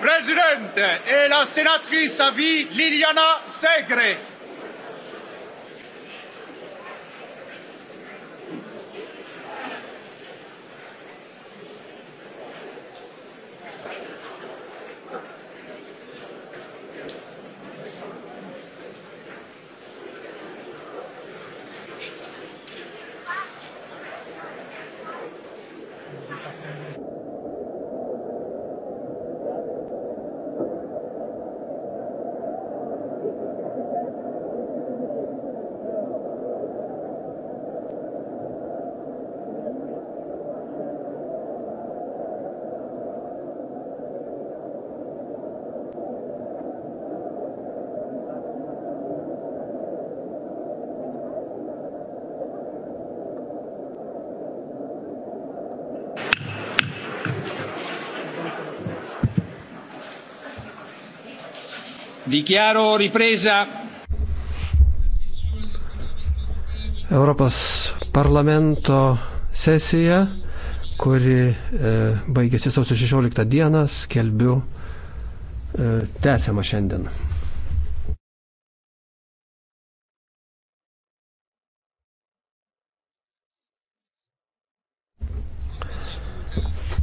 presidente è e la senatrice a vita Liliana Segre. Dichiaro ripresa. Europos parlamento sesija, kuri e, baigėsi sausio 16 dieną, skelbiu e, tęsiamą šiandien.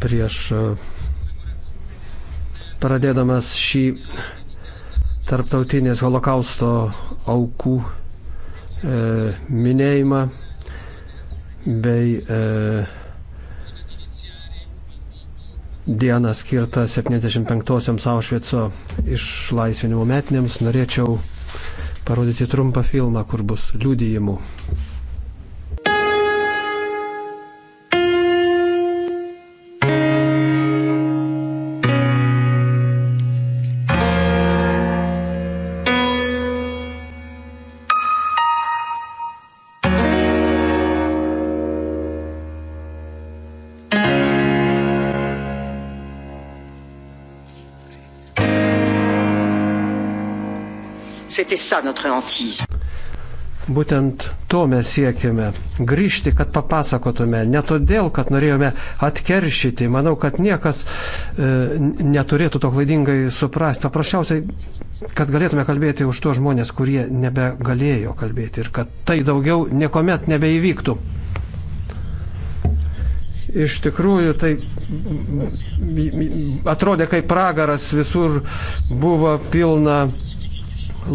Prieš e, pradėdamas šį tarptautinės holokausto aukų e, minėjimą bei e, dieną skirtą 75-osioms Aušvico išlaisvinimo metinėms, norėčiau parodyti trumpą filmą, kur bus liudijimų. C'était ça notre hantise. Būtent to mes siekėme - grįžti, kad papasakotume, ne todėl, kad norėjome atkeršyti. Manau, kad niekas e, neturėtų to klaidingai suprasti. Paprasčiausiai, kad galėtume kalbėti už to žmonės, kurie nebegalėjo kalbėti ir kad tai daugiau niekuomet nebeįvyktų. Iš tikrųjų, tai atrodė kaip pragaras, visur buvo pilna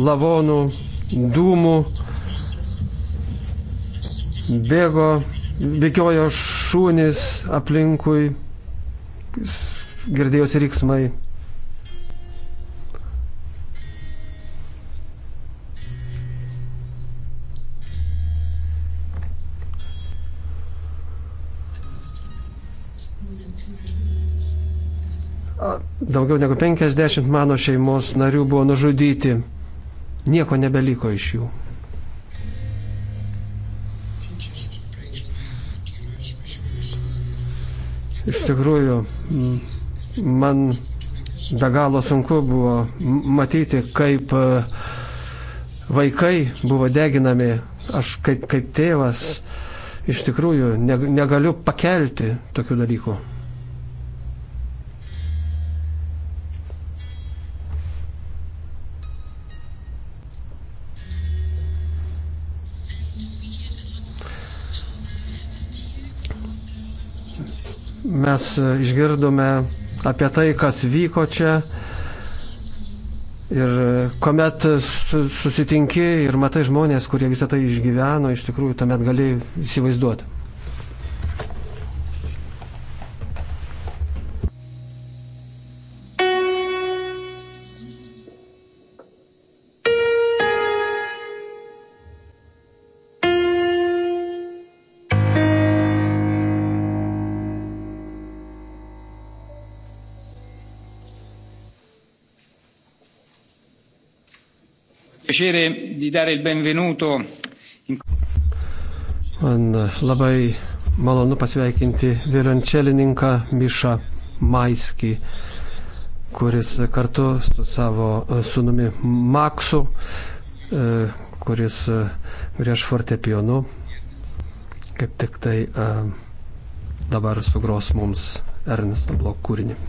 lavonų, dūmų, bėgo, bėgiojo šūnis aplinkui, girdėjosi riksmai. Daugiau negu 50 mano šeimos narių buvo nužudyti. Nieko nebeliko iš jų. Iš tikrųjų, man be galo sunku buvo matyti, kaip e, vaikai buvo deginami. Aš kaip, kaip tėvas iš tikrųjų negaliu pakelti tokių dalykų. mes e, išgirdome apie tai, kas vyko čia. Ir e, kuomet susitinki ir matai žmonės, kurie visą tai išgyveno, iš tikrųjų tuomet gali įsivaizduoti. piacere di dare il benvenuto. In... Man labai malonu pasveikinti violončelininką Mišą Maiskį, kuris kartu su savo e, sunumi Maksu, e, kuris e, grieš fortepionu, kaip tik tai dabar sugros mums Ernesto Blok kūrinį.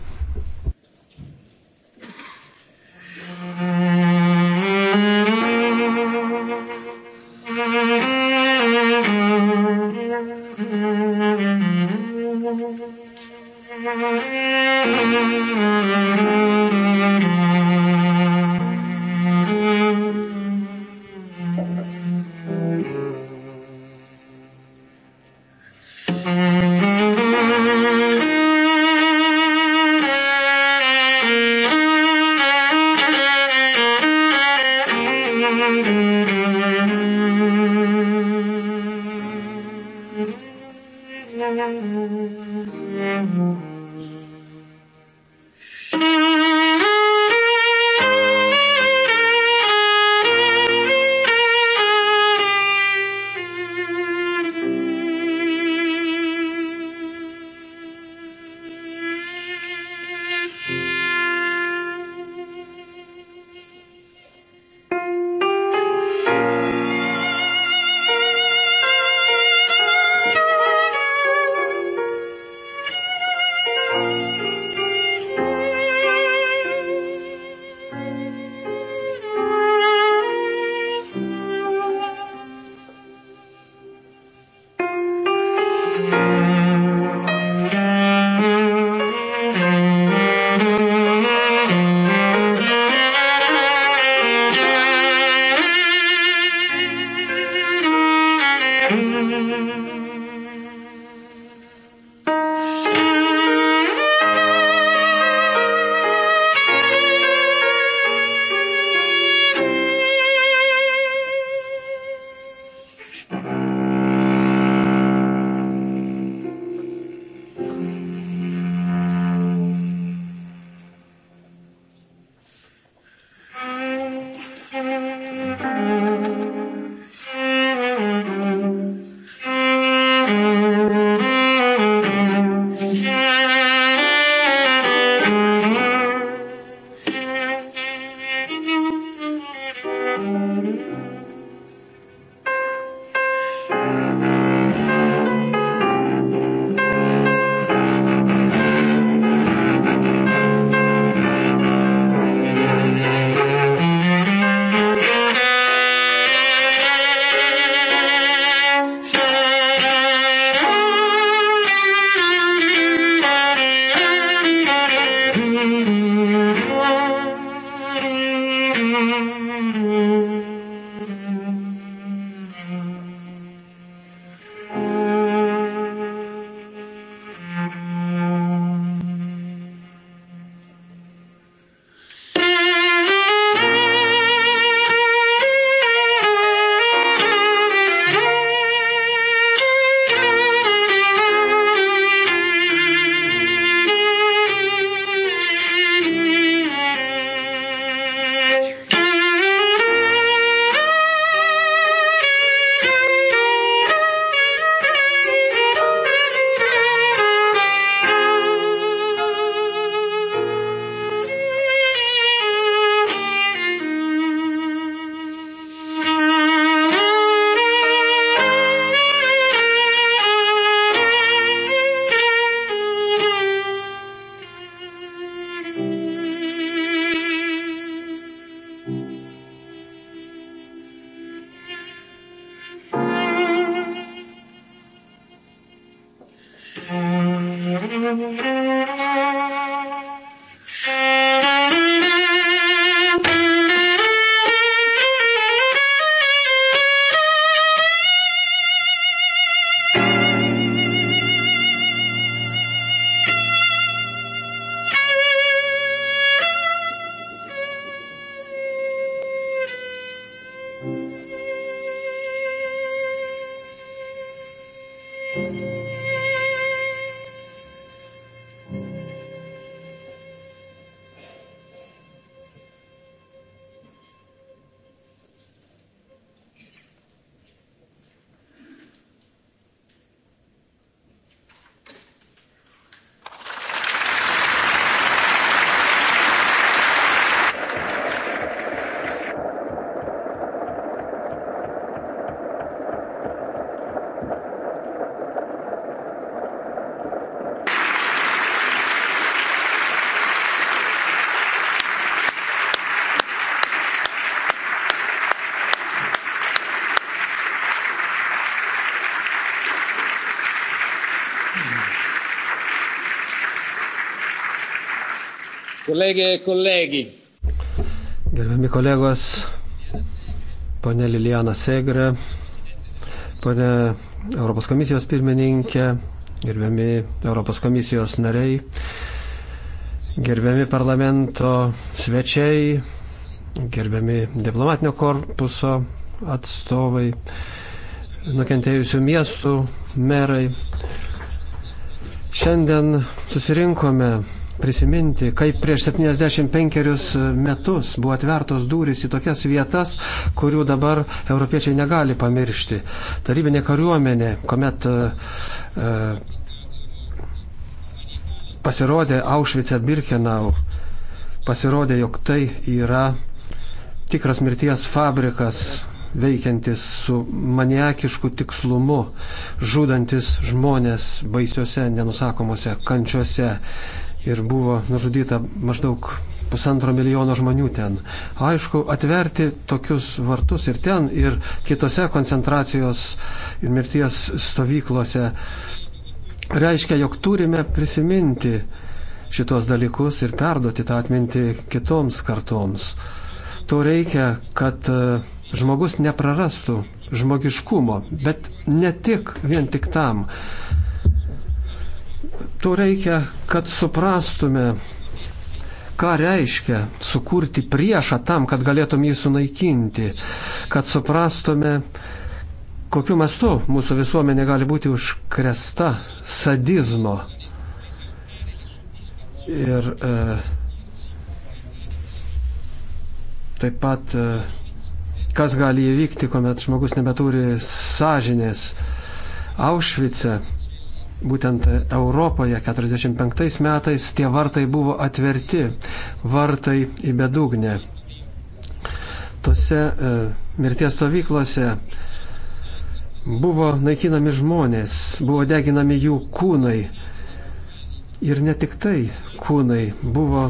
Kolegė, kolegi. Gerbiami kolegos, ponė Lilijana Segre, ponė Europos komisijos pirmininkė, gerbiami Europos komisijos nariai, gerbiami parlamento svečiai, gerbiami diplomatinio korpuso atstovai, nukentėjusių miestų merai. Šiandien susirinkome prisiminti, kaip prieš 75 metus buvo atvertos durys į tokias vietas, kurių dabar europiečiai negali pamiršti. Tarybinė kariuomenė, kuomet e, e pasirodė Aušvice Birkenau, pasirodė, jog tai yra tikras mirties fabrikas, veikiantis su maniekišku tikslumu, žudantis žmonės baisiuose, nenusakomose kančiuose ir buvo nužudyta maždaug pusantro milijono žmonių ten. Aišku, atverti tokius vartus ir ten, ir kitose koncentracijos ir mirties stovyklose reiškia, jog turime prisiminti šitos dalykus ir perduoti tą atmintį kitoms kartoms. To reikia, kad e, žmogus neprarastų žmogiškumo, bet ne tik vien tik tam to reikia, kad suprastume, ką reiškia sukurti priešą tam, kad galėtum jį sunaikinti, kad suprastume, kokiu mastu mūsų visuomenė gali būti užkresta sadizmo. Ir e, taip pat, e, kas gali įvykti, kuomet žmogus nebeturi sąžinės. Aušvice būtent Europoje 45 metais tie vartai buvo atverti, vartai į bedugnę. Tose e, mirties stovyklose buvo naikinami žmonės, buvo deginami jų kūnai. Ir ne tik tai kūnai, buvo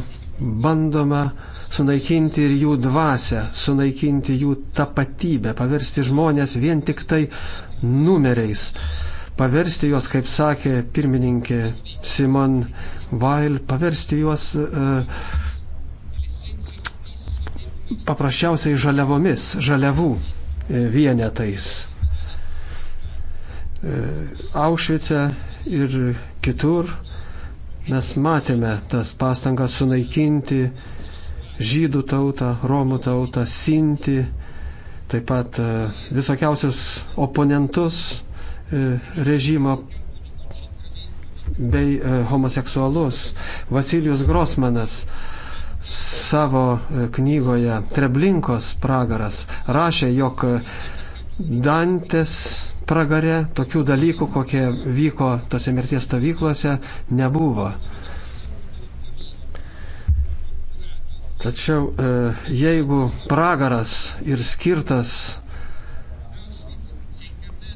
bandoma sunaikinti ir jų dvasę, sunaikinti jų tapatybę, paversti žmonės vien tik tai numeriais paversti juos, kaip sakė pirmininkė Simon Vail, paversti juos e, paprasčiausiai žaliavomis, žaliavų e, vienetais. E, Aušvice ir kitur mes matėme tas pastangas sunaikinti žydų tautą, romų tautą, sinti, taip pat visokiausius oponentus, E, režimo bei e, homoseksualus. Vasilijus Grosmanas savo e, knygoje Treblinkos pragaras rašė, jog Dantės pragare tokių dalykų, kokie vyko tose mirties stovyklose, nebuvo. Tačiau jeigu pragaras ir skirtas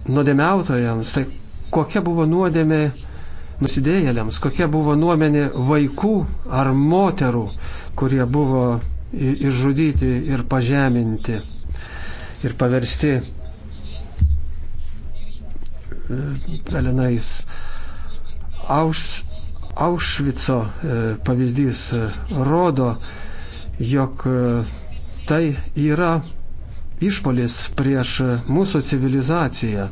nuodėmiautojams, tai kokia buvo nuodėmė nusidėjėliams, kokia buvo nuomenė vaikų ar moterų, kurie buvo išžudyti ir pažeminti ir paversti e, pelenais. Auš, Aušvico e, pavyzdys e, rodo, jog tai yra išpolis prieš mūsų civilizaciją,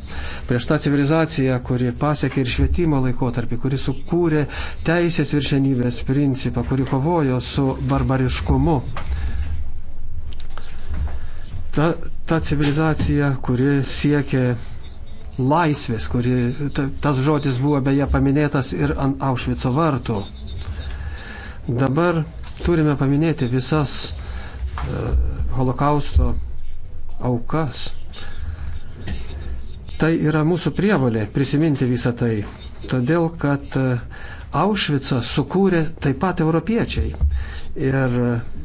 prieš tą civilizaciją, kuri pasiekė ir švietimo laikotarpį, kuri sukūrė teisės viršenybės principą, kuri kovojo su barbariškumu. Ta, ta civilizacija, kuri siekė laisvės, kuri, ta, tas žodis buvo beje paminėtas ir ant Aušvico vartų. Dabar turime paminėti visas e, holokausto aukas. Tai yra mūsų prievalė prisiminti visą tai, todėl kad e, Aušvicą sukūrė taip pat europiečiai. Ir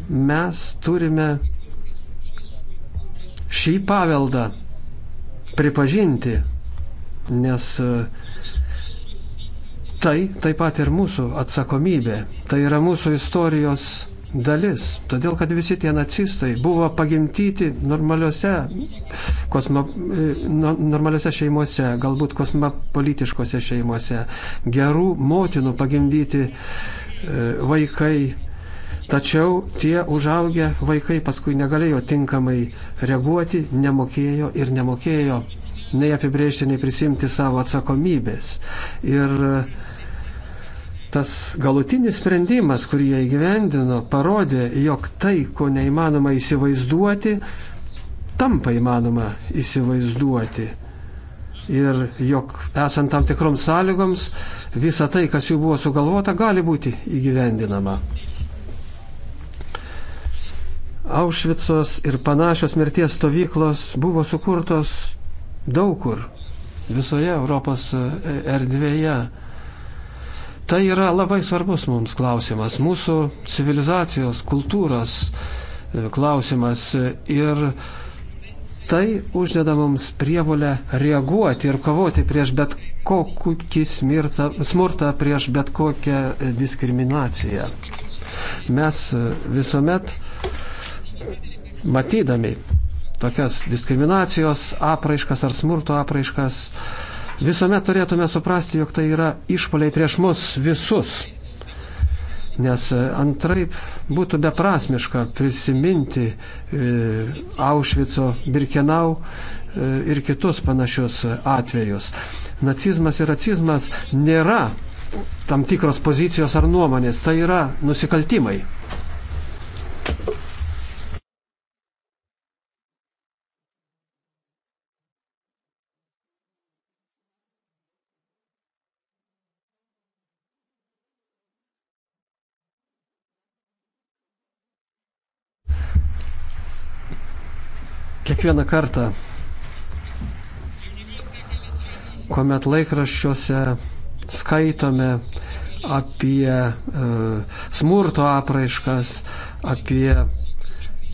mes turime šį paveldą pripažinti, nes e, tai taip pat ir mūsų atsakomybė, tai yra mūsų istorijos dalis, todėl kad visi tie nacistai buvo pagimtyti normaliuose, kosmo, e, normaliuose šeimuose, galbūt kosmopolitiškose šeimuose, gerų motinų pagimdyti e, vaikai. Tačiau tie užaugę vaikai paskui negalėjo tinkamai reaguoti, nemokėjo ir nemokėjo nei apibrėžti, nei prisimti savo atsakomybės. Ir Tas galutinis sprendimas, kurį jie įgyvendino, parodė, jog tai, ko neįmanoma įsivaizduoti, tampa įmanoma įsivaizduoti. Ir jog esant tam tikroms sąlygoms, visa tai, kas jų buvo sugalvota, gali būti įgyvendinama. Aušvicos ir panašios mirties stovyklos buvo sukurtos daug kur, visoje Europos e, erdvėje Tai yra labai svarbus mums klausimas, mūsų civilizacijos, kultūros e, klausimas ir tai uždeda mums prievolę reaguoti ir kovoti prieš bet kokį smirtą, smurtą, prieš bet kokią diskriminaciją. Mes e, visuomet matydami tokias diskriminacijos apraiškas ar smurto apraiškas, Visuomet turėtume suprasti, jog tai yra išpoliai prieš mus visus. Nes e, antraip būtų beprasmiška prisiminti e, Aušvico, Birkenau e, ir kitus panašius atvejus. Nacizmas ir racizmas nėra tam tikros pozicijos ar nuomonės, tai yra nusikaltimai. kiekvieną kartą, kuomet laikraščiuose skaitome apie e, smurto apraiškas, apie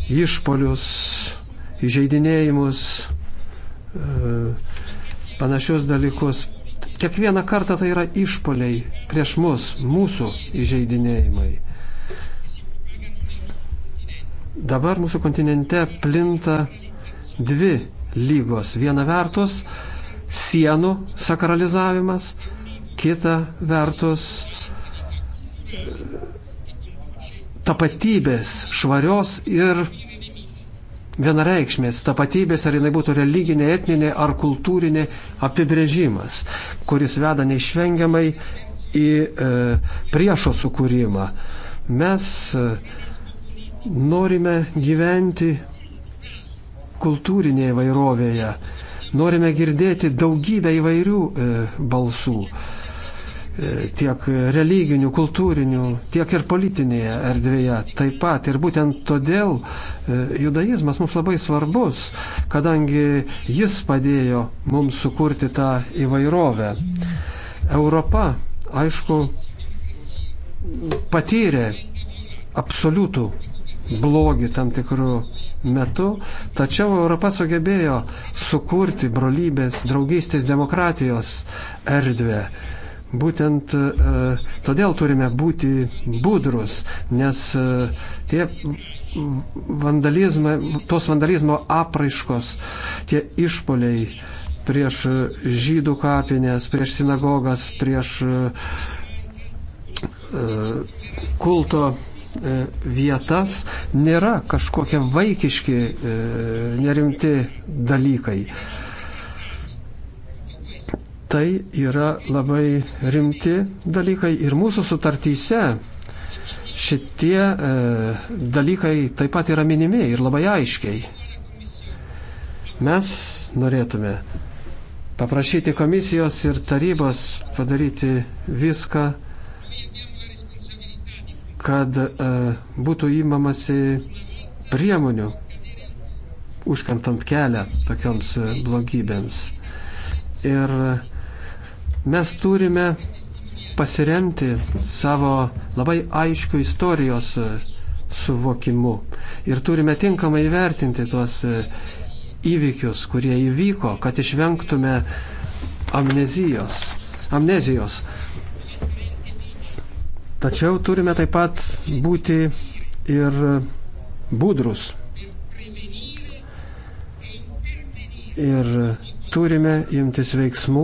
išpolius, įžeidinėjimus, e, panašius dalykus. Kiekvieną kartą tai yra išpoliai prieš mus, mūsų įžeidinėjimai. Dabar mūsų kontinente plinta dvi lygos. Viena vertus sienų sakralizavimas, kita vertus e, tapatybės švarios ir vienareikšmės tapatybės, ar jinai būtų religinė, etninė ar kultūrinė apibrėžimas, kuris veda neišvengiamai į e, priešo sukūrimą. Mes e, norime gyventi kultūrinėje įvairovėje. Norime girdėti daugybę įvairių e, balsų, e, tiek religinių, kultūrinių, tiek ir politinėje erdvėje taip pat. Ir būtent todėl e, judaizmas mums labai svarbus, kadangi jis padėjo mums sukurti tą įvairovę. Europa, aišku, patyrė absoliutų blogį tam tikrų metu, tačiau Europa sugebėjo sukurti brolybės, draugystės, demokratijos erdvę. Būtent e, todėl turime būti budrus, nes e, tie vandalizmai, tos vandalizmo apraiškos, tie išpoliai prieš žydų kapinės, prieš sinagogas, prieš e, e kulto E, vietas nėra kažkokie vaikiški, e, nerimti dalykai. Tai yra labai rimti dalykai ir mūsų sutartyse šitie e, dalykai taip pat yra minimi ir labai aiškiai. Mes norėtume paprašyti komisijos ir tarybos padaryti viską, kad e, būtų įmamasi priemonių užkantant kelią tokioms e, blogybėms. Ir mes turime pasiremti savo labai aiškių istorijos e, suvokimu ir turime tinkamai vertinti tuos e, įvykius, kurie įvyko, kad išvengtume amnezijos. amnezijos. Tačiau turime taip pat būti ir budrus. Ir turime imtis veiksmų,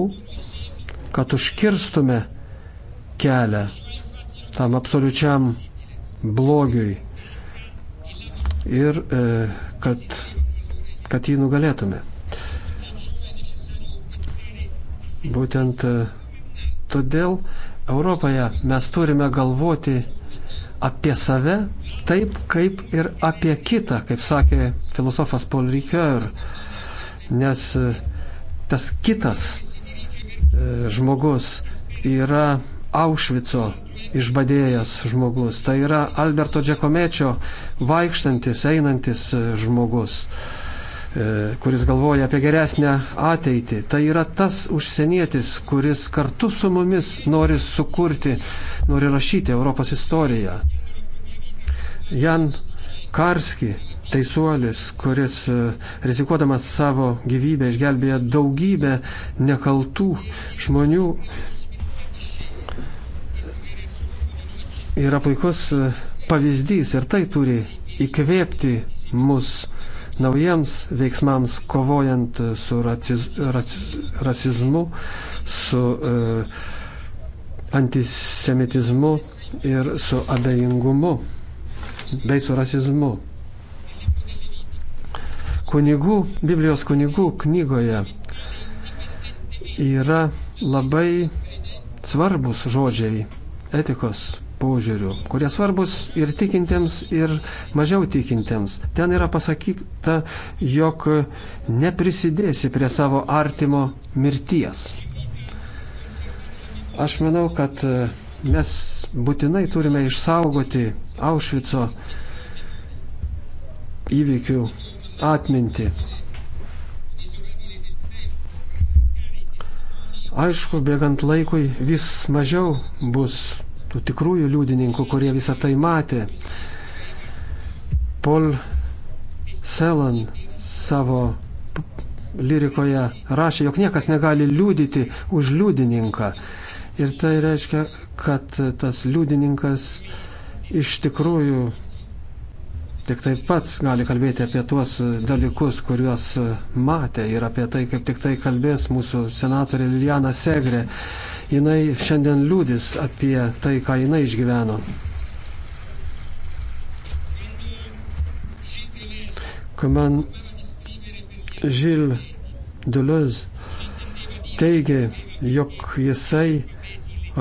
kad užkirstume kelią tam absoliučiam blogiui ir e, kad, kad jį nugalėtume. Būtent e, todėl Europoje mes turime galvoti apie save taip, kaip ir apie kitą, kaip sakė filosofas Paul Ricoeur, nes e, tas kitas e, žmogus yra Aušvico išbadėjęs žmogus, tai yra Alberto Džekomečio vaikštantis, einantis e, žmogus. Uh, E, kuris galvoja apie geresnę ateitį. Tai yra tas užsienietis, kuris kartu su mumis nori sukurti, nori rašyti Europos istoriją. Jan Karski, taisuolis, kuris e, rizikuodamas savo gyvybę išgelbėja daugybę nekaltų žmonių, yra puikus e, pavyzdys ir tai turi įkvėpti mus naujiems veiksmams kovojant su raciz, raciz, rasizmu, su e, antisemitizmu ir su abejingumu bei su rasizmu. Kunigų, Biblijos kunigų knygoje yra labai svarbus žodžiai etikos požiūrių, kurie svarbus ir tikintiems, ir mažiau tikintiems. Ten yra pasakyta, jog neprisidėsi prie savo artimo mirties. Aš manau, kad e, mes būtinai turime išsaugoti Aušvico įvykių atmintį. Aišku, bėgant laikui vis mažiau bus tų tikrųjų liudininkų, kurie visą tai matė. Paul Selan savo lyrikoje rašė, jog niekas negali liūdyti už liudininką. Ir tai reiškia, kad tas liudininkas iš tikrųjų tik tai pats gali kalbėti apie tuos dalykus, kuriuos matė ir apie tai, kaip tik tai kalbės mūsų senatorė Liliana Segrė jinai šiandien liūdis apie tai, ką jinai išgyveno. Kaman Žil Duliuz teigė, jog jisai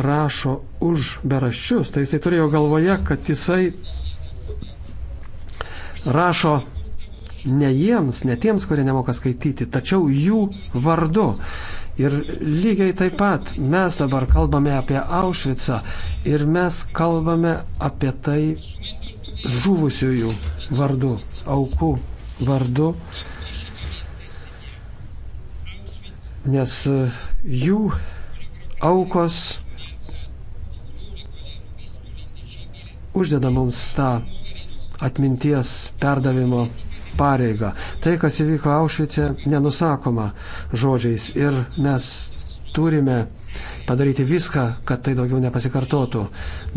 rašo už beraščius, tai jisai turėjo galvoje, kad jisai rašo ne jiems, ne tiems, kurie nemoka skaityti, tačiau jų vardu. Ir lygiai taip pat mes dabar kalbame apie Aušvicą ir mes kalbame apie tai žuvusiųjų vardu, aukų vardu, nes e, jų aukos uždeda mums tą atminties perdavimo pareigą. Tai, kas įvyko Aušvice, nenusakoma žodžiais ir mes turime padaryti viską, kad tai daugiau nepasikartotų.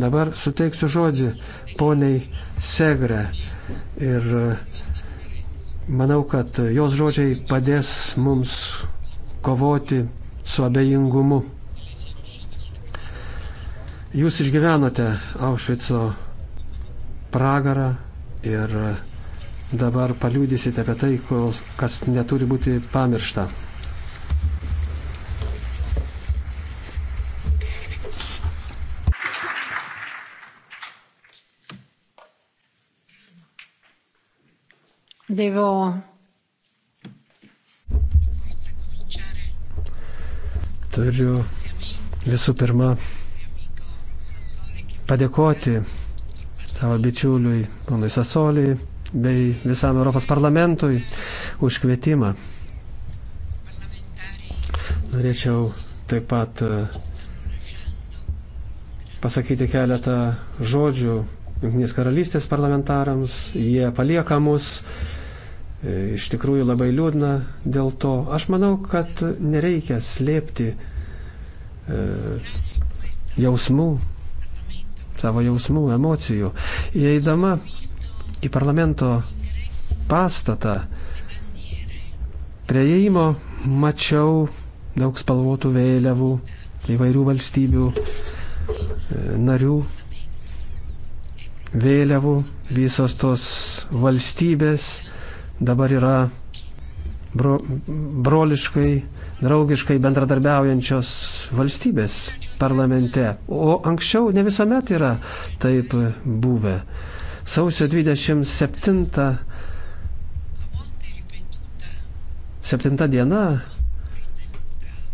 Dabar suteiksiu žodį poniai Segre ir e, manau, kad jos žodžiai padės mums kovoti su abejingumu. Jūs išgyvenote Aušvico pragarą ir e, dabar paliūdysite apie tai, kas neturi būti pamiršta. Devo. Turiu visų pirma padėkoti savo bičiuliui, ponui Sasoliui, bei visam Europos parlamentui už kvietimą. Norėčiau taip pat e, pasakyti keletą žodžių Junktinės karalystės parlamentarams. Jie palieka mus. E, iš tikrųjų labai liūdna dėl to. Aš manau, kad nereikia slėpti e, jausmų, savo jausmų, emocijų. Įeidama į parlamento pastatą. Prie įėjimo mačiau daug spalvotų vėliavų įvairių valstybių e, narių vėliavų. Visos tos valstybės dabar yra bro, broliškai, draugiškai bendradarbiaujančios valstybės parlamente. O anksčiau ne visuomet yra taip buvę. Sausio 27 7 diena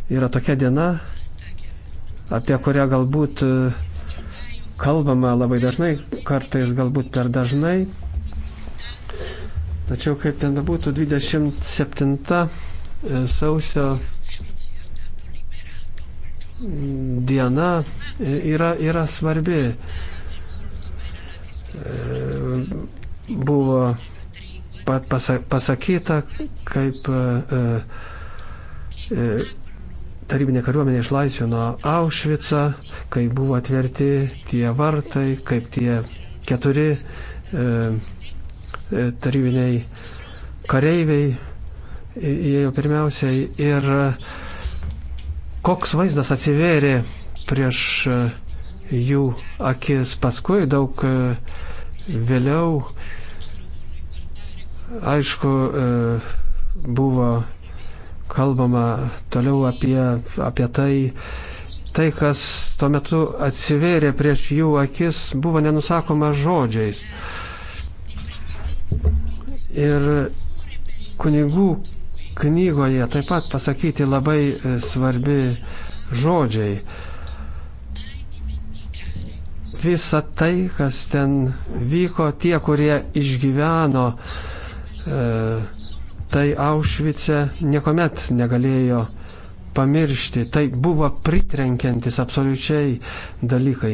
yra tokia diena, apie kurią galbūt e, kalbama labai dažnai, kartais galbūt per dažnai. Tačiau kaip ten bebūtų, 27 e, sausio diena e, yra, yra svarbi buvo pasakyta, kaip e, e, e, tarybinė kariuomenė išlaisvino Aušvicą, kai buvo atverti tie vartai, kaip tie keturi tarybiniai kareiviai įėjo pirmiausiai ir koks vaizdas atsivėrė prieš jų akis. Paskui daug e, vėliau, aišku, e, buvo kalbama toliau apie, apie tai, tai, kas tuo metu atsivėrė prieš jų akis, buvo nenusakoma žodžiais. Ir kunigų knygoje taip pat pasakyti labai e, svarbi žodžiai. Visa tai, kas ten vyko, tie, kurie išgyveno, e, tai Aušvice niekuomet negalėjo pamiršti. Tai buvo pritrenkiantis absoliučiai dalykai.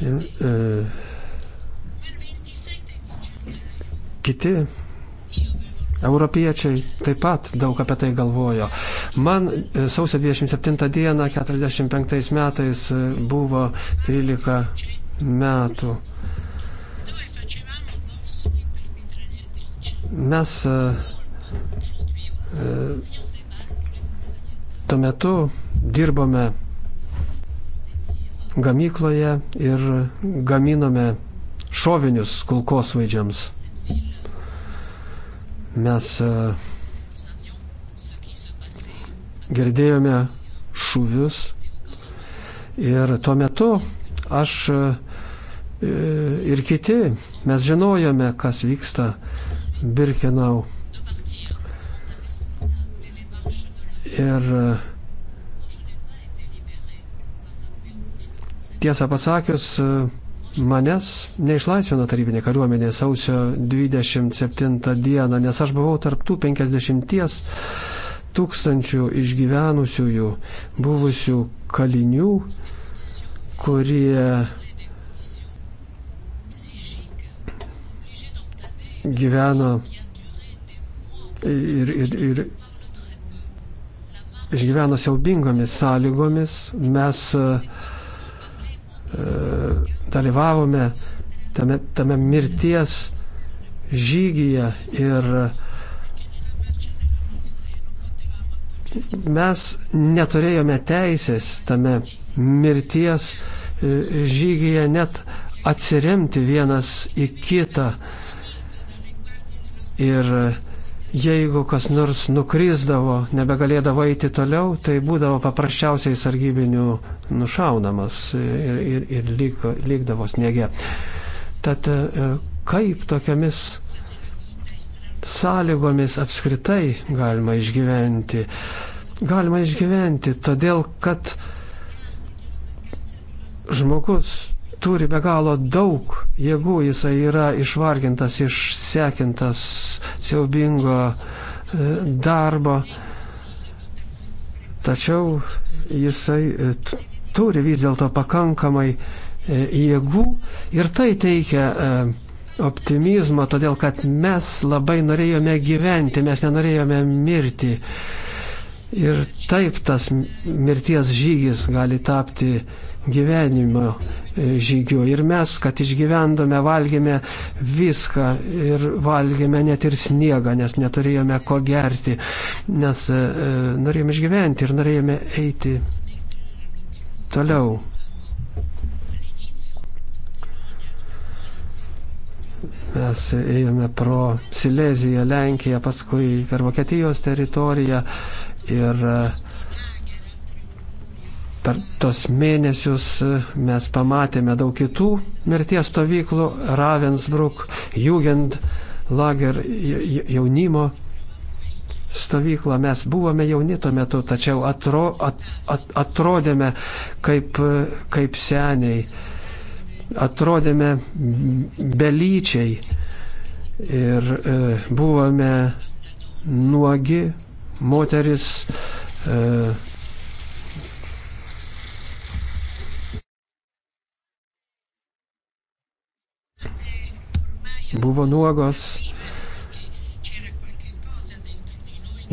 Ir, e, kiti Europiečiai taip pat daug apie tai galvojo. Man e, sausio 27 dieną 45 metais e, buvo 13 metų. Mes e, tuo metu dirbome gamykloje ir gaminome šovinius kulkosvaidžiams. Mes e, girdėjome šūvius ir tuo metu aš e, ir kiti mes žinojome, kas vyksta Birkenau. Ir e, tiesą pasakius, Manęs neišlaisvino tarybinė kariuomenė sausio 27 dieną, nes aš buvau tarptų 50 tūkstančių išgyvenusiųjų, buvusių kalinių, kurie gyveno ir, ir, ir išgyveno siaubingomis sąlygomis. Mes uh, E, dalyvavome tame, tame mirties žygyje ir mes neturėjome teisės tame mirties e, žygyje net atsiremti vienas į kitą. Ir jeigu kas nors nukryzdavo, nebegalėdavo eiti toliau, tai būdavo paprasčiausiai sargybinių nušaunamas ir, ir, ir liko, likdavo sniege. Tad e, kaip tokiamis sąlygomis apskritai galima išgyventi? Galima išgyventi, todėl kad žmogus turi be galo daug jėgų, jisai yra išvargintas, išsekintas siaubingo e, darbo, tačiau jisai e, turi vis dėlto pakankamai e, jėgų ir tai teikia e, optimizmo, todėl kad mes labai norėjome gyventi, mes nenorėjome mirti. Ir taip tas mirties žygis gali tapti gyvenimo e, žygiu. Ir mes, kad išgyvendome, valgėme viską ir valgėme net ir sniegą, nes neturėjome ko gerti, nes e, norėjome išgyventi ir norėjome eiti Toliau. Mes ėjome pro Sileziją, Lenkiją, paskui per Vokietijos teritoriją ir e, per tos mėnesius e, mes pamatėme daug kitų mirties stovyklų, Ravensbruk, Jugend, Lager jaunimo stovyklą. Mes buvome jauni tuo metu, tačiau atro, at, at, atrodėme kaip, kaip seniai, atrodėme belyčiai ir e, buvome nuogi moteris. E, buvo nuogos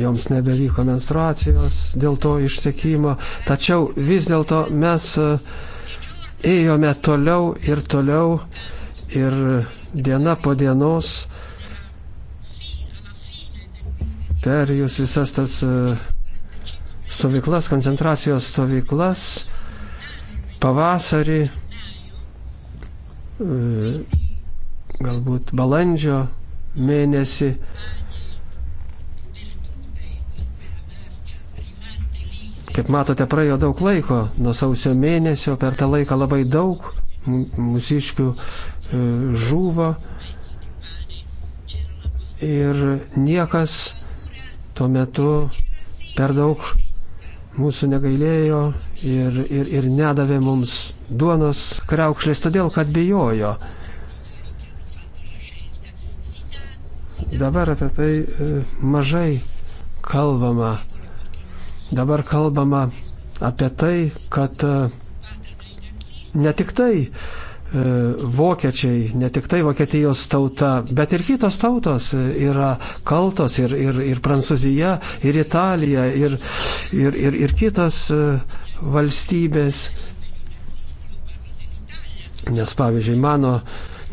joms nebevyko menstruacijos dėl to išsekimo, tačiau vis dėlto mes e, ėjome toliau ir toliau ir diena po dienos perėjus visas tas e, stovyklas, koncentracijos stovyklas, pavasarį, e, galbūt balandžio mėnesį Kaip matote, praėjo daug laiko, nuo sausio mėnesio, per tą laiką labai daug mūsiškių e, žuvo ir niekas tuo metu per daug mūsų negailėjo ir, ir, ir nedavė mums duonos kreukšlės, todėl kad bijojo. Dabar apie tai e, mažai kalbama. Dabar kalbama apie tai, kad e, ne tik tai e, vokiečiai, ne tik tai Vokietijos tauta, bet ir kitos tautos e, yra kaltos ir, ir, ir Prancūzija, ir Italija, ir, ir, ir, ir kitos valstybės. Nes pavyzdžiui, mano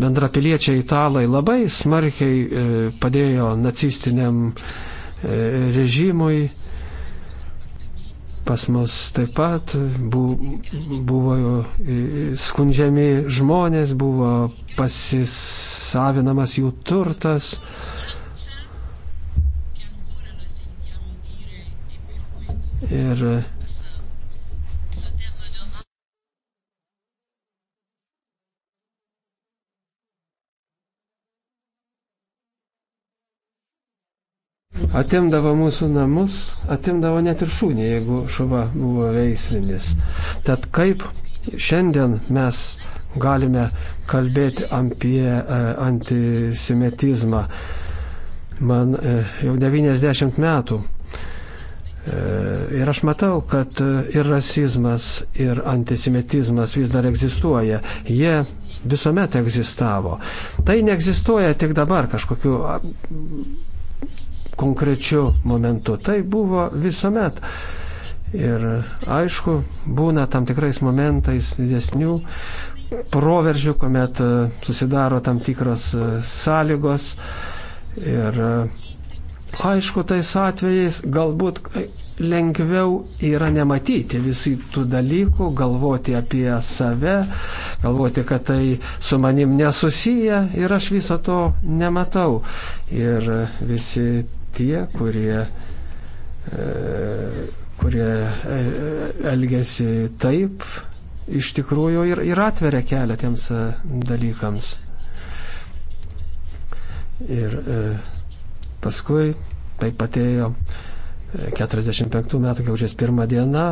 bendrapiliečiai italai labai smarkiai padėjo nacistiniam režimui Pas mus taip pat buvo skundžiami žmonės, buvo pasisavinamas jų turtas. Ir atimdavo mūsų namus, atimdavo net ir šūnį, jeigu šuva buvo veislinis. Tad kaip šiandien mes galime kalbėti apie e, antisemitizmą? Man e, jau 90 metų. E, ir aš matau, kad ir rasizmas, ir antisemitizmas vis dar egzistuoja. Jie visuomet egzistavo. Tai neegzistuoja tik dabar kažkokiu konkrečiu momentu. Tai buvo visuomet. Ir aišku, būna tam tikrais momentais didesnių proveržių, kuomet e, susidaro tam tikros e, sąlygos. Ir e, aišku, tais atvejais galbūt lengviau yra nematyti visų tų dalykų, galvoti apie save, galvoti, kad tai su manim nesusiję ir aš viso to nematau. Ir visi tie, kurie, e, kurie e, elgesi taip, iš tikrųjų ir, ir atveria kelią tiems e, dalykams. Ir e, paskui taip atėjo 45 metų kiaužės pirmą dieną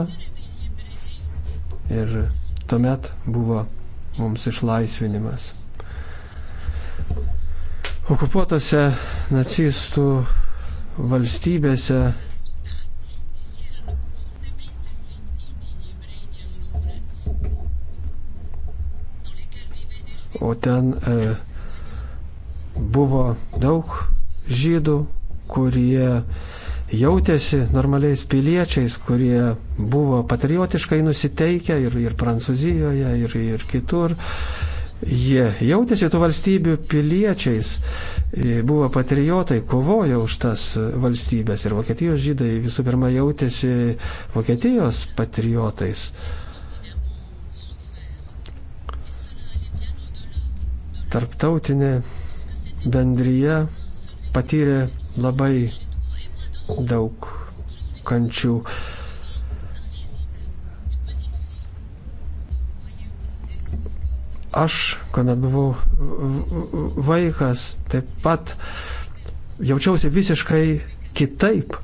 ir tuomet buvo mums išlaisvinimas. Okupuotose nacistų valstybėse o ten e, buvo daug žydų, kurie jautėsi normaliais piliečiais, kurie buvo patriotiškai nusiteikę ir, ir Prancūzijoje, ir, ir kitur. E, Jie jautėsi tų valstybių piliečiais, e, buvo patriotai, kovojo už tas valstybės ir Vokietijos žydai visų pirma jautėsi Vokietijos patriotais. Tarptautinė bendryje patyrė labai daug kančių. Aš, kuomet buvau vaikas, taip pat jaučiausi visiškai kitaip e,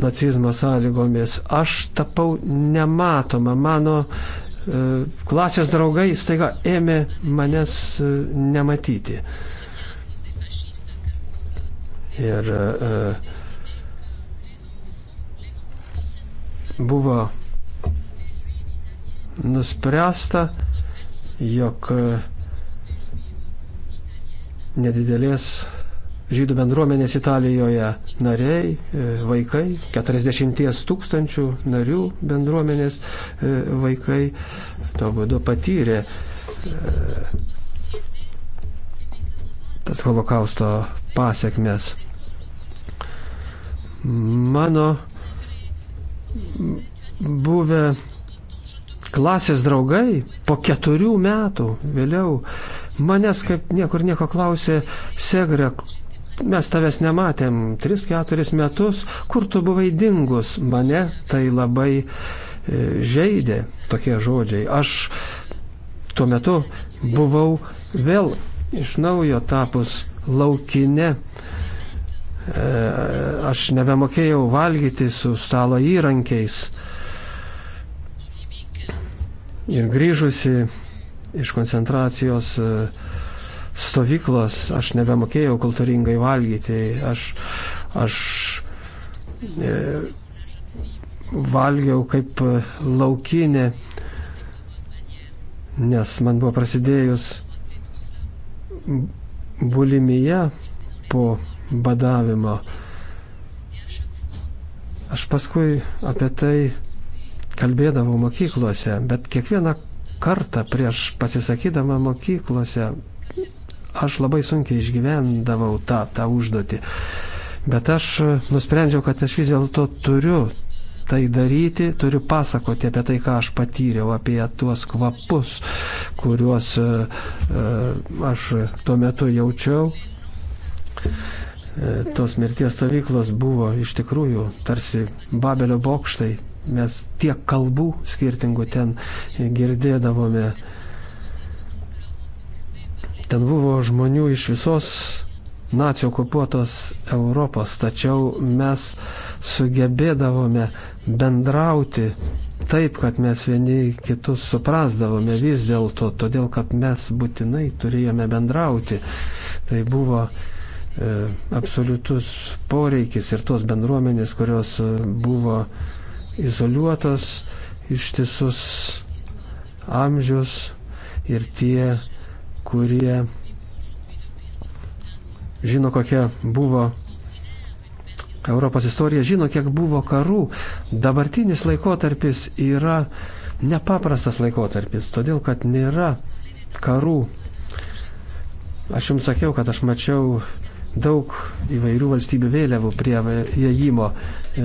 nacizmo sąlygomis. Aš tapau nematoma, mano e, klasės draugai staiga ėmė manęs e, nematyti. Ir e, e buvo nuspręsta, jog e, nedidelės žydų bendruomenės Italijoje nariai, e, vaikai, 40 tūkstančių narių bendruomenės e, vaikai, to būdu patyrė tas holokausto pasiekmes. Mano buvę klasės draugai po keturių metų vėliau manęs kaip niekur nieko klausė Segre, mes tavęs nematėm 3-4 metus, kur tu buvai dingus, mane tai labai e, žaidė tokie žodžiai. Aš tuo metu buvau vėl iš naujo tapus laukinė. E, aš nebemokėjau valgyti su stalo įrankiais. Ir grįžusi iš koncentracijos e, stovyklos, aš nebemokėjau kultūringai valgyti. Aš, aš e, valgiau kaip e, laukinė, nes man buvo prasidėjus bulimija po badavimo. Aš paskui apie tai kalbėdavau mokyklose, bet kiekvieną kartą prieš pasisakydama mokyklose aš labai sunkiai išgyvendavau tą, tą užduotį. Bet aš nusprendžiau, kad aš vis dėlto turiu tai daryti, turiu pasakoti apie tai, ką aš patyriau, apie tuos kvapus, kuriuos e, e, aš tuo metu jaučiau e, tos mirties stovyklos buvo iš tikrųjų tarsi Babelio bokštai Mes tiek kalbų skirtingų ten girdėdavome. Ten buvo žmonių iš visos nacijų okupuotos Europos, tačiau mes sugebėdavome bendrauti taip, kad mes vieni kitus suprasdavome vis dėlto, todėl kad mes būtinai turėjome bendrauti. Tai buvo e, absoliutus poreikis ir tos bendruomenės, kurios e, buvo e, izoliuotos ištisus amžius ir tie, kurie žino, kokia buvo Europos istorija, žino, kiek buvo karų. Dabartinis laikotarpis yra nepaprastas laikotarpis, todėl kad nėra karų. Aš jums sakiau, kad aš mačiau daug įvairių valstybių vėliavų prie įėjimo e,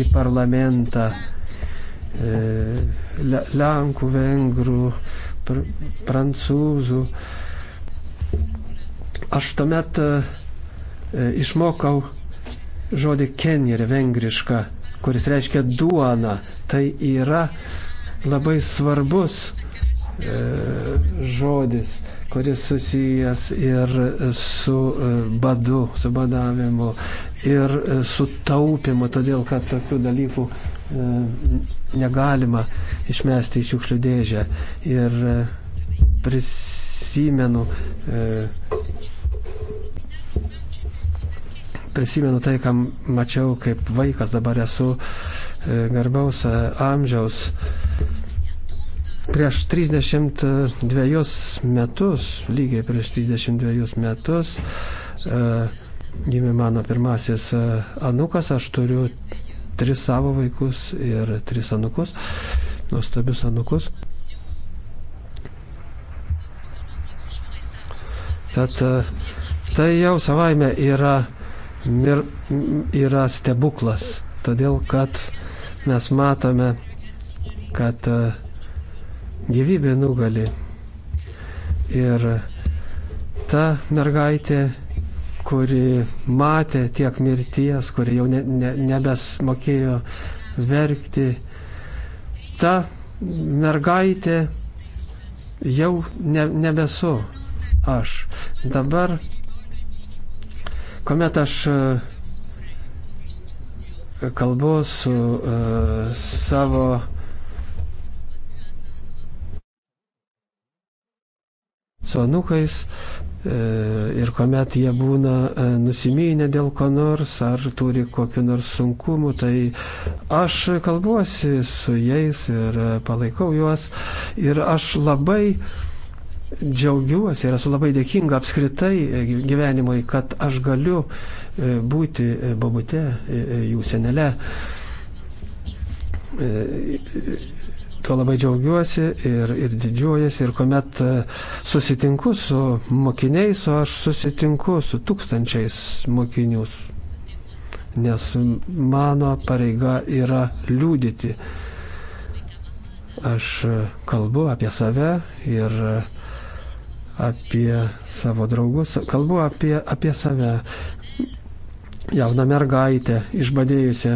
į parlamentą. E, Lenkų, vengrų, pr prancūzų. Aš tuomet e, e išmokau žodį kenjerį vengrišką, kuris reiškia duona. Tai yra labai svarbus e, žodis kuris susijęs ir su e, badu, su badavimu, ir e, su taupimu, todėl kad tokių dalykų e, negalima išmesti į šiukšlių dėžę. Ir prisimenu, prisimenu tai, ką mačiau kaip vaikas, dabar esu garbaus amžiaus. Prieš 32 metus, lygiai prieš 32 metus, e, gimė mano pirmasis e, anukas, aš turiu tris savo vaikus ir tris anukus, nuostabius anukus. Tad e, tai jau savaime yra, mir, yra stebuklas, todėl kad mes matome, kad uh, gyvybė nugali. Ir ta mergaitė, kuri matė tiek mirties, kuri jau ne, ne, nebesmokėjo verkti, ta mergaitė jau ne, nebesu aš. Dabar, kuomet aš e, kalbu su uh, savo su anukais e, ir kuomet jie būna e, nusimynę dėl ko nors ar turi kokiu nors sunkumu, tai aš kalbuosi su jais ir e, palaikau juos ir aš labai džiaugiuosi ir esu labai dėkinga apskritai gyvenimui, kad aš galiu būti babute, jų senele tuo labai džiaugiuosi ir, ir didžiuojasi. Ir kuomet e, susitinku su mokiniais, o aš susitinku su tūkstančiais mokinių, nes mano pareiga yra liūdyti. Aš e, kalbu apie save ir e, apie savo draugus, kalbu apie, apie save. Jauna mergaitė, išbadėjusią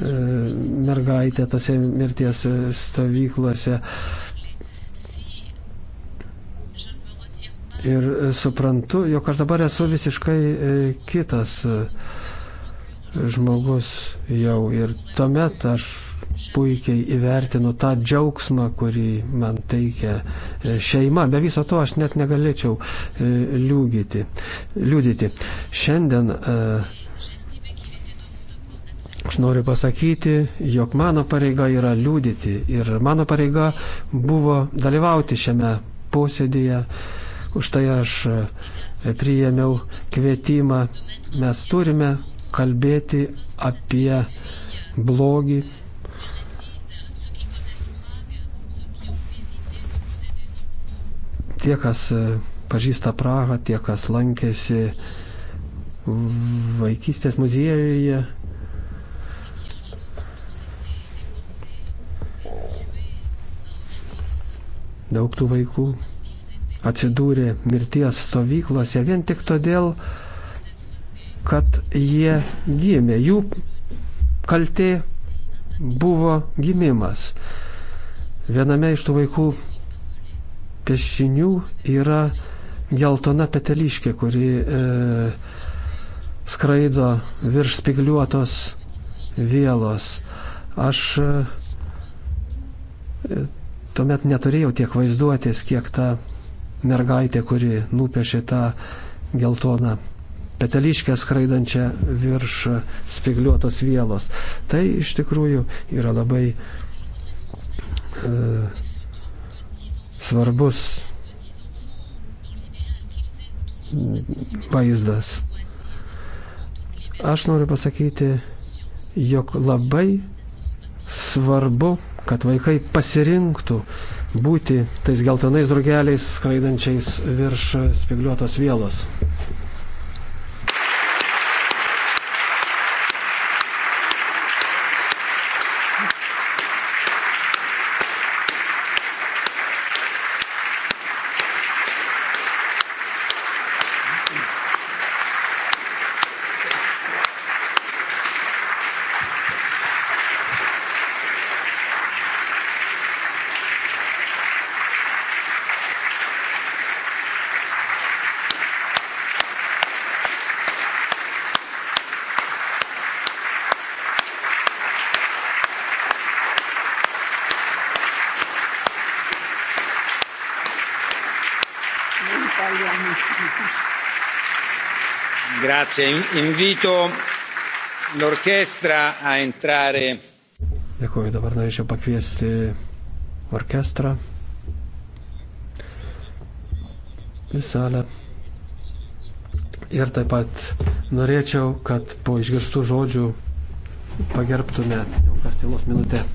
E, mergaitę tose mirties stovyklose. Ir suprantu, jog aš dabar esu visiškai e, kitas e, žmogus jau. Ir tuomet aš puikiai įvertinu tą džiaugsmą, kurį man teikia šeima. Be viso to aš net negalėčiau liūgyti, liūdyti. Šiandien uh, Aš noriu pasakyti, jog mano pareiga yra liūdyti ir mano pareiga buvo dalyvauti šiame posėdėje. Už tai aš e, priėmiau kvietimą. Mes turime kalbėti apie blogį. Tie, kas e, pažįsta Prahą, tie, kas lankėsi vaikystės muziejuje, daug tų vaikų atsidūrė mirties stovyklose vien tik todėl, kad jie gimė. Jų kaltė buvo gimimas. Viename iš tų vaikų piešinių yra geltona peteliškė, kuri e, skraido virš spigliuotos vėlos. Aš e, tuomet neturėjau tiek vaizduotės, kiek ta mergaitė, kuri nupiešė tą geltoną peteliškę skraidančią virš spigliuotos vielos. Tai iš tikrųjų yra labai e, svarbus vaizdas. Aš noriu pasakyti, jog labai svarbu kad vaikai pasirinktų būti tais geltonais drugeliais skraidančiais virš spigliuotos vielos. Grazie. Invito l'orchestra a entrare. Dėkuoju, dabar norėčiau pakviesti orkestrą į salę. Ir taip pat norėčiau, kad po išgirstų žodžių pagerbtume jau kas tylos minutę.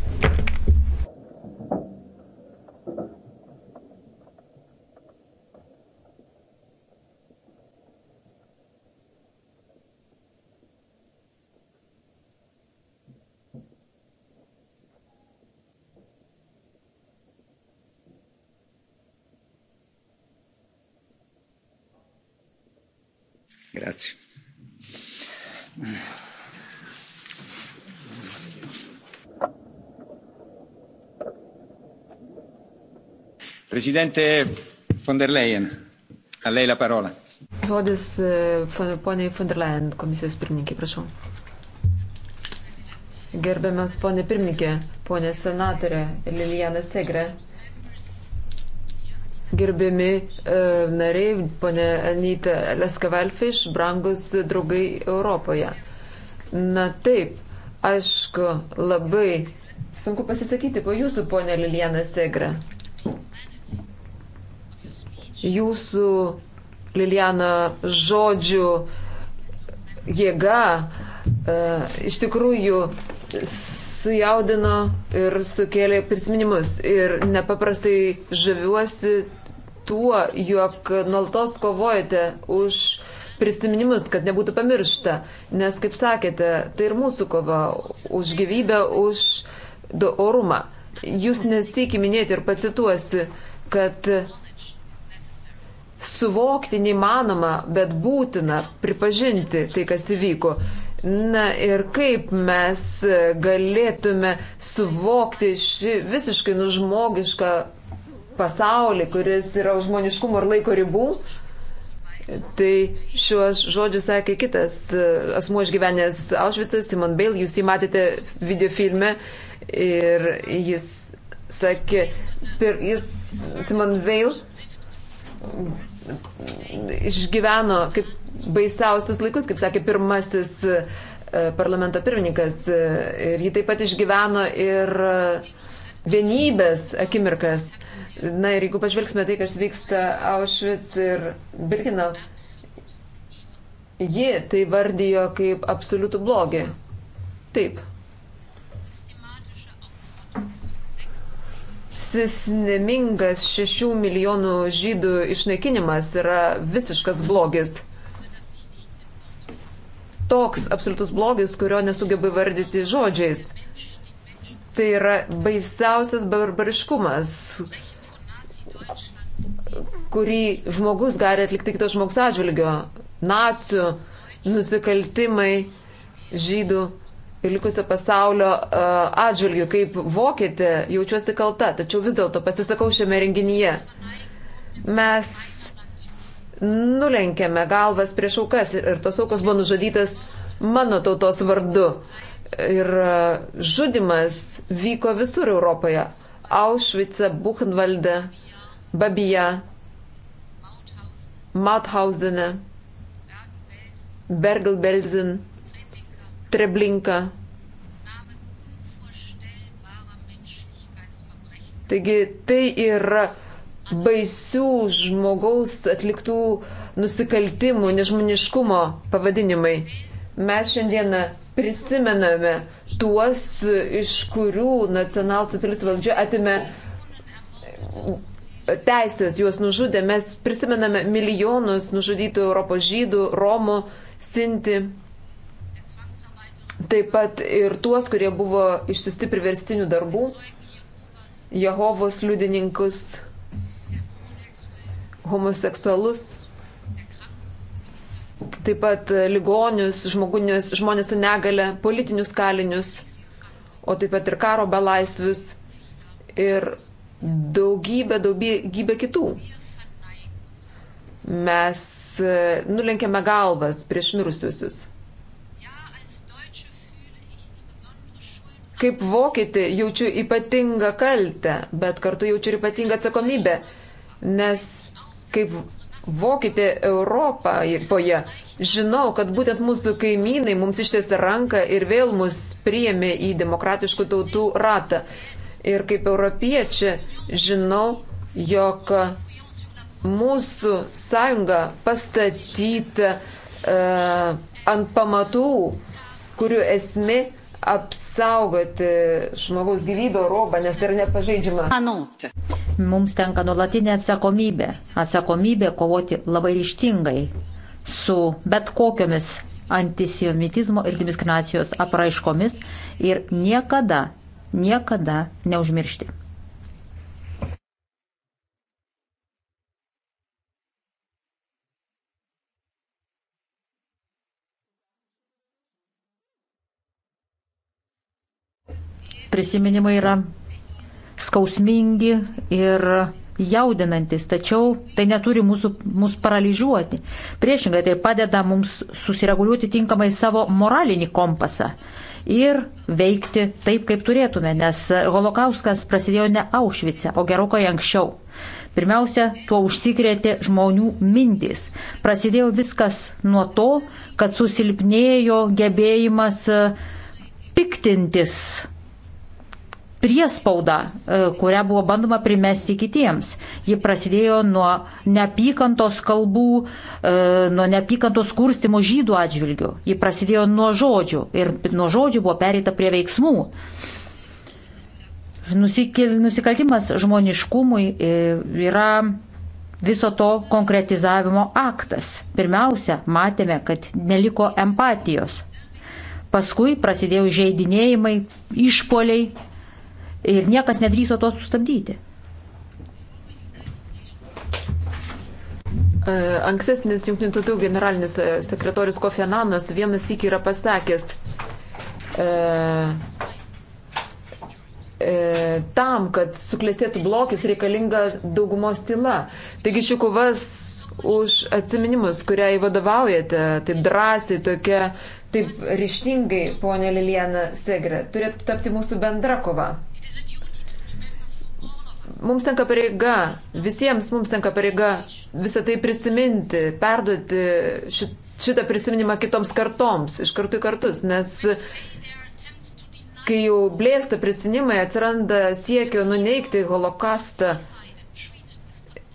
Grazie. Presidente von der Leyen, a lei la parola. Žodis e, poniai von der Leyen, komisijos pirmininkė, prašau. Gerbiamas ponė pirmininkė, ponė senatorė Lilijana Segre gerbiami e, nariai, ponė Anyta Leskavalfiš, brangus draugai Europoje. Na taip, aišku, labai sunku pasisakyti po jūsų, ponė Lilijana Segra. Jūsų Lilijana žodžių jėga e, iš tikrųjų sujaudino ir sukėlė prisiminimus. Ir nepaprastai žaviuosi tuo, jog nuolatos kovojate už prisiminimus, kad nebūtų pamiršta. Nes, kaip sakėte, tai ir mūsų kova už gyvybę, už orumą. Jūs nesikį minėti ir pacituosi, kad suvokti neįmanoma, bet būtina pripažinti tai, kas įvyko. Na ir kaip mes galėtume suvokti šį visiškai nužmogišką pasaulį, kuris yra už žmoniškumo ir laiko ribų. Tai šiuos žodžius sakė kitas e, asmuo išgyvenęs Aušvicas, Simon Bale, jūs jį matėte video filme ir jis sakė, pir, jis Simon Bale išgyveno kaip baisiausius laikus, kaip sakė pirmasis e, parlamento pirmininkas e, ir jį taip pat išgyveno ir vienybės akimirkas. Na ir jeigu pažvelgsime tai, kas vyksta Auschwitz ir Birkinau, ji tai vardijo kaip absoliutų blogį. Taip. Sistemingas šešių milijonų žydų išnaikinimas yra visiškas blogis. Toks absoliutus blogis, kurio nesugeba vardyti žodžiais. Tai yra baisiausias barbariškumas, kurį žmogus gali atlikti kitos žmogus atžvilgio. Nacijų nusikaltimai žydų ir likusio pasaulio e, atžvilgių, kaip vokietė, jaučiuosi kalta, tačiau vis dėlto pasisakau šiame renginyje. Mes nulenkėme galvas prieš aukas ir tos aukos buvo nužudytas mano tautos vardu. Ir e, žudimas vyko visur Europoje. Aušvice, Buchenvalde, Babija, Mauthausene, Bergelbelsen, Treblinka. Taigi tai yra baisių žmogaus atliktų nusikaltimų, nežmoniškumo pavadinimai. Mes šiandieną prisimename tuos, iš kurių nacionalsocialistų valdžia atėmė teisės juos nužudė. Mes prisimename milijonus nužudytų Europos žydų, Romų, Sinti. Taip pat ir tuos, kurie buvo išsiusti priverstinių darbų, Jehovos liudininkus, homoseksualus, taip pat ligonius, žmogunius, žmonės su negale, politinius kalinius, o taip pat ir karo belaisvius ir daugybę, daugybę kitų. Mes e, nulenkėme galvas prieš mirusiusius. Kaip vokietį jaučiu ypatingą kaltę, bet kartu jaučiu ir ypatingą atsakomybę, nes kaip vokietį Europoje žinau, kad būtent mūsų kaimynai mums ištiesė ranką ir vėl mus priėmė į demokratiškų tautų ratą ir kaip europiečiai žinau, jog mūsų sąjunga pastatyta uh, ant pamatų, kurių esmė apsaugoti žmogaus gyvybę Europą, nes tai yra nepažeidžiama. Mums tenka nuolatinė atsakomybė. Atsakomybė kovoti labai ryštingai su bet kokiomis antisemitizmo ir diskriminacijos apraiškomis ir niekada niekada neužmiršti. Prisiminimai yra skausmingi ir jaudinantis, tačiau tai neturi mūsų, mūsų paralyžiuoti. Priešingai, tai padeda mums susireguliuoti tinkamai savo moralinį kompasą ir veikti taip, kaip turėtume, nes holokaustas prasidėjo ne Aušvice, o gerokai anksčiau. Pirmiausia, tuo užsikrėtė žmonių mintys. Prasidėjo viskas nuo to, kad susilpnėjo gebėjimas piktintis priespaudą, e, kurią buvo bandoma primesti kitiems. Ji prasidėjo nuo neapykantos kalbų, e, nuo neapykantos kurstimo žydų atžvilgių. Ji prasidėjo nuo žodžių ir nuo žodžių buvo pereita prie veiksmų. Nusikil, nusikaltimas žmoniškumui e, yra viso to konkretizavimo aktas. Pirmiausia, matėme, kad neliko empatijos. Paskui prasidėjo žaidinėjimai, išpoliai, ir niekas nedrįso to sustabdyti. E, ankstesnis Junktinių tautų generalinis e, sekretorius Kofi Ananas vienas iki yra pasakęs, e, e, tam, kad suklestėtų blokis, reikalinga daugumos tyla. Taigi ši kovas už atsiminimus, kuriai vadovaujate, taip drąsiai, tokia, taip ryštingai, ponė Lilijana Segre, turėtų tapti mūsų bendra kova mums tenka pareiga, visiems mums tenka pareiga visą tai prisiminti, perduoti šit, šitą prisiminimą kitoms kartoms, iš kartų į kartus, nes kai jau blėsta prisiminimai, atsiranda siekio nuneikti holokastą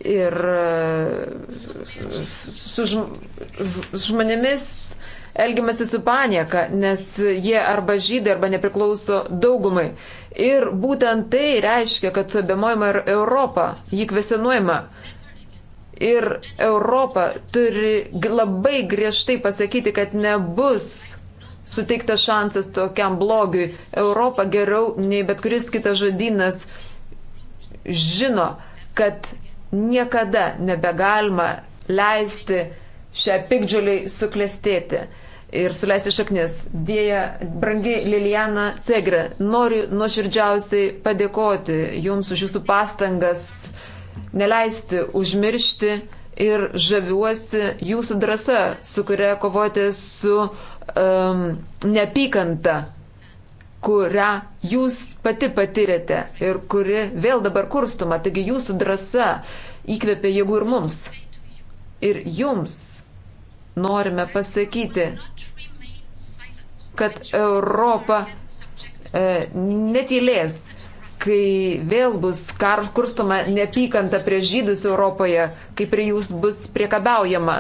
ir e, su žmonėmis elgiamasi su panieka, nes jie arba žydai, arba nepriklauso daugumai. Ir būtent tai reiškia, kad suabimojama ir Europa, jį kvesionuojama. Ir Europa turi labai griežtai pasakyti, kad nebus suteiktas šansas tokiam blogiui. Europa geriau nei bet kuris kitas žodynas žino, kad niekada nebegalima leisti šią pikdžiulį suklestėti ir suleisti šaknis. Dėja, brangi Lilijana Segre, noriu nuoširdžiausiai padėkoti Jums už Jūsų pastangas neleisti užmiršti ir žaviuosi Jūsų drąsa, su kuria kovojate su um, neapykanta kurią jūs pati patyrėte ir kuri vėl dabar kurstuma. Taigi jūsų drąsa įkvėpė jėgų ir mums. Ir jums norime pasakyti, kad Europa e, netylės, kai vėl bus kar, kurstoma neapykanta prie žydus Europoje, kai prie jūs bus priekabiaujama.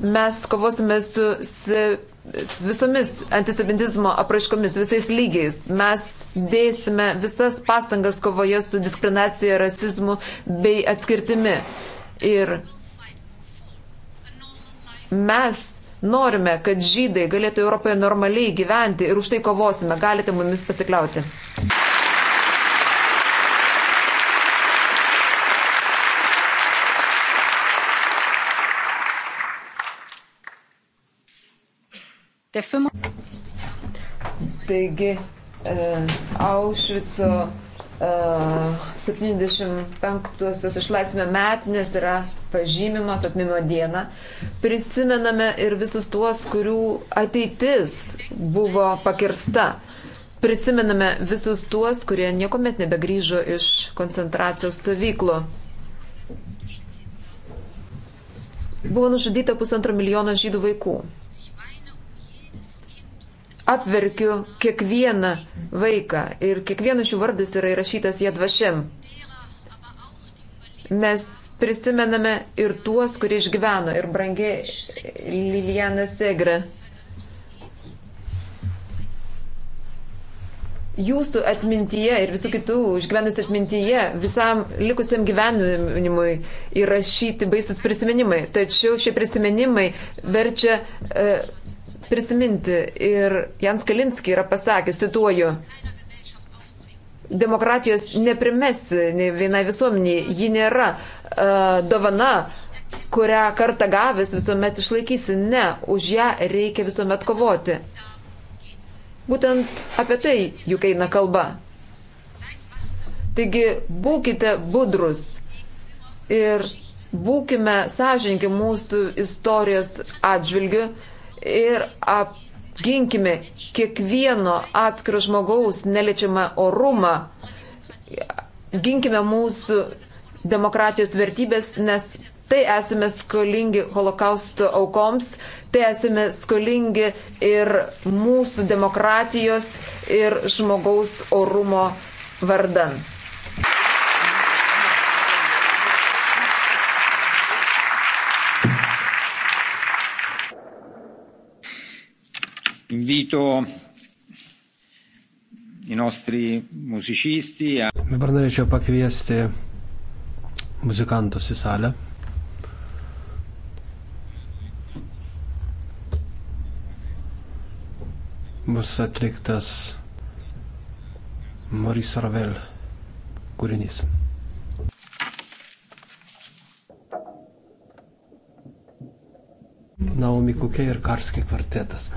Mes kovosime su, su, su visomis antisemitizmo apraiškomis, visais lygiais. Mes dėsime visas pastangas kovoje su diskriminacija, rasizmu bei atskirtimi. Ir mes Norime, kad žydai galėtų Europoje normaliai gyventi ir už tai kovosime. Galite mumis pasikliauti. Taigi, e, Aušvico 75-osios išlaisvime metinės yra pažymimos atminimo diena. Prisimename ir visus tuos, kurių ateitis buvo pakirsta. Prisimename visus tuos, kurie niekuomet nebegrįžo iš koncentracijos stovyklų. Buvo nužudyta pusantro milijono žydų vaikų apverkiu kiekvieną vaiką ir kiekvieno šių vardas yra įrašytas jie dvašiam. Mes prisimename ir tuos, kurie išgyveno, ir brangi Liliana Segre. Jūsų atmintyje ir visų kitų išgyvenusių atmintyje visam likusiam gyvenimui įrašyti baisus prisiminimai. Tačiau šie prisiminimai verčia uh, prisiminti. Ir Jans Kalinski yra pasakęs, cituoju, demokratijos neprimesi nei vienai visuomeniai, ji nėra uh, dovana, kurią kartą gavęs visuomet išlaikysi. Ne, už ją reikia visuomet kovoti. Būtent apie tai juk eina kalba. Taigi būkite budrus ir būkime sąžininkai mūsų istorijos atžvilgiu ir apginkime kiekvieno atskiro žmogaus neliečiamą orumą, ginkime mūsų demokratijos vertybės, nes tai esame skolingi holokausto aukoms, tai esame skolingi ir mūsų demokratijos ir žmogaus orumo vardan. Invito i nostri musicisti a. Dabar norėčiau pakviesti muzikantus į salę. Bus atliktas Maurice Ravel kūrinys. Naomi Kukė ir Karski kvartetas.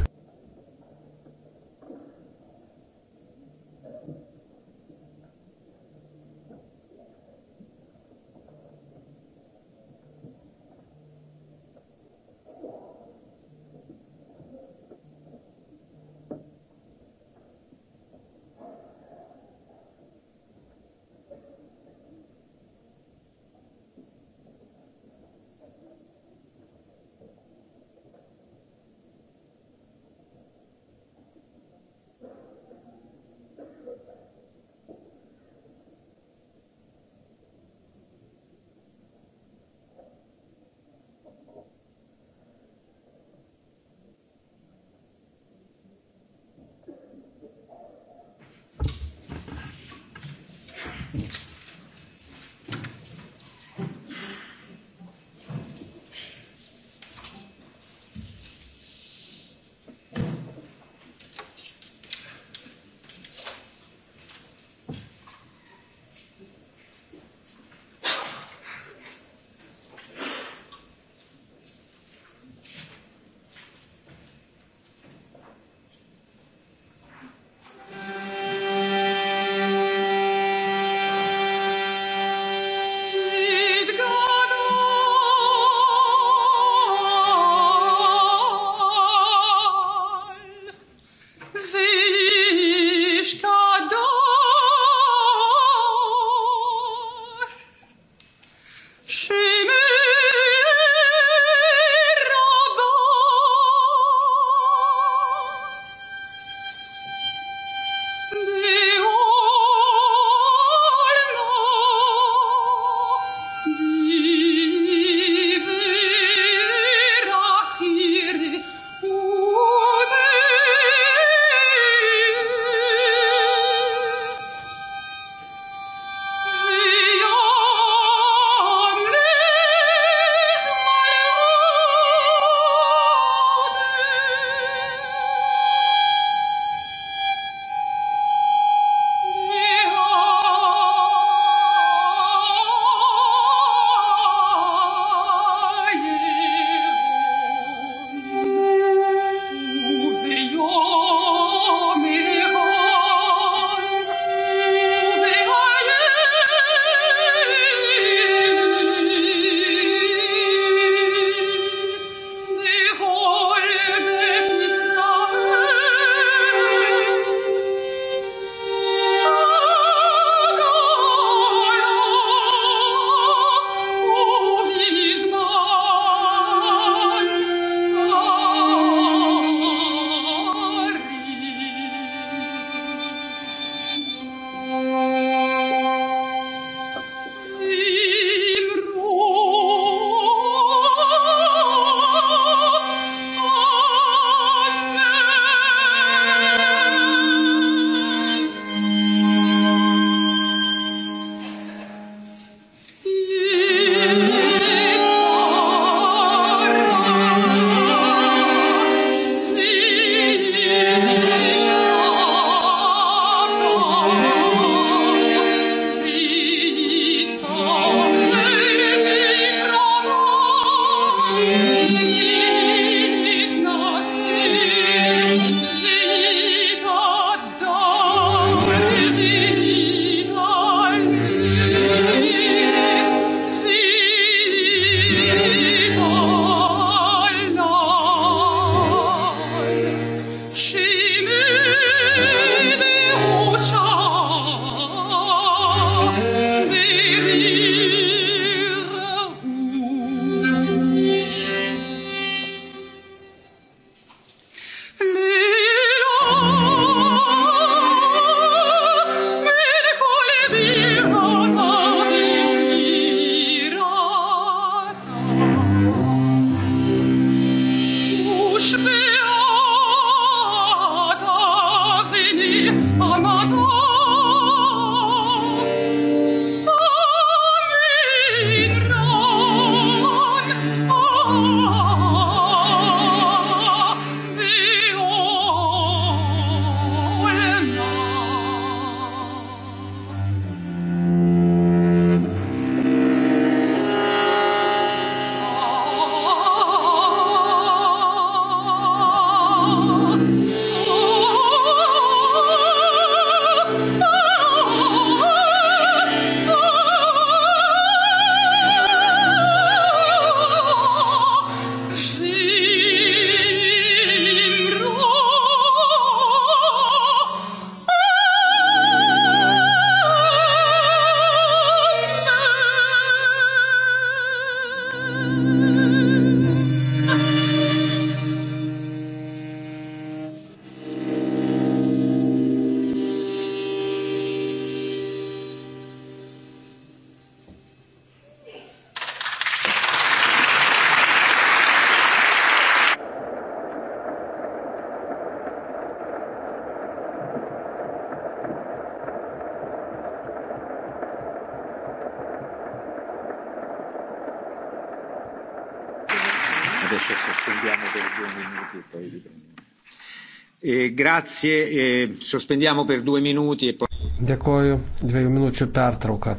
E grazie, e sospendiamo per due minuti. E Dėkoju, dviejų minučių pertrauką.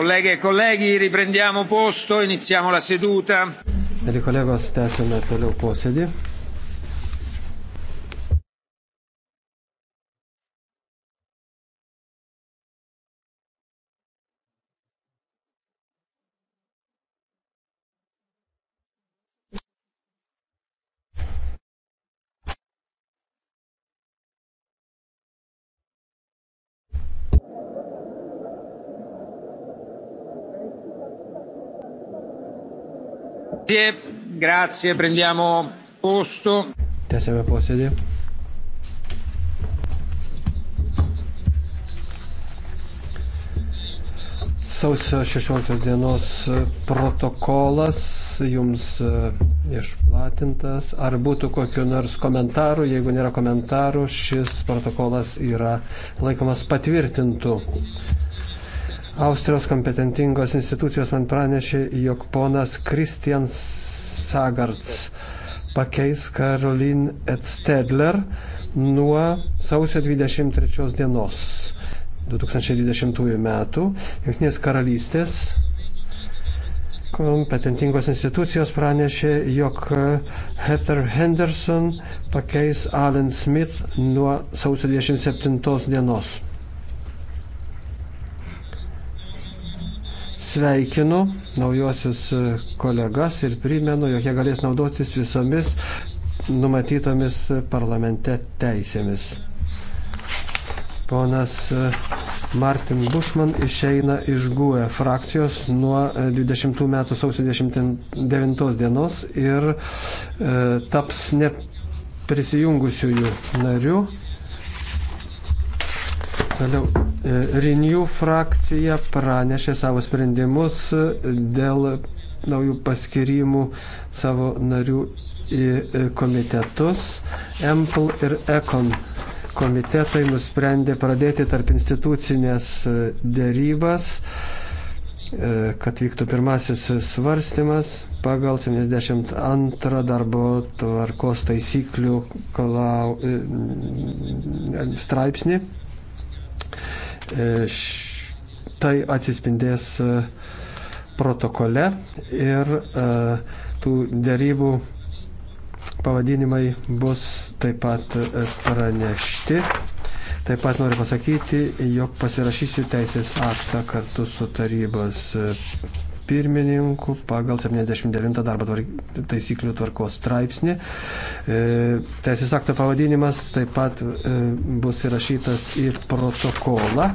Kolegė, kolegė, e riprendiamo posto, iniciamo la seduta. Mėly kolegos, tęsime toliau posėdį. Grazie, prendiamo posto. Tęsėme posėdį. Sausio 16 dienos protokolas jums e, išplatintas. Ar būtų kokiu nors komentaru? Jeigu nėra komentarų, šis protokolas yra laikomas patvirtintų. Austrijos kompetentingos institucijos man pranešė, jog ponas Kristians Sagarts pakeis Karolin Edstedler nuo sausio 23 dienos 2020 metų Junktinės karalystės kompetentingos institucijos pranešė, jog Heather Henderson pakeis Alan Smith nuo sausio 27 dienos. Sveikinu naujosius kolegas ir primenu, jog jie galės naudotis visomis numatytomis parlamente teisėmis. Ponas Martin Bušman išeina iš GUE frakcijos nuo 20 metų sausio 29 dienos ir e, taps neprisijungusiųjų narių Toliau, e, Renew frakcija pranešė savo sprendimus e, dėl naujų paskirimų savo narių į e, komitetus. EMPL ir ECON komitetai nusprendė pradėti tarp institucinės dėrybas kad vyktų pirmasis svarstymas pagal 72 darbo tvarkos taisyklių klau... straipsnį. Tai atsispindės e, protokole ir e, tų dėrybų pavadinimai bus taip pat pranešti. Taip pat noriu pasakyti, jog pasirašysiu teisės aktą kartu su tarybos pirmininku pagal 79 darbo tvark, taisyklių tvarkos straipsnį. E, teisės akto pavadinimas taip pat e, bus įrašytas į protokolą.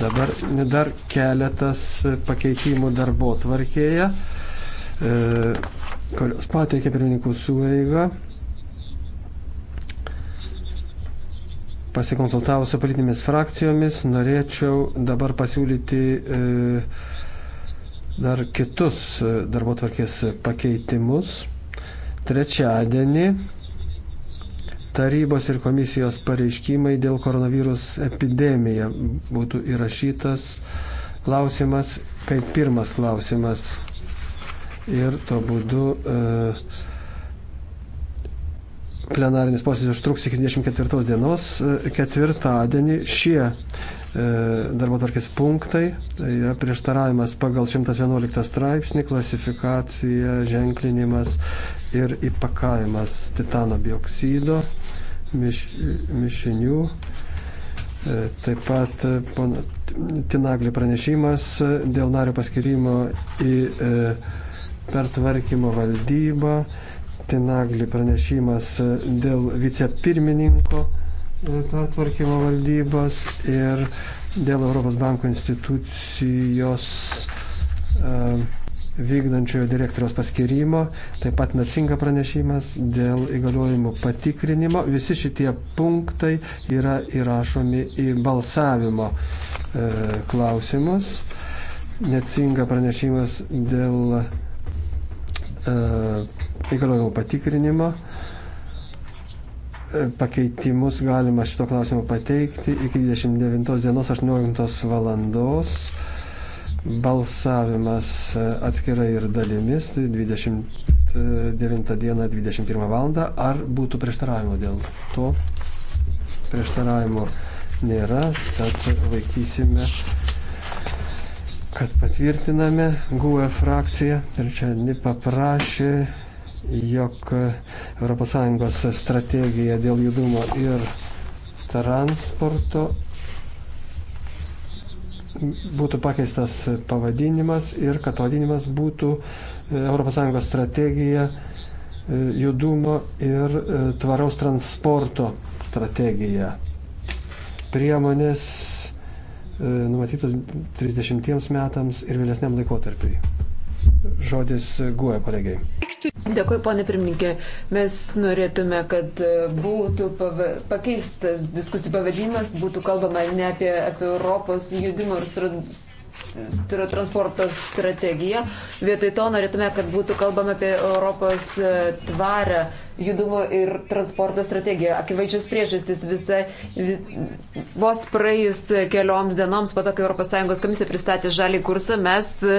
Dabar dar keletas pakeitimų darbo tvarkėje, e, kurios pateikė pirmininkų suveiga. pasikonsultavus su politinėmis frakcijomis, norėčiau dabar pasiūlyti e, dar kitus e, darbo tvarkės pakeitimus. Trečiadienį tarybos ir komisijos pareiškimai dėl koronavirus epidemiją būtų įrašytas klausimas kaip pirmas klausimas. Ir tuo būdu e, plenarinis posėdis užtruks iki 24 dienos. E, ketvirtadienį šie E, darbo tvarkės punktai. Tai yra prieštaravimas pagal 111 straipsnį, klasifikacija, ženklinimas ir įpakavimas titano bioksido miš, mišinių. E, taip pat e, Tinaglį pranešimas dėl nario paskirimo į pertvarkymo valdybą. Tinaglį pranešimas dėl vicepirmininko pertvarkymo valdybos ir dėl Europos banko institucijos e, vykdančiojo direktoriaus paskirimo, taip pat nacinga pranešimas dėl įgaliojimų patikrinimo. Visi šitie punktai yra įrašomi į balsavimo e, klausimus. Necinga pranešimas dėl e, įgaliojimų patikrinimo. E, Pakeitimus galima šito klausimo pateikti iki 29 dienos 18 valandos. Balsavimas e, atskirai ir dalimis 29 dieną 21 valandą. Ar būtų prieštaravimo dėl to? Prieštaravimo nėra, tad laikysime kad patvirtiname GUE frakciją ir čia nepaprašė jog ES strategija dėl judumo ir transporto būtų pakeistas pavadinimas ir kad pavadinimas būtų ES strategija e, judumo ir e, tvaraus transporto strategija. Priemonės e, numatytos 30 metams ir vėlesniam laikotarpiui. Žodis guoja kolegiai. Dėkui, ponė pirmininkė. Mes norėtume, kad būtų pakeistas diskusijų pavadinimas, būtų kalbama ne apie, apie Europos judimo ir transporto strategiją. Vietoj to norėtume, kad būtų kalbama apie Europos tvarę judumo ir transporto strategija. Akivaizdžios priežastys visa, vis, vos praėjus kelioms dienoms po to, kai ES komisija pristatė žalį kursą, mes e,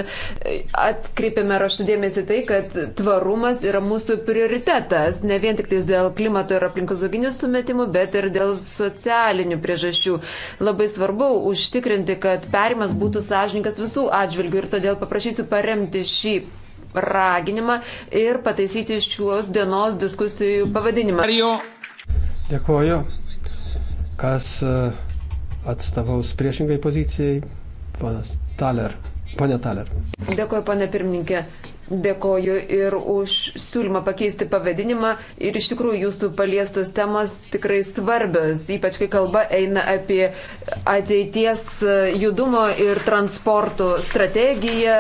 atkreipėme raštų dėmesį tai, kad tvarumas yra mūsų prioritetas, ne vien tik dėl klimato ir aplinkosauginių sumetimų, bet ir dėl socialinių priežasčių. Labai svarbu užtikrinti, kad perimas būtų sąžininkas visų atžvilgių ir todėl paprašysiu paremti šį raginimą ir pataisyti šios dienos diskusijų pavadinimą. Dėkuoju. Kas e, atstovaus priešingai pozicijai? Ponas Taler. Pone Taler. Dėkuoju, ponė pirmininkė. Dėkoju ir už siūlymą pakeisti pavadinimą ir iš tikrųjų jūsų paliestos temos tikrai svarbios, ypač kai kalba eina apie ateities e, judumo ir transporto strategiją,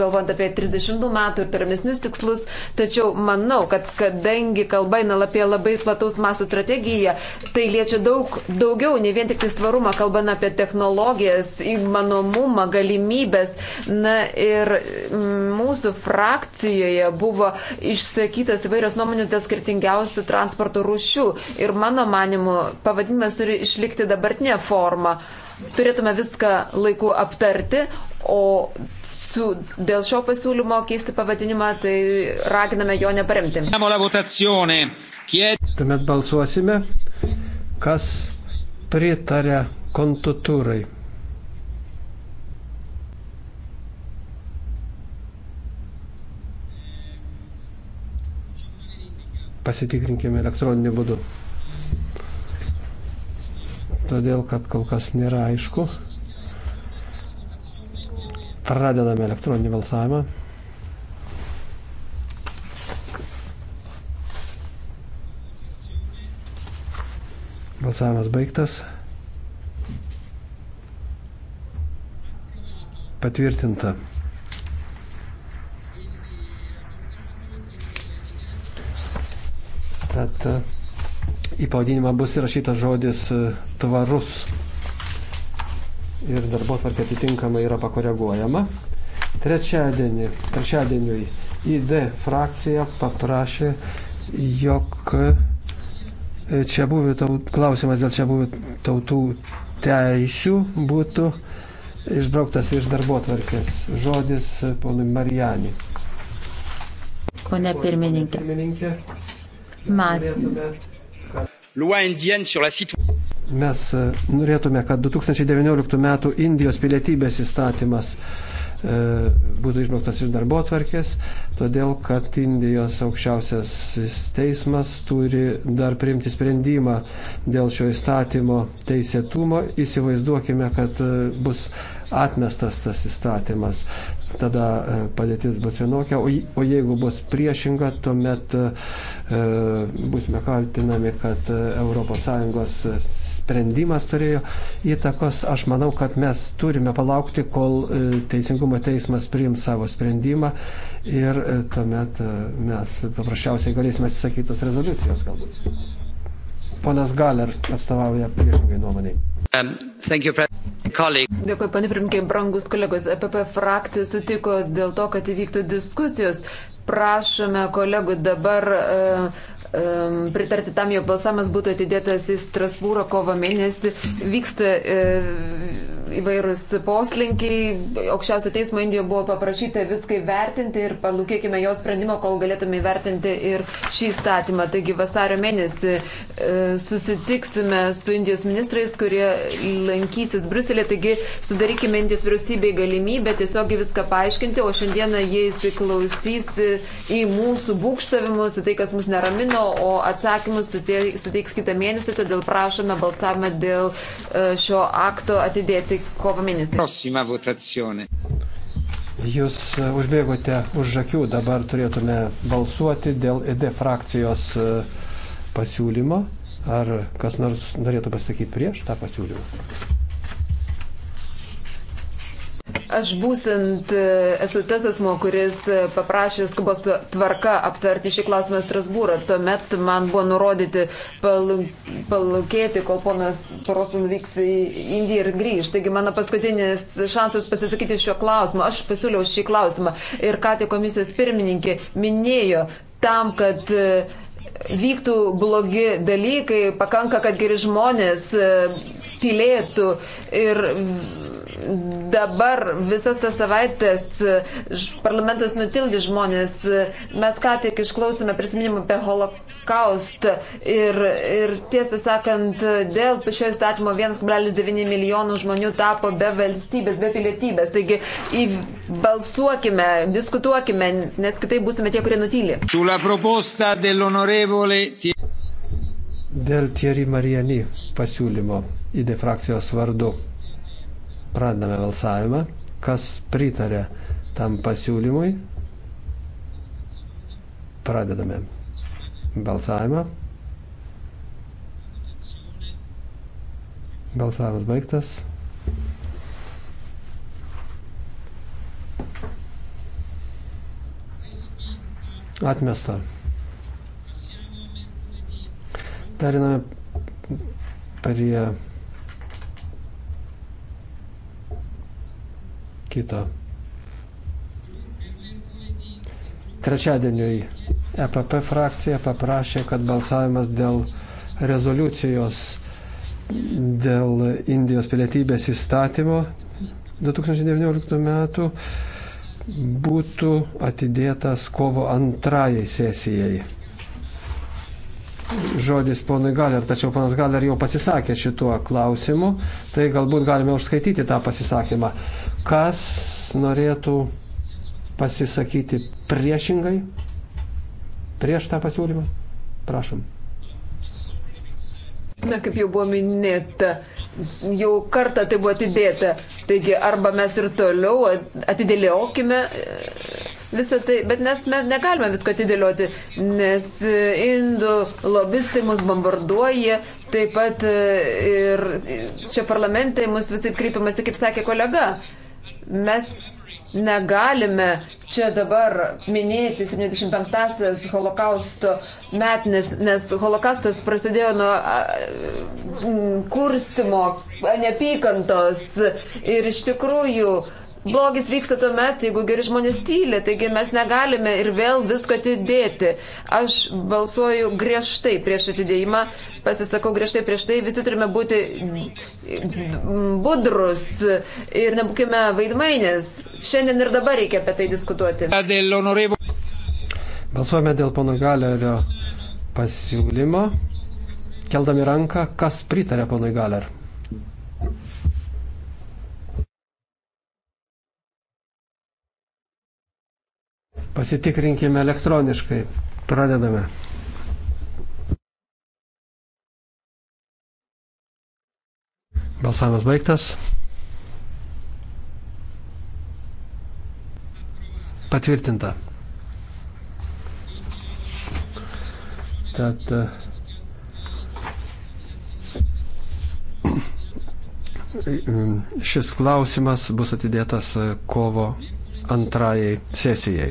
galvant apie 30 metų ir tolimesnius tikslus. Tačiau manau, kad kadangi kalba eina apie labai plataus masų strategiją, tai liečia daug daugiau, ne vien tik tai tvarumą, kalbant apie technologijas, įmanomumą, galimybės. Na ir mūsų frakcija frakcijoje buvo išsakytas įvairios nuomonės dėl skirtingiausių transporto rūšių. Ir mano manimu, pavadinimas turi išlikti dabartinė forma. Turėtume viską laiku aptarti, o su, dėl šio pasiūlymo keisti pavadinimą, tai raginame jo neparemti. Tuomet balsuosime, kas pritarė kontutūrai. pasitikrinkime elektroniniu būdu. Todėl, kad kol kas nėra aišku. Pradedame elektroninį balsavimą. Balsavimas baigtas. Patvirtinta. Tad e, į pavadinimą bus įrašytas žodis e, tvarus. Ir darbo tvarkė atitinkamai yra pakoreguojama. Trečiadienį, trečiadieniui ID frakcija paprašė, jog e, čia buvo taut, klausimas dėl čia buvo tautų teisių būtų išbrauktas iš darbo tvarkės. Žodis ponui Marijanis. Pone pirmininkė. Pone pirmininkė mat. Mes e, norėtume, kad 2019 m. Indijos pilietybės įstatymas e, būtų išbrauktas iš darbo atvarkės, todėl kad Indijos aukščiausias teismas turi dar priimti sprendimą dėl šio įstatymo teisėtumo. Įsivaizduokime, kad e, bus atmestas tas įstatymas tada e, padėtis bus vienokia, o, o jeigu bus priešinga, tuomet e, e būsime kaltinami, kad ES e, sprendimas turėjo įtakos. Aš manau, kad mes turime palaukti, kol Teisingumo teismas priims savo sprendimą ir tuomet mes paprasčiausiai galėsime atsisakyti tos rezoliucijos galbūt. Ponas Galer atstovauja priešingai nuomonėje. Um, Dėkui, panė Primkė, brangus kolegos. EPP frakcija sutiko dėl to, kad įvyktų diskusijos. Prašome kolegų dabar uh, um, pritarti tam, jog balsamas būtų atidėtas į Strasbūro kovo mėnesį. Vyksta uh, įvairūs poslinkiai. Aukščiausio teismo Indijoje buvo paprašyta viską įvertinti ir palūkėkime jo sprendimo, kol galėtume įvertinti ir šį įstatymą. Taigi vasario mėnesį uh, susitiksime su Indijos ministrais, kurie lankysis Bruselė. Taigi sudarykime Indijos vyriausybei galimybę tiesiog viską paaiškinti, o šiandieną jie įsiklausys į mūsų būkštavimus, į tai, kas mus neramino mėnesio, o atsakymus suteiks kitą mėnesį, todėl prašome balsavimą dėl e, šio akto atidėti kovo mėnesį. Jūs e, užbėgote už žakių, dabar turėtume balsuoti dėl ED frakcijos e, pasiūlymo. Ar kas nors norėtų pasakyti prieš tą pasiūlymą? Aš būsint e, esu tas asmo, kuris e, paprašė skubos tvarka aptarti šį klausimą Strasbūrą. Tuomet man buvo nurodyti palūkėti, kol ponas Parosun vyks į Indiją ir grįž. Taigi mano paskutinis šansas pasisakyti šiuo klausimu. Aš pasiūliau šį klausimą ir ką tik komisijos pirmininkė minėjo tam, kad e, vyktų blogi dalykai, pakanka, kad geri žmonės tylėtų ir dabar visas tas savaitės parlamentas nutildė žmonės. Mes ką tik išklausėme prisiminimą apie holokaustą ir, ir tiesą sakant, dėl šio įstatymo 1,9 milijonų žmonių tapo be valstybės, be pilietybės. Taigi balsuokime, diskutuokime, nes kitaip būsime tie, kurie nutylė. Dėl Thierry Mariani pasiūlymo į defrakcijos vardu. Pradedame balsavimą. Kas pritarė tam pasiūlymui? Pradedame balsavimą. Balsavimas baigtas. Atmesta. Periname prie kito. Trečiadieniui EPP frakcija paprašė, kad balsavimas dėl rezoliucijos dėl Indijos pilietybės įstatymo 2019 metų būtų atidėtas kovo antrajai sesijai. Žodis ponui Galer, tačiau ponas Galer jau pasisakė šituo klausimu, tai galbūt galime užskaityti tą pasisakymą. Kas norėtų pasisakyti priešingai prieš tą pasiūlymą? Prašom. Na, kaip jau buvo minėta, jau kartą tai buvo atidėta. Taigi, arba mes ir toliau atidėliokime e, visą tai, bet mes, mes negalime visko atidėlioti, nes e, indų lobistai mus bombarduoja, taip pat e, ir čia parlamentai mus visai kreipiamasi, kaip sakė kolega. Mes negalime čia dabar minėti 75-asias holokausto metinės, nes holokaustas prasidėjo nuo kurstimo, neapykantos ir iš tikrųjų Blogis vyksta tuomet, jeigu geri žmonės tyli, taigi mes negalime ir vėl visko atidėti. Aš balsuoju griežtai prieš atidėjimą, pasisakau griežtai prieš tai, visi turime būti budrus ir nebūkime vaidmainės. Šiandien ir dabar reikia apie tai diskutuoti. Balsuojame dėl pono Galerio pasiūlymo, keldami ranką, kas pritarė ponui Galeriui. Pasitikrinkime elektroniškai. Pradedame. Balsavimas baigtas. Patvirtinta. Tad e, šis klausimas bus atidėtas e, kovo antrajai sesijai.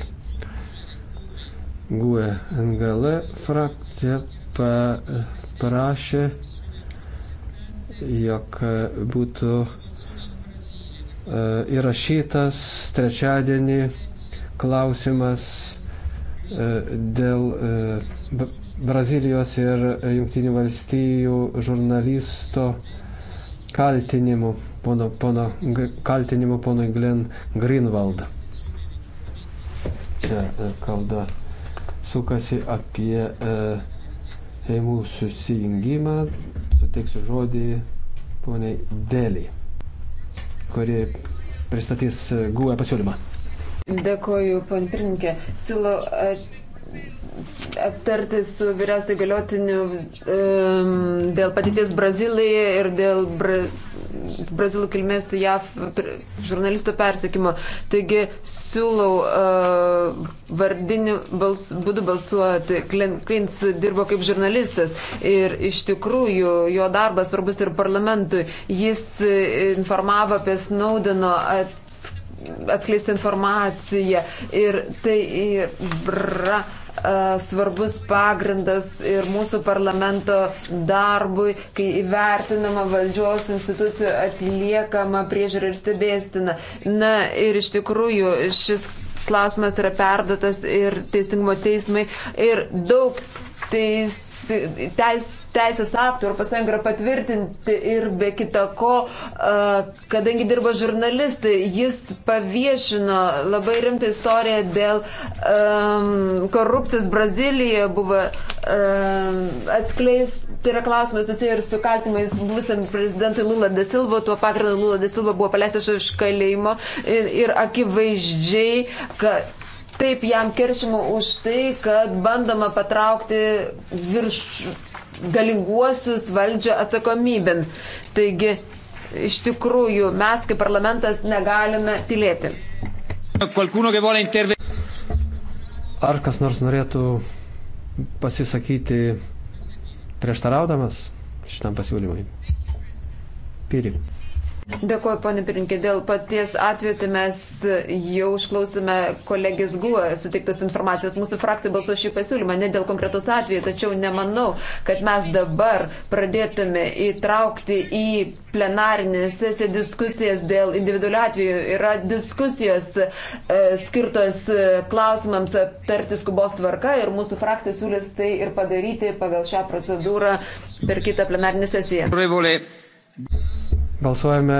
GUE NGL frakcija paprašė, jog būtų e, įrašytas trečiadienį klausimas e, dėl e, Brazilijos ir Junktinių valstybių žurnalisto kaltinimų, pono, pono, kaltinimų ponui Glenn Greenwald. Čia kalba sukasi apie šeimų e, susijungimą. Suteiksiu žodį poniai Dėlį, kuri pristatys e, guvę pasiūlymą. Dėkoju, pan Prinkė. Siūlau aptarti su vyriausiai galiotiniu um, dėl patyties Brazilyje ir dėl Brazilyje brazilų kilmės JAF žurnalisto persekimo. Taigi siūlau uh, vardiniu bals, būdu balsuoti. Klins dirbo kaip žurnalistas ir iš tikrųjų jo darbas svarbus ir parlamentui. Jis uh, informavo apie Snaudino atskleisti informaciją ir tai yra svarbus pagrindas ir mūsų parlamento darbui, kai įvertinama valdžios institucijų atliekama priežiūra ir stebėstina. Na ir iš tikrųjų šis klausimas yra perdotas ir teisingumo teismai ir daug teis teis, teisės aktų Europos Sąjunga yra patvirtinti ir be kita ko, kadangi dirbo žurnalistai, jis paviešino labai rimtą istoriją dėl um, korupcijos Brazilijoje, buvo um, atskleis, tai yra klausimas susiję ir su kaltimais buvusiam prezidentui Lula de Silva, tuo pagrindu Lula de Silva buvo paleistas iš kalėjimo ir, ir akivaizdžiai, kad taip jam keršimo už tai, kad bandoma patraukti virš galinguosius valdžią atsakomybin. Taigi, iš tikrųjų, mes kaip parlamentas negalime tylėti. Ar kas nors norėtų pasisakyti prieštaraudamas šitam pasiūlymui? Piri. Dėkuoju, ponė Pirinkė, dėl paties atveju tai mes jau išklausime kolegės Guo sutiktos informacijos. Mūsų frakcija balsuo šį pasiūlymą ne dėl konkretus atveju, tačiau nemanau, kad mes dabar pradėtume įtraukti į plenarinę sesiją diskusijas dėl individualių atvejų. Yra diskusijos e, skirtos e, klausimams aptarti skubos tvarka ir mūsų frakcija siūlys tai ir padaryti pagal šią procedūrą per kitą plenarinę sesiją. Privulė. Balsuojame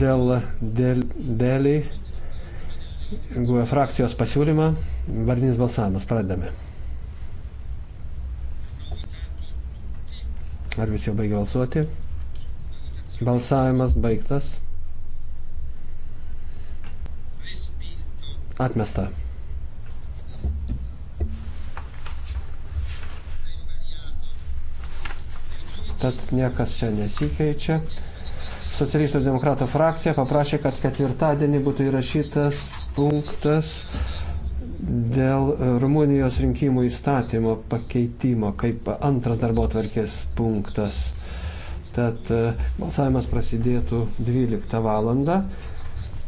dėl, dėl dėliai GUE frakcijos pasiūlymą. Vardinis balsavimas. Pradedame. Ar visi jau baigė balsuoti? Balsavimas baigtas. Atmesta. Tad niekas čia nesikeičia socialistų ir demokratų frakcija paprašė, kad ketvirtadienį būtų įrašytas punktas dėl Rumunijos rinkimų įstatymo pakeitimo kaip antras darbo tvarkės punktas. Tad e, balsavimas prasidėtų 12 val.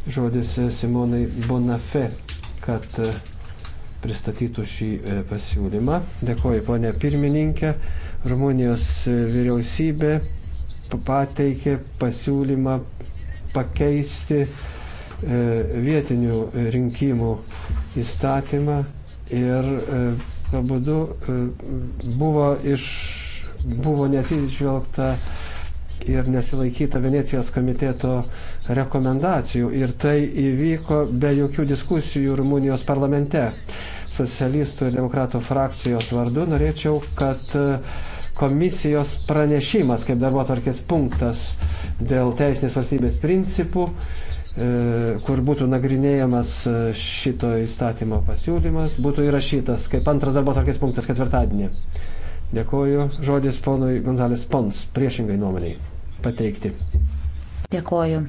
Žodis Simonai Bonafė, kad e, pristatytų šį e, pasiūlymą. Dėkoju, ponė pirmininkė. Rumunijos vyriausybė pateikė pasiūlymą pakeisti e, vietinių rinkimų įstatymą ir e, tuo būdu e, buvo, iš, buvo neatsižvelgta ir nesilaikyta Venecijos komiteto rekomendacijų. Ir tai įvyko be jokių diskusijų Rumunijos parlamente. Socialistų ir demokratų frakcijos vardu norėčiau, kad uh, komisijos pranešimas kaip darbo atvarkės punktas dėl teisinės valstybės principų, e, kur būtų nagrinėjamas e, šito įstatymo pasiūlymas, būtų įrašytas kaip antras darbo atvarkės punktas ketvirtadienį. Dėkoju. Žodis ponui Gonzalės Pons priešingai nuomoniai pateikti. Dėkoju.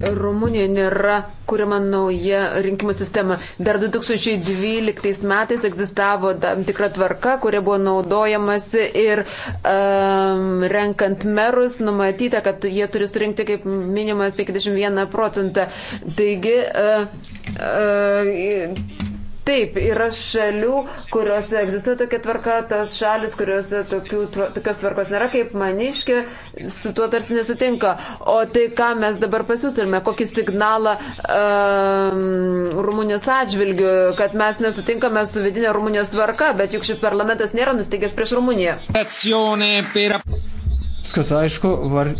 Rumunijoje nėra kuriama nauja rinkimų sistema. Dar 2012 metais egzistavo tam tikra tvarka, kuria buvo naudojamasi ir um, renkant merus numatyta, kad jie turi surinkti kaip minimas 51 procentą. Taigi, uh, uh, Taip, yra šalių, kuriuose egzistuoja tokia tvarka, tos šalis, kuriuose tokių, tokios tvarkos nėra, kaip maniškė, su tuo tarsi nesutinka. O tai, ką mes dabar pasiūsime, kokį signalą um, Rumunijos atžvilgiu, kad mes nesutinkame su vidinė Rumunijos tvarka, bet juk šis parlamentas nėra nusteigęs prieš Rumuniją. Viskas aišku, var,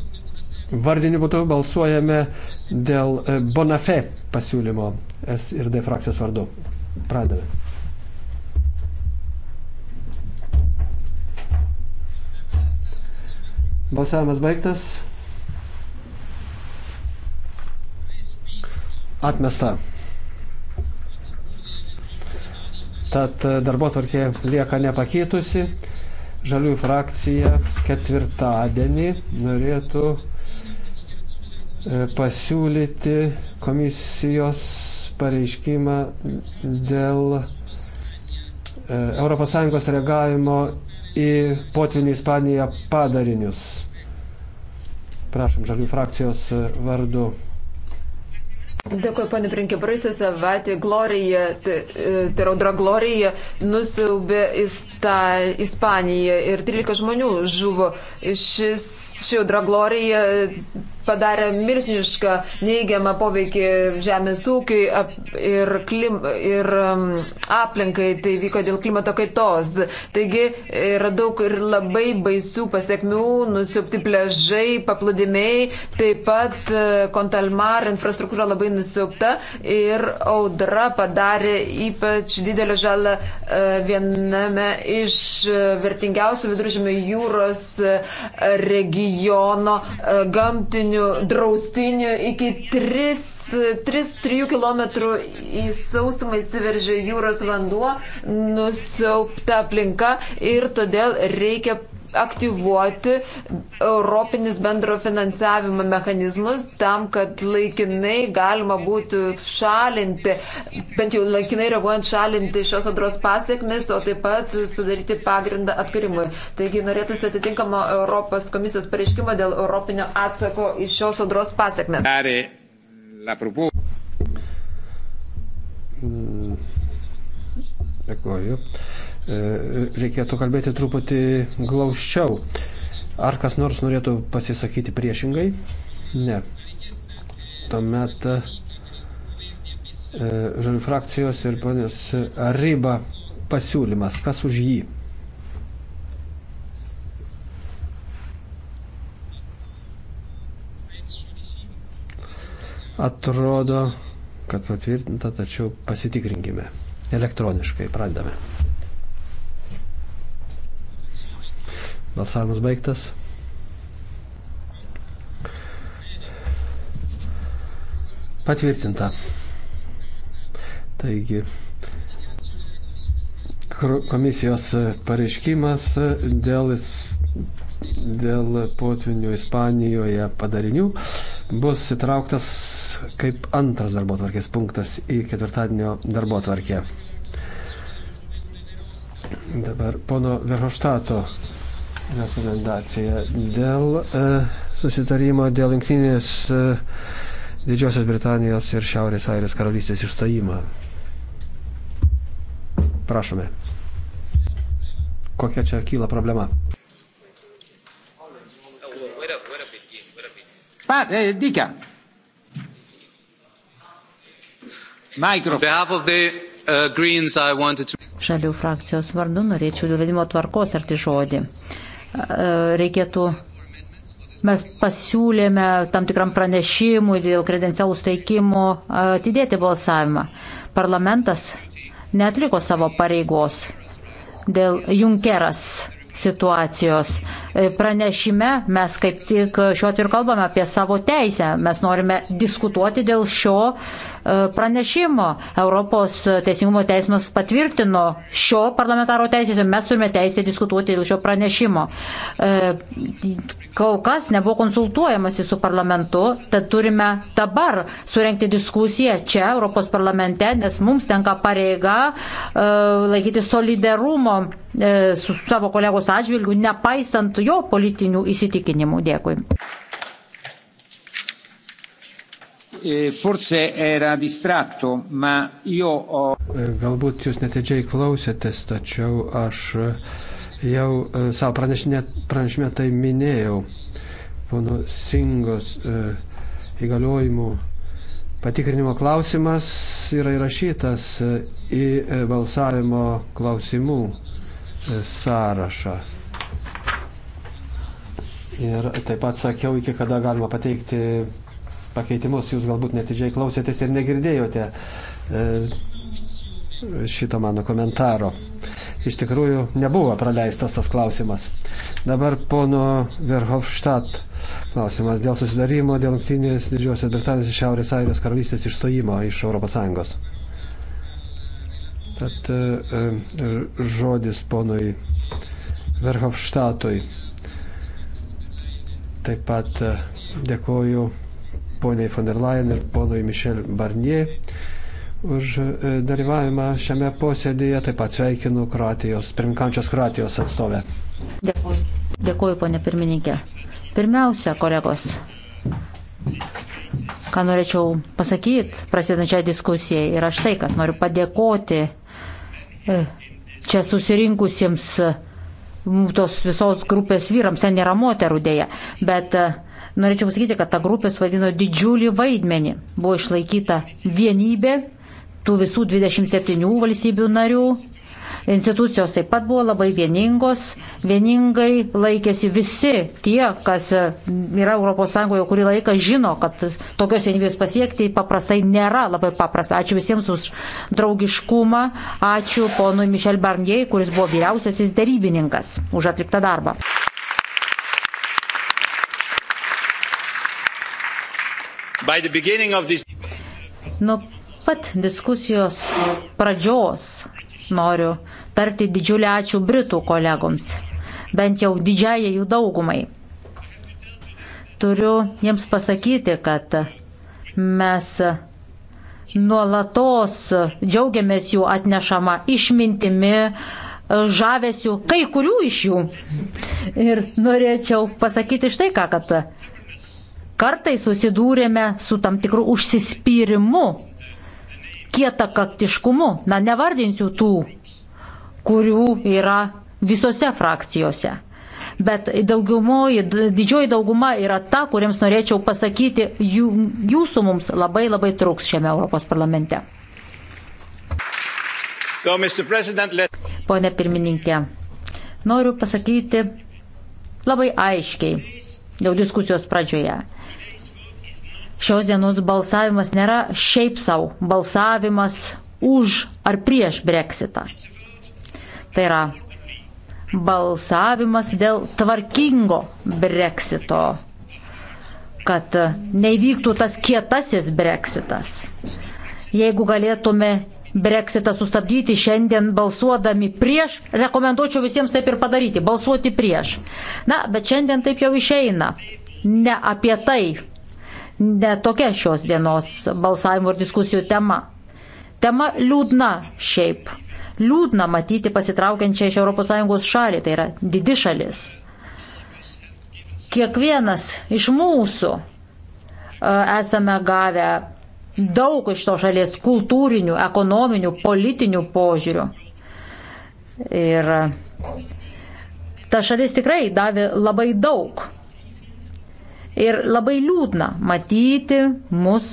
vardiniu būdu balsuojame dėl e, Bonafé pasiūlymo S ir D frakcijos vardu. Pradame. Balsavimas baigtas. Atmesta. Tad darbo tvarkė lieka nepakeitusi. Žaliųjų frakcija ketvirtadienį norėtų e, pasiūlyti komisijos pareiškimą dėl ES reagavimo į potvinį Ispaniją padarinius. Prašom, žalių frakcijos e, vardu. Dėkuoju, ponė Prinkė, praėjusią savaitę Glorija, e, tai yra audra Glorija, nusiaubė Ispaniją ir 13 žmonių žuvo. Šis, ši audra Glorija padarė milžinišką neigiamą poveikį žemės ūkiui ir, klim, ir um, aplinkai. Tai vyko dėl klimato kaitos. Taigi yra daug ir labai baisių pasiekmių, nusiupti pležai, paplūdimiai, taip pat e, Kontalmar infrastruktūra labai nusiupta ir audra padarė ypač didelę žalą e, viename iš e, vertingiausių viduržymio jūros regiono gamtinių gamtinių draustinių iki 3-3 km į sausumą įsiveržia jūros vanduo, nusiaupta aplinka ir todėl reikia aktyvuoti Europinis bendro finansavimo mechanizmus tam, kad laikinai galima būtų šalinti, bent jau laikinai reaguojant šalinti šios audros pasiekmes, o taip pat sudaryti pagrindą atkarimui. Taigi norėtųsi atitinkamo Europos komisijos pareiškimo dėl Europinio atsako iš šios audros pasiekmes. Mm. Dėkuoju. E, reikėtų kalbėti truputį glaučiau. Ar kas nors norėtų pasisakyti priešingai? Ne. Tuomet e, žalių frakcijos ir ponės ryba pasiūlymas. Kas už jį? Atrodo, kad patvirtinta, tačiau pasitikrinkime. Elektroniškai pradedame. Balsavimas baigtas. Patvirtinta. Taigi, komisijos e, pareiškimas e, dėl, dėl potvinių Ispanijoje padarinių bus įtrauktas kaip antras darbo tvarkės punktas į ketvirtadienio darbo tvarkę. Dabar pono Verhoštato rekomendacija dėl e, susitarimo dėl jungtinės e, Didžiosios Britanijos ir Šiaurės Airijos karalystės išstojimą. Prašome. Kokia čia kyla problema? Pat, eh, Dika. Mikrofon. Žalių uh, frakcijos vardu norėčiau dėl vedimo tvarkos arti žodį. Uh, reikėtų mes pasiūlėme tam tikram pranešimui dėl kredencialų steikimo atidėti balsavimą. Parlamentas netliko savo pareigos dėl Junkeras situacijos. E, pranešime mes kaip tik šiuo atveju kalbame apie savo teisę. Mes norime diskutuoti dėl šio E, pranešimo. Europos Teisingumo teismas patvirtino šio parlamentaro teisės ir mes turime teisę diskutuoti dėl šio pranešimo. E, kol kas nebuvo konsultuojamasi su parlamentu, tad turime dabar surenkti diskusiją čia, Europos parlamente, nes mums tenka pareiga e, laikyti solidarumo su savo kolegos atžvilgiu, nepaisant jo politinių įsitikinimų. Dėkui eh, forse era distratto, ma io ho. E, galbūt jūs netidžiai klausėtės, tačiau aš e, jau eh, savo pranešime tai minėjau. Pono Singos eh, įgaliojimų patikrinimo klausimas yra įrašytas e, į balsavimo klausimų sąrašą. Ir taip pat sakiau, iki kada galima pateikti pakeitimus. Jūs galbūt netidžiai klausėtės ir negirdėjote e, šito mano komentaro. Iš tikrųjų, nebuvo praleistas tas klausimas. Dabar pono Verhofstadt klausimas dėl susidarimo, dėl jungtinės didžiosios Britanijos ir Šiaurės Airijos karalystės išstojimo iš ES. Tad e, e, žodis ponui Verhofštatui. Taip pat dėkoju poniai von der Leyen ir ponui Mišel Barnier už e, dalyvavimą šiame posėdėje. Taip pat sveikinu Kroatijos, pirmkančios Kroatijos atstovę. Dėkuoju, Dėkuoju ponė pirmininkė. Pirmiausia, kolegos, ką norėčiau pasakyti prasidedančiai diskusijai ir aš tai, kas noriu padėkoti e, čia susirinkusiems tos visos grupės vyrams, ten nėra moterų dėja, bet uh, Norėčiau pasakyti, kad ta grupė suvaidino didžiulį vaidmenį. Buvo išlaikyta vienybė tų visų 27 valstybių narių. Institucijos taip pat buvo labai vieningos, vieningai laikėsi visi tie, kas yra ES kurį laiką žino, kad tokios vienybės pasiekti paprastai nėra labai paprasta. Ačiū visiems už draugiškumą, ačiū ponui Mišel Barnier, kuris buvo vyriausiasis darybininkas už atliktą darbą. this... Nuo pat diskusijos pradžios noriu tarti didžiulį ačiū Britų kolegoms, bent jau didžiajai jų daugumai. Turiu jiems pasakyti, kad mes nuolatos džiaugiamės jų atnešama išmintimi, žavesiu, kai kurių iš jų. Ir norėčiau pasakyti štai ką, kad kartai susidūrėme su tam tikru užsispyrimu, kieta kaktiškumu. Na, nevardinsiu tų, kurių yra visose frakcijose. Bet daugiumoji, didžioji dauguma yra ta, kuriems norėčiau pasakyti, jų, jūsų mums labai labai trūks šiame Europos parlamente. So, let... Pone pirmininkė, noriu pasakyti labai aiškiai, jau diskusijos pradžioje. Šios dienos balsavimas nėra šiaip savo balsavimas už ar prieš breksitą. Tai yra balsavimas dėl tvarkingo breksito, kad nevyktų tas kietasis breksitas. Jeigu galėtume breksitą sustabdyti šiandien balsuodami prieš, rekomenduočiau visiems taip ir padaryti, balsuoti prieš. Na, bet šiandien taip jau išeina. Ne apie tai netokia šios dienos balsavimo ir diskusijų tema. Tema liūdna šiaip. Liūdna matyti pasitraukiančią iš ES šalį, tai yra didi šalis. Kiekvienas iš mūsų e, esame gavę daug iš to šalies kultūrinių, ekonominių, politinių požiūrių. Ir ta šalis tikrai davė labai daug Ir labai liūdna matyti mus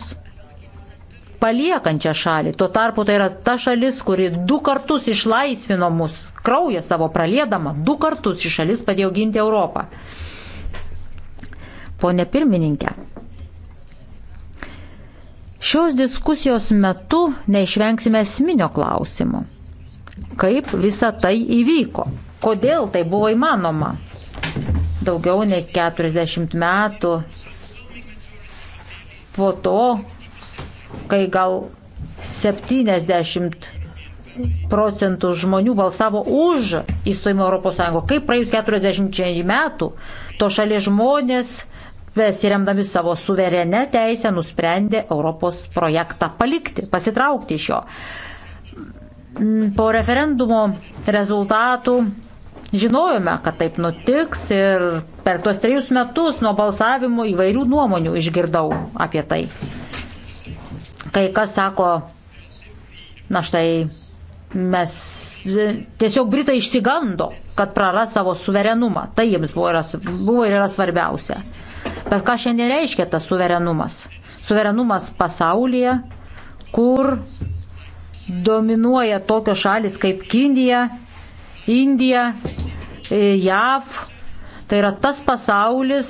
paliekančią šalį. Tuo tarpu tai yra ta šalis, kuri du kartus išlaisvino mus, kraują savo pralėdama, du kartus ši šalis padėjo ginti Europą. Pone pirmininkė, šios diskusijos metu neišvengsime esminio klausimo. Kaip visa tai įvyko? Kodėl tai buvo įmanoma? daugiau nei 40 metų po to, kai gal 70 procentų žmonių balsavo už įstojimą Europos Sąjungo. Kaip praėjus 40 metų to šalies žmonės, besiremdami savo suverenę teisę, nusprendė Europos projektą palikti, pasitraukti iš jo. Po referendumo rezultatų Žinojome, kad taip nutiks ir per tuos trejus metus nuo balsavimo įvairių nuomonių išgirdau apie tai. Kai kas sako, na štai mes tiesiog Britai išsigando, kad praras savo suverenumą. Tai jiems buvo, yra, buvo ir yra svarbiausia. Bet ką šiandien reiškia tas suverenumas? Suverenumas pasaulyje, kur dominuoja tokios šalis kaip Kinija Indija, e, JAV. Tai yra tas pasaulis,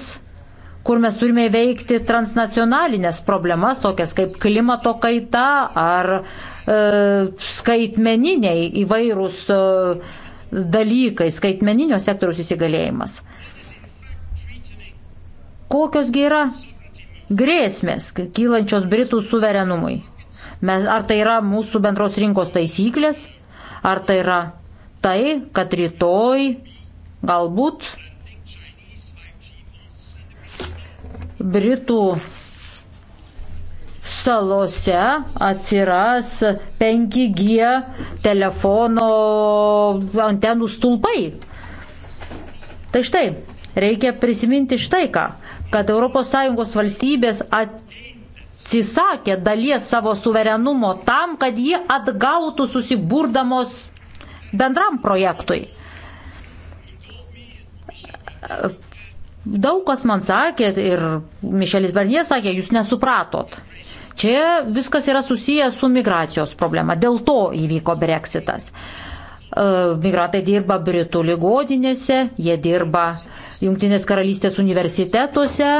kur mes turime įveikti transnacionalinės problemas, tokias kaip klimato kaita ar e, skaitmeniniai įvairūs e, dalykai, skaitmeninio sektoriaus įsigalėjimas. Kokiosgi yra grėsmės kylančios Britų suverenumui? Mes, ar tai yra mūsų bendros rinkos taisyklės, ar tai yra tai, kad rytoj galbūt Britų salose atsiras 5G telefono antenų stulpai. Tai štai, reikia prisiminti štai ką, kad ES valstybės atsisakė dalies savo suverenumo tam, kad jie atgautų susiburdamos bendram projektui. Daug kas man sakė ir Mišelis Bernie sakė, jūs nesupratot. Čia viskas yra susijęs su migracijos problema. Dėl to įvyko breksitas. E, migrantai dirba Britų ligodinėse, jie dirba Junktinės karalystės universitetuose,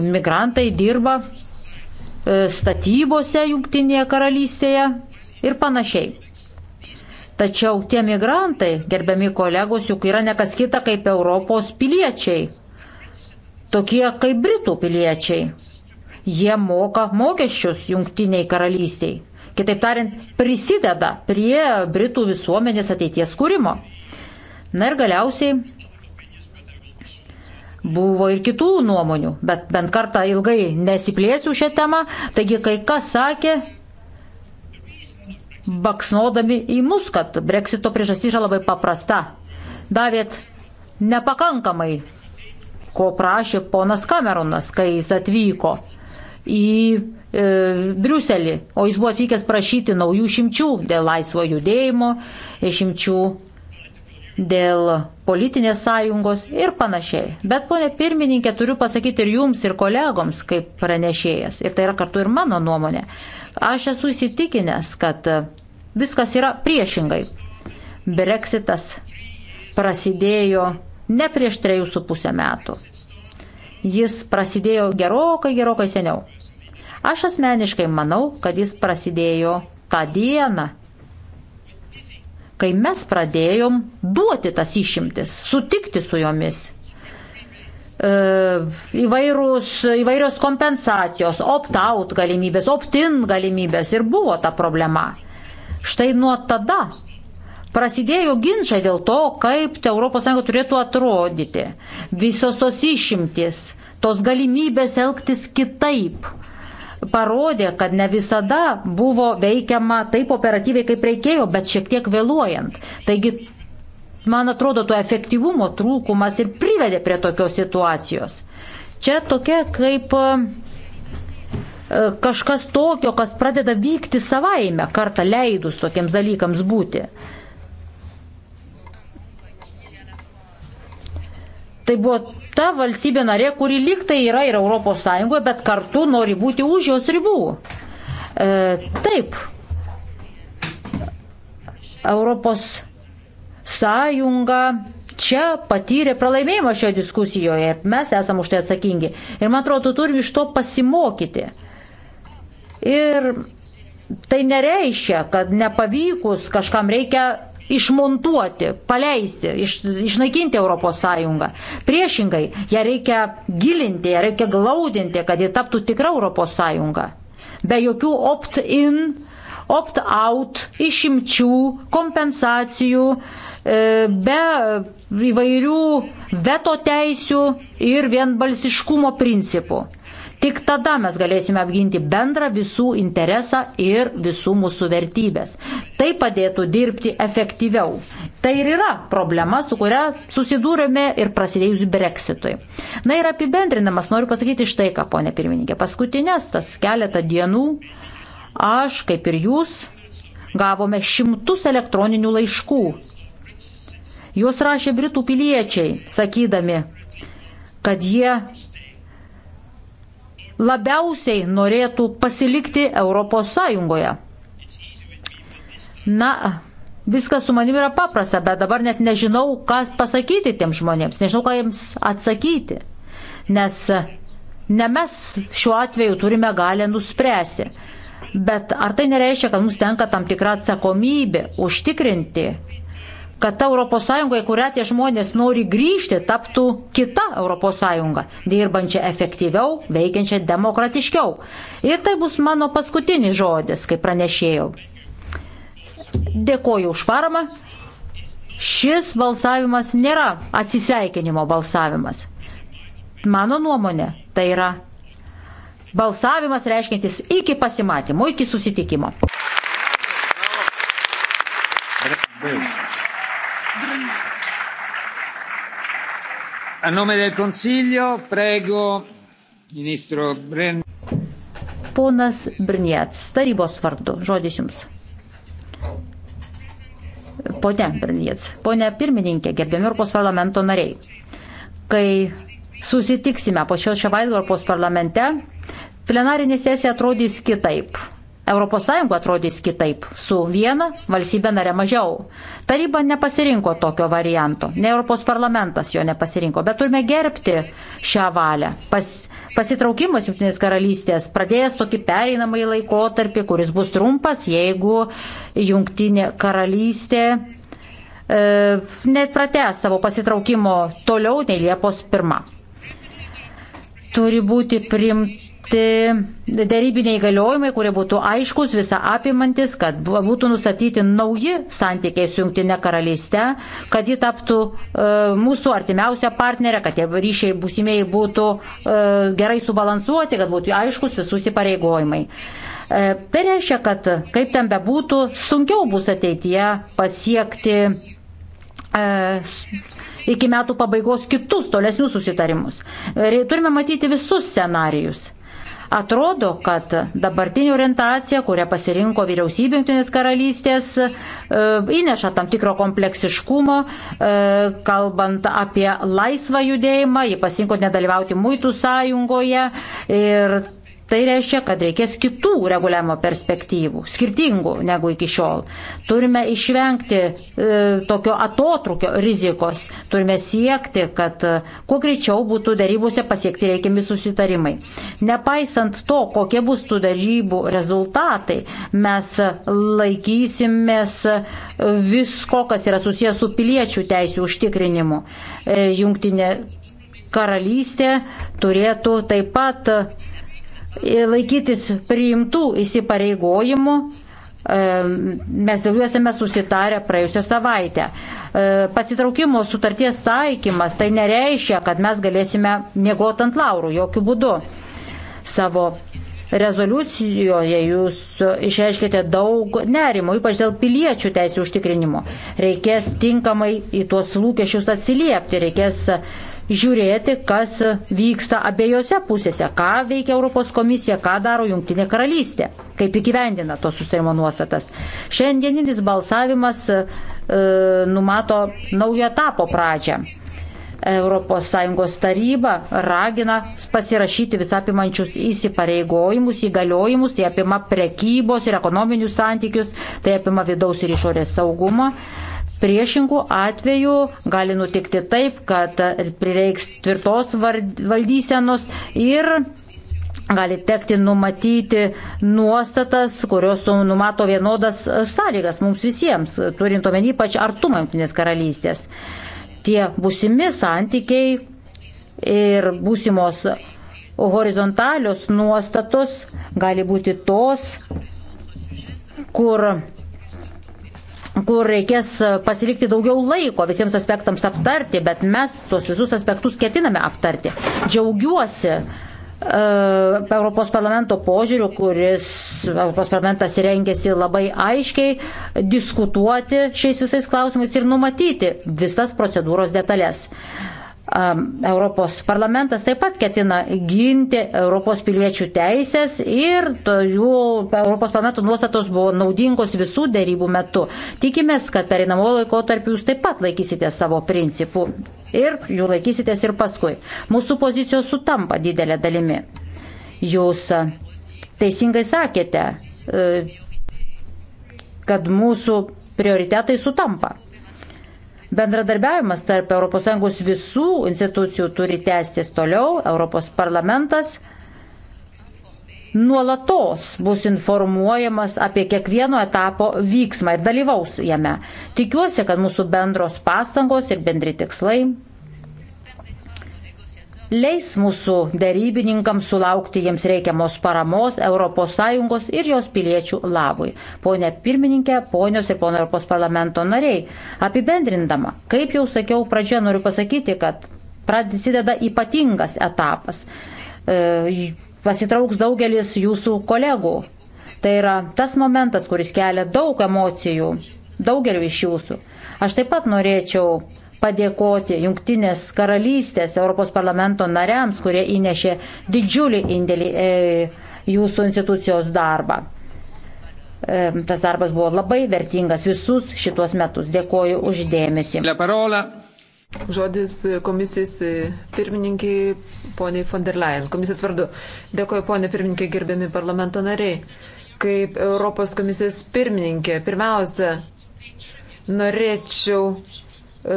migrantai dirba e, statybose Junktinėje karalystėje ir panašiai. Tačiau tie migrantai, gerbiami kolegos, juk yra nekas kita kaip Europos piliečiai, tokie kaip Britų piliečiai. Jie moka mokesčius jungtiniai karalystiai. Kitaip tariant, prisideda prie Britų visuomenės ateities kūrimo. Na ir galiausiai buvo ir kitų nuomonių, bet bent kartą ilgai nesiplėsiu šią temą, taigi kai kas sakė, baksnodami į mus, kad breksito priežastis yra labai paprasta. Davėt nepakankamai, ko prašė ponas Kameronas, kai jis atvyko į e, Briuselį, o jis buvo atvykęs prašyti naujų šimčių dėl laisvo judėjimo, šimčių dėl politinės sąjungos ir panašiai. Bet, ponė pirmininkė, turiu pasakyti ir jums, ir kolegoms, kaip pranešėjas, ir tai yra kartu ir mano nuomonė, Aš esu įsitikinęs, kad e, viskas yra priešingai. Brexitas prasidėjo ne prieš trejus su pusę metų. Jis prasidėjo gerokai, gerokai seniau. Aš asmeniškai manau, kad jis prasidėjo tą dieną, kai mes pradėjom duoti tas išimtis, sutikti su jomis E, įvairūs, įvairios kompensacijos, opt-out galimybės, opt-in galimybės ir buvo ta problema. Štai nuo tada prasidėjo ginčiai dėl to, kaip ES turėtų atrodyti. Visos tos išimtis, tos galimybės elgtis kitaip parodė, kad ne visada buvo veikiama taip operatyviai, kaip reikėjo, bet šiek tiek vėluojant. Taigi man atrodo, to efektyvumo trūkumas ir privedė prie tokios situacijos. Čia tokia kaip e, e, kažkas tokio, kas pradeda vykti savaime, kartą leidus tokiems dalykams būti. Tai buvo ta valstybė narė, kuri liktai yra ir ES, bet kartu nori būti už jos ribų. E, taip. Europos sąjunga čia patyrė pralaimėjimą šioje diskusijoje ir mes esam už tai atsakingi. Ir man atrodo, turime iš to pasimokyti. Ir tai nereiškia, kad nepavykus kažkam reikia išmontuoti, paleisti, iš, išnaikinti ES. Priešingai, ją reikia gilinti, ją reikia glaudinti, kad ji taptų tikra ES. Be jokių opt-in opt-out, išimčių, kompensacijų, e, be įvairių veto teisių ir vienbalsiškumo principų. Tik tada mes galėsime apginti bendrą visų interesą ir visų mūsų vertybės. Tai padėtų dirbti efektyviau. Tai ir yra problema, su kuria susidūrėme ir prasidėjus breksitui. Na ir apibendrinamas noriu pasakyti štai ką, ponė pirmininkė. Paskutinės tas keletą dienų Aš, kaip ir jūs, gavome šimtus elektroninių laiškų. Juos rašė Britų piliečiai, sakydami, kad jie labiausiai norėtų pasilikti Europos Sąjungoje. Na, viskas su manimi yra paprasta, bet dabar net nežinau, ką pasakyti tiem žmonėms, nežinau, ką jiems atsakyti. Nes ne mes šiuo atveju turime galę nuspręsti. Bet ar tai nereiškia, kad mums tenka tam tikra atsakomybė užtikrinti, kad ta ES, į kurią tie žmonės nori grįžti, taptų kita ES, dirbančia efektyviau, veikiančia demokratiškiau. Ir tai bus mano paskutinis žodis, kaip pranešėjau. Dėkoju už paramą. Šis balsavimas nėra atsiseikinimo balsavimas. Mano nuomonė, tai yra balsavimas reiškintis iki pasimatymo, iki susitikimo. A nome del Consiglio prego ministro Bren. Ponas Brniets, tarybos vardu, žodis jums. Pone Brniets, pone pirmininkė, gerbiami Europos parlamento nariai, kai susitiksime po šio šio vaizdo Europos parlamente, plenarinė sesija atrodys kitaip. ES atrodys kitaip, su viena valstybė nare mažiau. Taryba nepasirinko tokio varianto, ne Europos parlamentas jo nepasirinko, bet turime gerbti šią valią. Pas, pasitraukimas Junktinės karalystės pradėjęs tokį pereinamąjį laikotarpį, kuris bus trumpas, jeigu Junktinė karalystė e, net pratęs savo pasitraukimo toliau nei Liepos 1. Turi būti primta numatyti darybiniai galiojimai, kurie būtų aiškus, visą apimantis, kad būtų nustatyti nauji santykiai su Junktinė karalystė, kad ji taptų e, mūsų artimiausia partnerė, kad tie ryšiai būsimieji būtų e, gerai subalansuoti, kad būtų aiškus visus įpareigojimai. E, tai reiškia, kad kaip ten bebūtų, sunkiau bus ateityje pasiekti e, iki metų pabaigos kitus tolesnius susitarimus. E, turime matyti visus scenarius. Atrodo, kad dabartinė orientacija, kurią pasirinko vyriausybė Junktinės karalystės, e, įneša tam tikro kompleksiškumo, e, kalbant apie laisvą judėjimą, jie pasirinko nedalyvauti muitų sąjungoje ir Tai reiškia, kad reikės kitų reguliavimo perspektyvų, skirtingų negu iki šiol. Turime išvengti e, tokio atotrukio rizikos, turime siekti, kad e, kuo greičiau būtų darybose pasiekti reikiami susitarimai. Nepaisant to, kokie bus tų darybų rezultatai, mes laikysimės e, visko, kas yra susijęs su piliečių teisų užtikrinimu. E, jungtinė karalystė turėtų taip pat laikytis priimtų įsipareigojimų. E, mes dėl jų esame susitarę praėjusią savaitę. E, pasitraukimo sutarties taikymas tai nereiškia, kad mes galėsime mėgoti ant laurų, jokių būdų. Savo rezoliucijoje jūs išreiškite daug nerimo, ypač dėl piliečių teisų užtikrinimo. Reikės tinkamai į tuos lūkesčius atsiliepti, reikės uh, žiūrėti, kas vyksta abiejose pusėse, ką veikia Europos komisija, ką daro Junktinė karalystė, kaip įgyvendina tos sustarimo nuostatas. Šiandieninis balsavimas e, numato naujo etapo pradžią. ES taryba ragina pasirašyti visapimančius įsipareigojimus, įgaliojimus, tai apima prekybos ir ekonominius santykius, tai apima vidaus ir išorės saugumą. Priešingų atvejų gali nutikti taip, kad prireiks tvirtos valdysenos ir gali tekti numatyti nuostatas, kurios numato vienodas sąlygas mums visiems, turint omeny ypač artumą Junktinės karalystės. Tie būsimi santykiai ir būsimos horizontalios nuostatos gali būti tos, kur kur reikės e, pasilikti daugiau laiko visiems aspektams aptarti, bet mes tuos visus aspektus ketiname aptarti. Džiaugiuosi uh, Europos parlamento požiūriu, kuris Europos parlamentas rengėsi labai aiškiai diskutuoti šiais visais klausimais ir numatyti visas procedūros detalės. Uh, Europos parlamentas taip pat ketina ginti Europos piliečių teisės ir jų Europos parlamento nuostatos buvo naudingos visų dėrybų metu. Tikimės, kad pereinamo laiko tarp jūs taip pat laikysite savo principų ir jų laikysitės ir paskui. Mūsų pozicijos sutampa didelė dalimi. Jūs teisingai sakėte, e, kad mūsų prioritetai sutampa. Bendradarbiavimas tarp ES visų institucijų turi tęstis toliau. Europos parlamentas nuolatos bus informuojamas apie kiekvieno etapo vyksmą ir dalyvaus jame. Tikiuosi, kad mūsų bendros pastangos ir bendri tikslai leis mūsų darybininkams sulaukti jiems reikiamos paramos ES ir jos piliečių labui. Pone pirmininkė, ponios ir pono Europos parlamento nariai, apibendrindama, kaip jau sakiau pradžioje, noriu pasakyti, kad prasideda ypatingas etapas. E, pasitrauks daugelis jūsų kolegų. Tai yra tas momentas, kuris kelia daug emocijų daugeliu iš jūsų. Aš taip pat norėčiau padėkoti Junktinės karalystės Europos parlamento nariams, kurie įnešė didžiulį indėlį e, jūsų institucijos darbą. E, tas darbas buvo labai vertingas visus šitos metus. Dėkoju uždėmesi. Žodis komisijos pirmininkiai, poniai von der Leyen. Komisijos vardu. Dėkoju, poniai pirmininkiai, gerbiami parlamento nariai. Kaip Europos komisijos pirmininkė, pirmiausia, norėčiau E,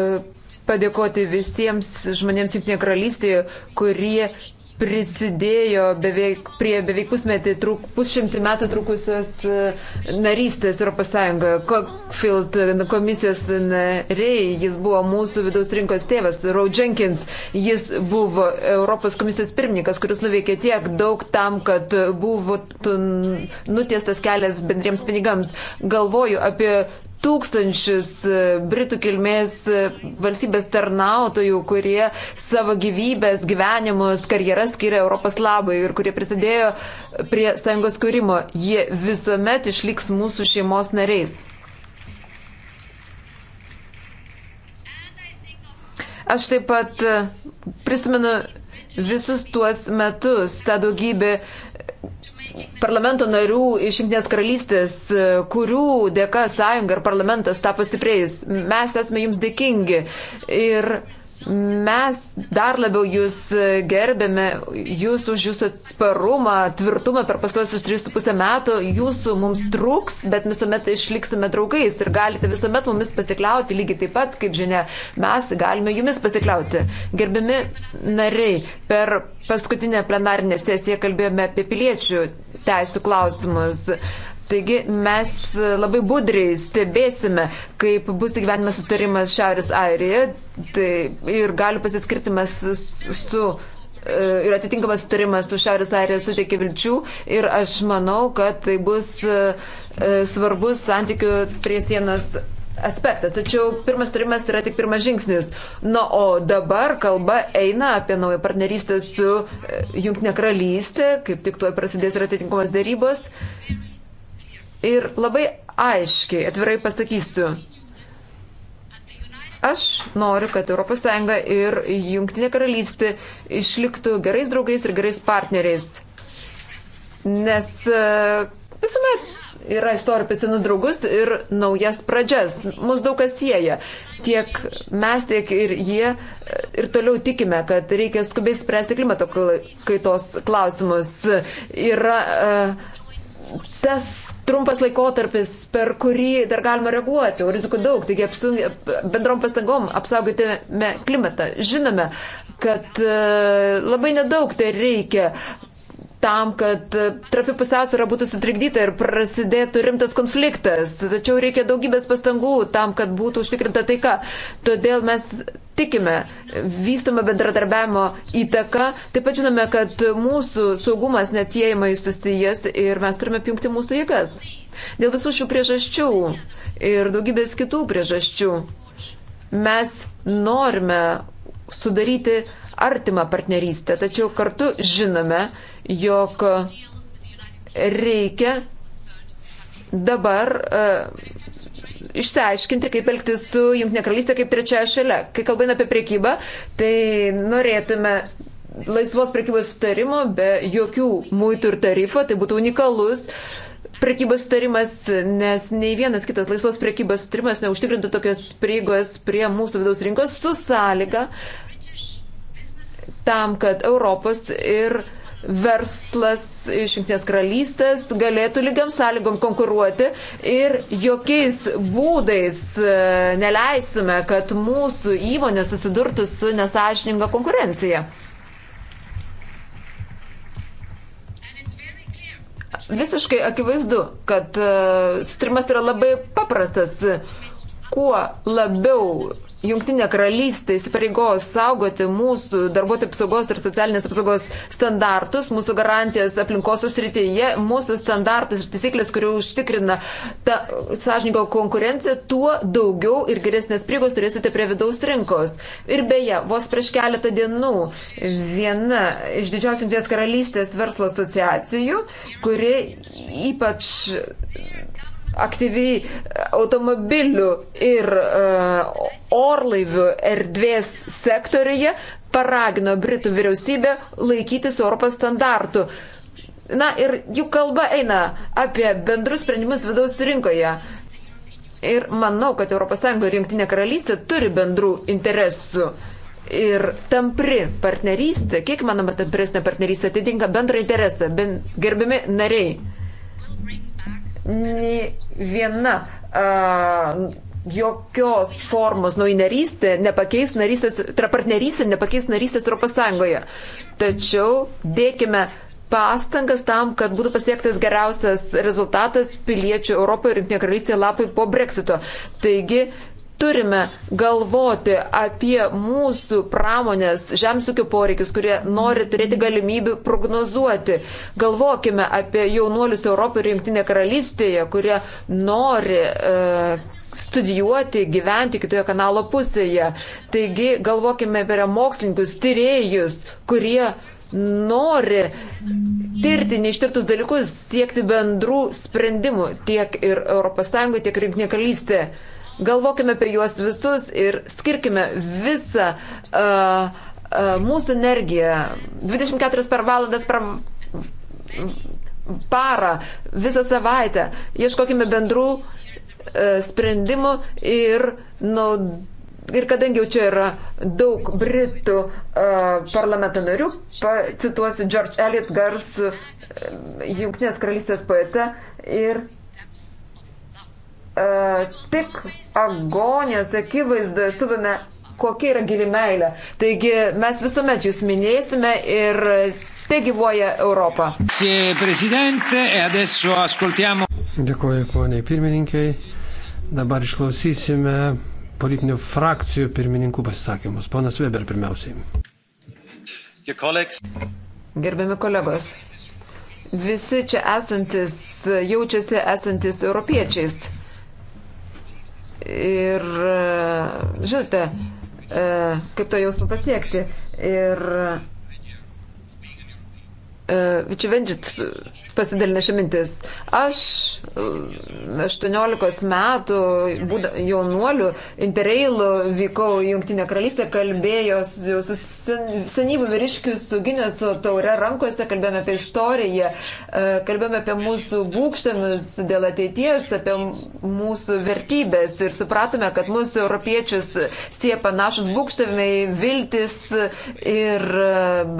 padėkoti visiems žmonėms Junktinėje karalystėje, kurie prisidėjo beveik, prie beveik pusmetį, truk, pusšimtį metų trukusios e, narystės Europos Sąjungoje. Cockfield e, komisijos nariai, jis buvo mūsų vidaus rinkos tėvas, Row Jenkins, jis buvo Europos komisijos pirmininkas, kuris nuveikė tiek daug tam, kad buvo nutiestas kelias bendriems pinigams. Galvoju apie tūkstančius e, Britų kilmės e, valstybės tarnautojų, kurie savo gyvybės, gyvenimus, karjeras skiria Europos labai ir kurie prisidėjo prie sąjungos kūrimo. Jie visuomet išliks mūsų šeimos nariais. Aš taip pat e, prisimenu visus tuos metus, tą daugybę parlamento narių iš Junktinės karalystės, e, kurių dėka sąjunga ir parlamentas tapo stipriais. Mes esame jums dėkingi. Ir Mes dar labiau jūs e, gerbėme, jūs už jūsų atsparumą, tvirtumą per pasuosius 3,5 metų, jūsų mums trūks, bet visuomet išliksime draugais ir galite visuomet mumis pasikliauti, lygiai taip pat, kaip žinia, mes galime jumis pasikliauti. Gerbiami nariai, per paskutinę plenarinę sesiją kalbėjome apie piliečių teisų klausimus. Taigi mes labai budriai stebėsime, kaip bus įgyvenimas sutarimas Šiaurės Airijoje tai, ir gali pasiskirtimas su. E, ir atitinkamas sutarimas su Šiaurės Airija suteikia vilčių ir aš manau, kad tai bus e, e, svarbus santykių prie sienos aspektas. Tačiau pirmas turimas yra tik pirmas žingsnis. Na, o dabar kalba eina apie naują partnerystę su Junktinė karalystė, kaip tik tuo prasidės ir atitinkamos darybos ir labai aiškiai, atvirai pasakysiu. Aš noriu, kad ES ir Junktinė karalystė išliktų gerais draugais ir gerais partneriais. Nes e, visuomet yra istorija apie senus draugus ir naujas pradžias. Mus daug kas sieja. Tiek mes, tiek ir jie e, ir toliau tikime, kad reikia skubiai spręsti klimato kaitos klausimus. Yra uh, tas trumpas laikotarpis, per kurį dar galima reaguoti, o rizikų daug, taigi apsu, bendrom pastangom apsaugotėme klimatą. Žinome, kad e, labai nedaug tai reikia tam, kad e, trapi pusiausvėra būtų sutrikdyta ir prasidėtų rimtas konfliktas. Tačiau reikia daugybės pastangų tam, kad būtų užtikrinta taika. Todėl mes tikime vystoma bendradarbiavimo įtaka. Taip pat žinome, kad mūsų saugumas neatsiejamai susijęs ir mes turime jungti mūsų jėgas. Dėl visų šių priežasčių ir daugybės kitų priežasčių mes norime sudaryti artimą partnerystę, tačiau kartu žinome, jog reikia dabar uh, išsiaiškinti, kaip elgtis su Junktinė karalystė kaip trečiaja šalia. Kai kalbame apie priekybą, tai norėtume laisvos priekybos sutarimo be jokių muitų ir tarifo, tai būtų unikalus prekybos sutarimas, nes nei vienas kitas laisvos prekybos sutarimas neužtikrintų tokios prieigos prie mūsų vidaus rinkos su sąlyga tam, kad Europos ir verslas iš Junktinės karalystės galėtų lygiam sąlygom konkuruoti ir jokiais būdais e, neleisime, kad mūsų įmonė susidurtų su nesažininga konkurencija. Visiškai akivaizdu, kad e, sutrimas yra labai paprastas. Kuo labiau Jungtinė karalystė įsipareigos saugoti mūsų darbuotojų apsaugos ir socialinės apsaugos standartus, mūsų garantijas aplinkos srityje, mūsų standartus ir taisyklės, kurių užtikrina ta sąžininko konkurencija, tuo daugiau ir geresnės prigos turėsite prie vidaus rinkos. Ir beje, vos prieš keletą dienų viena iš didžiausių Jungtinės karalystės verslo asociacijų, kuri ypač aktyviai e, automobilių ir uh, orlaivių erdvės sektoriuje paragino Britų vyriausybę laikytis Europos standartų. Na ir jų kalba eina apie bendrus sprendimus vidaus rinkoje. Ir manau, kad ES ir Junktinė karalystė turi bendrų interesų. Ir tampri partnerystė, kiek manoma, tampresnė partnerystė atitinka bendrą interesą, ben, gerbiami nariai nei viena a, jokios formos naujinarystė nepakeis narystės, tai partnerystė nepakeis narystės Europos Sąjungoje. Tačiau dėkime pastangas tam, kad būtų pasiektas geriausias rezultatas piliečių Europoje ir Junktinė karalystė lapai po breksito. Taigi turime galvoti apie mūsų pramonės žemsūkių poreikius, kurie nori turėti galimybių prognozuoti. Galvokime apie jaunuolius Europoje ir Junktinė karalystėje, kurie nori e, studijuoti, gyventi kitoje kanalo pusėje. Taigi galvokime apie mokslininkus, tyrėjus, kurie nori tirti neištirtus dalykus, siekti bendrų sprendimų tiek ir ES, tiek ir Junktinė karalystė. Galvokime apie juos visus ir skirkime visą uh, uh, mūsų energiją 24 per valandas per parą, visą savaitę. Ieškokime bendrų uh, sprendimų ir naudokime. Ir kadangi jau čia yra daug Britų uh, parlamento narių, cituosiu George Eliot Garsų, uh, Junktinės karalystės poetą ir uh, E, tik agonijos akivaizdoje subime, kokia yra gili meilė. Taigi mes visuomet jūs minėsime ir te gyvoja Europa. E Dėkuoju poniai pirmininkiai. Dabar išklausysime politinių frakcijų pirmininkų pasisakymus. Ponas Weber pirmiausiai. Gerbiami kolegos, visi čia esantis jaučiasi esantis europiečiais. Ir, žinote, e, kaip to jausmo pasiekti. Ir E, Vičivenčits pasidalinę šią mintis. Aš 18 e, metų būda, jaunuoliu interreilu vykau į Junktinę karalystę, kalbėjau su sen, senybu vyriškiu, su Gineso taure rankose, kalbėjome apie istoriją, e, kalbėjome apie mūsų būkštamius dėl ateities, apie mūsų vertybės ir supratome, kad mūsų europiečius sieja panašus būkštamiai, viltis ir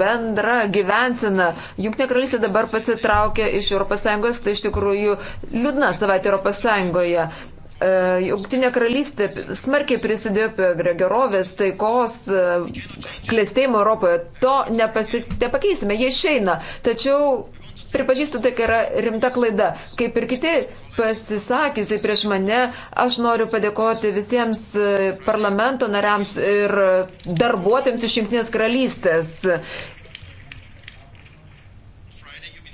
bendra gyvensina Junktinė karalystė dabar pasitraukė iš ES, tai iš tikrųjų liūdna savaitė ES. E, Jungtinė karalystė smarkiai prisidėjo prie gerovės, taikos, e, klėstėjimo Europoje. To nepasi, nepakeisime, jie išeina. Tačiau pripažįstu, tai yra rimta klaida. Kaip ir kiti pasisakysiai prieš mane, aš noriu padėkoti visiems e, parlamento nariams ir darbuotojams iš Junktinės karalystės.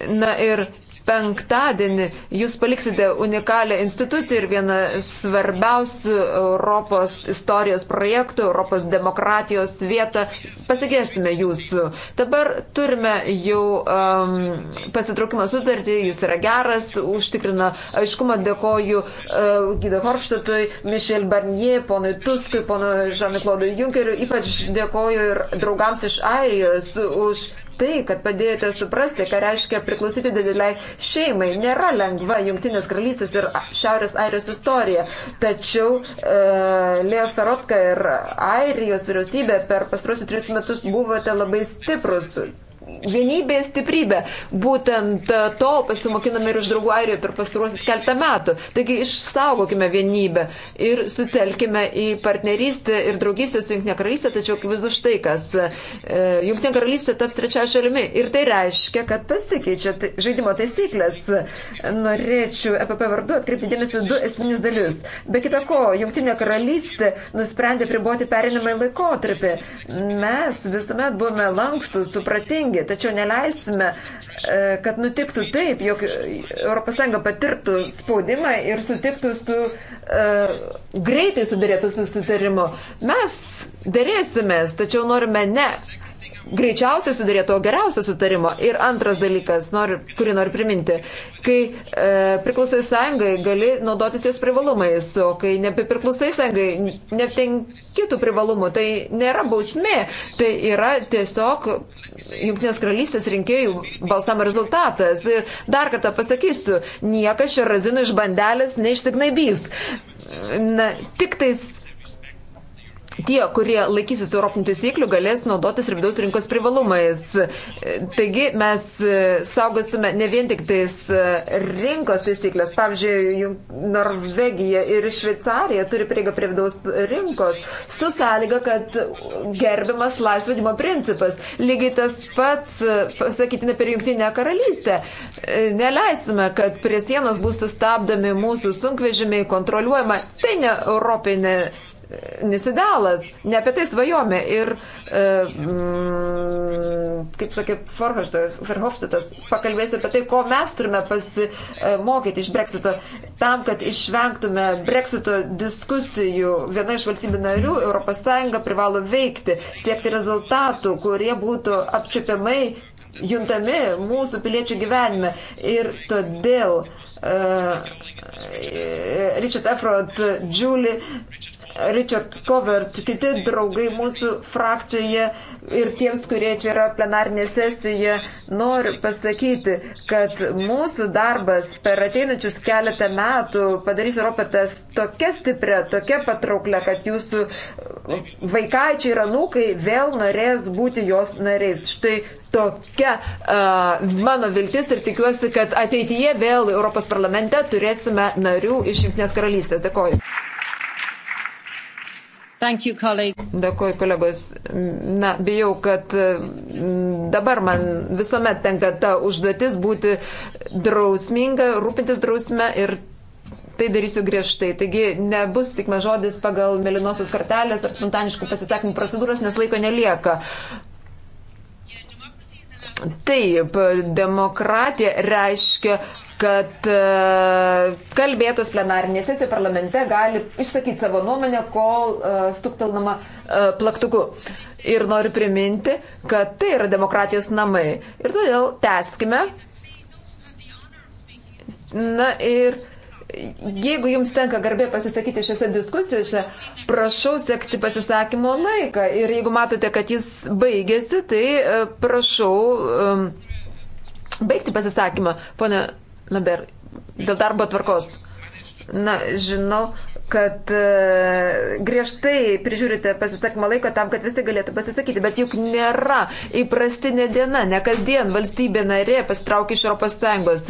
Na ir penktadienį jūs paliksite unikalią instituciją ir vieną svarbiausių Europos istorijos projektų, Europos demokratijos vietą. Pasikėsime jūsų. Dabar turime jau um, pasitraukimo sutartį, jis yra geras, užtikrina aiškumą. Dėkoju uh, Gido Horštatui, Mišel Barnier, ponui Tuskui, ponui Žanui Klaudui Junkeriu. Ypač dėkoju ir draugams iš Airijos už tai, kad padėjote suprasti, ką reiškia priklausyti dideliai šeimai. Nėra lengva Junktinės karalystės ir Šiaurės Airijos istorija, tačiau e, Leo Ferotka ir Airijos vyriausybė per pastaruosius tris metus buvote labai stiprus vienybė stiprybė. Būtent e, to pasimokinome ir iš draugų Airijoje per pastaruosius keltą metų. Taigi išsaugokime vienybę ir sutelkime į partnerystę ir draugystę su Junktinė karalystė, tačiau kaip visų štai kas. E, Junktinė karalystė taps trečia šalimi ir tai reiškia, kad pasikeičia tai žaidimo taisyklės. Norėčiau EPP vardu atkreipti dėmesį du esminius dalius. Be kita ko, Junktinė karalystė nusprendė priboti perinamąjį laikotarpį. Mes visuomet buvome lankstus, supratingi pasirengę, tačiau neleisime, e, kad nutiktų taip, jog ES patirtų spaudimą ir sutiktų su uh, greitai sudarėtų susitarimu. Mes dėrėsimės, tačiau norime ne greičiausiai sudarėto geriausio sutarimo. Ir antras dalykas, nor, kurį noriu priminti, kai e, priklausai sąjungai, gali naudotis jos privalumais, o kai nebepriklausai sąjungai, netenkitų privalumų, tai nėra bausmė, tai yra tiesiog Junktinės karalystės rinkėjų balsam rezultatas. Ir dar kartą pasakysiu, niekas čia razinų iš bandelės neišsignaibys. Na, tik tais tie, kurie laikysis Europinių taisyklių, galės naudotis ir vidaus rinkos privalumais. Taigi mes e, saugosime ne vien tik tais e, rinkos taisyklės. Pavyzdžiui, Norvegija ir Šveicarija turi prieigą prie vidaus rinkos su sąlyga, kad gerbiamas laisvadimo principas. Lygiai tas pats, e, sakytina, per Junktinę karalystę. Neleisime, kad prie sienos bus sustabdomi mūsų sunkvežimiai, kontroliuojama. Tai ne Europinė nisidalas, ne apie tai svajome. Ir, e, mm, kaip sakė Ferhofštatas, pakalbėsiu apie tai, ko mes turime pasimokyti iš breksito, tam, kad išvengtume breksito diskusijų. Viena iš valstybių narių ES privalo veikti, siekti rezultatų, kurie būtų apčiapiamai juntami mūsų piliečių gyvenime. Ir todėl uh, e, Richard Efrod, Julie, Richard Covert, kiti draugai mūsų frakcijoje ir tiems, kurie čia yra plenarinė sesijoje, noriu pasakyti, kad mūsų darbas per ateinančius keletą metų padarys Europą tas tokia stipria, tokia patrauklė, kad jūsų vaikaičiai ir anūkai vėl norės būti jos nariais. Štai tokia uh, mano viltis ir tikiuosi, kad ateityje vėl Europos parlamente turėsime narių iš Junktinės karalystės. Dėkoju. You, Dėkuoju, kolegos. Na, bijau, kad dabar man visuomet tenka ta užduotis būti drausminga, rūpintis drausme ir tai darysiu griežtai. Taigi nebus tik mažodis pagal melinosios kartelės ar spontaniškų pasisakymų procedūros, nes laiko nelieka. Taip, demokratija reiškia kad e, kalbėtos plenarinė sesija parlamente gali išsakyti savo nuomonę, kol e, stuktelnama e, plaktuku. Ir noriu priminti, kad tai yra demokratijos namai. Ir todėl tęskime. Na ir jeigu jums tenka garbė pasisakyti šiose diskusijose, prašau sekti pasisakymo laiką. Ir jeigu matote, kad jis baigėsi, tai prašau um, baigti pasisakymą. Pone Lambert, dėl darbo tvarkos. Na, žinau, kad e, griežtai prižiūrite pasisakymą laiko tam, kad visi galėtų pasisakyti, bet juk nėra įprastinė diena, ne kasdien valstybė narė pasitraukia iš Europos Sąjungos.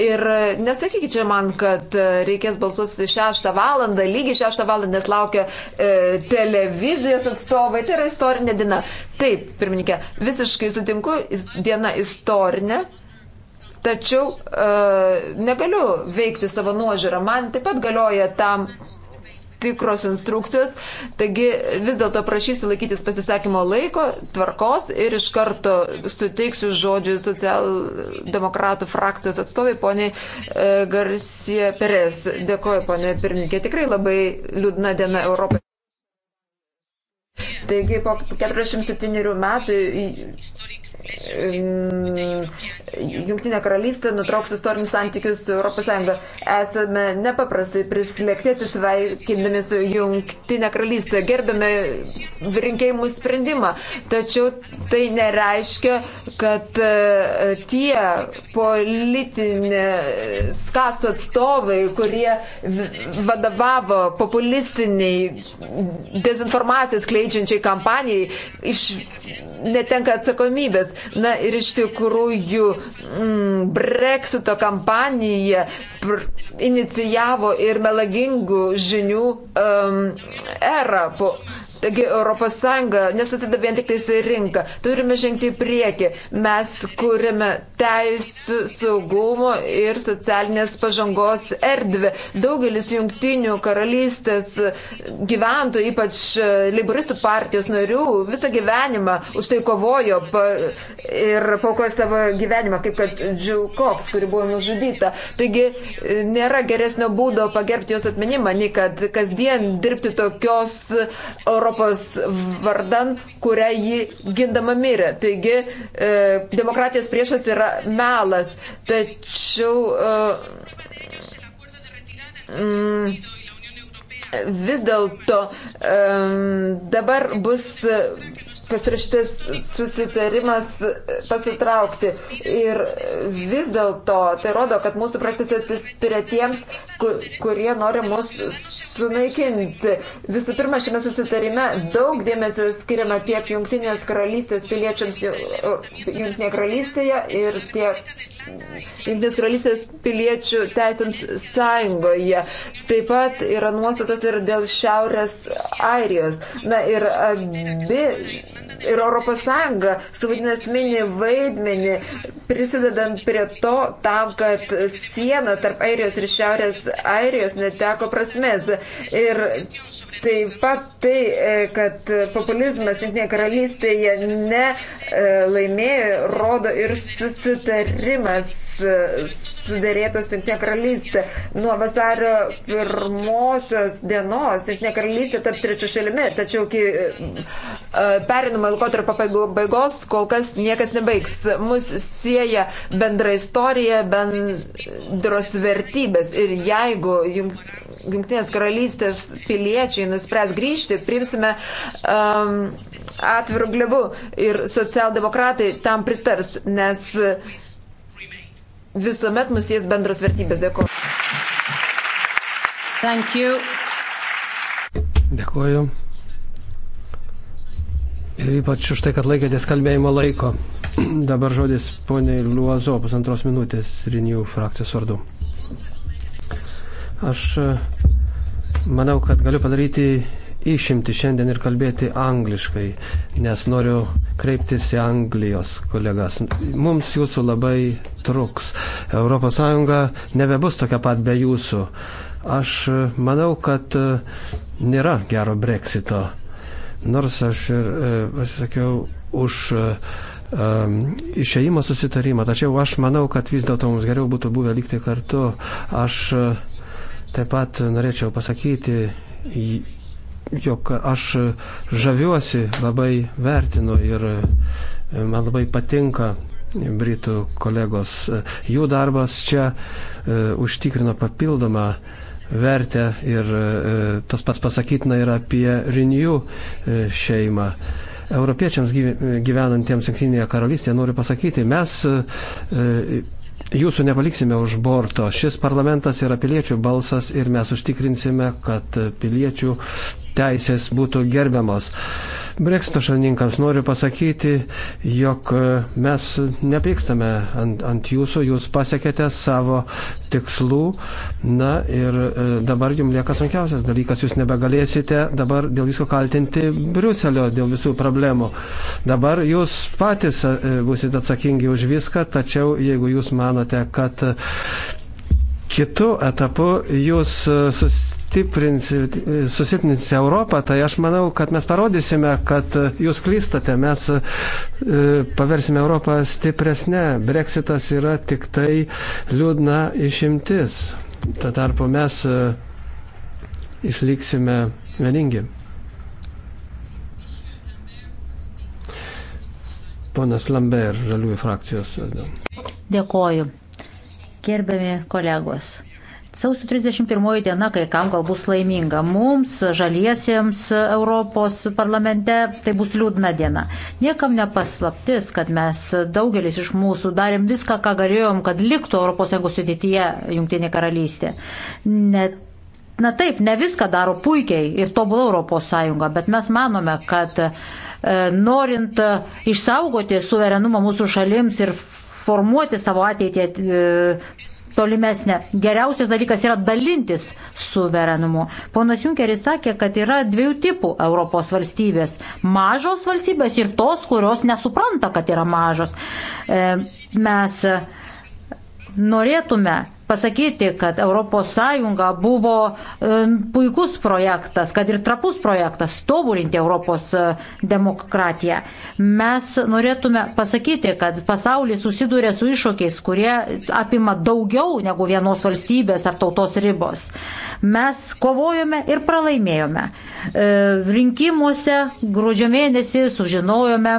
Ir e, nesakykit čia man, kad e, reikės balsuoti 6 valandą, lygiai 6 valandą, nes laukia e, televizijos atstovai, tai yra istorinė diena. Taip, pirmininkė, visiškai sutinku, diena istorinė. Tačiau e, negaliu veikti savo nuožiūrą. Man taip pat galioja tam tikros instrukcijos. Taigi vis dėlto prašysiu laikytis pasisakymo laiko, tvarkos ir iš karto suteiksiu žodžių socialdemokratų frakcijos atstovai, poniai e, Garcia Perez. Dėkoju, ponė pirmininkė. Tikrai labai liūdna diena Europai. Taigi po 47 metų Junktinė karalystė nutrauks istorinius santykius su ES. Esame nepaprastai prislėgti atsisveikindami su Junktinė karalystė. Gerbėme rinkėjimų sprendimą. Tačiau tai nereiškia, kad e, tie politinės kasto atstovai, kurie vadovavo populistiniai dezinformacijos kleidžiančiai kampanijai, iš, netenka atsakomybės procesas. Na ir iš tikrųjų mm, Brexito kampanija pr inicijavo ir melagingų žinių um, erą po Taigi ES nesusideda vien tik tais rinka. Turime žengti į priekį. Mes kūrėme teisų, saugumo ir socialinės pažangos erdvę. Daugelis jungtinių karalystės gyventojų, ypač liberistų partijos narių, visą gyvenimą už tai kovojo ir paukojo savo gyvenimą, kaip kad Džiu Koks, kuri buvo nužudyta. Taigi e, nėra geresnio būdo pagerbti jos atminimą, nei kad kasdien dirbti tokios Europos Europos vardan, kurią ji gindama mirė. Taigi e, demokratijos priešas yra melas. Tačiau. E, mm, vis dėlto um, dabar bus pasirašytas susitarimas e, pasitraukti. Ir vis dėlto tai rodo, kad mūsų praktis atsispiria tiems, kurie nori mus sunaikinti. Visų pirma, šiame susitarime daug dėmesio skiriama tiek Junktinės karalystės piliečiams Junktinėje karalystėje ir tiek Junktinės karalystės piliečių teisėms sąjungoje. Taip pat yra nuostatas ir dėl Šiaurės Airijos. Na ir abi, ir Europos Sąjunga suvaidina asmenį vaidmenį, prisidedant prie to tam, kad siena tarp Airijos ir Šiaurės Airijos neteko prasmės. Ir Taip pat tai, e, kad populizmas Junktinėje karalystėje nelaimėjo, rodo ir susitarimas sudarėtos Junktinė karalystė. Nuo vasario pirmosios dienos Junktinė karalystė taps trečia šalimi, tačiau iki e, perinamo laikotarpio pabaigos kol kas niekas nebaigs. Mus sieja bendra istorija, bendros vertybės ir jeigu Junktinės karalystės piliečiai nuspręs grįžti, priimsime um, atvirų glebų ir socialdemokratai tam pritars, nes uh, visuomet musės bendros vertybės. Dėkuoju. Dėkuoju. Ir ypač už tai, kad laikėtės kalbėjimo laiko. Dabar žodis poniai Luozo, pusantros minutės Rinijų frakcijos vardu. Aš e, manau, kad galiu padaryti išimti šiandien ir kalbėti angliškai, nes noriu kreiptis į Anglijos kolegas. Mums jūsų labai truks. ES nebebus tokia pat be jūsų. Aš manau, kad e, nėra gero breksito. Nors aš ir e, pasisakiau už e, išėjimo susitarimą, tačiau aš manau, kad vis dėlto mums geriau būtų buvę likti kartu. Aš taip pat norėčiau pasakyti jog aš žaviuosi, labai vertinu ir e, man labai patinka Britų kolegos. Jų darbas čia e, užtikrina papildomą vertę ir e, tas pats pasakytina yra apie Renew šeimą. Europiečiams gyvenantiems Junktinėje karalystėje noriu pasakyti, mes Jūsų nepaliksime už borto. Šis parlamentas yra piliečių balsas ir mes užtikrinsime, kad piliečių teisės būtų gerbiamos. Breksito šalininkams noriu pasakyti, jog e, mes nepykstame ant, ant jūsų, jūs pasiekėte savo tikslų. Na ir e, dabar jums lieka sunkiausias dalykas, jūs nebegalėsite dabar dėl visko kaltinti Briuselio, dėl visų problemų. Dabar jūs patys e, būsite atsakingi už viską, tačiau jeigu jūs manote, kad kitų etapų jūs susitikite, stiprinsi, susilpninsi Europą, tai aš manau, kad mes parodysime, kad jūs klystate, mes e, paversime Europą stipresnę. Brexitas yra tik tai liūdna išimtis. Tuo tarpu mes e, išliksime vieningi. Ponas Lambert, žaliųjų frakcijos. Dėkoju. Gerbiami kolegos, Sausio 31 diena kai kam gal bus laiminga. Mums, žaliesiems Europos parlamente, tai bus liūdna diena. Niekam nepaslaptis, kad mes daugelis iš mūsų darėm viską, ką galėjom, kad liktų ES sudėtyje Junktinė karalystė. Net Na taip, ne viską daro puikiai ir tobulą Europos Sąjungą, bet mes manome, kad e, norint išsaugoti suverenumą mūsų šalims ir formuoti savo ateitį, e, tolimesnė. Geriausias dalykas yra dalintis suverenumu. Ponas Junkeris sakė, kad yra dviejų tipų Europos valstybės. Mažos valstybės ir tos, kurios nesupranta, kad yra mažos. E, mes norėtume pasakyti, kad ES buvo e, puikus projektas, kad ir trapus projektas tobulinti Europos e, demokratiją. Mes norėtume pasakyti, kad pasaulis susiduria su iššūkiais, kurie apima daugiau negu vienos valstybės ar tautos ribos. Mes kovojome ir pralaimėjome. E, rinkimuose gruodžio mėnesį sužinojome,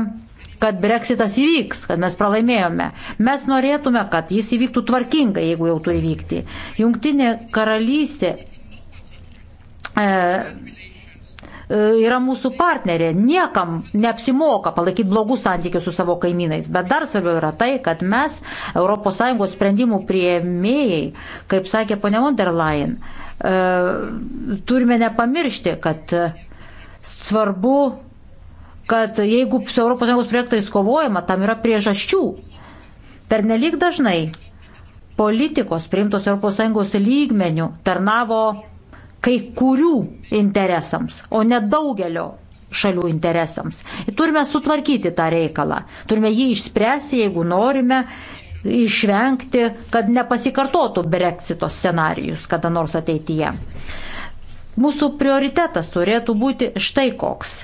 kad breksitas įvyks, kad mes pralaimėjome. Mes norėtume, kad jis įvyktų tvarkingai, jeigu jau turi vykti. Jungtinė karalystė e, e yra mūsų partnerė. Niekam neapsimoka palaikyti blogus santykius su savo kaimynais. Bet dar svarbiau yra tai, kad mes, ES sprendimų prieimėjai, kaip sakė ponia von der Leyen, e, turime nepamiršti, kad svarbu kad jeigu su ES projektais kovojama, tam yra priežasčių. Per nelik dažnai politikos priimtos ES lygmenių tarnavo kai kurių interesams, o ne daugelio šalių interesams. Turime sutvarkyti tą reikalą, turime jį išspręsti, jeigu norime išvengti, kad nepasikartotų Brexito scenarijus kada nors ateityje. Mūsų prioritetas turėtų būti štai koks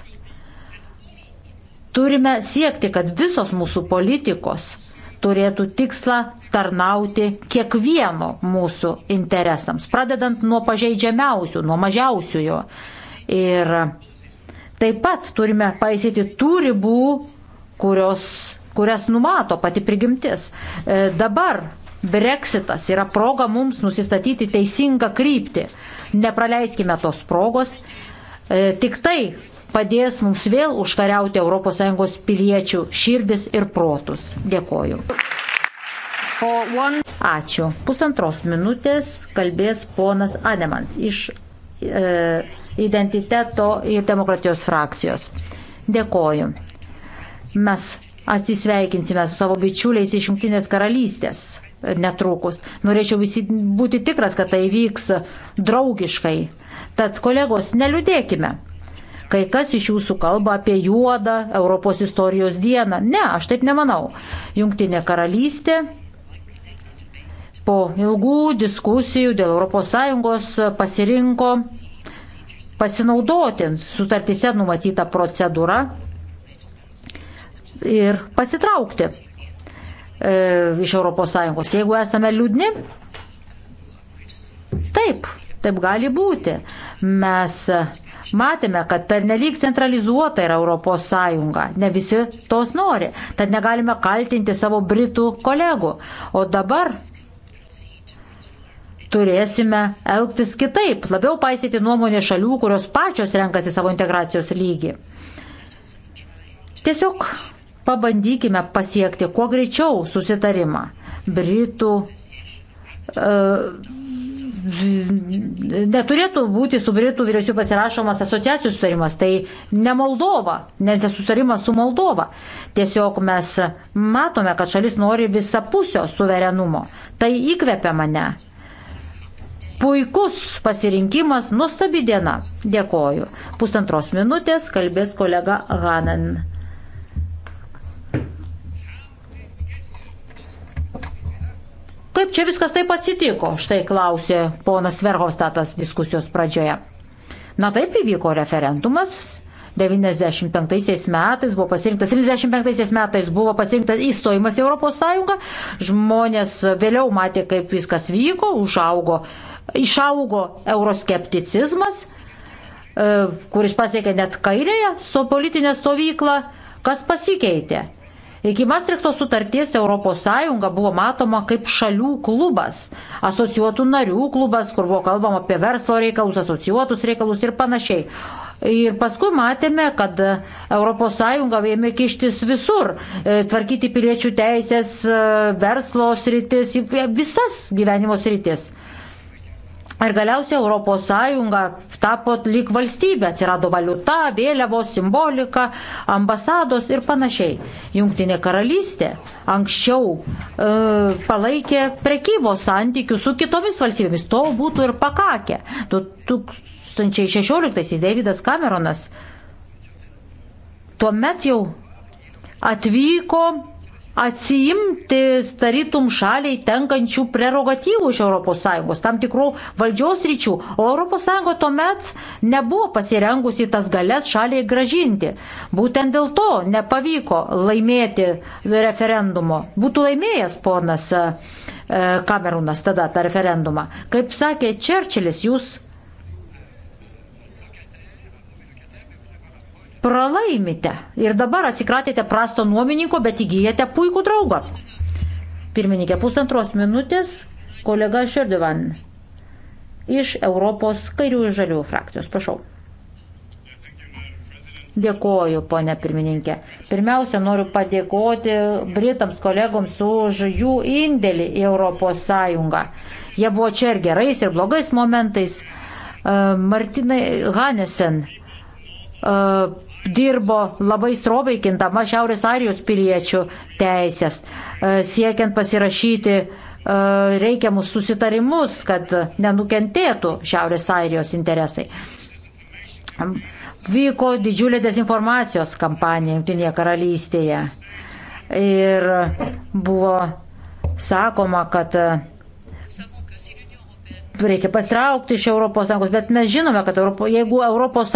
Turime siekti, kad visos mūsų politikos turėtų tikslą tarnauti kiekvieno mūsų interesams, pradedant nuo pažeidžiamiausių, nuo mažiausiojo. Ir taip pat turime paisyti tų ribų, kurios, kurias numato pati prigimtis. E, dabar Brexitas yra proga mums nusistatyti teisingą kryptį. Nepraleiskime tos progos. E, tik tai padės mums vėl užkariauti ES piliečių širdis ir protus. Dėkoju. Ačiū. Pusantros minutės kalbės ponas Ademans iš e, identiteto ir demokratijos frakcijos. Dėkoju. Mes atsisveikinsime su savo bičiuliais iš Junktinės karalystės netrukus. Norėčiau visi būti tikras, kad tai vyks draugiškai. Tad kolegos, neliūdėkime. Kai kas iš jūsų kalba apie juodą Europos istorijos dieną. Ne, aš taip nemanau. Jungtinė karalystė po ilgų diskusijų dėl ES pasirinko pasinaudoti sutartise numatytą procedūrą ir pasitraukti e, iš ES. Jeigu esame liūdni, taip, taip gali būti. Mes Matėme, kad pernelyg centralizuota yra Europos Sąjunga, ne visi tos nori, tad negalime kaltinti savo britų kolegų. O dabar turėsime elgtis kitaip, labiau paisyti nuomonę šalių, kurios pačios renkasi savo integracijos lygį. Tiesiog pabandykime pasiekti kuo greičiau susitarimą. Britų uh, neturėtų būti su Britų vyriausybė pasirašomas asociacijų sutarimas. Tai ne Moldova, net sutarimas su Moldova. Tiesiog mes matome, kad šalis nori visapusio suverenumo. Tai įkvepia mane. Puikus pasirinkimas, nuostabi diena. Dėkoju. Pusantros minutės kalbės kolega Hanan. Kaip čia viskas taip atsitiko, štai klausė ponas Verhofstatas diskusijos pradžioje. Na taip įvyko referendumas. 95 metais buvo pasirinktas, 75 metais buvo pasirinktas įstojimas į Europos Sąjungą. Žmonės vėliau matė, kaip viskas vyko, užaugo, išaugo euroskepticizmas, e, kuris pasiekė net kairėje su politinė stovykla. Kas pasikeitė? Iki Mastrichto sutarties ES buvo matoma kaip šalių klubas, asociuotų narių klubas, kur buvo kalbama apie verslo reikalus, asociuotus reikalus ir panašiai. Ir paskui matėme, kad ES ėmė kištis visur, e, tvarkyti piliečių teisės, e, verslo sritis, visas gyvenimo sritis. Ir galiausiai ES tapo lyg valstybė, atsirado valiuta, vėliavos, simbolika, ambasados ir panašiai. Junktinė karalystė anksčiau e, palaikė prekybos santykių su kitomis valstybėmis, to būtų ir pakakę. 2016-aisiais Davidas Cameronas tuomet jau atvyko atsiimti tarytum šaliai tenkančių prerogatyvų iš ES, tam tikrų valdžios ryčių, o ES tuomet nebuvo pasirengusi tas galės šaliai gražinti. Būtent dėl to nepavyko laimėti referendumo. Būtų laimėjęs ponas e, Kamerūnas tada tą referendumą. Kaip sakė Čerčilis, jūs pralaimite. Ir dabar atsikratėte prasto nuomininko, bet įgyjate puikų draugą. Pirmininkė, pusantros minutės kolega Šerdivan iš Europos kairiųjų žaliųjų frakcijos. Prašau. Dėkoju, ponė pirmininkė. Pirmiausia, noriu padėkoti Britams kolegoms už jų indėlį į Europos Sąjungą. Jie buvo čia ir gerais, ir blogais momentais. E, Martinai Hanesen e, dirbo labai strobiai kintama Šiaurės Arijos piliečių teisės, e, siekiant pasirašyti e, reikiamus susitarimus, kad nenukentėtų Šiaurės Airijos interesai. Vyko didžiulė dezinformacijos kampanija Junktinėje karalystėje ir buvo sakoma, kad reikia pasitraukti iš ES, bet mes žinome, kad Europo, jeigu ES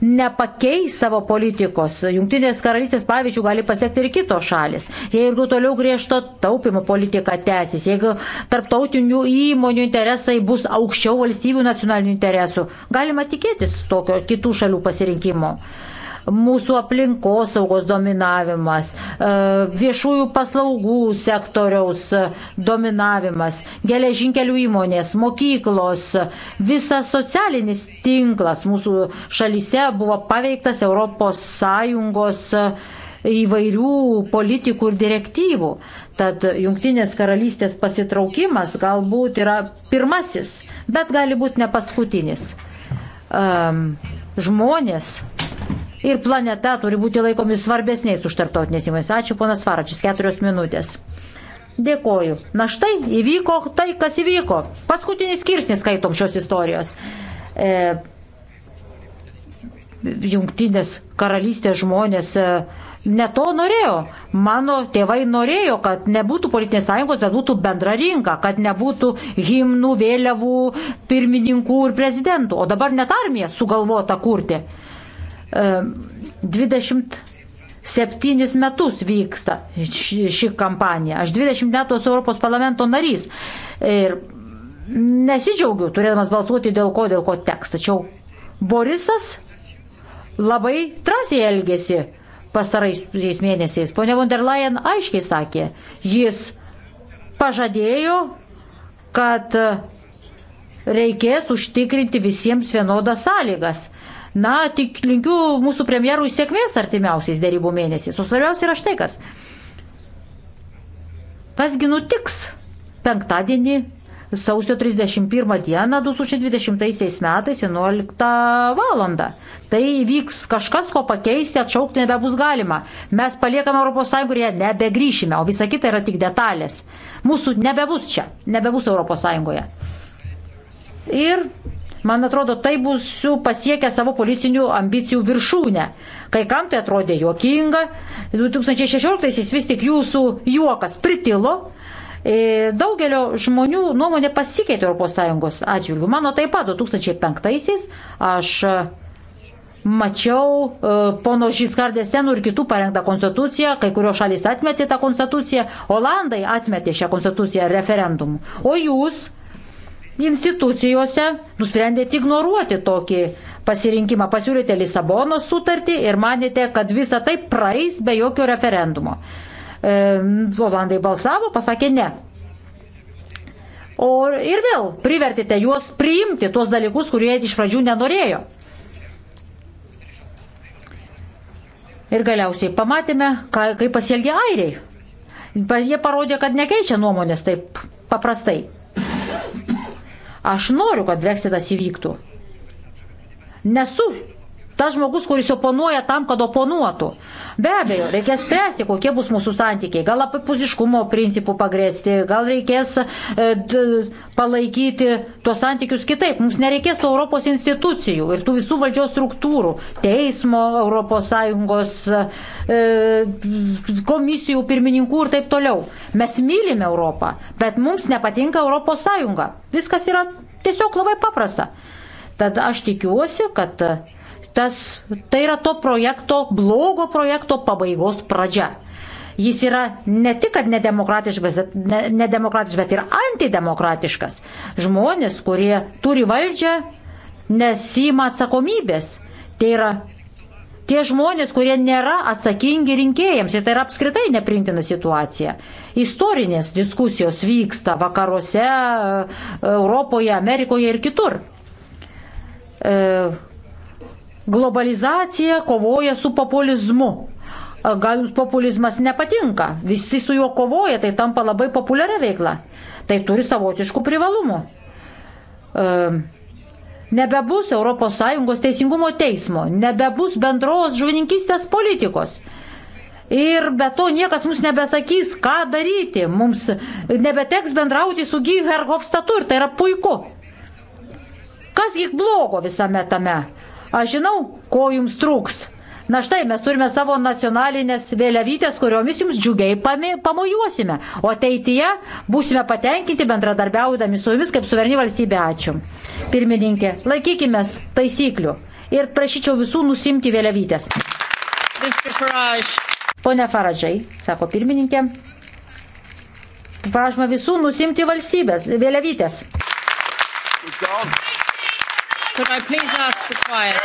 nepakeis savo politikos, Junktinės karalystės pavyzdžių gali pasiekti ir kitos šalis. Jeigu toliau griežto taupimo politika tęsis, jeigu tarptautinių įmonių interesai bus aukščiau valstybių nacionalinių interesų, galima tikėtis tokio kitų šalių pasirinkimo mūsų aplinkosaugos dominavimas, e, viešųjų paslaugų sektoriaus dominavimas, geležinkelių įmonės, mokyklos, visas socialinis tinklas mūsų šalyse buvo paveiktas ES įvairių politikų ir direktyvų. Tad Junktinės karalystės pasitraukimas galbūt yra pirmasis, bet gali būti ne paskutinis. Um, žmonės ir planeta turi būti laikomi svarbesniais už tarptautinės įmonės. Ačiū, ponas Faračis, keturios minutės. Dėkoju. Na štai įvyko tai, kas įvyko. Paskutinis skirsnis skaitom šios istorijos. E, jungtinės karalystės žmonės e, ne to norėjo. Mano tėvai norėjo, kad nebūtų politinės sąjungos, bet būtų bendra rinka, kad nebūtų himnų, vėliavų, pirmininkų ir prezidentų. O dabar net armija sugalvota kurti. 27 metus vyksta ši, ši kampanija. Aš 20 metų esu Europos parlamento narys ir nesidžiaugiu turėdamas balsuoti dėl ko, dėl ko teks. Tačiau Borisas labai drąsiai elgėsi pastaraisiais mėnesiais. Pone von der Leyen aiškiai sakė, jis pažadėjo, kad reikės užtikrinti visiems vienodas sąlygas. Na, tik linkiu mūsų premjerui sėkmės artimiausiais dėrybų mėnesiais. O svarbiausia yra štai kas. Kasgi nutiks penktadienį sausio 31 dieną 2020 metais 11 valandą. Tai vyks kažkas, ko pakeisti, atšaukti nebebus galima. Mes paliekame ES ir jie nebegrįšime, o visa kita yra tik detalės. Mūsų nebebus čia, nebebus ES. Ir Man atrodo, tai bus pasiekę savo policinių ambicijų viršūnę. Kai kam tai atrodė juokinga, 2016-aisiais vis tik jūsų juokas pritilo. E, daugelio žmonių nuomonė pasikeitė ES atžvilgių. Mano taip pat 2005-aisiais aš e, mačiau e, pono Žiskardės senų ir kitų parengtą konstituciją, kai kurios šalys atmetė tą konstituciją, Olandai atmetė šią konstituciją referendumu. O jūs institucijose nusprendėte ignoruoti tokį pasirinkimą. Pasiūlėte Lisabonos sutartį ir manėte, kad visa tai praeis be jokio referendumo. E, Olandai balsavo, pasakė ne. O ir vėl privertėte juos priimti tuos dalykus, kurie iš pradžių nenorėjo. Ir galiausiai pamatėme, ką, kaip pasielgė airiai. Jie parodė, kad nekeičia nuomonės taip paprastai. Aš noriu, kad breksitas įvyktų. Nesu tas žmogus, kuris oponuoja tam, kad oponuotų. Be abejo, reikės spręsti, kokie bus mūsų santykiai. Gal apie pusiškumo principų pagrėsti, gal reikės e, d, palaikyti tuos santykius kitaip. Mums nereikės to Europos institucijų ir tų visų valdžios struktūrų, teismo, ES e, komisijų pirmininkų ir taip toliau. Mes mylime Europą, bet mums nepatinka ES. Viskas yra tiesiog labai paprasta. Tad aš tikiuosi, kad Tas, tai yra to projekto, blogo projekto pabaigos pradžia. Jis yra ne tik, kad nedemokratiškas, ne, nedemokratiškas bet ir antidemokratiškas. Žmonės, kurie turi valdžią, nesima atsakomybės. Tai yra tie žmonės, kurie nėra atsakingi rinkėjams. Ir tai yra apskritai neprintina situacija. Istorinės diskusijos vyksta vakaruose, Europoje, Amerikoje ir kitur. E, Globalizacija kovoja su populizmu. Gal jums populizmas nepatinka, visi su juo kovoja, tai tampa labai populiaria veikla. Tai turi savotiškų privalumų. Nebebus ES teisingumo teismo, nebebus bendros žuvininkystės politikos. Ir be to niekas mums nebesakys, ką daryti. Mums nebeteks bendrauti su Gyverhofstatu ir tai yra puiku. Kasgi blogo visame tame? Aš žinau, ko jums trūks. Na štai, mes turime savo nacionalinės vėliavytės, kuriomis jums džiugiai pamojuosime, o ateityje būsime patenkinti bendradarbiaudami su jumis kaip suverni valstybė. Ačiū. Pirmininkė, laikykime taisyklių ir prašyčiau visų nusimti vėliavytės. Pone Faradžai, sako pirmininkė, prašome visų nusimti valstybės vėliavytės. Good job. Could I please ask for quiet?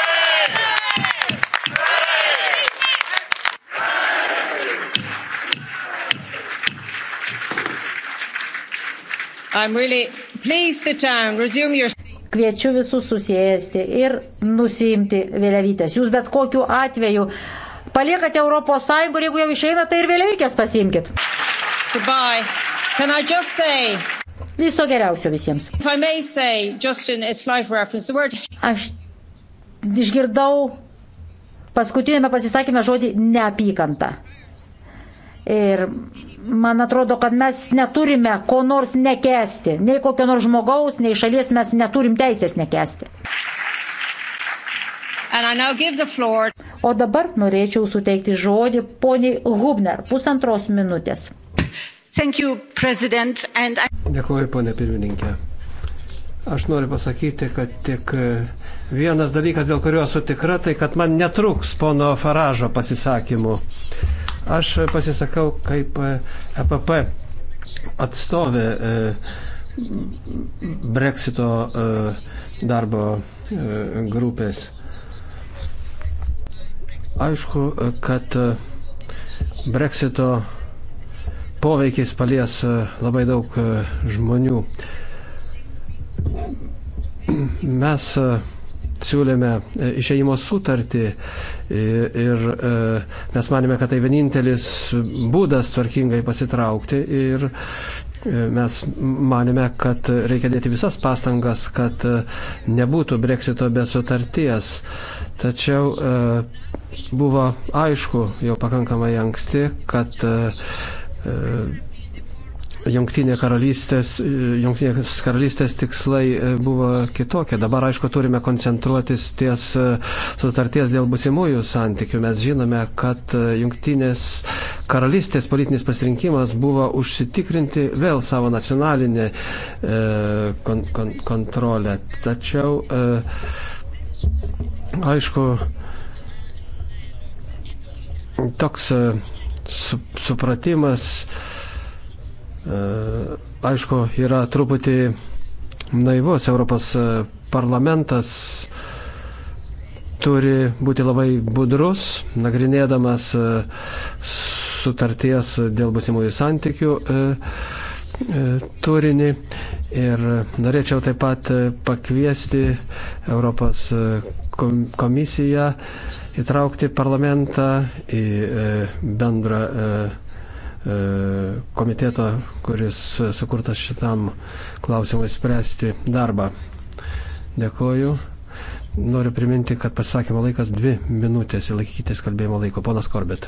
I'm really please sit down, resume your Kviečiu visus susijęsti ir nusimti vėliavytės. Jūs bet kokiu atveju paliekate Europos Sąjungą ir jeigu jau išeina, tai ir vėliavytės pasimkite. Goodbye. Can I just say, Viso geriausio visiems. Say, Justin, Aš išgirdau paskutinėme pasisakymė žodį neapykanta. Ir man atrodo, kad mes neturime ko nors nekesti. Nei kokio nors žmogaus, nei šalies mes neturim teisės nekesti. O dabar norėčiau suteikti žodį poniai Hubner pusantros minutės. You, and... Dėkuoju, ponė pirmininkė. Aš noriu pasakyti, kad tik e, vienas dalykas, dėl kurio esu tikra, tai kad man netruks pono Faražo pasisakymų. Aš pasisakau kaip EPP e atstovė e, Brexito darbo grupės. Aišku, kad Brexito poveikis palies e, labai daug e, žmonių. Mes e, siūlėme išeimo sutartį ir mes manėme, kad tai vienintelis būdas tvarkingai pasitraukti ir mes manėme, kad reikia dėti visas pastangas, kad nebūtų breksito be sutarties. Tačiau buvo aišku jau pakankamai anksti, kad E, jungtinė karalystės, e, Jungtinės karalystės tikslai e, buvo kitokie. Dabar, aišku, turime koncentruotis ties sutarties dėl busimųjų santykių. Mes žinome, kad Jungtinės karalystės politinis pasirinkimas buvo užsitikrinti vėl savo nacionalinę kon kon kontrolę. Tačiau, aišku, toks su, supratimas, e, aišku, yra truputį naivus. Europos e, parlamentas turi būti labai budrus, nagrinėdamas e, sutarties dėl busimųjų santykių turinį Ir norėčiau taip pat pakviesti Europos komisiją įtraukti parlamentą į e, bendrą e, e, komiteto, kuris sukurtas šitam klausimui spręsti darbą. Dėkoju. Noriu priminti, kad pasakymo laikas dvi minutės, laikykitės kalbėjimo laiko. Ponas Korbet.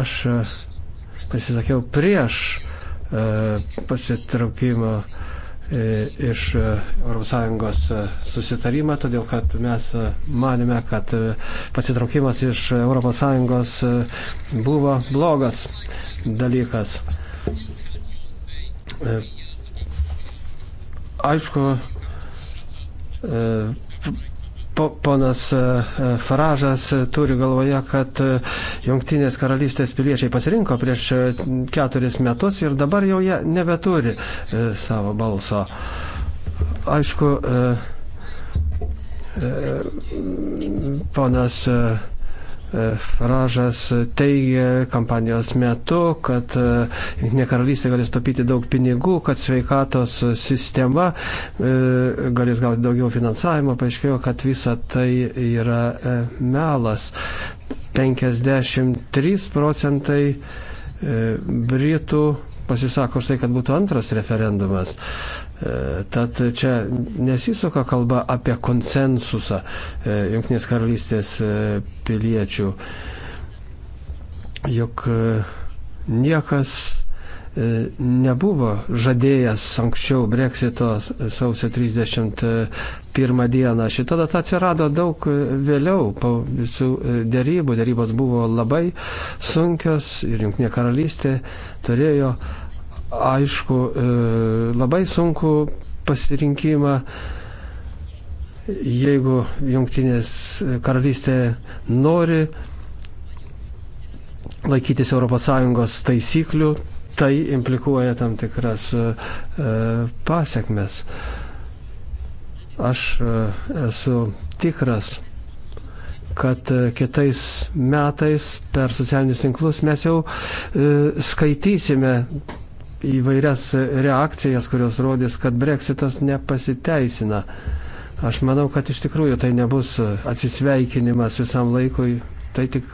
Aš pasisakiau prieš E, pasitraukimo e, iš ES e, susitarimą, todėl kad mes manime, kad pasitraukimas iš ES buvo blogas dalykas. Aišku, po, ponas e, e, Faražas e, turi galvoje, kad Junktinės karalystės piliečiai pasirinko prieš keturis metus ir dabar jau jie nebeturi savo balso. Aišku, ponas. E, e, Faražas teigia kampanijos metu, kad e, Junktinė karalystė galės taupyti daug pinigų, kad sveikatos sistema e, galės gauti daugiau finansavimo. Paaiškėjo, kad visa tai yra e, melas. 53 procentai Britų pasisako už tai, kad būtų antras referendumas. Tad čia nesisuka kalba apie konsensusą e, Junktinės karalystės e, piliečių, jog e, niekas nebuvo žadėjęs anksčiau Brexito sausio 31 dieną. Šita data atsirado daug vėliau po visų dėrybų. Dėrybos buvo labai sunkios ir Junktinė karalystė turėjo aišku e, labai sunku pasirinkimą, jeigu jungtinės karalystė nori laikytis ES taisyklių, tai implikuoja tam tikras e, pasiekmes. Aš e, esu tikras, kad kitais metais per socialinius tinklus mes jau e, skaitysime įvairias reakcijas, kurios rodys, kad breksitas nepasiteisina. Aš manau, kad iš tikrųjų tai nebus atsisveikinimas visam laikui, tai tik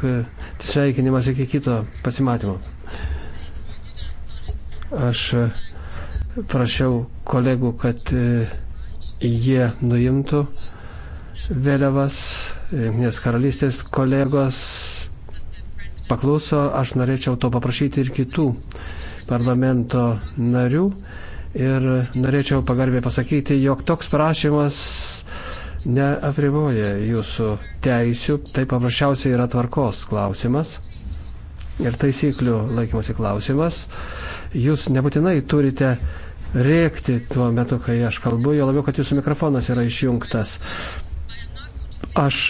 atsisveikinimas iki kito pasimatymo. Aš prašiau kolegų, kad e, jie nuimtų vėliavas, nes karalystės kolegos pakluso, aš norėčiau to paprašyti ir kitų parlamento narių. Ir norėčiau pagarbiai pasakyti, jog toks prašymas neapriboja jūsų teisių, tai paprasčiausiai yra tvarkos klausimas ir taisyklių laikymosi klausimas. Jūs nebūtinai turite rėkti tuo metu, kai aš kalbu, jo labiau, kad jūsų mikrofonas yra išjungtas. Aš,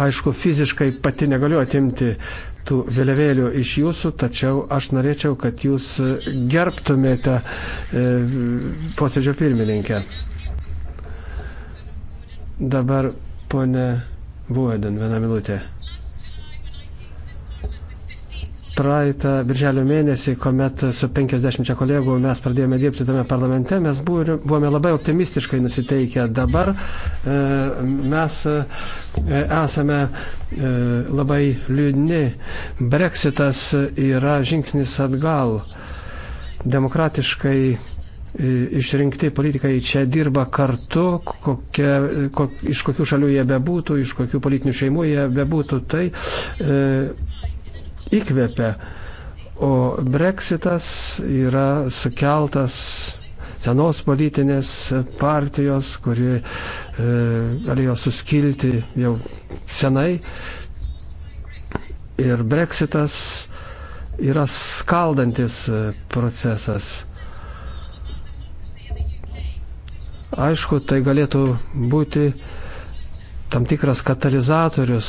aišku, fiziškai pati negaliu atimti tų vėliavėlių iš jūsų, tačiau aš norėčiau, kad jūs gerbtumėte e, posėdžio pirmininkę. Dabar ponė Vuoden, vieną minutę praeitą birželio mėnesį, kuomet su 50 kolegų mes pradėjome dirbti tame parlamente, mes buvome labai optimistiškai nusiteikę. Dabar e, mes e, esame e, labai liūdni. Brexitas yra žingsnis atgal. Demokratiškai išrinkti politikai čia dirba kartu, kokia, kok, iš kokių šalių jie bebūtų, iš kokių politinių šeimų jie bebūtų, tai e, įkvepia. O breksitas yra sukeltas senos politinės partijos, kuri e, galėjo suskilti jau senai. Ir breksitas yra skaldantis e, procesas. Aišku, tai galėtų būti tam tikras katalizatorius,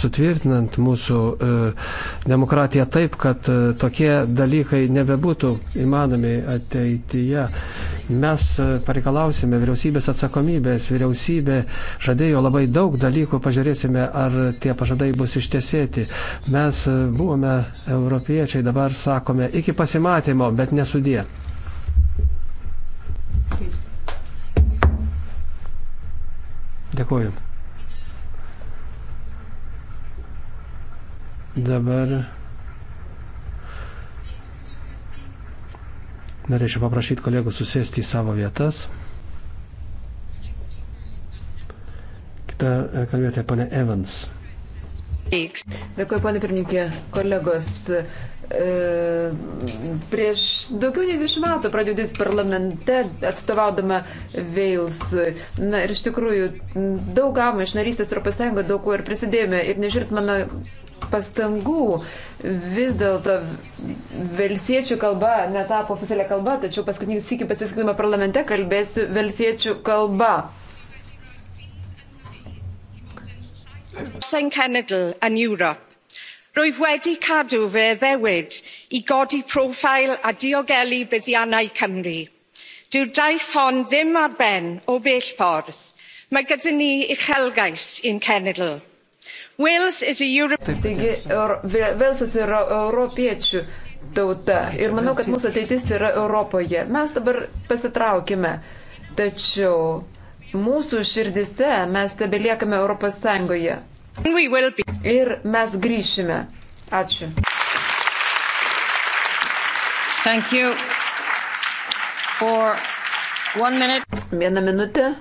sutvirtinant mūsų e, demokratiją taip, kad e, tokie dalykai nebebūtų įmanomi ateityje. Mes e, pareikalausime vyriausybės atsakomybės, vyriausybė žadėjo labai daug dalykų, pažiūrėsime, ar tie pažadai bus ištesėti. Mes e, buvome europiečiai, dabar sakome iki pasimatymo, bet nesudė. Dėkuoju. Dabar norėčiau paprašyti kolegų susėsti į savo vietas. Kita e, kalbėtoja, ponė Evans. Dėkuoju, ponė pirmininkė, kolegos. E, prieš daugiau nei virš metų pradėjau dirbti parlamente, atstovaudama Veilsui. Na ir iš tikrųjų daug gavome iš narystės Europos Sąjungoje, daug kuo ir prisidėjome. Ir nežiūrint mano pastangų. Vis dėlto velsiečių kalba netapo oficialią kalbą, tačiau paskutinį sėkį pasiskaitimą parlamente kalbėsiu velsiečių kalba. Cenedl yn Ewrop. Rwyf wedi cadw fy ddewyd i godi profil a diogelu buddiannau Cymru. Dyw'r daith hon ddim ar ben o bell ffordd. Mae gyda ni uchelgais i'n cenedl Taigi, Velsas yra europiečių tauta ir manau, kad mūsų ateitis yra Europoje. Mes dabar pasitraukime, tačiau mūsų širdise mes tebeliekame Europos Sąjungoje. Ir mes grįšime. Ačiū. Vieną minutę.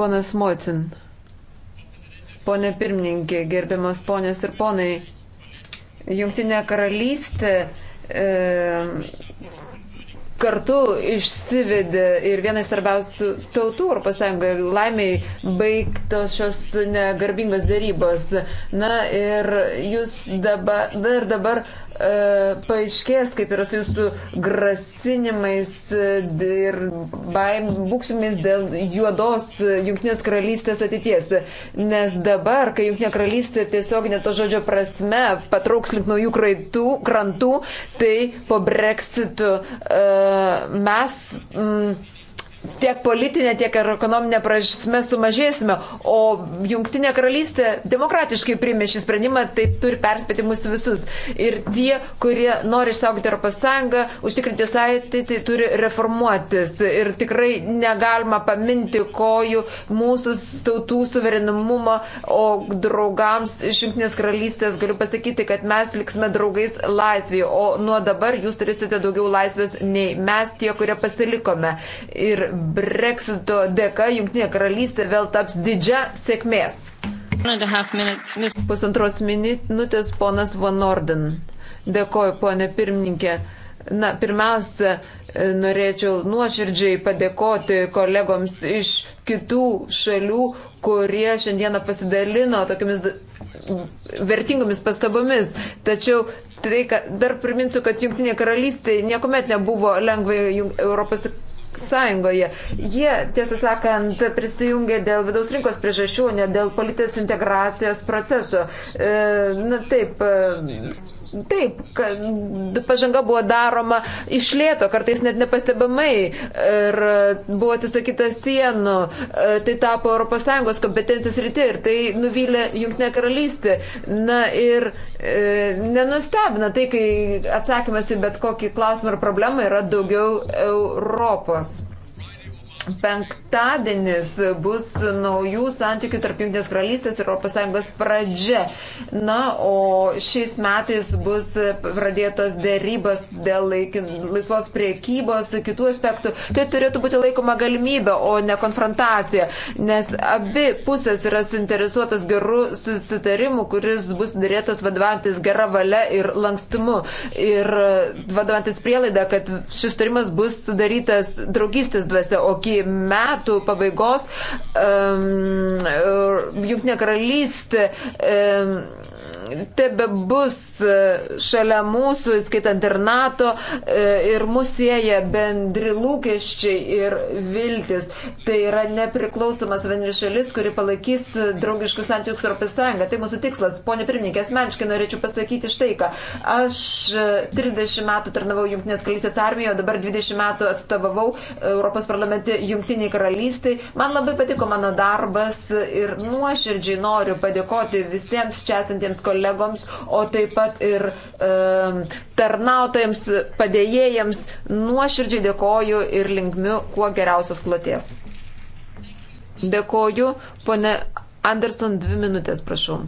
Ponas Mocin. Pone pirmininkė, gerbiamas ponės ir ponai, Jungtinė karalystė e, kartu išsivedė ir viena iš svarbiausių tautų Europos Sąjungoje. Laimiai baigtos šios negarbingos dėrybos. Na ir jūs dabar, dar dabar E, paaiškės, kaip yra su jūsų grasinimais e, ir baim, būksimais dėl juodos e, Junktinės karalystės ateities. Nes dabar, kai Junktinė karalystė tiesiog neto žodžio prasme patrauks link naujų kraitų, krantų, tai po breksitų uh, mes. Mm, tiek politinė, tiek ir ekonominė prasme sumažėsime, o Junktinė karalystė demokratiškai priimė šį sprendimą, taip turi perspėti mus visus. Ir tie, kurie nori išsaugoti Europos Sąjungą, užtikrinti sąjūtį, tai turi reformuotis. Ir tikrai negalima paminti kojų mūsų tautų suverenumumo, o draugams iš Junktinės karalystės galiu pasakyti, kad mes liksime draugais laisvėje, o nuo dabar jūs turėsite daugiau laisvės nei mes tie, kurie pasilikome. Ir Brexito dėka Junktinė karalystė vėl taps didžia sėkmės. Pusantros minutės ponas Van Orden. Dėkoju, ponė pirmininkė. Na, pirmiausia, e, norėčiau nuoširdžiai padėkoti kolegoms iš kitų šalių, kurie šiandieną pasidalino tokiamis vertingomis pastabomis. Tačiau tai, kad, dar priminsiu, kad Junktinė karalystė niekuomet nebuvo lengva Europos sąjungoje. Jie, tiesą sakant, prisijungė dėl vidaus rinkos priežasčių, ne dėl politinės integracijos proceso. E, na taip. E, Taip, kad pažanga buvo daroma išlėto, kartais net nepastebamai ir e, buvo atsisakyta sienų, e, tai tapo ES kompetencijos rytė ir tai nuvylė Junktinė karalystė. Na ir e, nenustebina tai, kai atsakymas į bet kokį klausimą ar problemą yra daugiau Europos penktadienis bus naujų santykių tarp Junktinės karalystės ir ES pradžia. Na, o šiais metais bus pradėtos dėrybos dėl laikin, laisvos priekybos, kitų aspektų. Tai turėtų būti laikoma galimybė, o ne konfrontacija, nes abi pusės yra suinteresuotas gerų susitarimų, kuris bus dėrėtas vadovantis gera valia ir lankstumu. Ir vadovantis prielaida, kad šis tarimas bus sudarytas draugystės dvasia, o kie iki metų pabaigos um, Junknė karalystė um, tebe bus e, šalia mūsų, skaitant ir NATO, e, ir mus sieja bendri lūkesčiai ir viltis. Tai yra nepriklausomas vieni šalis, kuri palaikys draugiškus santykius su Europos Sąjunga. Tai mūsų tikslas. Pone pirmininkė, asmeniškai norėčiau pasakyti štai ką. Aš 30 e, metų tarnavau Junktinės karalystės armijoje, dabar 20 metų atstovavau Europos parlamente Junktiniai karalystiai. Man labai patiko mano darbas ir nuoširdžiai noriu padėkoti visiems čia esantiems kolegams kolegoms, o taip pat ir e, tarnautojams, padėjėjams. Nuoširdžiai dėkoju ir linkmiu kuo geriausios kloties. Dėkoju, ponė Anderson, dvi minutės, prašau.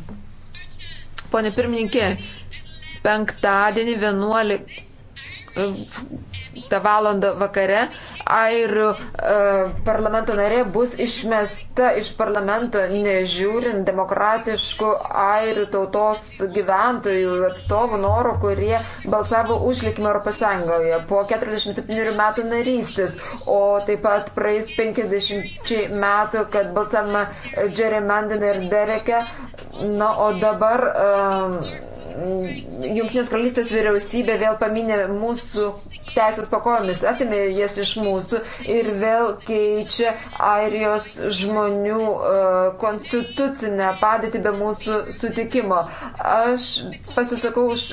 Pone pirmininkė, penktadienį 11 tą valandą vakare airių e, parlamento narė bus išmesta iš parlamento, nežiūrint demokratiškų airių tautos gyventojų atstovų norų, kurie balsavo už likimą Europos Sąjungoje po 47 metų narystės, o taip pat praeis 50 metų, kad balsama Jerry Mandin ir Dereke. Na, o dabar um, Junktinės karalystės vyriausybė vėl paminė mūsų teisės pakojomis, atimė jas iš mūsų ir vėl keičia airijos žmonių uh, konstitucinę padėtį be mūsų sutikimo. Aš pasisakau už.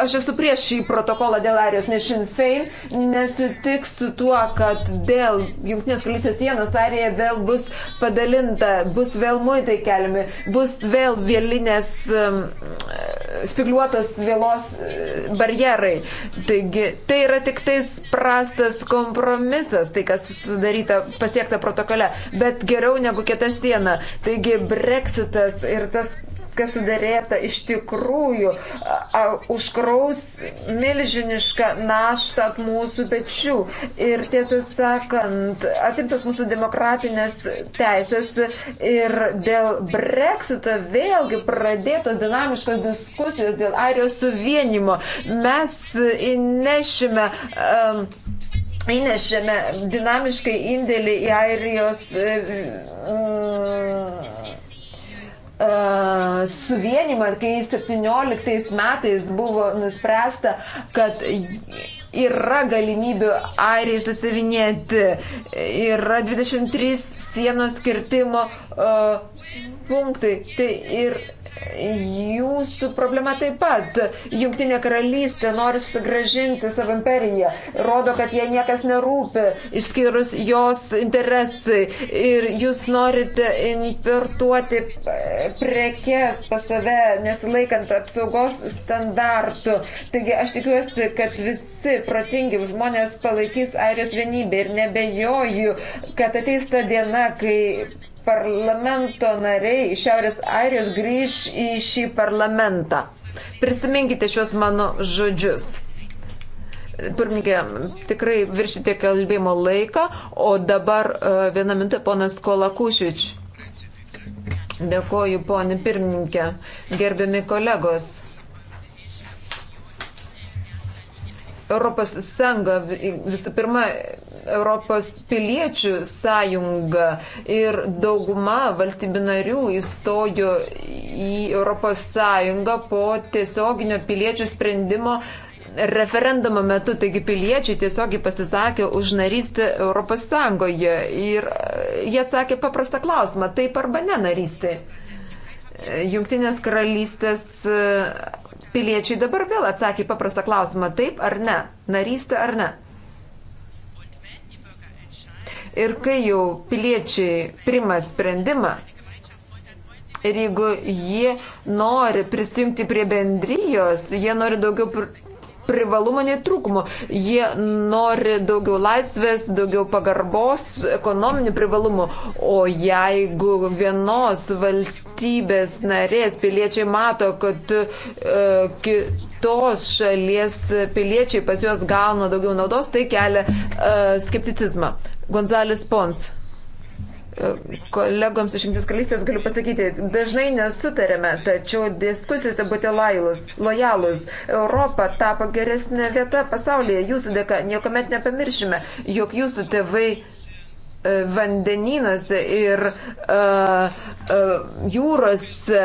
Aš esu prieš šį protokolą dėl airijos, nes Sinn Fein nesitiks su tuo, kad dėl Junktinės karalystės sienos airija vėl bus padalinta, bus vėl muitai keliami, bus vėl vėlinės. Um, spigliuotos vėlos e, barjerai. Taigi tai yra tik tais prastas kompromisas, tai kas sudaryta, pasiekta protokole, bet geriau negu kita siena. Taigi Brexitas ir tas kas sudarėta, iš tikrųjų užkraus milžinišką naštą ant mūsų pečių. Ir tiesą sakant, atimtos mūsų demokratinės teisės ir dėl breksito vėlgi pradėtos dinamiškos diskusijos dėl airijos suvienimo. Mes įnešime. Um, Įnešėme dinamiškai indėlį į Airijos mm, E, suvienimą, kai 17 metais buvo nuspręsta, kad yra galimybių airiai susivinėti, yra 23 sienos skirtimo uh, punktai. Tai ir Jūsų problema taip pat. Jungtinė karalystė nori sugražinti savo imperiją. Rodo, kad jie niekas nerūpi, išskyrus jos interesai. Ir jūs norite importuoti prekes pas save, nesilaikant apsaugos standartų. Taigi aš tikiuosi, kad visi protingi žmonės palaikys Airijos vienybę ir nebejoju, kad ateis ta diena, kai parlamento nariai iš Šiaurės Airijos grįž į šį parlamentą. Prisiminkite šios mano žodžius. Pirmininkė, tikrai viršite kalbėjimo laiką, o dabar e, vieną minutę ponas Kolakušič. Dėkoju, ponė pirmininkė, gerbiami kolegos. Europos sąjunga, visų pirma, Europos piliečių sąjunga ir dauguma valstybių narių įstojo į Europos sąjungą po tiesioginio piliečių sprendimo referendumo metu, taigi piliečiai tiesiogiai pasisakė už narystę Europos sąjungoje ir e, jie atsakė paprastą klausimą, taip arba ne narystė. Junktinės karalystės e, piliečiai dabar vėl atsakė paprastą klausimą - taip ar ne, narystė ar ne. Ir kai jau piliečiai prima sprendimą ir jeigu jie nori prisijungti prie bendrijos, jie nori daugiau pr privalumų, nei trūkumų. Jie nori daugiau laisvės, daugiau pagarbos, ekonominių privalumų. O jeigu vienos valstybės narės piliečiai mato, kad e, kitos šalies piliečiai pas juos gauna daugiau naudos, tai kelia e, skepticizmą. Gonzales Pons kolegoms iš Junktinės karalystės galiu pasakyti, dažnai nesutarėme, tačiau diskusijose būti lailus, lojalus. Europa tapo geresnė vieta pasaulyje. Jūsų dėka niekuomet nepamiršime, jog jūsų tėvai E, vandenynuose ir uh, e, uh, e, jūrose,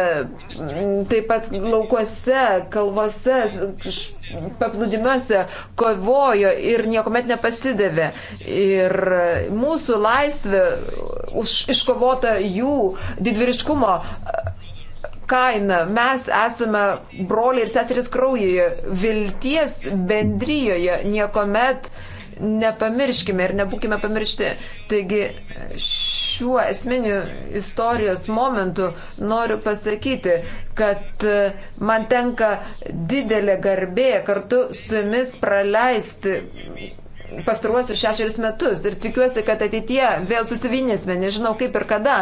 taip pat laukuose, kalvose, paplūdimiuose kovojo ir niekuomet nepasidavė. Ir mūsų laisvė už, iškovota jų didviriškumo kaina. Mes esame broliai ir seserys kraujyje, vilties bendryjoje, niekuomet uh, nepamirškime ir nebūkime pamiršti. Taigi šiuo esminiu istorijos momentu noriu pasakyti, kad e, man tenka didelė garbė kartu su jumis praleisti pastaruosius šešerius metus ir tikiuosi, kad ateitie vėl susivinėsime, nežinau kaip ir kada,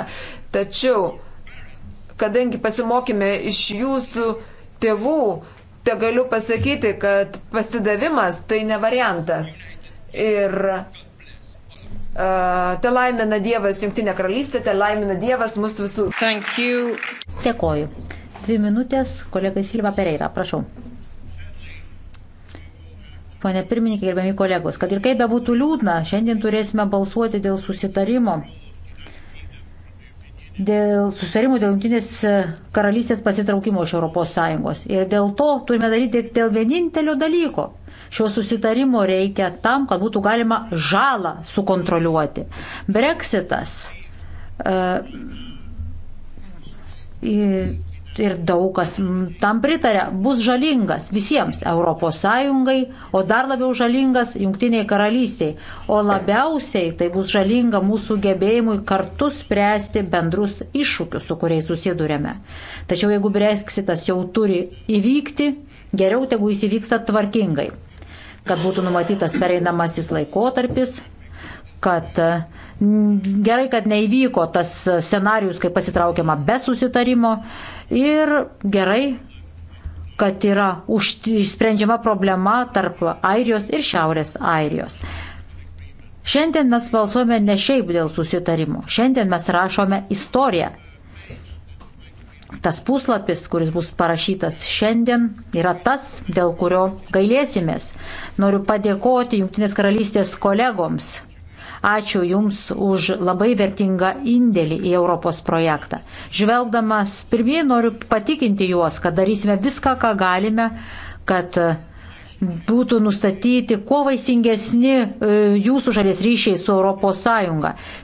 tačiau kadangi pasimokime iš jūsų tėvų, te galiu pasakyti, kad pasidavimas tai ne variantas. Ir Uh, te laimina Dievas Junktinė karalystė, te laimina Dievas mus visus. Dėkoju. Dvi minutės, kolegai Silva Pereira, prašau. Pone pirmininkai, gerbiami kolegos, kad ir kaip bebūtų liūdna, šiandien turėsime balsuoti dėl susitarimo. Dėl susitarimo dėl Junktinės karalystės pasitraukimo iš ES. Ir dėl to turime daryti dėl vienintelio dalyko Šio susitarimo reikia tam, kad būtų galima žalą sukontroliuoti. Brexitas. E, ir daug kas tam pritarė, bus žalingas visiems ES, o dar labiau žalingas Junktiniai karalystiai. O labiausiai tai bus žalinga mūsų gebėjimui kartu spręsti bendrus iššūkius, su kuriais susidurėme. Tačiau jeigu breksitas jau turi įvykti, geriau tegu jis įvyksta tvarkingai kad būtų numatytas pereinamasis laikotarpis, kad gerai, kad neįvyko tas scenarius, kai pasitraukiama be susitarimo ir gerai, kad yra išsprendžiama problema tarp Airijos ir Šiaurės Airijos. Šiandien mes balsuojame ne šiaip dėl susitarimo, šiandien mes rašome istoriją tas puslapis, kuris bus parašytas šiandien, yra tas, dėl kurio gailėsimės. Noriu padėkoti Junktinės karalystės kolegoms. Ačiū Jums už labai vertingą indėlį į Europos projektą. Žvelgdamas pirmieji noriu patikinti juos, kad darysime viską, ką galime, kad būtų nustatyti, kuo vaisingesni e, jūsų šalies ryšiai su ES.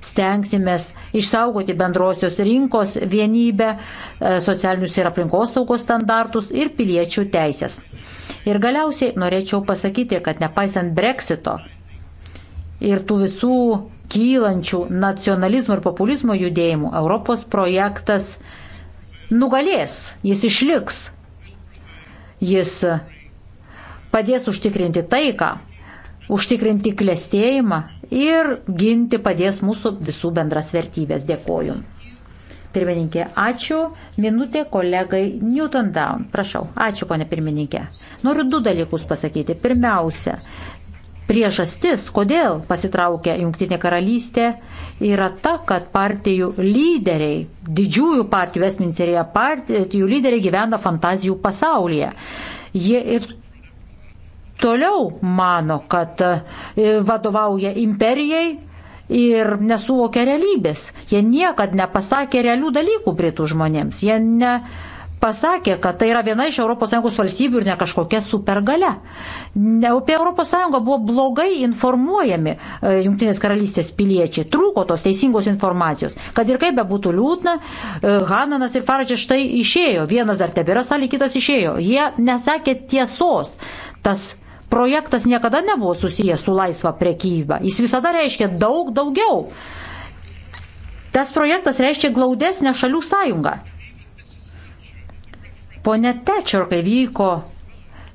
Stengsimės išsaugoti bendrosios rinkos vienybę, e, socialinius ir aplinkos saugos standartus ir piliečių teisės. Ir galiausiai norėčiau pasakyti, kad nepaisant breksito ir tų visų kylančių nacionalizmo ir populizmo judėjimų, Europos projektas nugalės, jis išliks. Jis padės užtikrinti taiką, užtikrinti klėstėjimą ir ginti padės mūsų visų bendras vertybės. Dėkoju. Pirmininkė, ačiū. Minutė kolegai Newton Down. Prašau. Ačiū, ponė pirmininkė. Noriu du dalykus pasakyti. Pirmiausia, priežastis, kodėl pasitraukė Junktinė karalystė, yra ta, kad partijų lyderiai, didžiųjų partijų Westminsteryje partijų lyderiai gyvena fantazijų pasaulyje. Jie ir toliau mano, kad e, vadovauja imperijai ir nesuvokia realybės. Jie niekad nepasakė realių dalykų britų žmonėms. Jie ne pasakė, kad tai yra viena iš ES valstybių ir ne kažkokia supergale. Ne, apie ES buvo blogai informuojami e, Junktinės karalystės piliečiai, trūko tos teisingos informacijos. Kad ir kaip bebūtų liūdna, e, Hananas ir Faradžiai štai išėjo, vienas dar tebėra salį, kitas išėjo. Jie nesakė tiesos. Tas projektas niekada nebuvo susijęs su laisva prekyba. Jis visada reiškia daug daugiau. Tas projektas reiškia glaudesnę šalių sąjungą. Pone Tečer, kai vyko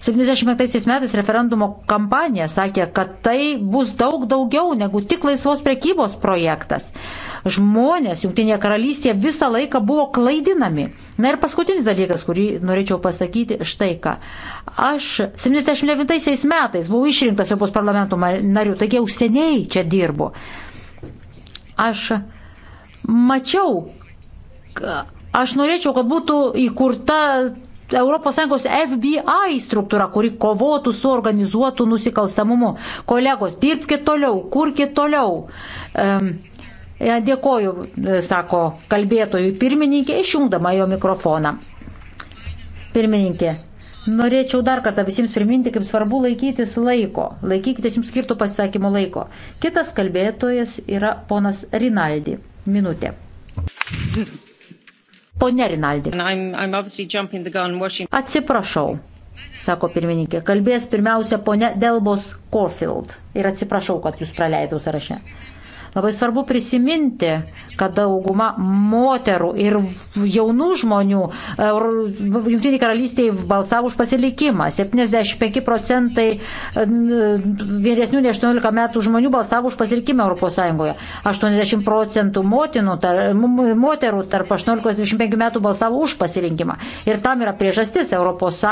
75 metais referendumo kampanija, sakė, kad tai bus daug daugiau negu tik laisvos prekybos projektas žmonės Junktinėje karalystėje visą laiką buvo klaidinami. Na ir paskutinis dalykas, kurį norėčiau pasakyti, štai ką. Aš 79 metais buvau išrinktas Europos parlamento nariu, taigi jau seniai čia dirbu. Aš mačiau, aš norėčiau, kad būtų įkurta ES FBI struktūra, kuri kovotų su organizuotu nusikalstamumu. Kolegos, dirbkite toliau, kurkite toliau. Um, E, dėkoju, e, sako kalbėtojų pirmininkė, išjungdama jo mikrofoną. Pirmininkė, norėčiau dar kartą visiems priminti, kaip svarbu laikytis laiko. Laikykite jums skirtų pasisakymo laiko. Kitas kalbėtojas yra ponas Rinaldi. Minutė. Pone Rinaldi. Atsiprašau, sako pirmininkė. Kalbės pirmiausia ponia Delbos Corfield. Ir atsiprašau, kad jūs praleidau sąrašę. Labai svarbu prisiminti, kad dauguma moterų ir jaunų žmonių e, Junktinė karalystė balsavo už pasilikimą. 75 procentai e, vyresnių nei 18 metų žmonių balsavo už pasilikimą ES. 80 procentų motinų, tar, moterų tarp 18-25 metų balsavo už pasirinkimą. Ir tam yra priežastis - ES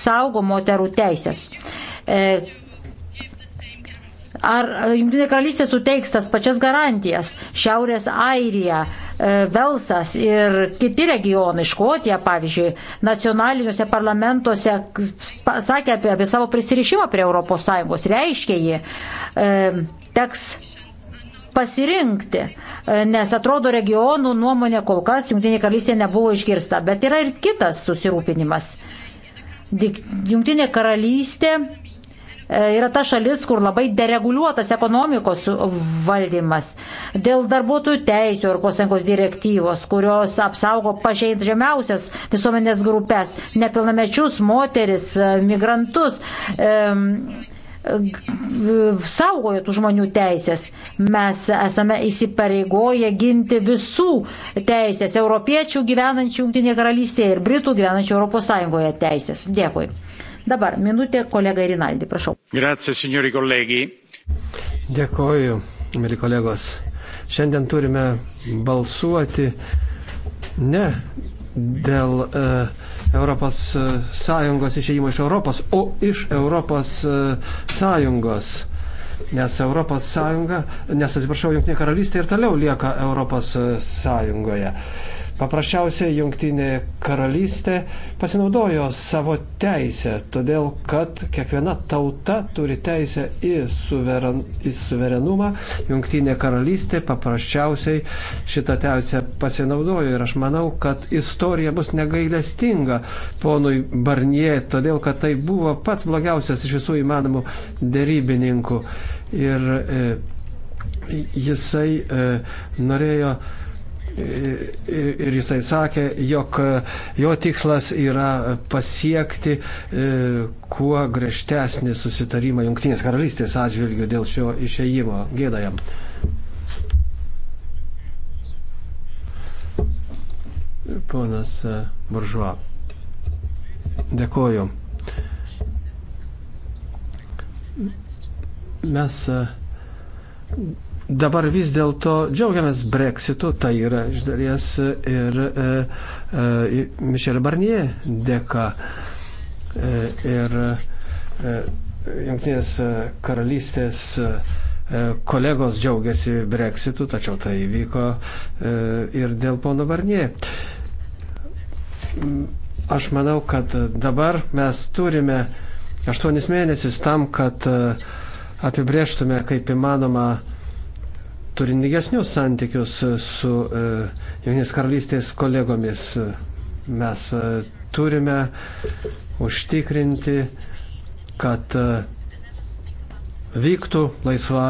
saugo moterų teisės. E, Ar e, Junktinė karalystė suteiks tas pačias garantijas? Šiaurės Airija, e, Velsas ir kiti regionai, Škotija pavyzdžiui, nacionaliniuose parlamentuose sakė apie, apie savo prisirišimą prie ES, reiškia jį, e, teks pasirinkti, nes atrodo regionų nuomonė kol kas Junktinė karalystė nebuvo išgirsta, bet yra ir kitas susirūpinimas. Jungtinė karalystė E, yra ta šalis, kur labai dereguliuotas ekonomikos valdymas. Dėl darbuotojų teisų ir kosenkos direktyvos, kurios apsaugo pažeidžiamiausias visuomenės grupės, nepilnamečius, moteris, e, migrantus. E, saugojo tų žmonių teisės. Mes esame įsipareigoję ginti visų teisės, europiečių gyvenančių Junktinėje karalystėje ir Britų gyvenančių ES teisės. Dėkui. Dabar minutė kolega Rinaldi, prašau. Grazie, signori kolegi. Dėkoju, mėly kolegos. Šiandien turime balsuoti ne dėl e, Europos e, Sąjungos išėjimo iš Europos, o iš Europos e, Sąjungos. Nes Europos Sąjunga, nes atsiprašau, Junktinė karalystė ir toliau lieka Europos e, Sąjungoje. E, Paprasčiausiai Junktinė karalystė pasinaudojo savo teisę, todėl kad kiekviena tauta turi teisę į, suveren, į suverenumą. Junktinė karalystė paprasčiausiai šitą teisę pasinaudojo ir aš manau, kad istorija bus negailestinga ponui Barnie, todėl kad tai buvo pats blogiausias iš visų įmanomų dėrybininkų. Ir e, jisai e, norėjo Ir jisai sakė, jog jo tikslas yra pasiekti e, kuo greštesnį susitarimą Junktinės karalystės atžvilgių dėl šio išeimo gėdajam. Ponas e, Buržuo. Dėkoju. Mes e, dabar vis dėlto džiaugiamės breksitu, tai yra iš dalies ir e, e, Mišelio Barnie dėka. E, ir e, Junktinės karalystės e, kolegos džiaugiasi breksitu, tačiau tai įvyko e, ir dėl pono Barnie. Aš manau, kad dabar mes turime aštuonis mėnesius tam, kad e, apibrieštume kaip įmanoma turiningesnius santykius su e, Junginės karalystės kolegomis. Mes e, turime užtikrinti, kad e, vyktų laisva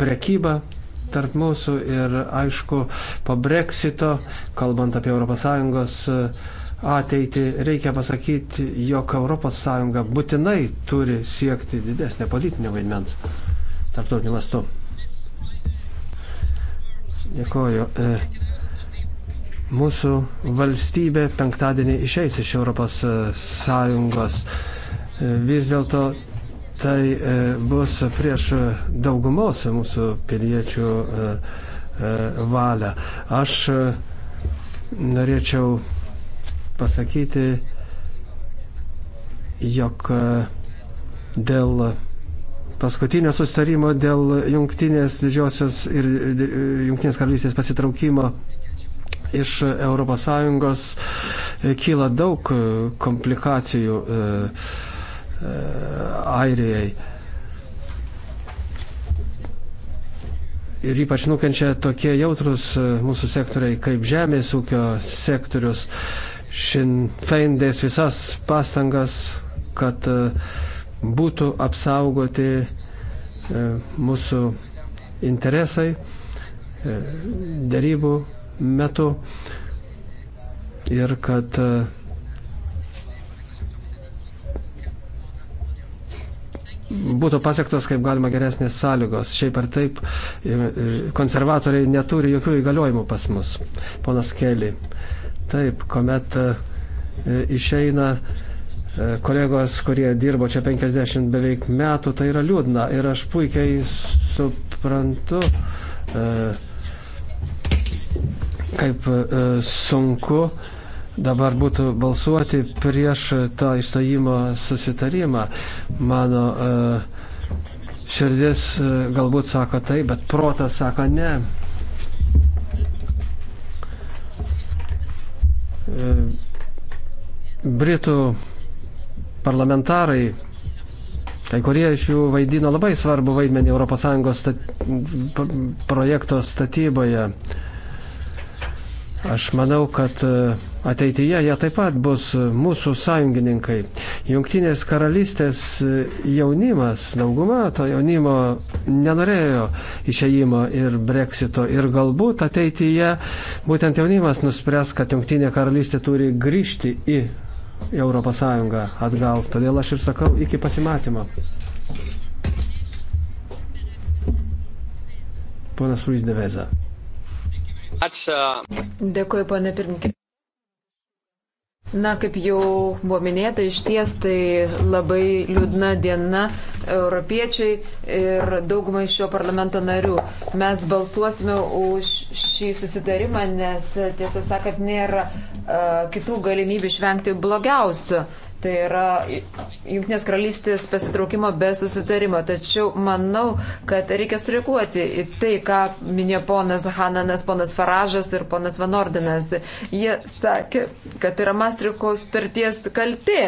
prekyba tarp mūsų ir aišku, po breksito, kalbant apie ES ateitį, reikia pasakyti, jog ES būtinai turi siekti didesnio politinio vaidmens tarptautiniu mastu. Dėkoju. E, mūsų valstybė penktadienį išeis iš Europos e, Sąjungos. E, vis dėlto tai bus prieš daugumos mūsų piliečių valią. Aš norėčiau pasakyti, jog dėl paskutinio sustarimo dėl jungtinės didžiosios ir jungtinės karalystės pasitraukimo iš ES e, kyla daug e, komplikacijų e, e, Airijai. Ir ypač nukenčia tokie jautrus e, mūsų sektoriai kaip žemės ūkio sektorius. Šinfein dės visas pastangas, kad e, būtų apsaugoti e, mūsų interesai e, darybų metu ir kad e, būtų pasiektos kaip galima geresnės sąlygos. Šiaip ar taip, konservatoriai neturi jokių įgaliojimų pas mus, ponas Kelly. Taip, kuomet išeina kolegos, kurie dirbo čia 50 beveik metų, tai yra liūdna ir aš puikiai suprantu, e, kaip e, sunku dabar būtų balsuoti prieš tą įstojimo susitarimą. Mano e, širdis galbūt sako taip, bet protas sako ne. Britų parlamentarai, kai kurie iš jų vaidino labai svarbu vaidmenį ES stat projekto statyboje. Aš manau, kad e, ateityje jie taip pat bus mūsų sąjungininkai. Junktinės karalystės e, jaunimas, dauguma to jaunimo nenorėjo išeimo ir breksito. Ir galbūt ateityje būtent jaunimas nuspręs, kad Junktinė karalystė turi grįžti į į Europos Sąjungą atgal. Todėl aš ir sakau iki pasimatymo. Ponas Ruiz Deveza. Dėkuoju, ponė pirmininkė. Na, kaip jau buvo minėta, iš ties tai labai liūdna diena europiečiai ir daugumai šio parlamento narių. Mes balsuosime už šį susitarimą, nes tiesą sakant, nėra E, kitų galimybių išvengti blogiausių. Tai yra Junktinės karalystės pasitraukimo be susitarimo. Tačiau manau, kad reikia sureaguoti į tai, ką minėjo ponas Hananas, ponas Faražas ir ponas Vanordinas. Jie sakė, kad tai yra Mastriko sutarties kalti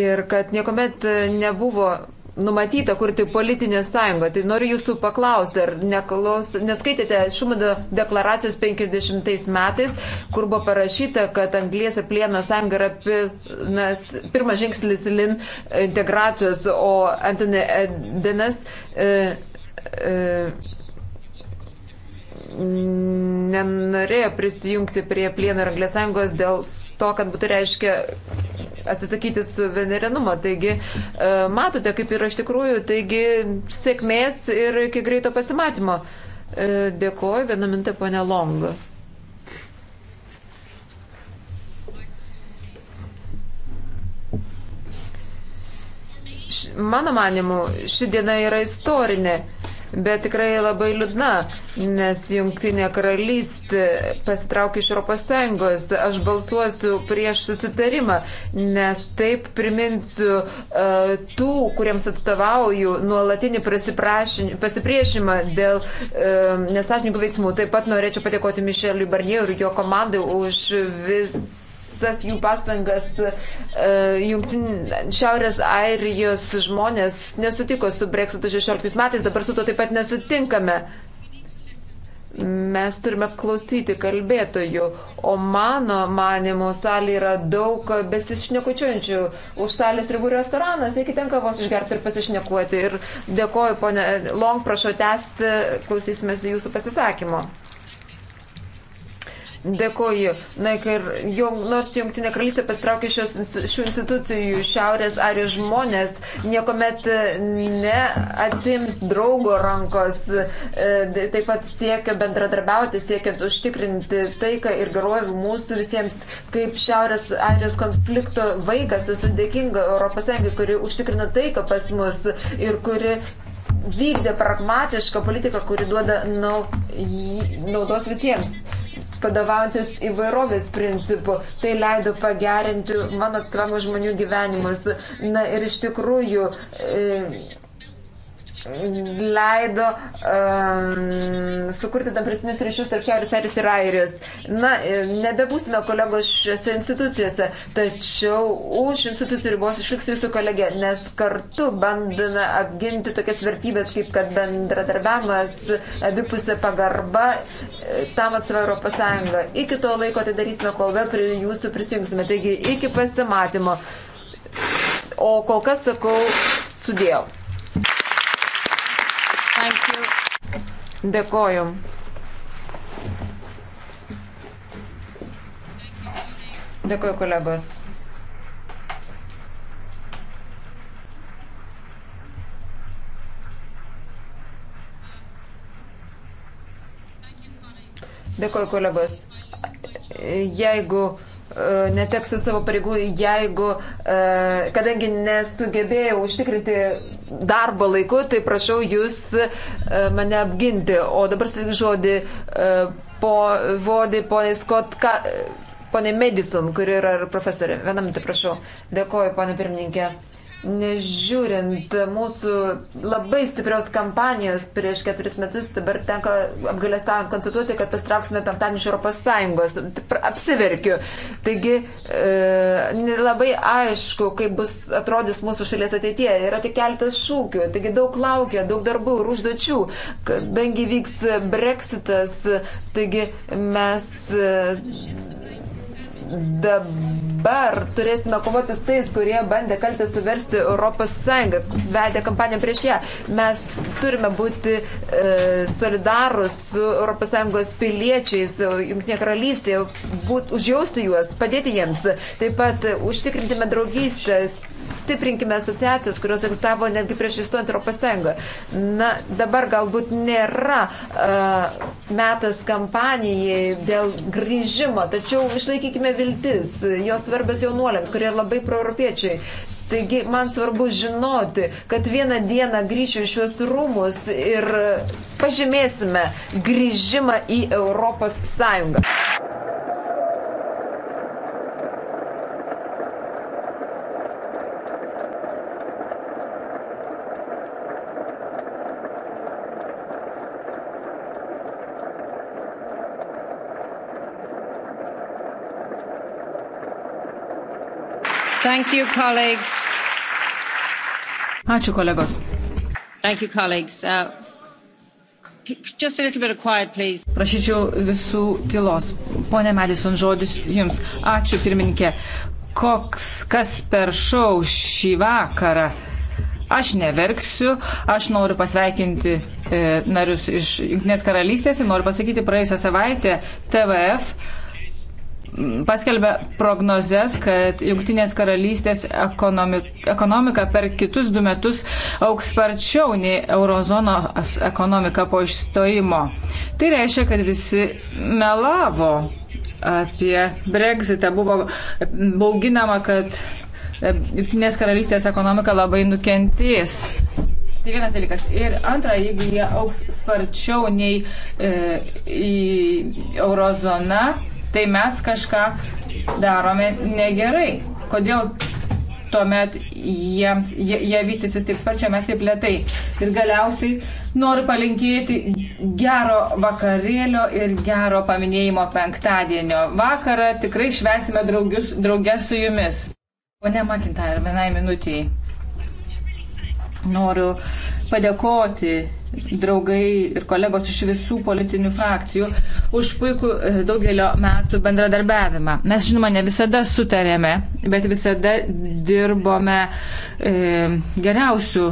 ir kad niekuomet nebuvo numatyta kurti politinę sąjungą. Tai noriu jūsų paklausti, ar nekalos, neskaitėte Šumano deklaracijos 50 metais, kur buvo parašyta, kad anglės ir plieno sąjunga yra pirmas, pirmas žingsnis lin integracijos, o Antony Edenas. E, e, nenorėjo prisijungti prie plieno ir anglės sąjungos dėl to, kad būtų reiškia atsisakyti suverenumą. Taigi, e, matote, kaip yra iš tikrųjų, taigi sėkmės ir iki greito pasimatymo. E, Dėkuoju, vieną mintę ponė Longa. Mano manimu, ši diena yra istorinė bet tikrai labai liūdna, nes Junktinė karalystė pasitraukė iš ES. Aš balsuosiu prieš susitarimą, nes taip priminsiu uh, tų, kuriems atstovauju, nuolatinį pasipriešimą dėl uh, e, nesąžininkų veiksmų. Taip pat norėčiau padėkoti Mišeliui Barnierui ir jo komandai už visą visas jų pastangas. E, jungtin, Šiaurės Airijos žmonės nesutiko su Brexitu 16 metais, dabar su to taip pat nesutinkame. Mes turime klausyti kalbėtojų, o mano manimo salė yra daug besišnekučiuojančių. Už salės ribų restoranas, iki tenka vos išgerti ir pasišnekuoti. Ir dėkoju, ponė Long, prašau tęsti, klausysimės jūsų pasisakymo. Dėkoju. Na ir jau, nors Junktinė karalystė pastraukė šios, šių institucijų šiaurės arijos žmonės, niekuomet e, neatsims draugo rankos, e, taip pat siekia bendradarbiauti, siekiant užtikrinti taiką ir gerovę mūsų visiems. Kaip šiaurės arijos konflikto vaikas esu dėkinga ES, kuri užtikrina taiką pas mus ir kuri vykdė pragmatišką politiką, kuri duoda naudos visiems vadovautis įvairovės principu. Tai leido pagerinti mano atstovamų žmonių gyvenimus. Na ir iš tikrųjų. E, leido um, sukurti tampresnius ryšius tarp Šiaurės Airijos ir Airijos. Na, e, nebebūsime kolegos šiose institucijose, tačiau už institucijų ribos išliks jūsų kolegė, nes kartu bandome apginti tokias vertybės, kaip kad bendradarbiavimas, abipusė pagarba, e, tam atsvaro Europos Sąjunga. Iki to laiko tai darysime, kol vėl prie jūsų prisijungsime. Taigi, iki pasimatymo. O kol kas sakau, sudėjau. Dėkoju. Dėkoju, kolegos. Dėkoju, kolegos. Jeigu E, neteksiu savo pareigų, jeigu, e, kadangi nesugebėjau užtikrinti darbo laiku, tai prašau jūs e, mane apginti. O dabar žodį po vodį, ponai Scott, ką, ponai Madison, kuri yra profesorė. Vienam tai prašau. Dėkoju, ponai pirmininkė. Nežiūrint mūsų labai stiprios kampanijos prieš keturis metus, dabar tenka apgalėstavant konstatuoti, kad pastrauksime penktadienį iš Europos Sąjungos. Apsiverkiu. Taigi e, labai aišku, kaip bus atrodys mūsų šalies ateitie. Yra tik keltas šūkių. Taigi daug laukia, daug darbų ir užduočių. Bengi vyks breksitas. Taigi mes. E, dabar turėsime kovoti su tais, kurie bandė kaltę suversti Europos Sąjungą, vedė kampaniją prieš ją. Mes turime būti e, solidarus su Europos Sąjungos piliečiais, Junktinė karalystė, būt, užjausti juos, padėti jiems. Taip pat e, užtikrintume draugystės stiprinkime asociacijas, kurios egzistavo netgi prieš įstojant Europos Sąjungą. Na, dabar galbūt nėra uh, metas kampanijai dėl grįžimo, tačiau išlaikykime viltis, jos svarbios jaunuoliams, kurie labai proeuropiečiai. Taigi man svarbu žinoti, kad vieną dieną grįšiu į šios rūmus ir pažymėsime grįžimą į Europos Sąjungą. Thank you, colleagues. Ačiū, kolegos. Thank you, colleagues. Uh, Just a little bit of quiet, please. Prašyčiau visų tylos. Pone Madison, žodis jums. Ačiū, pirmininkė. Koks kas per šau šį vakarą? Aš neverksiu, aš noriu pasveikinti e, narius iš Junktinės karalystės ir noriu pasakyti, praėjusią savaitę TVF paskelbė prognozes, kad Junktinės karalystės ekonomika per kitus du metus auks sparčiau nei eurozonos ekonomika po išstojimo. Tai reiškia, kad visi melavo apie Brexitą. Buvo bauginama, kad e, Junktinės karalystės ekonomika labai nukentės. Tai vienas dalykas. Ir antra, jeigu jie auks sparčiau nei e, į eurozoną, tai mes kažką darome negerai. Kodėl tuomet jiems, jie, jie vystysis taip sparčiai, mes taip lietai. Ir galiausiai noriu palinkėti gero vakarėlio ir gero paminėjimo penktadienio. Vakarą tikrai švesime draugius, draugės su jumis. Pone Makintai, ar vienai minutiai. Noriu padėkoti draugai ir kolegos iš visų politinių frakcijų už puikų e, daugelio metų bendradarbiavimą. Mes, žinoma, ne visada sutarėme, bet visada dirbome e, geriausių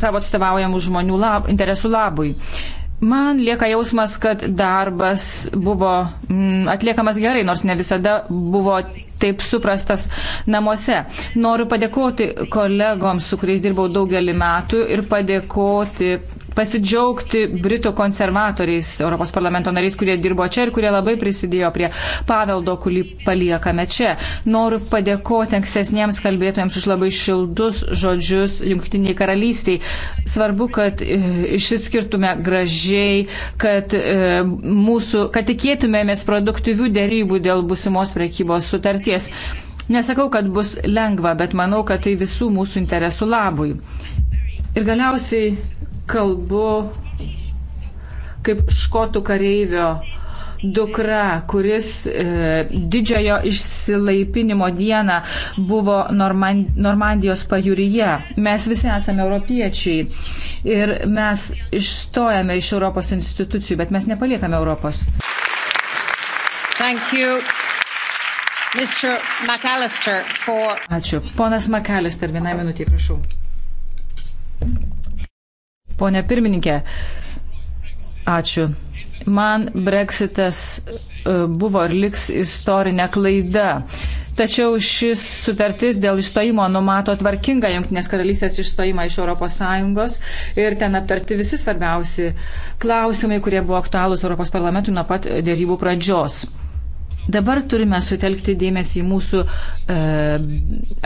savo atstovaujamų žmonių lab, interesų labui. Man lieka jausmas, kad darbas buvo atliekamas gerai, nors ne visada buvo taip suprastas namuose. Noriu padėkoti kolegoms, su kuriais dirbau daugelį metų ir padėkoti pasidžiaugti Britų konservatoriais, Europos parlamento nariais, kurie dirbo čia ir kurie labai prisidėjo prie paveldo, kurį paliekame čia. Noriu padėkoti ankstesniems kalbėtojams už labai šildus žodžius Junktiniai karalystiai. Svarbu, kad e, išsiskirtume gražiai, kad, e, mūsų, kad tikėtumėmės produktyvių dėrybų dėl busimos prekybos sutarties. Nesakau, kad bus lengva, bet manau, kad tai visų mūsų interesų labui. Ir galiausiai kalbu kaip škotų kareivio dukra, kuris e, didžiojo išsilaipinimo dieną buvo Normand, Normandijos pajūryje. Mes visi esame europiečiai ir mes išstojame iš Europos institucijų, bet mes nepaliekame Europos. For... Ačiū. Ponas McAllister, vieną minutį, prašau. Pone pirmininkė, ačiū. Man Brexitas e, buvo ir liks istorinė klaida. Tačiau šis sutartis dėl išstojimo numato tvarkingą Junktinės karalystės išstojimą iš ES ir ten aptarti visi svarbiausi klausimai, kurie buvo aktualūs ES nuo pat dėrybų pradžios. Dabar turime sutelkti dėmesį į mūsų e,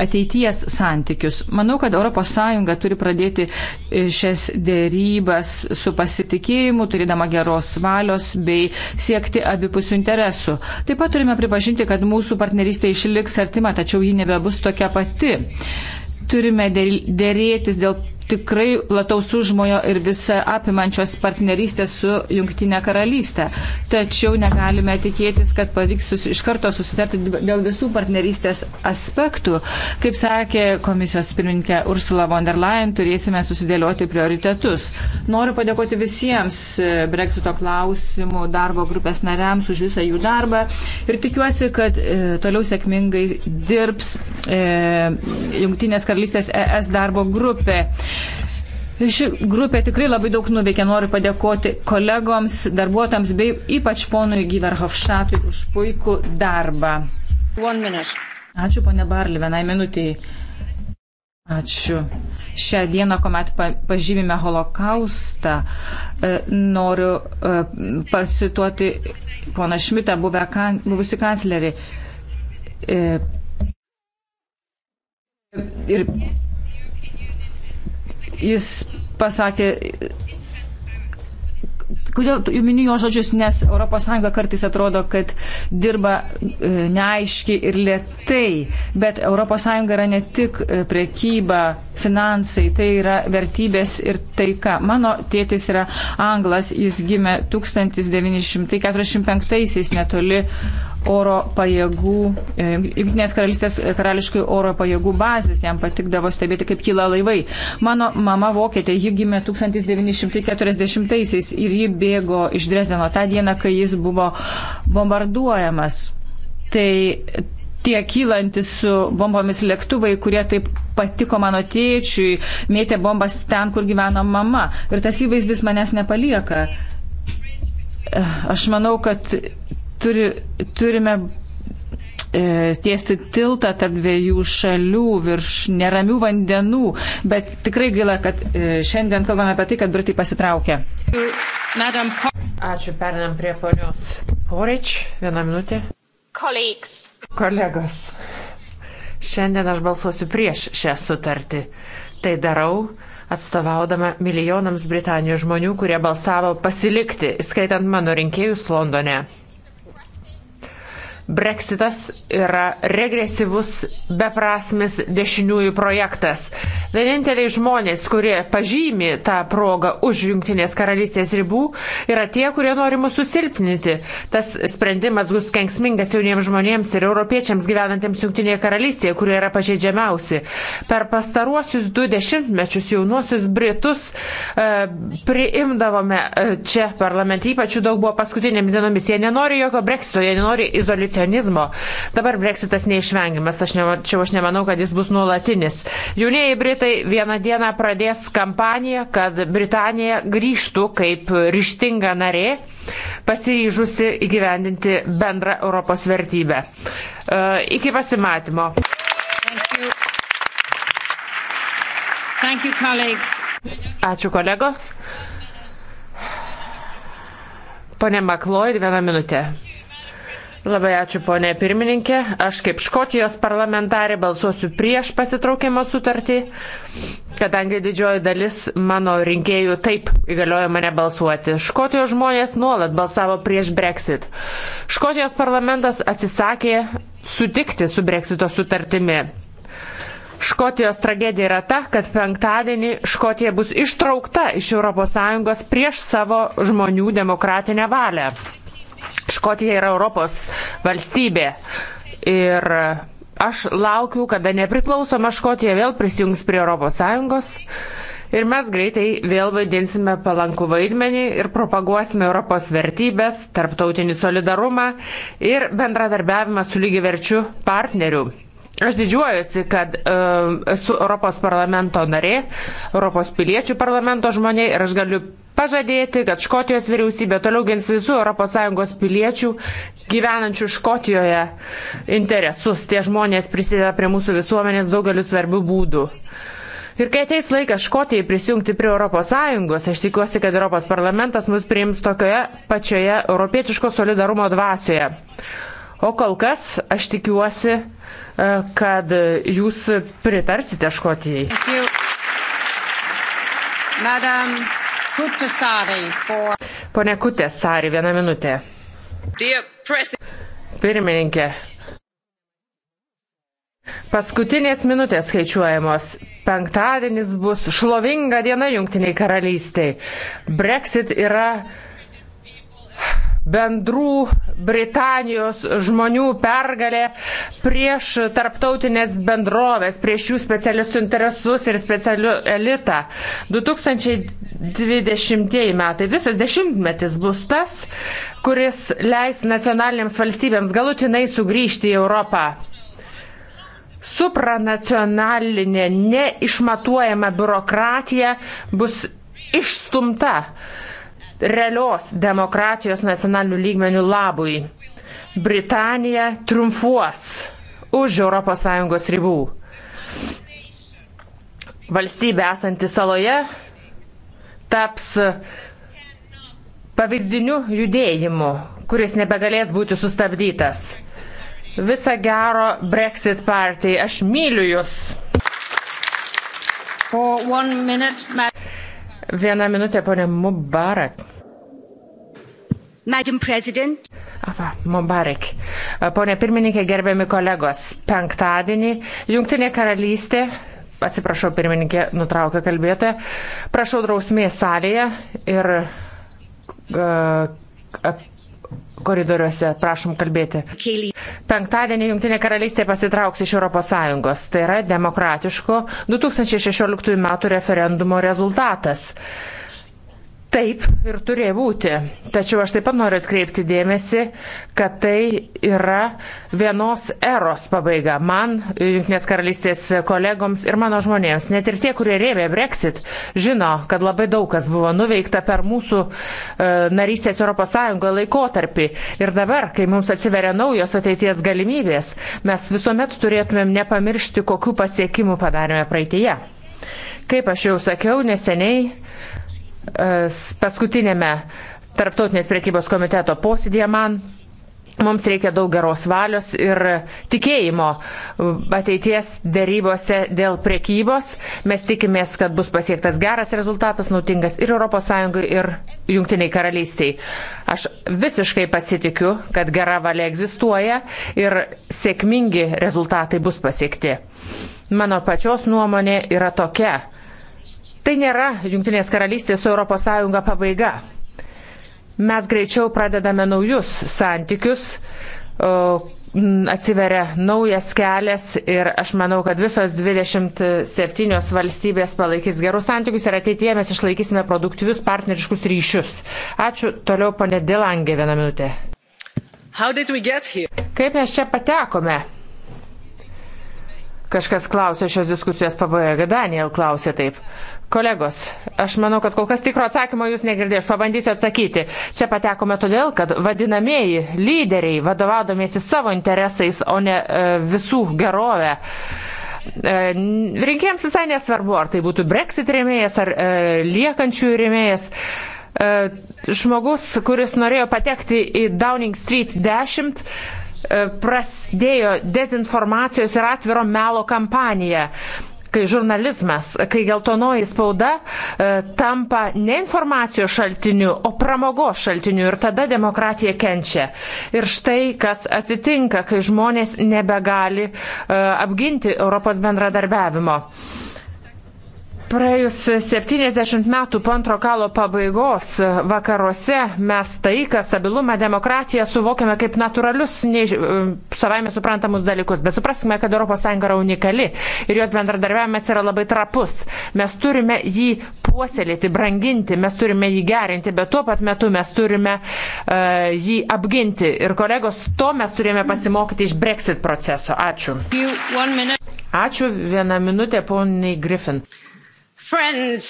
ateities santykius. Manau, kad ES turi pradėti e, šias dėrybas su pasitikėjimu, turėdama geros valios bei siekti abipusių interesų. Taip pat turime pripažinti, kad mūsų partnerystė išliks artima, tačiau ji nebebus tokia pati. Turime dėrėtis dėl tikrai plataus užmojo ir visą apimančios partnerystės su Junktinė karalystė. Tačiau negalime tikėtis, kad pavyks sus, iš karto susitarti dėl visų partnerystės aspektų. Kaip sakė komisijos pirmininkė Ursula von der Leyen, turėsime susidėlioti prioritetus. Noriu padėkoti visiems e, Brexito klausimų darbo grupės nariams už visą jų darbą ir tikiuosi, kad e, toliau sėkmingai dirbs e, Junktinės karalystės ES darbo grupė. E, Ši grupė tikrai labai daug nuveikė. Noriu padėkoti kolegoms, darbuotams bei ypač ponui Giverhofštatui už puikų darbą. Ačiū, ponė Barli, vienai minutiai. Ačiū. Šią dieną, kuomet pažymime holokaustą, e, noriu e, pasituoti poną Šmitą, kan, buvusi kanclerį. E, ir Jis pasakė, kodėl miniu jo žodžius, nes ES kartais atrodo, kad dirba e, neaiškiai ir lietai, bet ES yra ne tik e, priekyba, finansai, tai yra vertybės ir taika. Mano tėtis yra anglas, jis gimė 1945-aisiais netoli oro pajėgų, e, Junktinės karalystės e, karališkai oro pajėgų bazės, jam patikdavo stebėti, kaip kyla laivai. Mano mama vokietė, ji gimė 1940-aisiais ir ji bėgo iš Dresdeno tą dieną, kai jis buvo bombarduojamas. Tai tie kylantis su bombomis lėktuvai, kurie taip patiko mano tėčiui, mėtė bombas ten, kur gyveno mama. Ir tas įvaizdis manęs nepalieka. Aš manau, kad turi, turime e, tiesti tiltą tarp dviejų šalių virš neramių vandenų, bet tikrai gaila, kad e, šiandien kalbame apie tai, kad Britai pasitraukė. Ačiū, perinam prie ponios Poreč. Vieną minutę. Kolegs. Kolegos. Šiandien aš balsuosiu prieš šią sutartį. Tai darau atstovaudama milijonams Britanijos žmonių, kurie balsavo pasilikti, skaitant mano rinkėjus Londone. Brexitas yra regresyvus, beprasmis dešiniųjų projektas. Vieninteliai žmonės, kurie pažymi tą progą už Junktinės karalystės ribų, yra tie, kurie nori mus susilpninti. Tas sprendimas bus kenksmingas jauniems žmonėms ir europiečiams gyvenantiems Junktinėje karalystėje, kurie yra pažeidžiamiausi. Per pastaruosius du dešimtmečius jaunuosius Britus e, priimdavome e, čia parlamente, ypač jų daug buvo paskutinėmis dienomis. Jie nenori jokio Brexito, jie nenori izoliacijos protekcionizmo. Dabar breksitas neišvengiamas, aš, ne, čia, aš nemanau, kad jis bus nuolatinis. Jaunieji Britai vieną dieną pradės kampaniją, kad Britanija grįžtų kaip ryštinga narė, pasiryžusi įgyvendinti bendrą Europos vertybę. E, iki pasimatymo. Thank you. Thank you, colleagues. Ačiū kolegos. Pone Maklo ir vieną minutę. Labai ačiū, ponė pirmininkė. Aš kaip Škotijos parlamentarė balsuosiu prieš pasitraukimo sutartį, kadangi didžioji dalis mano rinkėjų taip įgaliojo mane balsuoti. Škotijos žmonės nuolat balsavo prieš Brexit. Škotijos parlamentas atsisakė sutikti su Brexito sutartimi. Škotijos tragedija yra ta, kad penktadienį Škotija bus ištraukta iš ES prieš savo žmonių demokratinę valią. Škotija yra Europos valstybė. Ir aš laukiu, kada nepriklausoma Škotija vėl prisijungs prie ES. Ir mes greitai vėl vaidinsime palankų vaidmenį ir propaguosime Europos vertybės, tarptautinį solidarumą ir bendradarbiavimą su lygiverčiu partneriu. Aš didžiuojuosi, kad uh, esu Europos parlamento narė, Europos piliečių parlamento žmonė ir aš galiu pažadėti, kad Škotijos vyriausybė toliau gins visų ES piliečių gyvenančių Škotijoje interesus. Tie žmonės prisideda prie mūsų visuomenės daugeliu svarbių būdų. Ir kai ateis laikas Škotijai prisijungti prie ES, aš tikiuosi, kad Europos parlamentas mus priims tokioje pačioje europietiško solidarumo dvasioje. O kol kas aš tikiuosi, e, kad jūs pritarsite Škotijai. Madam. For... Pone Kutesari, vieną minutę. Pirmininkė. Paskutinės minutės skaičiuojamos. Penktadienis bus šlovinga diena Junktiniai karalystiai. Brexit yra bendrų Britanijos žmonių pergalė prieš tarptautinės bendrovės, prieš jų specialius interesus ir specialių elitą. 2020 metai, visas dešimtmetis bus tas, kuris leis nacionalinėms valstybėms galutinai sugrįžti į Europą. Supranacionalinė neišmatuojama biurokratija bus išstumta realios demokratijos nacionalinių lygmenių labui. Britanija triumfuos už ES ribų. Valstybė esanti saloje taps pavyzdiniu judėjimu, kuris nebegalės būti sustabdytas. Visa gero Brexit partijai, aš myliu jūs. Minute, Viena minutė, ponė Mubarak. Ava, Mubarak. Pone pirmininkė, gerbiami kolegos, penktadienį Junktinė karalystė atsiprašau, pirmininkė nutraukė kalbėtoją. Prašau drausmės salėje ir uh, koridoriuose prašom kalbėti. Penktadienį Junktinė karalystė pasitrauks iš ES. Tai yra demokratiško 2016 m. referendumo rezultatas. Uh, Taip ir turėjo būti. Tačiau aš taip pat noriu atkreipti dėmesį, kad tai yra vienos eros pabaiga. Man, Junktinės karalystės kolegoms ir mano žmonėms, net ir tie, kurie rėmė Brexit, žino, kad labai daug kas buvo nuveikta per mūsų e, narystės ES laikotarpį. Ir dabar, kai mums atsiveria naujos ateities galimybės, mes visuomet turėtumėm nepamiršti, kokiu pasiekimu padarėme praeitėje. Kaip aš jau sakiau neseniai, paskutinėme Tarptautinės priekybos komiteto posėdėje man Mums reikia daug geros valios ir tikėjimo ateities dėrybose dėl priekybos. Mes tikimės, kad bus pasiektas geras rezultatas, nautingas ir ES, ir Junktiniai karalystiai. Aš visiškai pasitikiu, kad gera valia egzistuoja ir sėkmingi rezultatai bus pasiekti. Mano pačios nuomonė yra tokia Tai nėra Junktinės karalystės su ES pabaiga. Mes greičiau pradedame naujus santykius, atsiveria naujas kelias ir aš manau, kad visos 27 valstybės palaikys gerus santykius ir ateityje mes išlaikysime produktyvius partneriškus ryšius. Ačiū. Toliau ponė Dilangė vieną minutę. Kaip mes čia patekome? Kažkas klausė šios diskusijos pabaigoje, Daniel klausė taip. Kolegos, aš manau, kad kol kas tikro atsakymo jūs negirdėjau, aš pabandysiu atsakyti. Čia patekome todėl, kad vadinamieji lyderiai, vadovaudomėsi savo interesais, o ne e, visų gerovę, e, rinkėjams visai nesvarbu, ar tai būtų Brexit rėmėjas, ar e, liekančių rėmėjas. E, žmogus, kuris norėjo patekti į Downing Street 10, e, prasidėjo dezinformacijos ir atviro melo kampaniją kai žurnalizmas, kai geltonoji spauda e, tampa ne informacijos šaltiniu, o pramogos šaltiniu ir tada demokratija kenčia. Ir štai kas atsitinka, kai žmonės nebegali e, apginti Europos bendradarbiavimo. Praėjus 70 metų po antro kalo pabaigos e, vakaruose mes taiką, stabilumą, demokratiją suvokiame kaip natūralius, ne, e, savaime suprantamus dalykus. Bet supraskime, kad ES yra unikali ir jos bendradarbiavimas yra labai trapus. Mes turime jį puoselėti, branginti, mes turime jį gerinti, bet tuo pat metu mes turime uh, jį apginti. Ir kolegos, to mes turėjome pasimokyti iš Brexit proceso. Ačiū. Ačiū vieną minutę poniai Griffin. Friends.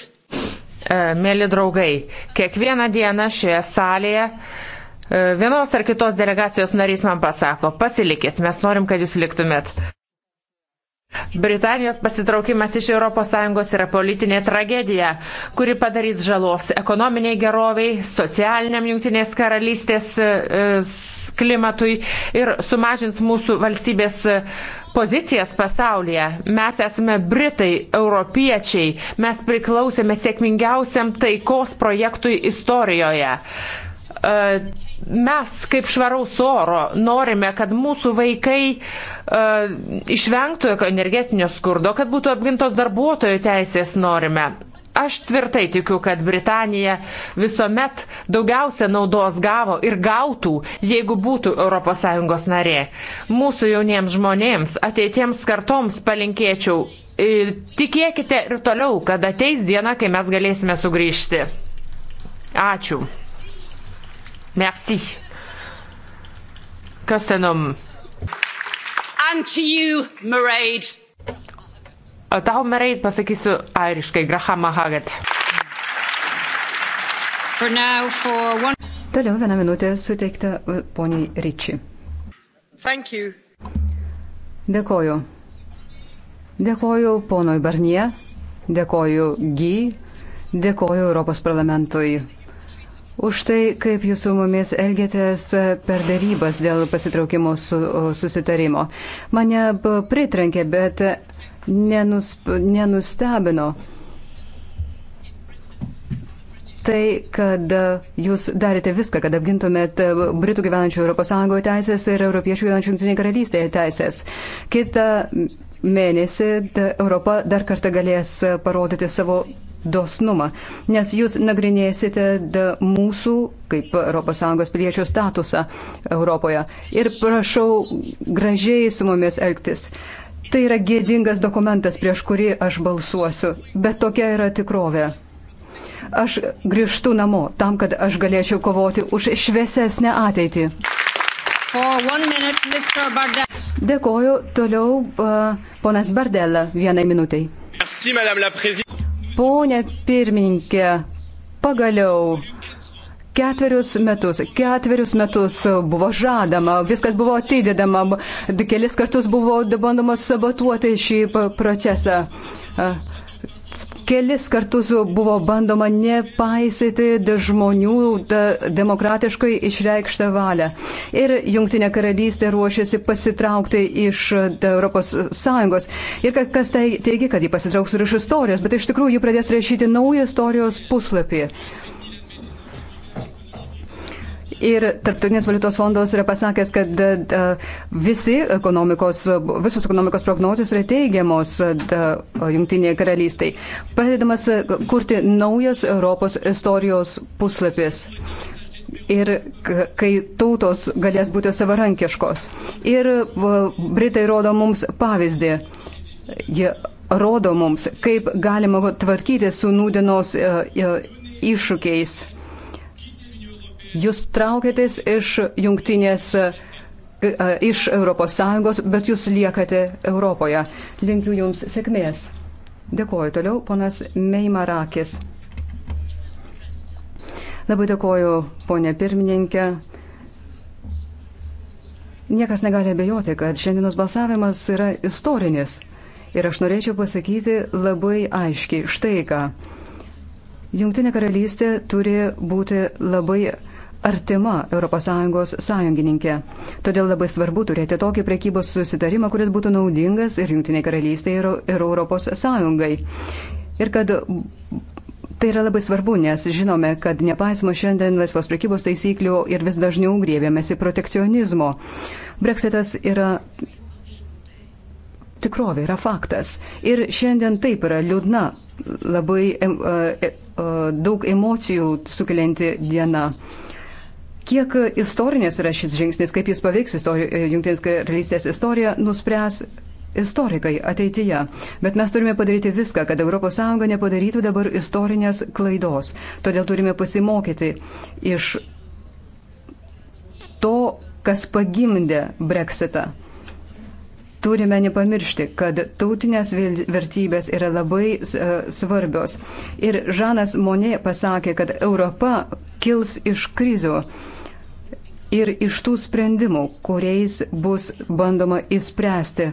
E, mėly draugai, kiekvieną dieną šioje salėje e, vienos ar kitos delegacijos narys man pasako, pasilikit, mes norim, kad jūs liktumėt. Britanijos pasitraukimas iš ES yra politinė tragedija, kuri padarys žalos ekonominiai geroviai, socialiniam jungtinės karalystės e, klimatui ir sumažins mūsų valstybės pozicijas pasaulyje. Mes esame Britai, europiečiai, mes priklausėme sėkmingiausiam taikos projektui istorijoje. E, mes kaip švaraus oro norime, kad mūsų vaikai e, išvengtų energetinio skurdo, kad būtų apgintos darbuotojų teisės norime. Aš tvirtai tikiu, kad Britanija visuomet daugiausia naudos gavo ir gautų, jeigu būtų ES narė. Mūsų jauniems žmonėms, ateitiems kartoms palinkėčiau, e, tikėkite ir toliau, kad ateis diena, kai mes galėsime sugrįžti. Ačiū. Merci. Köszönöm. And to you, Mairead. Tau, Mairead, pasakysiu airiškai, Grahamą Haggart. For now, for one... Toliau vieną minutę suteikta poniai Ryčiai. Dėkoju. Dėkoju ponui Barnie, dėkoju Gy, dėkoju Europos parlamentui už tai, kaip jūs su mumis elgėtės per darybas dėl pasitraukimo su, susitarimo. Mane pritrankė, bet nenus, nenustebino tai, kad jūs darėte viską, kad apgintumėt Britų gyvenančių ES teisės ir Europiečių gyvenančių Junktinėje karalystėje teisės. Kita mėnesį Europa dar kartą galės parodyti savo dosnumą, nes jūs nagrinėsite mūsų kaip ES piliečio statusą Europoje. Ir prašau gražiai su mumis elgtis. Tai yra gėdingas dokumentas, prieš kurį aš balsuosiu, bet tokia yra tikrovė. Aš grįžtu namo tam, kad aš galėčiau kovoti už šviesesnę ateitį. Minute, Dėkoju toliau uh, ponas Bardelą vienai minutiai. Merci, Pone pirmininkė, pagaliau Ketverius metus, ketverius metus buvo žadama, viskas buvo atidedama, kelis kartus buvo bandoma sabotuoti šį procesą. Kelis kartus buvo bandoma nepaisyti žmonių demokratiškai išreikštą valią. Ir Junktinė karalystė ruošiasi pasitraukti iš ES. Ir kas tai teigia, kad ji pasitrauks ir iš istorijos, bet iš tikrųjų ji pradės rašyti naują istorijos puslapį. Ir Tarptautinės valiutos fondos yra pasakęs, kad e, e, visi ekonomikos, visos ekonomikos prognozijos yra teigiamos e, Junktinėje karalystėje. Pradedamas kurti naujas Europos istorijos puslapis ir kai tautos galės būti savarankiškos. Ir Britai rodo mums pavyzdį. Jie rodo mums, kaip galima tvarkyti su nūdienos iššūkiais. Jūs traukėtės iš jungtinės, e, e, iš ES, bet jūs liekate Europoje. Linkiu Jums sėkmės. Dėkuoju toliau, ponas Meimarakis. Labai dėkuoju, ponė pirmininkė. Niekas negali abejoti, kad šiandienos balsavimas yra istorinis. Ir aš norėčiau pasakyti labai aiškiai štai ką. Jungtinė karalystė turi būti labai artima ES sąjungininkė. Todėl labai svarbu turėti tokį prekybos susitarimą, kuris būtų naudingas ir Junktiniai karalystėje, ir, ir Europos sąjungai. Ir kad tai yra labai svarbu, nes žinome, kad nepaisoma šiandien laisvos prekybos taisyklių ir vis dažniau griebėmėsi protekcionizmo. Brexitas yra tikrovė, yra faktas. Ir šiandien taip yra liūdna, labai e, e, daug emocijų sukelianti diena. Kiek istorinės yra šis žingsnis, kaip jis paveiks e, Junktinės karalystės istoriją, nuspręs istorikai ateityje. Bet mes turime padaryti viską, kad ES nepadarytų dabar istorinės klaidos. Todėl turime pasimokyti iš to, kas pagimdė breksitą. Turime nepamiršti, kad tautinės vertybės yra labai e, svarbios. Ir Žanas Monė pasakė, kad Europa kils iš krizių ir iš tų sprendimų, kuriais bus bandoma įspręsti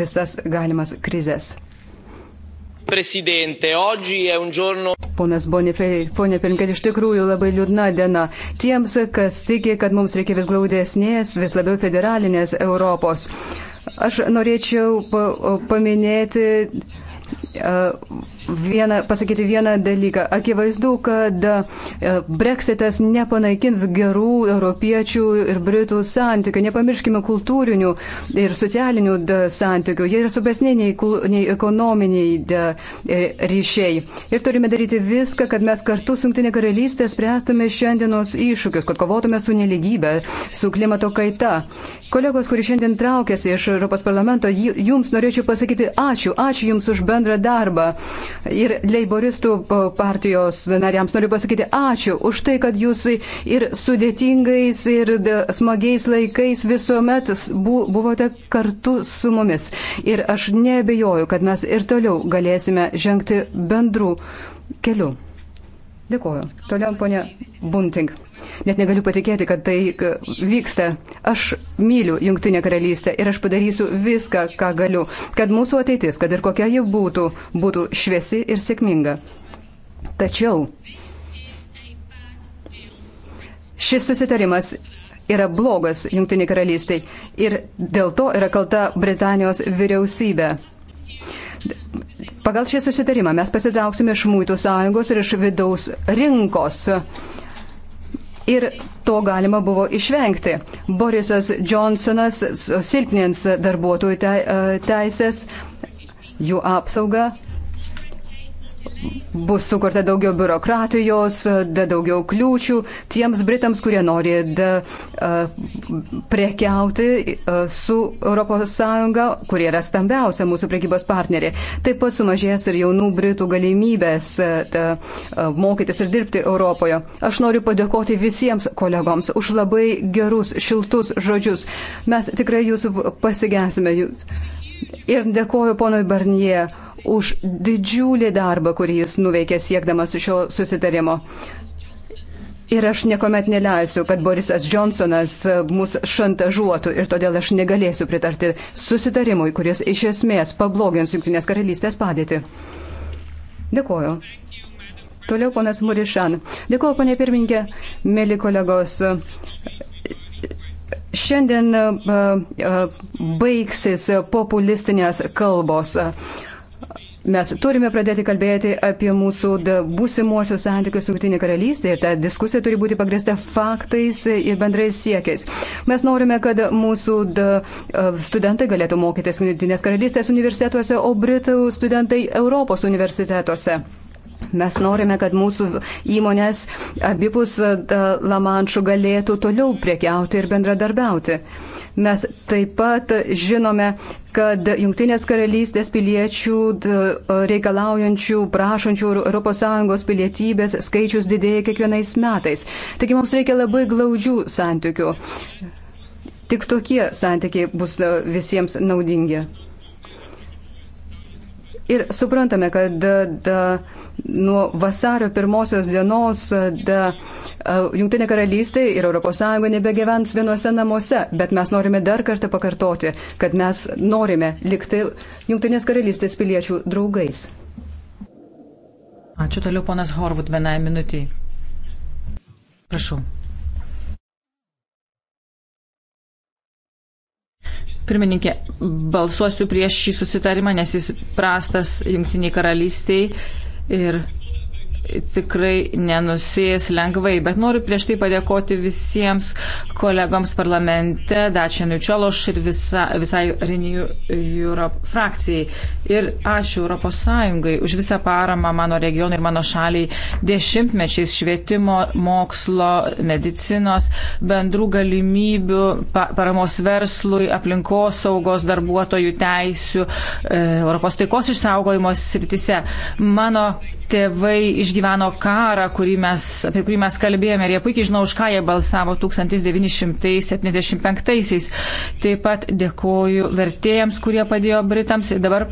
visas galimas krizės. Giorno... Ponas Bonifei, ponė Pirinkė, iš tikrųjų labai liūdna diena tiems, kas tiki, kad mums reikia vis glaudesnės, vis labiau federalinės Europos. Aš norėčiau paminėti uh, vieną, pasakyti vieną dalyką. Akivaizdu, kad e, breksitas nepanaikins gerų europiečių ir britų santykių. Nepamirškime kultūrinių ir socialinių santykių. Jie yra svarbesni nei, nei ekonominiai e, ryšiai. Ir turime daryti viską, kad mes kartu su Junktinė karalystė spręstume šiandienos iššūkius, kad kovotume su neligybė, su klimato kaita. Kolegos, kurie šiandien traukėsi iš Europos parlamento, jums norėčiau pasakyti ačiū, ačiū jums už bendrą darbą ir leiboristų partijos nariams noriu pasakyti ačiū už tai, kad jūs ir sudėtingais, ir smagiais laikais visuomet buvote kartu su mumis. Ir aš nebejoju, kad mes ir toliau galėsime žengti bendrų kelių. Dėkuoju. Toliau, ponia Bunting. Net negaliu patikėti, kad tai vyksta. Aš myliu Junktinę karalystę ir aš padarysiu viską, ką galiu, kad mūsų ateitis, kad ir kokia ji būtų, būtų šviesi ir sėkminga. Tačiau šis susitarimas yra blogas Junktinė karalystė ir dėl to yra kalta Britanijos vyriausybė. Pagal šį susitarimą mes pasitrauksime iš mūtų sąjungos ir iš vidaus rinkos. Ir to galima buvo išvengti. Borisas Johnsonas silpnins darbuotojų e, teisės, jų apsaugą bus sukurta daugiau biurokratijos, da daugiau kliūčių tiems Britams, kurie nori da, prekiauti su ES, kurie yra stambiausia mūsų prekybos partnerė. Taip pat sumažės ir jaunų Britų galimybės da, mokytis ir dirbti Europoje. Aš noriu padėkoti visiems kolegoms už labai gerus, šiltus žodžius. Mes tikrai jūsų pasigesime. Ir dėkoju ponui Barnie už didžiulį darbą, kurį jis nuveikė siekdamas šio susitarimo. Ir aš niekuomet neleisiu, kad Borisas Johnsonas mus šantažuotų ir todėl aš negalėsiu pritarti susitarimui, kuris iš esmės pablogins Junktinės karalystės padėtį. Dėkuoju. Toliau ponas Murišan. Dėkuoju, ponė pirmininkė, mėly kolegos. Šiandien baigsis populistinės kalbos. Uh, Mes turime pradėti kalbėti apie mūsų būsimuosius santykius su Junktinė karalystė ir ta diskusija turi būti pagrįsta faktais ir bendrais siekiais. Mes norime, kad mūsų da, studentai galėtų mokytis Junktinės karalystės universitetuose, o Britų studentai Europos universitetuose. Mes norime, kad mūsų įmonės abipus Lamančių galėtų toliau priekiauti ir bendradarbiauti. Mes taip pat žinome, kad Junktinės karalystės piliečių reikalaujančių, prašančių ES pilietybės skaičius didėja kiekvienais metais. Taigi mums reikia labai glaudžių santykių. Tik tokie santykiai bus visiems naudingi. Ir suprantame, kad da, da, nuo vasario pirmosios dienos da, Junktinė karalystė ir ES nebegyvens vienuose namuose, bet mes norime dar kartą pakartoti, kad mes norime likti Junktinės karalystės piliečių draugais. Ačiū toliau, ponas Horvud, vienai minutiai. Prašau. Pirmininkė, balsuosiu prieš šį susitarimą, nes jis prastas Junktiniai karalystiai ir tikrai nenusės lengvai, bet noriu prieš tai padėkoti visiems kolegoms parlamente, Dačianui Čiološ ir visa, visai Renew Europe frakcijai. Ir ačiū Europos Sąjungai už visą paramą mano regionui ir mano šaliai dešimtmečiais švietimo, mokslo, medicinos, bendrų galimybių, paramos verslui, aplinkos saugos, darbuotojų teisių, e, Europos taikos išsaugojimo sritise. Mano tėvai iš išgyveno karą, kurį mes, apie kurį mes kalbėjome ir jie puikiai žino, už ką jie balsavo 1975-aisiais. Taip pat dėkoju vertėjams, kurie padėjo Britams ir dabar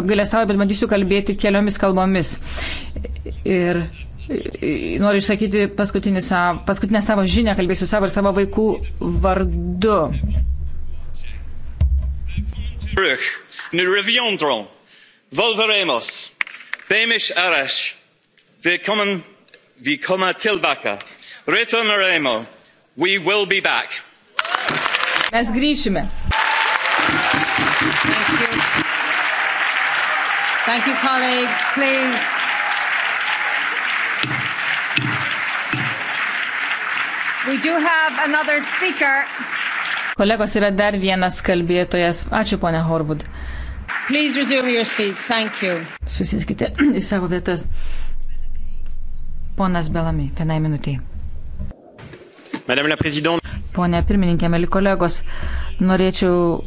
apgailestauju, bet bandysiu kalbėti keliomis kalbomis. Ir noriu išsakyti savo, paskutinę savo žinią, kalbėsiu savo ir savo vaikų vardu. Nous reviendrons, volveremos. Beimish Arash, Willkommen, Willkommen Tilbaka, Retornaremo, we will be back. Mes grįšime. Thank you. Thank you, colleagues. Please. We do have another speaker. Kolegos yra dar vienas kalbėtojas. Ačiū, ponia Horvud. Susiskite į savo vietas. Ponas Belami, vienai minutiai. Pone pirmininkė, mėly kolegos, norėčiau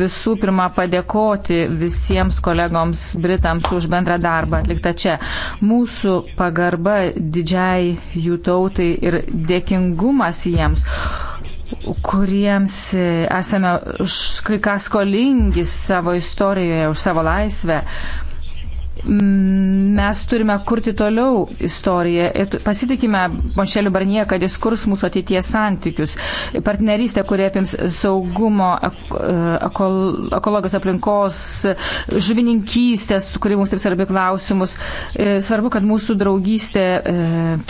visų pirma padėkoti visiems kolegoms Britams už bendrą darbą atliktą čia. Mūsų pagarba didžiai jų tautai ir dėkingumas jiems kuriems e, esame už kai ką skolingi savo istorijoje, už savo laisvę. Mm, mes turime kurti toliau istoriją ir pasitikime Monšeliu Barnie, kad jis kurs mūsų ateities santykius. Partnerystė, kurie apims saugumo, e, ekologijos aplinkos, žuvininkystės, kuri mums taip svarbi klausimus. E, svarbu, kad mūsų draugystė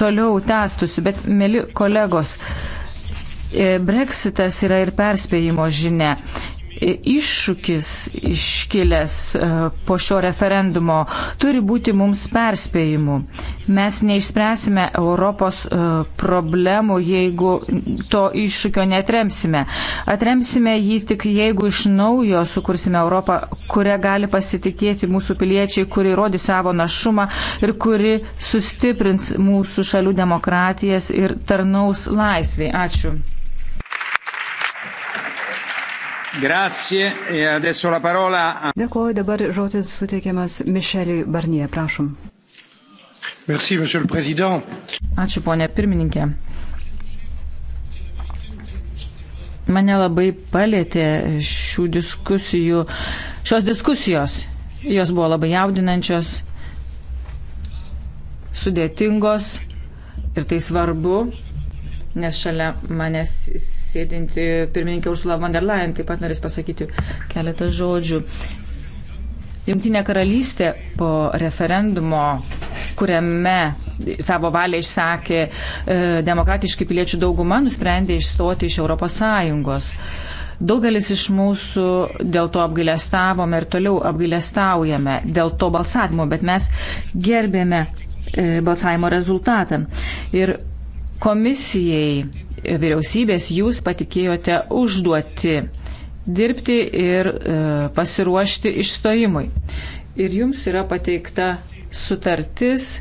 toliau tęstusi, bet, mėly kolegos, E, Brexitas yra ir perspėjimo žinia. E, iššūkis iškilęs e, po šio referendumo turi būti mums perspėjimu. Mes neišspręsime Europos problemų, jeigu to iššūkio netremsime. Atremsime jį tik jeigu iš naujo sukursime Europą, kurią gali pasitikėti mūsų piliečiai, kuri rodi savo našumą ir kuri sustiprins mūsų šalių demokratijas ir tarnaus laisvėj. Ačiū. Grazie. E adesso la parola. Dėkuoju, dabar žodis suteikiamas Mišeliui Barnie, prašom. Merci, monsieur le président. Ačiū, ponė pirmininkė. Mane labai palėtė šių diskusijų, šios diskusijos. Jos buvo labai jaudinančios, sudėtingos ir tai svarbu, nes šalia manęs sėdinti pirmininkė Ursula von der Leyen taip pat norės pasakyti keletą žodžių. Junktinė karalystė po referendumo, kuriame savo valią išsakė e, demokratiški piliečių dauguma, nusprendė išstoti iš ES. Daugelis iš mūsų dėl to apgailestavome ir toliau apgailestaujame dėl to balsavimo, bet mes gerbėme e, balsavimo rezultatą. Ir komisijai vyriausybės jūs patikėjote užduoti dirbti ir e, pasiruošti išstojimui. Ir jums yra pateikta sutartis,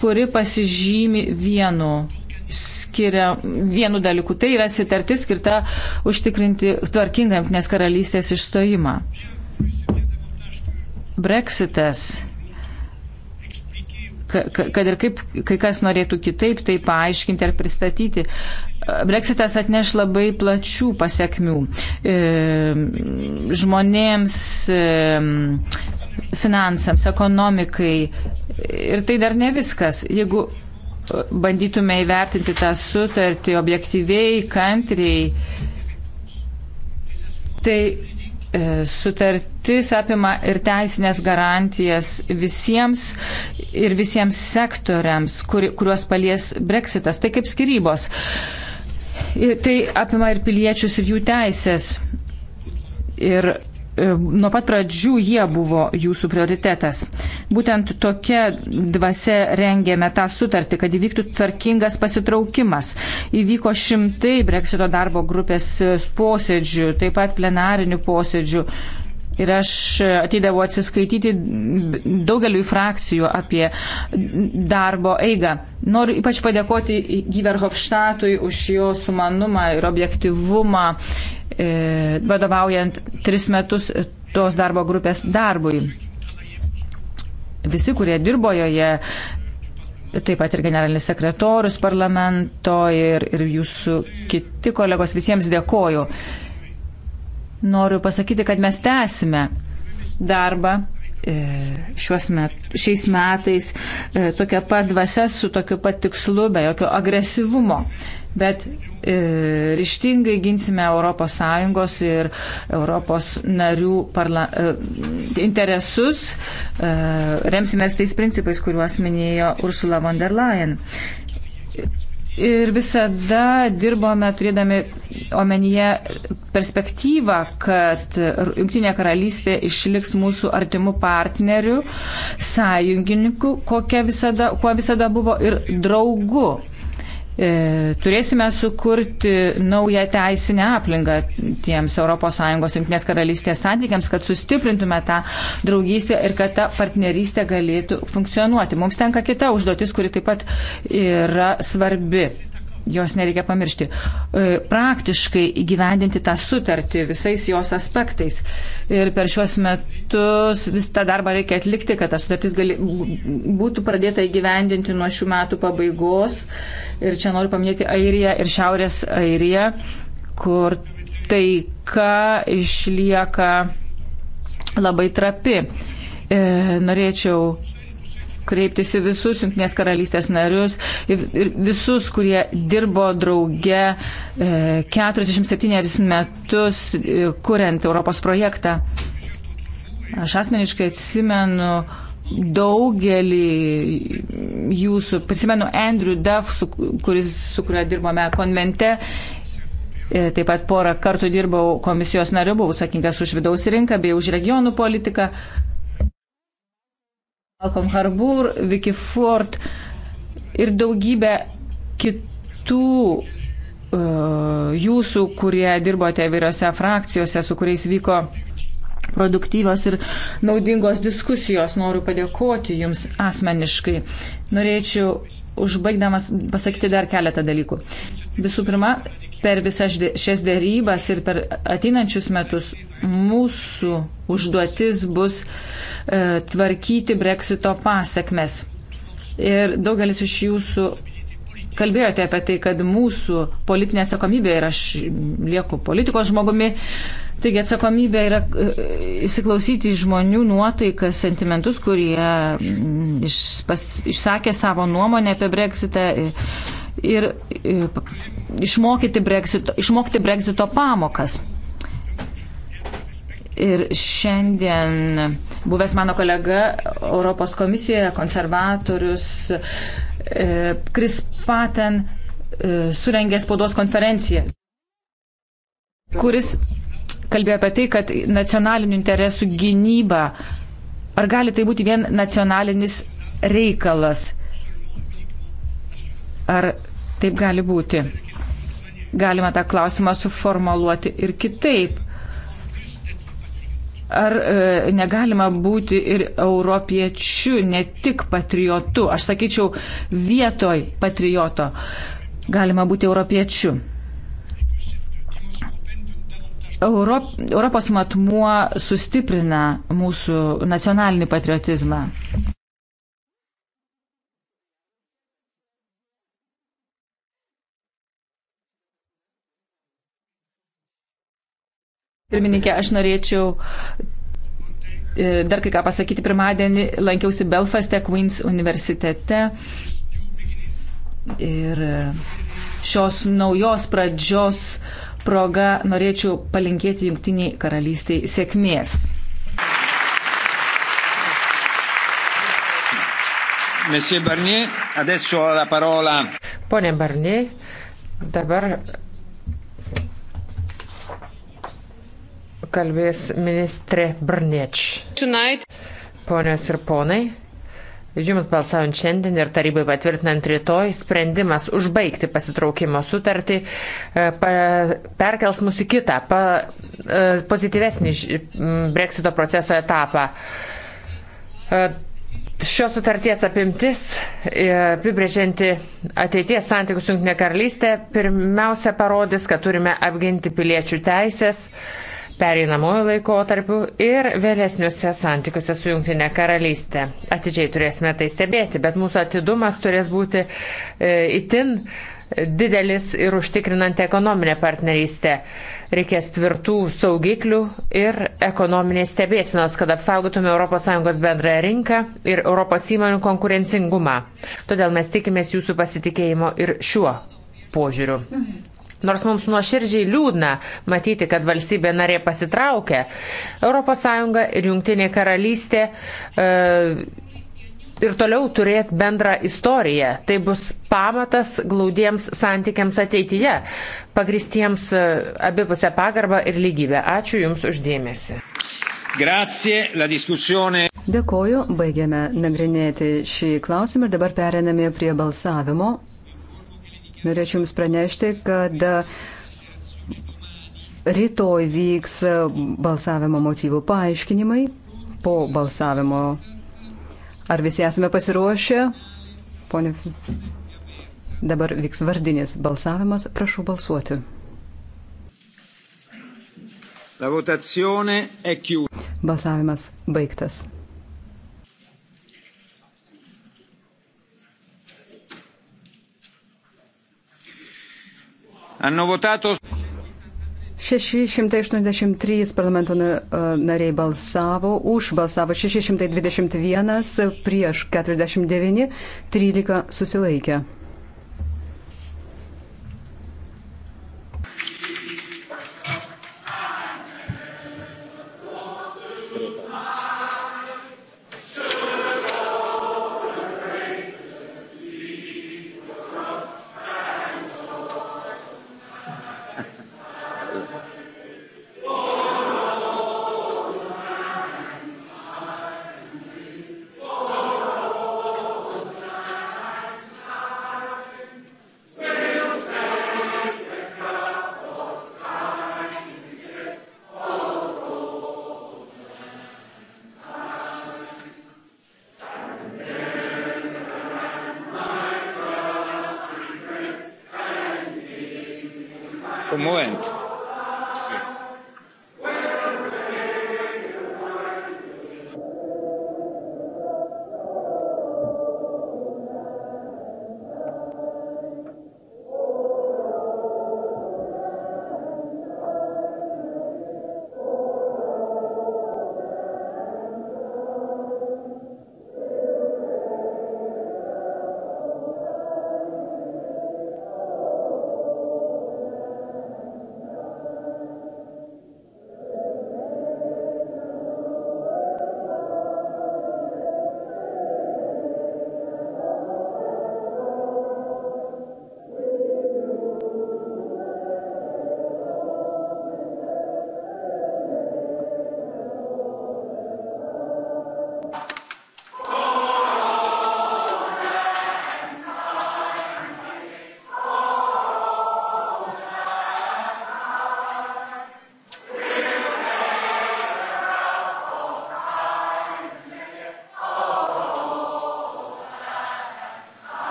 kuri pasižymi vienu skiria vienu dalyku. Tai yra sitartis skirta užtikrinti tvarkingą jungtinės karalystės išstojimą. Brexitas kad ir kaip kai kas norėtų kitaip tai paaiškinti ar pristatyti. Brexitas atneš labai plačių pasiekmių e, žmonėms, e, finansams, ekonomikai. Ir tai dar ne viskas. Jeigu e, bandytume įvertinti tą sutartį objektyviai, kantriai, tai E, sutartis apima ir teisinės garantijas visiems ir visiems sektoriams, kur, kuriuos palies breksitas, tai kaip skirybos. Ir tai apima ir piliečius, ir jų teisės. Ir E, nuo pat pradžių jie buvo jūsų prioritetas. Būtent tokia dvasia rengėme tą sutartį, kad įvyktų tvarkingas pasitraukimas. Įvyko šimtai Brexito darbo grupės posėdžių, taip pat plenarinių posėdžių. Ir aš ateidavau atsiskaityti daugeliu frakcijų apie darbo eigą. Noriu ypač padėkoti Giverhofštatui už jo sumanumą ir objektivumą, e, vadovaujant tris metus tos darbo grupės darbui. Visi, kurie dirbo joje, taip pat ir generalinis sekretorius parlamento ir, ir jūsų kiti kolegos, visiems dėkoju. Noriu pasakyti, kad mes tęsime darbą e, šiuos met, šiais metais e, tokia pat dvasia su tokiu pat tikslu, be jokio agresyvumo. Bet e, ryštingai ginsime ES ir ES narių parla, e, interesus, e, remsimės tais principais, kuriuos minėjo Ursula von der Leyen. Ir visada dirbome turėdami omenyje perspektyvą, kad Junktinė karalystė išliks mūsų artimų partnerių, sąjungininkų, visada, kuo visada buvo ir draugu. E, turėsime sukurti naują teisinę aplinką tiems ES Junktinės karalystės santykiams, kad sustiprintume tą draugystę ir kad ta partnerystė galėtų funkcionuoti. Mums tenka kita užduotis, kuri taip pat yra svarbi jos nereikia pamiršti, e, praktiškai įgyvendinti tą sutartį visais jos aspektais. Ir per šiuos metus vis tą darbą reikia atlikti, kad ta sutartis gali, būtų pradėta įgyvendinti nuo šių metų pabaigos. Ir čia noriu paminėti Airiją ir Šiaurės Airiją, kur taika išlieka labai trapi. E, norėčiau kreiptis į visus Junktinės karalystės narius ir visus, kurie dirbo drauge 47 e, metus e, kuriant Europos projektą. Aš asmeniškai atsimenu daugelį jūsų, prisimenu Andrew Duff, su, kuris, su kuria dirbome konvente e, Taip pat porą kartų dirbau komisijos nariu, buvau atsakingas už vidaus rinką bei už regionų politiką. Malcolm Harbour, Vicky Ford ir daugybė kitų uh, jūsų, kurie dirbote vyriose frakcijose, su kuriais vyko produktyvios ir naudingos diskusijos. Noriu padėkoti Jums asmeniškai. Norėčiau užbaigdamas pasakyti dar keletą dalykų. Visų pirma, per visas šias dėrybas ir per ateinančius metus mūsų užduotis bus e, tvarkyti breksito pasiekmes. Ir daugelis iš jūsų kalbėjote apie tai, kad mūsų politinė atsakomybė ir aš lieku politikos žmogumi. Taigi atsakomybė yra e, įsiklausyti žmonių nuotaiką, sentimentus, kurie mm, iš, pas, išsakė savo nuomonę apie breksitą ir, ir išmokyti Brexito, išmokti Brexito pamokas. Ir šiandien buvęs mano kolega Europos komisijoje, konservatorius Kris e, Paten e, surengė spaudos konferenciją, kuris kalbėjo apie tai, kad nacionalinių interesų gynyba, ar gali tai būti vien nacionalinis reikalas, ar taip gali būti. Galima tą klausimą suformuoluoti ir kitaip. Ar e, negalima būti ir europiečiu, ne tik patriotu, aš sakyčiau, vietoj patrioto, galima būti europiečiu. Europ, Europos matmuo sustiprina mūsų nacionalinį patriotizmą. pirmininkė, aš norėčiau e, dar kai ką pasakyti. Pirmadienį lankiausi Belfaste, Queen's universitete. Ir šios naujos pradžios proga norėčiau palinkėti Junktiniai karalystiai sėkmės. Barnier, Pone Barnier, dabar kalbės ministrė Brnieč. Tonight. Ponios ir ponai, Jums balsaujant šiandien ir tarybai patvirtinant rytoj, sprendimas užbaigti pasitraukimo sutartį e, pa, perkels mus į kitą, pa, e, pozityvesnį breksito proceso etapą. E, šios sutarties apimtis, apibrėžianti ateities santykius su Junktinė karalystė, pirmiausia parodys, kad turime apginti piliečių teisės pereinamojo laikotarpiu ir vėlesniuose santykiuose su Junktinė karalystė. Atidžiai turėsime tai stebėti, bet mūsų atidumas turės būti e, itin didelis ir užtikrinant ekonominę partnerystę. Reikės tvirtų saugiklių ir ekonominės stebėsinos, kad apsaugotume ES bendrąją rinką ir Europos įmonių konkurencingumą. Todėl mes tikimės jūsų pasitikėjimo ir šiuo požiūriu. Mhm. Nors mums nuoširdžiai liūdna matyti, kad valstybė narė pasitraukė, ES ir Junktinė karalystė e, ir toliau turės bendrą istoriją. Tai bus pamatas glaudiems santykiams ateityje, pagristiems e, abipusę pagarbą ir lygybę. Ačiū Jums uždėmesi. Grazie, la diskusione. Dėkoju, baigėme nagrinėti šį klausimą ir dabar periname prie balsavimo. Norėčiau Jums pranešti, kad rytoj vyks balsavimo motyvų paaiškinimai po balsavimo. Ar visi esame pasiruošę? Pone, dabar vyks vardinis balsavimas. Prašau balsuoti. Balsavimas baigtas. Hanno votato 683 parlamento e, nariai balsavo, už balsavo 621, prieš 49, 13 susilaikė.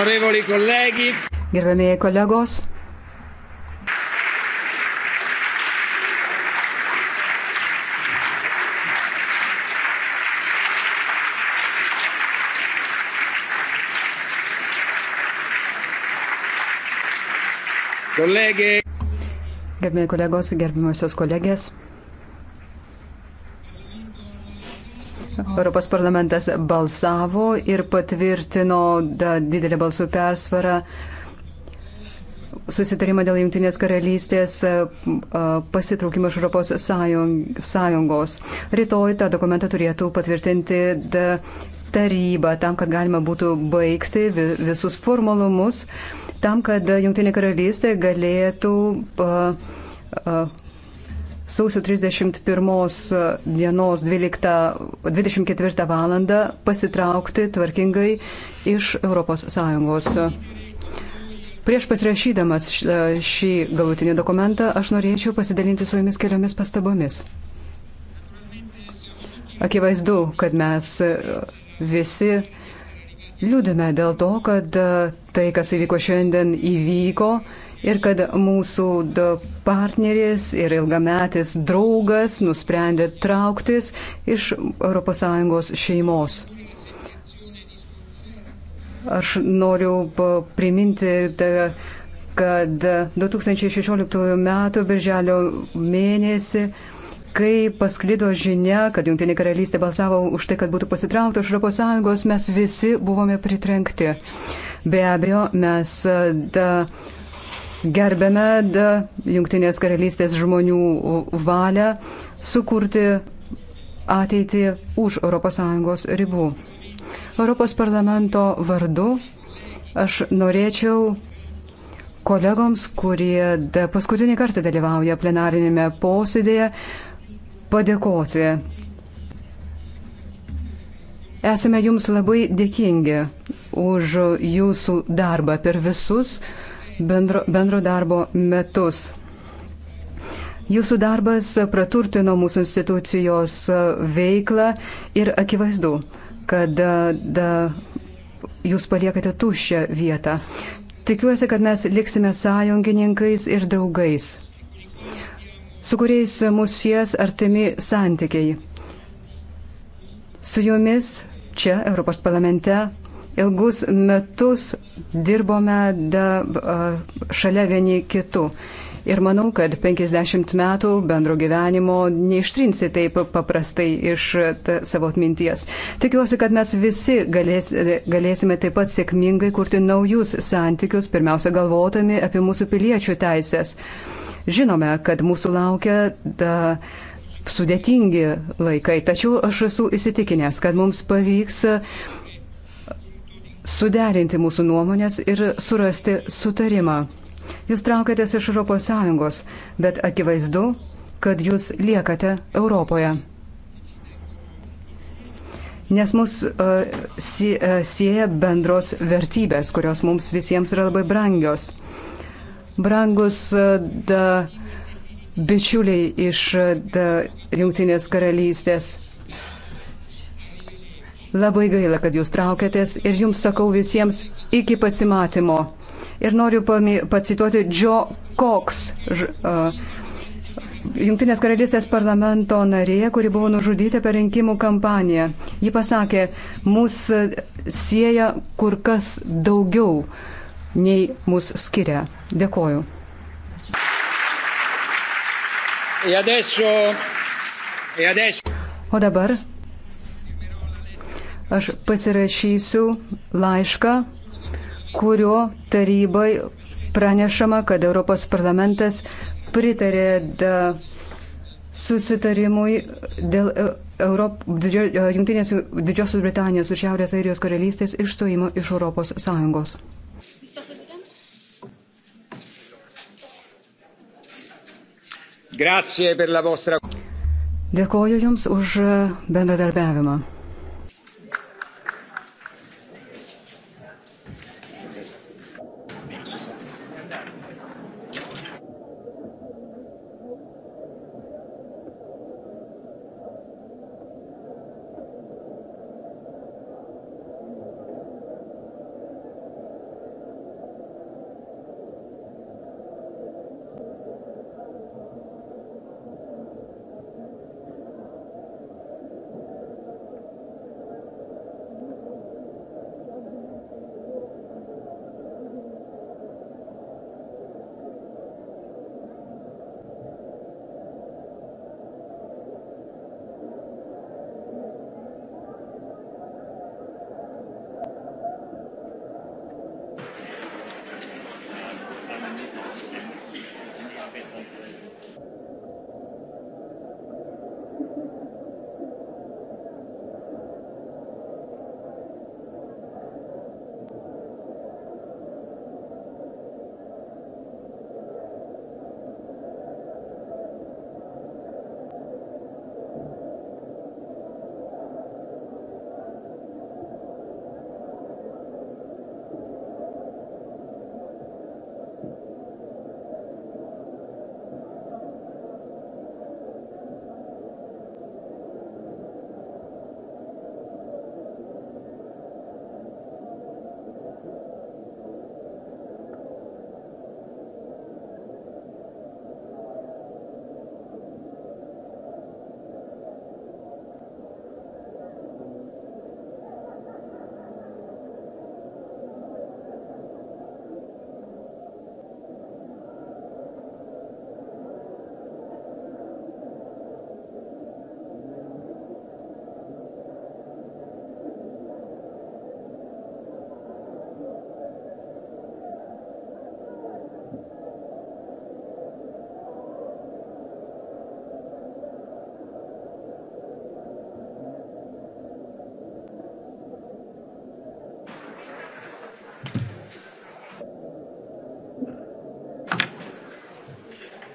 Onorevoli colleghi. Gerbėmėjai kolegos. Kolegė. Gerbėjai kolegos, gerbimusios kolegės. Europos parlamentas balsavo ir patvirtino didelę balsų persvarą susitarimą dėl Junktinės karalystės pasitraukimo iš Europos sąjungos. Rytoj tą dokumentą turėtų patvirtinti taryba tam, kad galima būtų baigti visus formalumus, tam, kad Junktinė karalystė galėtų. Uh, uh, sausio 31 dienos 12, 24 val. pasitraukti tvarkingai iš ES. Prieš pasirašydamas e, šį galutinį dokumentą aš norėčiau pasidalinti su jumis keliomis pastabomis. Akivaizdu, kad mes e, visi liūdime dėl to, kad e, tai, kas įvyko šiandien, įvyko ir kad mūsų partneris ir ilgametis draugas nusprendė trauktis iš ES šeimos. Aš noriu priminti, kad 2016 m. birželio mėnesį kai pasklido žinia, kad Junktinė karalystė balsavo už tai, kad būtų pasitraukta iš Europos Sąjungos, mes visi buvome pritrenkti. Be abejo, mes da, gerbėme Junktinės karalystės žmonių valią sukurti ateitį už ES ribų. Europos parlamento vardu aš norėčiau kolegoms, kurie paskutinį kartą dalyvauja plenarinėme posėdėje, padėkoti. Esame jums labai dėkingi už jūsų darbą per visus bendro, bendro darbo metus. Jūsų darbas praturtino mūsų institucijos veiklą ir akivaizdu, kad e, da, jūs paliekate tuščią vietą. Tikiuosi, kad mes liksime sąjungininkais ir draugais, su kuriais mūsų sies artimi santykiai. Su jumis čia Europos parlamente ilgus metus dirbome da, šalia vieni kitų. Ir manau, kad 50 metų bendro gyvenimo neištrinsi taip paprastai iš ta, savo atminties. Tikiuosi, kad mes visi galės, galėsime taip pat sėkmingai kurti naujus santykius, pirmiausia galvodami apie mūsų piliečių teisės. Žinome, kad mūsų laukia ta, sudėtingi laikai, tačiau aš esu įsitikinęs, kad mums pavyks suderinti mūsų nuomonės ir surasti sutarimą. Jūs traukatės iš ES, bet akivaizdu, kad jūs liekate Europoje. Nes mus uh, si, uh, sieja bendros vertybės, kurios mums visiems yra labai brangios. Brangus uh, da, bičiuliai iš da, Jungtinės karalystės Labai gaila, kad jūs traukėtės ir jums sakau visiems iki pasimatymo. Ir noriu pacituoti Joe Cox, ž, uh, Junktinės karalystės parlamento narė, kuri buvo nužudyta per rinkimų kampaniją. Ji pasakė, mus e, sieja kur kas daugiau nei mus skiria. Dėkoju. E e o dabar aš pasirašysiu laišką, kurio tarybai pranešama, kad Europos parlamentas pritarė susitarimui dėl Europ, didžio, Junktinės Didžiosios Britanijos ir Šiaurės Airijos karalystės išstojimo iš Europos Sąjungos. Vostra... Dėkoju Jums už bendradarbiavimą.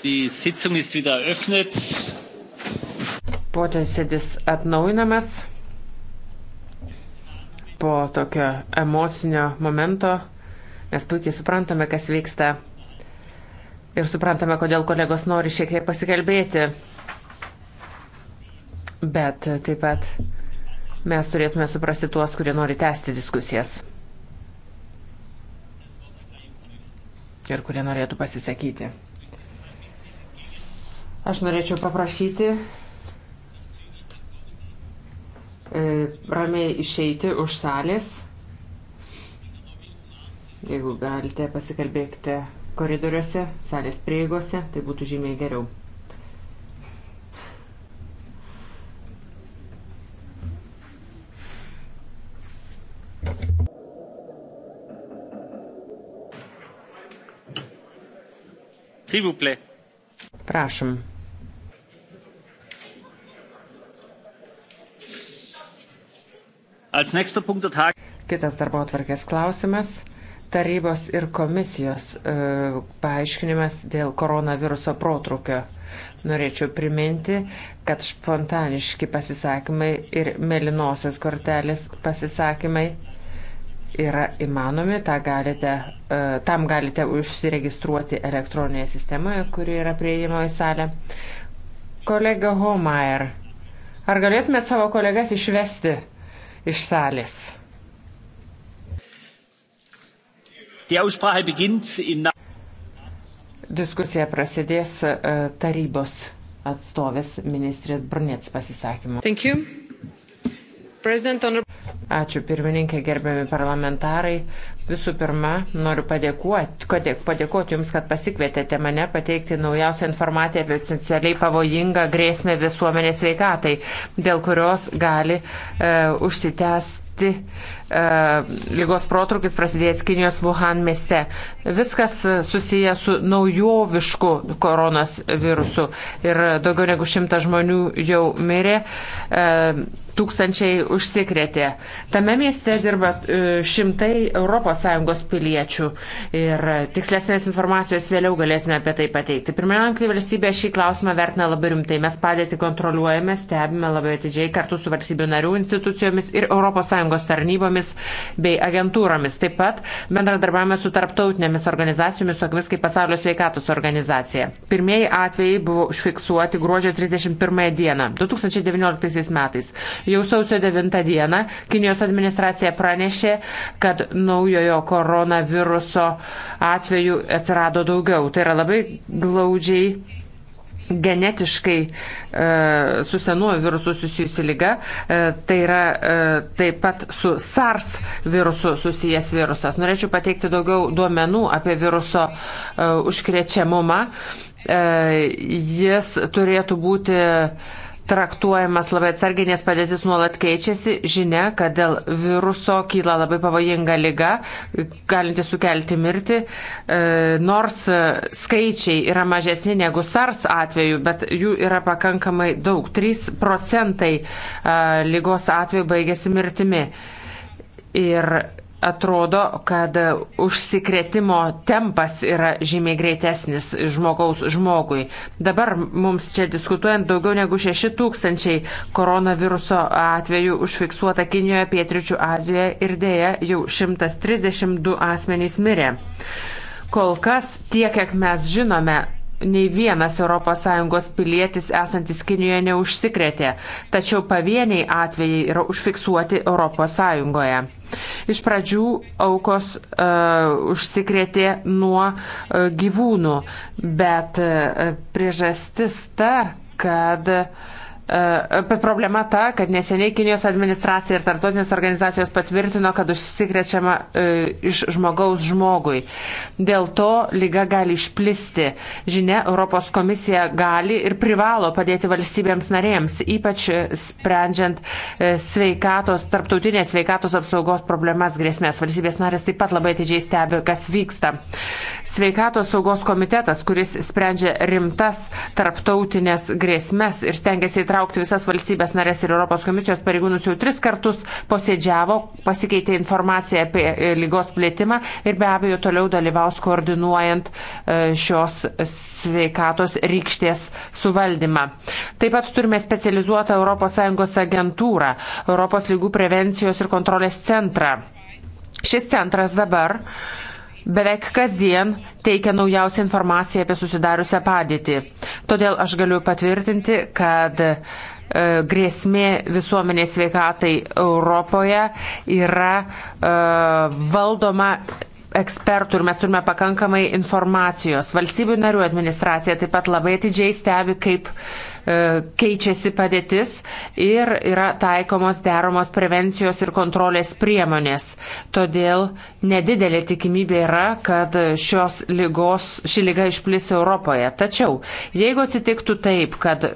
Die Sitzung ist wieder eröffnet. Potensėdis atnaujinamas po tokio emocinio momento. Mes puikiai suprantame, kas vyksta ir suprantame, kodėl kolegos nori šiek tiek pasikalbėti. Bet taip pat mes turėtume suprasti tuos, kurie nori tęsti diskusijas. Ir kurie norėtų pasisakyti. Aš norėčiau paprašyti e, ramiai išeiti už salės. Jeigu galite, pasikalbėkite koridoriuose, salės prieigose, tai būtų žymiai geriau. S'il vous plaît. Prašom. Kitas darbo atvarkės klausimas - tarybos ir komisijos e, paaiškinimas dėl koronaviruso protrukio. Norėčiau priminti, kad spontaniški pasisakymai ir melinosios kortelės pasisakymai yra įmanomi. Ta galite, e, tam galite užsiregistruoti elektroninėje sistemoje, kuri yra prieimo į salę. Kolega Homayer, ar galėtumėt savo kolegas išvesti? iš salės. Diskusija prasidės e, tarybos atstovės ministrės Brunets pasisakymu. Ačiū pirmininkė, gerbiami parlamentarai. Visų pirma, noriu padėkuoti, padėkoti Jums, kad pasikvietėte mane pateikti naujausią informaciją apie socialiai pavojingą grėsmę visuomenės veikatai, dėl kurios gali e, užsitęsti e, E, lygos protrukis prasidėjęs Kinijos Wuhan mieste. Viskas susiję su naujovišku koronos virusu ir daugiau negu šimtas žmonių jau mirė. E, tūkstančiai užsikrėtė. Tame mieste dirba e, šimtai ES piliečių ir tikslesnės informacijos vėliau galėsime apie tai pateikti. Pirmiausia, valstybė šį klausimą vertina labai rimtai. Mes padėti kontroliuojame, stebime labai atidžiai kartu su valstybių narių institucijomis ir ES tarnybomis įstaigomis bei agentūromis. Taip pat bendradarbiavame su tarptautinėmis organizacijomis, tokiamis kaip Pasaulio sveikatos organizacija. Pirmieji atvejai buvo užfiksuoti gruodžio 31 dieną, 2019 metais. Jau sausio 9 dieną Kinijos administracija pranešė, kad naujojo koronaviruso atvejų atsirado daugiau. Tai yra labai glaudžiai genetiškai e, su senuoju virusu susijusi lyga, e, tai yra e, taip pat su SARS virusu susijęs virusas. Norėčiau pateikti daugiau duomenų apie viruso e, užkrečiamumą. E, jis turėtų būti e, traktuojamas labai atsargiai, nes padėtis nuolat keičiasi. Žinia, kad dėl viruso kyla labai pavojinga lyga, galinti sukelti mirtį. E, nors skaičiai yra mažesni negu SARS atveju, bet jų yra pakankamai daug. 3 procentai e, lygos atveju baigėsi mirtimi. Ir atrodo, kad užsikrėtimo tempas yra žymiai greitesnis žmogaus žmogui. Dabar mums čia diskutuojant daugiau negu 6 tūkstančiai koronaviruso atvejų užfiksuota Kinijoje, Pietričių Azijoje ir dėja jau 132 asmenys mirė. Kol kas tiek, kiek mes žinome, nei vienas ES pilietis esantis Kinijoje neužsikrėtė, tačiau pavieniai atvejai yra užfiksuoti ES. Iš pradžių aukos uh, užsikrėtė nuo uh, gyvūnų, bet uh, priežastis ta, kad uh, Bet problema ta, kad neseniai Kinijos administracija ir tartotinės organizacijos patvirtino, kad užsikrečiama e, iš žmogaus žmogui. Dėl to lyga gali išplisti. Žinia, Europos komisija gali ir privalo padėti valstybėms narėms, ypač e, sprendžiant e, sveikatos, tarptautinės sveikatos apsaugos problemas grėsmės. Valstybės narės taip pat labai atidžiai stebi, kas vyksta. Sveikatos saugos komitetas, kuris sprendžia rimtas tarptautinės grėsmės ir stengiasi įtraukti įtraukti visas valstybės narės ir Europos komisijos pareigūnus jau tris kartus posėdžiavo, pasikeitė informaciją apie e, lygos plėtimą ir be abejo toliau dalyvaus koordinuojant e, šios sveikatos rykštės suvaldymą. Taip pat turime specializuotą ES agentūrą, Europos lygų prevencijos ir kontrolės centrą. Šis centras dabar uh, beveik kasdien teikia naujausią informaciją apie susidariusią padėtį. Todėl aš galiu patvirtinti, kad e, grėsmė visuomenės sveikatai Europoje yra e, valdoma ekspertų ir mes turime pakankamai informacijos. Valstybių narių administracija taip pat labai atidžiai stebi, kaip E, keičiasi padėtis ir yra taikomos deromos prevencijos ir kontrolės priemonės. Todėl nedidelė tikimybė yra, kad šios lygos, ši lyga išplis Europoje. Tačiau, jeigu atsitiktų taip, kad e,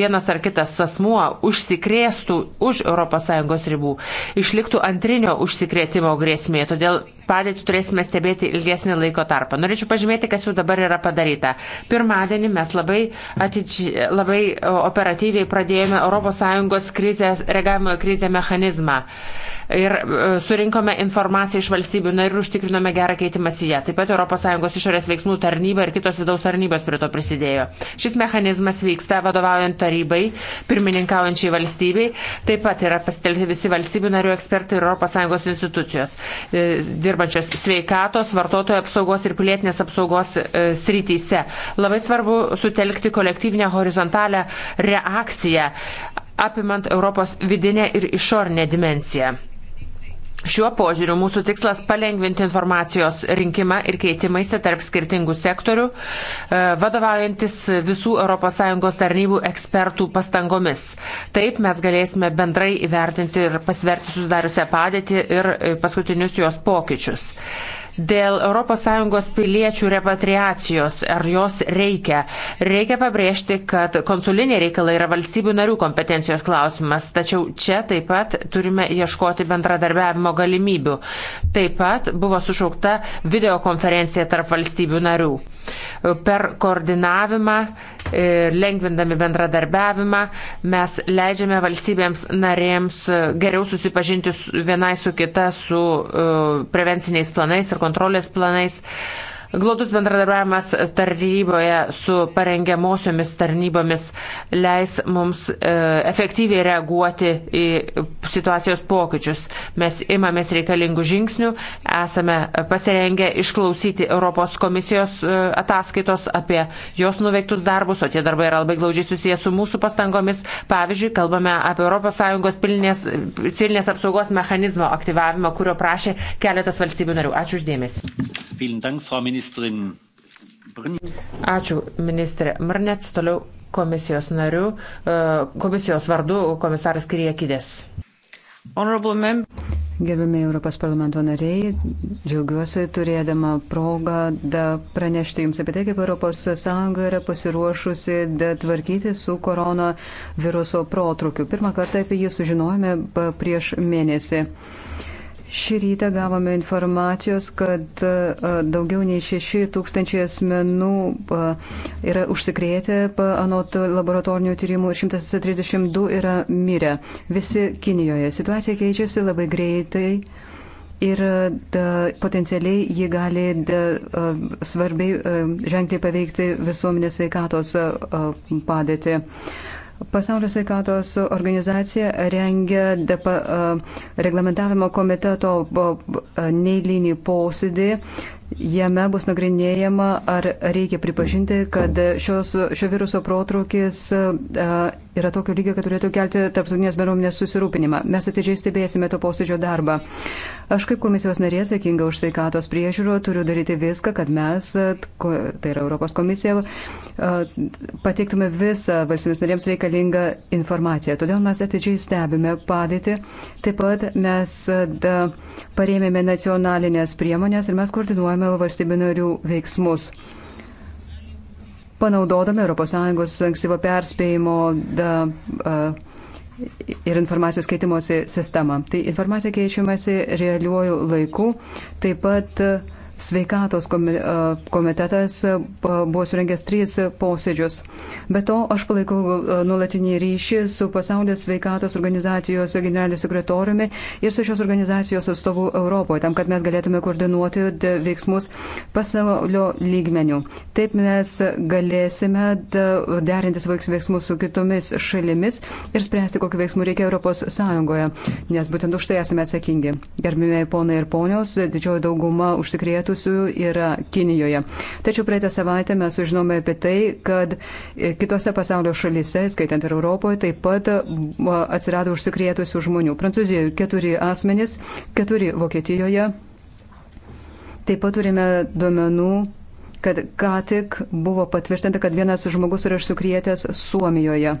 vienas ar kitas asmuo užsikrėstų už ES ribų, išliktų antrinio užsikrėtimo grėsmė. Todėl padėtį turėsime stebėti ilgesnį laiko tarpą. Norėčiau pažymėti, kas jau dabar yra padaryta. Pirmadienį mes labai, atidži, labai e, operatyviai pradėjome ES krizės, reagavimo krizę mechanizmą ir e, surinkome informaciją iš valstybių narių ir užtikrinome gerą keitimąsi ją. Taip pat ES išorės veiksmų tarnyba ir kitos vidaus tarnybos prie to prisidėjo. Šis mechanizmas vyksta vadovaujant tarybai, pirmininkaujančiai valstybei. Taip pat yra pasitelti visi valstybių narių ekspertai ir ES institucijos, e, dirbančios sveikatos, vartotojo apsaugos ir pilietinės apsaugos e, srityse. Labai svarbu sutelkti kolektyvinę horizontalę reakciją apimant Europos vidinę ir išorinę dimenciją. Šiuo požiūriu mūsų tikslas palengvinti informacijos rinkimą ir keitimaisi tarp skirtingų sektorių, e, vadovaujantis visų ES tarnybų ekspertų pastangomis. Taip mes galėsime bendrai įvertinti ir pasverti susidariusią padėtį ir e, paskutinius jos pokyčius. Dėl ES piliečių repatriacijos, ar jos reikia? Reikia pabrėžti, kad konsuliniai reikalai yra valstybių narių kompetencijos klausimas, tačiau čia taip pat turime ieškoti bendradarbiavimo galimybių. Taip pat buvo sušaukta videokonferencija tarp valstybių narių. Per koordinavimą ir lengvindami bendradarbiavimą mes leidžiame valstybėms narėms geriau susipažinti vienai su kita su e, prevenciniais planais ir kontrolės planais. Uh, Glaudus bendradarbiavimas taryboje su parengiamosiomis tarnybomis leis mums e, efektyviai reaguoti į situacijos pokyčius. Mes imamės reikalingų žingsnių, esame pasirengę išklausyti Europos komisijos e, ataskaitos apie jos nuveiktus darbus, o tie darbai yra labai glaudžiai susijęs su mūsų pastangomis. Pavyzdžiui, kalbame apie ES pilinės, civilinės apsaugos mechanizmo aktyvavimą, kurio prašė keletas valstybių narių. Ačiū uždėmesi ministrin. Ačiū, ministrė Marnets. Toliau komisijos narių, e, komisijos vardu komisaras Kiriekidės. Gerbiami Europos parlamento nariai, džiaugiuosi turėdama progą pranešti Jums apie tai, kaip ES yra pasiruošusi tvarkyti su koronaviruso protrukiu. Pirmą kartą apie jį sužinojome prieš mėnesį. Šį rytą gavome informacijos, kad e, daugiau nei 6 tūkstančiai asmenų e, yra užsikrėtę, anot laboratorinių tyrimų 132 yra mirę. Visi Kinijoje. Situacija keičiasi labai greitai ir da, e, potencialiai ji gali da, svarbiai ženkliai paveikti visuomenės veikatos padėtį. Pasaulio sveikatos organizacija rengia depa, reglamentavimo komiteto neįlinį posėdį. Jame bus nagrinėjama, ar reikia pripažinti, kad šios, šio viruso protrukis yra tokio lygio, kad turėtų kelti tarptautinės bendruomenės susirūpinimą. Mes atidžiai stebėsime to posėdžio darbą. Aš kaip komisijos narė atsakinga už sveikatos priežiūrą turiu daryti viską, kad mes, tai yra Europos komisija, pateiktume visą valstybės narėms reikalingą informaciją. Todėl mes atidžiai stebime padėtį. Taip pat mes parėmėme nacionalinės priemonės ir mes koordinuojame valstybių narių veiksmus panaudodami ES ankstyvo perspėjimo da, a, ir informacijos keitimosi sistemą. Tai informacija keičiamasi realiuoju laiku, taip pat uh, sveikatos komitetas buvo surinkęs trys posėdžius. Be to, aš palaikau nuolatinį ryšį su pasaulio sveikatos organizacijos generaliniu sekretoriumi ir su šios organizacijos atstovu Europoje, tam, kad mes galėtume koordinuoti veiksmus pasaulio lygmenių. Taip mes galėsime derintis veiksmus su kitomis šalimis ir spręsti, kokiu veiksmu reikia ES, nes būtent už tai esame atsakingi. Gerbimieji ponai ir ponios, didžioji dauguma užsikrėtų paplitusių yra Kinijoje. Tačiau praeitą savaitę mes sužinome apie tai, kad e, kitose pasaulio šalise, skaitant ir Europoje, taip pat atsirado užsikrėtusių žmonių. Prancūzijoje keturi asmenys, keturi Vokietijoje. Taip pat turime duomenų kad ką tik buvo patvirtinta, kad vienas žmogus yra užsikrėtęs Suomijoje.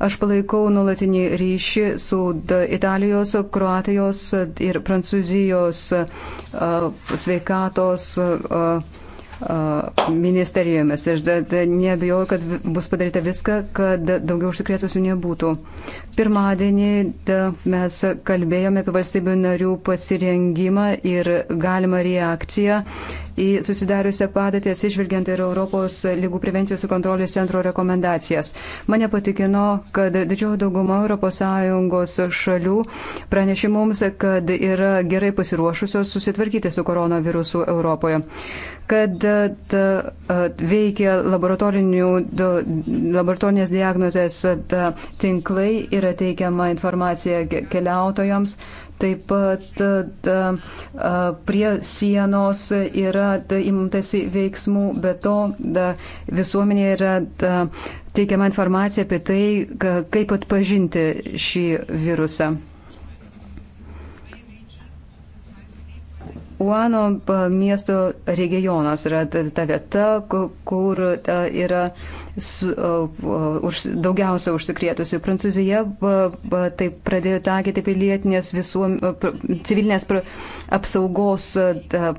Aš palaikau nulatinį ryšį su Italijos, Kroatijos ir Prancūzijos sveikatos ministerijomis. Ir nebijoju, kad bus padaryta viską, kad daugiau užsikrėtusių nebūtų. Pirmadienį mes kalbėjome apie valstybių narių pasirengimą ir galimą reakciją į susidariusią padėtį, atsižvelgiant ir Europos lygų prevencijos ir kontrolės centro rekomendacijas. Mane patikino, kad didžioji dauguma ES šalių pranešė mums, kad yra gerai pasiruošusios susitvarkyti su koronavirusu Europoje kad e, ta, e, veikia laboratorinės diagnozės ta, tinklai, yra teikiama informacija keliautojams, Taip pat e, da, e, prie sienos yra da, imtasi veiksmų, bet to da, visuomenė yra da, teikiama informacija apie tai, ka, kaip atpažinti šį virusą. Uano miesto regionas yra ta vieta, kur yra daugiausia užsikrėtusių. Prancūzija taip pradėjo taikyti pilietinės visuom, civilinės apsaugos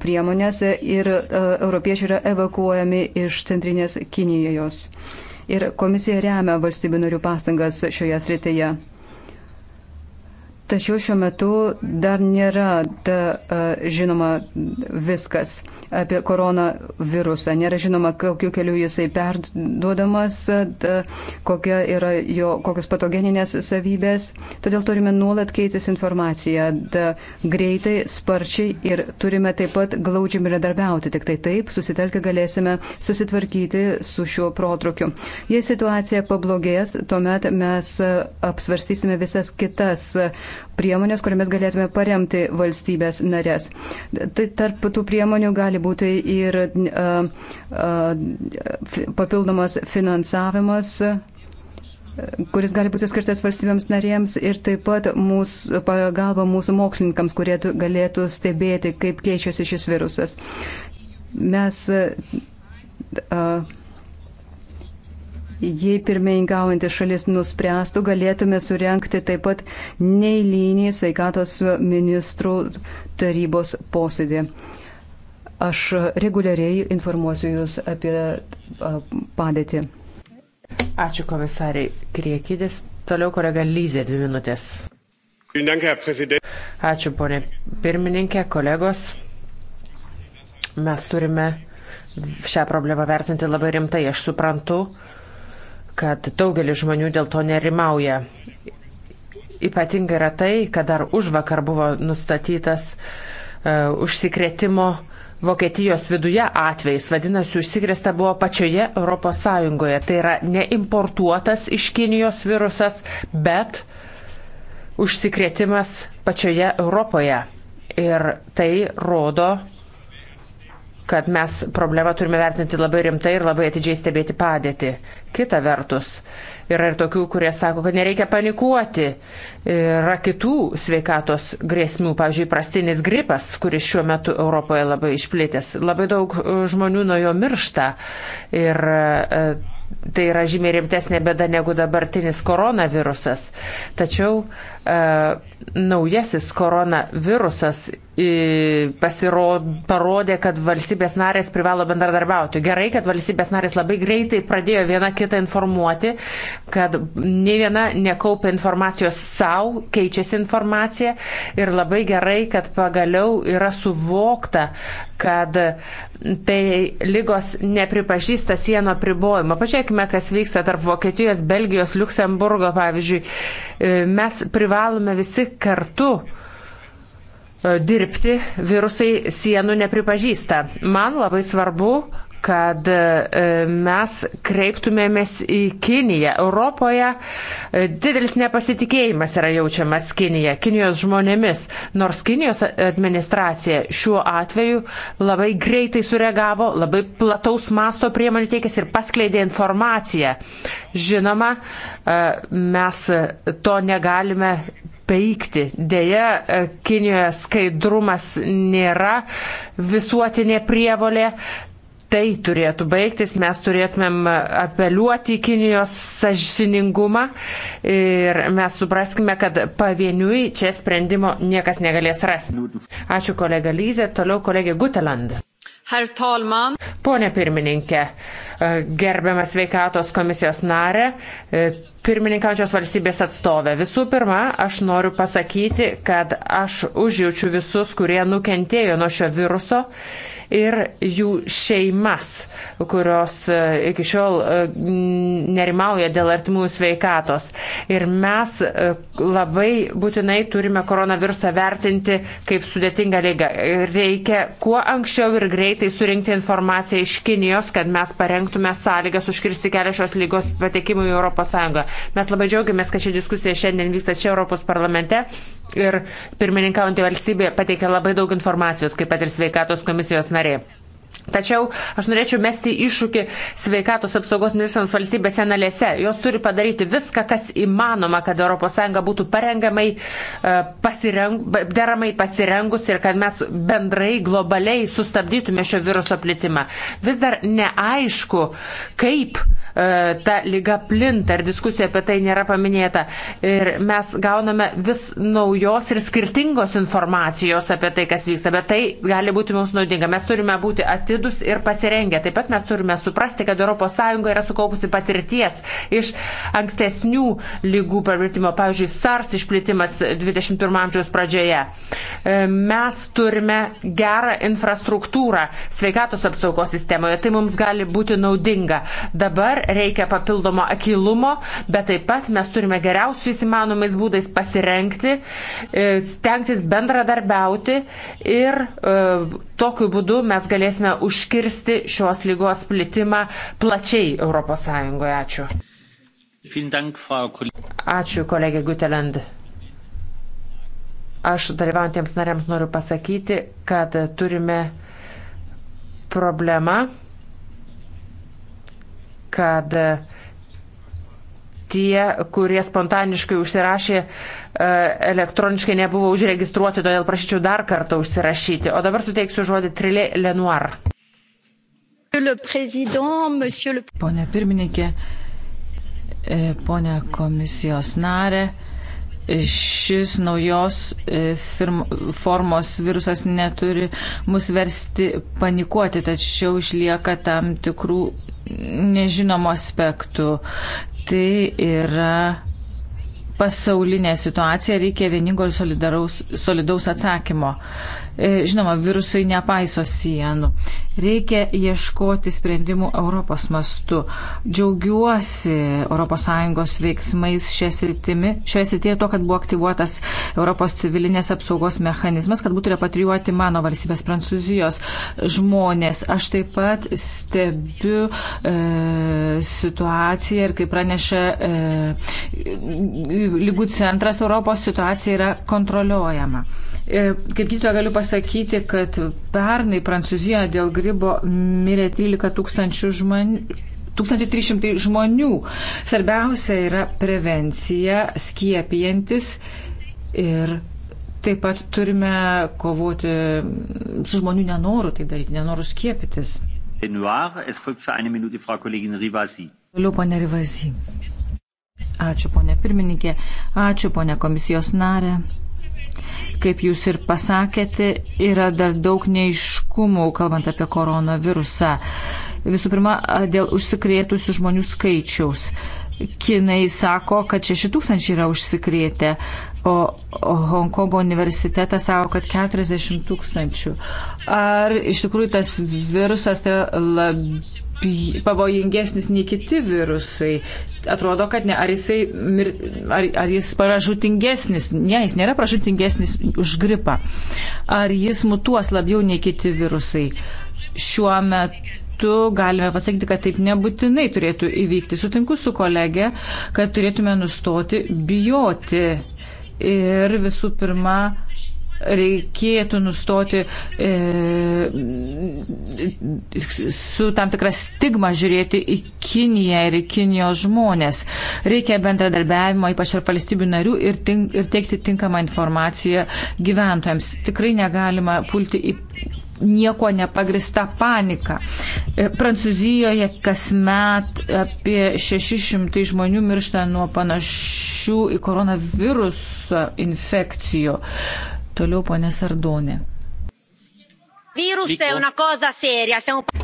priemonės ir e, europiečiai yra evakuojami iš centrinės Kinijos. Ir komisija remia valstybių narių pastangas šioje srityje. Tačiau šiuo metu dar nėra ta, žinoma viskas apie koronavirusą. Nėra žinoma, kokiu keliu jisai perduodamas, ta, kokia yra jo, kokios patogeninės savybės. Todėl turime nuolat keitis informaciją ta, greitai, sparčiai ir turime taip pat glaudžiai bendradarbiauti. Tik tai taip susitelkę galėsime susitvarkyti su šiuo protrukiu. Jei situacija pablogės, tuomet mes apsvarstysime visas kitas priemonės, kuriomis galėtume paremti valstybės narės. Tai tarp tų priemonių gali būti ir uh, uh, papildomas finansavimas kuris gali būti skirtas valstybėms narėms ir taip pat mūsų, pagalba mūsų mokslininkams, kurie galėtų stebėti, kaip keičiasi šis virusas. Mes uh, jei pirmininkaujantį šalis nuspręstų, galėtume surenkti taip pat neįlynį sveikatos ministrų tarybos posėdį. Aš reguliariai informuosiu Jūs apie padėtį. Ačiū komisariai Kriekydės. Toliau kolega Lyzė dvi minutės. Ačiū ponė pirmininkė, kolegos. Mes turime šią problemą vertinti labai rimtai. Aš suprantu, uh, kad daugelis žmonių dėl to nerimauja. Ypatingai yra tai, kad dar už vakar buvo nustatytas uh, užsikrėtimo Vokietijos viduje atvejs, vadinasi, užsikrėsta buvo pačioje ES. Tai yra neimportuotas iš Kinijos virusas, bet užsikrėtimas pačioje Europoje. Ir tai rodo, kad mes problemą turime vertinti labai rimtai ir labai atidžiai stebėti padėtį. Kita vertus, yra ir tokių, kurie sako, kad nereikia panikuoti. Yra kitų sveikatos grėsmių, pavyzdžiui, prastinis gripas, kuris šiuo metu Europoje labai išplėtęs. Labai daug e, žmonių nuo jo miršta. Ir, e, Tai yra žymiai rimtesnė bėda negu dabartinis koronavirusas. Tačiau e, naujasis koronavirusas pasiro, parodė, kad valstybės narės privalo bendradarbiauti. Gerai, kad valstybės narės labai greitai pradėjo viena kitą informuoti, kad ne viena nekaupia informacijos savo, keičiasi informacija ir labai gerai, kad pagaliau yra suvokta, kad tai lygos nepripažįsta sieno pribojimo. Pažiūrėkime, kas vyksta tarp Vokietijos, Belgijos, Luksemburgo, pavyzdžiui. E, mes privalome visi kartu E, dirbti, virusai sienų nepripažįsta. Man labai svarbu, kad e, mes kreiptumėmės į Kiniją. Europoje e, didelis nepasitikėjimas yra jaučiamas Kinija, Kinijos žmonėmis, nors Kinijos administracija šiuo atveju labai greitai sureagavo, labai plataus masto priemonių tiekės ir paskleidė informaciją. Žinoma, mes to negalime peikti. Deja, e, Kinijoje skaidrumas nėra visuotinė prievolė. Tai turėtų baigtis, mes turėtumėm apeliuoti į Kinijos sažiningumą ir mes supraskime, kad pavieniui čia sprendimo niekas negalės rasti. Ačiū kolega Lyzė, toliau kolegė Guteland. Herr talman. Pone pirmininkė, e, gerbiamas sveikatos komisijos narė, e, pirmininkaujančios valstybės atstovė. Visų pirma, aš noriu pasakyti, kad aš užjaučiu visus, kurie nukentėjo nuo šio viruso ir jų šeimas, kurios e, iki šiol e, nerimauja dėl artimųjų sveikatos. Ir mes e, labai būtinai turime koronavirusą vertinti kaip sudėtingą lygą. Reikia kuo anksčiau ir greitai surinkti informaciją iš Kinijos, kad mes parengtume sąlygas užkirsti kelią šios lygos patekimui į ES. Mes labai džiaugiamės, kad ši diskusija šiandien vyksta čia Europos parlamente ir pirmininkaujantį valstybę pateikė labai daug informacijos, kaip pat ir sveikatos komisijos narė. Tačiau aš norėčiau mesti iššūkį sveikatos apsaugos ministrams valstybėse analėse. Jos turi padaryti viską, kas įmanoma, kad ES būtų parengamai, e, pasireng, deramai pasirengus ir kad mes bendrai, globaliai sustabdytume šio viruso plitimą. Vis dar neaišku, kaip e, ta lyga plinta ir diskusija apie tai nėra paminėta. Ir mes gauname vis naujos ir skirtingos informacijos apie tai, kas vyksta, bet tai gali būti mums naudinga. Mes turime būti atidūs atidus ir pasirengę. Taip pat mes turime suprasti, kad ES yra sukaupusi patirties iš ankstesnių lygų pavirtimo, pavyzdžiui, SARS išplitimas 21 amžiaus pradžioje. E, mes turime gerą infrastruktūrą sveikatos apsaugos sistemoje, tai mums gali būti naudinga. Dabar reikia papildomo akilumo, bet taip pat mes turime geriausiais įmanomais būdais pasirenkti, e, stengtis bendradarbiauti ir e, Tokiu būdu mes galėsime užkirsti šios lygos plitimą plačiai ES. Ačiū. Ačiū, kolegė Gutelend. Aš dalyvaujantiems nariams noriu pasakyti, kad turime problemą, kad uh, tie, kurie spontaniškai užsirašė e, elektroniškai, nebuvo užregistruoti, todėl prašyčiau dar kartą užsirašyti. O dabar suteiksiu žodį Trilė Lenoir. Pone pirmininkė, e, pone komisijos narė, šis naujos e, firm, formos virusas neturi mus versti panikuoti, tačiau išlieka tam tikrų nežinomų aspektų. Tai yra pasaulinė situacija, reikia vieningo ir solidaus atsakymo. E, žinoma, virusai nepaiso sienų. Reikia ieškoti sprendimų Europos mastu. Džiaugiuosi ES veiksmais šioje srityje to, kad buvo aktyvuotas Europos civilinės apsaugos mechanizmas, kad būtų repatrijuoti mano valstybės Prancūzijos žmonės. Aš taip pat stebiu e, situaciją ir kaip praneša e, lygų centras Europos situacija yra kontroliuojama. E, kaip gydytoja galiu pasakyti, pasakyti, kad pernai Prancūzijoje dėl gribo mirė 13 tūkstančių žmonių. 1300 žmonių. Svarbiausia yra prevencija, skiepijantis ir taip pat turime kovoti su žmonių nenoru tai daryti, nenoru skiepytis. Toliau, ponė Rivazy. Ačiū, ponė pirmininkė. Ačiū, ponė komisijos narė kaip jūs ir pasakėte, yra dar daug neiškumų, kalbant apie koronavirusą. Visų pirma, dėl užsikrėtusių žmonių skaičiaus. Kinai sako, kad 6000 yra užsikrėtę, o Hongkongo universitetas sako, kad 40 tūkstančių. Ar iš tikrųjų tas virusas tai lab, pavojingesnis nei kiti virusai. Atrodo, kad ne, ar, jisai, ar, ar jis paražutingesnis, ne, jis nėra paražutingesnis už gripą. Ar jis mutuos labiau nei kiti virusai. Šiuo metu metu galime pasakyti, kad taip nebūtinai turėtų įvykti. Sutinku su kolegė, kad turėtume nustoti bijoti ir visų pirma reikėtų nustoti e, su tam tikra stigma žiūrėti į Kiniją ir į Kinijos žmonės. Reikia bendradarbiavimo, ypač ir valstybių narių, ir, tink, ir teikti tinkamą informaciją gyventojams. Tikrai negalima pulti į nieko nepagrista panika. E, Prancūzijoje kasmet apie 600 žmonių miršta nuo panašių į koronavirusą infekcijų. Toliau ponė Sardonė.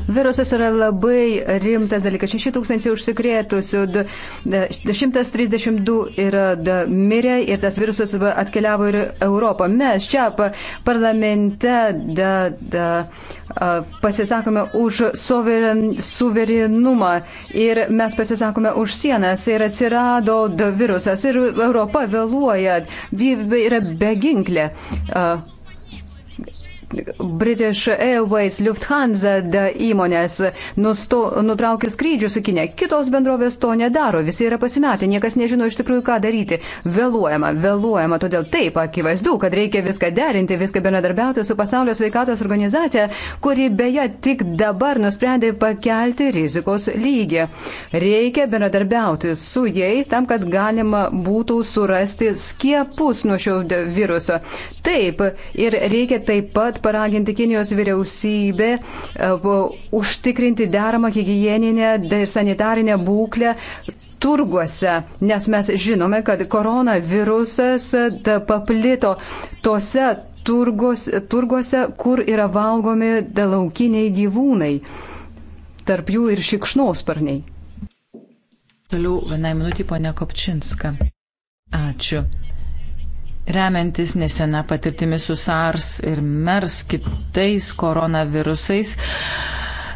Virusas yra labai rimtas dalykas. 6 tūkstančių užsikrėtusių, 132 yra mirę ir tas virusas atkeliavo ir Europą. Mes čia parlamente da, da, pasisakome už suveren, suverenumą ir mes pasisakome už sienas ir atsirado da, virusas ir Europa vėluoja, yra beginklė. Uh, British Airways, Lufthansa įmonės nusto, nutraukė skrydžius į Kinę. Kitos bendrovės to nedaro, visi yra pasimetę, niekas nežino iš tikrųjų, ką daryti. Vėluojama, vėluojama, todėl taip akivaizdu, kad reikia viską derinti, viską bendradarbiauti su pasaulio sveikatos organizacija, kuri beje tik dabar nusprendė pakelti rizikos lygį. Reikia bendradarbiauti su jais tam, kad galima būtų surasti skiepus nuo šio viruso. Taip, ir reikia taip pat pat paraginti Kinijos vyriausybę e, užtikrinti deramą hygieninę ir sanitarinę būklę turguose, nes mes žinome, kad koronavirusas e, paplito tose turgos, turguose, kur yra valgomi laukiniai gyvūnai, tarp jų ir šikšnosparniai. Toliau vienai minutį ponia Kopčinska. Ačiū. Remiantis nesena patirtimi su SARS ir MERS kitais koronavirusais,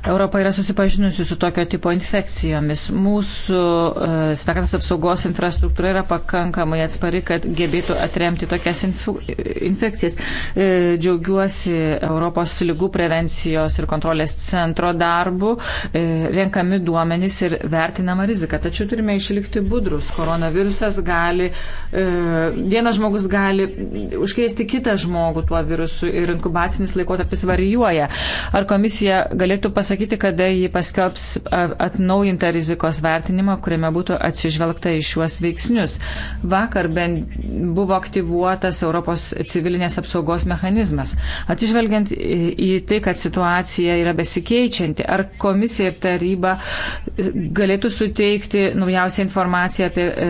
Europa yra susipažinusi su tokio tipo infekcijomis. Mūsų uh, sveikatos apsaugos infrastruktūra yra pakankamai atspari, kad gebėtų atremti tokias infu, infekcijas. Uh, džiaugiuosi Europos lygų prevencijos ir kontrolės centro darbu, uh, renkami duomenys ir vertinama rizika. Tačiau turime išlikti budrus. Koronavirusas gali, uh, vienas žmogus gali užkrėsti kitą žmogų tuo virusu ir inkubacinis laikotarpis varijuoja. Ar komisija galėtų pasakyti, pasakyti, kada jį paskelbs atnaujintą rizikos vertinimą, kuriame būtų atsižvelgta į šiuos veiksnius. Vakar bent buvo aktyvuotas Europos civilinės apsaugos mechanizmas. Atsižvelgiant į tai, kad situacija yra besikeičianti, ar komisija ir taryba galėtų suteikti naujausią informaciją apie e,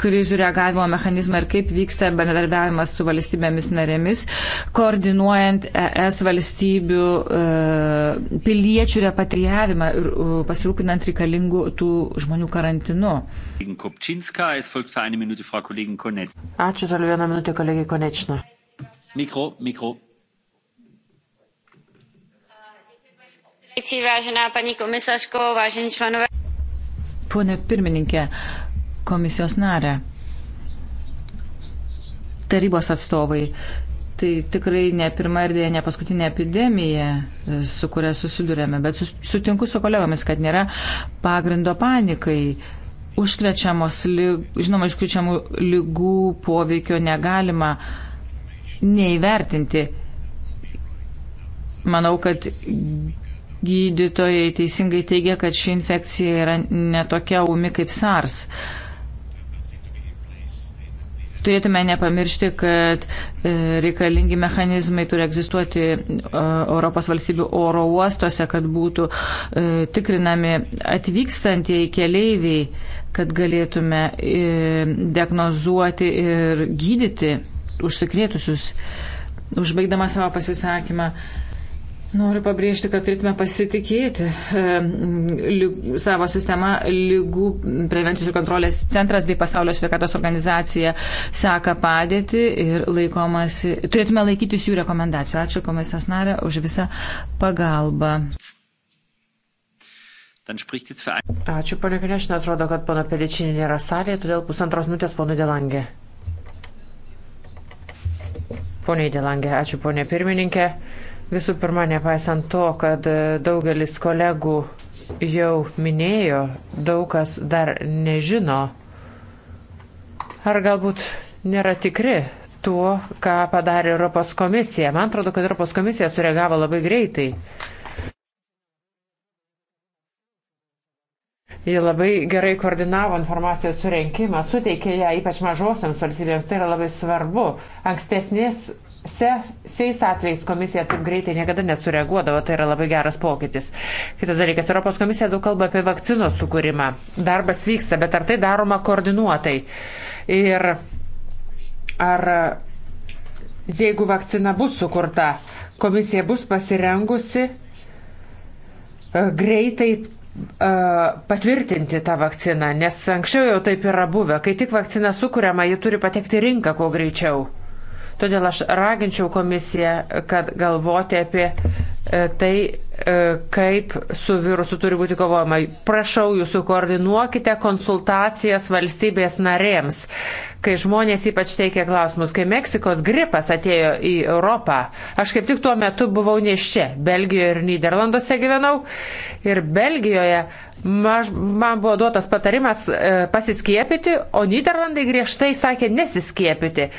krizių reagavimo mechanizmą ir kaip vyksta bendradarbiavimas su valstybėmis narėmis, koordinuojant ES valstybių e, piliečių repatriavimą ir e, pasirūpinant reikalingų tų žmonių karantinu. Ačiū toliau vieną minutę kolegijai Konečna. Mikro, mikro. Vážená paní komisařko, vážení členové. Pone pirmininkė, uh, komisijos narę, tarybos atstovai. Tai tikrai ne pirma ir dėja ne paskutinė epidemija, e, su kuria susidurėme, bet sutinku su kolegomis, kad nėra pagrindo panikai. Užkrečiamos, žinoma, iškrečiamų lygų poveikio negalima neįvertinti. Manau, kad gydytojai teisingai teigia, kad ši infekcija yra netokia umi kaip SARS. Uh, turėtume nepamiršti, kad e, reikalingi mechanizmai turi egzistuoti e, Europos valstybių oro uostuose, kad būtų e, tikrinami atvykstantieji keleiviai, kad galėtume diagnozuoti ir gydyti užsikrėtusius. Užbaigdama savo pasisakymą, Noriu pabrėžti, kad turėtume pasitikėti e, savo sistema lygų prevencijos ir kontrolės centras bei pasaulio sveikatos organizacija seka padėti ir laikomasi, turėtume laikytis jų rekomendacijų. Ačiū komisijos narė už visą pagalbą. Ačiū, ponia Kinešina, atrodo, kad pono Pedečinė nėra salėje, todėl pusantros minutės pono Delangė. Pone Delangė, ačiū, ponė pirmininkė. Visų pirma, nepaisant to, kad e, daugelis kolegų jau minėjo, daug kas dar nežino ar galbūt nėra tikri tuo, ką padarė Europos komisija. Man atrodo, kad Europos komisija sureagavo labai greitai. Jie labai gerai koordinavo informacijos surinkimą, suteikė ją ypač mažosiams valstybėms, tai yra labai svarbu. Ankstesnės Se, seis atvejais komisija taip greitai niekada nesureaguodavo, tai yra labai geras pokytis. Kitas dalykas, Europos komisija daug kalba apie vakcinos sukūrimą. Darbas vyksta, bet ar tai daroma koordinuotai? Ir ar jeigu vakcina bus sukurta, komisija bus pasirengusi e, greitai e, patvirtinti tą vakciną, nes anksčiau jau taip yra buvę. Kai tik vakcina sukūriama, ji turi patekti rinką kuo greičiau. Todėl aš raginčiau komisiją, kad galvoti apie e, tai, e, kaip su virusu turi būti kovojama. Prašau jūsų, koordinuokite konsultacijas valstybės narėms, kai žmonės ypač teikia klausimus. Kai Meksikos gripas atėjo į Europą, aš kaip tik tuo metu buvau neš čia, Belgijoje ir Niderlanduose gyvenau. Ir Belgijoje maž, man buvo duotas patarimas e, pasiskiepyti, o Niderlandai griežtai sakė nesiskiepyti.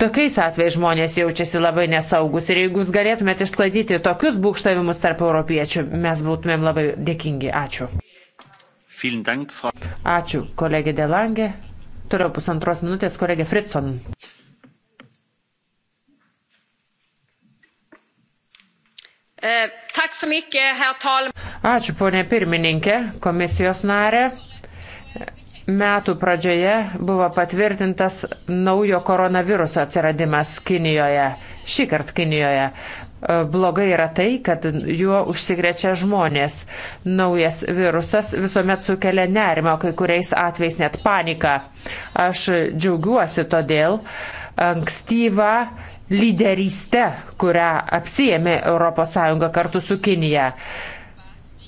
Tokiais atvejais žmonės jaučiasi labai nesaugus ir jeigu jūs galėtumėte išsklaidyti tokius būkštavimus tarp europiečių, mes būtumėm labai dėkingi. Ačiū. Ačiū, kolegė Delangė. Turiu pusantros minutės, kolegė Fritson. Eh, Ačiū, ponė pirmininkė, komisijos narė metų pradžioje buvo patvirtintas naujo koronaviruso atsiradimas Kinijoje, šį kartą Kinijoje. E, blogai yra tai, kad juo užsikrečia žmonės. Naujas virusas visuomet sukelia nerimą, kai kuriais atvejais net paniką. Aš džiaugiuosi todėl ankstyvą lyderystę, kurią apsijėmė ES kartu su Kinija.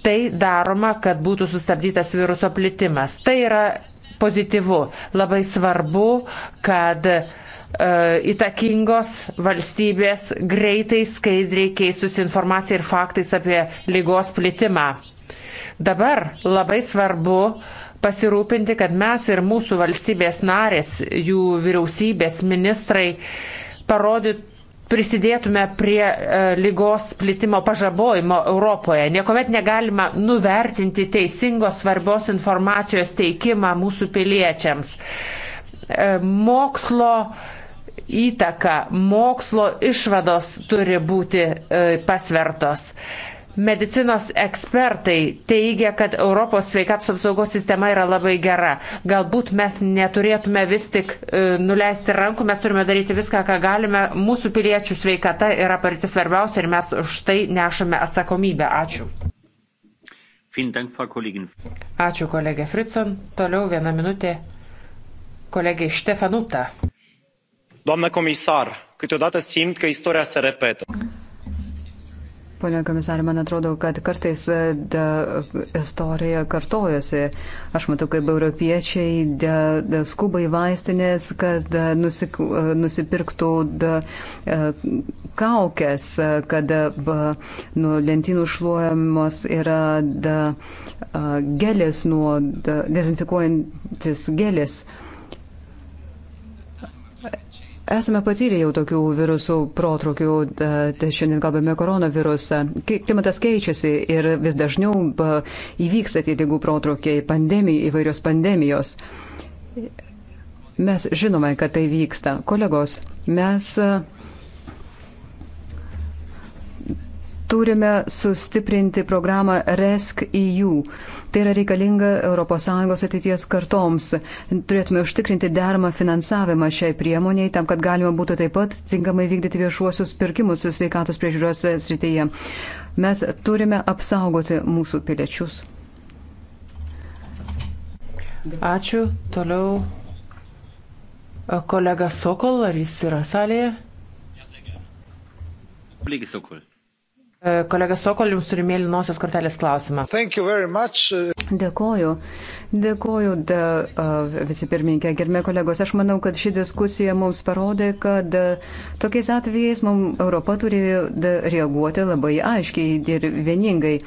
Tai daroma, kad būtų sustabdytas viruso plitimas. Tai yra pozityvu. Labai svarbu, kad e, įtakingos valstybės greitai, skaidriai keistųsi informacija ir faktais apie lygos plitimą. Dabar labai svarbu pasirūpinti, kad mes ir mūsų valstybės narės, jų vyriausybės, ministrai parodytų, prisidėtume prie e, lygos plitimo pažabojimo Europoje. Niekuomet negalima nuvertinti teisingos svarbios informacijos teikimą mūsų piliečiams. E, mokslo įtaka, mokslo išvados turi būti e, pasvertos. Medicinos ekspertai teigia, kad Europos sveikatos apsaugos sistema yra labai gera. Galbūt mes neturėtume vis tik e, nuleisti rankų, mes turime daryti viską, ką galime. Mūsų piliečių sveikata yra pariti svarbiausia ir mes už tai nešame atsakomybę. Ačiū. Ačiū kolegė Fritson. Toliau viena minutė kolegė Štefanuta. Doamna comisar, câteodată simt că istoria se repetă. Pone komisarė, man atrodo, kad kartais e, da, istorija kartojasi. Aš matau, kaip europiečiai da, da, skuba į vaistinės, kad da, nusik, e, nusipirktų da, e, kaukės, kad da, nuo lentynų šluojamos yra da, gelės, nuo da, dezinfikuojantis gelės. Da, Esame patyrę jau tokių virusų protrukių, tai šiandien kalbame koronavirusą. Klimatas keičiasi ir vis dažniau įvyksta tie lygų protrukiai, pandemijai, įvairios pandemijos. Mes žinome, kad tai vyksta. Kolegos, mes turime sustiprinti programą RESC-EU. Tai yra reikalinga ES ateities kartoms. Turėtume užtikrinti deramą finansavimą šiai priemoniai, tam, kad galima būtų taip pat tinkamai vykdyti viešuosius pirkimus sveikatos priežiūros srityje. Mes turime apsaugoti mūsų piliečius. Ačiū. Toliau e, kolega Sokol, ar jis yra salėje? Kolegė Sokol. E, kolega Sokol, jums turi mėlynosios kortelės klausimą. Dėkoju. Dėkoju da, visi pirmininkė, gerbė kolegos. Aš manau, kad ši diskusija mums parodė, kad tokiais atvejais mums Europa turi da, reaguoti labai aiškiai ir vieningai.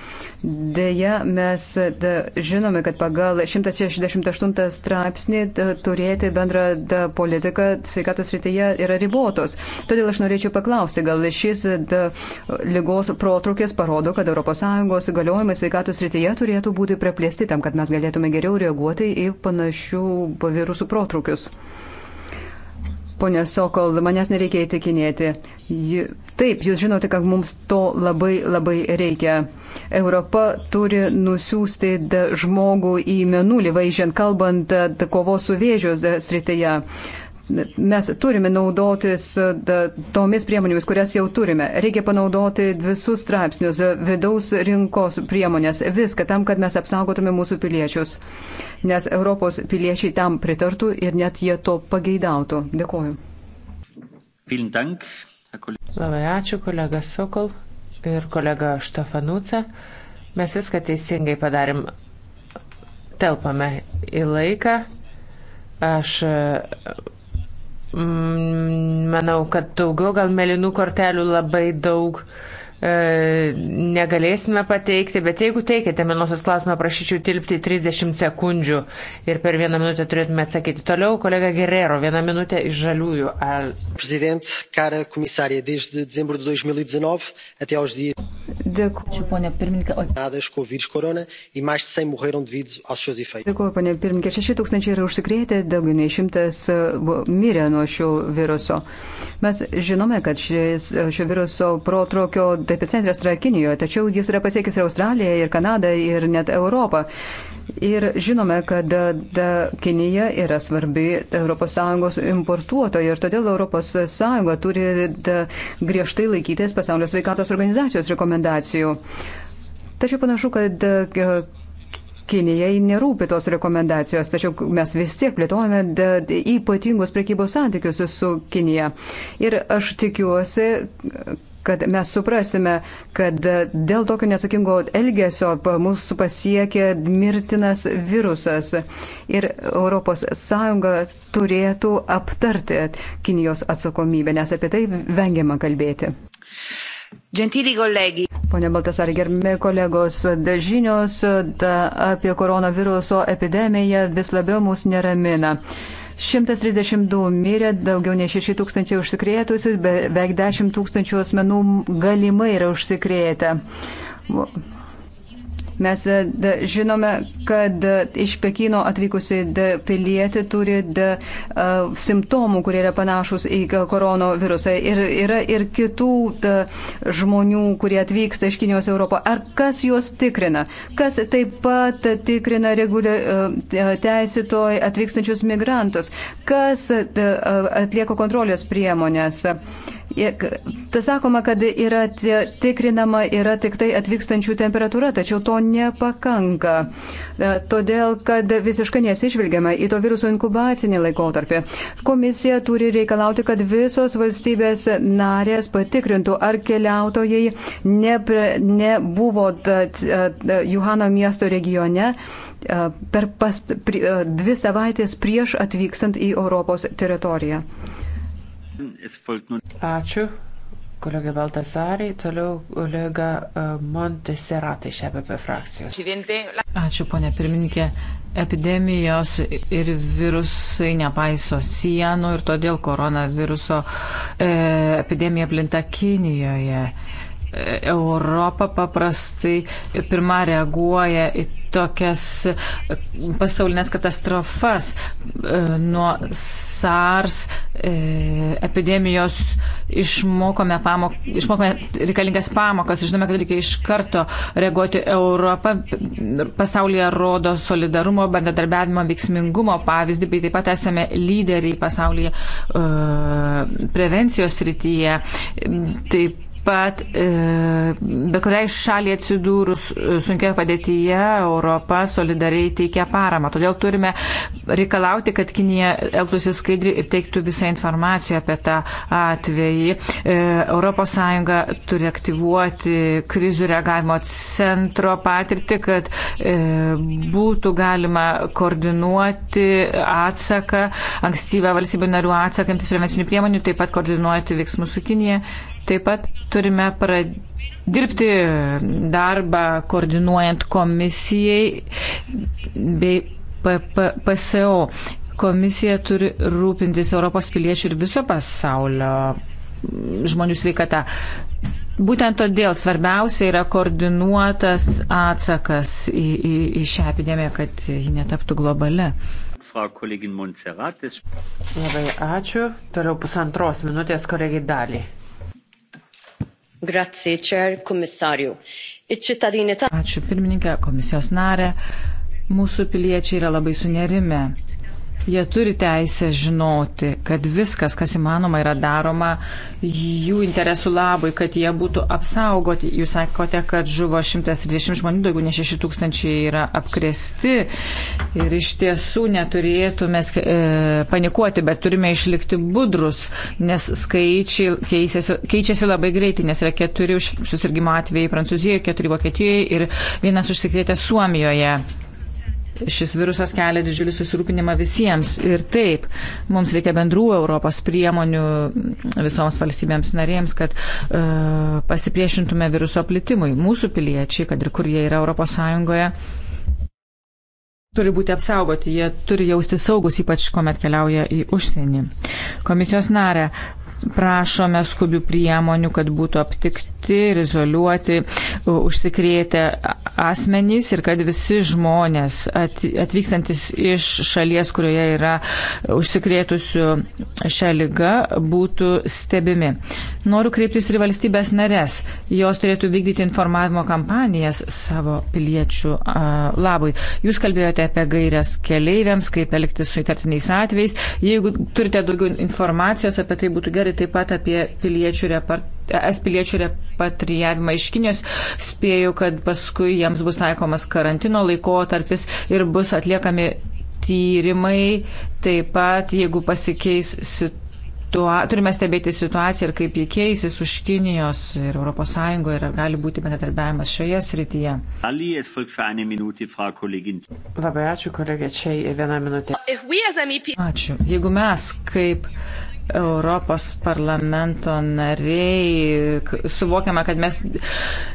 Deja, mes da, žinome, kad pagal 168 straipsnį da, turėti bendrą da, politiką sveikatos rytyje yra ribotos. Todėl aš norėčiau paklausti, gal šis da, lygos protrukės parodo, kad ES įgaliojimai sveikatos rytyje turėtų būti praplėsti tam, kad mes galėtume geriau reaguoti į panašių virusų protrukius. Pone Sokol, manęs nereikia įtikinėti. Taip, jūs žinote, kad mums to labai labai reikia. Europa turi nusiųsti žmogų į menulį, vaizdžiant kalbant, kovos su vėžios srityje. Mes turime naudotis e, tomis priemonėmis, kurias jau turime. Reikia panaudoti visus straipsnius, e, vidaus rinkos priemonės, viską tam, kad mes apsaugotume mūsų piliečius. Nes Europos piliečiai tam pritartų ir net jie to pageidautų. Dėkoju. Labai ačiū kolega Sokol ir kolega Štafanuce. Mes viską teisingai padarim. Telpame į laiką. Aš Mm, manau, kad daugiau gal mėlynų kortelių labai daug e, negalėsime pateikti, bet jeigu teikėte mėlynosios klausimą, prašyčiau tilpti 30 sekundžių ir per vieną minutę turėtume atsakyti. Toliau kolega Gerero, vieną minutę iš žaliųjų. Al... President, cara komisarė, desde dezembro de 2019 e até aos dias. Dėkuoju, ponė pirmininkė. E Dėkuoju, ponė pirmininkė. 6 tūkstančiai yra užsikrėtę, daugiau nei šimtas e, mirė nuo šio viruso. Mes žinome, kad šis, e, šio viruso protrukio epicentras yra Kinijoje, tačiau jis yra pasiekęs ir Australiją, ir Kanadą, ir net Europą. Ir žinome, kad da, da, Kinija yra svarbi ES importuotoja ir todėl ES turi da, griežtai laikytis pasaulio sveikatos organizacijos rekomendacijų. Tačiau panašu, kad e, Kinijai nerūpi tos rekomendacijos, tačiau mes vis tiek plėtojame ypatingus prekybos santykius su Kinija. Ir aš tikiuosi, kad mes suprasime, kad dėl tokio nesakingo elgesio mūsų pasiekė mirtinas virusas ir ES turėtų aptarti Kinijos atsakomybę, nes apie tai vengiama kalbėti. Gentili kolegi. Pone Baltasar, gerbimi kolegos, dažinios da, apie koronaviruso epidemiją vis labiau mus neramina. 132 mirė, daugiau nei 6 tūkstančiai užsikrėtusių, beveik 10 tūkstančių asmenų galimai yra užsikrėtę. Mes e, žinome, kad e, iš Pekino atvykusi pilietė turi e, simptomų, kurie yra panašus į koronavirusą. Ir yra ir kitų žmonių, kurie atvyksta iš Kinijos Europą. Ar kas juos tikrina? Kas taip pat tikrina teisėtoj atvykstančius migrantus? Kas atlieka kontrolės priemonės? Tas sakoma, kad yra tikrinama yra tik tai atvykstančių temperatūra, tačiau to nepakanka, e, todėl kad visiškai nesižvelgiama į to viruso inkubacinį laikotarpį. Komisija turi reikalauti, kad visos valstybės narės patikrintų, ar keliautojai nebuvo ne Juhano miesto regione per past, pri, dvi savaitės prieš atvykstant į Europos teritoriją. Ačiū. Kolega Baltasarį, toliau kolega e, Monteseratai iš EPP frakcijos. Ačiū, ponė pirmininkė. Epidemijos ir virusai nepaiso sienų ir todėl koronaviruso e, epidemija plinta Kinijoje. Europa paprastai pirmą reaguoja į tokias pasaulinės katastrofas e, nuo SARS e, epidemijos išmokome, pamok, išmokome reikalingas pamokas, žinome, kad reikia iš karto reaguoti Europą, pasaulyje rodo solidarumo, bendradarbiavimo, veiksmingumo pavyzdį, bei taip pat esame lyderiai pasaulyje e, prevencijos srityje. Taip pat e, bet kuriai šaliai atsidūrus e, sunkia padėtyje Europa solidariai teikia paramą. Todėl turime reikalauti, kad Kinija elgtųsi skaidri ir teiktų visą informaciją apie tą atvejį. ES turi aktyvuoti krizių reagavimo centro patirtį, kad e, būtų galima koordinuoti atsaką, ankstyvą valstybių narių atsakantys prevencinių priemonių, taip pat koordinuoti veiksmus su Kinija. Taip pat turime dirbti darbą koordinuojant komisijai bei PSO. Komisija turi rūpintis Europos piliečių ir viso pasaulio žmonių sveikata. Būtent todėl svarbiausia yra koordinuotas atsakas į, į, į šią epidemiją, kad ji netaptų globale. Labai ačiū. Toliau pusantros minutės kolegiai dalį. Grazie, Chair, Komisariu. Ačiū pirmininkė, komisijos narė. Mūsų piliečiai yra labai sunerime. Jie turi teisę žinoti, kad viskas, kas įmanoma, yra daroma jų interesų labui, kad jie būtų apsaugoti. Jūs sakote, kad žuvo 130 žmonių, daugiau nei 6 tūkstančiai yra apkresti ir iš tiesų neturėtume e, panikuoti, bet turime išlikti budrus, nes skaičiai keisėsi, keičiasi labai greitai, nes yra keturi susirgymo atvejai Prancūzijoje, keturi Vokietijoje ir vienas užsikrėtė Suomijoje šis virusas kelia didžiulį susirūpinimą visiems. Ir taip, mums reikia bendrų Europos priemonių visoms valstybėms narėms, kad uh, pasipriešintume viruso plitimui. Mūsų piliečiai, kad ir kur jie yra Europos Sąjungoje, turi būti apsaugoti, jie turi jausti saugus, ypač kuomet keliauja į užsienį. Komisijos narė, prašome skubių priemonių, kad būtų aptikti ir izoliuoti užsikrėtę asmenys ir kad visi žmonės atvykstantis iš šalies, kurioje yra užsikrėtusių šią lygą, būtų stebimi. Noriu kreiptis ir valstybės narės. Jos turėtų vykdyti informavimo kampanijas savo piliečių labui. Jūs kalbėjote apie gairias keleiviams, kaip elgtis su įtartiniais atvejais. Jeigu turite daugiau informacijos apie tai, būtų gerai Weberį taip pat apie piliečių repart es piliečių repatrijavimą iš Kinijos. Spėju, kad paskui jiems bus taikomas karantino laikotarpis ir bus atliekami tyrimai. Taip pat, jeigu pasikeis situa turime stebėti situaciją ir kaip jie keisis už Kinijos ir ES ir gali būti bendradarbiavimas šioje srityje. Labai ačiū, kolegė, čia į vieną minutę. E ačiū. Jeigu mes kaip Europos parlamento nariai, suvokiama, kad mes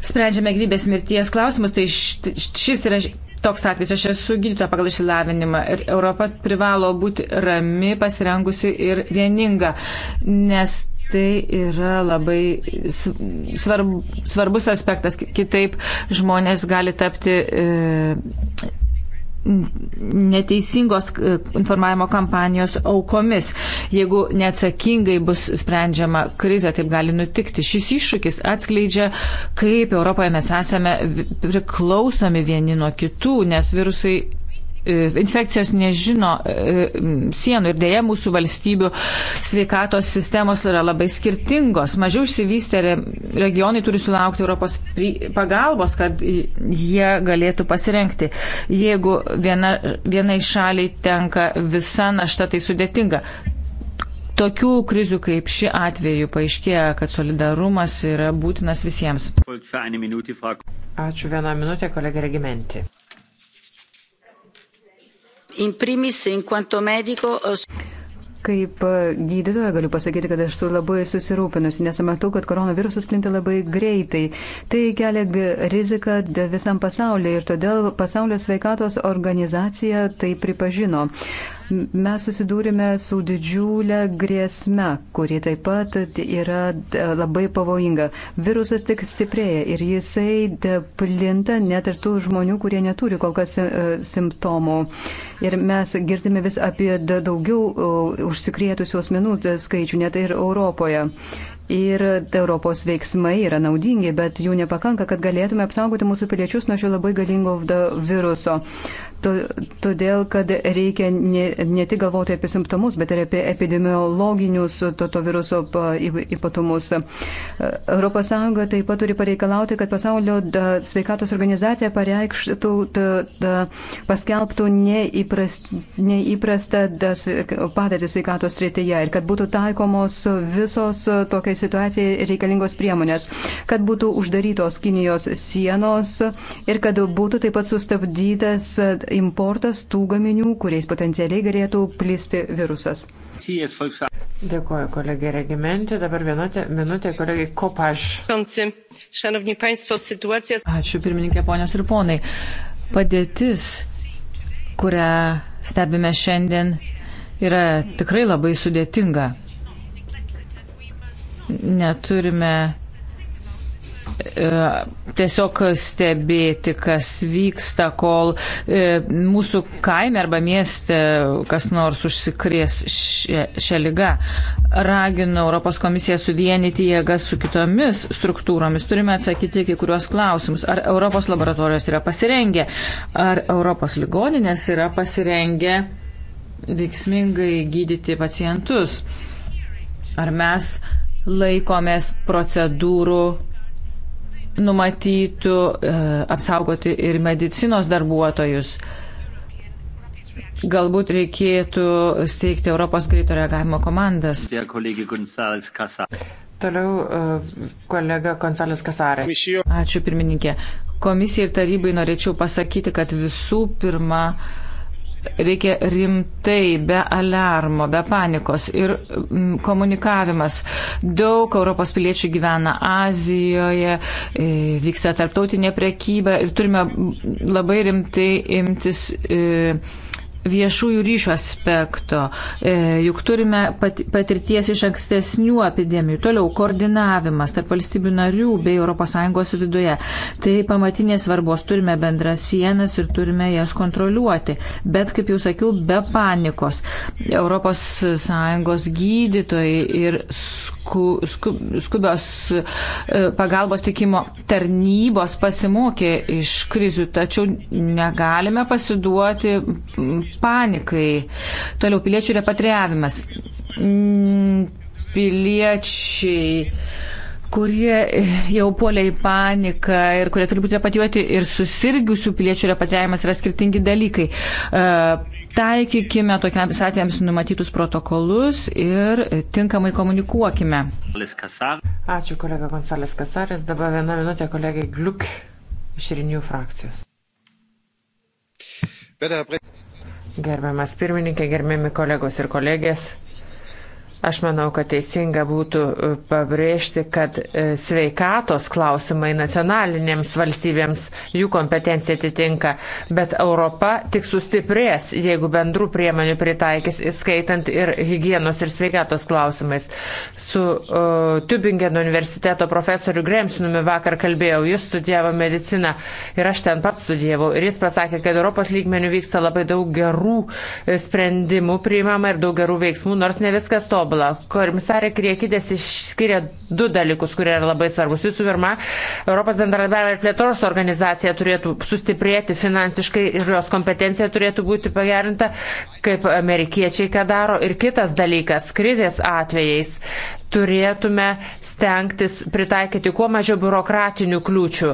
sprendžiame gyvybės mirties klausimus, tai šis yra toks atvejs, aš esu gydytoja pagal išsilavinimą ir Europa privalo būti rami, pasirengusi ir vieninga, nes tai yra labai svarb, svarbus aspektas, kitaip žmonės gali tapti e, neteisingos e, informavimo kampanijos aukomis. Jeigu neatsakingai bus sprendžiama krizė, taip gali nutikti. Šis iššūkis atskleidžia, kaip Europoje mes esame priklausomi vieni nuo kitų, nes virusai E, infekcijos nežino e, sienų ir dėja mūsų valstybių sveikatos sistemos yra labai skirtingos. Mažiau išsivystę regionai turi sulaukti Europos pagalbos, kad jie galėtų pasirenkti. Jeigu viena, vienai šaliai tenka visa našta, tai sudėtinga. Tokių krizių kaip ši atveju paaiškėja, kad solidarumas yra būtinas visiems. Ačiū vieną minutę, kolegė Regimenti in primis in quanto medico. Eh, Kaip eh, gydytoja galiu pasakyti, kad aš esu labai susirūpinusi, nes matau, kad koronavirusas plinta labai greitai. Tai kelia riziką visam pasauliu ir todėl pasaulio sveikatos organizacija tai pripažino. Mes susidūrėme su didžiulė grėsme, kuri taip pat yra e, labai pavojinga. Virusas tik stiprėja ir jisai e, plinta net ir tų žmonių, kurie neturi kol kas e, simptomų. Ir mes girdime vis apie daugiau užsikrėtusių asmenų skaičių, net ir Europoje. Ir Europos veiksmai yra naudingi, bet jų nepakanka, kad galėtume apsaugoti mūsų piliečius nuo šio labai galingo viruso todėl, kad reikia ne, ne tik galvoti apie simptomus, bet ir apie epidemiologinius to, to viruso ypatumus. ES taip pat turi pareikalauti, kad pasaulio da, sveikatos organizacija pareikštų, da, da, paskelbtų neįprast, neįprastą da, padėtį sveikatos srityje ir kad būtų taikomos visos tokiai situacijai reikalingos priemonės, kad būtų uždarytos Kinijos sienos ir kad būtų taip pat sustabdytas importas tų gaminių, kuriais potencialiai galėtų plisti virusas. Dėkuoju kolegė Regimentė. Dabar vienutė, minutė kolegė Kopaš. Ačiū pirmininkė ponios ir ponai. Padėtis, kurią stebime šiandien, yra tikrai labai sudėtinga. Neturime E, tiesiog stebėti, kas vyksta, kol e, mūsų kaime arba mieste kas nors užsikrės šią lygą. Raginu Europos komisiją suvienyti jėgas su kitomis struktūromis. Turime atsakyti kai kuriuos klausimus. Ar Europos laboratorijos yra pasirengę? Ar Europos ligoninės yra pasirengę veiksmingai gydyti pacientus? Ar mes laikomės procedūrų numatytų e, apsaugoti ir medicinos darbuotojus. Galbūt reikėtų steigti Europos greito reagavimo komandas. Toliau e, kolega Konsalės Kasarė. Ačiū pirmininkė. Komisijai ir tarybai norėčiau pasakyti, kad visų pirma, reikia rimtai, be alarmo, be panikos ir mm, komunikavimas. Daug Europos piliečių gyvena Azijoje, e, vyksta tarptautinė prekyba ir turime labai rimtai imtis. E, viešųjų ryšių aspekto, e, juk turime patirties iš ankstesnių epidemijų, toliau koordinavimas tarp valstybių narių bei ES viduje. Tai pamatinės svarbos turime bendras sienas ir turime jas kontroliuoti, bet, kaip jau sakiau, be panikos. ES gydytojai ir sku, sku, skubios e, pagalbos tikimo tarnybos pasimokė iš krizių, tačiau negalime pasiduoti panikai. Toliau piliečių repatriavimas. Mm, piliečiai kurie jau puolė į paniką ir kurie turi būti repatijuoti ir susirgiusių piliečių repatijavimas yra skirtingi dalykai. E, taikykime tokiams atvejams numatytus protokolus ir tinkamai komunikuokime. Ačiū kolega Gonsalės Kasarės. Dabar viena minutė kolegai Gliuk iš Rinių frakcijos. Gerbiamas pirmininkė, gerbiami kolegos ir kolegės. Aš manau, kad teisinga būtų e, pabrėžti, kad e, sveikatos klausimai nacionalinėms valstybėms jų kompetencija atitinka, bet Europa tik sustiprės, jeigu bendrų priemonių pritaikys, įskaitant ir hygienos ir sveikatos klausimais. Su uh, Tübingeno universiteto profesoriu Gremsinumi vakar kalbėjau, jis studijavo mediciną ir aš ten pat studijavau. Ir jis pasakė, kad Europos lygmenių vyksta labai daug gerų sprendimų priimama ir daug gerų veiksmų, nors ne viskas to tobulą. Komisarė Kriekidės išskiria du dalykus, kurie yra labai svarbus. Visų pirma, Europos bendradarbiavimo ir plėtros organizacija turėtų sustiprėti finansiškai ir jos kompetencija turėtų būti pagerinta, kaip amerikiečiai ką daro. Ir kitas dalykas, krizės atvejais turėtume stengtis pritaikyti kuo mažiau biurokratinių kliūčių.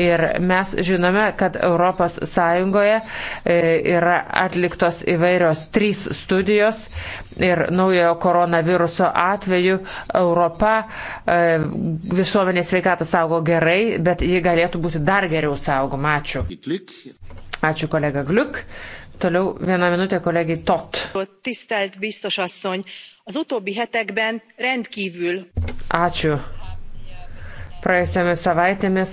Ir mes žinome, kad ES e, yra atliktos įvairios trys studijos ir naujojo koronaviruso atveju Europa e, visuomenės sveikatą saugo gerai, bet ji galėtų būti dar geriau saugoma. Ačiū. Ačiū kolega Gliuk. Toliau vieną minutę kolegai Tot. Tisztelt biztos asszony, az utóbbi hetekben rendkívül. Ačiū. Praėjusiomis savaitėmis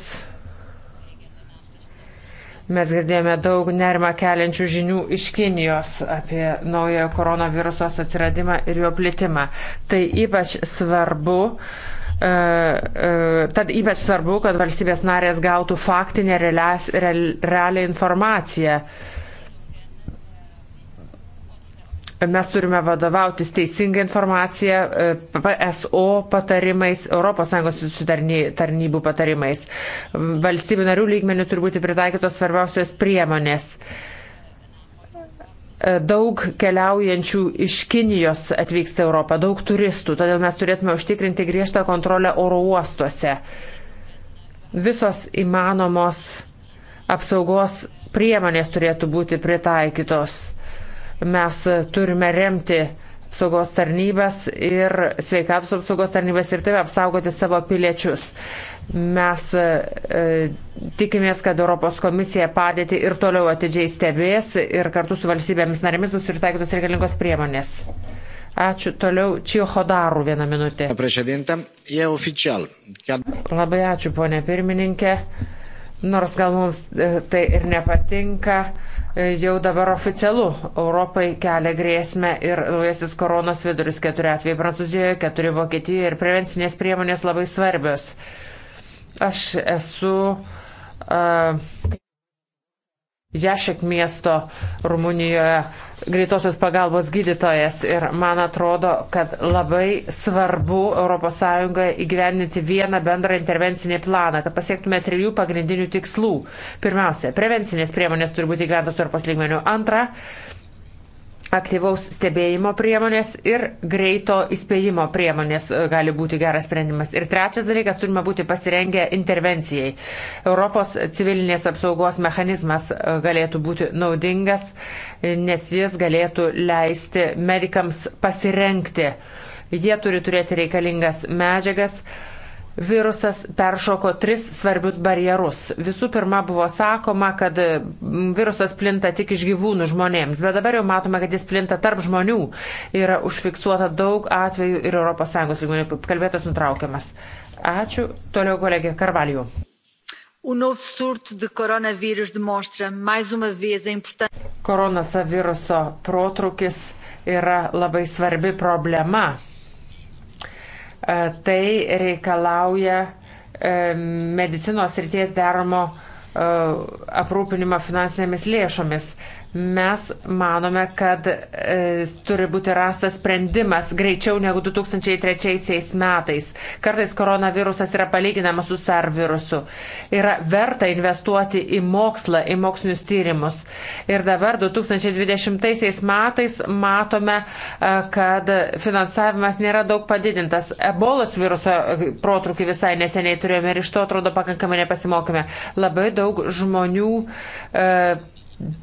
Mes girdėjome daug nerima keliančių žinių iš Kinijos apie naujojo koronaviruso atsiradimą ir jo plitimą. Tai ypač svarbu. E, e, tad ypač svarbu, kad valstybės narės gautų faktinę realią informaciją Mes turime vadovautis teisinga informacija, e, PSO patarimais, ES tarnybų patarimais. Valstybių narių lygmenių turi būti pritaikytos svarbiausios priemonės e, daug keliaujančių iš Kinijos atvyksta Europą, daug turistų, todėl mes turėtume užtikrinti griežtą kontrolę oro uostuose. Visos įmanomos apsaugos priemonės turėtų būti pritaikytos. Mes turime remti apsaugos tarnybas ir sveikatos apsaugos tarnybas ir taip apsaugoti savo piliečius. Mes e, tikimės, kad Europos komisija padėti ir toliau atidžiai stebės ir kartu su valstybėmis narėmis bus ir taikytos reikalingos priemonės. Ačiū toliau Čiohodarų vieną minutę. Labai ačiū, ponė pirmininkė. Nors gal mums e, tai ir nepatinka E, jau dabar oficialu Europai kelia grėsmę ir naujasis koronos vidurius keturi atvejai Prancūzijoje, keturi Vokietijoje ir prevencinės priemonės labai svarbios. Aš esu. Uh, Žešek miesto Rumunijoje greitosios pagalbos gydytojas ir man atrodo, kad labai svarbu ES įgyveninti vieną bendrą intervencinį planą, kad pasiektume trijų pagrindinių tikslų. Pirmiausia, prevencinės priemonės turi būti įgyventos Europos lygmenių. Antra, aktyvaus stebėjimo priemonės ir greito įspėjimo priemonės e, gali būti geras sprendimas. Ir trečias dalykas, turime būti pasirengę intervencijai. Europos civilinės apsaugos mechanizmas e, galėtų būti naudingas, e, nes jis galėtų leisti medikams pasirenkti. Jie turi turėti reikalingas medžiagas, uh, virusas peršoko tris svarbius barjerus. Visų pirma, buvo sakoma, kad virusas plinta tik iš gyvūnų žmonėms, bet dabar jau matome, kad jis plinta tarp žmonių. Yra užfiksuota daug atvejų ir ES lygmenių. Kalbėtas nutraukiamas. Ačiū. Toliau kolegė Karvalijų. O novo surto de coronavírus demonstra mais uma vez a importância. Koronaviruso protrūkis yra labai svarbi problema E, tai reikalauja e, medicinos ryties daromo e, aprūpinimo finansinėmis lėšomis. Mes manome, kad e, turi būti rastas sprendimas greičiau negu 2003 metais. Kartais koronavirusas yra palyginamas su SAR virusu. Yra verta investuoti į mokslą, į mokslinius tyrimus. Ir dabar 2020 metais matome, e, kad finansavimas nėra daug padidintas. Ebolos viruso e, protrukį visai neseniai turėjome ir iš to atrodo pakankamai nepasimokime. Labai daug žmonių. E,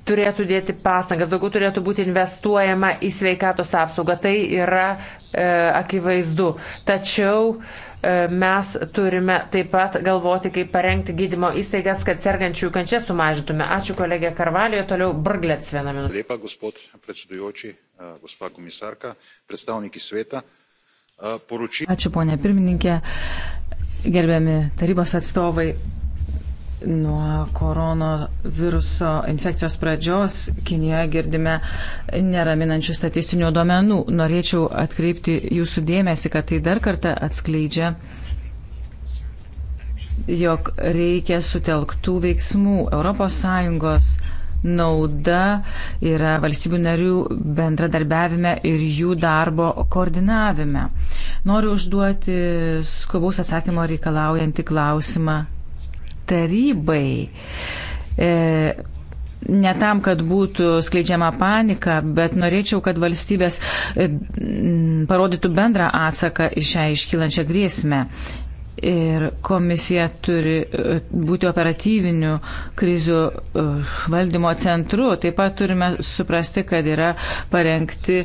turėtų dėti pasangas, daugiau turėtų būti investuojama į sveikatos apsaugą. Tai yra e, akivaizdu. Tačiau e, mes turime taip pat galvoti, kaip parengti gydymo įstaigas, kad sergančiųjų kančią sumažintume. Ačiū kolegė Karvalijo, toliau Brglets vieną minutę. Lepa, gospod predsedujoči, e, gospa komisarka, predstavniki sveta. E, poruči... Ačiū, ponė pirmininkė, gerbiami tarybos atstovai Nuo koronaviruso infekcijos pradžios Kinijoje girdime neraminančių statistinių duomenų. Norėčiau atkreipti jūsų dėmesį, kad tai dar kartą atskleidžia, jog reikia sutelktų veiksmų. ES nauda yra valstybių narių bendradarbiavime ir jų darbo koordinavime. Noriu užduoti skubaus atsakymo reikalaujantį klausimą tarybai. E, ne tam, kad būtų skleidžiama panika, bet norėčiau, kad valstybės e, parodytų bendrą atsaką į šią iškylančią grėsmę. Ir komisija turi e, būti operatyvinių krizių e, valdymo centru. Taip pat turime suprasti, kad yra parengti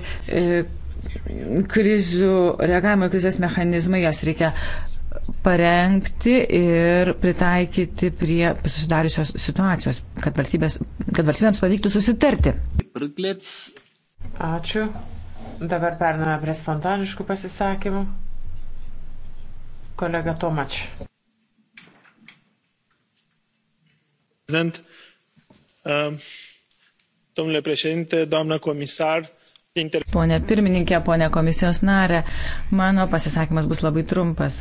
krizių, reagavimo krizės mechanizmai, jas reikia parengti ir pritaikyti prie susidariusios situacijos, kad, kad valstybėms pavyktų susitarti. Ačiū. Dabar pername prie spontaniškų pasisakymų. Kolega Tomač. Ehm, domnule președinte, doamnă comisar, Pone pirmininkė, pone komisijos narė, mano pasisakymas bus labai trumpas.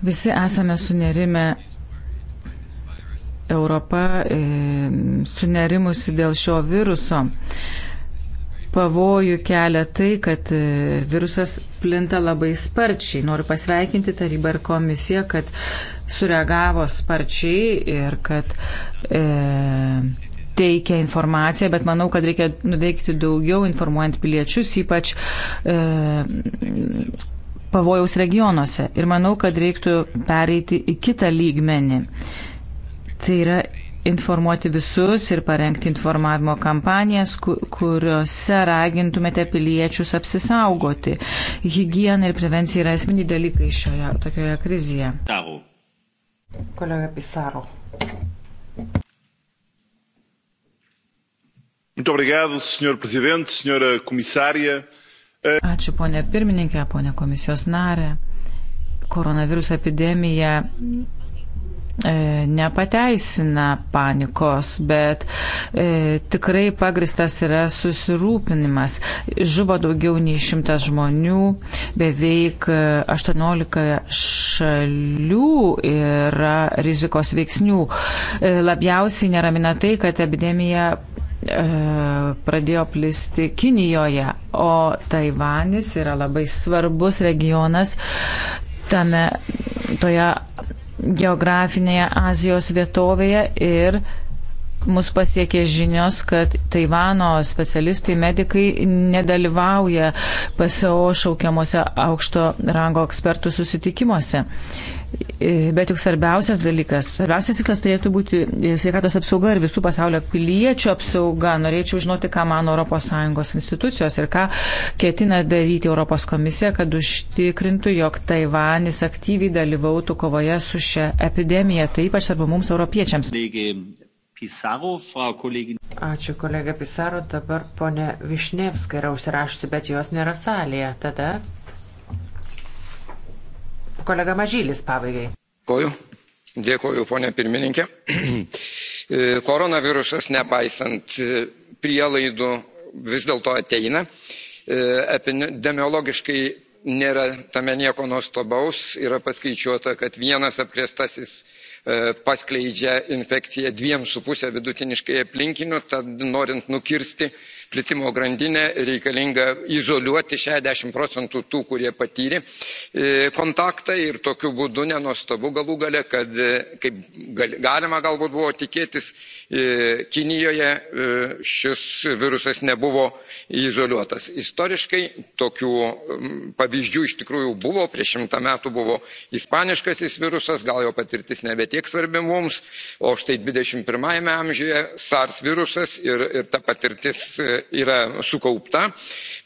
Visi esame sunerime. Europa e, sunerimusi dėl šio viruso. Pavojų kelia tai, kad e, virusas plinta labai sparčiai. Noriu pasveikinti tarybą ir komisiją, kad sureagavo sparčiai ir kad e, teikia informaciją, bet manau, kad reikia nuveikti daugiau informuojant piliečius, ypač e, pavojaus regionuose. Ir manau, kad reiktų pereiti į kitą lygmenį. Tai yra informuoti visus ir parengti informavimo kampanijas, kuriuose ragintumėte piliečius apsisaugoti. Hygiena ir prevencija yra esminiai dalykai šioje tokioje krizėje. Tavo. Kolega Pisaro. Muito obrigado, Sr. Presidente, Sra. Comissária. Uh, Ačiū ponė pirmininkė, ponė komisijos narė. Koronaviruso epidemija e, nepateisina panikos, bet e, tikrai pagristas yra susirūpinimas. Žuvo daugiau nei šimtas žmonių, beveik 18 e, šalių yra rizikos veiksnių. E, labiausiai neramina tai, kad epidemija E, pradėjo plisti Kinijoje, o Taivanis yra labai svarbus regionas tame, toje geografinėje Azijos vietovėje ir mus pasiekė žinios, kad Taivano specialistai, medikai nedalyvauja PSO šaukiamuose aukšto rango ekspertų susitikimuose. Uh, E, bet juk svarbiausias dalykas, svarbiausias tikslas turėtų būti e, sveikatos apsauga ir visų pasaulio piliečių apsauga. Norėčiau žinoti, ką mano ES institucijos ir ką ketina daryti ES komisija, kad užtikrintų, jog Taivanis aktyviai dalyvautų kovoje su šia epidemija. Tai ypač svarbu mums, europiečiams. Pisaro, frau kolegin. Ačiū kolega Pisaro, dabar ponė Višnevska yra užsirašusi, bet jos nėra salėje. Tada Kolega Mažylis pabaigai. Koju. Dėkoju, ponė pirmininkė. E, koronavirusas, nepaisant e, prielaidų, vis dėlto ateina. E, epidemiologiškai nėra tame nieko nuostabaus. Yra paskaičiuota, kad vienas apkrestasis paskleidžia infekciją dviem su pusė vidutiniškai aplinkiniu, tad norint nukirsti plitimo grandinę reikalinga izoliuoti 60 procentų tų, kurie patyrė e, kontaktą ir tokiu būdu nenostabu galų gale, kad e, kaip galima galbūt buvo tikėtis, e, Kinijoje šis virusas nebuvo izoliuotas. Istoriškai tokių pavyzdžių iš tikrųjų buvo, prieš šimtą metų buvo ispaniškasis virusas, gal jo patirtis nebetiek svarbi mums, o štai 21 amžiuje SARS virusas ir, ir ta patirtis yra sukaupta.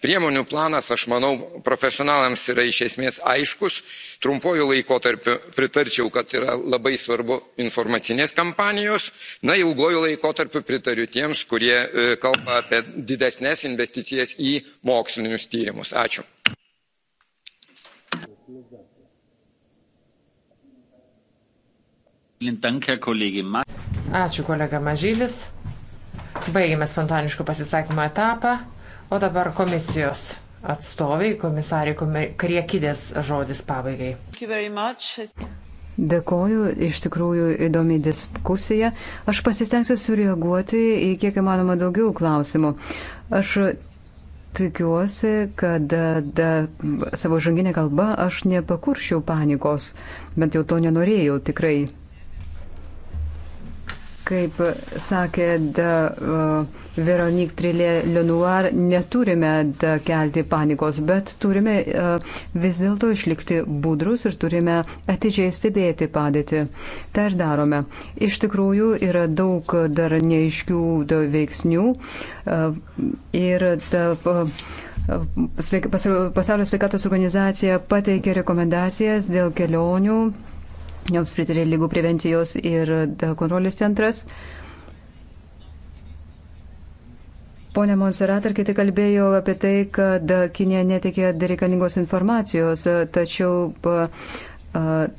Priemonių planas, aš manau, profesionalams yra iš esmės aiškus. Trumpuoju laikotarpiu pritarčiau, kad yra labai svarbu informacinės kampanijos. Na, ilguoju laikotarpiu pritariu tiems, kurie e, kalba apie didesnės investicijas į mokslinius tyrimus. Ačiū. Ačiū kolega Mažylis. Baigėme spontaniškų pasisakymą etapą, o dabar komisijos atstoviai, komisariai Kriekidės žodis pabaigai. Dėkoju, iš tikrųjų įdomi diskusija. Aš pasistengsiu sureaguoti į kiek įmanoma daugiau klausimų. Aš tikiuosi, kad da, savo žanginė kalba aš nepakuršiau panikos, bent jau to nenorėjau tikrai. Kaip sakė da, uh, Veronik Trilė Lenoir, neturime da, kelti panikos, bet turime uh, vis dėlto išlikti budrus ir turime atidžiai stebėti padėtį. Tai ir darome. Iš tikrųjų yra daug dar neaiškių da, veiksnių uh, ir da, uh, Pasaulio sveikatos organizacija pateikė rekomendacijas dėl kelionių Joms pritarė lygų prevencijos ir e, kontrolės centras. Pone Monserat, ar kiti kalbėjo apie tai, kad e, Kinė netikė reikalingos informacijos, e, tačiau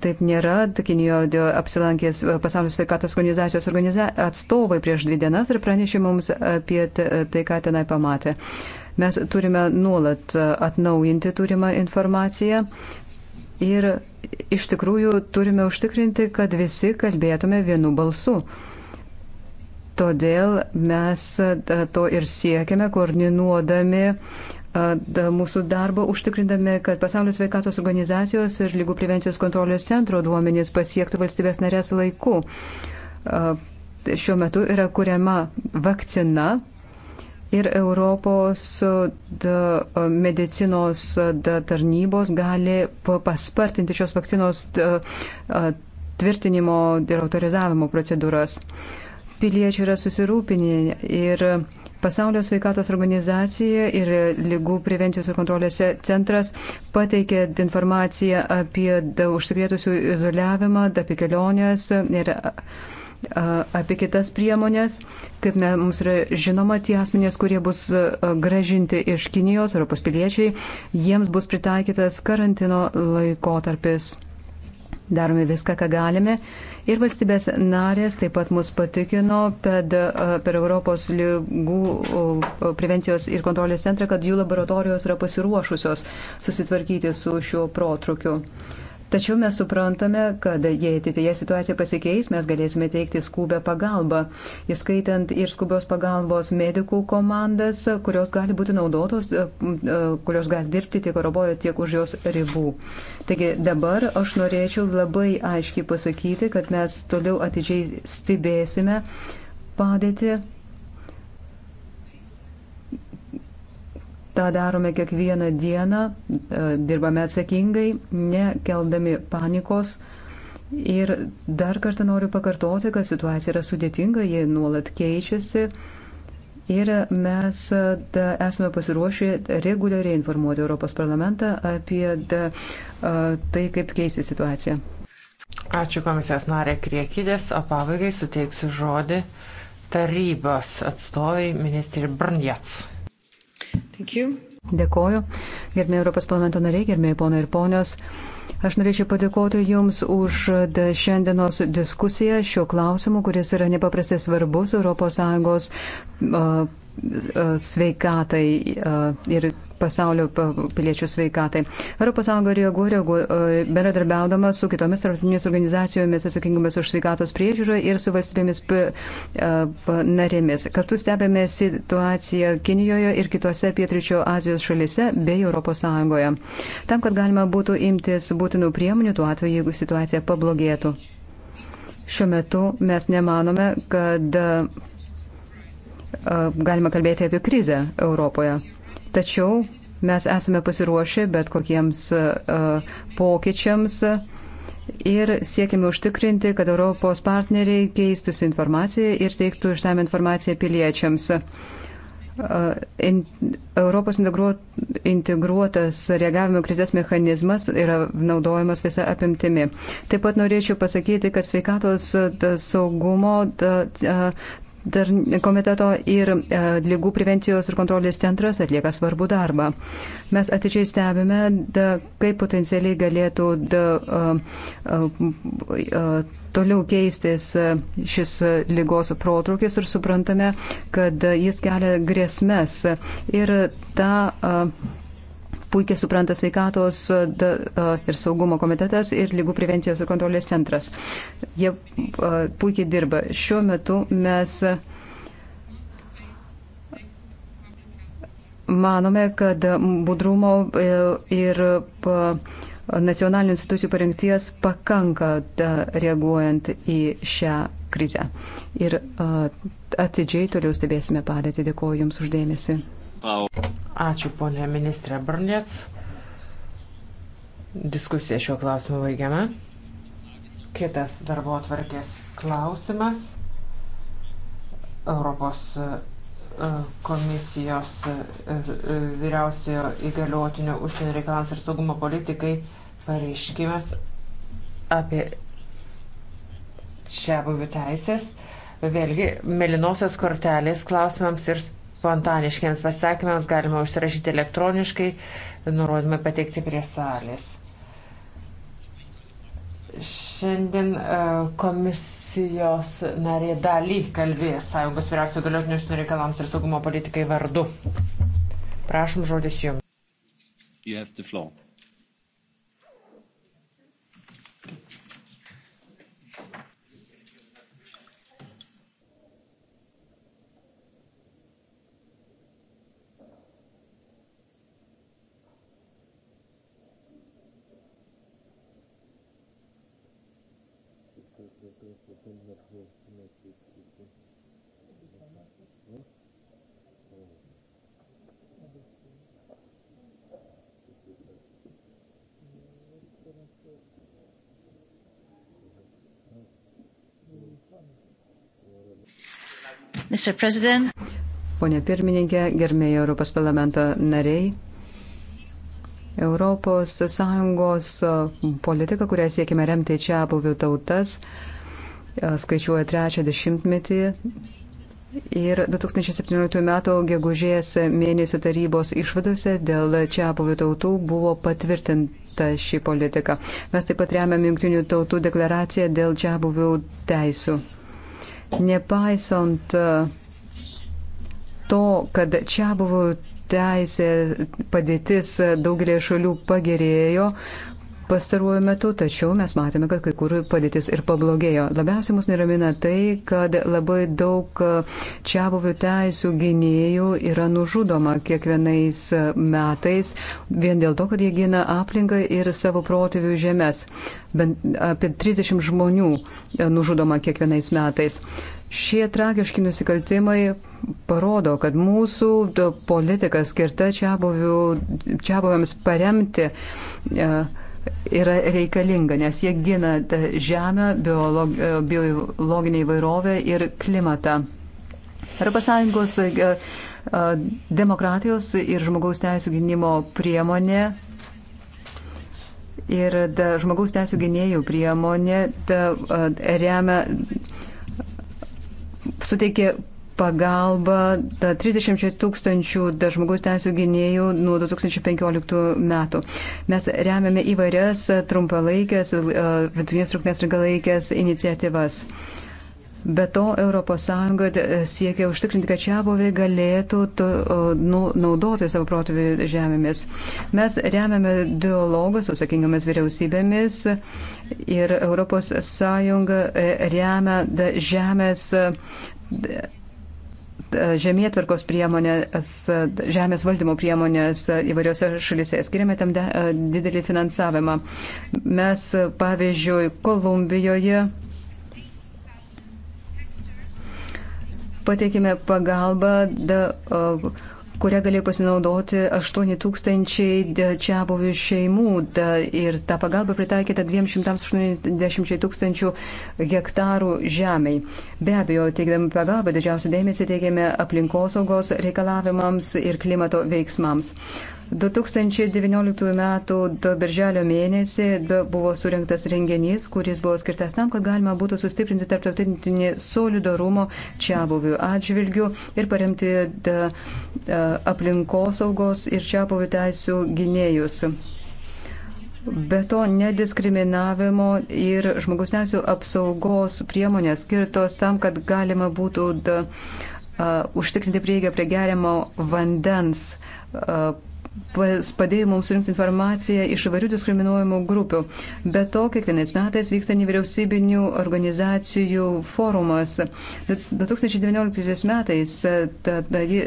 taip nėra. Kinijoje apsilankęs pasaulio sveikatos organizacijos organiza atstovai prieš dvi dienas ir pranešė mums apie tai, ką tenai pamatė. Mes turime nuolat atnaujinti turimą informaciją, Ir iš tikrųjų turime užtikrinti, kad visi kalbėtume vienu balsu. Todėl mes e, to ir siekiame, koordinuodami e, mūsų darbą, užtikrindami, kad pasaulio sveikatos organizacijos ir lygų prevencijos kontrolės centro duomenys pasiektų valstybės narės laiku. E, šiuo metu yra kuriama vakcina ir Europos da, medicinos da, tarnybos gali paspartinti šios vakcinos da, tvirtinimo ir autorizavimo procedūras. Piliečiai yra susirūpinę ir Pasaulio sveikatos organizacija ir lygų prevencijos ir kontrolės centras pateikė informaciją apie užsikrėtusių izoliavimą, apie keliones ir apie kitas priemonės. Kaip mums yra žinoma, tie asmenės, kurie bus gražinti iš Kinijos, Europos piliečiai, jiems bus pritaikytas karantino laikotarpis. Darome viską, ką galime. Ir valstybės narės taip pat mus patikino ped, per Europos lygų prevencijos ir kontrolės centrą, kad jų laboratorijos yra pasiruošusios susitvarkyti su šiuo protrukiu. Tačiau mes suprantame, kad jei ateityje situacija pasikeis, mes galėsime teikti skubę pagalbą, įskaitant ir skubios pagalbos medikų komandas, kurios gali būti naudotos, e, e, kurios gali dirbti tiek Europoje, tiek už jos ribų. Taigi dabar aš norėčiau labai aiškiai pasakyti, kad mes toliau atidžiai stebėsime padėtį tą darome kiekvieną dieną, e, dirbame atsakingai, nekeldami panikos. Ir dar kartą noriu pakartoti, kad situacija yra sudėtinga, jie nuolat keičiasi. Ir mes e, da, esame pasiruošę reguliariai informuoti Europos parlamentą apie da, e, tai, kaip keisti situaciją. Ačiū komisijos narė Kriekidės, o pabaigai suteiksiu žodį tarybos atstovai ministrė Brnjats. Dėkoju. Gerbėjai Europos parlamento nariai, gerbėjai ponai ir ponios. Aš norėčiau padėkoti Jums už šiandienos diskusiją šiuo klausimu, kuris yra nepaprastai svarbus ES sveikatai e, ir pasaulio piliečių sveikatai. ES reaguoja e, bendradarbiaudama su kitomis tarptautinėmis organizacijomis atsakingomis už sveikatos priežiūrą ir su valstybėmis e, narėmis. Kartu stebėme situaciją Kinijoje ir kitose pietričio Azijos šalise bei ES. Tam, kad galima būtų imtis būtinų priemonių tuo atveju, jeigu situacija pablogėtų. Šiuo metu mes nemanome, kad galima kalbėti apie krizę Europoje. Tačiau mes esame pasiruošę bet kokiems pokyčiams ir siekime užtikrinti, kad Europos partneriai keistųsi informaciją ir teiktų išsame informaciją piliečiams. In, Europos integruot, integruotas reagavimo krizės mechanizmas yra naudojamas visą apimtimi. Taip pat norėčiau pasakyti, kad sveikatos ta, saugumo ta, ta, Dar komiteto ir e, lygų prevencijos ir kontrolės centras atlieka svarbų darbą. Mes atidžiai stebime, da, kaip potencialiai galėtų da, a, a, a, toliau keistis e, šis lygos protrukis ir suprantame, kad jis kelia grėsmes. Ir ta, a, e, puikiai supranta sveikatos ir saugumo komitetas ir lygų prevencijos ir kontrolės centras. Jie puikiai dirba. Šiuo metu mes manome, kad budrumo e, ir nacionalinių institucijų parengties pakanka reaguojant į šią krizę. Ir atidžiai toliau stebėsime padėtį. Dėkuoju Jums uždėmesi. Ačiū, ponė ministrė Brunėts. Diskusiją šiuo klausimu baigiame. Kitas darbo atvarkės klausimas. Europos e, komisijos e, e, vyriausiojo įgaliotinio užsienio reikalams ir saugumo politikai pareiškimas apie čia buvių teisės. Vėlgi, melinosios kortelės klausimams ir spontaniškiams pasakymams galima užsirašyti elektroniškai, nurodymai pateikti prie salės. Šiandien e, komisijos narė daly kalbės Sąjungos vyriausio galiotinio užsienio reikalams ir saugumo politikai vardu. Prašom žodis jums. Pone pirmininkė, gerbėjai Europos parlamento nariai. Europos Sąjungos politika, kurią siekime remti čia buvių tautas, skaičiuoja trečią dešimtmetį. Ir 2017 m. gegužės mėnesio tarybos išvadose dėl čia buvių tautų buvo patvirtinta ši politika. Mes taip pat remiam Junktinių tautų deklaraciją dėl čia buvių teisų. Nepaisant e, to, kad čia buvo teisė padėtis e, daugelį šalių pagerėjo, pastaruoju metu, tačiau mes matėme, kad kai kur padėtis ir pablogėjo. Labiausiai mus neramina tai, kad labai daug čia buvių teisų gynėjų yra nužudoma kiekvienais metais vien dėl to, kad jie gina aplinką ir savo protėvių žemės. Bent apie 30 žmonių e, nužudoma kiekvienais metais. Šie tragiški nusikaltimai parodo, kad mūsų e, politika skirta čia buviams paremti. Uh, yra reikalinga, nes jie gina žemę, biolog, biologinį įvairovę ir klimatą. Europos Sąjungos e, e, demokratijos ir žmogaus teisų gynimo priemonė ir da, žmogaus teisų gynėjų priemonė da, e, remia suteikė pagalba 30 tūkstančių žmogaus teisų gynėjų nuo 2015 metų. Mes remiame įvairias trumpalaikės, vidutinės trukmės ir galaikės iniciatyvas. Be to, ES e, siekia užtikrinti, kad čia buvai galėtų tu, nu, naudoti savo protėvių žemėmis. Mes remiame dialogą su sakingomis vyriausybėmis ir ES e, remia žemės e, žemėtvarkos priemonės, žemės valdymo priemonės įvairiose šalise. Skiriame tam didelį finansavimą. Mes, pavyzdžiui, Kolumbijoje pateikėme pagalbą. Da, uh, kurią galėjo pasinaudoti 8 tūkstančiai čia buvių šeimų da, ir ta pagalba pritaikyta 280 tūkstančių hektarų žemiai. Be abejo, teikdami pagalbą didžiausią dėmesį teikiame aplinkosaugos reikalavimams ir klimato veiksmams. 2019 m. birželio mėnesį buvo surinktas renginys, kuris buvo skirtas tam, kad galima būtų sustiprinti tarptautinį solidarumo čia buvių atžvilgių ir paremti aplinkosaugos ir čia buvių teisų gynėjus. Be to, nediskriminavimo ir žmogus teisų apsaugos priemonės skirtos tam, kad galima būtų da, uh, užtikrinti prieigą prie geriamo vandens. Uh, padėjo mums rinkti informaciją iš įvairių diskriminuojamų grupių. Be to, kiekvienais metais vyksta nevyriausybinių organizacijų forumas. 2019 metais tada jį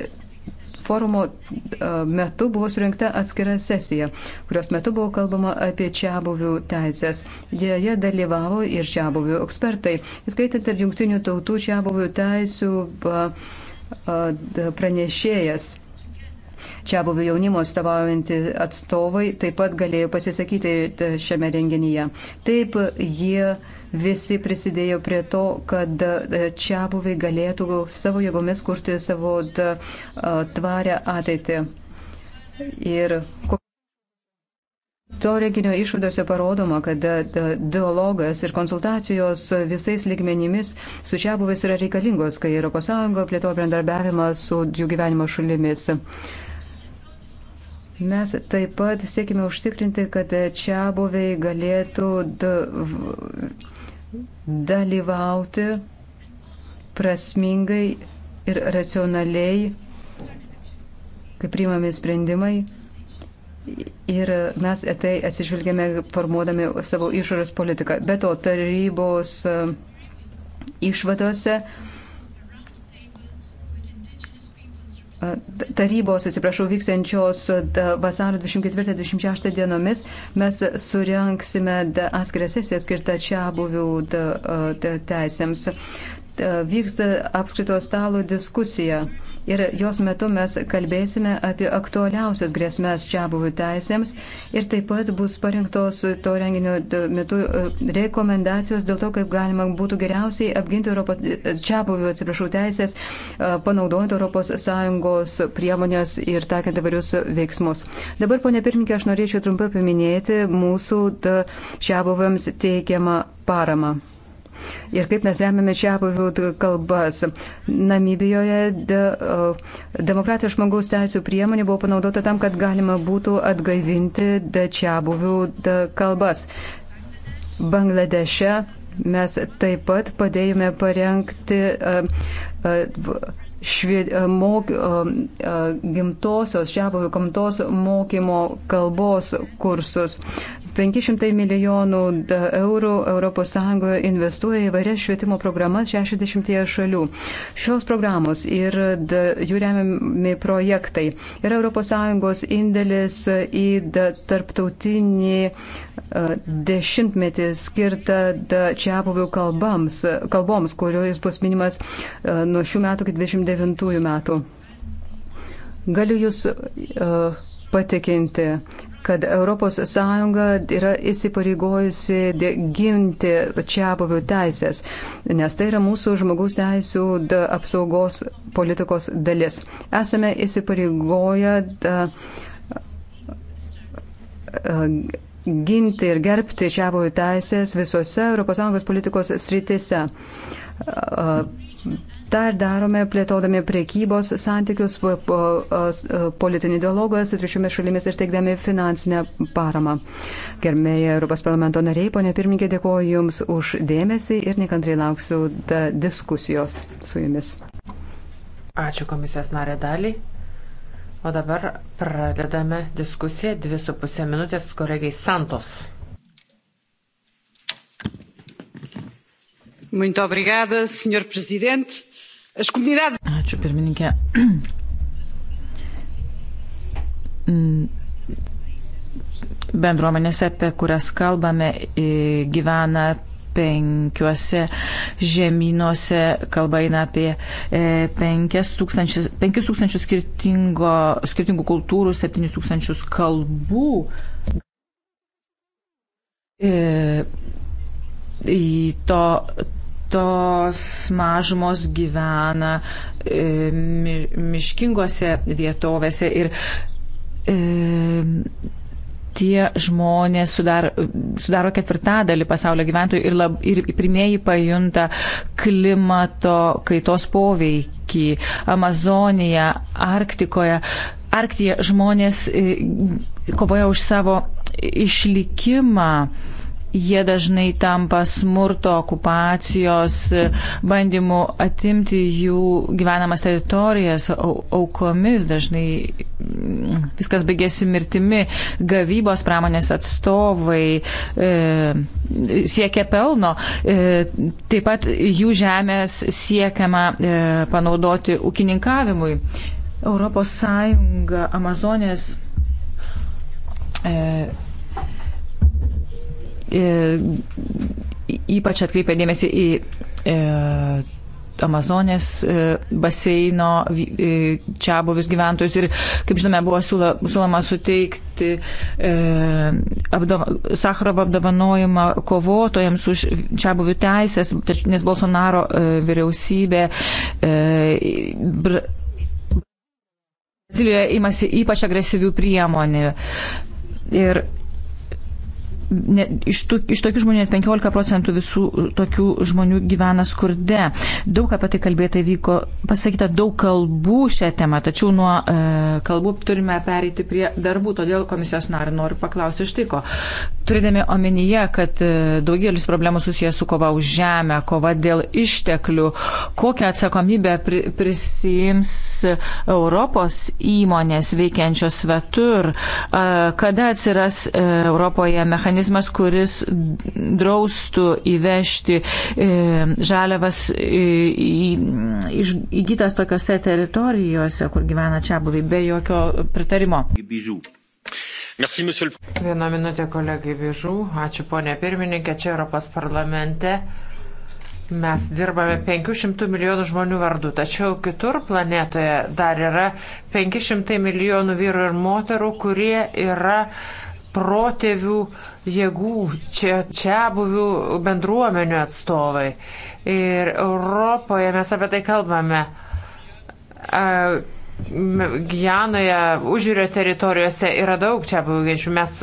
forumo metu buvo surinkta atskira sesija, kurios metu buvo kalbama apie čia buvių teisės. Joje dalyvavo ir čia buvių ekspertai, įskaitant ir jungtinių tautų čia buvių teisų pranešėjas čia buvę jaunimo atstovaujantį atstovai taip pat galėjo pasisakyti e, šiame renginyje. Taip jie visi prisidėjo prie to, kad e, čia buvę galėtų savo jėgomis kurti savo e, tvarę ateitį. Ir To reginio išvadose parodoma, kad dialogas ir konsultacijos visais ligmenimis su šiabuvais yra reikalingos, kai ES plėtoja bendradarbiavimą su jų gyvenimo šalimis. Mes taip pat siekime užtikrinti, kad čia buviai galėtų dalyvauti prasmingai ir racionaliai, kai priimami sprendimai. Ir mes tai atsižvelgėme formuodami savo išorės politiką. Be to, tarybos e, išvadose uh, tarybos, atsiprašau, vyksiančios vasario 24-26 dienomis mes surenksime atskirą sesiją skirtą čia buvių teisėms. Vyksta apskrito stalo diskusija ir jos metu mes kalbėsime apie aktualiausias grėsmės čia buvų teisėms ir taip pat bus parinktos to renginio metu e, rekomendacijos dėl to, kaip galima būtų geriausiai apginti Europos, e, čia buvų, atsiprašau, teisės, e, panaudojant ES priemonės ir takiant įvairius veiksmus. Dabar, ponė pirmininkė, aš norėčiau trumpai paminėti mūsų čia buvams teikiamą paramą ir kaip mes remiame čia apavių kalbas. Namibijoje de, demokratijos žmogaus teisų priemonė buvo panaudota tam, kad galima būtų atgaivinti čia apavių kalbas. Bangladeše mes taip pat padėjome parengti uh, uh, švi, mok, e, e, gimtosios, šiapovių gamtos mokymo kalbos kursus. 500 milijonų eurų ES investuoja į vairias švietimo programas 60 šalių. Šios programos ir jų remiami projektai yra ES indėlis į tarptautinį dešimtmetį skirtą čia buvių kalbams, kalboms, kuriuo bus minimas nuo šių metų iki 29 metų. Galiu Jūs uh, patikinti, kad ES yra įsipareigojusi ginti čia buvių teisės, nes tai yra mūsų žmogaus teisų apsaugos politikos dalis. Esame įsipareigoję ginti ir gerbti čia buvių teisės visose ES politikos sritise tą ir darome plėtodami priekybos santykius, politinį dialogą su trečiomis šalimis ir teikdami finansinę paramą. Gerbėjai Europos parlamento nariai, ponė pirmininkė, dėkoju Jums už dėmesį ir nekantrai lauksiu diskusijos su Jumis. Ačiū komisijos narė daliai. O dabar pradedame diskusiją 2,5 minutės kolegiai Santos. Muito obrigada, Sr. Presidente. Ačiū pirmininkė. Mm. Bendruomenėse, apie kurias kalbame, gyvena penkiuose žemynuose, kalba eina apie 5000 e, skirtingo, skirtingų kultūrų, 7000 kalbų. E, to tos mažumos gyvena e, mi, miškingose vietovėse ir e, tie žmonės sudaro, sudaro ketvirtadalį pasaulio gyventojų ir, lab, ir pirmieji pajunta klimato kaitos poveikį Amazonija, Arktikoje. Arktija žmonės e, kovoja už savo išlikimą Jie dažnai tampa smurto, okupacijos, bandymų atimti jų gyvenamas teritorijas, aukomis dažnai mm, viskas baigėsi mirtimi. Gavybos pramonės atstovai e, siekia pelno, e, taip pat jų žemės siekiama e, panaudoti ūkininkavimui. Europos Sąjunga Amazonės e, E, ypač atkreipia dėmesį į e, Amazonės e, baseino čia buvius gyventojus ir, kaip žinome, buvo siūloma suteikti e, apdova, Sakrovo apdovanojimą kovotojams už čia buvių teisės, nes Bolsonaro e, vyriausybė. E, br, Brazilijoje imasi ypač agresyvių priemonių. Ir Ne, iš, tų, iš tokių žmonių net 15 procentų visų tokių žmonių gyvena skurde. Daug apie tai kalbėta vyko, pasakyta daug kalbų šią temą, tačiau nuo e, kalbų turime pereiti prie darbų, todėl komisijos narį noriu paklausti iš tiko. Turėdami omenyje, kad e, daugelis problemų susijęs su kova už žemę, kova dėl išteklių, kokią atsakomybę pri, prisijims Europos įmonės veikiančios svetur, e, kada atsiras e, Europoje mechanizmas, mechanizmas, kuris draustų įvežti e, žaliavas e, į, iš, įgytas tokiose teritorijose, kur gyvena čia buviai, be jokio pritarimo. Merci, Vieną minutę kolegai Vižų. Ačiū ponė pirmininkė, čia Europos parlamente. Mes dirbame 500 milijonų žmonių vardu, tačiau kitur planetoje dar yra 500 milijonų vyrų ir moterų, kurie yra protėvių uh, jėgų, čia, čia buvių bendruomenių atstovai. Ir Europoje mes apie tai kalbame. Gijanoje, užžiūrio teritorijose yra daug čia buvių. Mes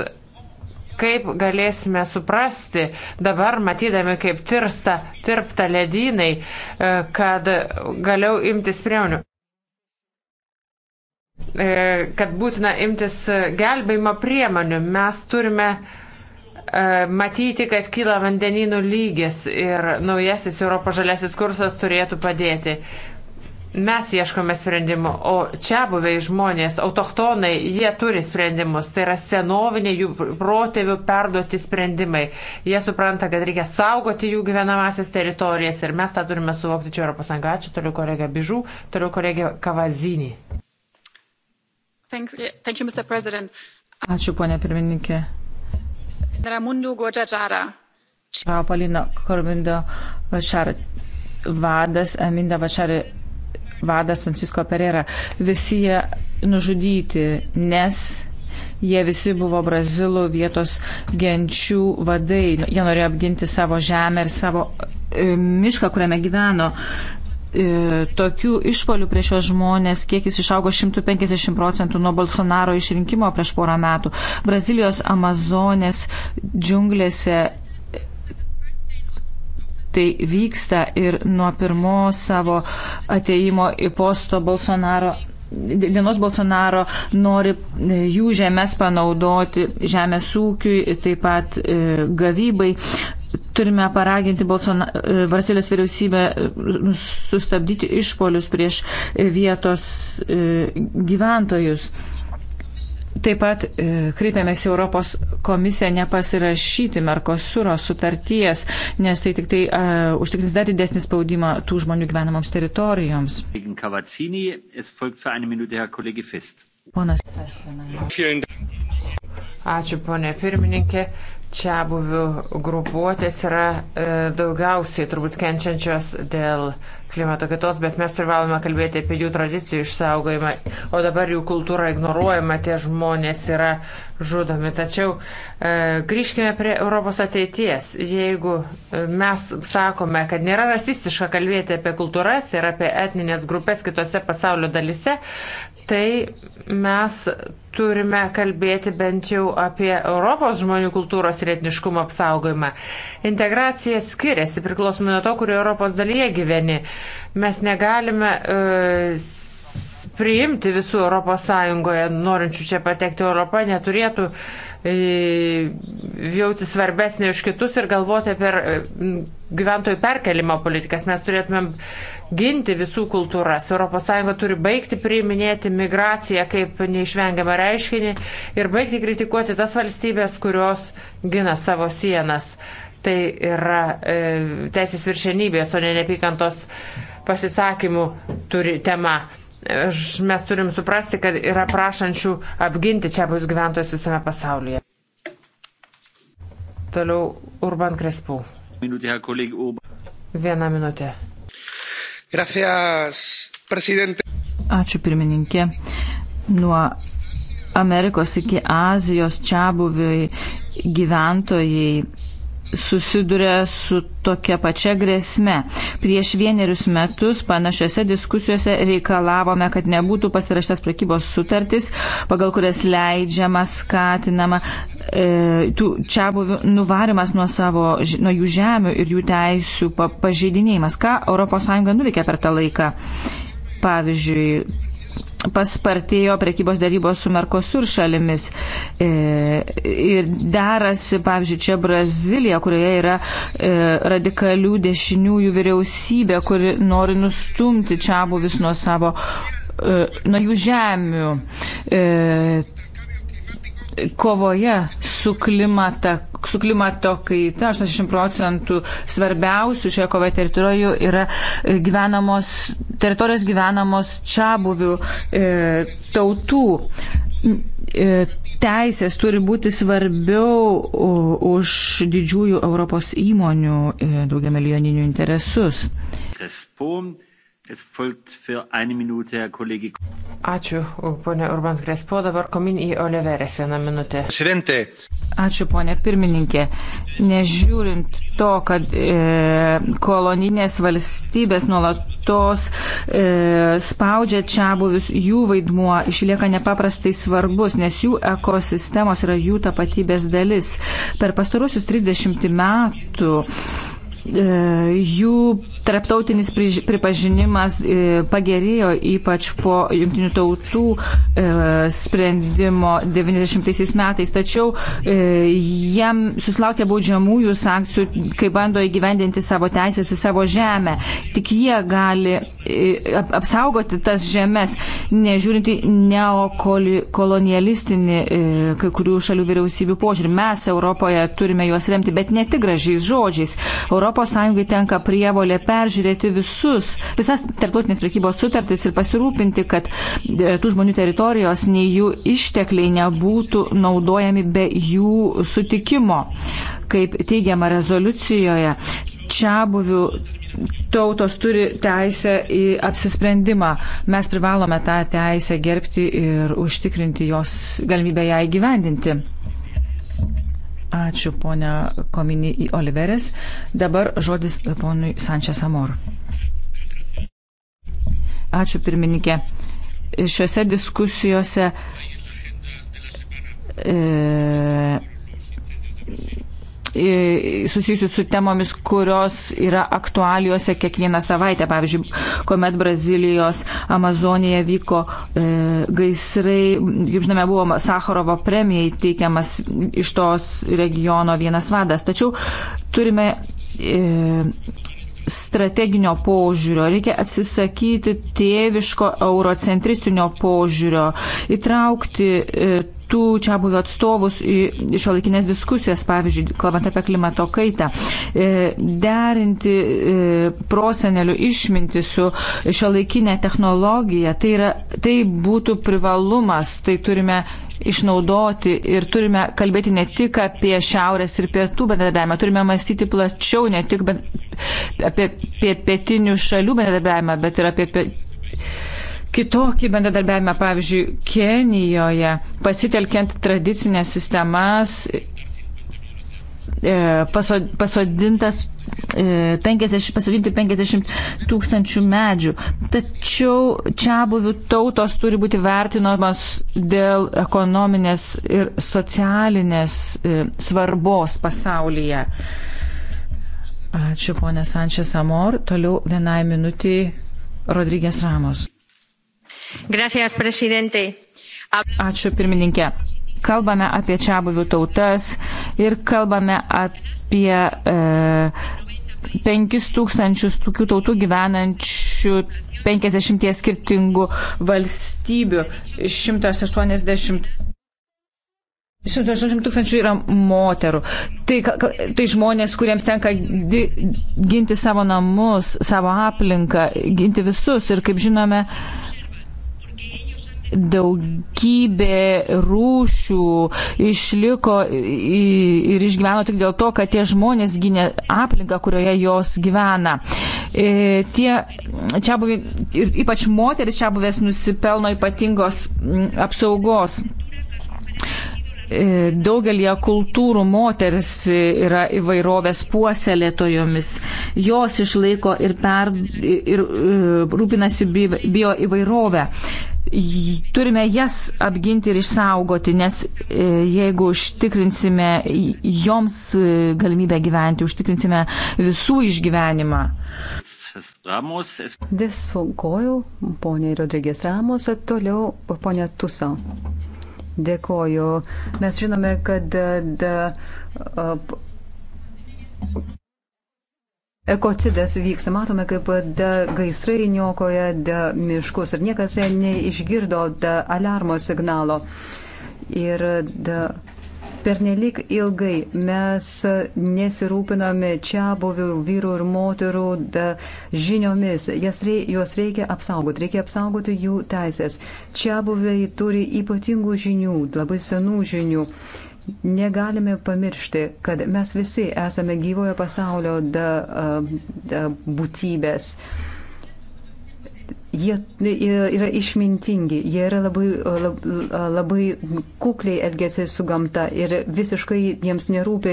kaip galėsime suprasti dabar, matydami, kaip tirsta, tirpta ledynai, e, kad galiau imtis priemonių e, kad būtina imtis gelbėjimo priemonių. Mes turime uh, E, matyti, kad kyla vandeninų lygis ir naujasis Europos žaliasis kursas turėtų padėti mes ieškome sprendimų, o čia buvę žmonės, autochtonai, jie turi sprendimus. Tai yra senoviniai jų protėvių perduoti sprendimai. Jie supranta, kad reikia saugoti jų gyvenamasias teritorijas ir mes tą turime suvokti čia Europos Sąjunga. Ačiū toliau kolega Bižų, toliau kolega Kavazinį. Ačiū, ponė pirmininkė. Palino Korvindo Vašar vadas, Aminda Vašar vadas Francisko Pereira. Visi jie nužudyti, nes jie visi buvo brazilų vietos genčių vadai. Jie norėjo apginti savo žemę ir savo e, mišką, kuriame gyveno. E, tokių išpolių prieš šios žmonės kiekis išaugo 150 procentų nuo Bolsonaro išrinkimo prieš porą metų. Brazilijos Amazonės džiunglėse e, tai vyksta ir nuo pirmo savo ateimo į posto Bolsonaro. Dienos Bolsonaro nori e, jų žemės panaudoti žemės ūkiui, taip pat e, gavybai turime paraginti Bolsona, Brazilijos e, vyriausybę e, sustabdyti išpolius prieš e, vietos gyventojus. Taip pat kreipiamės į Europos komisiją nepasirašyti Merkosuro sutarties, nes tai tik tai uh, užtikrins dar didesnį spaudimą tų žmonių gyvenamoms teritorijoms. Ponas Festlina. Ačiū, ponė pirmininkė čia buvių grupuotės yra e, daugiausiai turbūt kenčiančios dėl klimato kitos, bet mes privalome kalbėti apie jų tradicijų išsaugojimą, o dabar jų kultūra ignoruojama, tie žmonės yra žudomi. Tačiau e, grįžkime prie Europos ateities. Jeigu e, mes sakome, kad nėra rasistiška kalbėti apie kultūras ir apie etninės grupės kitose pasaulio dalise, tai mes turime kalbėti bent jau apie Europos žmonių kultūros ir etniškumo apsaugojimą. Integracija skiriasi priklausomai nuo to, kurioje Europos dalyje gyveni. Mes negalime uh, priimti visų Europos Sąjungoje norinčių čia patekti Europą, neturėtų uh, jauti svarbesnė už kitus ir galvoti apie e, gyventojų perkelimo politikas. Mes turėtumėm ginti visų kultūras. ES turi baigti priiminėti migraciją kaip neišvengiamą reiškinį ir baigti kritikuoti tas valstybės, kurios gina savo sienas. Tai yra e, teisės viršenybės, o ne nepykantos pasisakymų turi tema. Aš, mes turim suprasti, kad yra prašančių apginti čia bus gyventojus visame pasaulyje. Toliau Urban Krespų. Minutė, kolegė Urban. Vieną minutę. Gracias, presidente. Ačiū pirmininkė. Nuo Amerikos iki Azijos čia buviai gyventojai susiduria su tokia pačia grėsme. Prieš vienerius metus panašiose diskusijose reikalavome, kad nebūtų pasirašytas prekybos sutartis, pagal kurias leidžiama, skatinama e, tų čia buvių nuvarimas nuo, savo, nuo jų žemių ir jų teisų pažeidinėjimas. Ką ES nuveikė per tą laiką? Pavyzdžiui, paspartėjo prekybos darybos su Merkosur šalimis. E, ir derasi, pavyzdžiui, čia Brazilija, kurioje yra e, radikalių dešiniųjų vyriausybė, kuri nori nustumti čia buvis nuo savo e, nuo jų žemių kovoje su, klimata, su klimato kaita 80 procentų svarbiausių šioje kovoje teritorijų yra e, gyvenamos, teritorijos gyvenamos čia buvių e, tautų. E, teisės turi būti svarbiau už didžiųjų Europos įmonių e, daugiamilijoninių interesus. Responde. Ačiū, ponė Urban Krespo, dabar komin į Oliverės vieną minutę. Šventė. Ačiū, ponė pirmininkė. Nežiūrint to, kad e, koloninės valstybės nuolatos e, spaudžia čia buvius, jų vaidmuo išlieka nepaprastai svarbus, nes jų ekosistemos yra jų tapatybės dalis. Per pastarusius 30 metų E, jų tarptautinis pripažinimas e, pagerėjo ypač po jungtinių tautų e, sprendimo 90 metais, tačiau jam susilaukė baudžiamųjų sankcijų, kai bando įgyvendinti savo teisės į savo žemę. Tik jie gali apsaugoti tas žemės, nežiūrint į neokolonialistinį kai kurių šalių vyriausybių požiūrį. Mes Europoje turime juos remti, bet ne tik gražiais žodžiais. Europa ES tenka prievolė peržiūrėti visus, visas tarptautinės prekybos sutartys ir pasirūpinti, kad e, tų žmonių teritorijos nei jų ištekliai nebūtų naudojami be jų sutikimo. Kaip teigiama rezoliucijoje, čia buvių tautos turi teisę į apsisprendimą. Mes privalome tą teisę gerbti ir užtikrinti jos galimybę ją įgyvendinti. Ačiū, ponia Komini į Oliveris. Dabar žodis ponui Sančias Amor. Ačiū, pirmininkė. Šiuose diskusijose e, susijusių su temomis, kurios yra aktualiuose kiekvieną savaitę. Pavyzdžiui, kuomet Brazilijos Amazonėje vyko e, gaisrai, kaip žinome, buvo Sakharovo premijai teikiamas iš tos regiono vienas vadas. Tačiau turime e, strateginio požiūrio, reikia atsisakyti tėviško eurocentristinio požiūrio, įtraukti e, tų čia buvę atstovus į šiolikinės diskusijas, pavyzdžiui, kalbant apie klimato kaitą, e, derinti e, prosenelių išminti su šiolikinė technologija, tai, yra, tai būtų privalumas, tai turime išnaudoti ir turime kalbėti ne tik apie šiaurės ir pietų bendradarbiavimą, turime mąstyti plačiau, ne tik apie pietinių šalių bendradarbiavimą, bet ir apie kitokį bendradarbiavimą, pavyzdžiui, Kenijoje, pasitelkiant tradicinės sistemas, e, pasodintas 50, e, pasodinti 50 tūkstančių medžių. Tačiau čia buvių tautos turi būti vertinamas dėl ekonominės ir socialinės e, svarbos pasaulyje. Ačiū ponė Sančias Amor. Toliau vienai minutį Rodrygės Ramos. Gracias, Ačiū pirmininkė. Kalbame apie čia buvių tautas ir kalbame apie e, 5000 tokių tautų gyvenančių 50 skirtingų valstybių. 180 180 tūkstančių yra moterų. Tai, tai žmonės, kuriems tenka di, ginti savo namus, savo aplinką, ginti visus. Ir kaip žinome, daugybė rūšių išliko ir išgyveno tik dėl to, kad tie žmonės gynė aplinką, kurioje jos gyvena. E, tie čia buvę, ir ypač moteris čia buvęs nusipelno ypatingos apsaugos. E, daugelie kultūrų moteris yra įvairovės puoselėtojomis. Jos išlaiko ir, per, ir e, rūpinasi bio įvairovę. Turime jas apginti ir išsaugoti, nes e, jeigu užtikrinsime joms galimybę gyventi, užtikrinsime visų išgyvenimą. Dėsukojau, ponė Rodrygės Ramos, toliau ponė Tusa. Dėkoju. Mes žinome, kad e, da, da, e, ekocidas vyksta. Matome, kaip da, gaisrai niokoja da, miškus ir niekas neišgirdo da, alarmo signalo. Ir da, Pernelik ilgai mes nesirūpiname čia buvių vyrų ir moterų da, žiniomis. Jas rei, juos reikia apsaugoti, reikia apsaugoti jų teisės. Čia buviai turi ypatingų žinių, labai senų žinių. Negalime pamiršti, kad mes visi esame gyvojo pasaulio da, da, būtybės. Uh, Jie e, yra išmintingi, jie yra labai, e, e, labai kukliai elgesi su gamta ir visiškai jiems nerūpi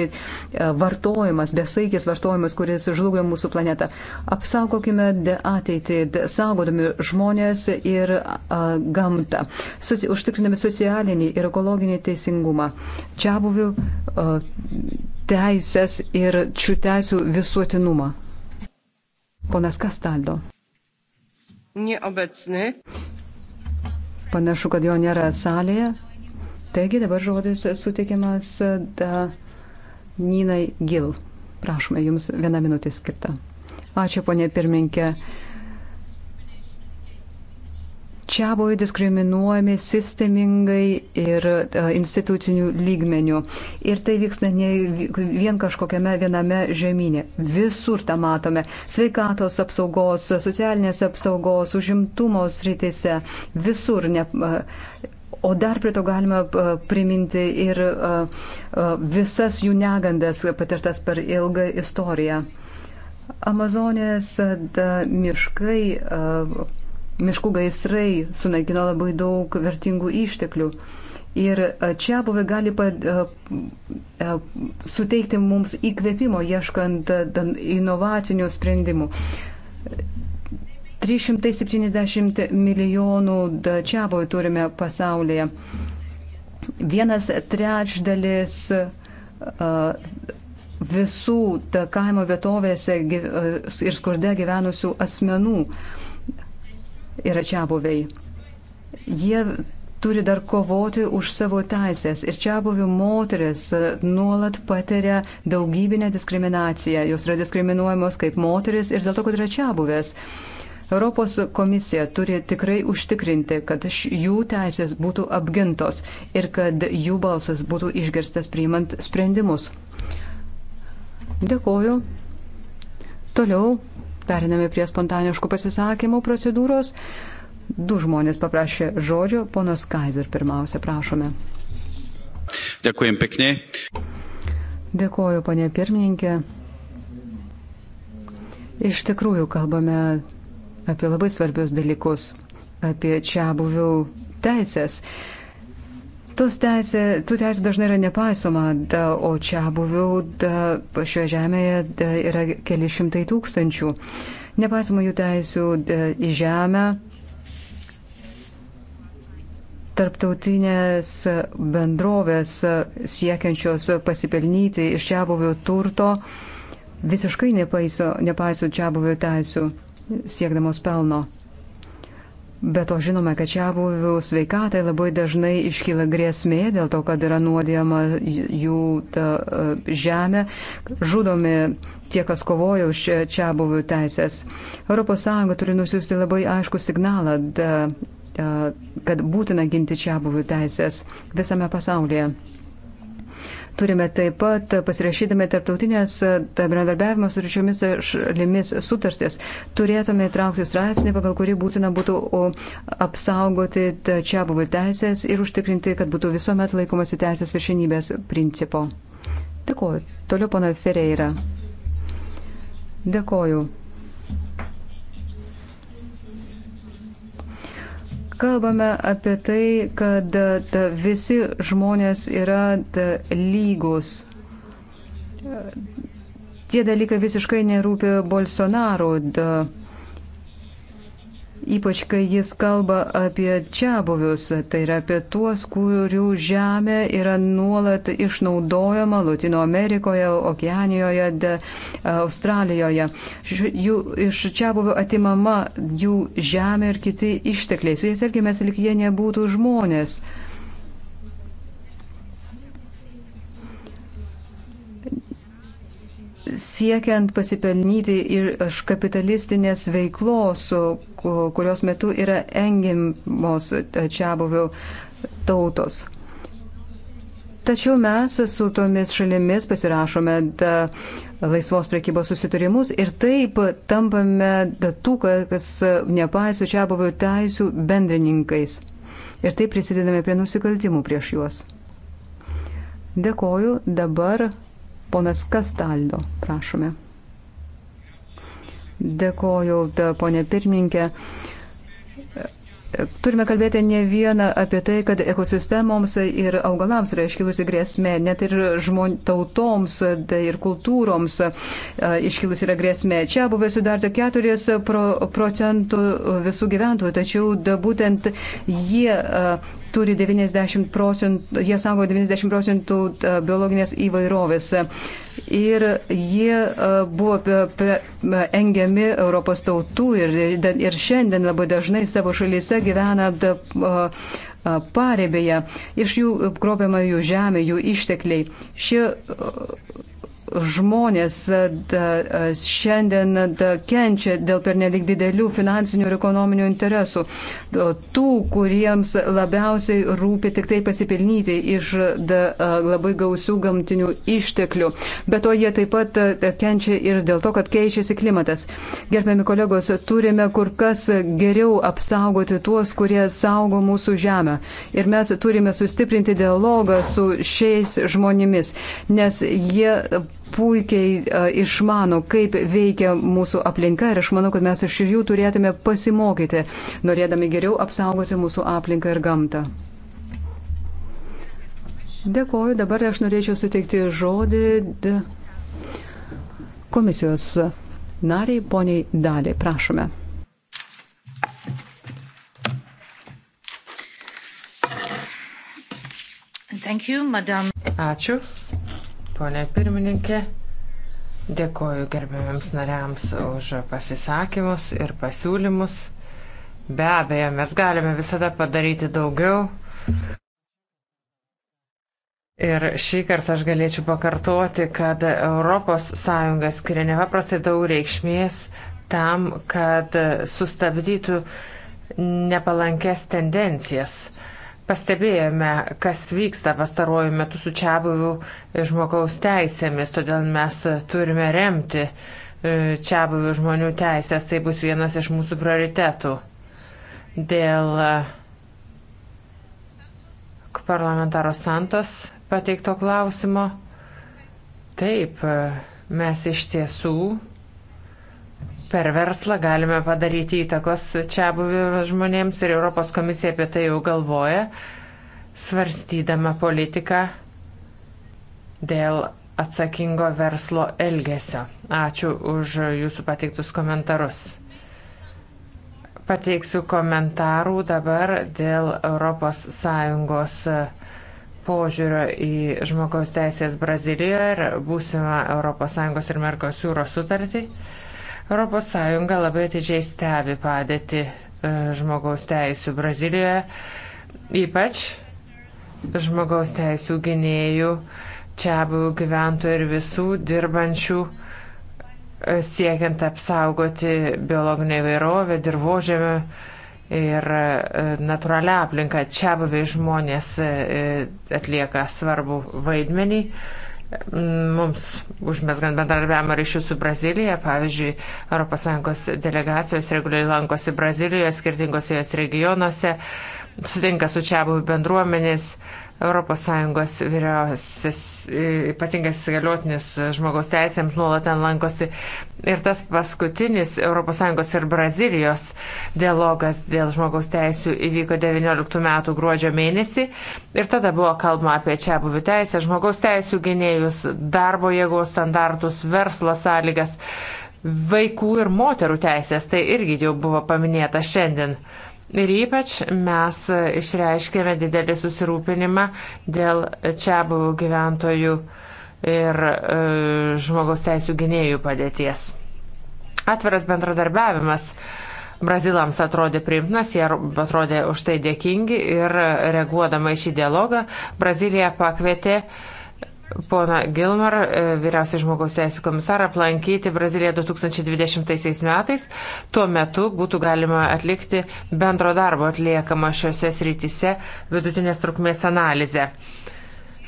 vartojimas, besaikis vartojimas, kuris žlugia mūsų planetą. Apsaugokime ateitį, saugodami žmonės ir gamtą, Susi, užtikrinami socialinį ir ekologinį teisingumą. Čia buvių teisės ir šių teisų visuotinumą. Ponas Kastaldo nieobecny. Panašu, kad jo nėra salėje. Taigi dabar žodis suteikiamas e, Ninai Gil. Prašome, jums viena minutė skirta. Ačiū, ponė pirminkė čia buvo diskriminuojami sistemingai ir e, institucinių lygmenių. Ir tai vyksta ne vien kažkokiame viename žemynė. Visur tą matome. Sveikatos apsaugos, socialinės apsaugos, užimtumo sritise. Visur. Ne, e, O dar prie to galima e, priminti ir visas jų negandas patirtas per ilgą istoriją. Amazonės da, miškai miškų gaisrai sunaikino labai daug vertingų išteklių. Ir e, čia buvę gali pad, e, e, suteikti mums įkvėpimo, ieškant inovacinių sprendimų. 370 milijonų čia buvę turime pasaulyje. Vienas trečdalis visų kaimo vietovėse ir skurde gyvenusių asmenų yra čia buvei. Jie turi dar kovoti už savo teisės. Ir čia buvių moteris nuolat patiria daugybinę diskriminaciją. Jos yra diskriminuojamos kaip moteris ir dėl to, kad yra čia buvęs. Europos komisija turi tikrai užtikrinti, kad jų teisės būtų apgintos ir kad jų balsas būtų išgirstas priimant sprendimus. Dėkoju. Toliau Periname prie spontaniškų pasisakymų procedūros. Du žmonės paprašė žodžio. Ponas Kaiser pirmiausia, prašome. Dėkuojam pekne. Dėkuoju, ponė pirmininkė. Iš tikrųjų kalbame apie labai svarbius dalykus, apie čia buvių teisės. Tos teisė, tų teisų dažnai yra nepaisoma, da, o čia buvių da, šioje žemėje da, yra keli šimtai tūkstančių. Nepaisoma jų teisų da, į žemę. Tarptautinės bendrovės siekiančios pasipelnyti iš čia buvių turto visiškai nepaiso, nepaiso čia buvių teisų siekdamos pelno. Be to žinome, kad čia buvių sveikatai labai dažnai iškyla grėsmė dėl to, kad yra nuodėjama jų ta, e, žemė, žudomi tie, kas kovojo už čia buvių teisės. ES turi nusiųsti labai aišku signalą, da, da, kad būtina ginti čia buvių teisės visame pasaulyje turime taip pat pasirašydami tarptautinės e, bendradarbiavimo su ryčiomis šalimis sutartis, turėtume įtraukti straipsnį, pagal kurį būtina būtų apsaugoti čia buvų teisės ir užtikrinti, kad būtų visuomet laikomasi teisės viršinybės principo. Dėkuoju. Toliau pana Fereira. Dėkuoju. Kalbame apie tai, kad ta, e, visi žmonės yra ta, e, lygus. Tie dalykai visiškai nerūpi Bolsonaro. Da, ypač kai jis kalba apie čia buvius, tai yra apie tuos, kurių žemė yra nuolat išnaudojama Latino Amerikoje, Okeanijoje, de, Australijoje. Jų, iš čia buvių atimama jų žemė ir kiti ištekliai. Su jais elgiamės, lik jie nebūtų žmonės. siekiant pasipelnyti iš kapitalistinės veiklos, kurios metu yra engimos čia buvių tautos. Tačiau mes su tomis šalimis pasirašome da, laisvos priekybos susitarimus ir taip tampame da, tų, kas nepaiso čia buvių teisų bendrininkais. Ir taip prisidedame prie nusikaltimų prieš juos. Dėkoju dabar Ponas Kastaldo, prašome. Dėkoju, ponė pirmininkė. Turime kalbėti ne vieną apie tai, kad ekosistemoms ir augalams yra iškilusi grėsmė, net ir žmon, tautoms tai ir kultūroms iškilusi yra grėsmė. Čia buvo sudarta 4 procentų visų gyventojų, tačiau da, būtent jie turi 90 procentų, jie saugo 90 procentų e, biologinės įvairovės. Ir jie e, buvo engiami Europos tautų ir, ir šiandien labai dažnai savo šalyse gyvena e, paribėje. Iš jų grobiama jų žemė, jų ištekliai. Šie žmonės e, e, šiandien kenčia dėl pernelik didelių finansinių ir ekonominių interesų. Tų, kuriems labiausiai rūpi tik tai pasipelnyti iš e, labai gausių gamtinių išteklių. Be to jie taip pat kenčia ir dėl to, kad keičiasi klimatas. Gerbiami kolegos, turime kur kas geriau apsaugoti tuos, kurie saugo mūsų žemę. Ir mes turime sustiprinti dialogą su šiais žmonėmis, nes jie puikiai e, išmano, kaip veikia mūsų aplinka ir aš manau, kad mes iš jų turėtume pasimokyti, norėdami geriau apsaugoti mūsų aplinką ir gamtą. Dėkoju, dabar aš norėčiau suteikti žodį komisijos nariai, poniai daliai, prašome. Thank you, madam. Ačiū, ponė pirmininkė. Dėkoju gerbiamiams nariams už pasisakymus ir pasiūlymus. Be abejo, mes galime visada padaryti daugiau. Ir šį kartą aš galėčiau pakartoti, kad ES skiria nepaprastai daug reikšmės tam, kad sustabdytų nepalankes tendencijas pastebėjome, kas vyksta pastaruoju metu su čia buvių žmogaus teisėmis, todėl mes turime remti e, čia buvių žmonių teisės, tai bus vienas iš mūsų prioritetų. Dėl e, parlamentaro Santos pateikto klausimo. Taip, e, mes iš tiesų per verslą galime padaryti įtakos čia buvę žmonėms ir Europos komisija apie tai jau galvoja, svarstydama politiką dėl atsakingo verslo elgesio. Ačiū už jūsų pateiktus komentarus. Pateiksiu komentarų dabar dėl ES požiūrio į žmogaus teisės Brazilijoje ir būsimą ES ir Merkosiūro sutartį. ES labai atidžiai stebi padėti e, žmogaus teisų Brazilijoje, ypač žmogaus teisų gynėjų, čia buvų gyventojų ir visų dirbančių e, siekiant apsaugoti biologinę įvairovę, dirbožėmę ir e, natūralią aplinką. Čia buvai žmonės atlieka svarbu vaidmenį mums užmesgant bendradarbiavimo ryšių su Brazilija. Pavyzdžiui, ES delegacijos reguliai lankosi Brazilijoje, skirtingose jos regionuose, sutinka su čia buvų bendruomenės, ES vyriausias e, ypatingas įgaliotinis žmogaus teisėms nuolat ten lankosi. Ir tas paskutinis ES ir Brazilijos dialogas dėl žmogaus teisų įvyko 19 metų gruodžio mėnesį. Ir tada buvo kalbama apie čia buvių teisę, žmogaus teisų gynėjus, darbo jėgos standartus, verslo sąlygas vaikų ir moterų teisės, tai irgi jau buvo paminėta šiandien. Ir ypač mes išreiškėme didelį susirūpinimą dėl čia buvų gyventojų ir e, žmogaus teisų gynėjų padėties. Atviras bendradarbiavimas brazilams atrodė priimtinas, jie atrodė už tai dėkingi ir reaguodama į šį dialogą, Brazilija pakvietė e, pona Gilmar, e, vyriausiai žmogaus teisų komisarą, aplankyti Braziliją 2020 metais. Tuo metu būtų galima atlikti bendro darbo atliekamą šiuose srityse vidutinės trukmės analizę.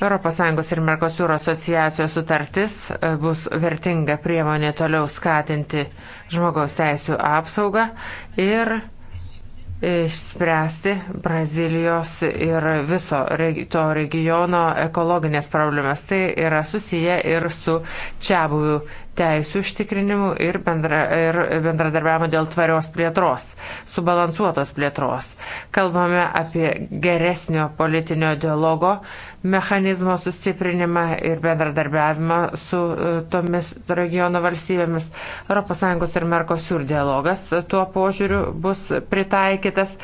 ES ir Mercosur asociacijos sutartis e, bus vertinga priemonė toliau skatinti žmogaus teisų apsaugą ir išspręsti Brazilijos ir viso to regiono ekologinės problemas. Tai yra susiję ir su čia buvių teisų užtikrinimu ir, bendra, ir bendradarbiavimu dėl tvarios plėtros, subalansuotos plėtros. Kalbame apie geresnio politinio dialogo mechanizmo sustiprinimą ir bendradarbiavimą su e, tomis regiono valstybėmis. ES ir Merkosiur dialogas tuo požiūriu bus pritaikytas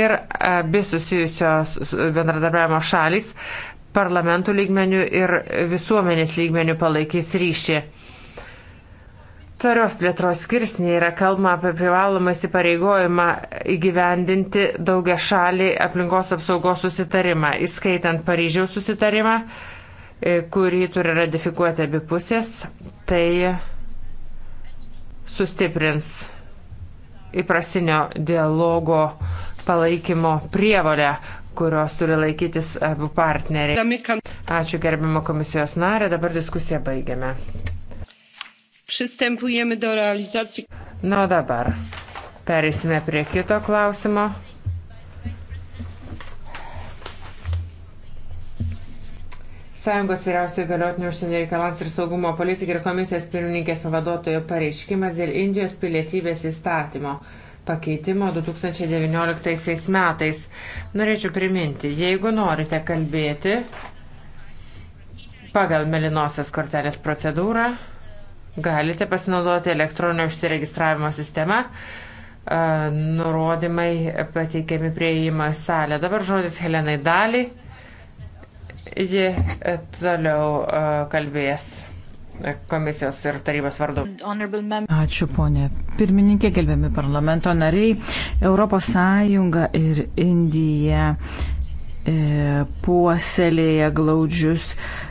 ir abi susijusios bendradarbiavimo šalys parlamentų lygmenių ir visuomenės lygmenių palaikys ryšį. Tvarios plėtros skirsnė yra kalbama apie privalomą įsipareigojimą įgyvendinti daugia šalį aplinkos apsaugos susitarimą, įskaitant Paryžiaus susitarimą, e, kurį turi ratifikuoti abi pusės. Tai sustiprins įprasinio dialogo palaikymo prievolę, kurios turi laikytis abu partneriai. Ačiū gerbimo komisijos narė, dabar diskusiją baigiame. Przystępujemy do realizacji. Na no dabar perėsime prie kito klausimo. Sąjungos vyriausiojo galiotinio užsienio reikalams ir saugumo politikai ir komisijos pirmininkės pavaduotojo pareiškimas dėl Indijos pilietybės įstatymo pakeitimo 2019 metais. Norėčiau priminti, jeigu norite kalbėti pagal melinosios kortelės procedūrą, galite pasinaudoti elektroninio užsiregistravimo sistema. Nurodymai pateikiami prieima salę. Dabar žodis Helenai Daliai. Ji toliau kalbės komisijos ir tarybos vardu. Ačiū, ponė. Pirmininkė, gerbiami parlamento nariai, ES ir Indija E, puoselėja glaudžius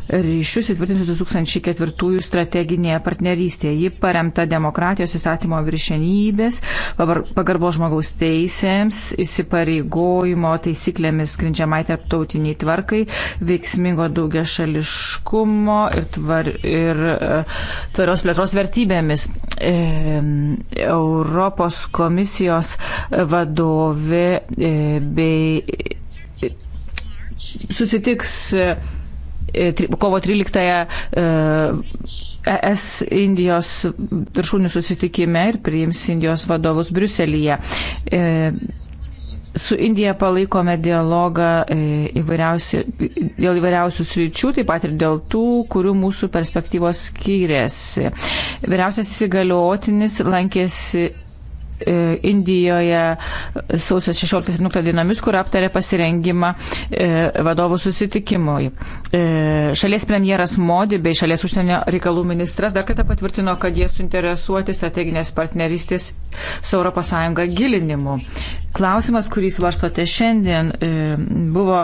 ryšius įtvirtintus 2004 strateginėje partnerystėje. Ji paremta demokratijos įstatymo viršenybės, pagarbo žmogaus teisėms, įsipareigojimo taisyklėmis grindžiamai tarptautiniai tvarkai, veiksmingo daugia šališkumo ir, tvar, ir e, tvarios plėtros vertybėmis. E, Europos komisijos vadovė bei susitiks e, e, kovo 13-ąją ES e Indijos viršūnių susitikime ir priims Indijos vadovus Briuselyje. Su Indija palaikome dialogą įvairiausių, dėl įvairiausių sričių, taip pat ir dėl tų, kurių mūsų perspektyvos skiriasi. Vyriausias įsigaliotinis lankėsi E, Indijoje sausio 16-17 dienomis, kur aptarė pasirengimą e, vadovų susitikimui. E, šalies premjeras Modi bei šalies užsienio reikalų ministras dar kartą patvirtino, kad jie suinteresuoti strateginės partnerystės su ES gilinimu. Klausimas, kurį svarstote šiandien, buvo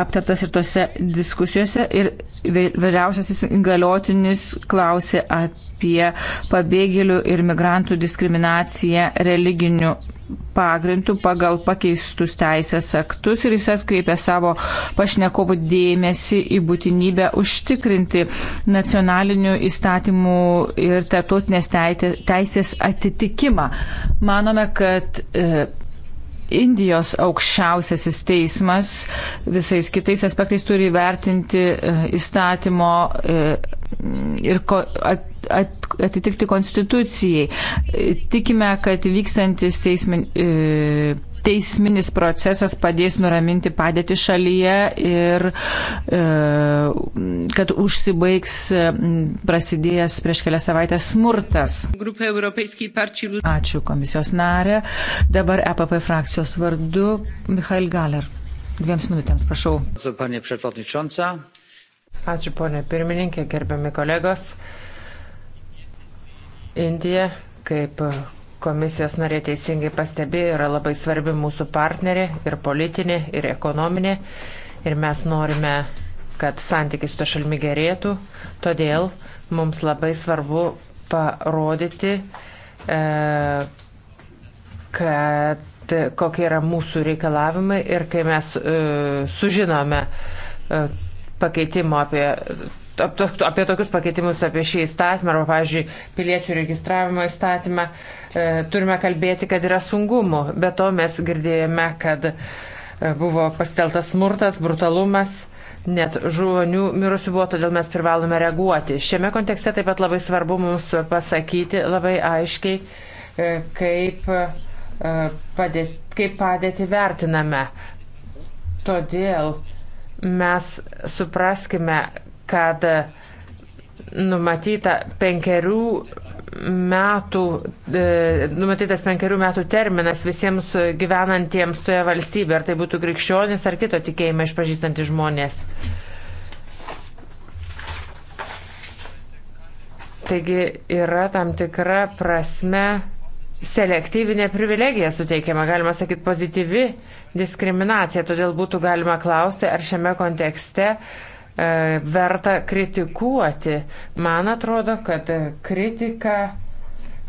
aptartas ir tose diskusijose ir vyriausiasis galiotinis klausė apie pabėgėlių ir migrantų diskriminaciją ne religiniu pagrindų pagal pakeistus teisės aktus ir jis atkreipė savo pašnekovų dėmesį į būtinybę užtikrinti nacionalinių įstatymų ir tarptautinės teisės atitikimą. Manome, kad e, Indijos aukščiausiasis teismas visais kitais aspektais turi vertinti e, įstatymo e, ir ko, at, atitikti konstitucijai. Tikime, kad vykstantis teismin, e, teisminis procesas padės nuraminti padėti šalyje ir e, kad užsibaigs e, prasidėjęs prieš kelias savaitės smurtas. Ačiū komisijos narė. Dabar EPP frakcijos vardu Mikhail Galer. Dviems minutėms, prašau. Ačiū, ponė pirmininkė, gerbiami kolegos. Indija, kaip komisijos narė teisingai pastebėjo, yra labai svarbi mūsų partnerė ir politinė, ir ekonominė. Ir mes norime, kad santykiai su to šalmi gerėtų. Todėl mums labai svarbu parodyti, e, kad kokie yra mūsų reikalavimai ir kai mes e, sužinome e, pakeitimo apie apie tokius pakeitimus, apie šį įstatymą, arba, pavyzdžiui, piliečių registravimo įstatymą, e, turime kalbėti, kad yra sungumų. Be to mes girdėjome, kad e, buvo pasteltas smurtas, brutalumas. Net žmonių mirusių buvo, todėl mes privalome reaguoti. Šiame kontekste taip pat labai svarbu mums pasakyti labai aiškiai, e, kaip, padėti, kaip padėti vertiname. Todėl mes supraskime, kad e, numatyta penkerių metų, e, numatytas penkerių metų terminas visiems gyvenantiems toje valstybėje, ar tai būtų krikščionis ar kito tikėjimą išpažįstantys žmonės. Taigi yra tam tikra prasme selektyvinė privilegija suteikiama, galima sakyti, pozityvi diskriminacija. Todėl būtų galima klausti, ar šiame kontekste uh, E, verta kritikuoti. Man atrodo, kad kritika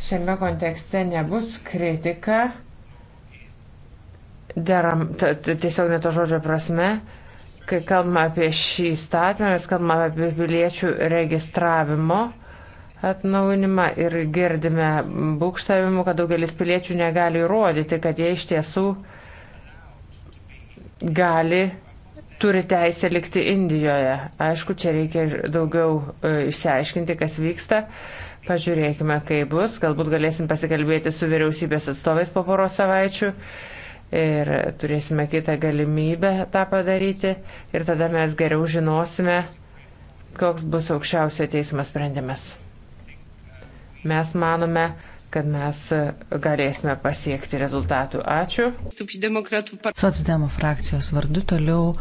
šiame kontekste nebus kritika, deram, tiesiog neto žodžio prasme, kai kalbame apie šį statymą, mes kalbame apie piliečių registravimo atnaujinimą ir girdime būkštavimų, kad daugelis piliečių negali įrodyti, kad jie iš tiesų gali turi teisę likti Indijoje. Aišku, čia reikia daugiau e, išsiaiškinti, kas vyksta. Pažiūrėkime, kaip bus. Galbūt galėsim pasikalbėti su vyriausybės atstovais po poros savaičių ir turėsime kitą galimybę tą padaryti ir tada mes geriau žinosime, koks bus aukščiausio teismo sprendimas. Mes manome, kad mes galėsime pasiekti rezultatų. Ačiū. Socdemų frakcijos vardu toliau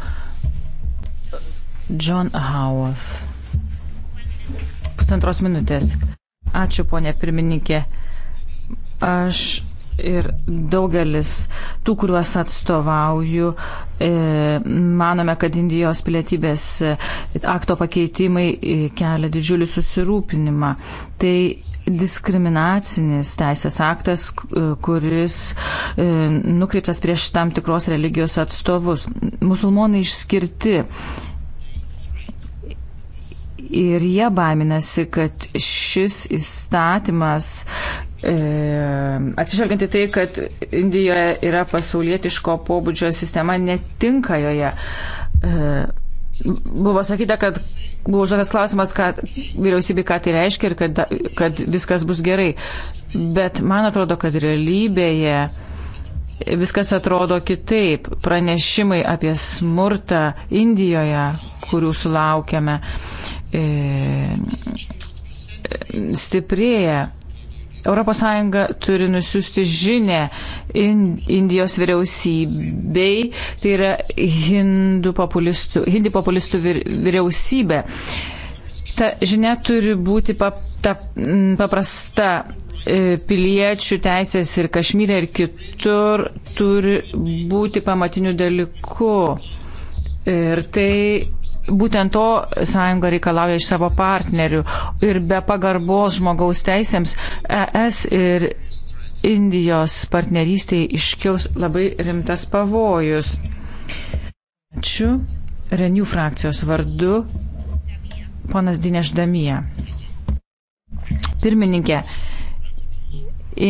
John Howarth. Pusantros minutės. Ačiū, ponė pirmininkė. Aš ir daugelis tų, kuriuos atstovauju, e, manome, kad Indijos pilietybės e, akto pakeitimai e, kelia didžiulį susirūpinimą. Tai diskriminacinis teisės aktas, kuris nukreiptas prieš tam tikros religijos atstovus. Musulmonai išskirti Ir jie baiminasi, kad šis įstatymas, e, atsižvelgiant į tai, kad Indijoje yra pasaulietiško pobūdžio sistema, netinka joje. E, Buvo sakyta, kad buvo užduotas klausimas, kad vyriausybė ką tai reiškia ir kad, kad viskas bus gerai. Bet man atrodo, kad realybėje viskas atrodo kitaip. Pranešimai apie smurtą Indijoje, kurių sulaukėme, e, stiprėja. ES turi nusiųsti žinę Indijos vyriausybei, tai yra hindų populistų, hindi populistų vyriausybė. Ta žinia turi būti pap, ta, paprasta e, piliečių teisės ir Kašmyrė ir kitur turi būti pamatiniu dalyku. Ir tai būtent to sąjunga reikalauja iš savo partnerių. Ir be pagarbos žmogaus teisėms ES ir Indijos partnerystėje iškils labai rimtas pavojus. Ačiū. Renių frakcijos vardu ponas Dineš Damija. Pirmininkė,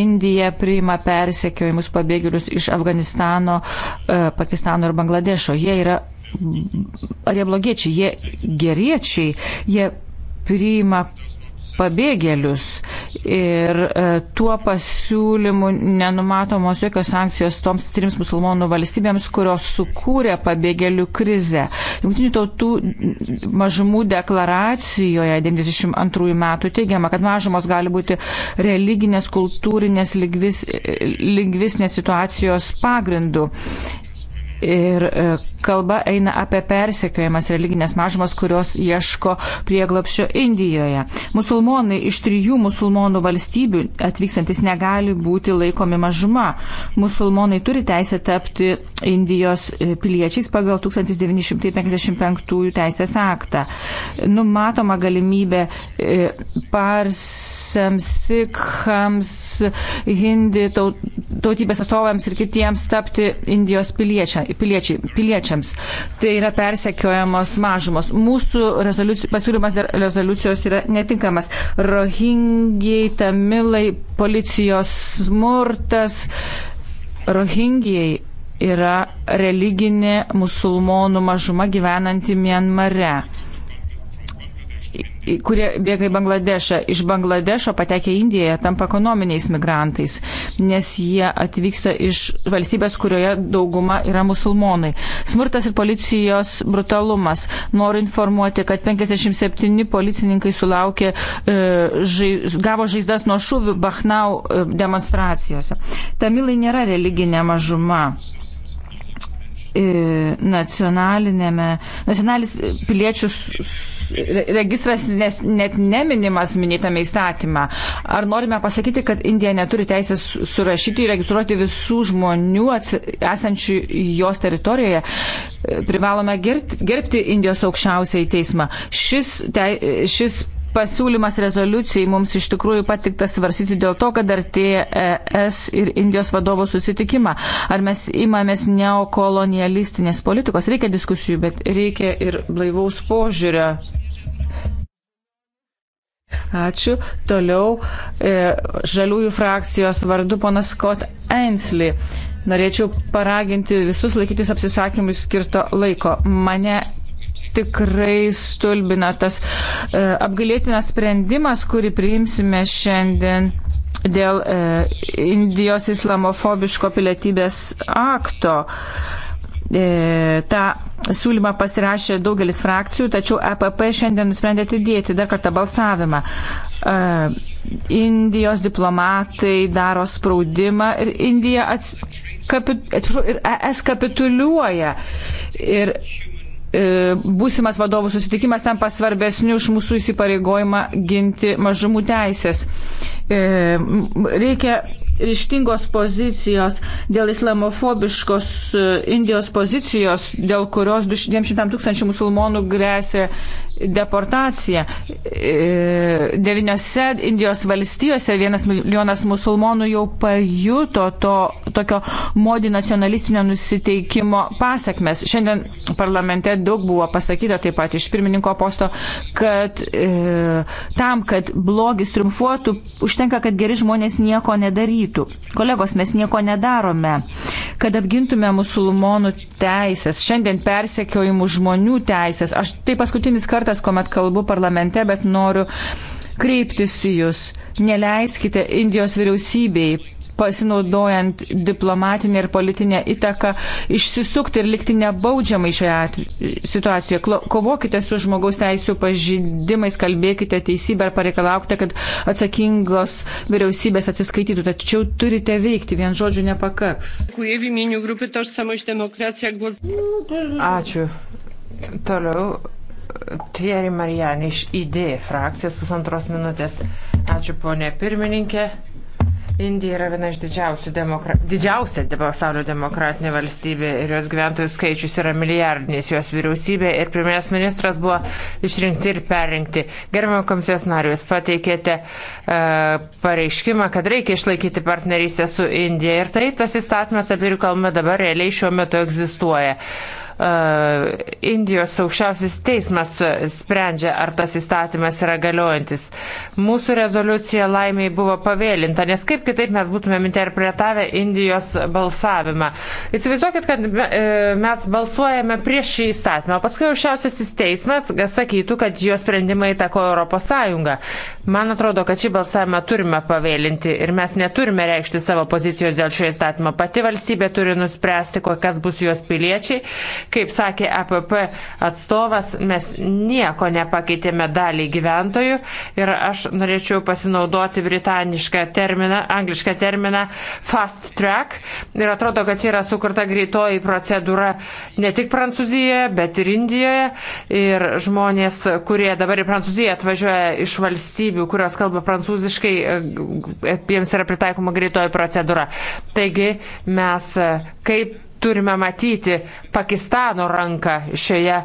Indija priima persekiojimus pabėgėlius iš Afganistano, e, Pakistano ir Bangladešo. Jie yra ar jie blogiečiai, jie geriečiai, jie priima pabėgėlius ir e, tuo pasiūlymu nenumatomos jokios sankcijos toms trims musulmonų valstybėms, kurios sukūrė pabėgėlių krizę. Junktinių tautų mažumų deklaracijoje 92 metų teigiama, kad mažumos gali būti religinės, kultūrinės, lingvis, lingvisnės situacijos pagrindu. Ir e, kalba eina apie persekiojamas religinės mažumas, kurios ieško prieglapščio Indijoje. Musulmonai iš trijų musulmonų valstybių atvykstantis negali būti laikomi mažuma. Musulmonai turi teisę tapti Indijos e, piliečiais pagal 1955 teisės aktą. Numatoma galimybė e, parsams, sikhams, hindi tautybės atstovams ir kitiems tapti Indijos piliečiai piliečiai, piliečiams. Tai yra persekiojamos mažumos. Mūsų rezoliuci, pasiūlymas rezoliucijos yra netinkamas. Rohingiai, tamilai, policijos smurtas. Rohingiai yra religinė musulmonų mažuma gyvenanti Mienmare kurie bėga į Bangladešą. Iš Bangladešo patekę Indijoje tampa ekonominiais migrantais, nes jie atvyksta iš valstybės, kurioje dauguma yra musulmonai. Smurtas ir policijos brutalumas. Noriu informuoti, kad 57 policininkai sulaukė, e, žai, gavo žaizdas nuo šūvių Bahnau e, demonstracijose. Tamilai nėra religinė mažuma nacionalinėme, nacionalinis piliečių registras nes, net neminimas minėtame įstatymą. Ar norime pasakyti, kad Indija neturi teisės surašyti ir registruoti visų žmonių ats, esančių jos teritorijoje? Privalome gerbti Indijos aukščiausiai teismą. Šis, te, šis pasiūlymas rezoliucijai mums iš tikrųjų patiktas svarsyti dėl to, kad artėja ES ir Indijos vadovo susitikimą. Ar mes imamės neokolonialistinės politikos? Reikia diskusijų, bet reikia ir blaivaus požiūrio. Ačiū. Toliau e, žaliųjų frakcijos vardu ponas Scott Ainsley. Norėčiau paraginti visus laikytis apsisakymui skirto laiko. Mane tikrai stulbina tas e, apgalėtinas sprendimas, kurį priimsime šiandien dėl e, Indijos islamofobiško pilietybės akto. E, ta siūlymą pasirašė daugelis frakcijų, tačiau EPP šiandien nusprendė atidėti dar kartą balsavimą. Uh, Indijos diplomatai daro spaudimą ir Indija ats, kapit, atsiprašau, ir ES kapituliuoja. Ir E, būsimas vadovų susitikimas tampa svarbesniu už mūsų įsipareigojimą ginti mažumų teisės. E, reikia ryštingos pozicijos, dėl islamofobiškos e, Indijos pozicijos, dėl kurios 200 tūkstančių musulmonų grėsė deportacija. E, Deviniose Indijos valstijose vienas milijonas musulmonų jau pajuto to tokio modi nacionalistinio nusiteikimo pasiekmes. Šiandien parlamente daug buvo pasakyta taip pat iš pirmininko posto, kad e, tam, kad blogis triumfuotų, užtenka, kad geri žmonės nieko nedarytų numatytų. Kolegos, mes nieko nedarome, kad apgintume musulmonų teisės, šiandien persekiojimų žmonių teisės. Aš tai paskutinis kartas, kuomet kalbu parlamente, bet noriu kreiptis į jūs. Neleiskite Indijos vyriausybei, pasinaudojant diplomatinę ir politinę įtaką, išsisukti ir likti nebaudžiamai šioje situacijoje. Kovokite su žmogaus teisų pažydimais, kalbėkite teisybę ir pareikalaukite, kad atsakingos vyriausybės atsiskaitytų. Tačiau turite veikti, vien žodžių nepakaks. Ačiū. Toliau Thierry Marijan iš ID frakcijos pusantros minutės. Ačiū ponė pirmininkė. Indija yra viena iš didžiausių demokra... didžiausia pasaulio demokratinė valstybė ir jos gyventojų skaičius yra milijardinis. Jos vyriausybė ir premjeras ministras buvo išrinkti ir perrinkti. Gerbiamą komisijos narių, jūs pateikėte e, pareiškimą, kad reikia išlaikyti partnerystę su Indija ir taip tas įstatymas, apie kurį kalbame dabar, realiai šiuo metu egzistuoja. Uh, Indijos aukščiausias teismas uh, sprendžia, ar tas įstatymas yra galiojantis. Mūsų rezoliucija laimiai buvo pavėlinta, nes kaip kitaip mes būtumėm interpretavę Indijos balsavimą. Įsivaizduokit, kad uh, mes balsuojame prieš šį įstatymą, paskui aukščiausiasis teismas sakytų, kad jo sprendimai įtako Europos Sąjungą. Man atrodo, kad šį balsavimą turime pavėlinti ir mes neturime reikšti savo pozicijos dėl šio įstatymo. Pati valstybė turi nuspręsti, kas bus jos piliečiai Kaip sakė APP atstovas, mes nieko nepakeitėme daliai gyventojų ir aš norėčiau pasinaudoti britanišką terminą, anglišką terminą fast track. Ir atrodo, kad čia yra sukurta greitoji procedūra ne tik Prancūzijoje, bet ir Indijoje. Ir žmonės, kurie dabar į Prancūziją atvažiuoja iš valstybių, kurios kalba prancūziškai, jiems yra pritaikoma greitoji procedūra. Taigi mes kaip turime matyti Pakistano ranką šioje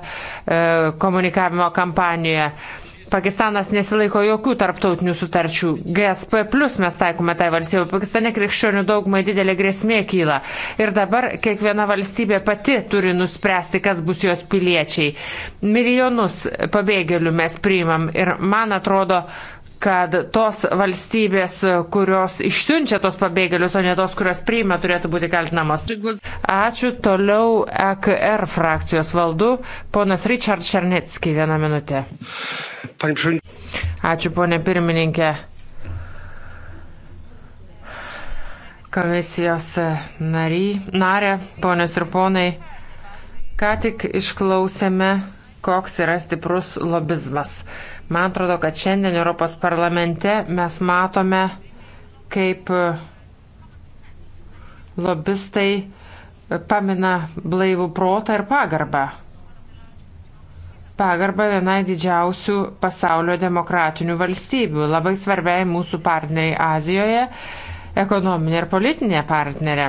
e, komunikavimo kampanijoje. Pakistanas nesilaiko jokių tarptautinių sutarčių. GSP plus mes taikome tai valstybė. Pakistane krikščionių daugumai didelė grėsmė kyla. Ir dabar kiekviena valstybė pati turi nuspręsti, kas bus jos piliečiai. Milijonus pabėgėlių mes priimam. Ir man atrodo, kad tos valstybės, kurios išsiunčia tos pabėgėlius, o ne tos, kurios priima, turėtų būti kaltinamos. Ačiū toliau EKR frakcijos valdu, ponas Richard Černetski, vieną minutę. Ačiū, ponė pirmininkė. Komisijos nary, narė, ponios ir ponai, ką tik išklausėme, koks yra stiprus lobizmas. Man atrodo, kad šiandien Europos parlamente mes matome, kaip e, lobistai e, pamina blaivų protą ir pagarbą. Pagarbą vienai didžiausių pasaulio demokratinių valstybių, labai svarbiai mūsų partneriai Azijoje, ekonominė ir politinė partnerė.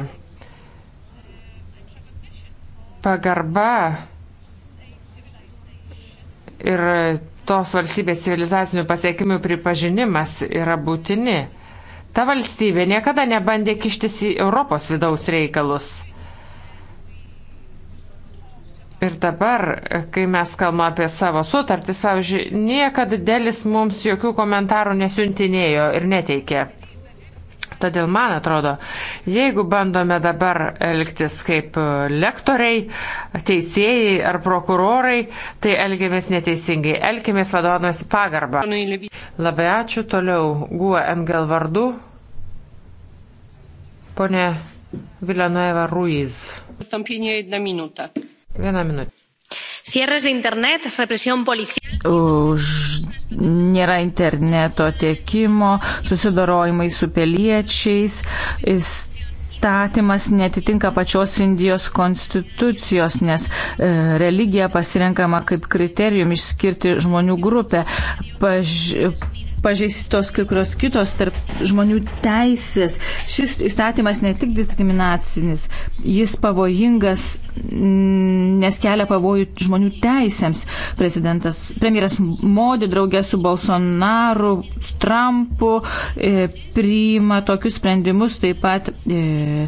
Pagarba ir tos valstybės civilizacinių pasiekimų pripažinimas yra būtini. Ta valstybė niekada nebandė kištis į Europos vidaus reikalus. Ir dabar, kai mes kalbame apie savo sutartis, pavyzdžiui, niekada dėlis mums jokių komentarų nesiuntinėjo ir neteikė. Todėl man atrodo, jeigu bandome dabar elgtis kaip lektoriai, teisėjai ar prokurorai, tai elgiamės neteisingai, elgiamės vadovaudomės pagarbą. Labai ačiū toliau Guo Engel vardu. Pone Vilanueva Ruiz. Vieną minutę cierres de internet, represión policial. Už nėra interneto tiekimo, susidarojimai su piliečiais, įstatymas netitinka pačios Indijos konstitucijos, nes e, religija pasirenkama kaip kriterijum išskirti žmonių grupę. Paž, pažeistos kai kurios kitos tarp žmonių teisės. Šis įstatymas ne tik diskriminacinis, jis pavojingas, nes kelia pavojų žmonių teisėms. Prezidentas, premjeras Modi draugė su Bolsonaru, Trumpu e, priima tokius sprendimus taip pat. E,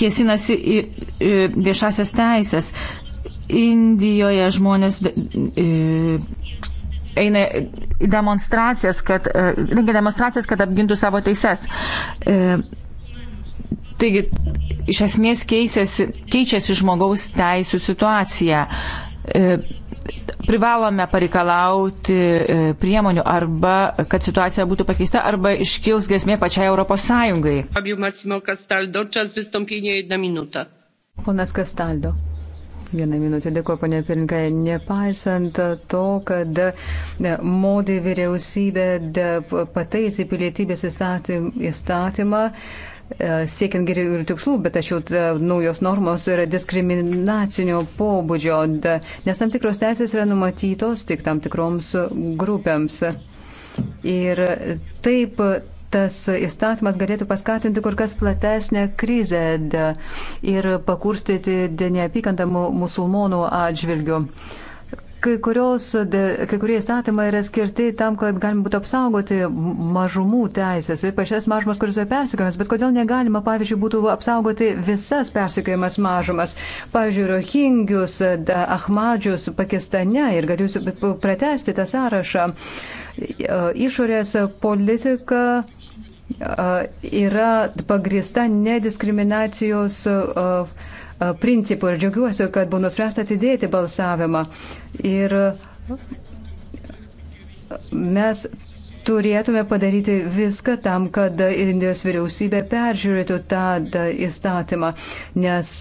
kėsinasi į, į e, viešasias teisės. Indijoje žmonės e, eina į demonstracijas, kad, e, rengia demonstracijas, kad apgintų savo teises. E, taigi, iš esmės keisėsi, keičiasi žmogaus teisų situacija. E, privalome pareikalauti priemonių arba, kad situacija būtų pakeista, arba iškils grėsmė pačiai Europos Sąjungai. Ponas Kastaldo. Vieną minutę dėkuoju, ponė Pirinkai. Nepaisant to, kad e, Modi vyriausybė e, pataisė pilietybės įstatymą, e, siekiant geriau ir tikslų, bet aš jau naujos normos yra diskriminacinio pobūdžio, nes tam tikros teisės yra numatytos tik tam tikroms grupėms. Ir taip tas įstatymas galėtų paskatinti kur kas platesnę krizę ir pakurstyti neapykantą musulmonų atžvilgių. Kai, kurios, kai kurie įstatymai yra skirti tam, kad galima būtų apsaugoti mažumų teisės, ypač šias mažumas, kuris yra persikėjimas, bet kodėl negalima, pavyzdžiui, būtų apsaugoti visas persikėjimas mažumas, pavyzdžiui, rohingius, ahmadžius Pakistane ir galiu pratesti tą sąrašą. Išorės politika yra pagrįsta nediskriminacijos principų ir džiaugiuosi, kad buvo nuspręsta atidėti balsavimą. Ir mes turėtume padaryti viską tam, kad Indijos vyriausybė peržiūrėtų tą įstatymą, nes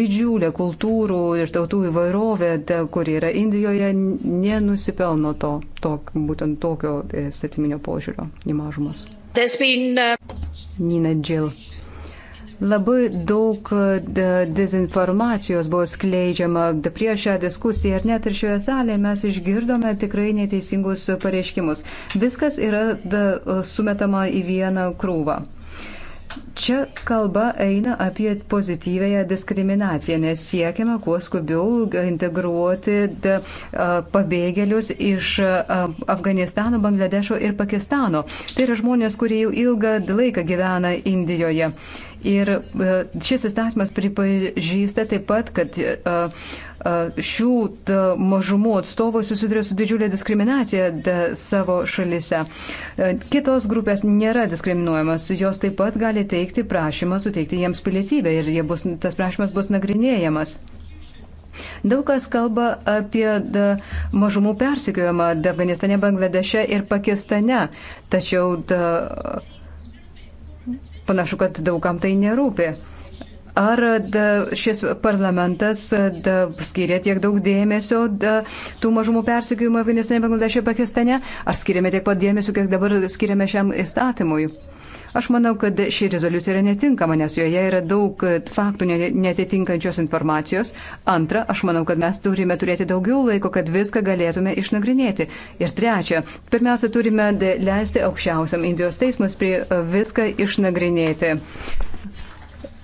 didžiulė kultūrų ir tautų įvairovė, kuri yra Indijoje, nenusipelno to, to būtent tokio e, įstatyminio požiūrio į mažumus. Been, uh... Nina Džil. Labai daug uh, dezinformacijos buvo skleidžiama prieš šią diskusiją ir net ir šioje salėje mes išgirdome tikrai neteisingus pareiškimus. Viskas yra da, sumetama į vieną krūvą. Čia kalba eina apie pozityvėją diskriminaciją, nes siekiame kuo skubiau integruoti de, a, pabėgėlius iš a, Afganistano, Bangladešo ir Pakistano. Tai yra žmonės, kurie jau ilgą laiką gyvena Indijoje. Ir e, šis įstatymas pripažįsta taip pat, kad e, e, šių mažumų atstovai susiduria su didžiulė diskriminacija savo šalise. Kitos grupės nėra diskriminuojamas, jos taip pat gali teikti prašymą suteikti jiems pilietybę ir bus, tas prašymas bus nagrinėjamas. Daug kas kalba apie da, mažumų persikiojimą Afganistane, Bangladeše ir Pakistane, tačiau da, Panašu, kad daugam tai nerūpi. Ar da, šis parlamentas da, skiria tiek daug dėmesio da, tų mažumų persikėjimo Afganistane, Bangladešė, Pakistane? Ar skiriame tiek pat dėmesio, kiek dabar skiriame šiam įstatymui? Aš manau, kad ši rezoliucija yra netinkama, nes joje yra daug e, faktų netitinkančios informacijos. Antra, aš manau, kad mes turime turėti daugiau laiko, kad viską galėtume išnagrinėti. Ir trečia, pirmiausia, turime leisti aukščiausiam Indijos teismus prie e, viską išnagrinėti.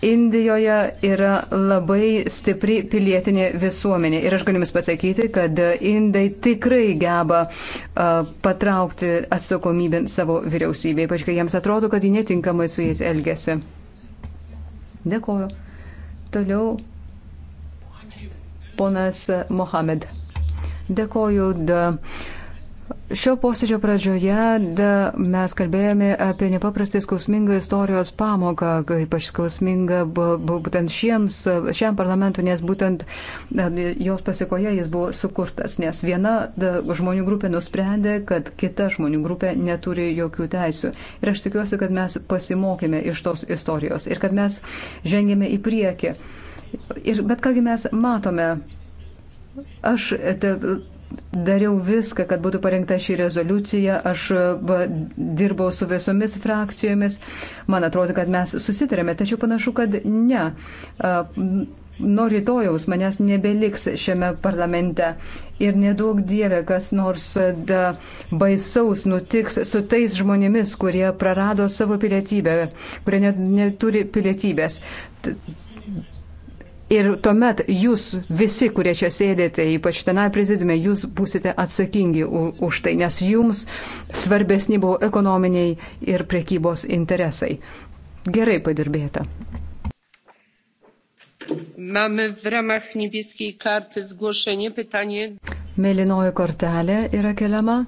Indijoje yra labai stipri pilietinė visuomenė ir aš galiu Jums pasakyti, kad Indai tikrai geba uh, patraukti atsakomybę savo vyriausybėje, ypač kai jiems atrodo, kad jie netinkamai su jais elgesi. Dėkuoju. Toliau ponas Mohamed. Dėkuoju. Da, uh, Šio posėdžio pradžioje da, mes kalbėjome apie nepaprastai skausmingą istorijos pamoką, ypač skausmingą būtent šiems, šiam parlamentui, nes būtent da, jos pasikoje jis buvo sukurtas, nes viena da, žmonių grupė nusprendė, kad kita žmonių grupė neturi jokių teisių. Ir aš tikiuosi, kad mes pasimokėme iš tos istorijos ir kad mes žengėme į priekį. Ir bet kągi mes matome Aš te, dariau viską, kad būtų parengta šį rezoliuciją, aš e, dirbau su visomis frakcijomis, man atrodo, kad mes susitarėme, tačiau panašu, kad ne. Nuo rytojaus manęs nebeliks šiame parlamente ir nedaug dievė, kas nors e, da, baisaus nutiks su tais žmonėmis, kurie prarado savo pilietybę, kurie net, neturi pilietybės Ir tuomet jūs visi, kurie čia sėdėte, ypač tenai prezidiume, jūs būsite atsakingi už tai, nes jums svarbesni buvo ekonominiai ir prekybos interesai. Gerai padirbėta. Mamy w ramach niebieskiej karty zgłoszenie, pytanie. Mėlynoji kortelė yra keliama.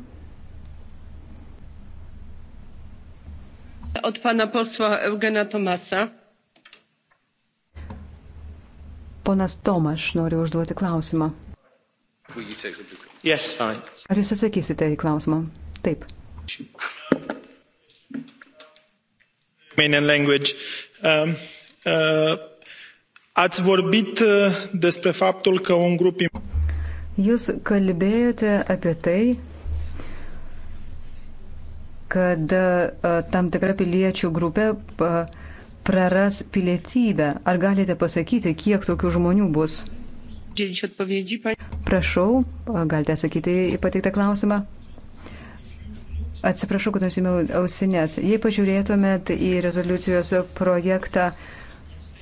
Od pana posła Eugena Tomasa. Ponas Tomaš nori užduoti klausimą. Yes, Ar jūs atsakysite į klausimą? Taip. Um, uh, ați vorbit uh, despre faptul că un grup. Jūs kalbėjote apie tai, kad uh, tam tikra piliečių grupė uh, praras pilietybę. Ar galite pasakyti, kiek tokių žmonių bus? Prašau, galite atsakyti į patiktą klausimą. Atsiprašau, kad nusimiau ausinės. Jei pažiūrėtumėt į rezoliucijos projektą,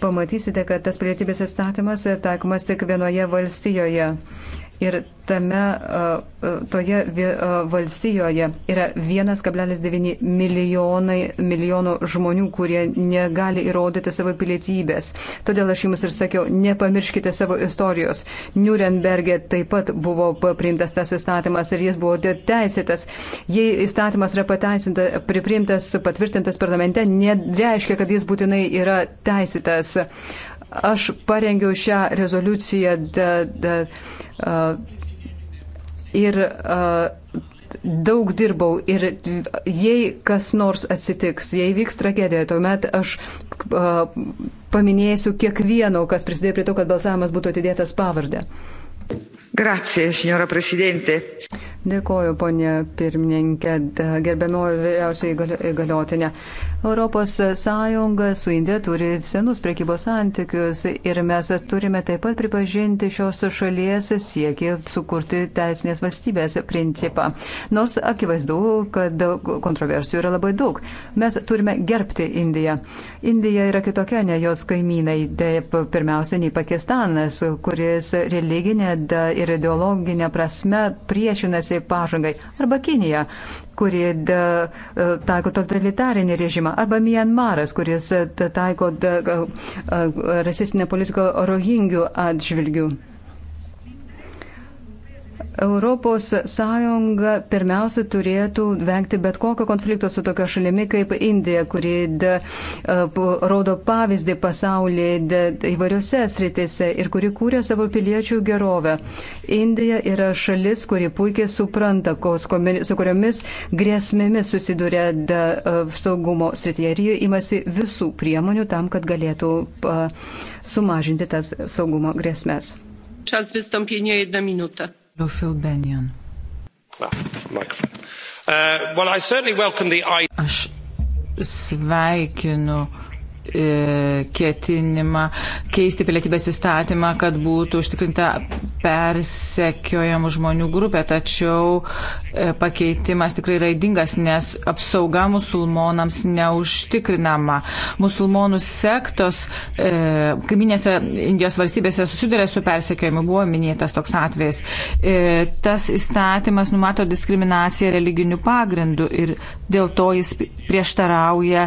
pamatysite, kad tas pilietybės įstatymas taikomas tik vienoje valstijoje ir tame toje valstijoje yra 1,9 milijonai milijonų žmonių, kurie negali įrodyti savo pilietybės. Todėl aš jums ir sakiau, nepamirškite savo istorijos. Nuremberge taip pat buvo priimtas tas įstatymas ir jis buvo teisėtas. Jei įstatymas yra priimtas, patvirtintas parlamente, nereiškia, kad jis būtinai yra teisėtas. Aš parengiau šią rezoliuciją da, da, uh, ir uh, daug dirbau ir jei kas nors atsitiks, jei vyks tragedija, tuomet aš uh, paminėsiu kiekvieno, kas prisidėjo prie to, kad balsavimas būtų atidėtas pavardę. Grazie, signora Presidente. Dėkoju, ponė pirmininkė, gerbiamoji vyriausiai įgaliotinė. Gal, ES su Indija turi senus prekybos santykius ir mes turime taip pat pripažinti šios šalies siekį sukurti teisinės valstybės principą. Nors akivaizdu, kad kontroversijų yra labai daug. Mes turime gerbti Indiją. Indija yra kitokia, ne jos kaimynai, taip pirmiausia, nei Pakistanas, kuris religinė ir ideologinė prasme priešinasi pažangai, arba Kinija kurie da, e, taiko totalitarinį režimą, arba Mianmaras, kuris da, e, taiko da, e, rasistinę politiką rohingių atžvilgių. Europos Sąjunga pirmiausia turėtų vengti bet kokio konflikto su tokia šalimi kaip Indija, kuri de, rodo pavyzdį pasaulyje de, įvairiose sritise ir kuri kūrė savo piliečių gerovę. Indija yra šalis, kuri puikiai supranta, kos, su kuriomis grėsmėmis susiduria de, saugumo srityje ir jie imasi visų priemonių tam, kad galėtų e, sumažinti tas saugumo grėsmės. Čas vystąpienio 1 minutę. Toliau Phil Benjon. Uh, Aš sveikinu uh, well, E, ketinimą keisti pilietybės įstatymą, kad būtų užtikrinta persekiojamų žmonių grupė. Tačiau e, pakeitimas tikrai raidingas, nes apsauga musulmonams neužtikrinama. Musulmonų sektos e, kaiminėse Indijos valstybėse susiduria su persekiojimu. Buvo minėtas toks atvejis. Tas įstatymas numato diskriminaciją religinių pagrindų ir dėl to jis prieštarauja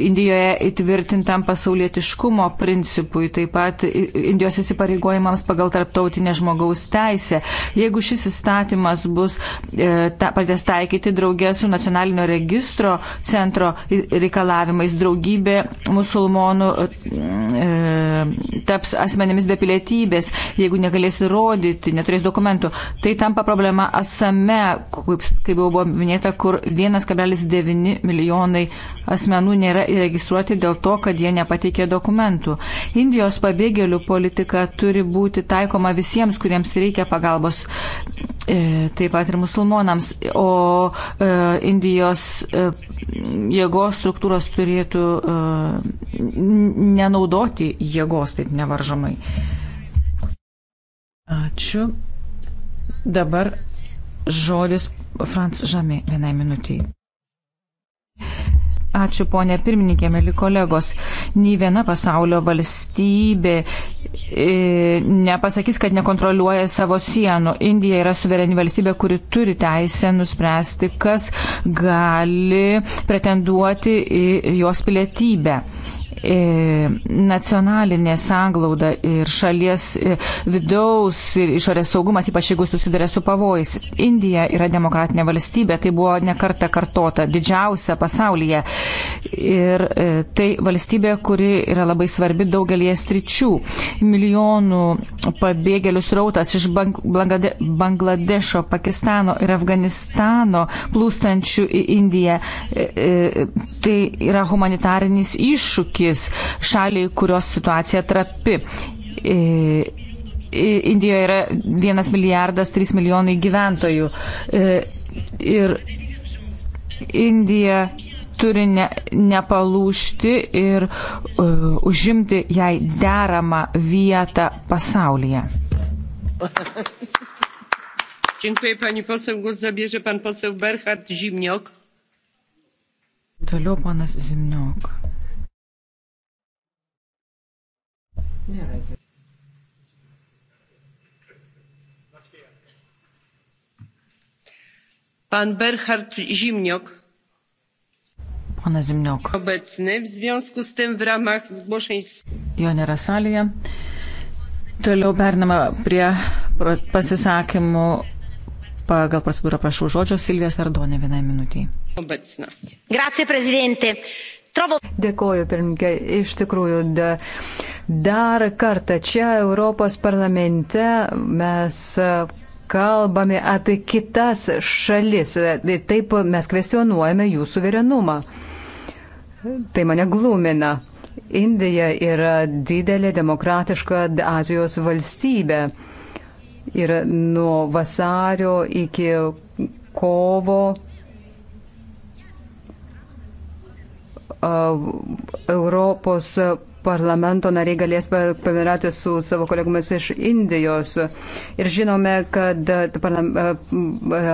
Indijoje įtvirtintam pasaulietiškumo principui, taip pat Indijos įsipareigojimams pagal tarptautinę žmogaus teisę. Jeigu šis įstatymas bus e, ta, pradės taikyti draugė su nacionalinio registro centro reikalavimais, draugybė musulmonų e, e, taps asmenimis be pilietybės, jeigu negalės įrodyti, neturės dokumentų. Tai tampa problema asame, kaip, kaip jau buvo minėta, kur 1,9 milijonai asmenų nėra įregistruoti dėl to, kad jie nepateikė dokumentų. Indijos pabėgėlių politika turi būti taikoma visiems, kuriems reikia pagalbos, e, taip pat ir musulmonams, o e, Indijos e, jėgos struktūros turėtų nenaudoti jėgos taip nevaržomai. Ačiū. Dabar žodis Frans Žami vienai minutiai. Ačiū, ponė pirmininkė, mėly kolegos. Nį viena pasaulio valstybė e, nepasakys, kad nekontroliuoja savo sienų. Indija yra suvereni valstybė, kuri turi teisę nuspręsti, kas gali pretenduoti į jos pilietybę. E, nacionalinė sanglauda ir šalies e, vidaus ir išorės saugumas, ypač jeigu susiduria su pavojais. Indija yra demokratinė valstybė, tai buvo nekarta kartota, didžiausia pasaulyje Ir e, tai valstybė, kuri yra labai svarbi daugelie stričių. Milijonų pabėgėlių srautas iš Banglade, Bangladešo, Pakistano ir Afganistano plūstančių į Indiją. E, e, tai yra humanitarinis iššūkis šaliai, kurios situacija trapi. Indijoje yra 1 milijardas 3 milijonai gyventojų. Ir Indija turi ne, nepalūšti ir uh, užimti jai deramą vietą pasaulyje. Dziękuję pani poseł. Głos zabierze pan poseł Berhard Zimniok. Toliau panas Zimniok. Nėra Zimniok. Pan Berhard Zimniok. Pana Zimniok. Obecny w związku z tym w ramach zgłoszeń. Jo nėra salėje. Toliau pernama prie pasisakymų pagal procedūrą prašau žodžio Silvija Sardonė vienai minutiai. Grazie, prezidentė. Trovo... Dėkoju, pirmininkė. Iš tikrųjų, da, dar kartą čia Europos parlamente mes e, kalbame apie kitas šalis. E, taip mes kvestionuojame jų suverenumą tai mane glumina. Indija yra didelė demokratiška Azijos valstybė. Ir nuo vasario iki kovo Europos parlamento nariai galės pabendrauti su savo kolegomis iš Indijos. Ir žinome, kad e, e, e,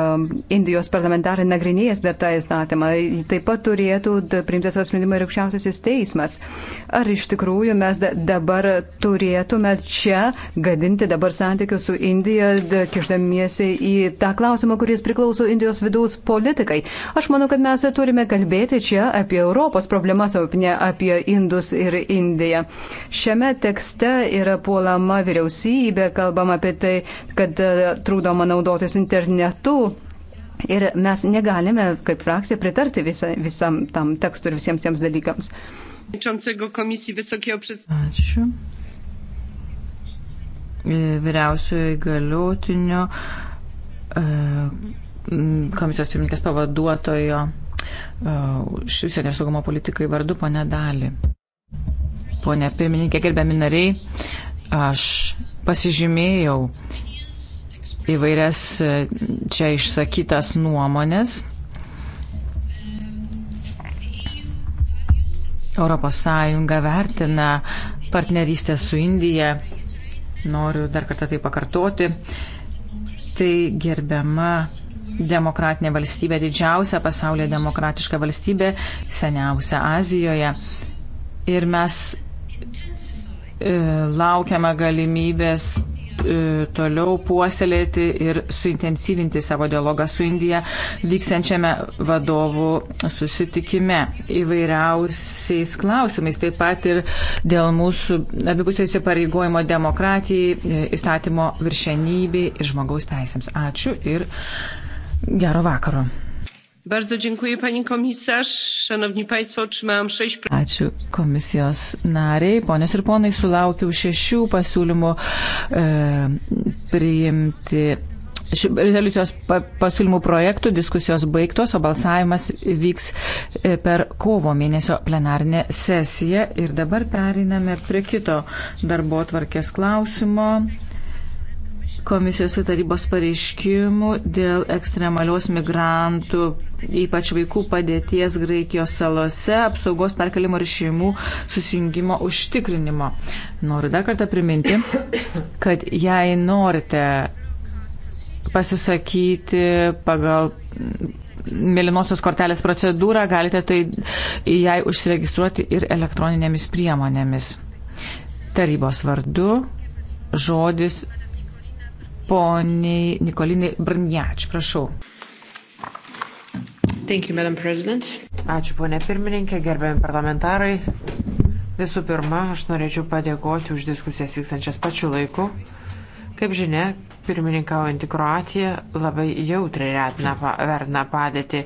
Indijos parlamentarai nagrinėjęs dar tą įstatymą, taip pat turėtų priimti savo sprendimą ir aukščiausiasis teismas. Ar iš tikrųjų mes dabar turėtume čia gadinti dabar santykius su Indija, kišdamiesi į tą klausimą, kuris priklauso Indijos vidaus politikai? Aš manau, kad mes turime kalbėti čia apie Europos problemas, o ne apie Indus ir Indiją. Islandija. Šiame tekste yra puolama vyriausybė, kalbama apie tai, kad e, trūdoma naudotis internetu. Ir mes negalime, kaip frakcija, pritarti visa, visam tam tekstui ir visiems tiems dalykams. Ačiū e, vyriausiojo įgaliotinio e, komisijos pirmininkės pavaduotojo užsienio saugumo politikai vardu, pane Dali ponė pirmininkė, gerbiami nariai. Aš pasižymėjau įvairias e, čia išsakytas nuomonės. Europos Sąjunga vertina partnerystę su Indija. Noriu dar kartą tai pakartoti. Tai gerbiama demokratinė valstybė, didžiausia pasaulyje demokratiška valstybė, seniausia Azijoje. Ir mes E, laukiame galimybės e, toliau puoselėti ir suintensyvinti savo dialogą su Indija vyksiančiame vadovų susitikime įvairiausiais klausimais, taip pat ir dėl mūsų abipusio įsipareigojimo demokratijai, e, įstatymo viršenybei ir žmogaus teisėms. Ačiū ir gero vakaro. Bardzo dziękuję pani komisarz. Szanowni państwo, otrzymałam sześć. Ačiū komisijos nariai. Ponios ir ponai, sulaukiau šešių pasiūlymų e, priimti. Ši, rezoliucijos pa, pasiūlymų projektų diskusijos baigtos, o balsavimas vyks e, per kovo mėnesio plenarinę sesiją. Ir dabar periname prie kito darbo tvarkės klausimo komisijos ir tarybos pareiškimų dėl ekstremalios migrantų, ypač vaikų padėties Graikijos salose, apsaugos perkelimo ir šeimų susijungimo užtikrinimo. Noriu dar kartą priminti, kad jei norite pasisakyti pagal mėlynosios kortelės procedūrą, galite tai jai užsiregistruoti ir elektroninėmis priemonėmis. Tarybos vardu žodis poniai Nikolinai Brniač, prašau. Thank you, Madam President. Ačiū, ponė pirmininkė, gerbėjami parlamentarai. Visų pirma, aš norėčiau padėkoti už diskusijas vykstančias pačiu laiku. Kaip žinia, pirmininkaujantį Kroatiją labai jautriai vertina padėtį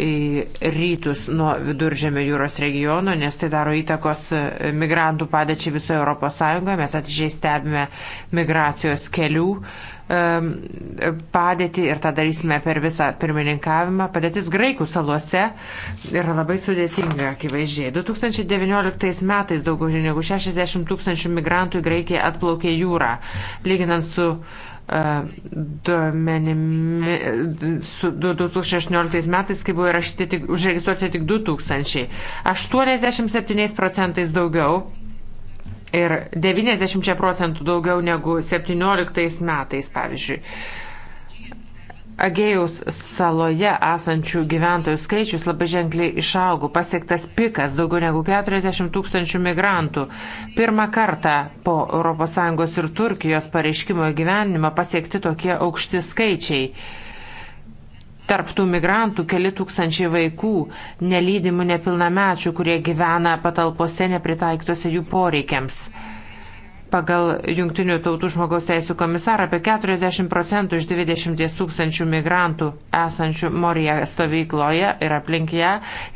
į rytus nuo viduržėmio jūros regiono, nes tai daro įtakos e, migrantų padėčiai visoje Europos Sąjungoje. Mes atžiai stebime migracijos kelių padėtį ir tą darysime per visą pirmininkavimą. Padėtis Graikų salose yra labai sudėtinga, akivaizdžiai. 2019 metais daugiau negu 60 tūkstančių migrantų į Graikiją atplaukė jūrą, lyginant su uh, E, duomenimi, su 2016 metais, kai buvo įrašyti tik, užregistruoti tik 2000, 87 procentais daugiau ir 90 procentų daugiau negu 17 metais, pavyzdžiui. Agėjaus saloje esančių gyventojų skaičius labai ženkliai išaugo, pasiektas pikas daugiau negu 40 tūkstančių migrantų. Pirmą kartą po ES ir Turkijos pareiškimo įgyvenimą pasiekti tokie aukšti skaičiai. Tarptų migrantų keli tūkstančiai vaikų, nelydimų nepilnamečių, kurie gyvena patalpose nepritaiktose jų poreikiams. Pagal Junktinių tautų žmogaus teisų komisarą apie 40 procentų iš 20 tūkstančių migrantų esančių Morija stovykloje ir aplink ją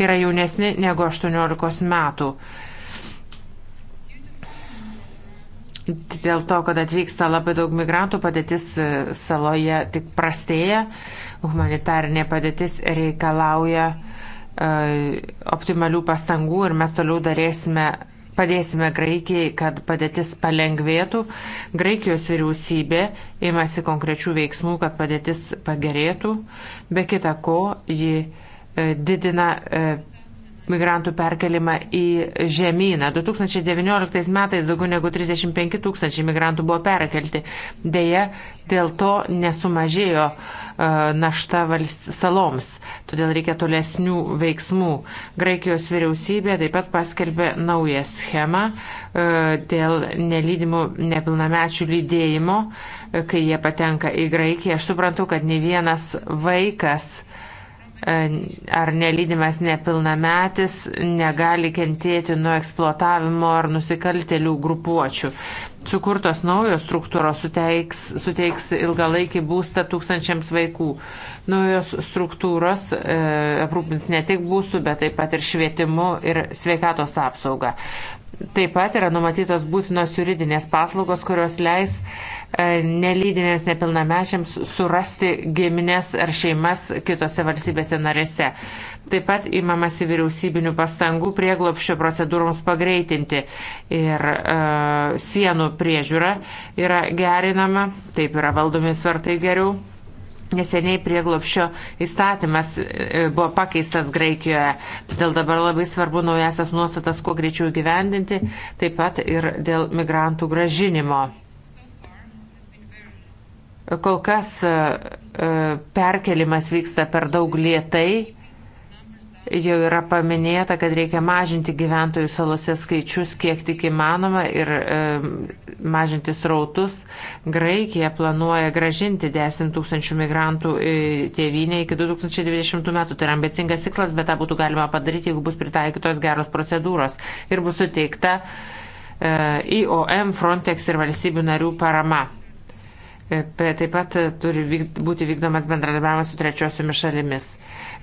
yra jaunesni negu 18 metų. Dėl to, kad atvyksta labai daug migrantų, padėtis e, saloje tik prastėja, humanitarinė padėtis reikalauja e, optimalių pastangų ir mes toliau darėsime Padėsime Graikijai, kad padėtis palengvėtų. Graikijos vyriausybė imasi konkrečių veiksmų, kad padėtis pagerėtų. Be kita ko, ji e, didina e, migrantų perkelimą į žemyną. 2019 metais daugiau negu 35 tūkstančiai migrantų buvo perkelti. Deja, dėl to nesumažėjo e, našta saloms. Todėl reikia tolesnių veiksmų. Graikijos vyriausybė taip pat paskelbė naują schemą e, dėl nelydimų nepilnamečių lydėjimo, e, kai jie patenka į Graikiją. Aš suprantu, kad ne vienas vaikas ar nelydimas nepilnametis negali kentėti nuo eksploatavimo ar nusikaltelių grupuočių. Sukurtos naujos struktūros suteiks, suteiks ilgalaikį būstą tūkstančiams vaikų. Naujos struktūros e, aprūpins ne tik būstų, bet taip pat ir švietimu ir sveikatos apsaugą. Taip pat yra numatytos būtinos juridinės paslaugos, kurios leis e, E, nelydinės nepilnamečiams surasti giminės ar šeimas kitose valstybėse narėse. Taip pat įmamasi vyriausybinių pastangų prieglopščio procedūroms pagreitinti ir e, sienų priežiūra yra gerinama, taip yra valdomi svartai geriau. Neseniai prieglopščio įstatymas e, buvo pakeistas Graikijoje, todėl dabar labai svarbu naujasias nuostatas kuo greičiau gyvendinti, taip pat ir dėl migrantų gražinimo. Kol kas e, e, perkelimas vyksta per daug lietai. Jau yra paminėta, kad reikia mažinti gyventojų salose skaičius kiek tik įmanoma ir e, mažinti srautus. Graikija planuoja gražinti 10 tūkstančių migrantų tėvynę iki 2020 metų. Tai yra ambicingas tikslas, bet tą būtų galima padaryti, jeigu bus pritaikytos geros procedūros ir bus suteikta e, IOM, Frontex ir valstybių narių parama. E taip pat turi vykt, būti vykdomas bendradarbiavimas su trečiosiomis šalimis.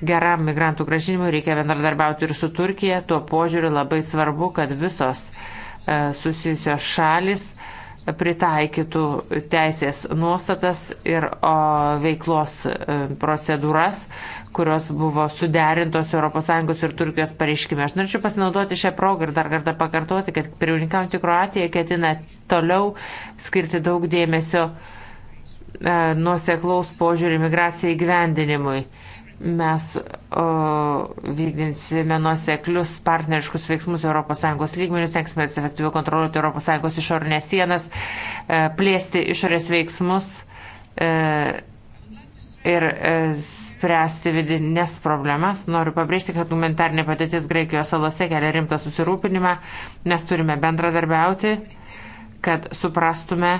Geram migrantų gražinimui reikia bendradarbiauti ir su Turkija. Tuo požiūriu labai svarbu, kad visos e, susijusios šalis pritaikytų teisės nuostatas ir o, veiklos e, procedūras, kurios buvo suderintos ES ir Turkijos pareiškime. Aš norėčiau pasinaudoti šią progą ir dar kartą pakartoti, kad pirmininkam Kroatija ketina toliau skirti daug dėmesio uh, E, nuoseklaus požiūrį migracijai gyvendinimui. Mes o, e, vykdinsime nuoseklius partneriškus veiksmus ES lygmenius, tenksime efektyviau kontroliuoti ES išorinės sienas, e, plėsti išorės veiksmus ir spręsti vidinės problemas. Noriu pabrėžti, kad humanitarnė padėtis Graikijos salose kelia rimtą susirūpinimą. Mes turime bendradarbiauti, kad suprastume,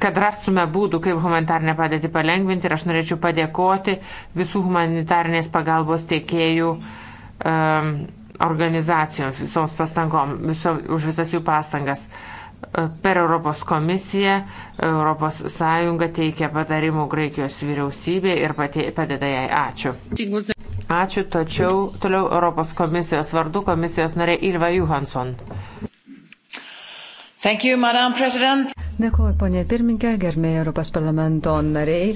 kad rastume būdų, kaip humanitarnę padėtį palengvinti ir aš norėčiau padėkoti visų humanitarnės pagalbos tiekėjų um, organizacijoms, visoms pastangom, viso, už visas jų pastangas. E, per Europos komisiją Europos Sąjunga teikia patarimų Graikijos vyriausybė ir padeda jai. Ačiū. Ačiū, tačiau toliau Europos komisijos vardu komisijos narė Ilva Johansson. Thank you, Madam President. Dėkuoju, ponė pirmininkė, gerbėjai Europos parlamento nariai.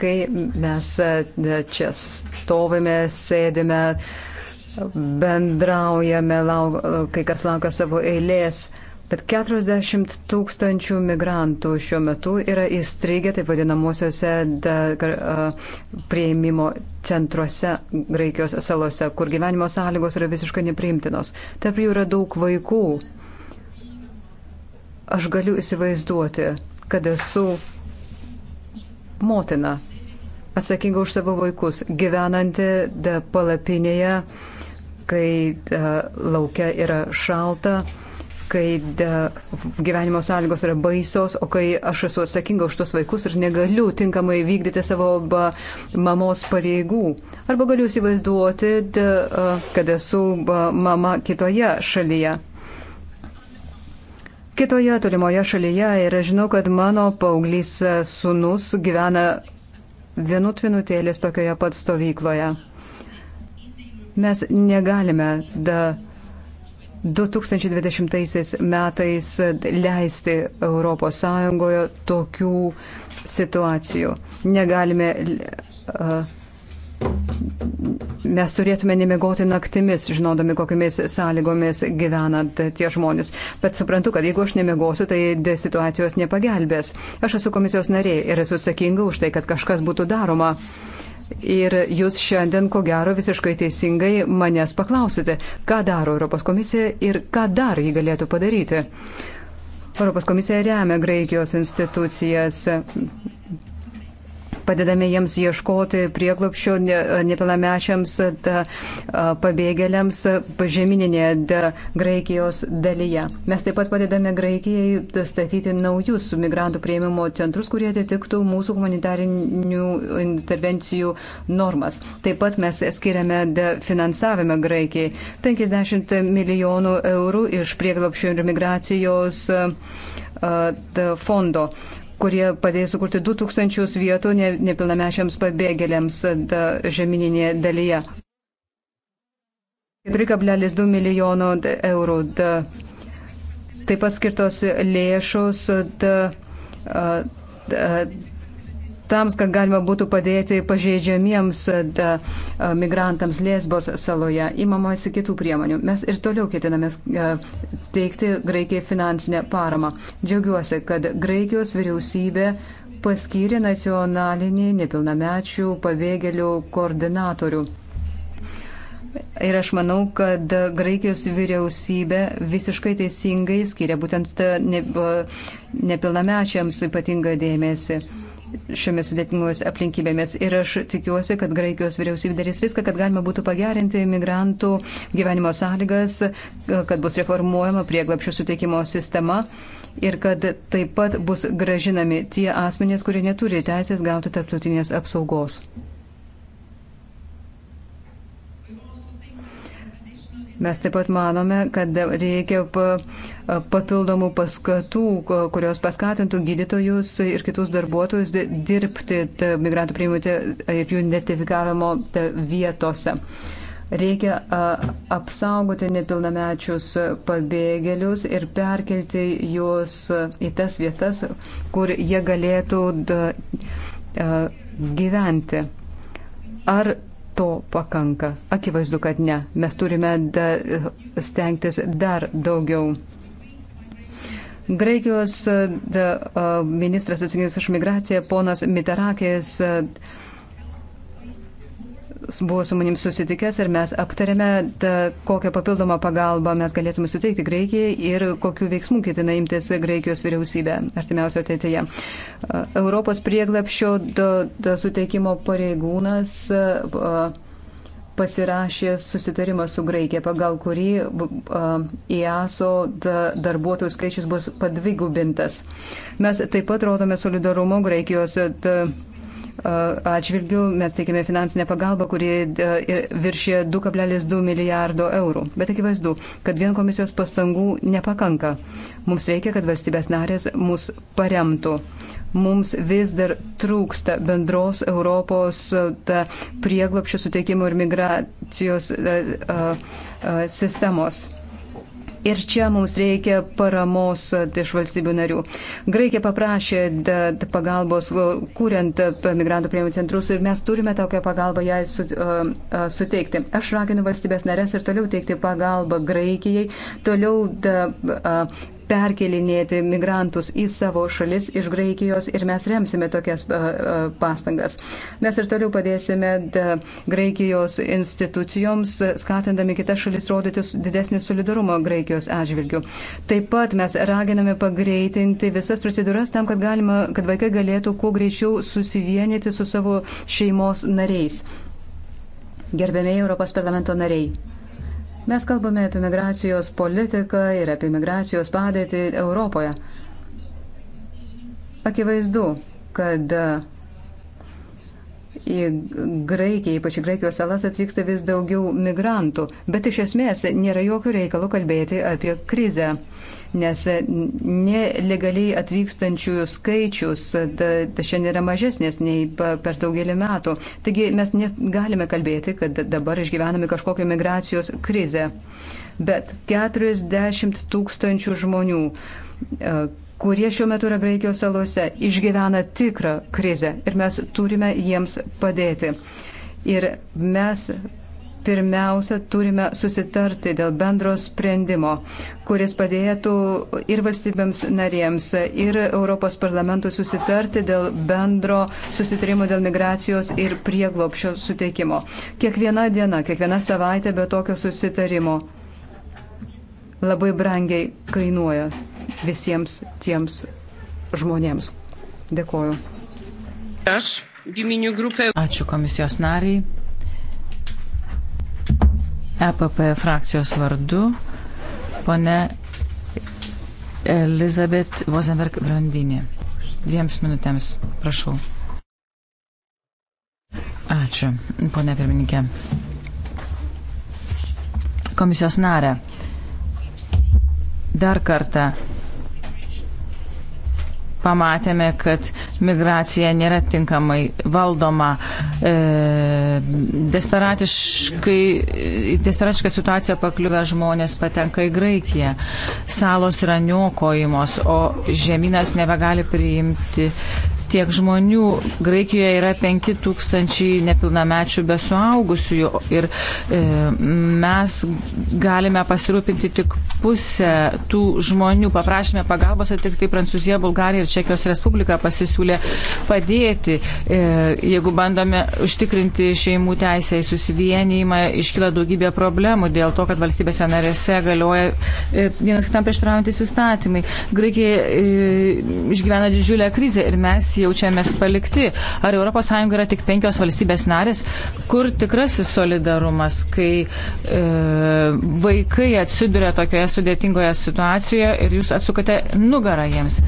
Kai mes e, čia stovime, sėdime, bendraujame, lauk, e, kai kas laukia savo eilės. Bet 40 tūkstančių migrantų šiuo metu yra įstrigę taip vadinamosiuose e, prieimimo centruose Graikijos salose, kur gyvenimo sąlygos yra visiškai nepriimtinos. Tarp jų yra daug vaikų aš galiu įsivaizduoti, kad esu motina, atsakinga už savo vaikus, gyvenanti palapinėje, kai da, e, laukia yra šalta, kai da, gyvenimo sąlygos yra baisos, o kai aš esu atsakinga už tuos vaikus ir negaliu tinkamai vykdyti savo ba, mamos pareigų. Arba galiu įsivaizduoti, da, e, kad esu ba, mama kitoje šalyje kitoje tolimoje šalyje ir aš žinau, kad mano paauglys sunus gyvena vienut minutėlės tokioje pat stovykloje. Mes negalime da 2020 metais leisti ES tokių situacijų. Negalime uh, mes turėtume nemigoti naktimis, žinodami, kokiamis sąlygomis gyvenant tie žmonės. Bet suprantu, kad jeigu aš nemigosiu, tai situacijos nepagelbės. Aš esu komisijos narė ir esu atsakinga už tai, kad kažkas būtų daroma. Ir jūs šiandien, ko gero, visiškai teisingai manęs paklausite, ką daro Europos komisija ir ką dar jį galėtų padaryti. Europos komisija remia Graikijos institucijas padedame jiems ieškoti prieglopščio nepilnamečiams pabėgėliams žemyninėje Graikijos dalyje. Mes taip pat padedame Graikijai statyti naujus migrantų prieimimo centrus, kurie atitiktų mūsų humanitarinių intervencijų normas. Taip pat mes skiriame finansavimą Graikijai 50 milijonų eurų iš prieglopščio ir migracijos fondo kurie padėjo sukurti 2000 vietų nepilnamečiams pabėgėliams e, žemyninėje dalyje. 4,2 milijono eurų. Da, taip paskirtos lėšos da, da, pastangams, kad galima būtų padėti pažeidžiamiems e, da, e, migrantams Lesbos saloje, imamasi kitų priemonių. Mes ir toliau ketiname e, teikti Graikijai finansinę paramą. Džiaugiuosi, kad Graikijos vyriausybė paskyrė nacionalinį nepilnamečių pabėgėlių koordinatorių. Ir aš manau, kad Graikijos vyriausybė visiškai teisingai skiria būtent nepilnamečiams ypatingą dėmesį šiomis sudėtingomis aplinkybėmis. Ir aš tikiuosi, kad Graikijos vyriausybė darys viską, kad galima būtų pagerinti migrantų gyvenimo sąlygas, kad bus reformuojama prieglapšių suteikimo sistema ir kad taip pat bus gražinami tie asmenys, kurie neturi teisės gauti tarptautinės apsaugos. Mes taip pat manome, kad reikia papildomų paskatų, kurios paskatintų gydytojus ir kitus darbuotojus dirbti migrantų priimti ir jų identifikavimo vietose. Reikia apsaugoti nepilnamečius pabėgėlius ir perkelti juos į tas vietas, kur jie galėtų gyventi. Ar to pakanka? Akivaizdu, kad ne. Mes turime da, stengtis dar daugiau. Graikijos da, ministras atsakingas už migraciją, ponas Miterakės. Da, buvo su manim susitikęs ir mes aptarėme, ta, kokią papildomą pagalbą mes galėtume suteikti Graikijai ir kokiu veiksmu ketina imtis Graikijos vyriausybė artimiausio ateityje. Europos prieglapšio suteikimo pareigūnas pasirašė susitarimą su Graikija, pagal kurį EASO darbuotojų skaičius bus padvigubintas. Mes taip pat rodome solidarumo Graikijos. Ta, atžvilgių mes teikėme finansinę pagalbą, kuri viršė 2,2 milijardo eurų. Bet akivaizdu, kad vien komisijos pastangų nepakanka. Mums reikia, kad valstybės narės mus paremtų. Mums vis dar trūksta bendros Europos prieglopščių suteikimo ir migracijos a, a, sistemos. Ir čia mums reikia paramos e, iš valstybių narių. Graikija paprašė pagalbos e, kūrent e, migrantų prieimimo centrus ir mes turime tokią pagalbą jai suteikti. Aš raginu valstybės narės ir toliau teikti pagalbą Graikijai, toliau da, perkelinėti migrantus į savo šalis iš Graikijos ir mes remsime tokias pastangas. Mes ir toliau padėsime Graikijos institucijoms, skatindami kitas šalis rodyti didesnį solidarumą Graikijos atžvilgių. Taip pat mes raginame pagreitinti visas procedūras tam, kad, galima, kad vaikai galėtų kuo greičiau susivienyti su savo šeimos nariais. Gerbėmiai Europos parlamento nariai. Mes kalbame apie migracijos politiką ir apie migracijos padėtį Europoje. Akivaizdu, kad į Graikiją, ypač į Graikijos salas atvyksta vis daugiau migrantų, bet iš esmės nėra jokio reikalo kalbėti apie krizę, nes nelegaliai atvykstančių skaičius ta, ta šiandien yra mažesnės nei per daugelį metų. Taigi mes negalime kalbėti, kad dabar išgyvename kažkokią migracijos krizę, bet 40 tūkstančių žmonių e, kurie šiuo metu yra Graikijos salose, išgyvena tikrą krizę ir mes turime jiems padėti. Ir mes pirmiausia turime susitarti dėl bendro sprendimo, kuris padėtų ir valstybėms narėms, ir Europos parlamentui susitarti dėl bendro susitarimo dėl migracijos ir prieglopšio suteikimo. Kiekviena diena, kiekviena savaitė be tokio susitarimo labai brangiai kainuoja visiems tiems žmonėms. Dėkoju. Aš, giminių grupė. Ačiū komisijos nariai. EPP frakcijos vardu, pone Elizabet Vozenberg Brandinė. Dviems minutėms, prašau. Ačiū, ponė pirmininkė. Komisijos narė. Dar kartą pamatėme, kad migracija nėra tinkamai valdoma. E, desperatiška situacija pakliuvę žmonės patenka į Graikiją. Salos yra niokojimos, o žemynas nebegali priimti tiek žmonių. Graikijoje yra 5000 nepilnamečių be suaugusiųjų ir e, mes galime pasirūpinti tik pusę tų žmonių. Paprašėme pagalbos ir tik tai Prancūzija, Bulgarija ir Čekijos Respublika pasisiūlė padėti. E, jeigu bandome užtikrinti šeimų teisę į susivienijimą, iškyla daugybė problemų dėl to, kad valstybėse narėse galioja e, vienas kitam prieštaraujantis įstatymai. Graikija e, išgyvena didžiulę krizę ir mes jaučiamės palikti. Ar ES yra tik penkios valstybės narės, kur tikrasis solidarumas, kai e, vaikai atsiduria tokioje sudėtingoje situacijoje ir jūs atsukate nugarą jiems.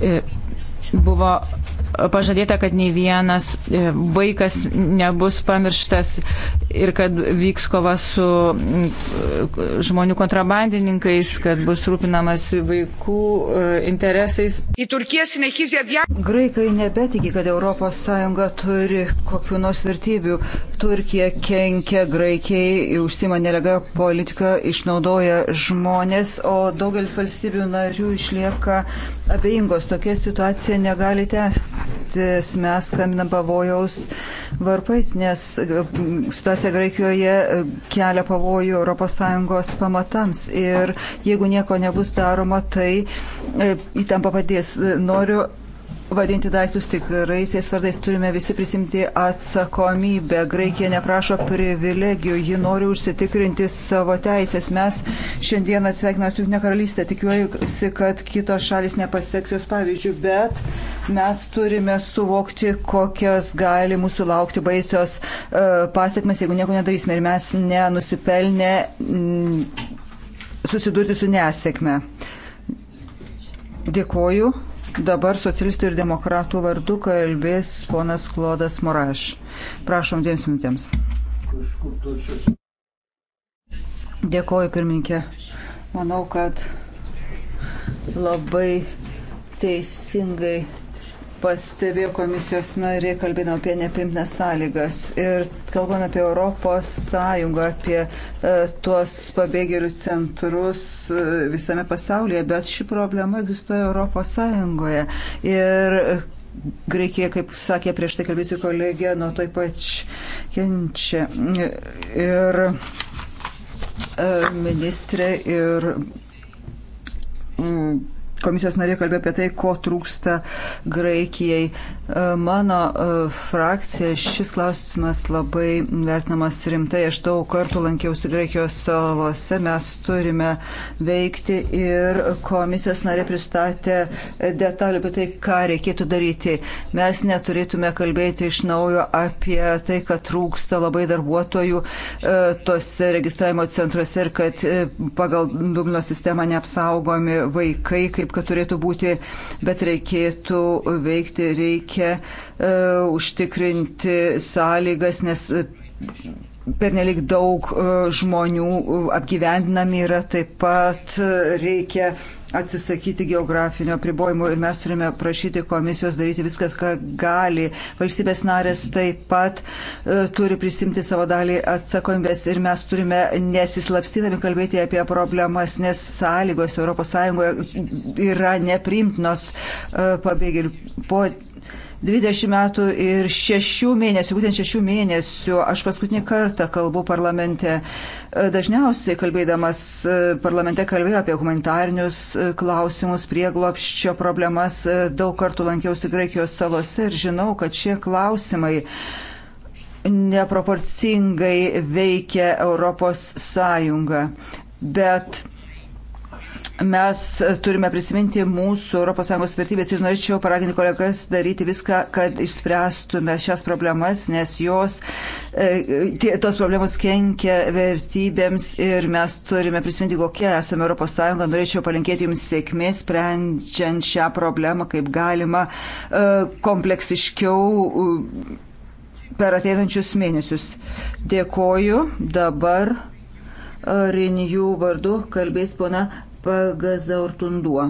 E, buvo pažadėta, kad nei vienas e, vaikas nebus pamirštas ir kad vyks kova su žmonių kontrabandininkais, kad bus rūpinamas vaikų e, interesais. Graikai nebetiki, kad ES turi kokiu nors vertybių. Turkija kenkia Graikijai, užsima nelegą politiką, išnaudoja žmonės, o daugelis valstybių narių išlieka abejingos. Tokia situacija negali tęstis. Mes skambinam pavojaus varpais, nes mm, situacija Graikijoje e, kelia pavojų ES pamatams. Ir jeigu nieko nebus daroma, tai e, įtampa padės. Noriu vadinti daiktus tikraisiais vardais. Turime visi prisimti atsakomybę. Graikija neprašo privilegijų, ji nori užsitikrinti savo teisės. Mes šiandien atsveikiname su Junktinė karalystė. Tikiuosi, kad kitos šalis nepaseks jos pavyzdžių, bet mes turime suvokti, kokios gali mūsų laukti baisios uh, e, pasiekmes, jeigu nieko nedarysime ir mes nenusipelnę mm, susidurti su nesėkme. Dėkoju. Dabar socialistų ir demokratų vardu kalbės ponas Klodas Moraš. Prašom dviems minutėms. Dėkoju, pirmininkė. Manau, kad labai teisingai pastebėjo komisijos nariai, kalbėjome apie neprimtinas sąlygas ir kalbame apie Europos Sąjungą, apie e, tuos pabėgėlių centrus e, visame pasaulyje, bet ši problema egzistuoja Europos Sąjungoje. Ir e, Greikija, kaip sakė prieš tai kalbėjusi kolegė, nuo to ypač kenčia. Ir e, ministrė ir. Mm, komisijos narė kalbėjo apie tai, ko trūksta Graikijai E, mano e, frakcija šis klausimas labai vertinamas rimtai. Aš daug kartų lankiausi Graikijos salose, mes turime veikti ir komisijos narė pristatė detalių apie tai, ką reikėtų daryti. Mes neturėtume kalbėti iš naujo apie tai, kad trūksta labai darbuotojų e, tose registravimo centruose ir kad pagal Dublino sistemą neapsaugomi vaikai, kaip kad turėtų būti, bet reikėtų veikti, reikia reikia uh, užtikrinti sąlygas, nes e, pernelik daug e, žmonių apgyvendinami yra, taip pat reikia atsisakyti geografinio pribojimo ir mes turime prašyti komisijos daryti viskas, ką gali. Valstybės narės taip pat e, turi prisimti savo dalį atsakomybės ir mes turime nesislapstydami kalbėti apie problemas, nes sąlygos ES yra neprimtinos e, pabėgėlių. Po 20 metų ir 6 mėnesių, būtent 6 mėnesių aš paskutinį kartą kalbu parlamente. Dažniausiai kalbėdamas e, parlamente kalbėjau apie humanitarnius e, klausimus, prieglopščio problemas. E, daug kartų lankiausi Graikijos salose ir žinau, kad šie klausimai neproporcingai veikia Europos Sąjungą. Bet mes turime prisiminti mūsų ES vertybės ir norėčiau paraginti kolegas daryti viską, kad išspręstume šias problemas, nes jos, e, tie, tos problemos kenkia vertybėms ir mes turime prisiminti, kokie esame ES. Norėčiau palinkėti Jums sėkmės, sprendžiant šią problemą kaip galima e, kompleksiškiau per ateinančius mėnesius. Dėkoju dabar. E, Renijų vardu kalbės pona Pagazaurtunduo.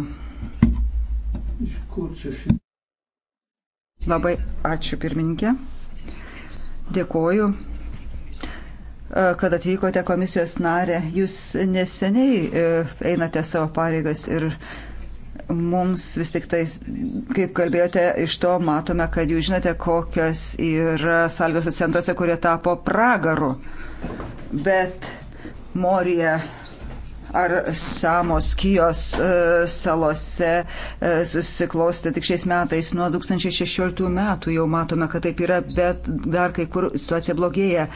Iš kur čia šitą? Labai ačiū pirmininkė. Dėkoju e, kad atvykote komisijos narė. Jūs neseniai e, einate savo pareigas ir mums vis tik tai, kaip kalbėjote, iš to matome, kad jūs žinote, kokios yra salvios centruose, kurie tapo pragaru. Bet Morija ar Samos Kijos e, salose e, susiklosti tik šiais metais. Nuo 2016 metų jau matome, kad taip yra, bet dar kai kur situacija blogėja.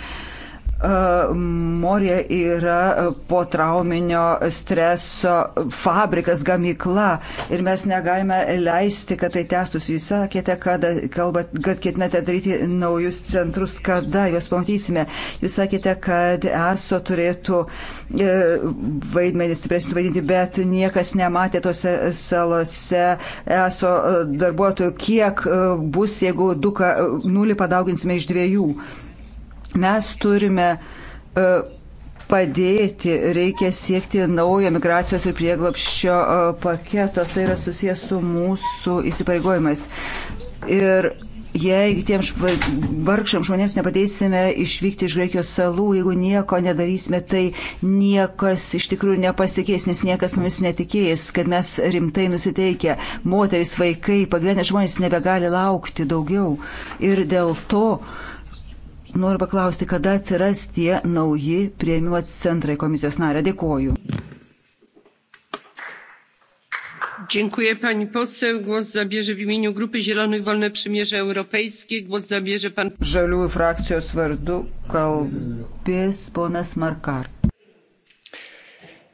Morė yra potrauminio streso fabrikas, gamykla ir mes negalime leisti, kad tai tęstųsi. Jūs sakėte, kad, kalbat, kad ketinate daryti naujus centrus, kada juos pamatysime. Jūs sakėte, kad ESO turėtų e, vaidmenį stipresnį vaidinti, bet niekas nematė tose salose ESO e, darbuotojų, kiek e, bus, jeigu 0 padauginsime iš dviejų Mes turime e, padėti, reikia siekti naujo migracijos ir prieglopščio e, paketo, tai yra susijęs su mūsų įsipareigojimais. Ir jei tiems vargšams žmonėms nepadėsime išvykti iš Graikijos salų, jeigu nieko nedarysime, tai niekas iš tikrųjų nepasikeis, nes niekas mumis netikės, kad mes rimtai nusiteikę. Moteris, vaikai, pagyvenę žmonės nebegali laukti daugiau. Ir dėl to uh, Noriu paklausti, kada atsiras tie nauji prieimimo centrai komisijos narė. Dėkoju. Dziękuję pani poseł. Głos zabierze w imieniu Grupy Zielonych Wolne Przymierze Europejskie. Głos zabierze pan... Žaliųjų frakcijos vardu kalbės ponas Markart.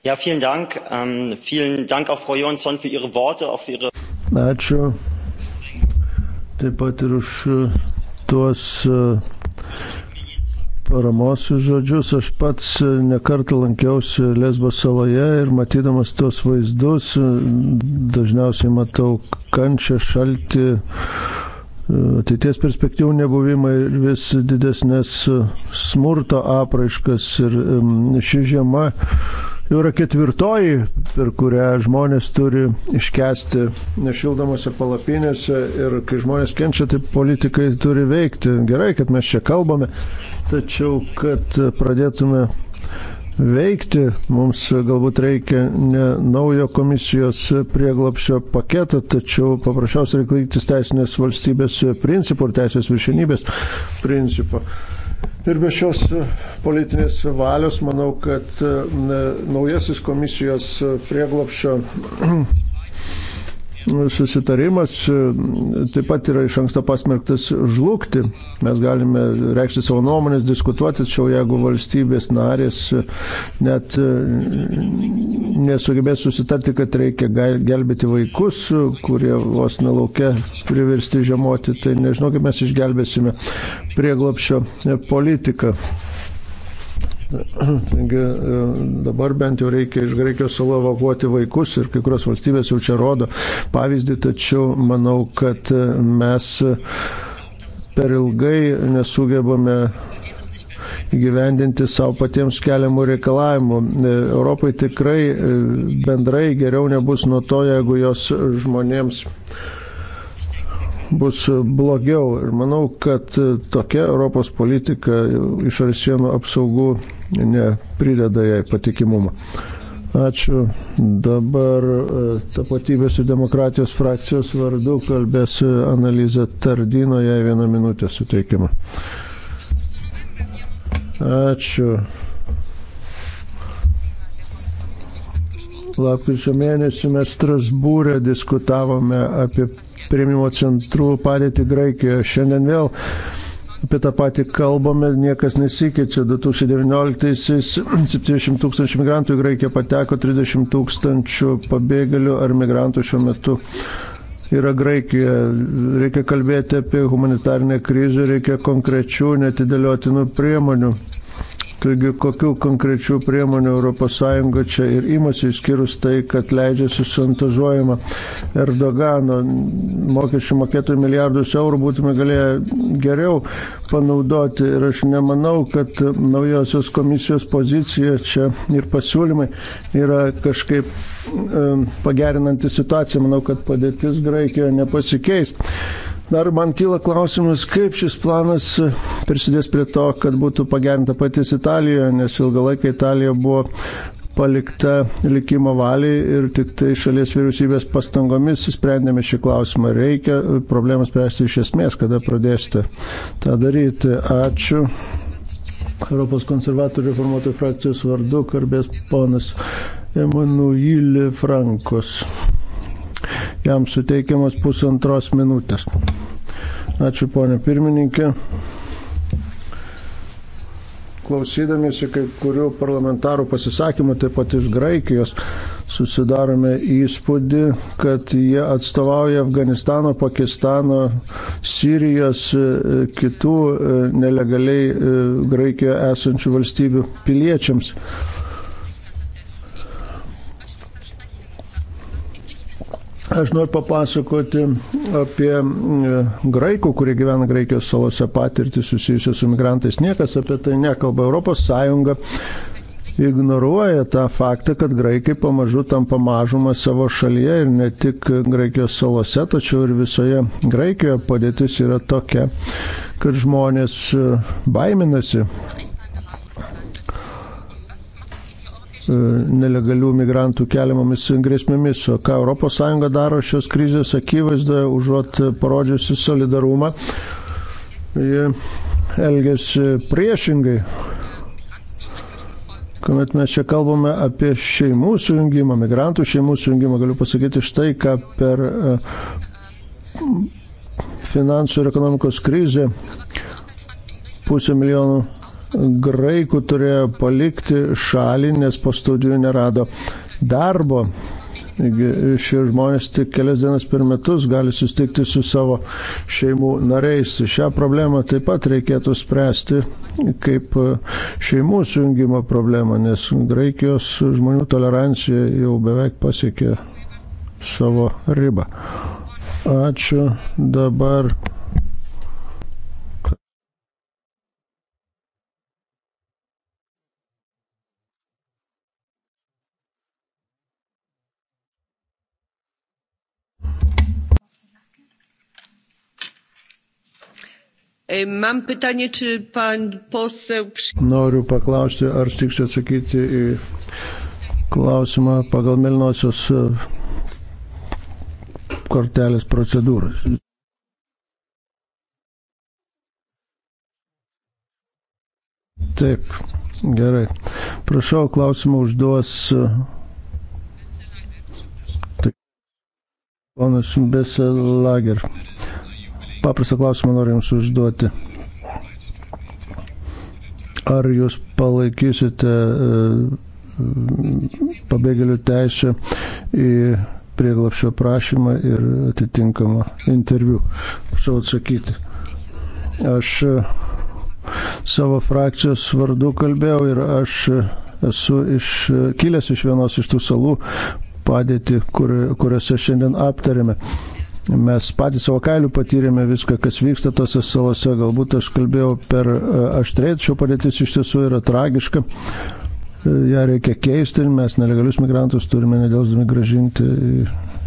Ja, vielen Dank. Ähm, vielen Dank auch Frau Johansson für Ihre Worte, auch für Ihre. Ačiū. Taip pat ir už tuos uh, paramos žodžius. Aš pats nekartą lankiausi Lesbo saloje ir matydamas tos vaizdus dažniausiai matau kančią, šaltį, ateities perspektyvų nebuvimą ir vis didesnės smurto apraiškas. Ir mm, ši žiema yra ketvirtoji, per kurią žmonės turi iškesti nešildomose palapinėse ir kai žmonės kenčia, tai politikai turi veikti. Gerai, kad mes čia kalbame, tačiau kad pradėtume veikti, mums galbūt reikia ne naujo komisijos prieglapšio paketo, tačiau paprasčiausiai reikia laikytis teisinės valstybės principų ir teisės viršinybės principų. Ir be šios e, politinės valios manau, kad e, naujasis komisijos e, prieglopščio susitarimas e, taip pat yra iš anksto pasmerktas žlugti. Mes galime reikšti savo nuomonės, diskutuoti, tačiau jeigu valstybės narės e, net e, nesugebės susitarti, kad reikia gelbėti vaikus, kurie vos nelaukia priversti žemoti, tai nežinau, kaip mes išgelbėsime prieglopšio politiką. Taigi e, dabar bent jau reikia iš Graikijos salų evakuoti vaikus ir kai kurios valstybės jau čia rodo pavyzdį, tačiau manau, kad e, mes per ilgai nesugebame įgyvendinti savo patiems keliamų reikalavimų. E, Europai tikrai bendrai geriau nebus nuo to, jeigu jos žmonėms bus e, blogiau. Ir manau, kad e, tokia Europos politika išorės sienų apsaugų neprideda jai patikimumo. Ačiū. Dabar e, tapatybės ir demokratijos frakcijos vardu kalbės analizė Tardino, jai vieną minutę suteikiama. Ačiū. Lapkričio mėnesį mes Strasbūrė diskutavome apie prieimimo centrų padėtį Graikijoje. Šiandien vėl apie tą patį kalbame, niekas nesikeičia. 2019-aisiais 70 tūkstančių migrantų į Graikiją pateko, 30 tūkstančių pabėgėlių ar migrantų šiuo metu. Yra Graikija. Reikia kalbėti apie humanitarinę krizę, reikia konkrečių, netidėliotinų priemonių. Taigi, kokiu konkrečiu priemonių ES čia ir imasi, išskyrus tai, kad leidžiasi šantažuojama Erdogano mokesčių mokėtojų milijardus eurų būtume galėję geriau panaudoti. Ir aš nemanau, kad naujosios komisijos pozicija čia ir pasiūlymai yra kažkaip pagerinanti situaciją. Manau, kad padėtis Graikijoje nepasikeis. Dar man kyla klausimas, kaip šis planas e, prisidės prie to, kad būtų pagerinta patys Italija, nes ilgą laiką Italija buvo palikta likimo valiai ir tik tai šalies vyriausybės pastangomis sprendėme šį klausimą. Reikia e, problemą spręsti iš esmės, kada pradėsite tą daryti. Ačiū. Europos konservatorių reformuotojų frakcijos vardu kalbės ponas Emanuilė Frankos. Jam suteikiamas pusantros minutės. Ačiū ponė pirmininkė. Klausydamėsi kai kurių parlamentarų pasisakymų, taip pat iš Graikijos, susidarome įspūdį, kad jie atstovauja Afganistano, Pakistano, Sirijos, e, kitų e, nelegaliai e, Graikijoje esančių valstybių piliečiams. Aš noriu papasakoti apie graikų, kurie gyvena Graikijos salose patirtį susijusią su migrantais. Niekas apie tai nekalba. Europos Sąjunga ignoruoja tą faktą, kad graikai pamažu tampa mažumą savo šalyje ir ne tik Graikijos salose, tačiau ir visoje Graikijoje padėtis yra tokia, kad žmonės e, baiminasi E, nelegalių migrantų keliamomis grėsmėmis. O ką ES daro šios krizės akivaizdoje, užuot parodžiusi solidarumą, ji elgesi priešingai. Kuomet mes čia kalbame apie šeimų sujungimą, migrantų šeimų sujungimą, galiu pasakyti štai, ką per e, finansų ir ekonomikos krizę pusę milijonų graikų turėjo palikti šalį, nes po studijų nerado darbo. Šie žmonės tik kelias dienas per metus gali sustikti su savo šeimų nariais. Šią problemą taip pat reikėtų spręsti kaip šeimų sujungimo problemą, nes Graikijos žmonių tolerancija jau beveik pasiekė savo ribą. Ačiū dabar E, mam pytanie, czy pan poseł. Noriu paklausti, ar stiksiu atsakyti į klausimą pagal Milnosios e, kortelės procedūrą. Taip, gerai. Prašau, klausimą užduos e, tai- ponas Beselager. Lager paprastą klausimą noriu Jums užduoti. Ar Jūs palaikysite e, pabėgėlių teisę į prieglapšio prašymą ir atitinkamą interviu? Prašau atsakyti. Aš e, savo frakcijos vardu kalbėjau ir aš esu iš, e, kilęs iš vienos iš tų salų padėti, kur, kuriuose šiandien aptarėme. Mes patys savo kailių patyrėme viską, kas vyksta tose salose. Galbūt aš kalbėjau per e, aštrėt, šio padėtis iš tiesų yra tragiška. E, ja reikia keisti ir mes nelegalius migrantus turime nedėlsdami gražinti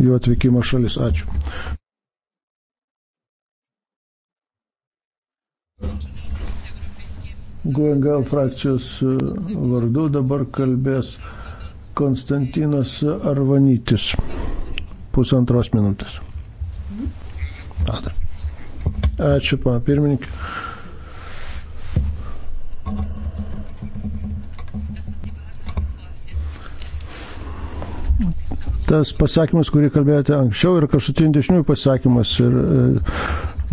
jų atvykimo šalis. Ačiū. Guengal frakcijos e, vardu dabar kalbės Konstantinas Arvanytis. Pusantros minutės. Ačiū, pana pirmininkė. Tas pasakymas, kurį kalbėjote anksčiau, yra kažkokių dešinių pasakymas ir e,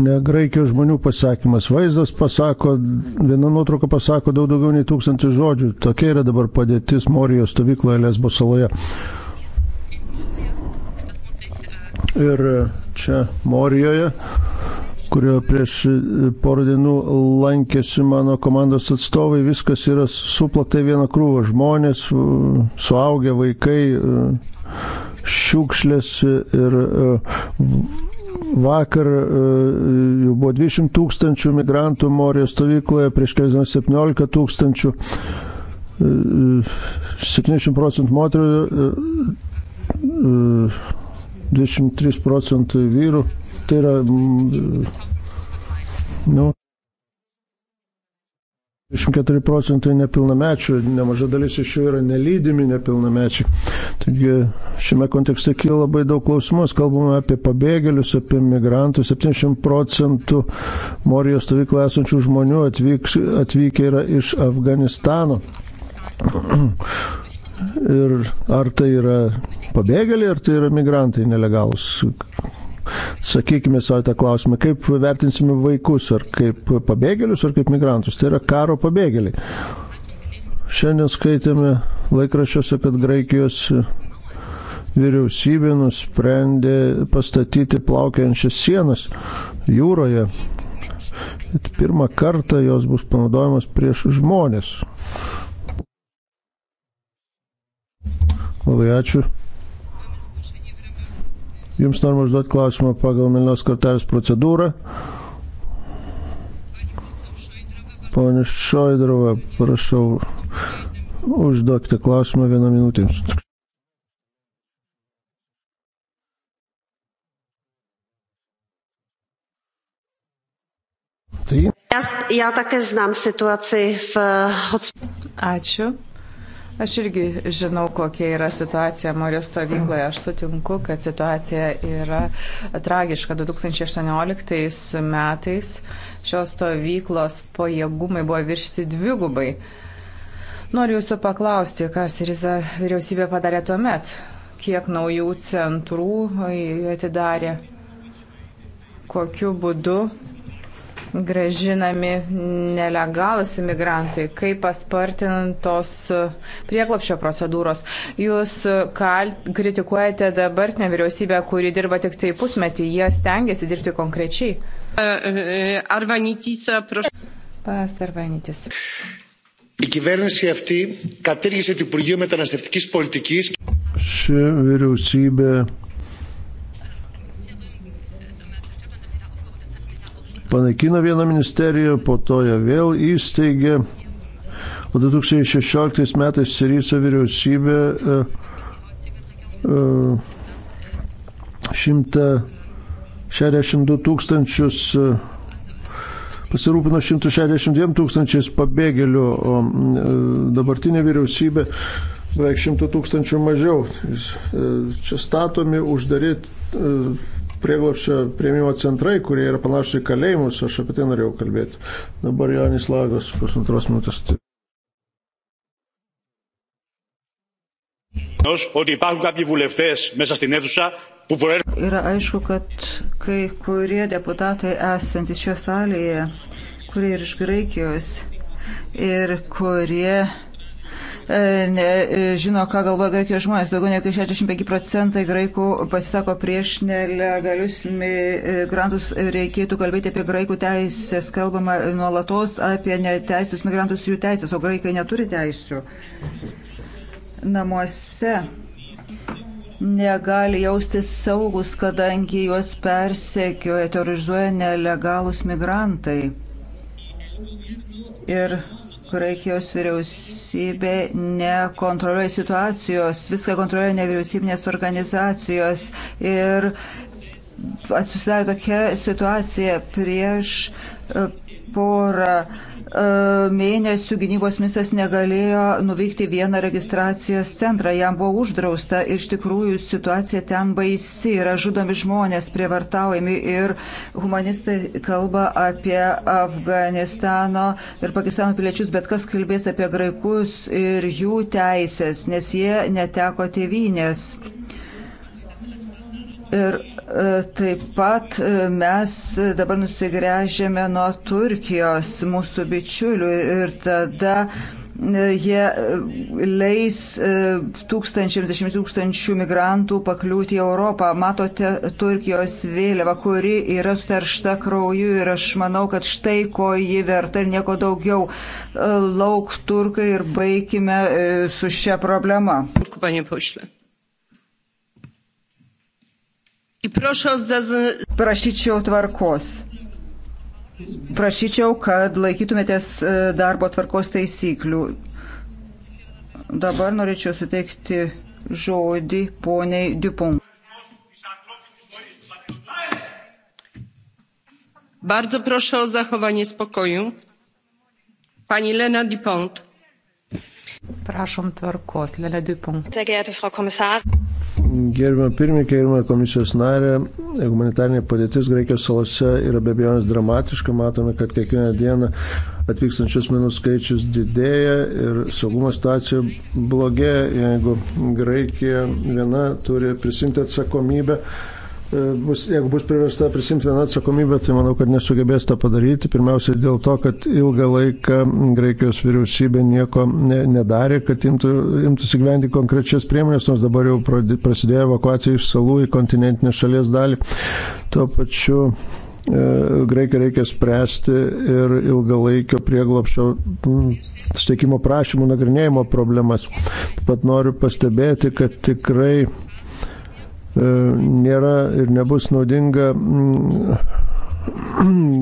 ne graikijos žmonių pasakymas. Vaizdas pasako, viena nuotrauka pasako daug daugiau nei tūkstantį žodžių. Tokia yra dabar padėtis Morijos stovykloje Lesbo saloje. Ir e, čia Morijoje, kurio prieš e, porą dienų lankėsi mano komandos atstovai. Viskas yra suplakta į vieną krūvą. Žmonės, e, suaugę vaikai, e, šiukšlės ir Vakar jau buvo 200 tūkstančių migrantų Morijos stovykloje, prieš kelias dienas 17 tūkstančių, 70 procentų moterų 23 procentai vyrų. Tai yra, mm, nu, 24 procentai nepilnamečių, nemaža dalis iš jų yra nelydimi nepilnamečiai. Taigi šiame kontekste kyla labai daug klausimų. Kalbame apie pabėgėlius, apie migrantus. 70 procentų Morijos stovykloje esančių žmonių atvyks, atvykę yra iš Afganistano. Ir ar tai yra pabėgėliai, ar tai yra migrantai nelegalus. Sakykime savo tą klausimą, kaip vertinsime vaikus, ar kaip pabėgėlius, ar kaip migrantus. Tai yra karo pabėgėliai. Šiandien skaitėme laikraščiuose, kad Graikijos vyriausybė nusprendė pastatyti plaukiančias sienas jūroje. Pirmą kartą jos bus panaudojamos prieš žmonės. Labai ačiū. Jums norima užduoti klausimą pagal Milnos kortelės procedūrą. Pone Šoidrova, prašau, užduokite klausimą vieną minutę. Já, já také znám situaci v eh, Ačiū. Aš irgi žinau, kokia yra situacija Morijos stovykloje. Aš sutinku, kad situacija yra tragiška. 2018 metais šios stovyklos pajėgumai buvo viršti dvigubai. Noriu jūsų paklausti, ką Siriza vyriausybė padarė tuo met, kiek naujų centrų atidarė, kokiu būdu gražinami nelegalus imigrantai, kaip paspartintos prieklopšio procedūros. Jūs kal, kritikuojate dabartinę vyriausybę, kuri dirba tik tai pusmetį, jie stengiasi dirbti konkrečiai. E, e, Arvanytysa, prašau. Pas Arvanytis. Η κυβέρνηση αυτή κατήργησε το Υπουργείο Μεταναστευτικής Πολιτικής. Ši vyriausybė panaikino vieną ministeriją, po to ją vėl įsteigė. O 2016 metais Siryso vyriausybė e, e, šimtą 62 tūkstančius e, pasirūpino 162 tūkstančiais pabėgėlių, o dabartinė vyriausybė beveik 100 tūkstančių mažiau. Čia statomi uždaryti prieglapščio prieimimo centrai, kurie yra panašiai kalėjimus, aš apie tai norėjau kalbėti. Dabar Janis Lagos, pusantros minutės. Yra aišku, kad kai kurie deputatai esantis šioje salėje, kurie ir iš Graikijos, ir kurie E, nežino, e, ką galvoja graikijos žmonės. Daugiau negu 65 procentai graikų pasisako prieš nelegalius migrantus. Reikėtų kalbėti apie graikų teisės. Kalbama nuolatos apie neteisius migrantus jų teisės, o graikai neturi teisių. Namuose negali jaustis saugus, kadangi juos persekioja, terorizuoja nelegalus migrantai. Ir Graikijos vyriausybė nekontroliuoja situacijos, viską kontroliuoja nevyriausybinės organizacijos ir atsisidaro tokia situacija prieš e, porą mėnesių gynybos misas negalėjo nuvykti vieną registracijos centrą, jam buvo uždrausta ir iš tikrųjų situacija ten baisi, yra žudomi žmonės, prievartaujami ir humanistai kalba apie Afganistano ir Pakistano piliečius, bet kas kalbės apie graikus ir jų teisės, nes jie neteko tėvynės. Ir Taip pat e, mes dabar nusigręžėme nuo Turkijos mūsų bičiulių ir tada e, jie e, leis tūkstančiams, dešimt tūkstančių migrantų pakliūti į Europą. Matote Turkijos vėliavą, kuri yra suteršta krauju ir aš manau, kad štai ko ji verta ir nieko daugiau. Lauk turkai ir baigime su šia problema. Panie pošlė. Prašyčiau tvarkos. Prašyčiau, kad laikytumėtės e, darbo tvarkos taisyklių. Dabar norėčiau suteikti žodį poniai Dupont. Bardzo proszę o zachowanie spokoju. Pani Lena Dupont. Prašom tvarkos, Lena Dupont. Gerbimo pirmininkė, gerbimo komisijos narė, humanitarinė padėtis Graikijos salose yra be abejonės dramatiška. Matome, kad kiekvieną dieną atvykstančių asmenų skaičius didėja ir saugumo situacija blogėja, jeigu Graikija viena turi prisimti atsakomybę E, bus, jeigu bus priversta prisimti vieną atsakomybę, tai manau, kad nesugebės tą padaryti. Pirmiausia, dėl to, kad ilgą laiką Graikijos vyriausybė nieko ne, nedarė, kad imtų, imtųsi gyventi konkrečias priemonės, nors dabar jau prasidėjo evakuacija iš salų į kontinentinę šalies dalį. Tuo pačiu e, Graikiją reikia spręsti ir ilgalaikio prieglopščio steikimo prašymų nagrinėjimo problemas. Taip pat noriu pastebėti, kad tikrai E, nėra ir nebus naudinga mm,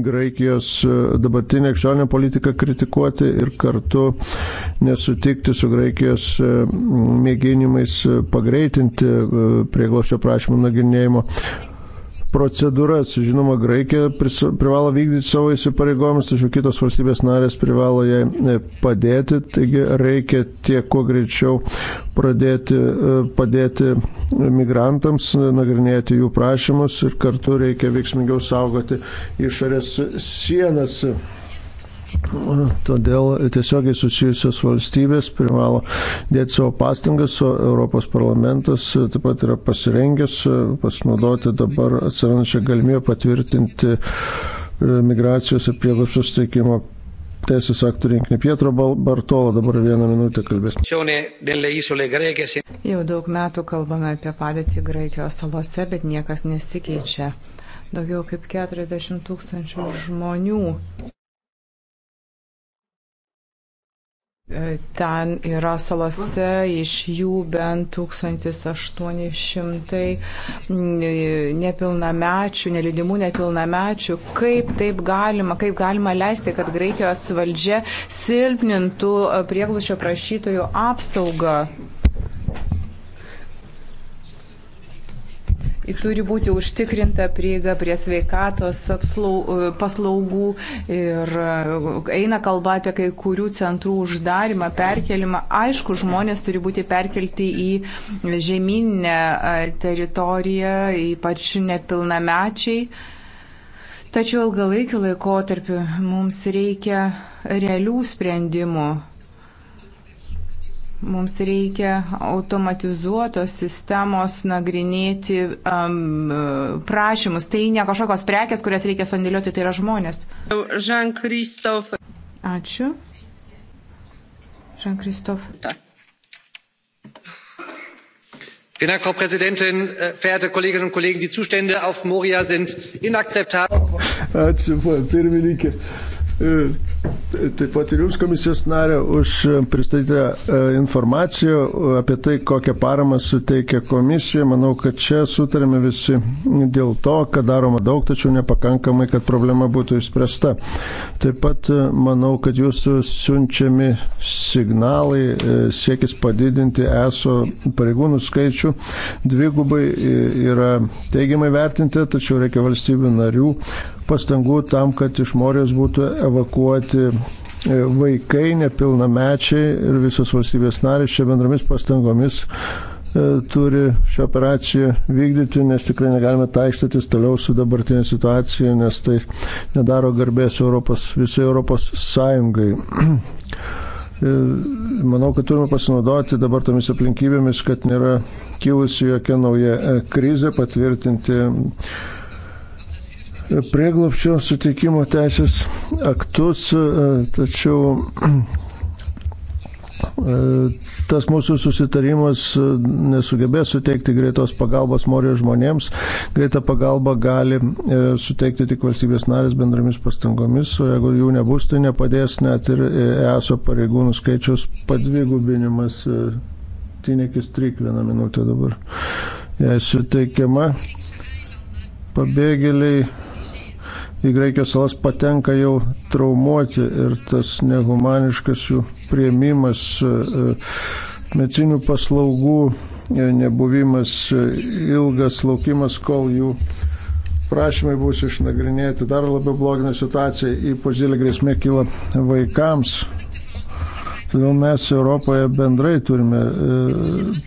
Graikijos e, dabartinę krikščionę politiką kritikuoti ir kartu nesutikti su Graikijos e, mėginimais pagreitinti prieglošio prašymų nagrinėjimo procedūras. Žinoma, Graikija privalo vykdyti savo įsipareigojimus, tačiau kitos valstybės narės privalo jai e, padėti. Taigi reikia tiek kuo greičiau pradėti e, padėti migrantams, nagrinėti jų prašymus ir kartu reikia veiksmingiau saugoti išorės sienas. Todėl tiesiogiai susijusios valstybės privalo dėti savo pastangas, o Europos parlamentas taip pat yra pasirengęs pasinaudoti dabar atsirandančią galimybę patvirtinti e, migracijos ir prieglapšio steikimo teisės aktų rinkinį. Pietro Bartolo dabar vieną minutę kalbės. Jau daug metų kalbame apie padėtį Graikijos salose, bet niekas nesikeičia. Daugiau kaip 40 tūkstančių žmonių Ten yra salose, iš jų bent 1800 mm, nepilnamečių, nelidimų nepilnamečių. Kaip taip galima, kaip galima leisti, kad Graikijos valdžia silpnintų prieglušio prašytojų apsaugą? turi būti užtikrinta prieiga prie sveikatos apslau, paslaugų ir e, eina kalba apie kai kurių centrų uždarimą, perkelimą. Aišku, žmonės turi būti perkelti į žemynę e, teritoriją, ypač nepilnamečiai. Tačiau ilgalaikiu laikotarpiu mums reikia realių sprendimų Mums reikia automatizuotos sistemos nagrinėti um, prašymus. Tai ne kažkokios prekes, kurias reikia sandėliuoti, tai yra žmonės. Jean-Christophe. Ačiū. Jean-Christophe. Vielen Dank, Frau Präsidentin, äh, verehrte Kolleginnen und Kollegen. Die Zustände auf Moria sind inakzeptabel. Ačiū, pirmininkė. E, taip pat ir Jums komisijos narė už pristatytą e, informaciją apie tai, kokią paramą suteikia komisija. Manau, kad čia sutarėme visi dėl to, kad daroma daug, tačiau nepakankamai, kad problema būtų išspręsta. Taip pat e, manau, kad Jūsų siunčiami signalai siekis padidinti ESO pareigūnų skaičių dvigubai yra teigiamai vertinti, tačiau reikia valstybių narių pastangų tam, kad iš Morijos būtų evakuoti e, vaikai, nepilnamečiai ir visos valstybės narės čia bendromis pastangomis e, turi šią operaciją vykdyti, nes tikrai negalime taikstytis toliau su dabartinė situacija, nes tai nedaro garbės Europos, visai Europos Sąjungai. Manau, kad turime pasinaudoti dabar tomis aplinkybėmis, kad nėra kilusi jokia nauja e, krizė, patvirtinti prieglopščio suteikimo teisės aktus, e, tačiau e, tas mūsų susitarimas e, nesugebės suteikti greitos pagalbos Morijos žmonėms. Greitą pagalbą gali suteikti tik valstybės narės bendromis pastangomis, o jeigu jų nebus, tai nepadės net ir ESO pareigūnų skaičiaus padvigubinimas. Tinekis Trik vieną minutę dabar. Jei suteikiama pabėgėliai į Graikijos salas patenka jau traumuoti ir tas nehumaniškas jų prieimimas e, e, medicinių paslaugų e, nebuvimas, ilgas laukimas, kol jų prašymai bus išnagrinėti, dar labiau blogina situaciją, ypač didelė grėsmė kyla vaikams, Todėl mes Europoje bendrai turime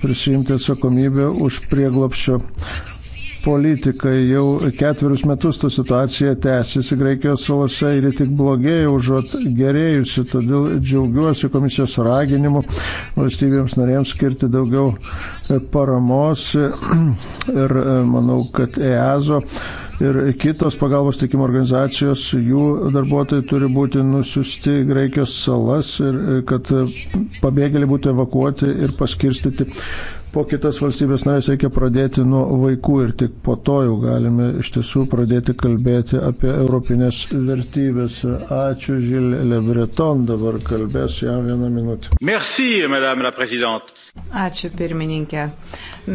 prisijimti atsakomybę už prieglopščio politikai. Jau ketverius metus ta situacija tęsiasi Graikijos salose ir tik blogėja užuot gerėjusi. Todėl džiaugiuosi komisijos raginimu valstybėms narėms skirti daugiau e, paramos ir e, manau, kad EASO ir kitos pagalbos teikimo organizacijos, jų darbuotojai turi būti nusiusti Graikijos salas ir e, kad pabėgėliai būtų evakuoti ir paskirstyti po kitas valstybės narės reikia pradėti nuo vaikų ir tik po to jau galime iš tiesų pradėti kalbėti apie europinės vertybės. Ačiū, Žilė Lebreton dabar kalbės, jam vieną minutę. Merci, madame la prezidente. Ačiū pirmininkė.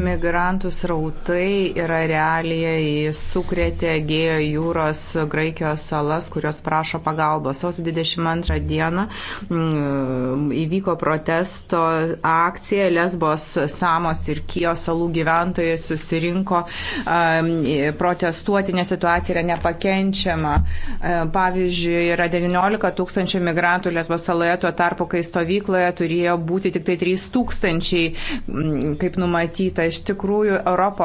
Migrantų srautai yra realija, jis sukrėtė Gėjo jūros Graikijos salas, kurios prašo pagalbos. Sausio 22 dieną mm, įvyko protesto akcija, Lesbos, Samos ir Kijos salų gyventojai susirinko protestuoti, nes situacija yra nepakenčiama. E, pavyzdžiui, yra 19 tūkstančių migrantų Lesbos saloje, tuo tarpu, kai stovykloje turėjo būti tik tai 3 tūkstančiai ateičiai, kaip numatyta. Iš tikrųjų,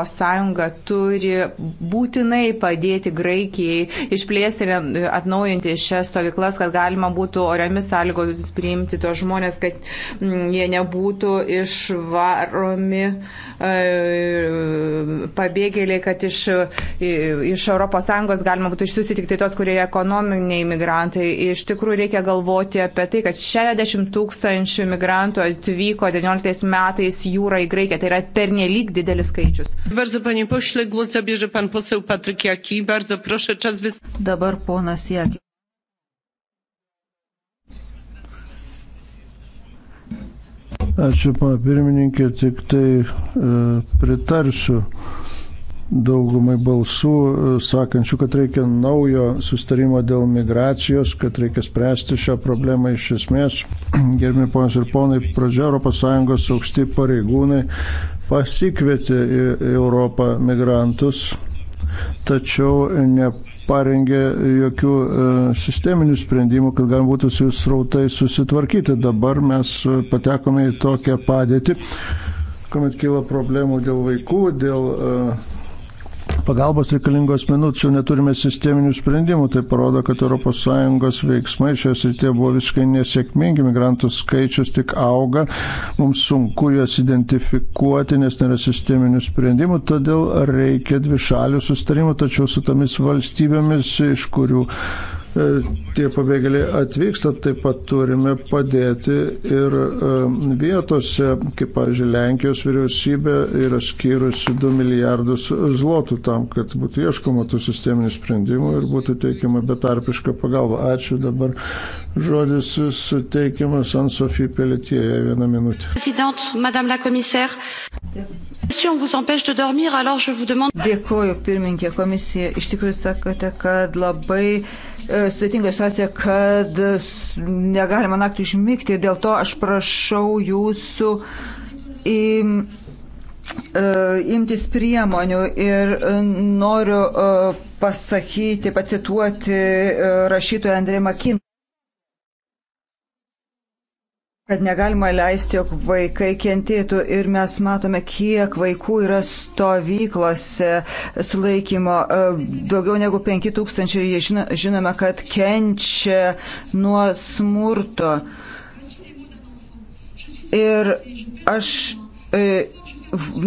ES turi būtinai padėti Graikijai išplėsti ir atnaujinti šias stovyklas, kad galima būtų oriomis sąlygomis priimti tos žmonės, kad jie nebūtų išvaromi e, pabėgėliai, kad iš, iš ES galima būtų išsiųsti tik tai tos, kurie ekonominiai migrantai. Iš tikrųjų reikia galvoti apie tai, kad 60 tūkstančių migrantų atvyko 19 metais jūrą į Graikiją. Tai yra pernelyg didelis skaičius. Bardzo, panie pošle, głos zabierze pan poseł Patryk Jaki. Bardzo proszę, czas vis... Dabar ponas Jaki. Ačiū, pana pirmininkė, tik tai e, pritarsiu. E, daugumai balsų, e, sakančių, kad reikia naujo sustarimo dėl migracijos, kad reikia spręsti šią problemą iš esmės. Gerbimi ponas ir ponai, pradžia ES aukšti pareigūnai pasikvietė į Europą migrantus, tačiau neparengė jokių e, sisteminių sprendimų, kad galima būtų su jų srautai susitvarkyti. Dabar mes e, patekome į tokią padėtį kuomet kyla problemų dėl vaikų, dėl uh, pagalbos reikalingų asmenų, tačiau neturime sisteminių sprendimų. Tai parodo, kad ES veiksmai šioje srityje buvo visiškai nesėkmingi, migrantų skaičius tik auga, mums sunku juos identifikuoti, nes nėra sisteminių sprendimų, todėl reikia dvišalių sustarimų, tačiau su tomis valstybėmis, iš kurių E, tie pabėgėliai atvyksta, taip pat turime padėti ir e, vietose, kaip pavyzdžiui, Lenkijos vyriausybė yra skyrusi 2 milijardus zlotų tam, kad būtų ieškoma tų sisteminių sprendimų ir būtų teikiama betarpiška pagalba. Ačiū dabar. Žodis suteikiamas ant Sofijai Pelėtėje. Vieną minutę. Dėkuoju, pirmininkė komisija. Iš tikrųjų sakote, kad labai uh, E, sudėtinga situacija, kad negalima naktį užmygti ir dėl to aš prašau jūsų im, e, imtis priemonių ir e, noriu pasakyti, pacituoti rašytoją Andrė Makin kad negalima leisti, jog vaikai kentėtų ir mes matome, kiek vaikų yra stovyklose sulaikymo. E, daugiau negu 5000 ir jie žinome, kad kenčia nuo smurto. Ir aš e,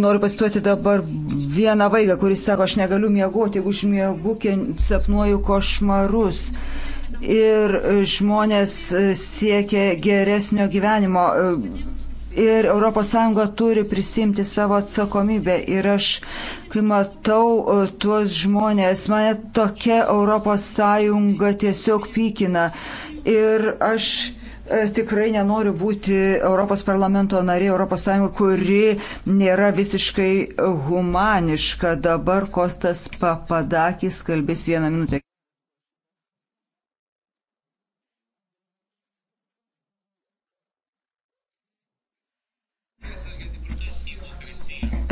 noriu pasituoti dabar vieną vaiką, kuris sako, aš negaliu miegoti, jeigu užmiegu, sapnuoju košmarus. E, ir žmonės e, siekia geresnio gyvenimo. E, ir ES turi prisimti savo atsakomybę. Ir aš, kai matau e, tuos žmonės, mane tokia ES tiesiog pykina. Ir aš tikrai nenoriu būti Europos parlamento narė Europos Sąjungoje, kuri nėra visiškai humaniška. Dabar Kostas Papadakis kalbės vieną minutę.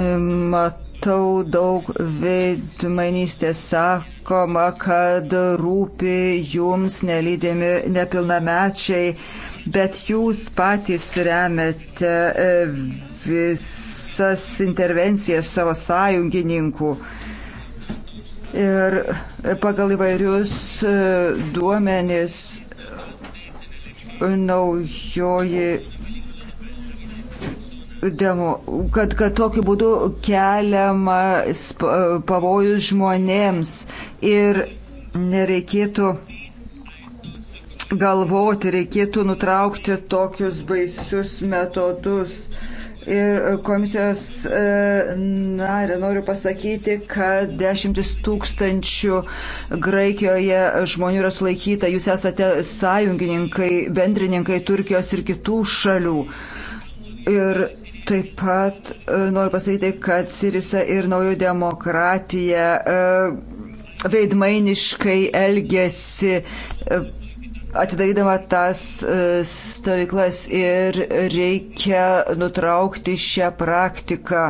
matau daug veidmainystės sakoma, kad rūpi jums nelydėmi nepilnamečiai, bet jūs patys remiate e, visas intervencijas savo sąjungininkų. Ir pagal įvairius e, duomenis naujoji demo, kad, kad tokiu būdu keliamas e, pavojus žmonėms ir nereikėtų galvoti, reikėtų nutraukti tokius baisius metodus. Ir komisijos e, narė noriu pasakyti, kad dešimtis tūkstančių Graikijoje žmonių yra sulaikyta, jūs esate sąjungininkai, bendrininkai Turkijos ir kitų šalių. Ir Taip pat e, noriu pasakyti, kad Sirisa ir Naujų demokratija e, veidmainiškai elgėsi e, atidarydama tas stovyklas ir reikia nutraukti šią praktiką.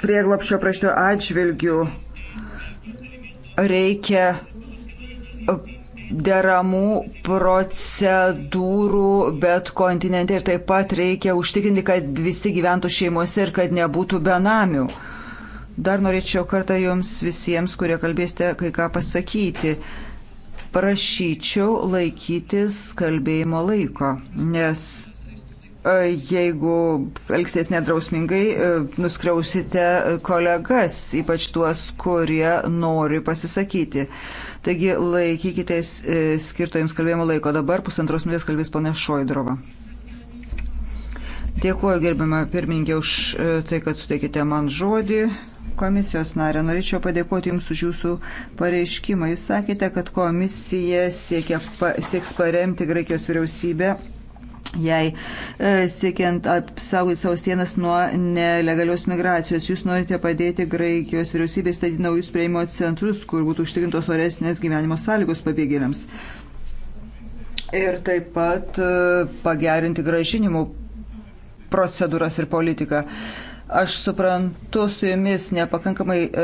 Prieglopšio prašto atžvilgių reikia deramų procedūrų, bet kontinente ir taip pat reikia užtikrinti, kad visi gyventų šeimose ir kad nebūtų benamių. Dar norėčiau kartą jums visiems, kurie kalbėsite, kai ką pasakyti. Prašyčiau laikytis kalbėjimo laiko, nes e, jeigu elgsitės nedrausmingai, e, nuskriausite kolegas, ypač tuos, kurie nori pasisakyti. Taigi laikykitės e, skirto jums kalbėjimo laiko. Dabar pusantros minutės kalbės ponė Šoidrova. Dėkuoju gerbiamą pirmininkė už e, tai, kad suteikite man žodį. Komisijos narė, norėčiau padėkoti Jums už Jūsų pareiškimą. Jūs sakėte, kad komisija siekia, pa, sieks paremti Graikijos vyriausybę jai e, siekiant apsaugoti savo sienas nuo nelegalios migracijos. Jūs norite padėti Graikijos vyriausybei statyti naujus prieimimo centrus, kur būtų užtikrintos oresnės gyvenimo sąlygos pabėgėliams. Ir taip pat e, pagerinti gražinimų procedūras ir politiką. Aš suprantu su jumis nepakankamai e,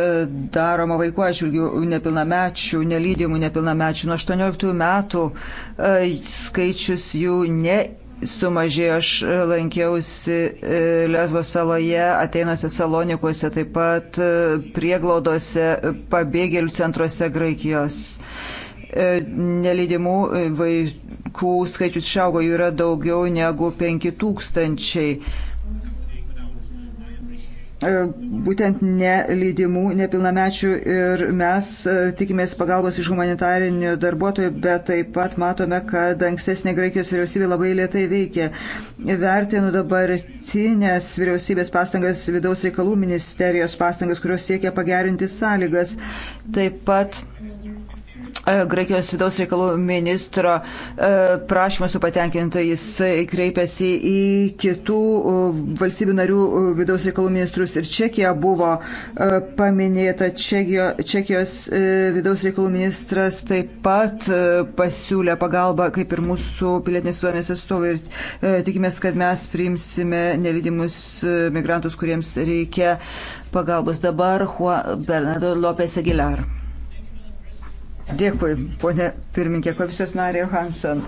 daroma vaikų atžvilgių nepilnamečių, nelydimų nepilnamečių. Nuo 18 metų skaičius jų ne sumažėjo. Aš e, lankiausi e, Lesbo saloje, ateinose salonikuose, taip pat e, prieglaudose, pabėgėlių centruose Graikijos. Nelydimų vaikų skaičius išaugo, jų yra daugiau negu 5000. E, būtent nelydimų nepilnamečių ir mes e, tikimės pagalbos iš humanitarinių darbuotojų, bet taip pat matome, kad ankstesnė Graikijos vyriausybė labai lietai veikia. Vertinu dabartinės vyriausybės pastangas, vidaus reikalų ministerijos pastangas, kurios siekia pagerinti sąlygas. Taip pat E, Graikijos vidaus reikalų ministro e, prašymą supatenkinta jis e, kreipėsi į kitų valstybių narių vidaus reikalų ministrus ir Čekija buvo paminėta. Čekijo, Čekijos vidaus reikalų ministras taip pat pasiūlė pagalbą, kaip ir mūsų pilietinės visuomenės atstovai ir tikimės, kad mes priimsime nelidimus migrantus, kuriems reikia pagalbos dabar. Bernardo Lopes Aguilar. Dėkui, ponė pirmininkė komisijos narė Johansson.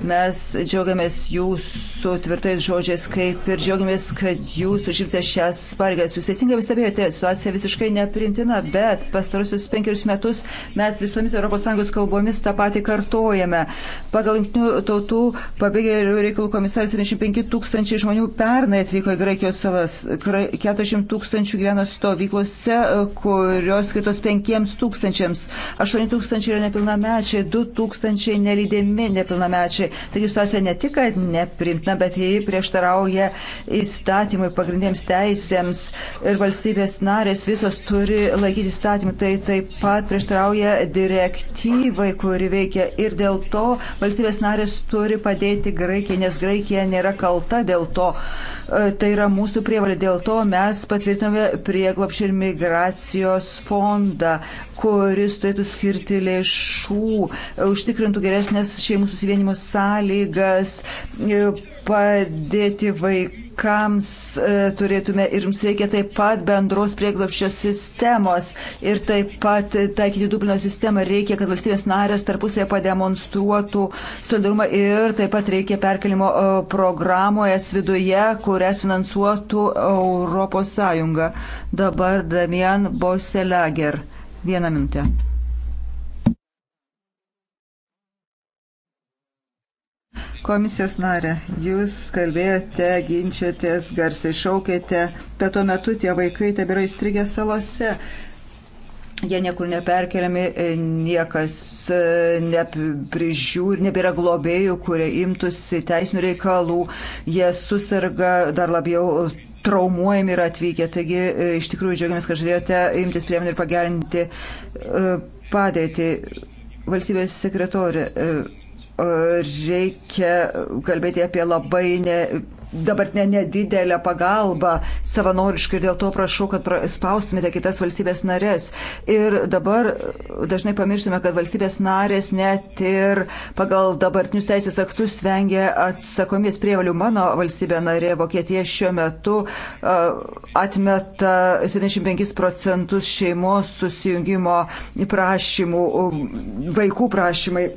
Mes džiaugiamės jūsų tvirtais žodžiais, kaip ir džiaugiamės, kad jūs užimtė šias pareigas. Jūs teisingai pastebėjote, situacija visiškai neprimtina, bet pastarusius penkerius metus mes visomis ES kalbomis tą patį kartojame. Pagal Junktinių tautų pabėgėlių reikalų komisaras 75 tūkstančiai žmonių pernai atvyko į Graikijos salas, 40 tūkstančių gyveno stovyklose, kurios skirtos 5 tūkstančiams, 8 tūkstančiai yra nepilnamečiai, 2 tūkstančiai nelydėmi nepilnamečiai piliečiai. Taigi situacija ne tik, kad neprimtina, bet jie prieštarauja įstatymui, pagrindėms teisėms ir valstybės narės visos turi laikyti įstatymų. Tai taip pat prieštarauja direktyvai, kuri veikia ir dėl to valstybės narės turi padėti Graikijai, nes Graikija nėra kalta dėl to. Uh, E, tai yra mūsų prievalė. Dėl to mes patvirtinome prieglopšį ir migracijos fondą, kuris turėtų skirti lėšų, e, užtikrintų geresnės šeimų susivienimo sąlygas, e, padėti vaikams vaikams e, turėtume ir mums reikia taip pat bendros prieglopščio sistemos ir taip pat taikyti Dublino sistemą reikia, kad valstybės narės tarpusėje pademonstruotų solidarumą ir taip pat reikia perkelimo e, programoje viduje, kurias finansuotų Europos Sąjunga. Dabar Damien Boselager. Vieną minutę. Komisijos narė, jūs kalbėjote, ginčiatės, garsiai šaukėte, bet tuo metu tie vaikai tebėra įstrigę salose. Jie niekur neperkeliami, e, niekas e, neprižiūri, nebėra globėjų, kurie imtųsi teisinių reikalų, jie susirga dar labiau traumuojami yra atvykę. Taigi e, iš tikrųjų džiaugiamės, kad žadėjote imtis priemonių ir pagerinti padėtį. Valstybės sekretorė reikia kalbėti apie labai ne, dabartinę nedidelę pagalbą savanoriškai ir dėl to prašau, kad spaustumėte kitas valstybės narės. Ir dabar dažnai pamirštame, kad valstybės narės net ir pagal dabartinius teisės aktus vengia atsakomės prievalių. Mano valstybė narė Vokietija šiuo metu atmeta 75 procentus šeimos susijungimo prašymų, vaikų prašymai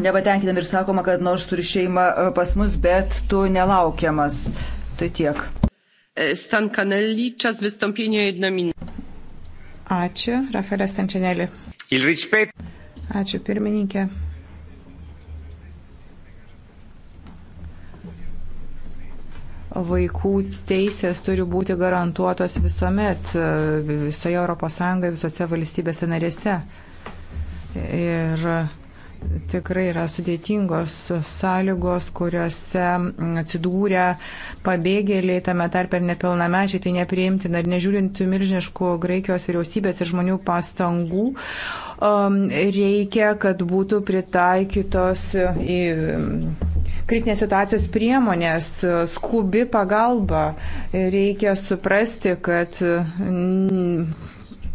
nepatenkinami ir sakoma, kad nors turi šeimą e, pas mus, bet tu nelaukiamas. Tai tiek. E, Stan Kanelli, čas vystąpienie jedna minutė. Ačiū, Rafaelas Stančianelį. Ačiū, pirmininkė. vaikų teisės turi būti garantuotos visuomet e, visoje ES, visose valstybėse narėse. Ir tikrai yra sudėtingos sąlygos, kuriuose atsidūrė pabėgėliai, tame tarp ir nepilnamečiai, tai nepriimtina. Ir nežiūrint milžiniškų Graikijos vyriausybės ir žmonių pastangų, um, reikia, kad būtų pritaikytos į kritinės situacijos priemonės, skubi pagalba. Reikia suprasti, kad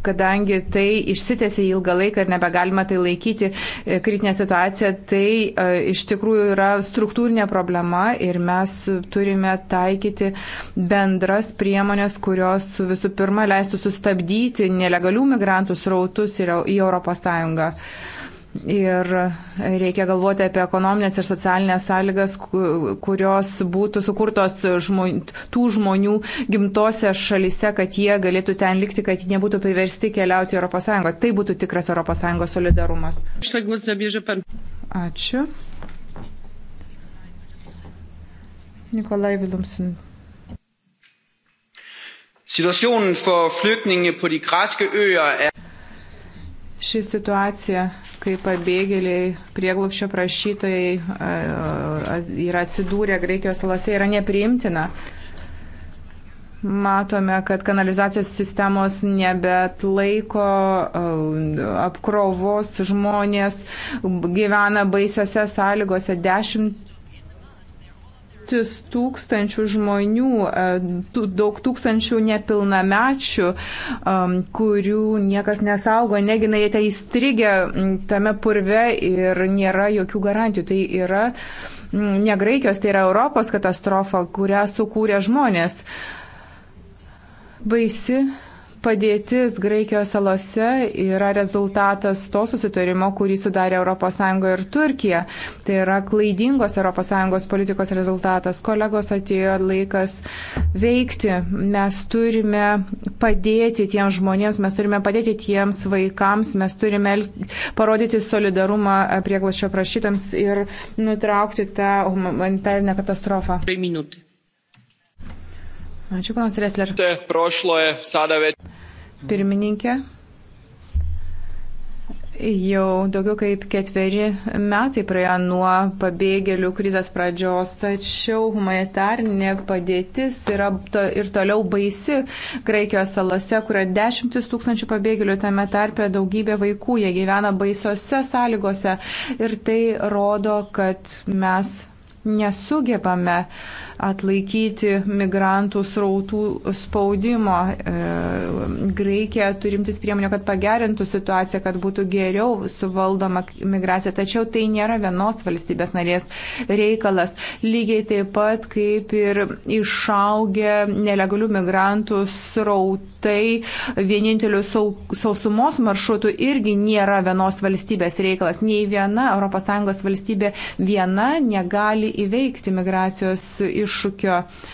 kadangi tai išsitėsi ilgą laiką ir nebegalima tai laikyti e, kritinė situacija, tai e, iš tikrųjų yra struktūrinė problema ir mes turime taikyti bendras priemonės, kurios visų pirma leistų sustabdyti nelegalių migrantų srautus į ES. Ir reikia galvoti apie ekonominės ir socialinės sąlygas, kurios būtų sukurtos žmon, tų žmonių gimtose šalise, kad jie galėtų ten likti, kad jie nebūtų priversti keliauti ES. Tai būtų tikras ES solidarumas. Ačiū. Nikolai Vilumsen. Situationen for flygtninge på de græske øer er Ši situacija, kai pabėgėliai, prieglupščio prašytojai yra atsidūrę Graikijos salose, yra nepriimtina. Matome, kad kanalizacijos sistemos nebet laiko apkrovos žmonės, gyvena baisiose sąlygose, dešimt dešimtis tūkstančių žmonių, e, daug tūkstančių nepilnamečių, kurių niekas nesaugo, negina, jie tai įstrigę tame purve ir nėra jokių garantijų. Tai yra ne Graikijos, tai yra Europos katastrofa, kurią sukūrė žmonės. Baisi Padėtis Graikijos salose yra rezultatas to susitarimo, kurį sudarė ES ir Turkija. Tai yra klaidingos ES politikos rezultatas. Kolegos atėjo laikas veikti. Mes turime padėti tiems žmonėms, mes turime padėti tiems vaikams, mes turime parodyti solidarumą prieglašio prašytams ir nutraukti tą humanitarinę katastrofą. Tai minutė. Ačiū, panas Resler. Pirmininkė. Jau daugiau kaip ketveri metai praėjo nuo pabėgėlių krizės pradžios, tačiau humanitarnė padėtis yra to, ir toliau baisi Graikijos salose, kur yra dešimtis tūkstančių pabėgėlių, tame tarpe daugybė vaikų, jie gyvena baisiose sąlygose ir tai rodo, kad mes nesugebame atlaikyti migrantų srautų spaudimo. E, Graikija turimtis priemonių, kad pagerintų situaciją, kad būtų geriau suvaldoma migracija, tačiau tai nėra vienos valstybės narės reikalas. Lygiai taip pat kaip ir išaugę nelegalių migrantų srautų tai vieninteliu sausumos maršrutu irgi nėra vienos valstybės reikalas. Nei viena ES valstybė viena negali įveikti migracijos iššūkio. Uh,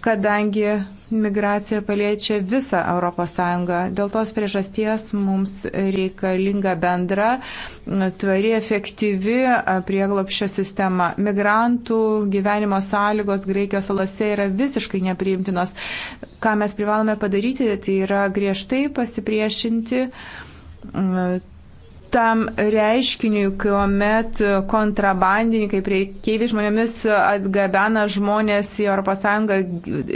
kadangi migracija paliečia visą ES. Dėl tos priežasties mums reikalinga bendra, tvari, efektyvi prieglopščio sistema. Migrantų gyvenimo sąlygos Graikijos salose yra visiškai nepriimtinos. Ką mes privalome padaryti, tai yra griežtai pasipriešinti tam reiškiniui, kuomet kontrabandininkai, priekeiviai žmonėmis atgabena žmonės į ES,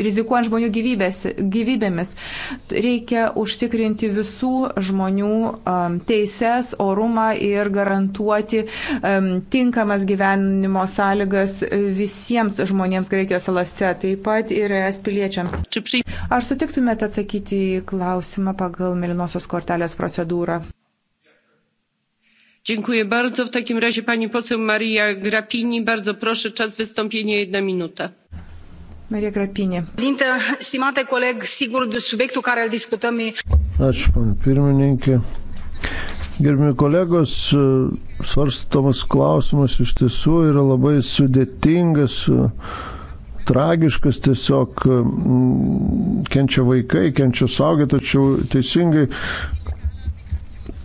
rizikuojant žmonių gyvybės, gyvybėmis. Reikia užtikrinti visų žmonių um, teises, orumą ir garantuoti um, tinkamas gyvenimo sąlygas visiems žmonėms Graikijos salose, taip pat ir es piliečiams. Ar sutiktumėte atsakyti į klausimą pagal Melinosios kortelės procedūrą? dziękuję bardzo w takim razie pani poseł maria grapini bardzo proszę czas wystąpienia jedna minuta. Maria Grapinė. Linte, stimate koleg, sigur, subiektų, ką real diskutami. E- Ačiū, pan pirmininkė. Gerbimi kolegos, svarstamas klausimas iš tiesų yra labai sudėtingas, tragiškas, tiesiog mm, kenčia vaikai, kenčia saugia, tačiau teisingai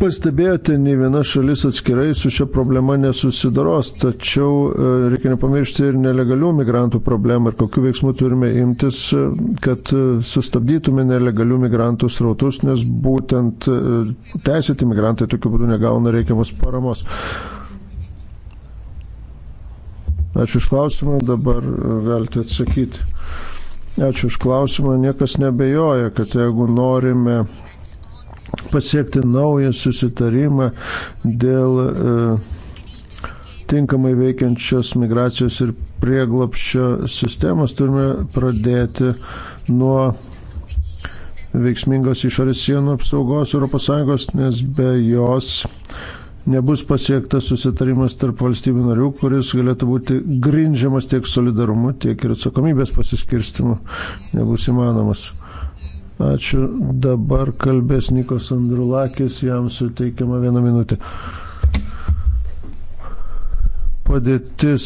pastebėjote, nei viena šalis atskirai su šia problema nesusidaros, tačiau e, reikia nepamiršti ir nelegalių migrantų problemą ir kokiu veiksmu turime imtis, e, kad e, sustabdytume nelegalių migrantų srautus, nes būtent teisėti migrantai tokiu būdu negauna reikiamos paramos. Ačiū už klausimą, dabar galite atsakyti. Ačiū už klausimą, niekas nebejoja, kad jeigu norime pasiekti naują susitarimą dėl e, tinkamai veikiančios migracijos ir prieglopščio sistemos, turime pradėti nuo veiksmingos išorės sienų apsaugos ES, nes be jos nebus pasiektas susitarimas tarp valstybių narių, kuris galėtų būti grindžiamas tiek solidarumu, tiek ir atsakomybės pasiskirstimu, nebus įmanomas. Ačiū. Dabar kalbės Nikos Andrulakis, jam suteikiama viena minutė. Padėtis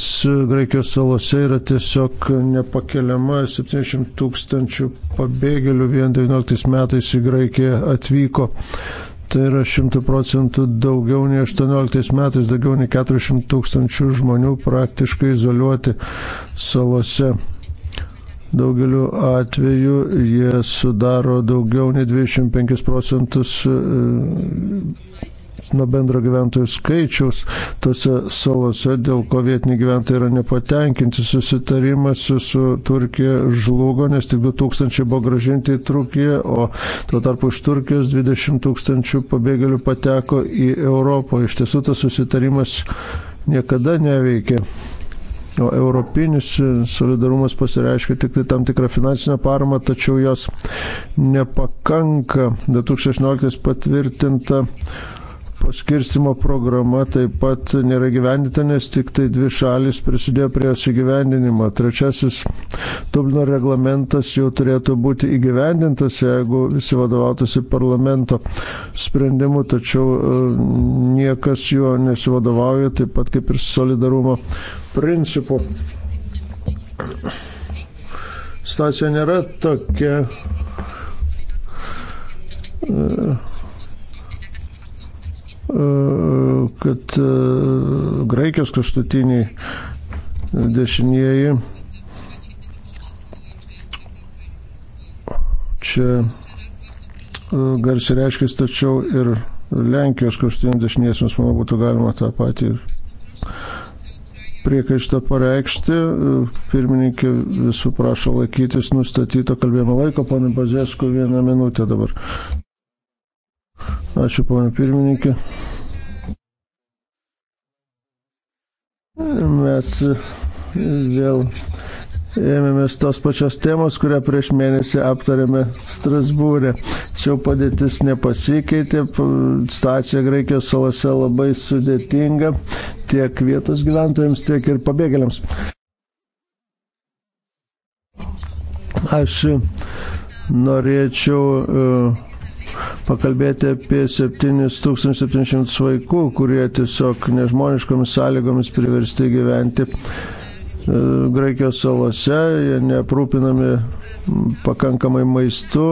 Graikijos salose yra tiesiog nepakeliama. 70 tūkstančių pabėgėlių vien 19 metais į Graikiją atvyko. Tai yra 100 procentų daugiau nei 18 metais, daugiau nei 400 tūkstančių žmonių praktiškai izoliuoti salose. Daugeliu atveju jie sudaro daugiau nei 25 procentus e, nuo bendro gyventojų skaičiaus tose salose, dėl ko vietiniai gyventojai yra nepatenkinti. Susitarimas su Turkija žlugo, nes tik 2000 buvo gražinti į Turkiją, o tuo tarpu iš Turkijos 20 tūkstančių pabėgėlių pateko į Europą. Iš tiesų tas susitarimas niekada neveikia o europinis e, solidarumas pasireiškia tik tai tam tikrą finansinę paramą, tačiau jos nepakanka. 2016 patvirtinta paskirstimo programa taip pat nėra gyvendita, nes tik tai dvi šalis prisidėjo prie jos įgyvendinimo. Trečiasis Dublino reglamentas jau turėtų būti įgyvendintas, jeigu visi vadovautųsi parlamento sprendimu, tačiau e, niekas juo nesivadovauja, taip pat kaip ir solidarumo principu. Stacija nėra tokia. Uh E, kad e, Graikijos kraštutiniai dešinieji čia e, garsiai reiškia, tačiau ir Lenkijos kraštutinių dešiniesiams, manau, būtų galima tą patį priekaištą pareikšti. Pirmininkė visų prašo laikytis nustatyto kalbėjimo laiko, pana Bazėsku, vieną minutę dabar. Ačiū, ponė pirmininkė. Mes vėl ėmėmės tos pačios temos, kurią prieš mėnesį aptarėme Strasbūrė. Tačiau padėtis nepasikeitė, stacija Graikijos salose labai sudėtinga tiek vietos gyventojams, tiek ir pabėgėliams. Aš norėčiau uh, pakalbėti apie 7700 vaikų, kurie tiesiog nežmoniškomis sąlygomis priversti gyventi e, Graikijos salose, jie neaprūpinami pakankamai maistu,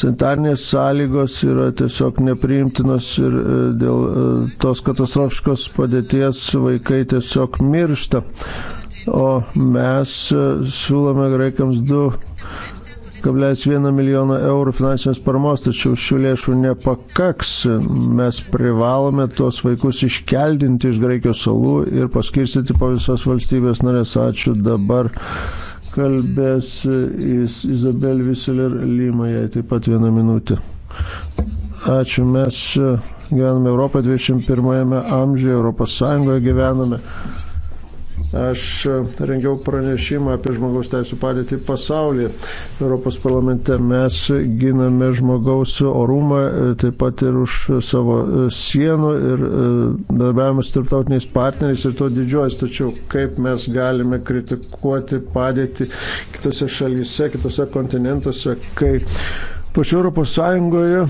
sanitarnės sąlygos yra tiesiog nepriimtinos ir e, dėl e, tos katastrofiškos padėties vaikai tiesiog miršta. O mes siūlome graikams du 1,1 milijono eurų finansinės paramos, tačiau šių lėšų nepakaks. Mes privalome tuos vaikus iškeldinti iš Graikijos salų ir paskirstyti po visas valstybės narės. Ačiū dabar. Kalbės Izabel Viseler Lima, jai taip pat vieną minutę. Ačiū, mes uh, gyvename Europoje 21 amžiuje, Europos Sąjungoje gyvename. Aš e, rengiau pranešimą apie žmogaus teisų padėtį pasaulyje. Europos parlamente mes giname žmogaus orumą, e, taip pat ir už savo e, sienų ir darbiavimus tarptautiniais partneriais ir to didžiuojas. Tačiau kaip mes galime kritikuoti padėtį kitose šalyse, kitose kontinentuose, kai Pačio Europos Sąjungoje e,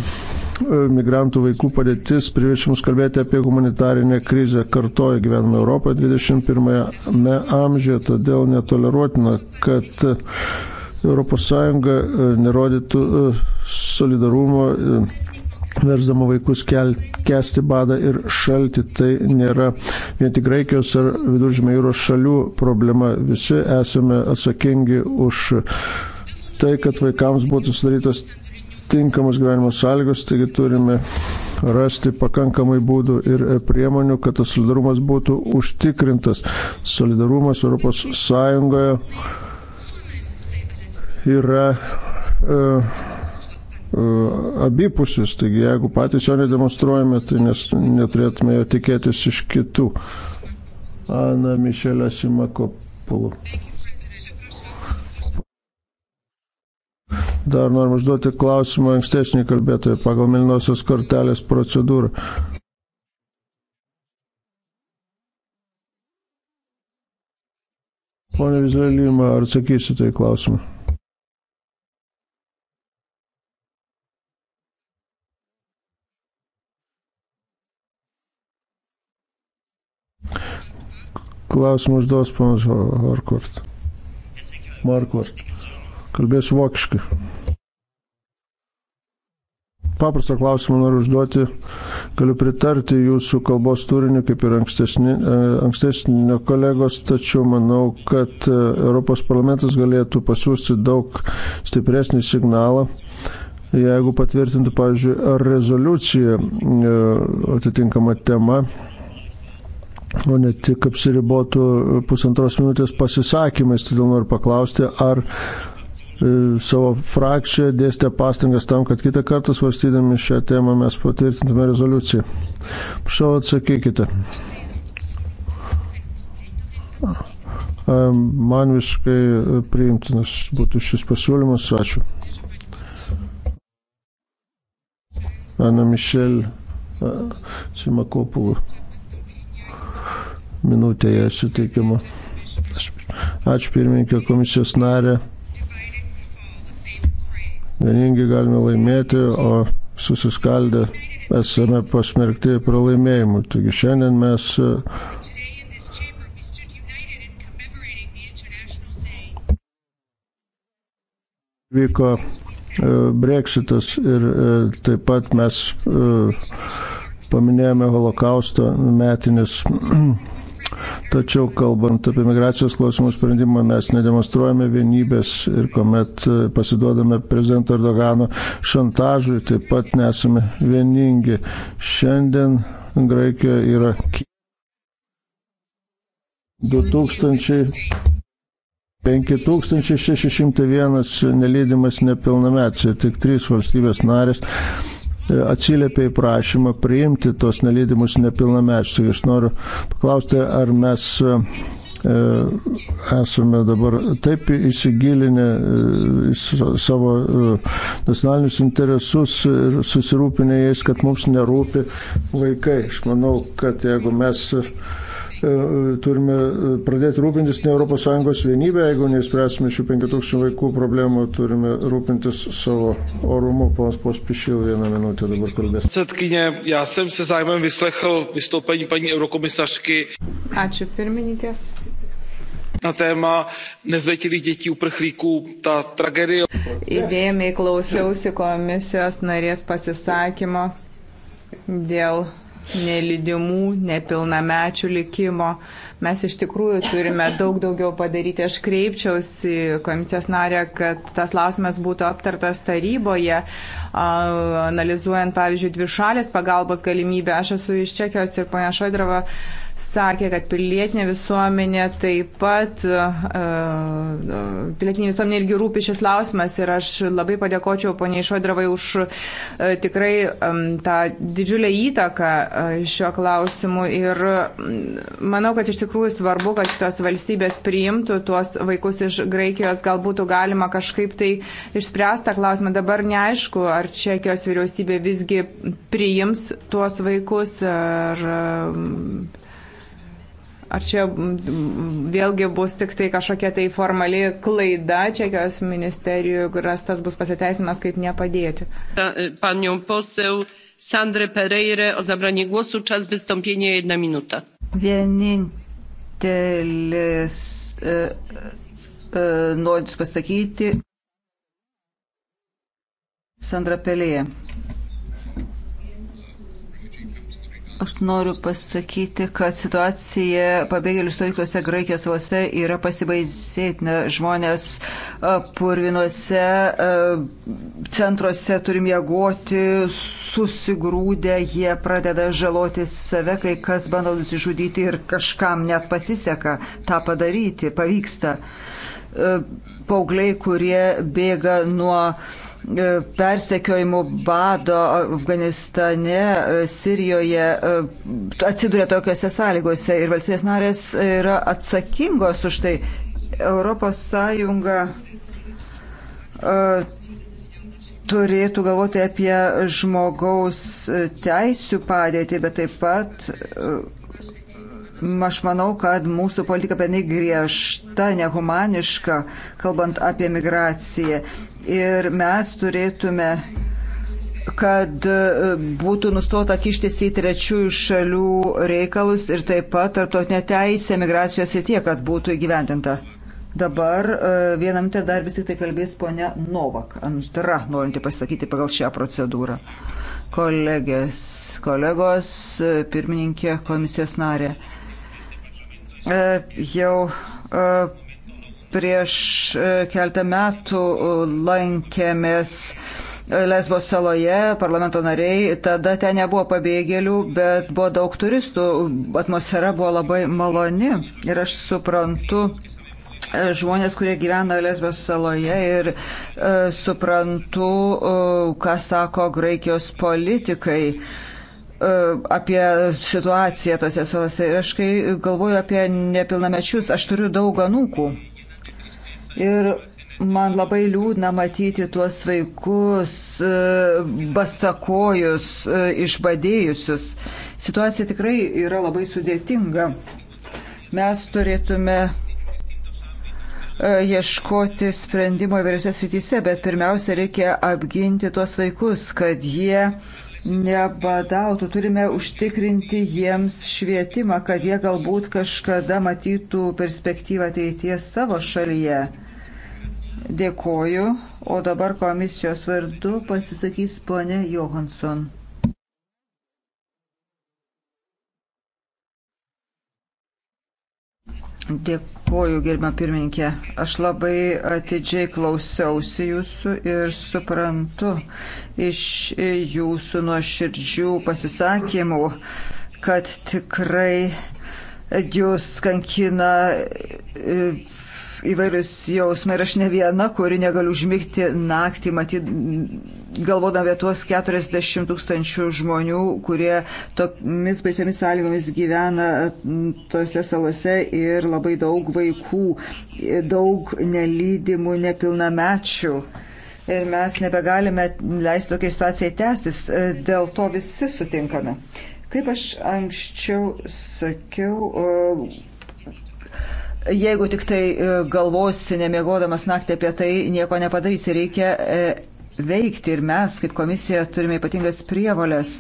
migrantų vaikų padėtis priverčia mus kalbėti apie humanitarinę krizę. Kartoja gyvename Europoje 21-ame amžiuje, todėl netoleruotina, kad ES e, nerodytų e, solidarumo, versdama vaikus kelt, kesti badą ir šalti. Tai nėra vien tik Graikijos ar Viduržymė jūros šalių problema. Visi esame atsakingi už tai, kad vaikams būtų sudarytas tinkamas gyvenimo sąlygos, taigi turime rasti pakankamai būdų ir e, priemonių, kad tas solidarumas būtų užtikrintas. Solidarumas ES yra e, e, abipusis, taigi jeigu patys jo nedemonstruojame, tai nes, neturėtume jo tikėtis iš kitų. Ana Mišelė Simakopulu. Thank you. Dar norim užduoti klausimą ankstesnį kalbėtoją pagal Milnosios kortelės procedūrą. Pone Vizelima, ar atsakysite į klausimą? Klausimą užduos panas Horkvart. Markvart. Kalbėsiu vokiškai. Paprastą klausimą noriu užduoti. Galiu pritarti jūsų kalbos turiniu, kaip ir e, ankstesnio kolegos, tačiau manau, kad e, Europos parlamentas galėtų pasiūsti daug stipresnį signalą, jeigu patvirtintų, pavyzdžiui, ar rezoliucija e, atitinkama tema, o ne tik apsiribotų pusantros minutės pasisakymais. Todėl noriu paklausti, ar E, savo frakciją dėstė pastangas tam, kad kitą kartą svarstydami šią temą mes patvirtintume rezoliuciją. Prašau atsakykite. E, man visiškai priimtinas būtų šis pasiūlymas. Ačiū. Ana Mišel e, Simakopulų minutėje suteikiama. Ačiū pirmininkė komisijos narė. Vieningi galime laimėti, o susiskaldę esame pasmerkti pralaimėjimui. Taigi šiandien mes e, vyko e, Brexitas ir e, taip pat mes paminėjome holokausto metinis Tačiau kalbant apie migracijos klausimų sprendimą, mes nedemonstruojame vienybės ir kuomet e, pasiduodame prezidento Erdogano šantažui, taip pat nesame vieningi. Šiandien Graikijoje yra 2000. 5601 nelydimas nepilnamečiai, tik trys valstybės narės E, atsiliepė į prašymą priimti tos nelydimus nepilnamečius. Tai aš noriu paklausti, ar mes e, e, esame dabar taip įsigilinę į savo nacionalinius interesus ir susirūpinę jais, kad mums nerūpi vaikai. Aš manau, kad jeigu mes turime e, pradėti rūpintis ne ES vienybė, jeigu neįspręsime šių 5000 vaikų problemų, turime rūpintis savo orumu. Ponas Pospišil vieną minutę dabar kalbės. Setkinė, ja jsem se zájmem vyslechl vystoupení paní eurokomisařky. Ačiū pirmininkė. Na téma nezletilých dětí uprchlíků, ta tragédie. Įdėmiai klausiausi komisijos narės pasisakymo dėl nelidimų, nepilnamečių likimo mes iš tikrųjų turime daug daugiau padaryti. Aš kreipčiausi komisijos narė, kad tas lausimas būtų aptartas taryboje, analizuojant, pavyzdžiui, dvišalės pagalbos galimybę. Aš esu iš Čekijos ir ponia Šodrava sakė, kad pilietinė visuomenė taip pat, pilietinė visuomenė irgi rūpi šis lausimas ir aš labai padėkočiau poniai Šodravai už tikrai tą didžiulę įtaką šio klausimu ir manau, kad iš tikrųjų tikrųjų svarbu, kad šitos valstybės priimtų tuos vaikus iš Graikijos, gal būtų galima kažkaip tai išspręsta klausimą. Dabar neaišku, ar Čekijos vyriausybė visgi priims tuos vaikus, ar, ar čia vėlgi bus tik tai kažkokia tai formali klaida Čekijos ministerijų, kurias tas bus pasiteisimas, kaip nepadėti. Panią posel Sandrę Pereirę o zabranie głosu. Czas wystąpienia jedna minuta. Vienin vienintelis e, e, norintis pasakyti Sandra Pelėje. Aš noriu pasakyti, kad situacija pabėgėlių stovyklose Graikijos salose yra pasibaisėtina. Žmonės purvinuose centruose turi miegoti, susigrūdę, jie pradeda žaloti save, kai kas bando nusižudyti ir kažkam net pasiseka tą padaryti, pavyksta. Paugliai, kurie bėga nuo uh, E, persekiojimų bado Afganistane, e, Sirijoje e, atsiduria tokiuose sąlygose ir valstybės narės yra atsakingos už tai. Europos Sąjunga turėtų galvoti apie žmogaus teisų padėtį, bet taip pat aš manau, kad mūsų politika penai griežta, nehumaniška, kalbant apie migraciją ir mes turėtume kad e, būtų nustota kištis į trečiųjų šalių reikalus ir taip pat tarptautinė teisė migracijos ir tie, kad būtų įgyvendinta. Dabar e, vienam te dar vis tik tai kalbės ponia Novak, antra, norinti pasakyti pagal šią procedūrą. Kolegės, kolegos, e, pirmininkė, komisijos narė. Jau Prieš e, keltą metų lankėmės Lesbo saloje, parlamento nariai, tada ten nebuvo pabėgėlių, bet buvo daug turistų, atmosfera buvo labai maloni ir aš suprantu, e, žmonės, kurie gyvena Lesbos saloje ir e, suprantu, e, ką sako Graikijos politikai e, apie situaciją tose salose. Ir aš kai galvoju apie nepilnamečius, aš turiu daug anūkų. Ir man labai liūdna matyti tuos vaikus e, basakojus, e, išbadėjusius. Situacija tikrai yra labai sudėtinga. Mes turėtume e, ieškoti sprendimo įvairiose srityse, bet pirmiausia reikia apginti tuos vaikus, kad jie nebadautų. Turime užtikrinti jiems švietimą, kad jie galbūt kažkada matytų perspektyvą ateities savo šalyje. Dėkoju, o dabar komisijos vardu pasisakys ponė Johansson. Dėkuoju, gerbima pirmininkė. Aš labai atidžiai klausiausi jūsų ir suprantu iš jūsų nuoširdžių pasisakymų, kad tikrai jūs kankina e, įvairius jausmai ir aš ne viena, kuri negaliu užmygti naktį, matyt, galvodama apie tuos 40 tūkstančių žmonių, kurie tomis baisiamis sąlygomis gyvena tose salose ir labai daug vaikų, daug nelydimų nepilnamečių. Ir mes nebegalime leisti tokiai situacijai tęstis, dėl to visi sutinkame. Kaip aš anksčiau sakiau, Jeigu tik tai e, galvosi, nemiegodamas naktį apie tai, nieko nepadarysi. Reikia e, veikti ir mes kaip komisija turime ypatingas prievalės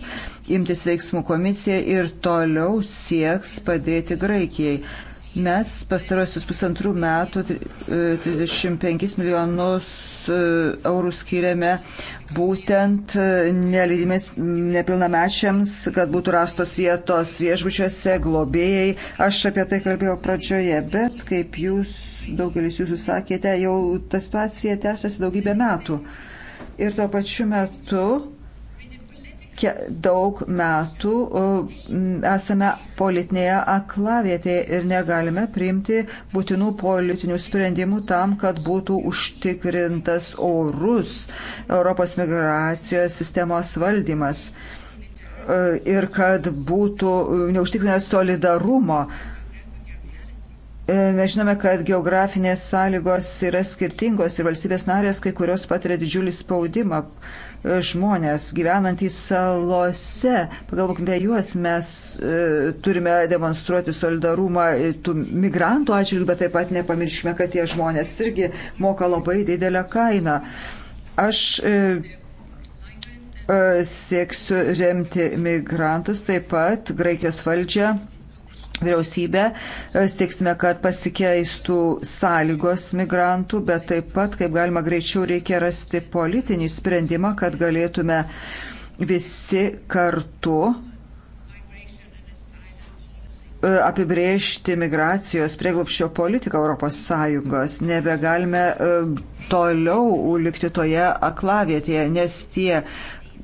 imtis veiksmų komisija ir toliau sieks padėti Graikijai. Mes pastarosius pusantrų metų 35 e, milijonus E, eurų skiriame būtent e, nelydimės nepilnamečiams, kad būtų rastos vietos viešbučiuose, globėjai. Aš apie tai kalbėjau pradžioje, bet kaip jūs, daugelis jūsų sakėte, jau ta situacija tęsiasi daugybę metų. Ir tuo pačiu metu daug metų esame politinėje aklavietėje ir negalime priimti būtinų politinių sprendimų tam, kad būtų užtikrintas orus Europos migracijos sistemos valdymas e, ir kad būtų neužtikrinęs solidarumo e, Mes žinome, kad geografinės sąlygos yra skirtingos ir valstybės narės, kai kurios patiria didžiulį spaudimą žmonės gyvenantys salose. Pagalvokime juos, mes e, turime demonstruoti solidarumą tų migrantų atžvilgių, bet taip pat nepamirškime, kad tie žmonės irgi moka labai didelę kainą. Aš e, e, sieksiu remti migrantus, taip pat Graikijos valdžią vyriausybę, e, sieksime, kad pasikeistų sąlygos migrantų, bet taip pat, kaip galima greičiau, reikia rasti politinį sprendimą, kad galėtume visi kartu e, apibriežti migracijos prieglopščio politiką ES. Nebegalime e, toliau likti toje aklavietėje, nes tie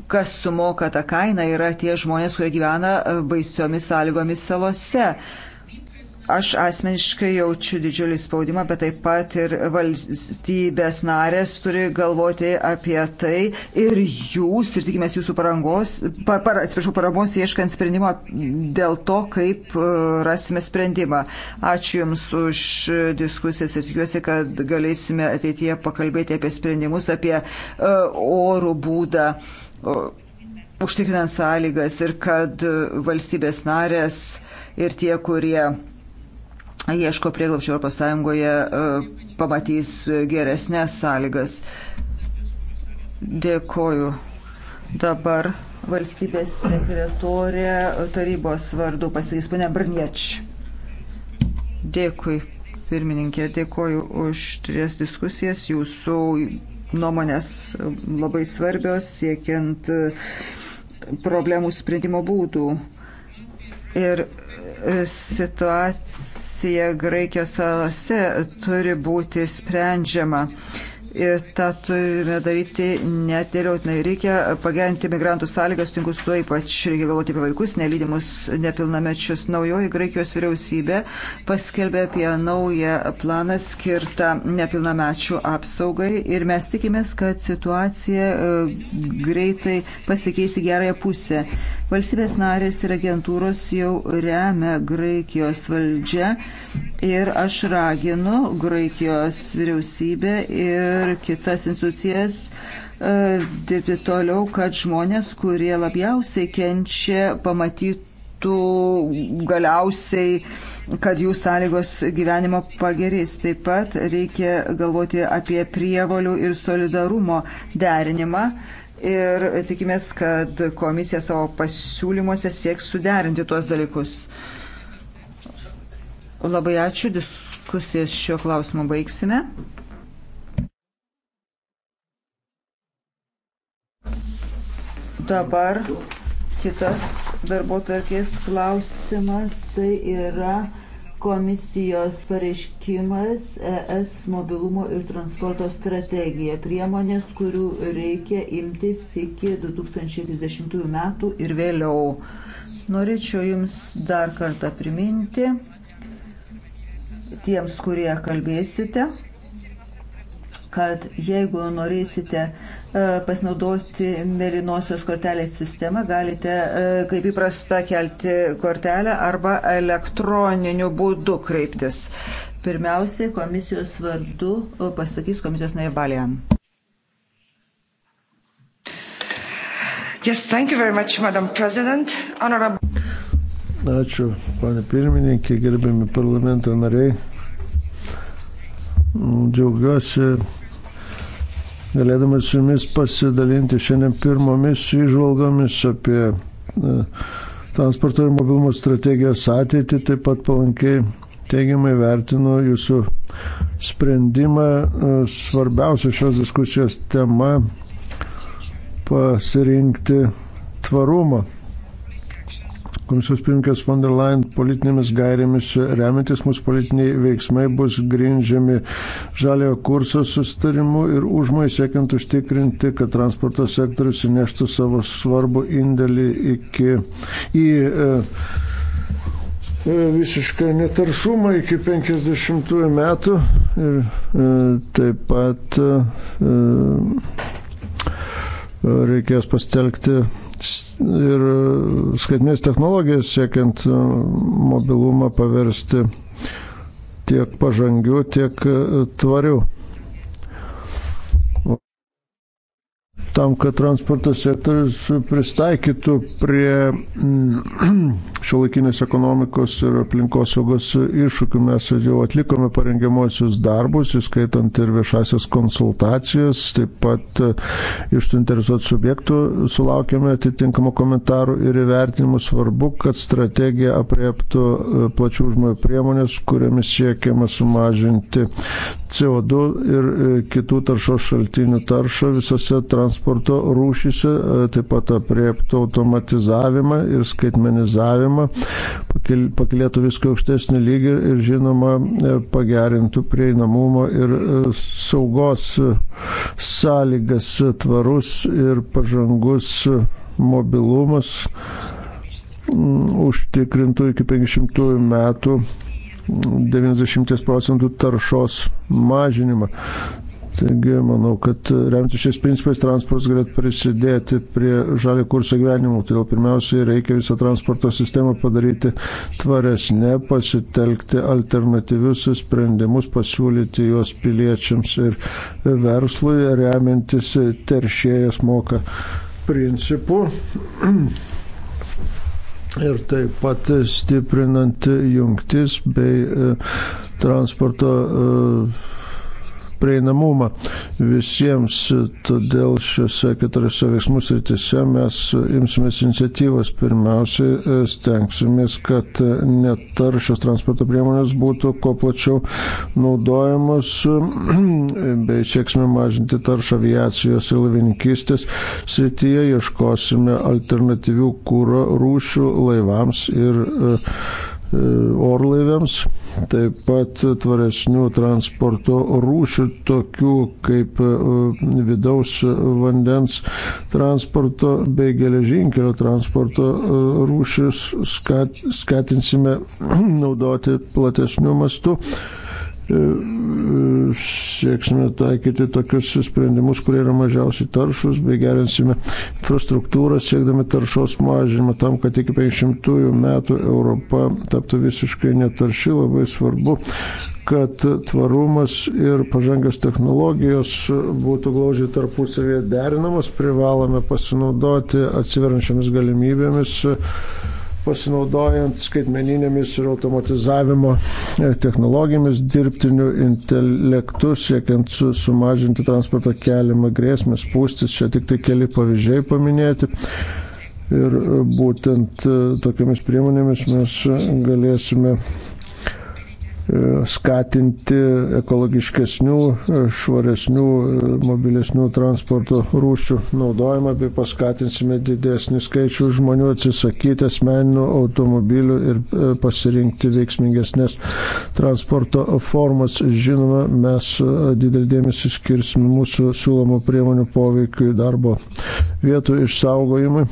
kas sumoka tą kainą, yra tie žmonės, kurie gyvena e, baisiomis sąlygomis salose. Aš asmeniškai jaučiu didžiulį spaudimą, bet taip pat ir valstybės narės turi galvoti apie tai ir jūs, ir tikimės jūsų parangos, pa, par, atsiprašau, paramos ieškant sprendimo dėl to, kaip e, rasime sprendimą. Ačiū Jums už diskusijas ir tikiuosi, kad galėsime ateityje pakalbėti apie sprendimus, apie uh, orų būdą. Uh, užtikrinant sąlygas ir kad valstybės narės ir tie, kurie ieško prieglapčio Europos Sąjungoje, e, pamatys geresnės sąlygas. Dėkoju. Dabar valstybės sekretorė tarybos vardu pasakys ponia Brnieč. Dėkui pirmininkė, dėkoju už tris diskusijas, jūsų nuomonės labai svarbios siekiant e, problemų sprendimo būdų. Ir e, situacija Graikijos salose turi būti sprendžiama. Ir tą turime daryti netėliotinai. Reikia pagerinti migrantų sąlygas, tinku su tuo ypač reikia galvoti apie vaikus, nelydimus nepilnamečius. Naujoji Graikijos vyriausybė paskelbė apie naują planą skirtą nepilnamečių apsaugai ir mes tikimės, kad situacija e, greitai pasikeis į gerąją pusę. Valstybės narės ir agentūros jau remia Graikijos valdžią ir aš raginu Graikijos vyriausybę ir kitas institucijas e, dirbti toliau, kad žmonės, kurie labiausiai kenčia, pamatytų galiausiai, kad jų sąlygos gyvenimo pagerės. Taip pat reikia galvoti apie prievolių ir solidarumo derinimą ir tikimės, kad komisija savo pasiūlymuose sieks suderinti tuos dalykus. Labai ačiū, diskusijas šiuo klausimu baigsime. Dabar kitas darbo tvarkės klausimas tai yra komisijos pareiškimas ES mobilumo ir transporto strategija - priemonės, kurių reikia imtis iki 2030 metų ir vėliau. Norėčiau Jums dar kartą priminti tiems, kurie kalbėsite, kad jeigu norėsite e, pasinaudoti mėlynosios kortelės sistemą, galite e, kaip įprasta kelti kortelę arba elektroniniu būdu kreiptis. Pirmiausiai komisijos vardu e, pasakys komisijos narė Balian. Yes, thank you very much, Madam President. Honorable... Ačiū, panė pirmininkė, gerbiami parlamento nariai. Džiaugiuosi galėdamas su jumis pasidalinti šiandien pirmomis išvalgomis apie e, transporto ir mobilumo strategijos ateitį, taip pat palankiai teigiamai vertinu jūsų sprendimą e, svarbiausia šios diskusijos tema pasirinkti tvarumą komisijos pirmininkės von der Leyen politinėmis gairėmis remiantis mūsų politiniai veiksmai bus grindžiami žaliojo kurso sustarimu ir užmai siekiant užtikrinti, kad transporto sektorius įneštų savo svarbų indėlį iki, į e, e visišką netaršumą iki 50 metų ir e, taip pat e, e reikės pastelgti ir skaitmės technologijas siekiant e, mobilumą paversti tiek pažangių, tiek e, tvarių. tam, kad transporto sektorius pristaikytų prie mm, šiuolaikinės ekonomikos ir aplinkosaugos iššūkių. Mes jau atlikome parengiamuosius darbus, įskaitant ir viešasias konsultacijas, taip pat e, iš suinteresuotų subjektų sulaukėme atitinkamų komentarų ir įvertinimų. Svarbu, kad strategija apriektų e, plačių žmonių priemonės, kuriamis siekiama sumažinti CO2 ir e, kitų taršos šaltinių taršą visose transporto transporto rūšyse, e, taip pat aprieptų automatizavimą ir skaitmenizavimą, pakelėtų viską aukštesnį lygį ir žinoma e, pagerintų prieinamumo ir e, saugos sąlygas tvarus ir pažangus mobilumas užtikrintų iki 50 metų 90 procentų taršos mažinimą. Taigi, manau, kad remti šiais principais transportas galėtų prisidėti prie žalio kurso gyvenimų. Todėl pirmiausiai reikia visą transporto sistemą padaryti tvaresnė, pasitelkti alternatyvius sprendimus, pasiūlyti juos piliečiams ir verslui, remiantis teršėjas moka principu. Ir taip pat stiprinant jungtis bei e, transporto uh, prieinamumą visiems. Todėl šiuose keturiose veiksmų srityse mes imsimės iniciatyvas. Pirmiausiai stengsimės, kad netaršios transporto priemonės būtų kuo plačiau naudojamos, bei sieksime mažinti taršą aviacijos ir laivininkistės srityje, ieškosime alternatyvių kūro rūšių laivams ir E, orlaiviams, taip pat tvaresnių transporto rūšių, tokių kaip e, vidaus vandens transporto bei geležinkelio transporto e, rūšius skat, skatinsime naudoti platesnių mastų. E, sieksime taikyti tokius sprendimus, kurie yra mažiausiai taršus, bei gerinsime infrastruktūrą, siekdami taršos mažinimą tam, kad iki 500 metų Europa taptų visiškai netarši. Labai svarbu, kad tvarumas ir pažangios technologijos būtų glaudžiai tarpusavėje derinamas, privalome pasinaudoti atsiverančiamis galimybėmis pasinaudojant skaitmeninėmis ir automatizavimo e, technologijomis, dirbtiniu intelektu, siekiant sumažinti transporto keliamą grėsmę, spūstis. Čia tik tai keli pavyzdžiai paminėti. Ir e, būtent e, tokiamis priemonėmis mes galėsime skatinti ekologiškesnių, švaresnių, mobilesnių transporto rūšių naudojimą, bei paskatinsime didesnį skaičių žmonių atsisakyti asmeninių automobilių ir e, pasirinkti veiksmingesnės transporto formas. Žinoma, mes e, didelį dėmesį skirsime mūsų siūlomų priemonių poveikiui darbo vietų išsaugojimui.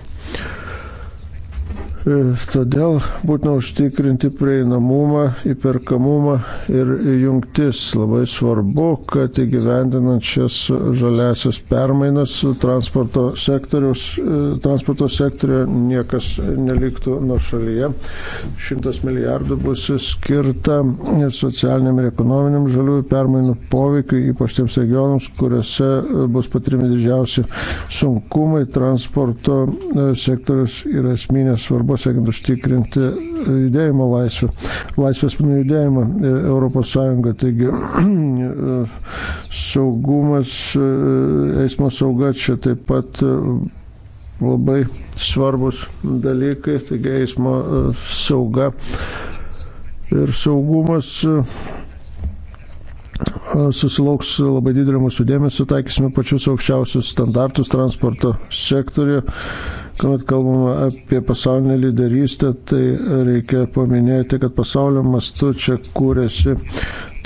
Todėl būtina užtikrinti prieinamumą, įperkamumą ir jungtis. Labai svarbu, kad įgyvendinant šias žaliasias permainas transporto, transporto sektorio niekas neliktų nuo šalyje. Šimtas milijardų bus skirta socialiniam ir ekonominiam žaliųjų permainų poveikiu, ypač tiems regionams, kuriuose bus patirimi didžiausi sunkumai. Transporto sektorius yra esminės svarbos siekiant užtikrinti judėjimo laisvę, laisvės judėjimą ES. Taigi e, saugumas, e, eismo sauga čia taip pat e, labai svarbus dalykai, taigi eismo sauga ir saugumas susilauks labai didelio mūsų dėmesio, taikysime pačius aukščiausius standartus transporto sektoriuje. Kuomet kalbame apie pasaulinę lyderystę, tai reikia paminėti, kad pasaulio mastu čia kūrėsi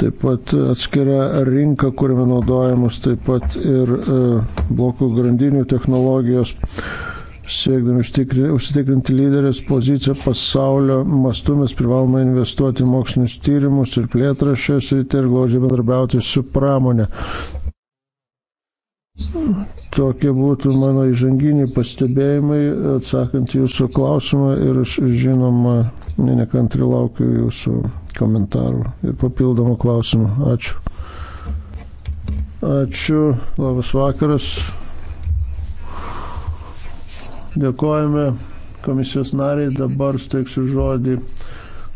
taip pat atskira rinka, kuriame naudojamos taip pat ir e, blokų grandinių technologijos siekdami užsitikrinti lyderės poziciją pasaulio mastu, mes privalome investuoti mokslinius tyrimus ir plėtrą šioje srityje ir glaudžiai bendarbiauti su pramonė. Tokie būtų mano įžanginiai pastebėjimai, atsakant jūsų klausimą ir aš žinoma, nekantri laukiu jūsų komentarų ir papildomų klausimų. Ačiū. Ačiū, labas vakaras. Dėkojame komisijos nariai. Dabar steiksiu žodį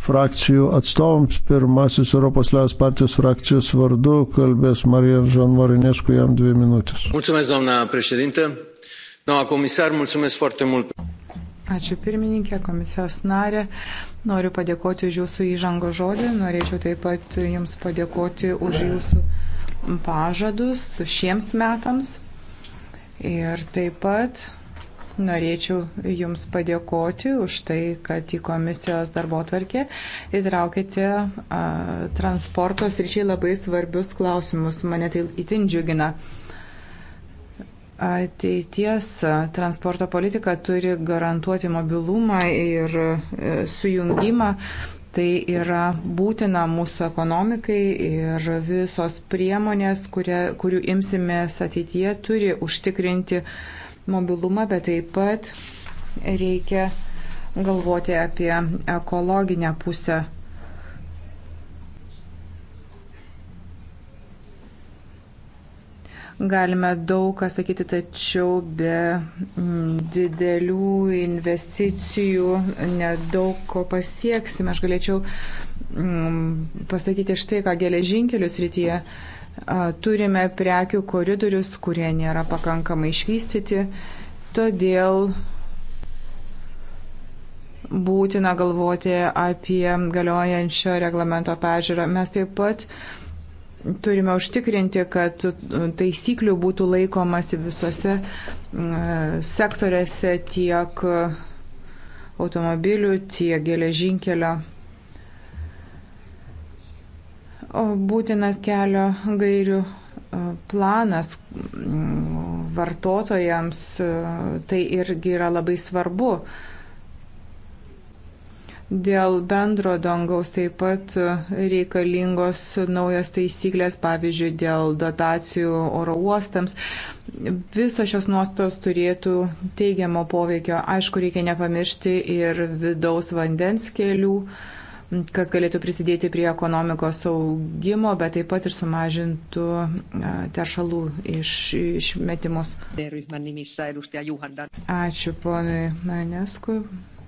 frakcijų atstovams. Pirmasis Europos Liaudės partijos frakcijos vardu kalbės Marija Žanmarinesku, jam dvi minutės. Mulțumesc, doamna președinte. Doamna comisar, mulțumesc foarte mult. Ačiū pirmininkė, komisijos narė. Noriu padėkoti už jūsų įžango žodį. Norėčiau taip pat jums padėkoti už jūsų pažadus šiems metams. Ir taip pat Norėčiau Jums padėkoti už tai, kad į komisijos darbo tvarkę įtraukite a, transporto sričiai labai svarbius klausimus. Mane tai itin džiugina. Ateities transporto politika turi garantuoti mobilumą ir e, sujungimą tai yra būtina mūsų ekonomikai ir visos priemonės, kurie, kurių imsimės ateityje, turi užtikrinti uh, mobilumą, bet taip pat reikia galvoti apie ekologinę pusę. Galime daug ką sakyti, tačiau be mm, didelių investicijų nedaug ko pasieksime. Aš galėčiau mm, pasakyti štai, ką geležinkelius rytyje. Turime prekių koridorius, kurie nėra pakankamai išvystyti, todėl būtina galvoti apie galiojančio reglamento pežiūrą. Mes taip pat turime užtikrinti, kad taisyklių būtų laikomasi visose sektoriuose tiek automobilių, tiek geležinkelio būtinas kelio gairių e, planas mm, vartotojams, e, tai irgi yra labai svarbu. Dėl bendro dangaus taip pat e, reikalingos naujos taisyklės, pavyzdžiui, dėl dotacijų oro uostams. Visos šios nuostos turėtų teigiamo poveikio. Aišku, reikia nepamiršti ir vidaus vandens kelių. Uh, kas galėtų prisidėti prie ekonomikos augimo, bet taip pat ir sumažintų teršalų iš, išmetimus. Ačiū ponui Marineskui.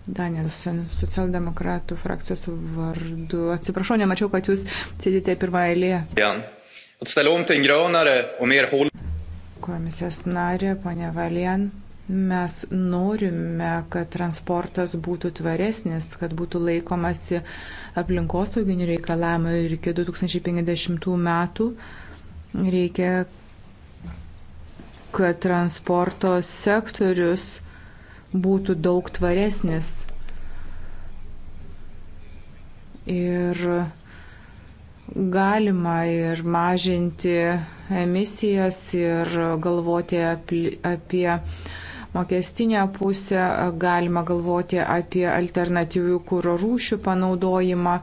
Danielsen, socialdemokratų frakcijos vardu. Atsiprašau, nemačiau, kad jūs sėdite pirmąją eilėje. Komisijos narė, ponia Valien. Mes norime, kad transportas būtų tvaresnis, kad būtų laikomasi aplinkosauginių reikalavimų ir iki 2050 metų reikia, kad transporto sektorius būtų daug tvaresnis. Ir galima ir mažinti emisijas ir galvoti apie, apie mokestinę pusę, galima galvoti apie alternatyvių kūro rūšių panaudojimą.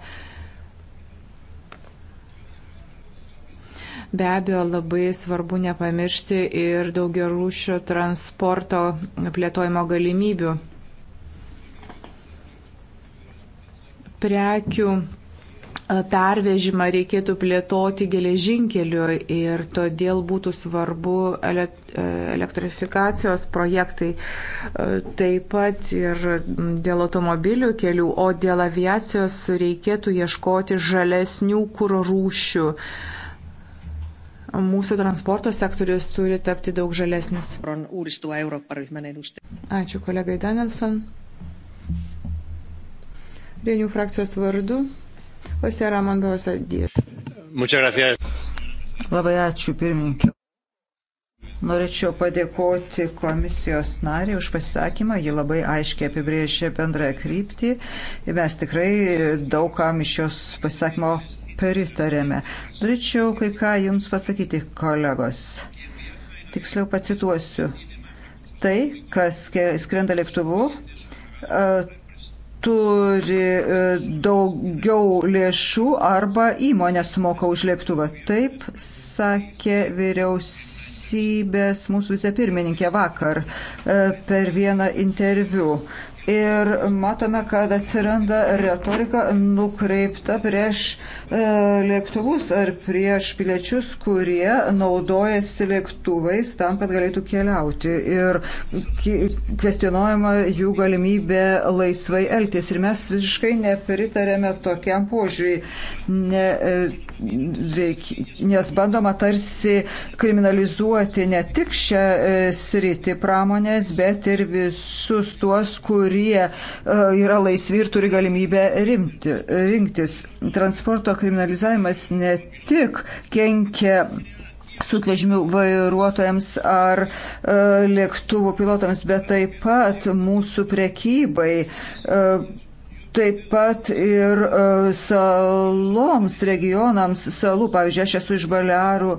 Be abejo, labai svarbu nepamiršti ir daugia rūšio transporto plėtojimo galimybių. Prekių E, pervežimą reikėtų plėtoti geležinkeliu ir todėl būtų svarbu e, elektrifikacijos projektai e, taip pat ir dėl automobilių kelių, o dėl aviacijos reikėtų ieškoti žalesnių kūro rūšių. Mūsų transporto sektorius turi tapti daug žalesnis. Ačiū kolegai Danielson. Renių frakcijos vardu Jose Ramon Bavosa Dir. Labai ačiū pirmininkė. Norėčiau padėkoti komisijos nariai už pasisakymą, ji labai aiškiai apibrėžė bendrąją kryptį ir mes tikrai daugam iš jos pasisakymo pritarėme. Norėčiau kai ką Jums pasakyti, kolegos. Tiksliau pacituosiu. Tai, kas skrenda lėktuvu, e, turi e, daugiau lėšų arba įmonė sumoka už lėktuvą. Taip sakė vyriausybės mūsų vicepirmininkė vakar e, per vieną interviu ir matome, kad atsiranda retorika nukreipta prieš e, lėktuvus ar prieš piliečius, kurie naudojasi lėktuvais tam, kad galėtų keliauti ir kvestionuojama jų galimybė laisvai elgtis. Ir mes visiškai nepritarėme tokiam požiūriui. Ne, e, veik, nes bandoma tarsi kriminalizuoti ne tik šią e, sritį pramonės, bet ir visus tuos, kurie e, yra laisvi ir turi galimybę rimti, rinktis. Transporto kriminalizavimas ne tik kenkia sunkvežimių vairuotojams ar e, lėktuvų pilotams, bet taip pat mūsų prekybai. E, Taip pat ir e, saloms, regionams salų, pavyzdžiui, aš esu iš Balearų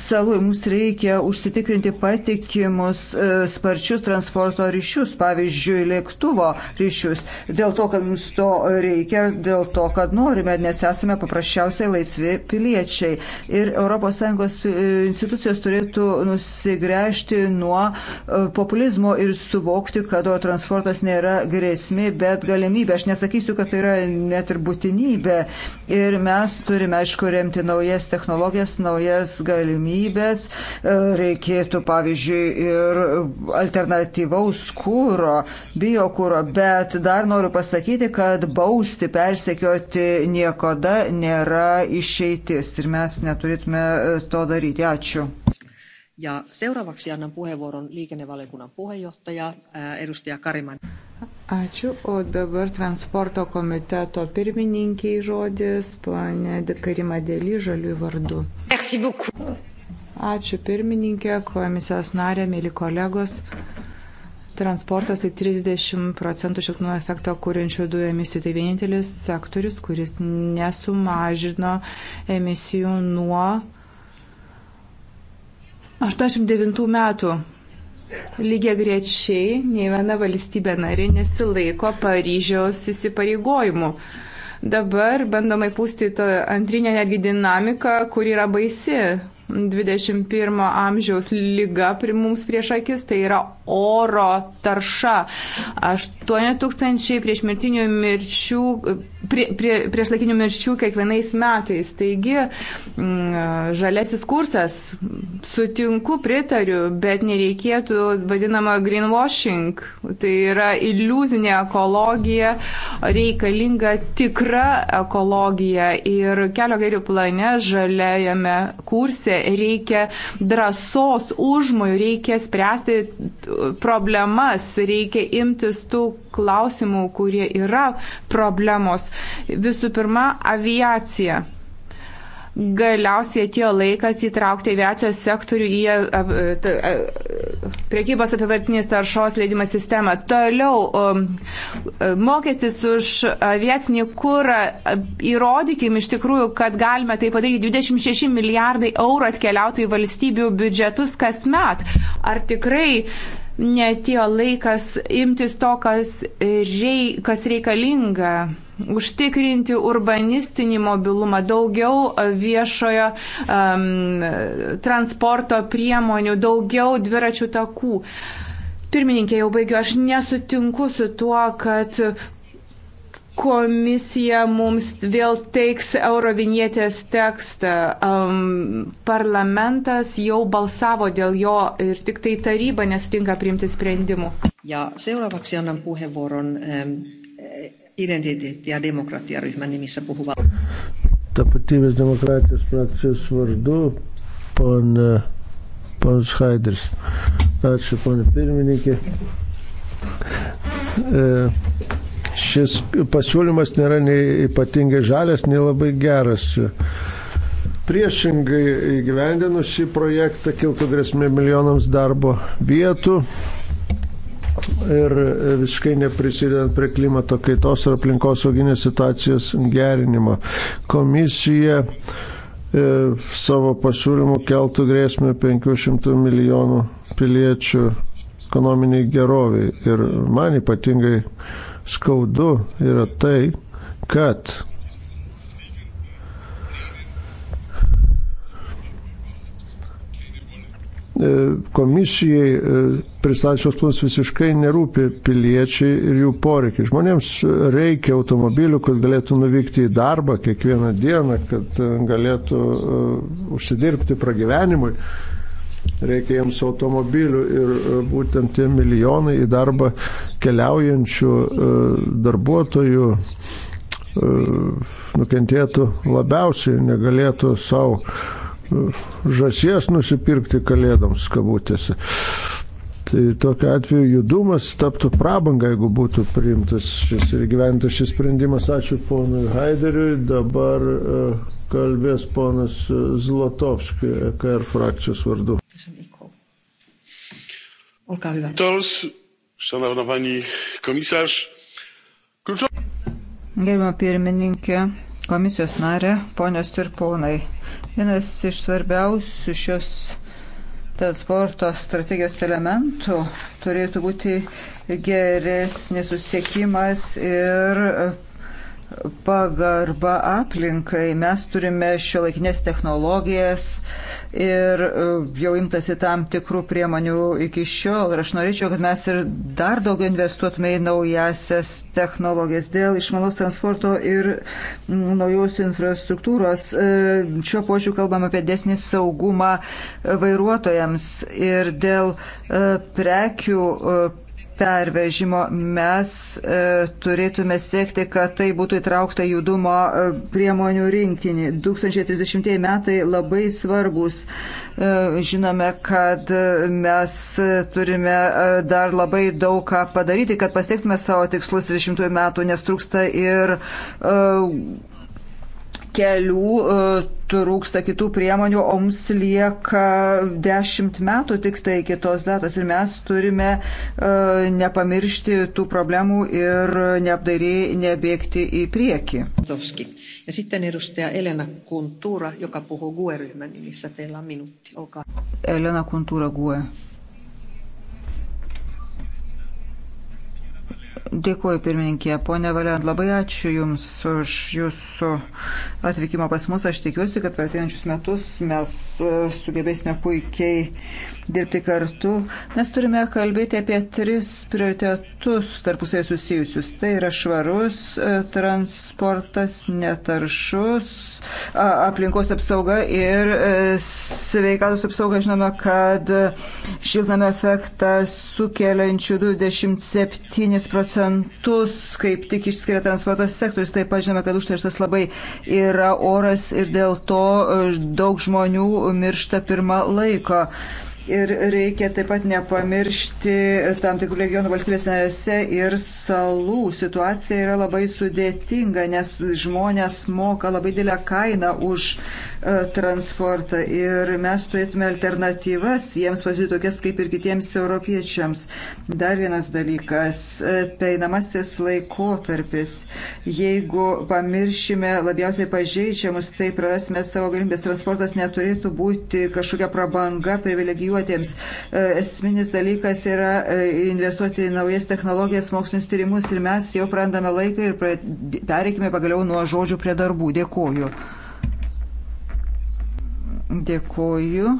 salų ir mums reikia užsitikrinti patikimus e, sparčius transporto ryšius, pavyzdžiui, lėktuvo ryšius, dėl to, kad mums to reikia, dėl to, kad norime, nes esame paprasčiausiai laisvi piliečiai. Ir ES institucijos turėtų nusigręžti nuo e, populizmo ir suvokti, kad oro transportas nėra grėsmė, bet galimybė. Aš nesakysiu, pasakysiu, kad tai yra net ir būtinybė. Ir mes turime, aišku, remti naujas technologijas, naujas galimybės. E, reikėtų, pavyzdžiui, ir alternatyvaus kūro, biokūro. Bet dar noriu pasakyti, kad bausti, persekioti niekada nėra išeitis. Ir mes neturėtume e, to daryti. Ačiū. Ja seuraavaksi annan puheenvuoron liikennevaliokunnan puheenjohtaja edustaja Kariman. Ačiū, o dabar transporto komiteto pirmininkiai žodis, ponė Karima Dėly, žaliųjų vardu. Ačiū pirmininkė, komisijos narė, mėly kolegos. Transportas tai 30 procentų šiltnumo efektą kūrinčių dujų emisijų. Tai vienintelis sektorius, kuris nesumažino emisijų nuo 89 metų. Lygiai grečiai nei viena valstybė nari nesilaiko Paryžiaus įsipareigojimų. Dabar bandoma įpūsti tą antrinę netgi dinamiką, kuri yra baisi. 21 amžiaus lyga pri mums prieš akis, tai yra oro tarša. 8 tūkstančiai priešmirtinių mirčių prie, prie, priešlaikinių mirčių kiekvienais metais. Taigi, mm, žalesis kursas, sutinku, pritariu, bet nereikėtų vadinama greenwashing. Tai yra iliuzinė ekologija, reikalinga tikra ekologija. Ir kelio gairių plane žalėjame kurse reikia drąsos užmojų, reikia spręsti problemas, reikia imtis tų klausimų, kurie yra problemos Visų pirma, aviacija galiausiai atėjo laikas įtraukti aviacijos sektorių į priekybos apivartinės taršos leidimą sistemą. Toliau, um, mokestis už aviacinį kūrą, įrodykim iš tikrųjų, kad galime tai padaryti. 26 milijardai eurų atkeliautų į valstybių biudžetus kasmet. Ar tikrai netėjo laikas imtis to, kas, rei, kas reikalinga užtikrinti urbanistinį mobilumą, daugiau viešojo um, transporto priemonių, daugiau dviračių takų. Pirmininkė, jau baigiu, aš nesutinku su tuo, kad komisija mums vėl teiks eurovinietės tekstą. Um, parlamentas jau balsavo dėl jo ir tik tai taryba nesutinka priimti sprendimų. Ja seuraavaksi annan puheenvuoron ähm, identiteetti- ja demokratiaryhmän nimissä puhuva. Tapatybės demokratijos frakcijos vardu pon, e, ponas Haidris. Ačiū, ponė pirmininkė. E, šis pasiūlymas nėra nei ypatingai žalės, nei labai geras. Priešingai įgyvendinus šį projektą kiltų grėsmė milijonams darbo vietų ir visiškai neprisidedant prie klimato kaitos ir aplinkosauginės situacijos gerinimo. Komisija e, savo pasiūlymų keltų grėsmę 500 milijonų piliečių ekonominiai geroviai. Ir man ypatingai skaudu yra tai, kad e, komisijai e, pristačios planus visiškai nerūpi piliečiai ir jų poreikiai. Žmonėms reikia automobilių, kad galėtų nuvykti į darbą kiekvieną dieną, kad e, galėtų užsidirbti pragyvenimui reikia jiems automobilių ir e, būtent tie milijonai į darbą keliaujančių e, darbuotojų e, nukentėtų labiausiai, negalėtų savo žasies nusipirkti kalėdoms kabutėse. Tai tokiu atveju judumas taptų prabanga, jeigu būtų priimtas šis ir gyventas šis sprendimas. Ačiū ponui Haideriui. Dabar kalbės ponas Zlotovskis, KR frakcijos vardu šanowana pani komisarz gerbiama pirmininke komisijos nare ponios ir ponai vienas iš svarbiausių šios transporto strategijos elementų turėtų būti geresnis susiekimas ir pagarba aplinkai. Mes turime šio laikinės technologijas ir e, jau imtasi tam tikrų priemonių iki šiol. Ir aš norėčiau, kad mes ir dar daugiau investuotume į naujasias technologijas dėl išmanaus transporto ir naujos infrastruktūros. E, šiuo požiūriu kalbam apie desnį saugumą e, vairuotojams ir dėl prekių pervežimo. Mes e, turėtume siekti, kad tai būtų įtraukta judumo e, priemonių rinkinį. 2030 metai labai svarbus. E, žinome, kad e, mes turime e, dar labai daug ką padaryti, kad pasiektume savo tikslus 30 metų, nes trūksta ir e, kelių, e, trūksta kitų priemonių, o mums lieka dešimt metų tik tai kitos datos ir mes turime e, nepamiršti tų problemų ir neapdairiai nebėgti į priekį. Toski. Ja sitten edustaja Elena Kuntura, joka puhuu GUE-ryhmän nimissä. Teillä on minuutti. Olkaa. Elena Kuntura GUE. Dėkuoju pirmininkė. Pone Valiant, labai ačiū Jums už Jūsų atvykimą pas mus. Aš tikiuosi, kad per ateinančius metus mes e, sugebėsime puikiai dirbti kartu. Mes turime kalbėti apie tris prioritetus tarpusai susijusius. Tai yra švarus e, transportas, netaršus, aplinkos apsauga ir e, sveikatos apsauga. Žinome, kad šiltnamio efektą sukeliančių 27 procentus kaip tik išskiria transporto sektorius. Taip pat žinome, kad užterštas labai yra oras ir dėl to e, daug žmonių miršta pirmą laiką. Ir reikia taip pat nepamiršti tam tikrų regionų valstybės narėse ir salų. Situacija yra labai sudėtinga, nes žmonės moka labai didelę kainą už e, transportą ir mes turėtume alternatyvas jiems pasiūlyti tokias kaip ir kitiems europiečiams. Dar vienas dalykas e, - peinamasis laikotarpis. Jeigu pamiršime labiausiai pažeidžiamus, tai prarasime savo galimybės. Transportas neturėtų būti kažkokia prabanga privilegijų studijuotėms. E, esminis dalykas yra e, investuoti į naujas technologijas, mokslinius tyrimus ir mes jau prarandame laiką ir pereikime pagaliau nuo žodžių prie darbų. Dėkuoju. Dėkuoju.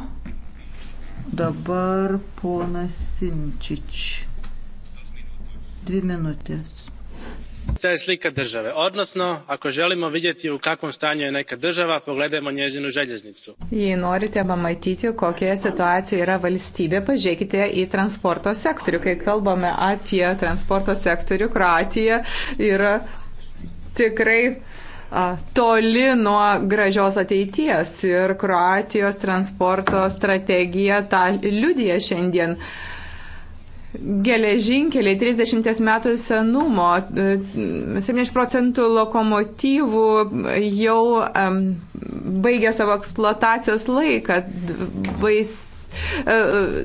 Dabar ponas Sinčič. Dvi minutės to je slika drave odnosno ako elimo vidjeti u kakvom stanju je neka drava pogledajmo njezinu eljeznicu. jei norite pamatyti kokioje situacijoje yra valstybė pažiūrėkite į transporto sektorių kai kalbame apie transporto sektorių kroatija yra tikrai toli nuo gražios ateities ir Kroatijos transporto strategija tą liudija šiandien. Uh, geležinkeliai 30 metų senumo, 70 procentų lokomotyvų jau um, baigė savo eksploatacijos laiką. Vais, uh,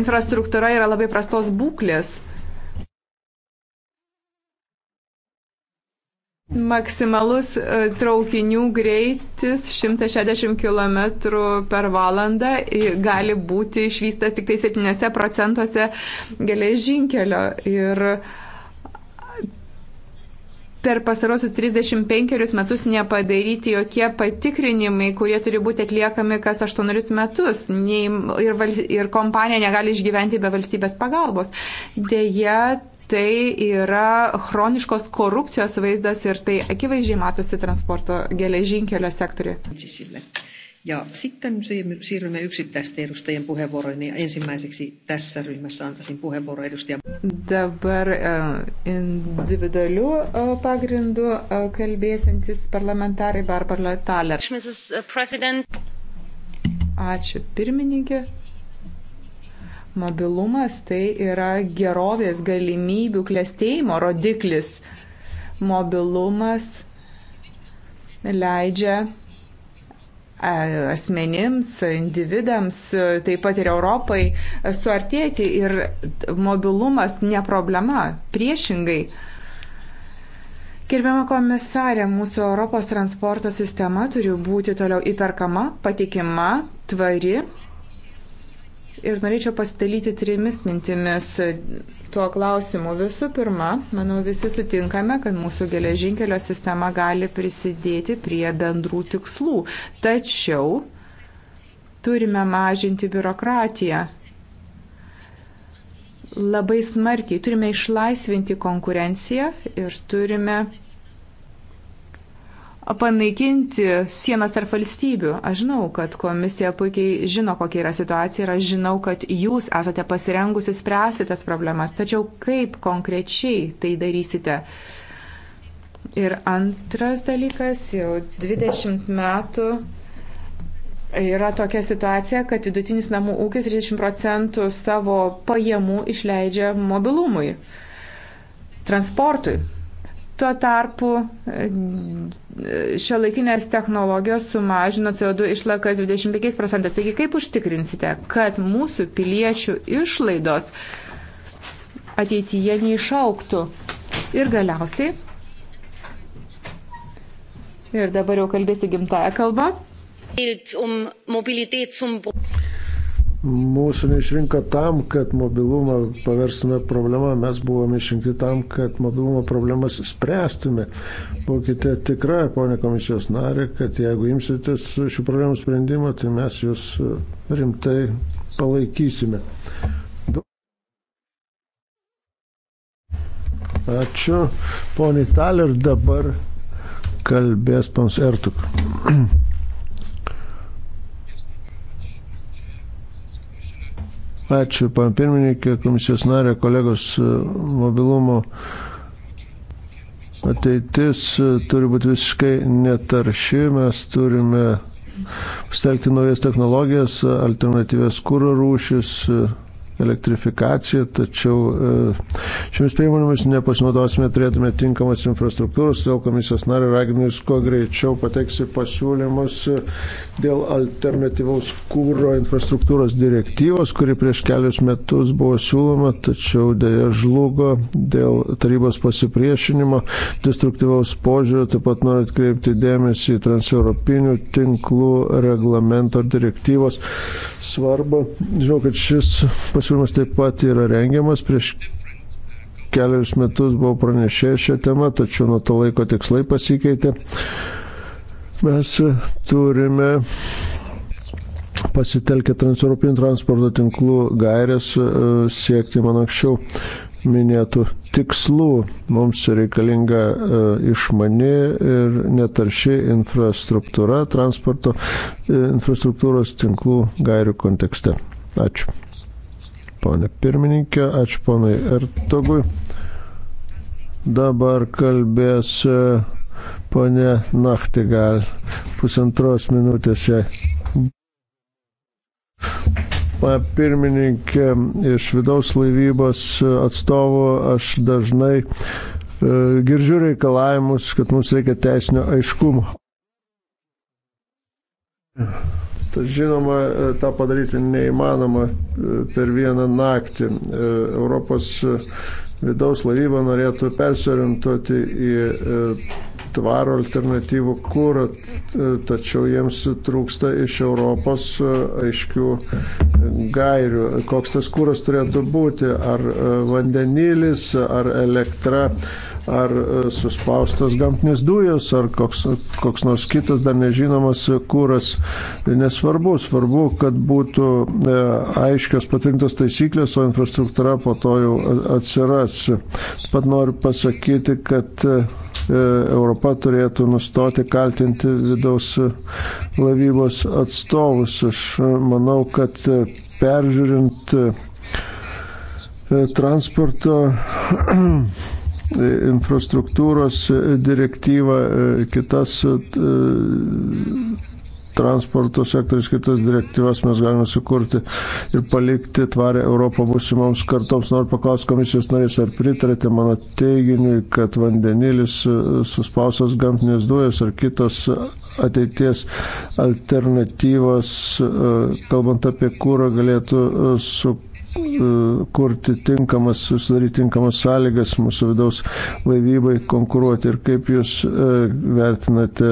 infrastruktūra yra labai prastos būklės. Maksimalus e, traukinių greitis 160 km per valandą gali būti išvystas tik tai 7 procentuose geležinkelio. Ir per pasarosius 35 metus nepadaryti jokie patikrinimai, kurie turi būti atliekami kas 8 metus. Nei, ir, val, ir kompanija negali išgyventi be valstybės pagalbos. Deja, tai yra chroniškos korupcijos vaizdas ir tai akivaizdžiai matosi transporto geležinkelio sektoriuje. Ja sitten siirrymme yksittäisten edustajien puheenvuoroihin. Ja ensimmäiseksi tässä ryhmässä antaisin puheenvuoro edustaja. Dabar e, individualių e, pagrindų e, kalbėsintis parlamentarai Barbara Thaler. Ačiū pirmininkė. Mobilumas tai yra gerovės galimybių klėstėjimo rodiklis. Mobilumas leidžia e, asmenims, individams, taip pat ir Europai suartėti ir mobilumas ne problema, priešingai. Gerbiama komisarė, mūsų Europos transporto sistema turi būti toliau įperkama, patikima, tvari ir norėčiau pasidalyti trimis mintimis tuo klausimu. Visų pirma, manau, visi sutinkame, kad mūsų geležinkelio sistema gali prisidėti prie bendrų tikslų. Tačiau turime mažinti biurokratiją. Labai smarkiai turime išlaisvinti konkurenciją ir turime panaikinti sienas tarp valstybių. Aš žinau, kad komisija puikiai žino, kokia yra situacija ir aš žinau, kad jūs esate pasirengusi spręsti tas problemas. Tačiau kaip konkrečiai tai darysite? Ir antras dalykas, jau 20 metų Yra tokia situacija, kad vidutinis namų ūkis 30 procentų savo pajamų išleidžia mobilumui, transportui. Tuo tarpu e, šio laikinės technologijos sumažino CO2 išlakas 25 procentais. Taigi kaip užtikrinsite, kad mūsų piliečių išlaidos ateityje neišauktų? Ir galiausiai, ir dabar jau kalbėsiu gimtają kalbą. Mūsų neišrinko tam, kad mobilumą paverstume problemą, mes buvome išrinkti tam, kad mobilumo problemas spręstume. Būkite tikra, ponė komisijos narė, kad jeigu imsitės šių problemų sprendimo, tai mes jūs rimtai palaikysime. Ačiū, ponė Taler, dabar kalbės pons Ertuk. Ačiū, pan pirmininkė, komisijos narė, kolegos mobilumo ateitis turi būti visiškai netarši, mes turime pasitelkti naujas technologijas, alternatyvės kūro rūšis, elektrifikaciją, tačiau e, šiomis priemonėmis nepasinaudosime, turėtume tinkamas infrastruktūros, todėl komisijos nariai raginu jūs kuo greičiau pateksi pasiūlymus dėl alternatyvaus kūro infrastruktūros direktyvos, kuri prieš kelius metus buvo siūloma, tačiau dėja žlugo dėl tarybos pasipriešinimo, destruktyvaus požiūrio, taip pat noriu atkreipti dėmesį į transeuropinių tinklų reglamento direktyvos svarbą. Žinau, kad šis pasiūlymas pasiūlymas taip pat yra rengiamas. Prieš kelius metus buvau pranešėjęs šią temą, tačiau nuo to laiko tikslai pasikeitė. Mes turime pasitelkę transeuropinių transporto tinklų gairės e, siekti man anksčiau minėtų tikslų. Mums reikalinga e, išmani ir netarši infrastruktūra transporto e, infrastruktūros tinklų gairių kontekste. Ačiū ponė pirmininkė, ačiū ponai Ertogui. Dabar kalbės e, ponė Nachtigal, pusantros minutės jai. Pirmininkė iš vidaus laivybos atstovų aš dažnai e, girdžiu reikalavimus, kad mums reikia teisinio aiškumo. Tad žinoma, e, tą padaryti neįmanoma e, per vieną naktį. E, Europos vidaus laivyba norėtų persiorientuoti į tvaro alternatyvų kūrą, tačiau jiems trūksta iš Europos aiškių gairių, koks tas kūras turėtų būti, ar vandenilis, ar elektra ar e, suspaustas gamtinis dujos, ar koks, koks nors kitas dar nežinomas kūras. Tai nesvarbu, svarbu, kad būtų e, aiškios patvirtintos taisyklės, o infrastruktūra po to jau atsiras. Pat noriu pasakyti, kad e, Europa turėtų nustoti kaltinti vidaus laivybos atstovus. Aš manau, kad peržiūrint transporto infrastruktūros direktyvą, e, kitas e, transporto sektorius, kitas direktyvas mes galime sukurti ir palikti tvarę Europą būsimoms kartoms. Noriu paklausti komisijos narės, ar pritarėte mano teiginiui, kad vandenilis, e, suspausios gamtinės dujas ar kitos ateities alternatyvos, kalbant apie kūrą, galėtų sukurti Mm, kurti tinkamas, susidaryti tinkamas sąlygas mūsų vidaus laivybai konkuruoti ir kaip jūs e, vertinate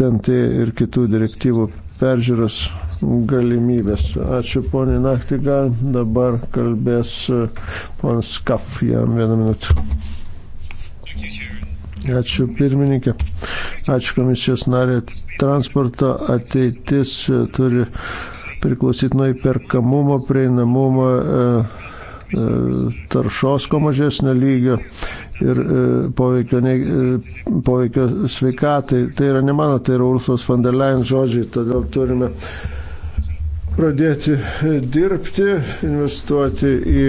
TNT e, ir kitų direktyvų peržiūros galimybės. Ačiū poniai Naktiga, dabar kalbės e, ponas Kaf, jam vieną minutę. Ačiū pirmininkė, ačiū komisijos narė. Transporto ateitis turi priklausyti nuo įperkamumo, prieinamumo, e, e, taršos ko mažesnio lygio ir e, poveikio, ne, poveikio sveikatai. Tai yra ne mano, tai yra Ursos van der Leyen žodžiai, todėl turime pradėti dirbti, investuoti į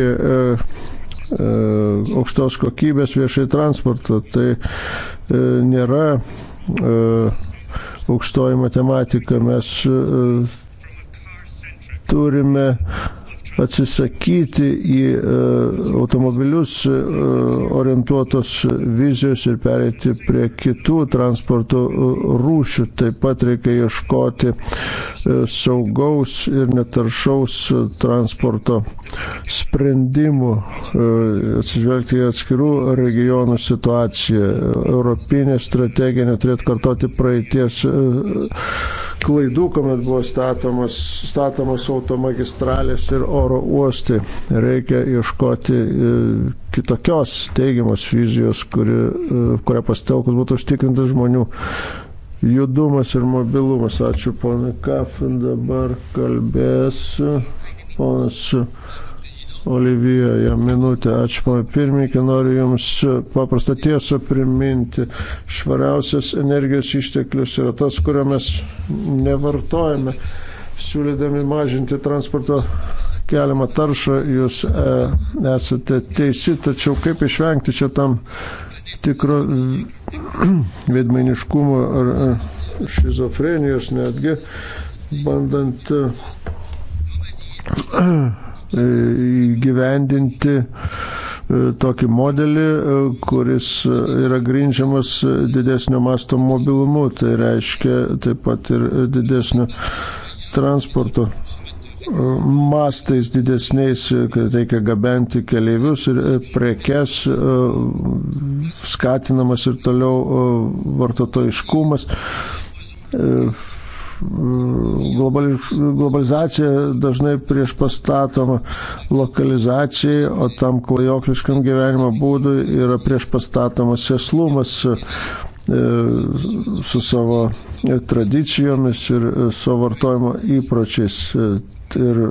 aukštos kokybės viešai transportą. Tai nėra aukštoji matematika. Mes turime atsisakyti į e, automobilius e, orientuotos vizijos ir pereiti prie kitų transporto e, rūšių. Taip pat reikia ieškoti saugaus ir netaršaus transporto sprendimų, atsižvelgti į atskirų regionų situaciją. Europinė strategija neturėtų kartoti praeities klaidų, kuomet buvo statomas, statomas automagistralės ir o oro uoste. Reikia ieškoti e, kitokios teigiamos vizijos, kuri, e, kurią pastelkus būtų užtikrintas žmonių judumas ir mobilumas. Ačiū ponai Kafin, dabar kalbėsiu ponas Olivijoje minutę. Ačiū ponai pirmininkė, noriu Jums paprastą tiesą priminti. Švariausias energijos išteklius yra tas, kurio mes nevartojame, siūlydami mažinti transporto keliamą taršą, jūs e, esate teisi, tačiau kaip išvengti čia tam tikro vedmainiškumo ar e, šizofrenijos netgi, bandant e, gyvendinti tokį modelį, kuris yra grindžiamas didesnio masto mobilumu, tai reiškia taip pat ir didesnio transporto mastais didesniais, kad reikia gabenti keliaivius ir prekes, e, skatinamas ir toliau e, vartotojiškumas. E, globalizacija dažnai prieš pastatoma lokalizacijai, o tam klajokliškam gyvenimo būdui yra prieš pastatomas sėslumas su savo tradicijomis ir savo vartojimo įpročiais ir e,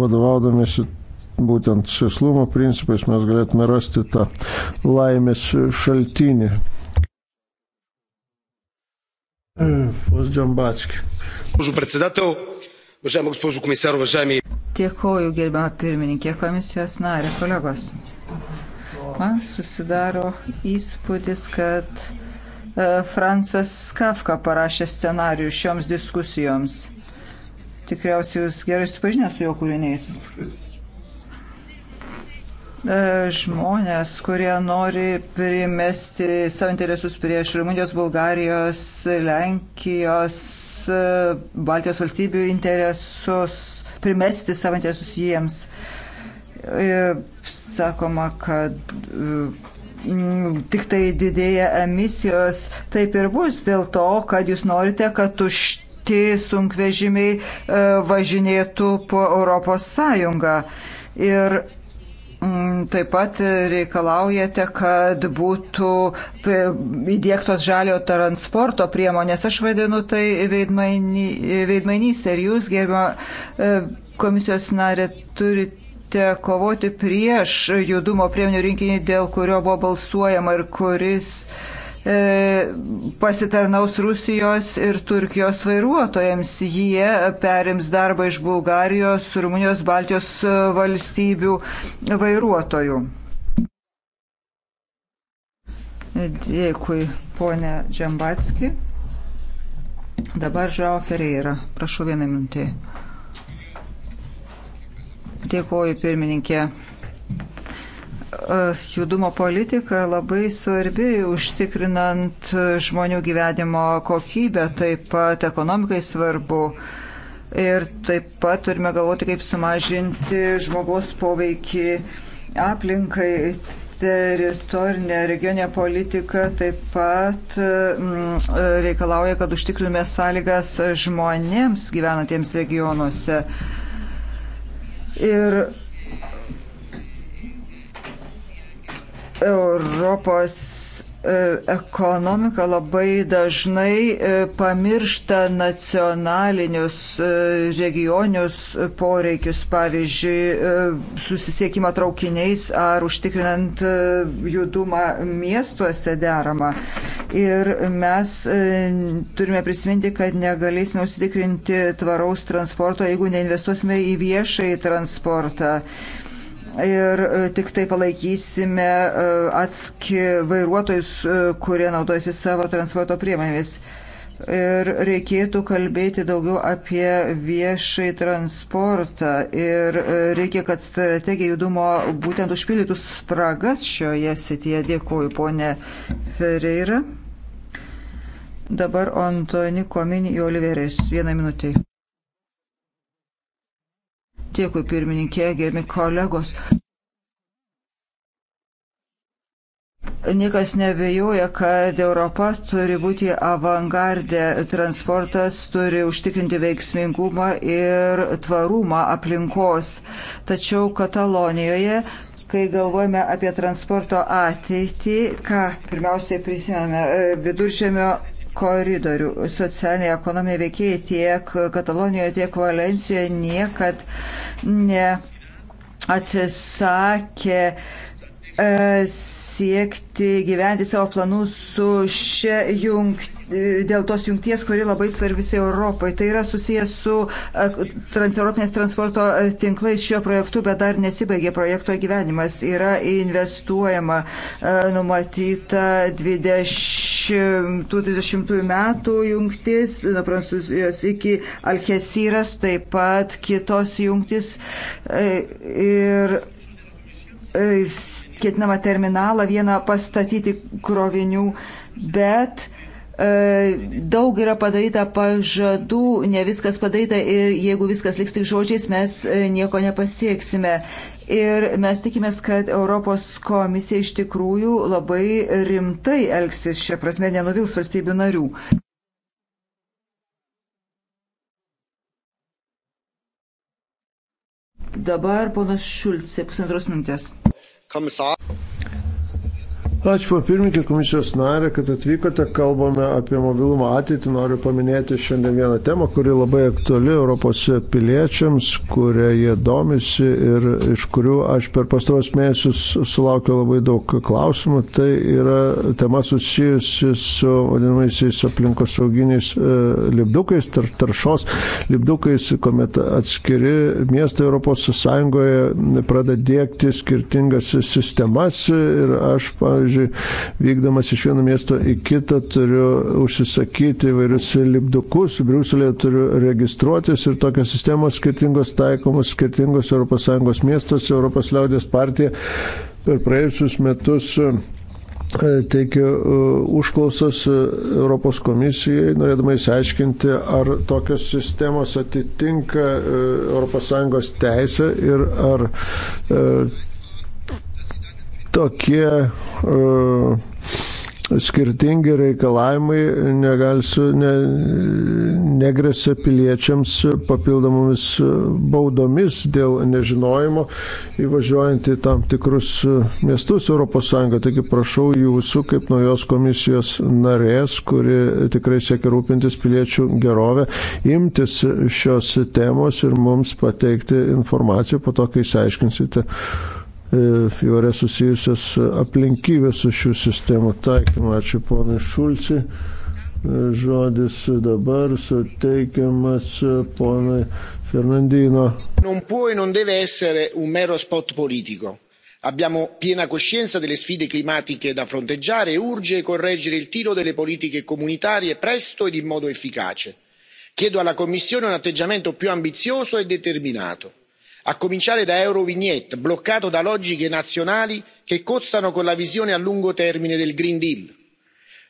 vadovaudamėsi būtent sėslumo principais mes galėtume rasti tą laimės šaltinį. Dėkoju, gerbama pirmininkė, komisijos narė, kolegos. Man susidaro įspūdis, kad e, Francas Kafka parašė scenarių šioms diskusijoms Tikriausiai jūs gerai susipažinę su jo kūriniais. E, žmonės, kurie nori primesti savo interesus prieš Rumunijos, Bulgarijos, Lenkijos, e, Baltijos valstybių interesus, primesti savo interesus jiems. E, sakoma, kad tik tai didėja emisijos, taip ir bus dėl to, kad jūs norite, kad tušti kiti sunkvežimiai e, važinėtų po Europos Sąjungą. Ir mm, Taip pat reikalaujate, kad būtų e, įdėktos žalio transporto priemonės. Aš vadinu tai veidmainys. Ir jūs, gerbimo e, komisijos narė, turite kovoti prieš judumo priemonių rinkinį, dėl kurio buvo balsuojama ir kuris uh, E, pasitarnaus Rusijos ir Turkijos vairuotojams. Jie perims darbą iš Bulgarijos, Rumunijos, Baltijos valstybių vairuotojų. Dėkui, ponė Džambatski. Dabar Žao Ferreira. Prašau vieną minutį. Dėkuoju, pirmininkė. E, judumo politika labai svarbi užtikrinant e, žmonių gyvenimo kokybę, taip pat ekonomikai svarbu. Ir taip pat turime galvoti, kaip sumažinti žmogaus poveikį aplinkai, teritorinė regionė politika taip pat e, reikalauja, kad užtikrintume sąlygas žmonėms gyvenantiems regionuose. Ir Europos e, ekonomika labai dažnai e, pamiršta nacionalinius e, regionius poreikius, pavyzdžiui, susisiekimą traukiniais ar užtikrinant judumą miestuose deramą. Ir mes turime prisiminti, kad negalėsime užsitikrinti tvaraus transporto, jeigu neinvestuosime į viešąjį transportą ir e, tik tai palaikysime e, atski vairuotojus, e, kurie naudojasi savo transporto priemonėmis. Ir reikėtų kalbėti daugiau apie viešai transportą ir reikia, kad strategija judumo būtent užpildytų spragas šioje sityje. Dėkuoju, ponė Ferreira. Dabar Antoni Komini į Oliverės. Vieną minutį. Dėkui pirmininkė, gerbiami kolegos. Niekas nebejoja, kad Europa turi būti avangardė, transportas turi užtikrinti veiksmingumą ir tvarumą aplinkos. Tačiau Katalonijoje, kai galvojame apie transporto ateitį, ką pirmiausiai prisimame viduržėmio koridorių. Socialiniai ekonominiai veikėjai tiek Katalonijoje, tiek Valencijoje niekad neatsisakė. E, siekti gyventi savo planus su šia jungti. Dėl tos jungties, kuri labai svarbi visai Europai. Tai yra susijęs su e, transeuropinės transporto e, tinklais šio projektu, bet dar nesibaigė projekto gyvenimas. Yra investuojama e, numatyta 20-30 metų jungtis nuo Prancūzijos iki Alkesyras, taip pat kitos jungtis. Ir, ir ketinama terminalą vieną pastatyti krovinių, bet e, daug yra padaryta pažadų, ne viskas padaryta ir jeigu viskas liks tik žodžiais, mes e, nieko nepasieksime. Ir mes tikimės, kad Europos komisija iš tikrųjų labai rimtai elgsis šią prasme, nenuvils valstybių narių. Dabar ponas Šulcė, pusantros minutės kommissar! Ačiū papirminkė komisijos narė, kad atvykote, kalbame apie mobilumo ateitį. Noriu paminėti šiandien vieną temą, kuri labai aktuali Europos piliečiams, kurie jie domisi ir iš kurių aš per pastaros mėnesius sulaukiu labai daug klausimų. Tai yra tema susijusi su vadinamaisiais aplinkosauginiais e, lipdukais, tar, taršos lipdukais, kuomet atskiri miestai Europos Sąjungoje pradeda dėkti skirtingas sistemas ir aš, pavyzdžiui, pavyzdžiui, vykdamas iš vieno miesto į kitą turiu užsisakyti įvairius lipdukus, Briuselėje turiu registruotis ir tokios sistemos skirtingos taikomos skirtingos ES miestuose, Europos liaudės partija per praėjusius metus e, teikia e, užklausas e, Europos komisijai, norėdama įsiaiškinti, ar tokios sistemos atitinka ES teisę ir ar tokie uh, skirtingi reikalavimai negalsiu, ne, negresia piliečiams papildomomis baudomis dėl nežinojimo įvažiuojant į tam tikrus miestus ES. Taigi prašau jūsų kaip naujos komisijos narės, kuri tikrai siekia rūpintis piliečių gerovę, imtis šios temos ir mums pateikti informaciją po to, kai išsiaiškinsite įvairias e, susijusias aplinkybės su šių sistemų taikymu. Ačiū ponui Šulci. E, žodis dabar suteikiamas ponui Fernandino. Non può e non deve essere un mero spot politico. Abbiamo piena coscienza delle sfide climatiche da fronteggiare e urge correggere il tiro delle politiche comunitarie presto ed in modo efficace. Chiedo alla Commissione un atteggiamento più ambizioso e determinato a cominciare da eurovignette bloccato da logiche nazionali che cozzano con la visione a lungo termine del green deal.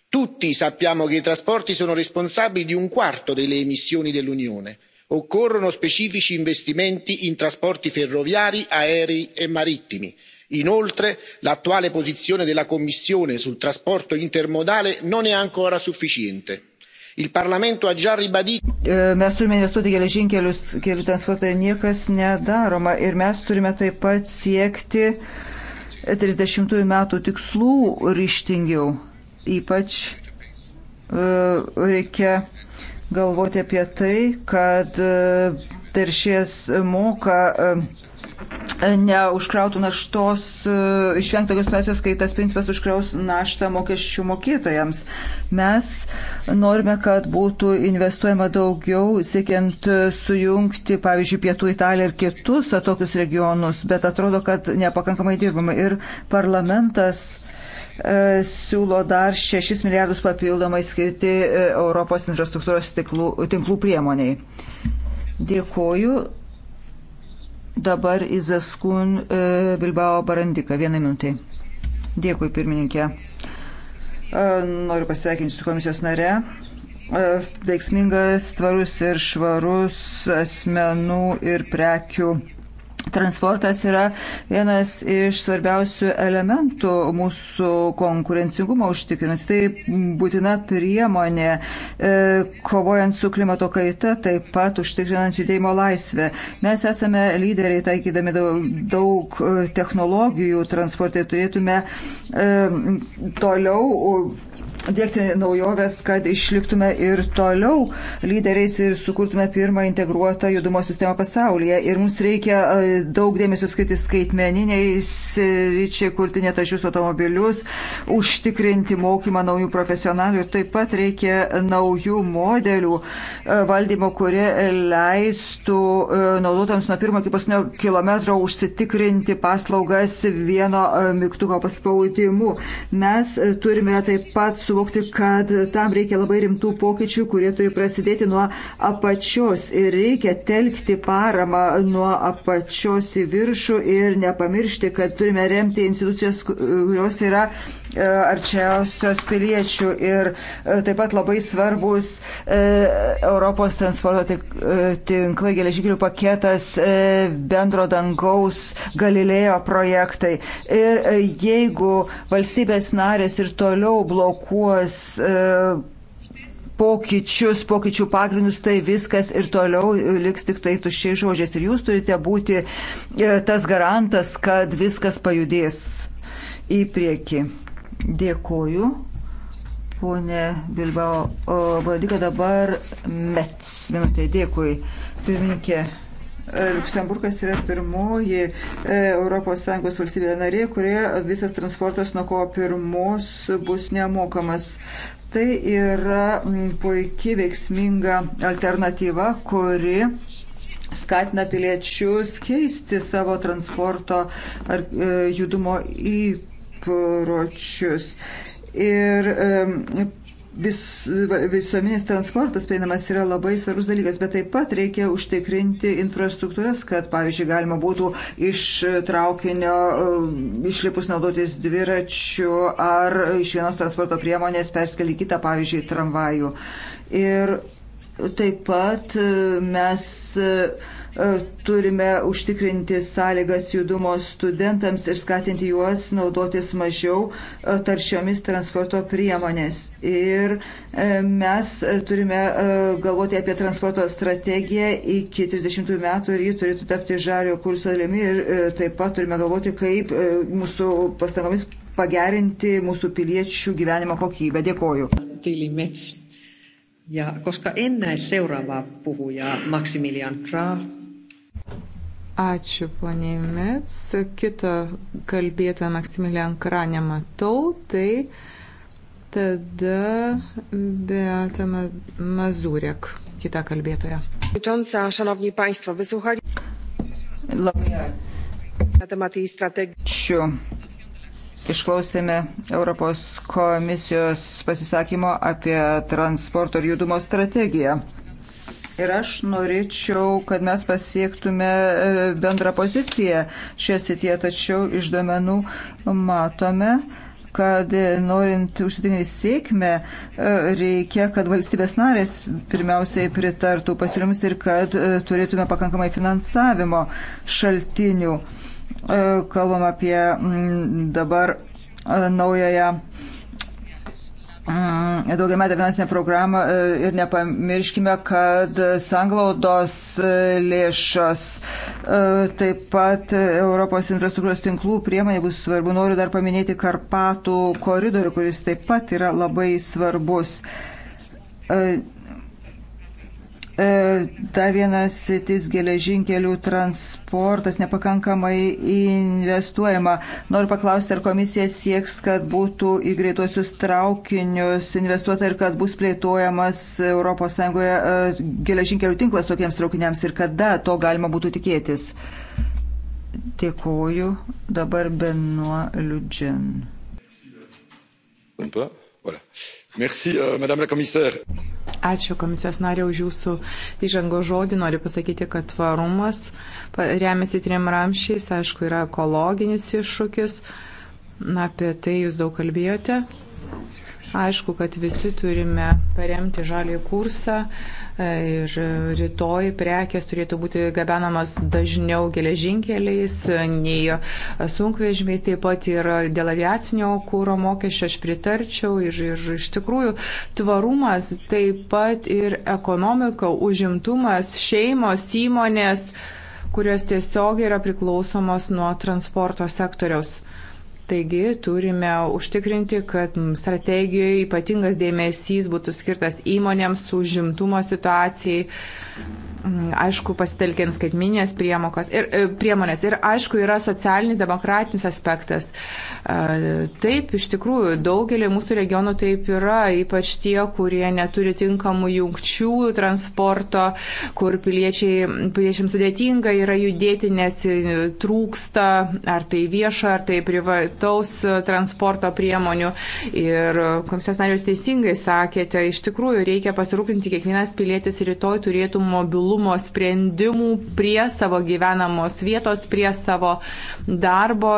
tutti sappiamo che i trasporti sono responsabili di un quarto delle emissioni dell'unione occorrono specifici investimenti in trasporti ferroviari aerei e marittimi. inoltre l'attuale posizione della commissione sul trasporto intermodale non è ancora sufficiente. E, mes turime investuoti geležinkelius, kelių transportą ir niekas nedaroma. Ir mes turime taip pat siekti 30 metų tikslų ryštingiau. Ypač e, reikia galvoti apie tai, kad e, teršės moka neužkrautų naštos, e, išvengtų tokios situacijos, kai tas principas užkraus naštą mokesčių mokėtojams. Mes norime, kad būtų investuojama daugiau, siekiant sujungti, pavyzdžiui, Pietų Italiją ir kitus atokius regionus, bet atrodo, kad nepakankamai dirbama. Ir parlamentas e, siūlo dar 6 milijardus papildomai skirti e, Europos infrastruktūros tinklų, tinklų priemoniai. Dėkuoju. Dabar Izaskun e, Bilbao Barandika. Vieną minutę. Dėkui, pirmininkė. E, noriu pasveikinti su komisijos nare e, veiksmingas, tvarus ir švarus asmenų ir prekių Transportas yra vienas iš svarbiausių elementų mūsų konkurencingumo užtikrinant. Tai būtina priemonė e, kovojant su klimato kaita, taip pat užtikrinant judėjimo laisvę. Mes esame lyderiai taikydami daug e, technologijų transportai, turėtume e, toliau dėkti naujoves, kad išliktume ir toliau lyderiais ir sukurtume pirmą integruotą judumo sistemą pasaulyje. Ir mums reikia e, daug dėmesio skirti skaitmeniniai sričiai, kurti netašius automobilius, užtikrinti mokymą naujų profesionalių ir taip pat reikia naujų modelių e, valdymo, kurie leistų e, naudotams nuo pirmo iki paskutinio kilometro užsitikrinti paslaugas vieno mygtuko paspaudimu. Mes turime taip pat suvokti, kad tam reikia labai rimtų pokyčių, kurie turi prasidėti nuo apačios ir reikia telkti paramą nuo apačios į viršų ir nepamiršti, kad turime remti institucijas, kurios yra E, arčiausios piliečių ir e, taip pat labai svarbus e, Europos transporto tinklai, geležinkelių paketas, bendro dangaus, Galilėjo projektai. Ir jeigu valstybės narės ir toliau blokuos pokyčius, pokyčių pagrindus, tai viskas ir toliau liks tik tai tuščiai žodžiais. Ir jūs turite būti tas garantas, kad viskas pajudės į priekį. Dėkoju. Pone Bilbao, vadika dabar Mets. Minutė, dėkui. Pirmininkė, e, Luksemburgas yra pirmoji ES valstybė narė, kurioje visas transportas nuo kovo pirmos bus nemokamas. Tai yra puikiai veiksminga alternatyva, kuri skatina piliečius keisti savo transporto ar e, judumo į įpročius. Ir vis, visuominis transportas prieinamas yra labai svarbus dalykas, bet taip pat reikia užtikrinti infrastruktūras, kad, pavyzdžiui, galima būtų iš traukinio išlipus naudotis dviračių ar iš vienos transporto priemonės perskelti kitą, pavyzdžiui, tramvajų. Ir taip pat mes E, turime užtikrinti sąlygas judumo studentams ir skatinti juos naudotis mažiau e, taršiomis transporto priemonės. Ir e, mes turime galvoti apie transporto strategiją iki 30 metų ir ji turėtų tapti žalio kurso dalimi ir taip pat turime galvoti, kaip mūsų pastangomis pagerinti mūsų piliečių gyvenimo kokybę. Dėkoju. Ja koska en näe seuraavaa puhujaa Maximilian Kraa, Ačiū, poniai Mets. Kito kalbėtojo Maksimilian Kra nematau, tai tada Beata Mazurek, kita kalbėtoja. Labai ačiū. Išklausėme Europos komisijos pasisakymo apie transporto ir judumo strategiją. Ir aš norėčiau, kad mes pasiektume e, bendrą poziciją šioje sityje, tačiau iš duomenų matome, kad e, norint užsitikrinti sėkmę, e, reikia, kad valstybės narės pirmiausiai pritartų pasiūlymus ir kad turėtume pakankamai finansavimo šaltinių. Kalbam apie dabar naująją Mm, daugiametę finansinę programą e, ir nepamirškime, kad sanglaudos e, lėšos, e, taip pat Europos infrastruktūros tinklų priemonė bus svarbu. Noriu dar paminėti Karpatų koridorių, kuris taip pat yra labai svarbus E, ta vienas sitis geležinkelių transportas nepakankamai investuojama. Noriu paklausti, ar komisija sieks, kad būtų į greituosius traukinius investuota ir kad bus plėtojamas ES e, geležinkelių tinklas tokiems traukiniams ir kada to galima būtų tikėtis. Dėkuoju. Dabar Benuo Liudžin. Voilà. Merci, euh, madame la commissaire. Ačiū komisijos narė už jūsų įžango žodį. Noriu pasakyti, kad tvarumas remiasi trim ramšiais, aišku, yra ekologinis iššūkis. Na, apie tai jūs daug kalbėjote. Aišku, kad visi turime paremti žalį kursą e, ir rytoj prekės turėtų būti gabenamas dažniau geležinkeliais nei sunkvežimiais, taip pat ir dėl aviacinio kūro mokesčio aš pritarčiau ir, ir iš tikrųjų tvarumas, taip pat ir ekonomika, užimtumas, šeimos, įmonės kurios tiesiog yra priklausomos nuo transporto sektoriaus. Taigi turime užtikrinti, kad strategijoje ypatingas dėmesys būtų skirtas įmonėms, užimtumo situacijai Mm, aišku, pasitelkiant skaitminės priemokas ir e, priemonės. Ir aišku, yra socialinis demokratinis aspektas. E, taip, iš tikrųjų, daugelį mūsų regionų taip yra, ypač tie, kurie neturi tinkamų jungčių transporto, kur piliečiai, piliečiams sudėtinga yra judėti, nes e, trūksta ar tai viešo, ar tai privataus transporto priemonių. Ir komisijos narius teisingai sakėte, iš tikrųjų reikia pasirūpinti, kiekvienas pilietis rytoj turėtų mobilų mobilumo sprendimų prie savo gyvenamos vietos, prie savo darbo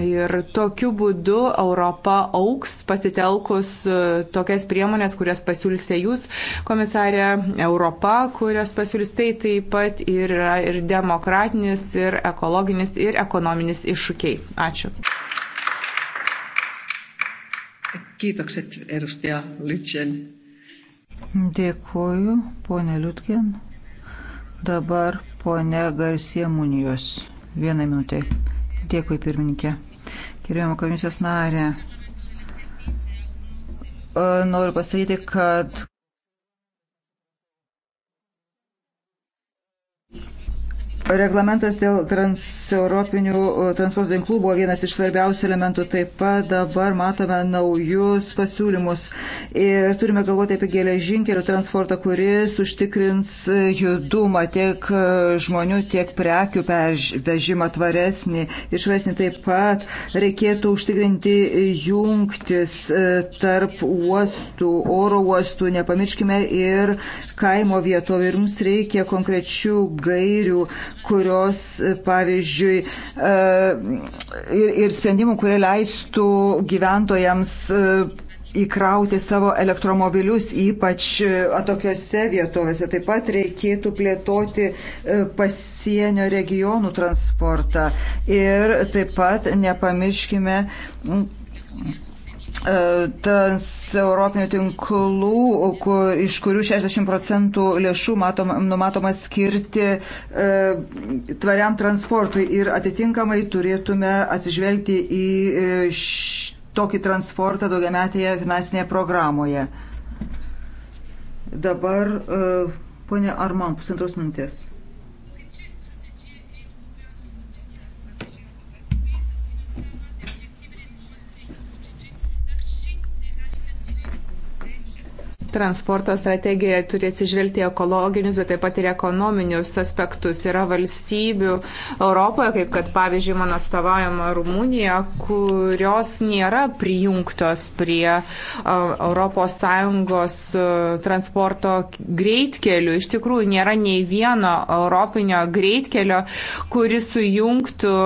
ir tokiu būdu Europa auks pasitelkus e, tokias priemonės, kurias pasiūlysite jūs, komisarė, Europa, kurias pasiūlysite tai taip pat ir, ir demokratinis, ir ekologinis, ir ekonominis iššūkiai. Ačiū. Kiitokset edustaja Lytsen. Dėkuoju, ponė Liutgen. Dabar ponia Garsie Munijos. Vieną minutę. Dėkui, pirmininkė. Gerbėjimo komisijos narė. Noriu pasakyti, kad Reglamentas dėl transeuropinių e, transporto tinklų buvo vienas iš svarbiausių elementų. Taip pat dabar matome naujus pasiūlymus ir turime galvoti apie geležinkelių transportą, kuris užtikrins e, judumą tiek e, žmonių, tiek prekių vežimą tvaresnį, išvesnį. Taip pat reikėtų užtikrinti jungtis tarp uostų, oro uostų, nepamirškime ir kaimo vietovių. Ir mums reikia konkrečių gairių kurios, e, pavyzdžiui, e, ir, ir sprendimų, kurie leistų gyventojams e, įkrauti savo elektromobilius, ypač atokiose vietovėse. Taip pat reikėtų plėtoti pasienio regionų transportą. Ir taip pat nepamirškime E, tas Europinių tinklų, kur, iš kurių 60 procentų lėšų matom, numatoma skirti e, tvariam transportui ir atitinkamai turėtume atsižvelgti į e, š, tokį transportą daugiametėje finansinėje programoje. Dabar, e, ponė Arman, pusantros minutės. transporto strategija turi atsižvelgti ekologinius, bet taip pat ir ekonominius aspektus. Yra valstybių Europoje, kaip kad pavyzdžiui mano atstovaujama Rumunija, kurios nėra prijungtos prie ES transporto greitkelių. Iš tikrųjų, nėra nei vieno europinio greitkelio, kuris sujungtų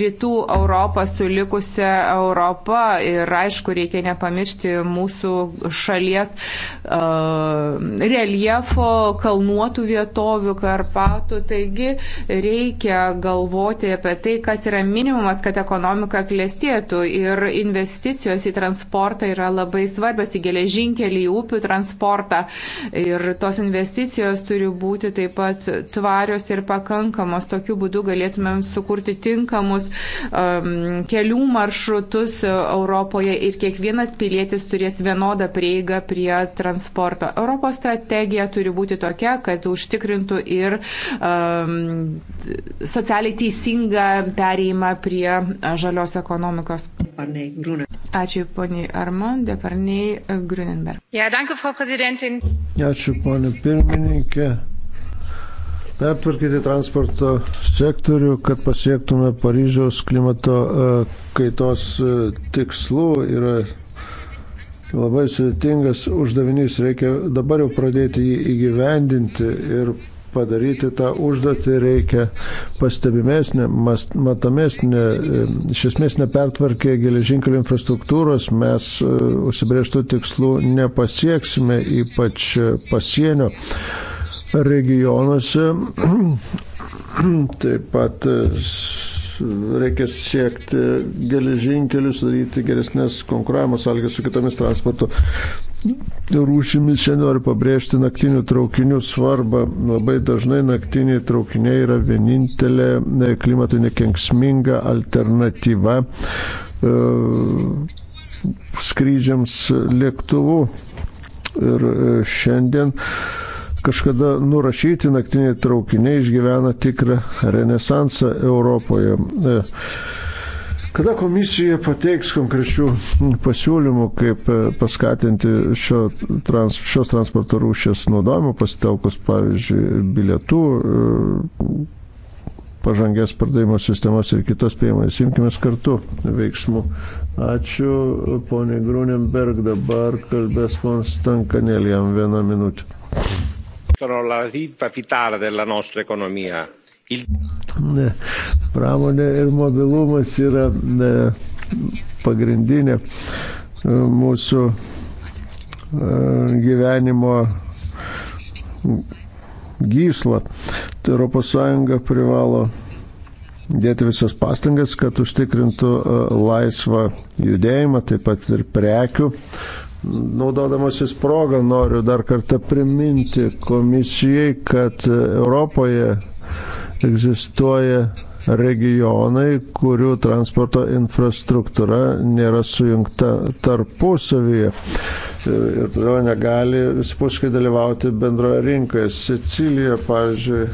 rytų Europą su likusia Europa. Ir aišku, reikia nepamiršti mūsų šalies reliefo, kalnuotų vietovių, Karpatų. Taigi reikia galvoti apie tai, kas yra minimumas, kad ekonomika klėstėtų. Ir investicijos į transportą yra labai svarbios, į geležinkelį, į upių transportą. Ir tos investicijos turi būti taip pat tvarios ir pakankamos. Tokiu būdu galėtumėm sukurti tinkamus um, kelių maršrutus Europoje ir kiekvienas pilietis turės vienodą prieigą prie transporto transporto. Europos strategija turi būti tokia, kad užtikrintų ir um, socialiai teisingą pereimą prie žalios ekonomikos. Ačiū, poniai Armand, deparniai Grunenberg. Ja, danke, Ačiū, ponė pirmininkė. Pertvarkyti transporto sektorių, kad pasiektume Paryžiaus klimato kaitos tikslų, yra labai sudėtingas uždavinys, reikia dabar jau pradėti jį įgyvendinti ir padaryti tą užduotį reikia pastebimesnė, matomesnė, iš esmės nepertvarkė geležinkelio infrastruktūros, mes e, užsibrieštų tikslų nepasieksime, ypač pasienio regionuose. Taip pat e, reikia siekti geležinkelius, daryti geresnės konkuravimo sąlygas su kitomis transporto rūšimis. Čia noriu pabrėžti naktinių traukinių svarbą. Labai dažnai naktiniai traukiniai yra vienintelė e, klimatui nekenksminga alternatyva e, skrydžiams lėktuvu. Ir e, šiandien uh, kažkada nurašyti naktiniai traukiniai išgyvena tikrą renesansą Europoje. E, kada komisija pateiks konkrečių pasiūlymų, kaip e, paskatinti šio trans, šios transporto rūšės naudojimą, pasitelkus, pavyzdžiui, bilietų, e, pažangės pardavimo sistemas ir kitas priemonės. Imkime kartu veiksmų. Ačiū, ponė Grunenberg, dabar kalbės man Stankanėlį jam vieną minutę rappresentano la riva vitale della nostra economia. Il... Pramonė ir mobilumas yra pagrindinė e, mūsų e, gyvenimo gysla. Tai ES privalo dėti visas pastangas, kad užtikrintų e, laisvą judėjimą, taip pat ir prekių Naudodamasis progą noriu dar kartą priminti komisijai, kad Europoje egzistuoja regionai, kurių transporto infrastruktūra nėra sujungta tarpusavyje ir todėl negali visipuškai dalyvauti bendroje rinkoje. Sicilija, pavyzdžiui,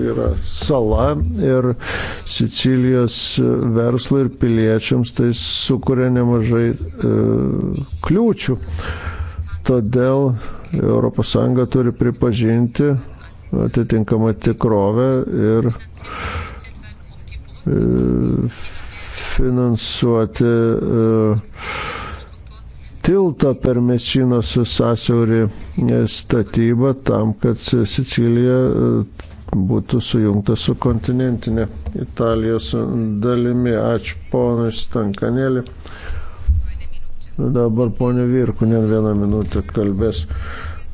yra sala ir Sicilijos verslui ir piliečiams tai sukuria nemažai e, kliūčių. Todėl ES turi pripažinti atitinkamą tikrovę ir e, finansuoti uh, tilto per Mesinos sąsiaurį e, statybą tam, kad Sicilija e, būtų sujungta su kontinentinė Italijos dalimi. Ačiū ponui Stankanėlį. Dabar ponė Virkunė vieną minutę kalbės.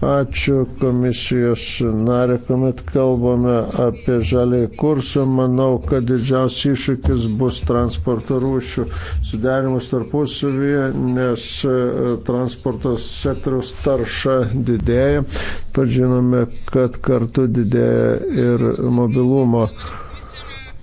Ačiū komisijos narė, kuomet kalbame apie žalį kursą. Manau, kad didžiausias iššūkis bus transporto rūšių sudarimus tarpusavyje, nes e, transporto sektoriaus tarša didėja. Pažinome, kad kartu didėja ir mobilumo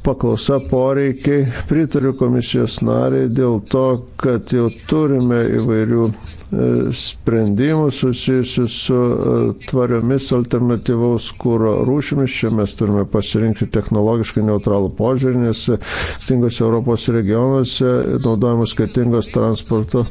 paklausa poreikiai. Pritariu komisijos nariai dėl to, kad jau turime įvairių E, sprendimų susijusių su e, tvariomis alternatyvaus kūro rūšimis. Čia mes turime pasirinkti technologiškai neutralų požiūrį, nes skirtingose Europos regionuose naudojamos skirtingos transporto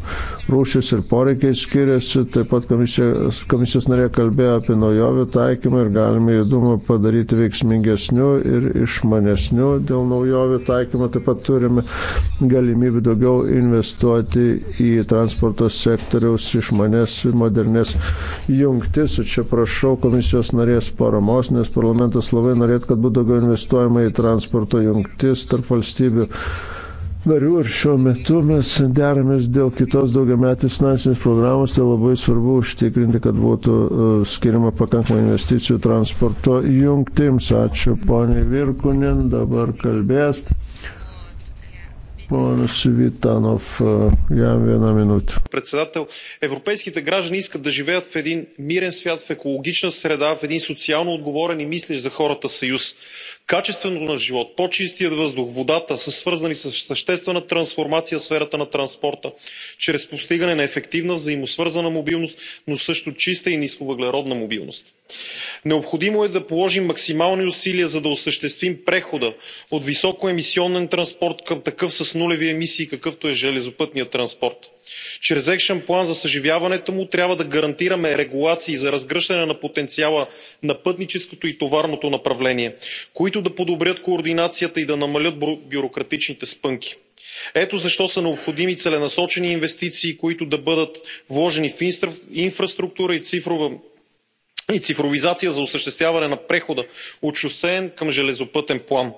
rūšis ir poreikiai skiriasi. Taip pat komisijos, komisijos narė kalbėjo apie naujovių taikymą ir galime judumą padaryti veiksmingesniu ir išmanesniu dėl naujovių taikymo. Taip pat turime galimybę daugiau investuoti į transporto sektorių sektoriaus išmanes modernės jungtis. Čia prašau komisijos narės paramos, nes parlamentas labai norėtų, kad būtų daugiau investuojama į transporto jungtis tarp valstybių narių ir šiuo metu mes deramės dėl kitos daugiametės finansinės programos, tai labai svarbu užtikrinti, kad būtų e, skiriama pakankamai investicijų transporto jungtims. Ačiū poniai Virkunin, dabar kalbės Ponas Витанов, e, jam vieną минуту. Председател, европейските граждани искат да живеят в един мирен свят, в екологична среда, в един социално отговорен и мислещ за хората съюз качествен живот по чистия въздух водата са свързани със съществена трансформация в сферата на транспорта чрез постигане на ефективна взаимосвързана мобилност но също чиста и нисковъглеродна мобилност. необходимо е да положим максимални усилия за да осъществим прехода от високоемисионен транспорт към такъв с нулеви емисии какъвто е железопътният транспорт чрез екшън план за съживяването му трябва да гарантираме регулации за разгръщане на потенциала на пътническото и товарното направление които да подобрят координацията и да намалят бюрократичните спънки. ето защо са необходими целенасочени инвестиции които да бъдат вложени в инфраструктура и цифровизация за осъществяване на прехода от шосеен към железопътен план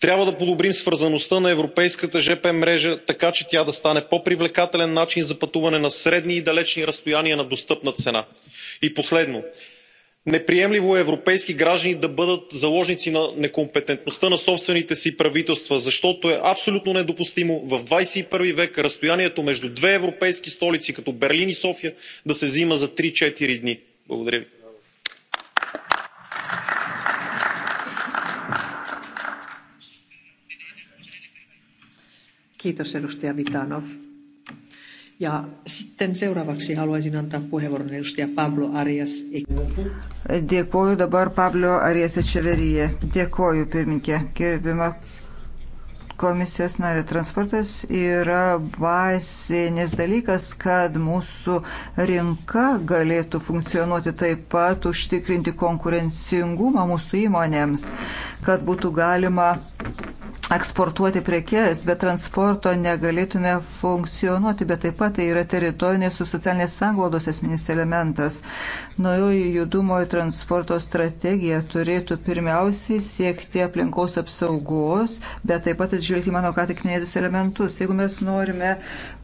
трябва да подобрим свързаността на европейската жп мрежа така че тя да стане по привлекателен начин за пътуване на средни и далечни разстояния на достъпна цена. и последно неприемливо е европейски граждани да бъдат заложници на некомпетентността на собствените си правителства защото е абсолютно недопустимо в xxi век разстоянието между две европейски столици като берлин и софия да се взима за три четири дни. благодаря ви. Kiitos edustaja Vitanov. Ja sitten seuraavaksi haluaisin antaa puheenvuoron edustaja Pablo Arias. Dėkoju dabar Pablo Arias Echeveryje. Dėkoju pirminkė. Gerbima komisijos nario transportas yra bazinis dalykas, kad mūsų rinka galėtų funkcionuoti taip pat, užtikrinti konkurencingumą mūsų įmonėms, kad būtų galima eksportuoti prekes, be transporto negalėtume funkcionuoti, bet taip pat tai yra teritorinės su socialinės sanglaudos esminis elementas. Naujoji judumo ir transporto strategija turėtų pirmiausiai siekti aplinkos apsaugos, bet taip pat atžvelgti mano ką tik minėtus elementus. Jeigu mes norime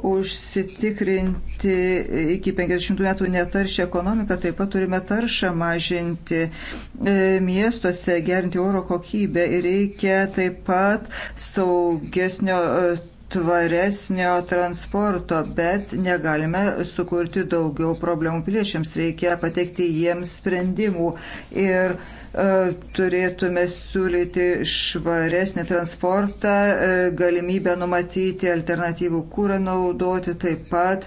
užsitikrinti iki 50 metų netaršę ekonomiką, taip pat turime taršą mažinti e, miestuose, gerinti oro kokybę ir reikia taip pat saugesnio e, tvaresnio transporto, bet negalime sukurti daugiau problemų piliečiams, reikia pateikti jiems sprendimų ir e, turėtume siūlyti švaresnį transportą, e, galimybę numatyti alternatyvų kūrą naudoti taip pat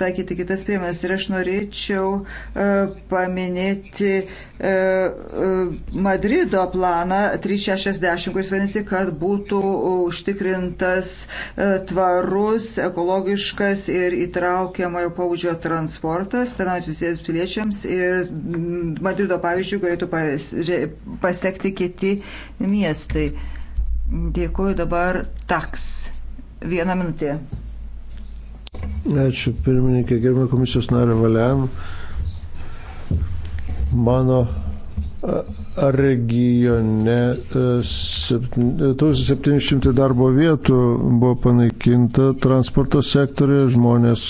taikyti kitas priemonės. Ir aš norėčiau e, paminėti e, e, Madrido planą 360, kuris vadinasi, kad būtų užtikrintas tvarus, ekologiškas ir įtraukiamojo paudžio transportas tenais visiems piliečiams ir Madrido pavyzdžių galėtų pasiekti kiti miestai. Dėkuoju dabar taks. Vieną minutę. Ačiū pirmininkė, gerbimo komisijos nario valiam. Mano regione 1700 e, e, darbo vietų buvo panaikinta transporto sektorė, žmonės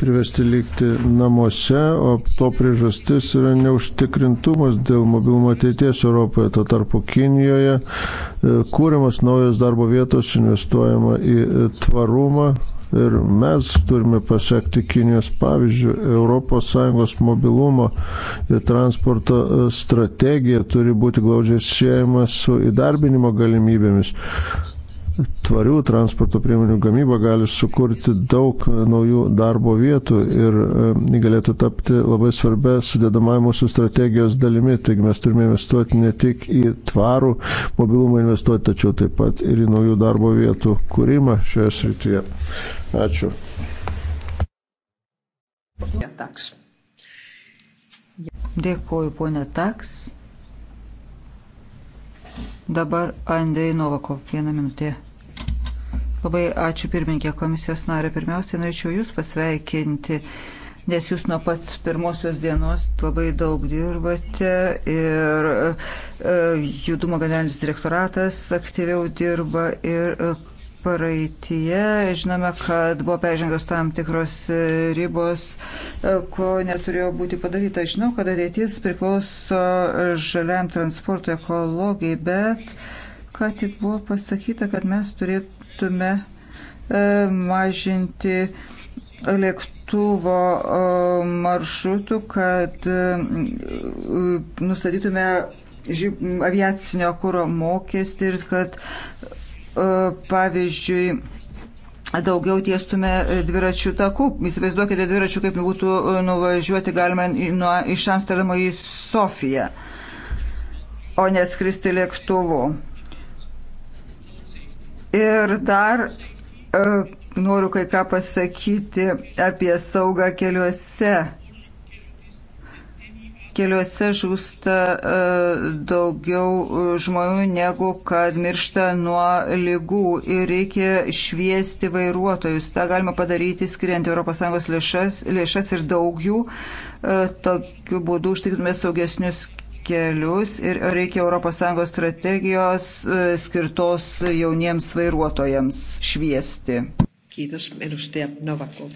priversti likti namuose, o to priežastis yra neužtikrintumas dėl mobilumo ateities Europoje. Tuo tarpu Kinijoje e, kūriamas naujas darbo vietos, investuojama į e, tvarumą, ir mes turime pasiekti Kinijos pavyzdžių. ES mobilumo ir transporto e, strategija turi būti glaudžiai siejama su įdarbinimo galimybėmis tvarių transporto priemonių gamyba gali sukurti daug naujų darbo vietų ir e, galėtų tapti labai svarbia sudėdamąją mūsų strategijos dalimi. Taigi mes turime investuoti ne tik į tvarų mobilumą investuoti, tačiau taip pat ir į naujų darbo vietų kūrimą šioje srityje. Ačiū. Dėkuoju, ponė Taks. Dabar Andrei Novakov, vieną minutę. Labai ačiū pirmininkė komisijos narė. Pirmiausiai norėčiau Jūs pasveikinti, nes Jūs nuo pats pirmosios dienos labai daug dirbate ir e, judumo generalinis direktoratas aktyviau dirba ir e, praeitie žinome, kad buvo peržengtos tam tikros e, ribos, e, ko neturėjo būti padaryta. Žinau, kad ateitis priklauso žaliam transportui, ekologijai, bet ką tik buvo pasakyta, kad mes turėtume galėtume e, mažinti lėktuvo e, maršrutų, kad e, nustatytume aviacinio kūro mokestį ir kad pavyzdžiui daugiau tiestume dviračių takų. Įsivaizduokite dviračių, kaip būtų nuvažiuoti galima nuo, iš Amsterdamo į Sofiją, o neskristi lėktuvu. Ir dar e, noriu kai ką pasakyti apie saugą keliuose. Keliuose žūsta e, daugiau žmonių negu kad miršta nuo lygų ir reikia šviesti vairuotojus. Ta galima padaryti skiriant ES lėšas, lėšas ir daug jų. E, tokiu būdu užtikrintume saugesnius kelius ir reikia ES strategijos e, skirtos jauniems vairuotojams šviesti. Kiitos, edustaja Novakov.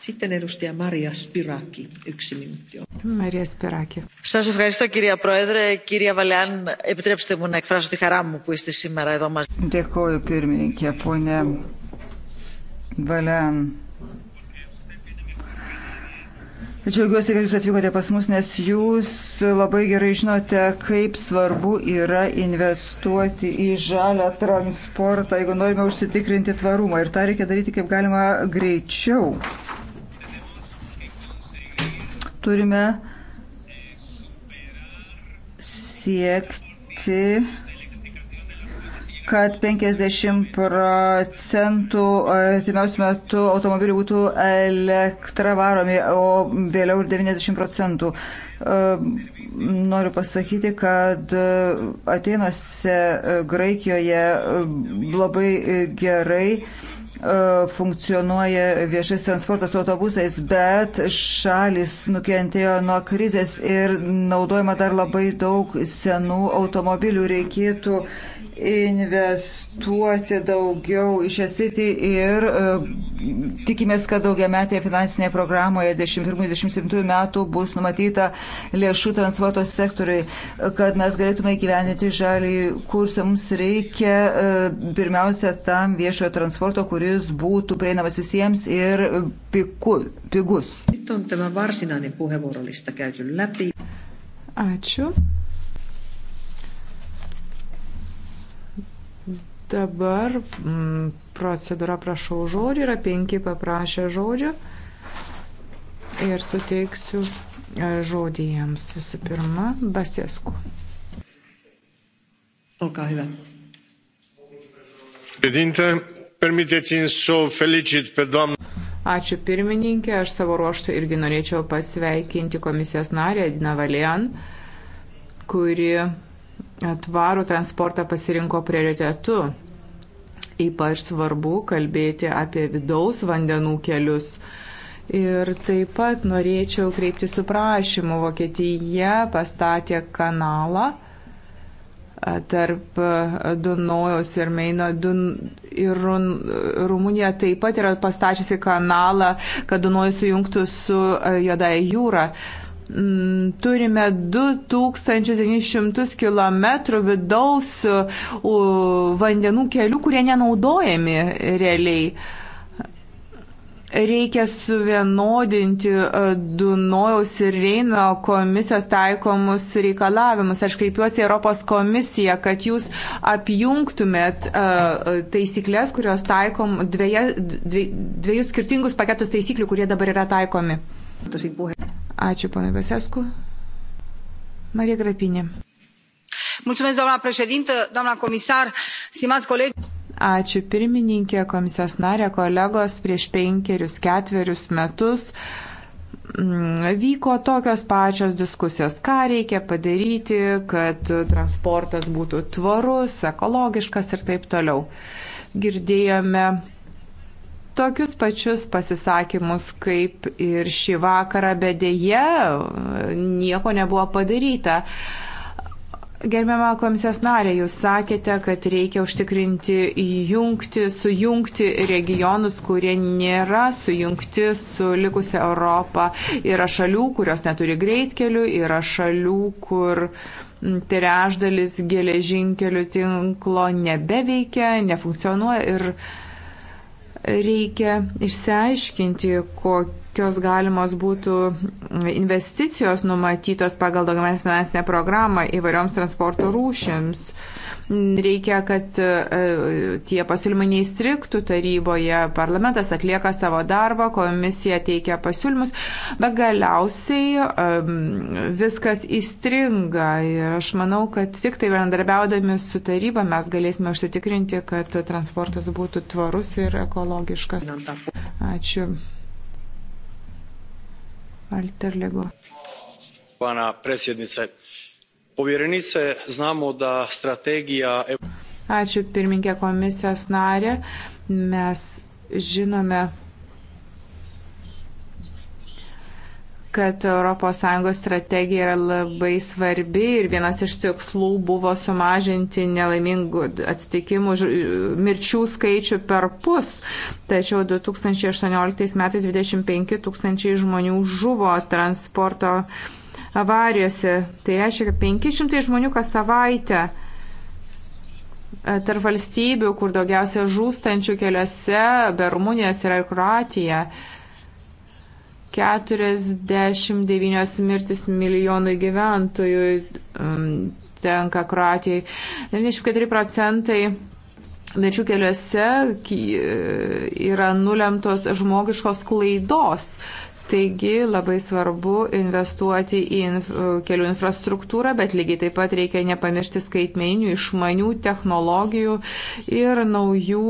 Sitten edustaja Maria Spiraki, yksi minuutti. Maria Spiraki. Σας ευχαριστώ κυρία Πρόεδρε. Κυρία Βαλεάν, επιτρέψτε μου να εκφράσω τη χαρά μου που είστε σήμερα εδώ μαζί. Dėkoju pirmininkė, ponė Valen. Džiaugiuosi, kad jūs atvykote pas mus, nes jūs labai gerai žinote, kaip svarbu yra investuoti į žalę transportą, jeigu norime užsitikrinti tvarumą. Ir tą reikia daryti kaip galima greičiau. Turime siekti kad 50 procentų e, artimiausių metų automobilių būtų elektra varomi, o vėliau ir 90 procentų. E, noriu pasakyti, kad e, Atenose, Graikijoje labai gerai funkcionuoja viešas transportas autobusais, bet šalis nukentėjo nuo krizės ir naudojama dar labai daug senų automobilių. Reikėtų uh, investuoti daugiau į šią sritį ir e, tikimės, kad daugiametėje finansinėje programoje 2021-2027 metų bus numatyta lėšų transporto sektoriai, kad mes galėtume įgyveninti žalį kursą. Mums reikia e, pirmiausia tam viešojo transporto, kuris būtų prieinamas visiems ir piku, pigus. Ačiū. Dabar m, mm, procedūra prašau žodžio, yra penki paprašę žodžio ir suteiksiu e, žodį jiems visų pirma Basesku. Olkaa hyvä. Ačiū pirmininkė, aš savo ruoštų irgi norėčiau pasveikinti komisijos narę Edina Valian, kuri tvarų transportą pasirinko prioritetu. Ypač svarbu kalbėti apie vidaus vandenų kelius. Ir taip pat norėčiau kreipti su prašymu. Vokietija pastatė kanalą tarp Dunojaus ir Meino. Dun... Ir Rumunija taip pat yra pastačiusi kanalą, kad Dunojus sujungtų su Jodąja jūra. Uh, turime 2900 km vidaus vandenų kelių, kurie nenaudojami realiai. Reikia suvienodinti e, Dunojaus ir Reino komisijos taikomus reikalavimus. Aš kreipiuosi Europos komisiją, kad jūs apjungtumėt e, taisyklės, kurios taikom dvieja, dviejus skirtingus paketus taisyklių, kurie dabar yra taikomi. Ačiū, ponai Vesesku. Marija Grapinė. Mulțumesc, doamna președintă, doamna comisar, stimați colegi. Ačiū pirmininkė, komisijos narė, kolegos, prieš penkerius, ketverius metus mm, vyko tokios pačios diskusijos, ką reikia padaryti, kad transportas būtų tvarus, ekologiškas ir taip toliau. Girdėjome tokius pačius pasisakymus kaip ir šį vakarą, bet dėje e, nieko nebuvo padaryta. Gerbiamą komisijos narę, jūs sakėte, kad reikia užtikrinti jungti, sujungti regionus, kurie nėra sujungti su likusia Europa. Yra šalių, kurios neturi greitkelių, yra šalių, kur trešdalis geležinkelių tinklo nebeveikia, nefunkcionuoja ir reikia išsiaiškinti, kokie kokios galimos būtų investicijos numatytos pagal daugiametę finansinę programą įvairioms transporto rūšims. Uh, Reikia, kad e, tie pasiūlymai neįstriktų taryboje, parlamentas atlieka savo darbą, komisija teikia pasiūlymus, bet galiausiai viskas įstringa ir aš manau, kad tik tai bendarbiaudami su taryba mes galėsime užsitikrinti, kad transportas būtų tvarus ir ekologiškas. Ačiū. Alter Lego. Pana predsjednice, Povjerenice, znamo da strategija. Ačiū pirmininkė komisijos narė. Mes žinome, kad ES strategija yra labai svarbi ir vienas iš tikslų buvo sumažinti nelaimingų atsitikimų mirčių skaičių per pus. Tačiau 2018 metais 25 tūkstančiai žmonių žuvo transporto avarijose. Tai reiškia, kad 500 žmonių kas savaitę e, tarp valstybių, kur daugiausia žūstančių keliuose, be Rumunijos yra ir Kroatija. 49 mirtis milijonui gyventojų tenka Kroatijai. 94 procentai mirčių keliuose e, yra nulemtos žmogiškos klaidos. Uh, Taigi labai svarbu investuoti į inf kelių infrastruktūrą, bet lygiai taip pat reikia nepamiršti skaitmeninių išmanių technologijų ir naujų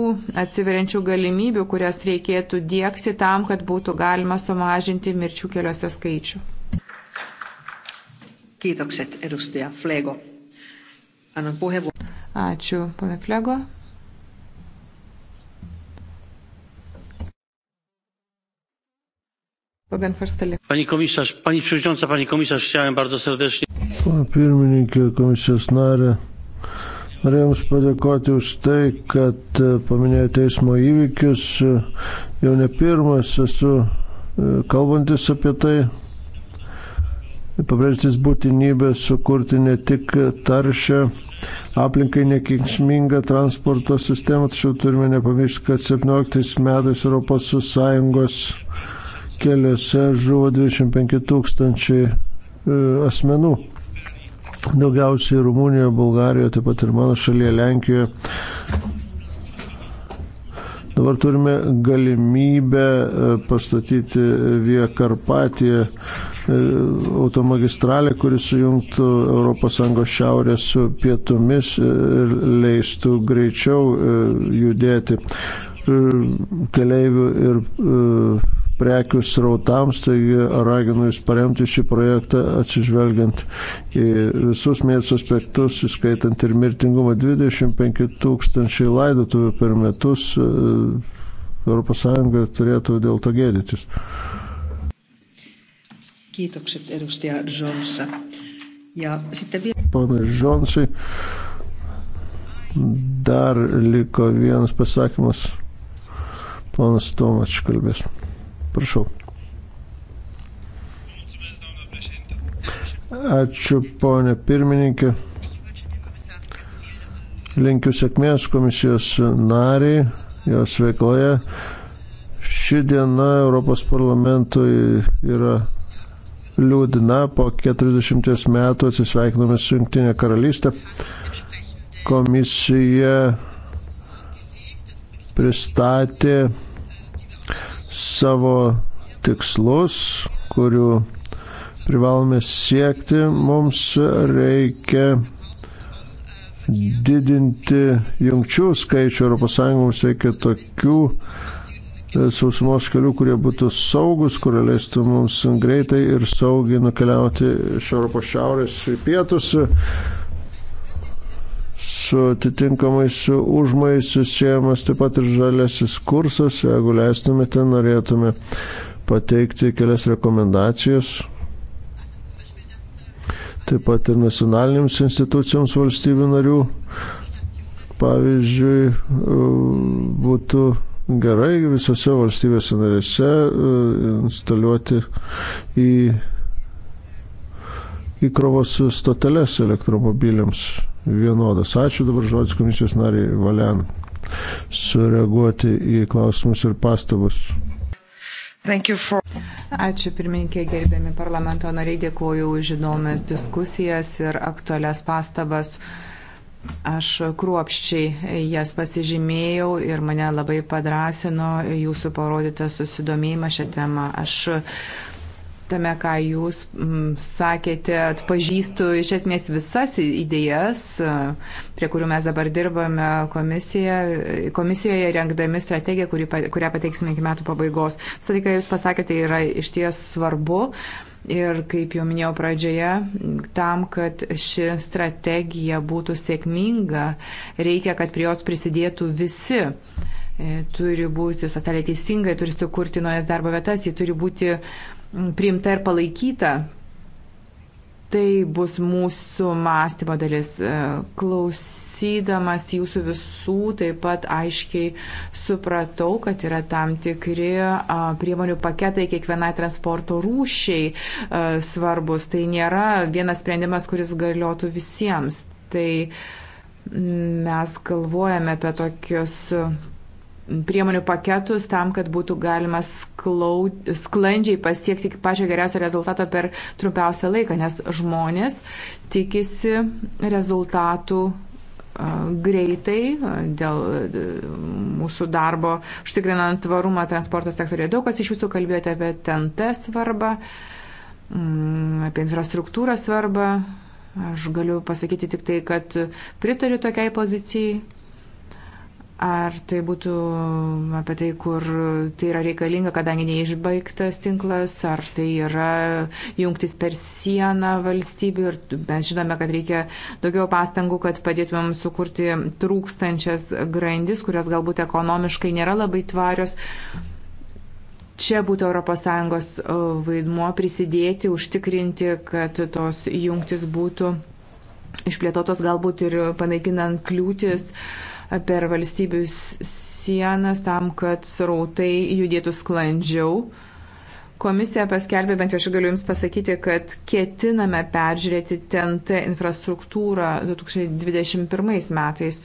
atsiveriančių galimybių, kurias reikėtų dėkti tam, kad būtų galima sumažinti mirčių keliuose skaičių. Kiitokset, edustaja Flego. Annan puheenvuoron. Ačiū, pane Flego. Bogan Farstelė. Pani komisarz, pani przewodnicząca, pani komisarz, chciałem bardzo serdecznie. Pana pirmininkė, komisijos narė. Norėjau Jums padėkoti už tai, kad e, paminėjote eismo įvykius. E, jau ne pirmas esu e, kalbantis apie tai. Pabrėžtis būtinybę sukurti ne tik taršę, aplinkai nekenksmingą transporto sistemą, tačiau turime nepamiršti, kad 17 metais ES keliuose žuvo 25 tūkstančiai e, asmenų. Daugiausiai Rumunijoje, Bulgarijoje, taip pat ir mano šalyje Lenkijoje. Dabar turime galimybę e, pastatyti Vie Karpatiją e, automagistralę, kuris sujungtų ES šiaurę su pietumis ir leistų greičiau judėti keleivių ir prekių srautams, taigi raginu Jūs paremti šį projektą atsižvelgiant į visus mėsų aspektus, įskaitant ir mirtingumą 25 tūkstančiai laidotuvių per metus. ES turėtų dėl to gėdytis. Kiitokset edustaja Jonsa. Ja sitten vielä... Pane Jonsai, dar liko vienas pasakymas. Ponas Tomač kalbės. Prašau. Ačiū, ponė pirmininkė. Linkiu sėkmės komisijos nariai, jos veikloje. Ši diena Europos parlamentui yra liūdna. Po 40 metų atsisveikiname su Junktinė karalystė. Komisija pristatė savo tikslus, kurių privalome siekti, mums reikia didinti jungčių skaičių ES, mums reikia tokių e, sausumos kelių, kurie būtų saugus, kurie leistų mums greitai ir saugiai nukeliauti iš Europos šiaurės į pietus su atitinkamais užmais susijęs taip pat ir žalesis kursas. Jeigu leistumėte, norėtume pateikti kelias rekomendacijas. Taip pat ir nacionalinėms institucijoms valstybių narių. Pavyzdžiui, būtų gerai visose valstybėse narėse e, instaliuoti į įkrovos stoteles elektromobiliams vienodas. Ačiū dabar žodis komisijos nariai Valen sureaguoti į klausimus ir pastabus. For... Ačiū pirmininkė, gerbėmi parlamento nariai, dėkuoju už įdomias diskusijas ir aktualias pastabas. Aš kruopščiai jas pasižymėjau ir mane labai padrasino jūsų parodytas susidomėjimas šią temą. Aš tame, ką jūs mm, sakėte, atpažįstu iš esmės visas idėjas, e, prie kurių mes dabar dirbame komisija, komisijoje, rengdami strategiją, kuri, kurią pateiksime iki metų pabaigos. Visą tai, ką jūs pasakėte, tai yra iš ties svarbu. Ir kaip jau minėjau pradžioje, tam, kad ši strategija būtų sėkminga, reikia, kad prie jos prisidėtų visi e, turi būti socialiai teisinga, turi sukurti naujas darbo vietas, ji turi būti Mm, priimta ir palaikyta, tai bus mūsų mąstymo dalis. E, klausydamas jūsų visų taip pat aiškiai supratau, kad yra tam tikri priemonių paketai kiekvienai transporto rūšiai e, svarbus. Tai nėra vienas sprendimas, kuris galiotų visiems. Tai mes galvojame apie tokius priemonių paketus tam, kad būtų galima sklau, sklandžiai pasiekti pačią geriausią rezultatą per trumpiausią laiką, nes žmonės tikisi rezultatų greitai dėl mūsų darbo, užtikrinant tvarumą transporto sektorėje. Daug kas iš jūsų kalbėjote apie TNT svarbą, mm, apie infrastruktūrą svarbą. Aš galiu pasakyti tik tai, kad pritariu tokiai pozicijai. Ar tai būtų apie tai, kur tai yra reikalinga, kadangi neišbaigtas tinklas, ar tai yra jungtis per sieną valstybių. Ir mes žinome, kad reikia daugiau pastangų, kad padėtumėm sukurti trūkstančias grandis, kurios galbūt ekonomiškai nėra labai tvarios. Čia būtų ES e, vaidmuo prisidėti, užtikrinti, kad tos jungtis būtų išplėtotos galbūt ir panaikinant kliūtis. Uh, per valstybių sienas tam, kad srautai judėtų sklandžiau. Komisija paskelbė, bent jau aš galiu Jums pasakyti, kad ketiname peržiūrėti TNT infrastruktūrą 2021 metais.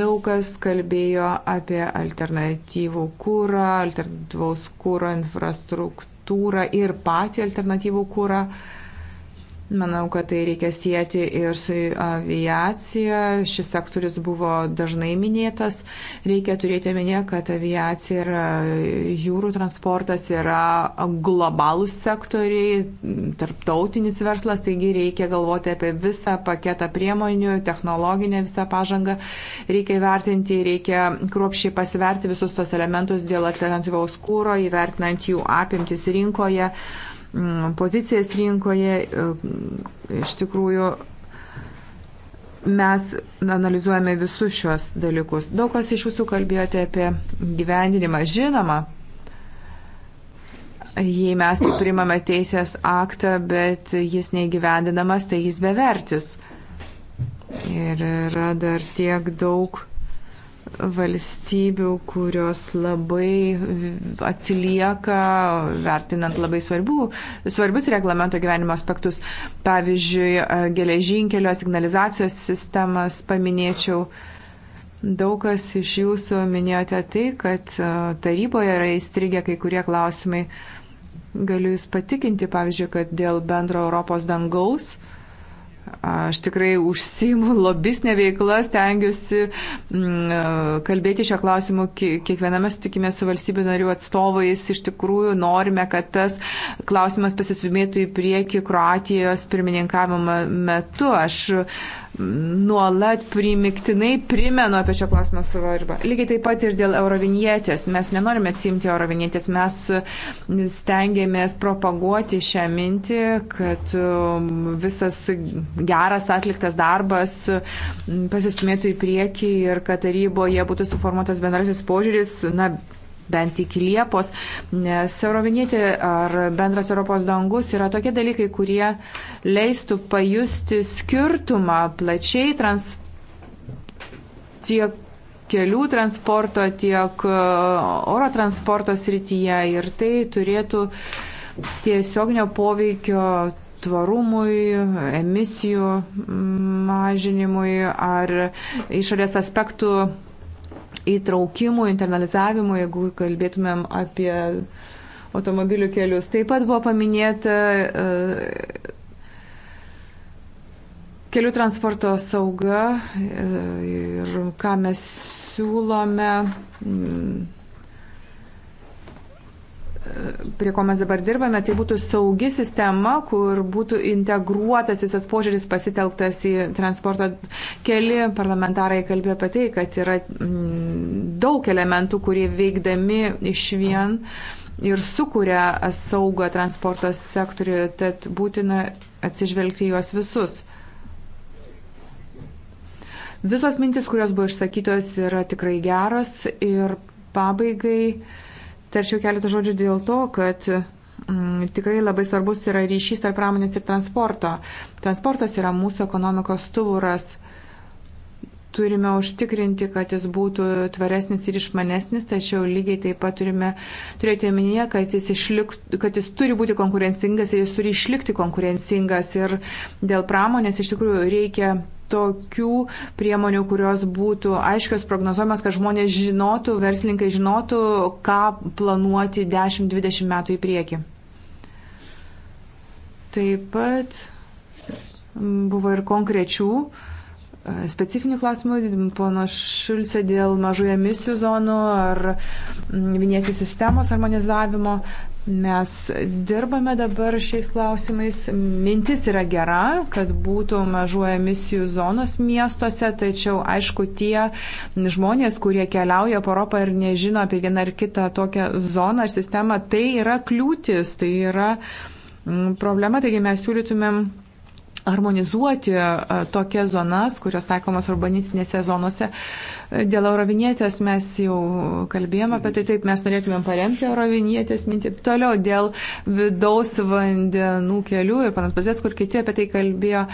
Daug kas kalbėjo apie alternatyvų kūrą, alternatyvaus kūro infrastruktūrą ir patį alternatyvų kūrą. Uh, Manau, kad tai reikia sieti ir su aviacija. Šis sektorius buvo dažnai minėtas. Reikia turėti omenyje, kad aviacija ir jūrų transportas yra globalūs sektoriai, tarptautinis verslas, taigi reikia galvoti apie visą paketą priemonių, technologinę visą pažangą. Reikia įvertinti, reikia kruopšiai pasiverti visus tos elementus dėl alternatyvaus kūro, įvertinant jų apimtis rinkoje. Uh, Mm, pozicijas rinkoje. E, iš tikrųjų, mes analizuojame visus šios dalykus. Daug kas iš jūsų kalbėjote apie gyvendinimą. Žinoma, jei mes tai primame teisės aktą, bet jis neįgyvendinamas, tai jis bevertis. Ir yra dar tiek daug valstybių, kurios labai atsilieka, vertinant labai svarbių, svarbius reglamento gyvenimo aspektus. Pavyzdžiui, geležinkelio signalizacijos sistemas paminėčiau. Daug kas iš jūsų minėjote tai, kad e, taryboje yra įstrigę kai kurie klausimai. Galiu jūs patikinti, pavyzdžiui, kad dėl bendro Europos dangaus Aš tikrai užsijimu lobisnė veikla, stengiuosi mm, e, kalbėti šio klausimu kiekviename sutikime su valstybių narių atstovais. Iš tikrųjų norime, kad tas klausimas pasisumėtų į priekį Kroatijos pirmininkavimo metu. Aš nuolat primiktinai primenu apie šio klausimo svarbą. Lygiai taip pat ir dėl eurovinietės. Mes nenorime atsimti eurovinietės, mes stengiamės propaguoti šią mintį, kad um, visas geras atliktas darbas um, pasistumėtų į priekį ir kad taryboje būtų suformuotas bendrasis požiūris, na, bent iki Liepos, nes Eurovinietė ar bendras Europos dangus yra tokie dalykai, kurie leistų pajusti skirtumą plačiai trans... tiek kelių transporto, tiek e, oro transporto srityje ir tai turėtų tiesioginio poveikio tvarumui, emisijų mažinimui ar išorės aspektų įtraukimų, internalizavimų, jeigu kalbėtumėm apie automobilių kelius. Taip pat buvo paminėta e, kelių transporto sauga e, ir ką mes siūlome prie ko mes dabar dirbame, tai būtų saugi sistema, kur būtų integruotas visas požiūris pasitelktas į transportą. Keli parlamentarai kalbėjo apie tai, kad yra mm, daug elementų, kurie veikdami iš vien ir sukuria saugą transporto sektoriuje, tad būtina atsižvelgti juos visus. Visos mintis, kurios buvo išsakytos, yra tikrai geros ir pabaigai Tarčiau keletą žodžių dėl to, kad mm, tikrai labai svarbus yra ryšys tarp pramonės ir transporto. Transportas yra mūsų ekonomikos stuburas turime užtikrinti, kad jis būtų tvaresnis ir išmanesnis, tačiau lygiai taip pat turime turėti omenyje, kad, jis išlik, kad jis turi būti konkurencingas ir jis turi išlikti konkurencingas. Ir dėl pramonės iš tikrųjų reikia tokių priemonių, kurios būtų aiškios prognozuojamas, kad žmonės žinotų, verslininkai žinotų, ką planuoti 10-20 metų į priekį. Taip pat buvo ir konkrečių uh, E, specifinių klausimų, pono Šulce, dėl mažų emisijų zonų ar mm, vinėti sistemos harmonizavimo. Mes dirbame dabar šiais klausimais. Mintis yra gera, kad būtų mažų emisijų zonos miestuose, tačiau aišku, tie žmonės, kurie keliauja po Europą ir nežino apie vieną ar kitą tokią zoną ar sistemą, tai yra kliūtis, tai yra mm, problema. Taigi mes siūlytumėm harmonizuoti tokias zonas, kurios taikomos urbanistinėse zonose. Dėl eurovinietės mes jau kalbėjome apie tai, taip mes norėtumėm paremti eurovinietės mintį. Toliau dėl vidaus vandenų kelių ir panas Bazės, kur kiti apie tai kalbėjo,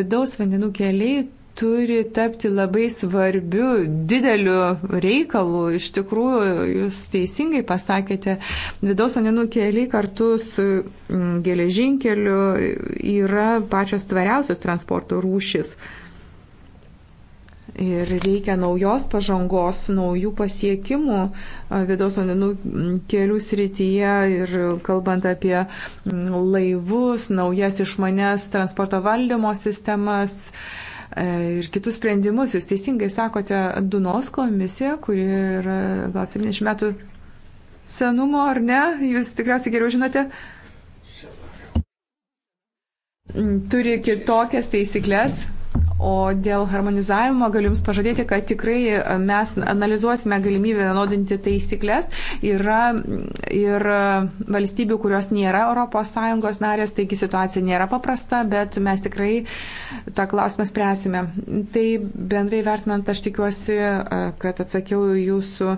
vidaus vandenų keliai turi tapti labai svarbiu, dideliu reikalu. Iš tikrųjų, jūs teisingai pasakėte, vidaus vandenų keliai kartu su mm, geležinkeliu yra pačios tvariausios transporto rūšis. Ir reikia naujos pažangos, naujų pasiekimų vidaus vandenų mm, kelių srityje ir kalbant apie mm, laivus, naujas išmanes transporto valdymo sistemas. Uh, E, ir kitus sprendimus. Jūs teisingai sakote, Dunos komisija, kuri yra gal 70 metų senumo, ar ne, jūs tikriausiai geriau žinote, turi kitokias taisyklės. O dėl harmonizavimo galiu Jums pažadėti, kad tikrai e, mes analizuosime galimybę vienodinti taisyklės. Yra ir valstybių, kurios nėra ES narės, taigi situacija nėra paprasta, bet mes tikrai tą klausimą spręsime. Tai bendrai vertinant, aš tikiuosi, e, kad atsakiau jūsų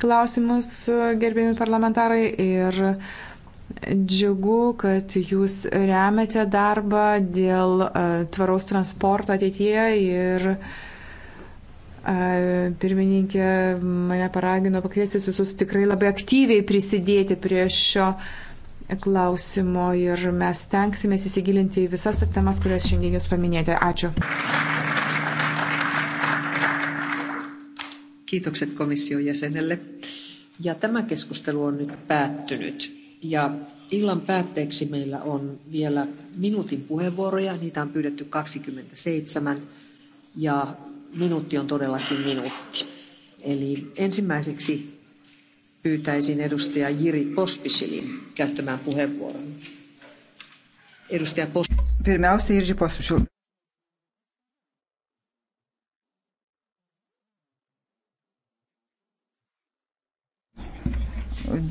klausimus, e, gerbėjami parlamentarai. Ir Džiugu, kad jūs remiate darbą dėl e, tvaraus transporto ateityje ir e, pirmininkė mane paragino pakviesti visus tikrai labai aktyviai prisidėti prie šio klausimo ir mes tenksimės įsigilinti į visas tas temas, kurias šiandien jūs paminėjote. Ačiū. Kiitokset komission jäsenelle. Ja tämä keskustelu on nyt päättynyt. Ja illan päätteeksi meillä on vielä minuutin puheenvuoroja. Niitä on pyydetty 27 ja minuutti on todellakin minuutti. Eli ensimmäiseksi pyytäisin edustaja Jiri Pospisilin käyttämään puheenvuoron. Edustaja Pospisil. Pirmiausia, Jiri Pospisil.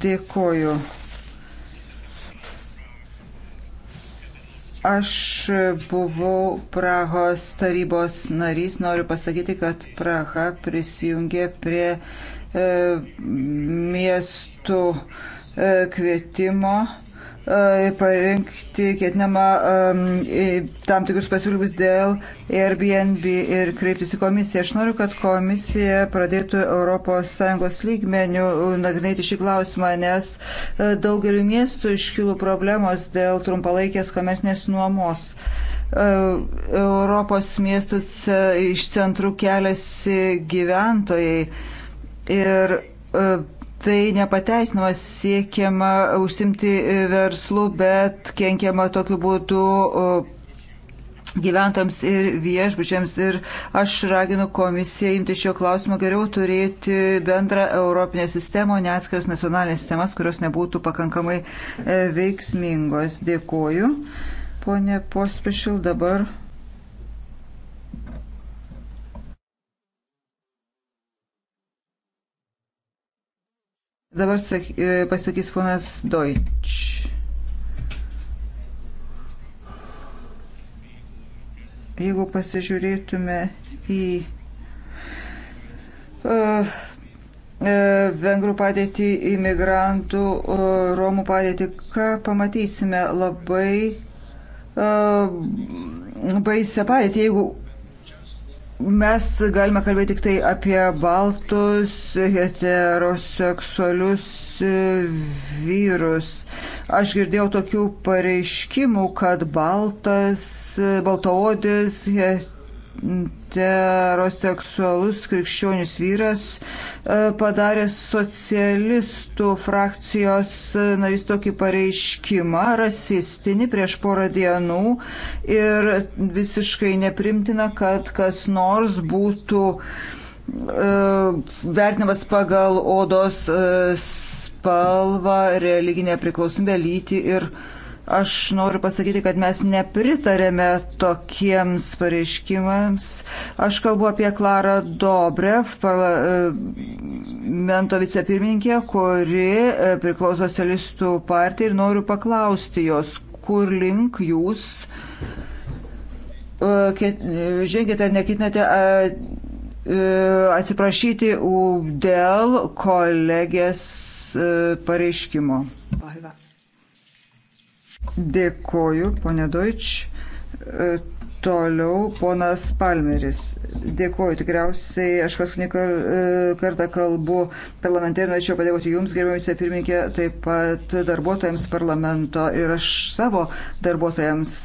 Dėkoju Aš buvau Prahos tarybos narys, noriu pasakyti, kad Praha prisijungė prie e, miestų e, kvietimo E, parengti ketinama tam tikrus pasiūlymus dėl Airbnb ir kreiptis į komisiją. Aš noriu, kad komisija pradėtų ES lygmenių e, nagrinėti šį klausimą, nes e, daugeliu miestų iškilų problemos dėl trumpalaikės komercinės nuomos. Europos miestus iš centrų keliasi gyventojai ir tai nepateisinama siekiama užsimti verslu, bet kenkiama tokiu būdu gyventojams ir viešbučiams. Ir aš raginu komisiją imti šio klausimo geriau turėti bendrą europinę sistemą, o ne atskiras nacionalinės sistemas, kurios nebūtų pakankamai e, veiksmingos. Dėkoju. Pone Pospešil, dabar Dabar sak, e, pasakys ponas Deutsch. Jeigu pasižiūrėtume į uh, vengrų padėtį, imigrantų, romų padėtį, ką pamatysime labai baisę padėtį, jeigu Mes galime kalbėti tik tai apie baltus heteroseksualius e, vyrus. Aš girdėjau tokių pareiškimų, kad baltas, e, baltaodis, heteroseksualus heteroseksualus krikščionis vyras e, padarė socialistų frakcijos e, narys tokį pareiškimą, rasistinį, prieš porą dienų ir visiškai neprimtina, kad kas nors būtų e, vertinamas pagal odos spalvą, religinę priklausomybę, lytį ir uh, Aš noriu pasakyti, kad mes nepritarėme tokiems pareiškimams. Aš kalbu apie Klarą Dobrev, parlamento vicepirmininkė, kuri e, priklauso socialistų partijai ir noriu paklausti jos, kur link jūs e, žengėte ar nekitinate e, atsiprašyti dėl kolegės pareiškimo. Pahalva. Dėkoju, ponė Deutsch. E, toliau ponas Palmeris. Dėkuoju, tikriausiai aš paskutinį e, kartą kalbu parlamente ir norėčiau padėkoti Jums, gerbiamise pirmininkė, taip pat darbuotojams parlamento ir aš savo darbuotojams.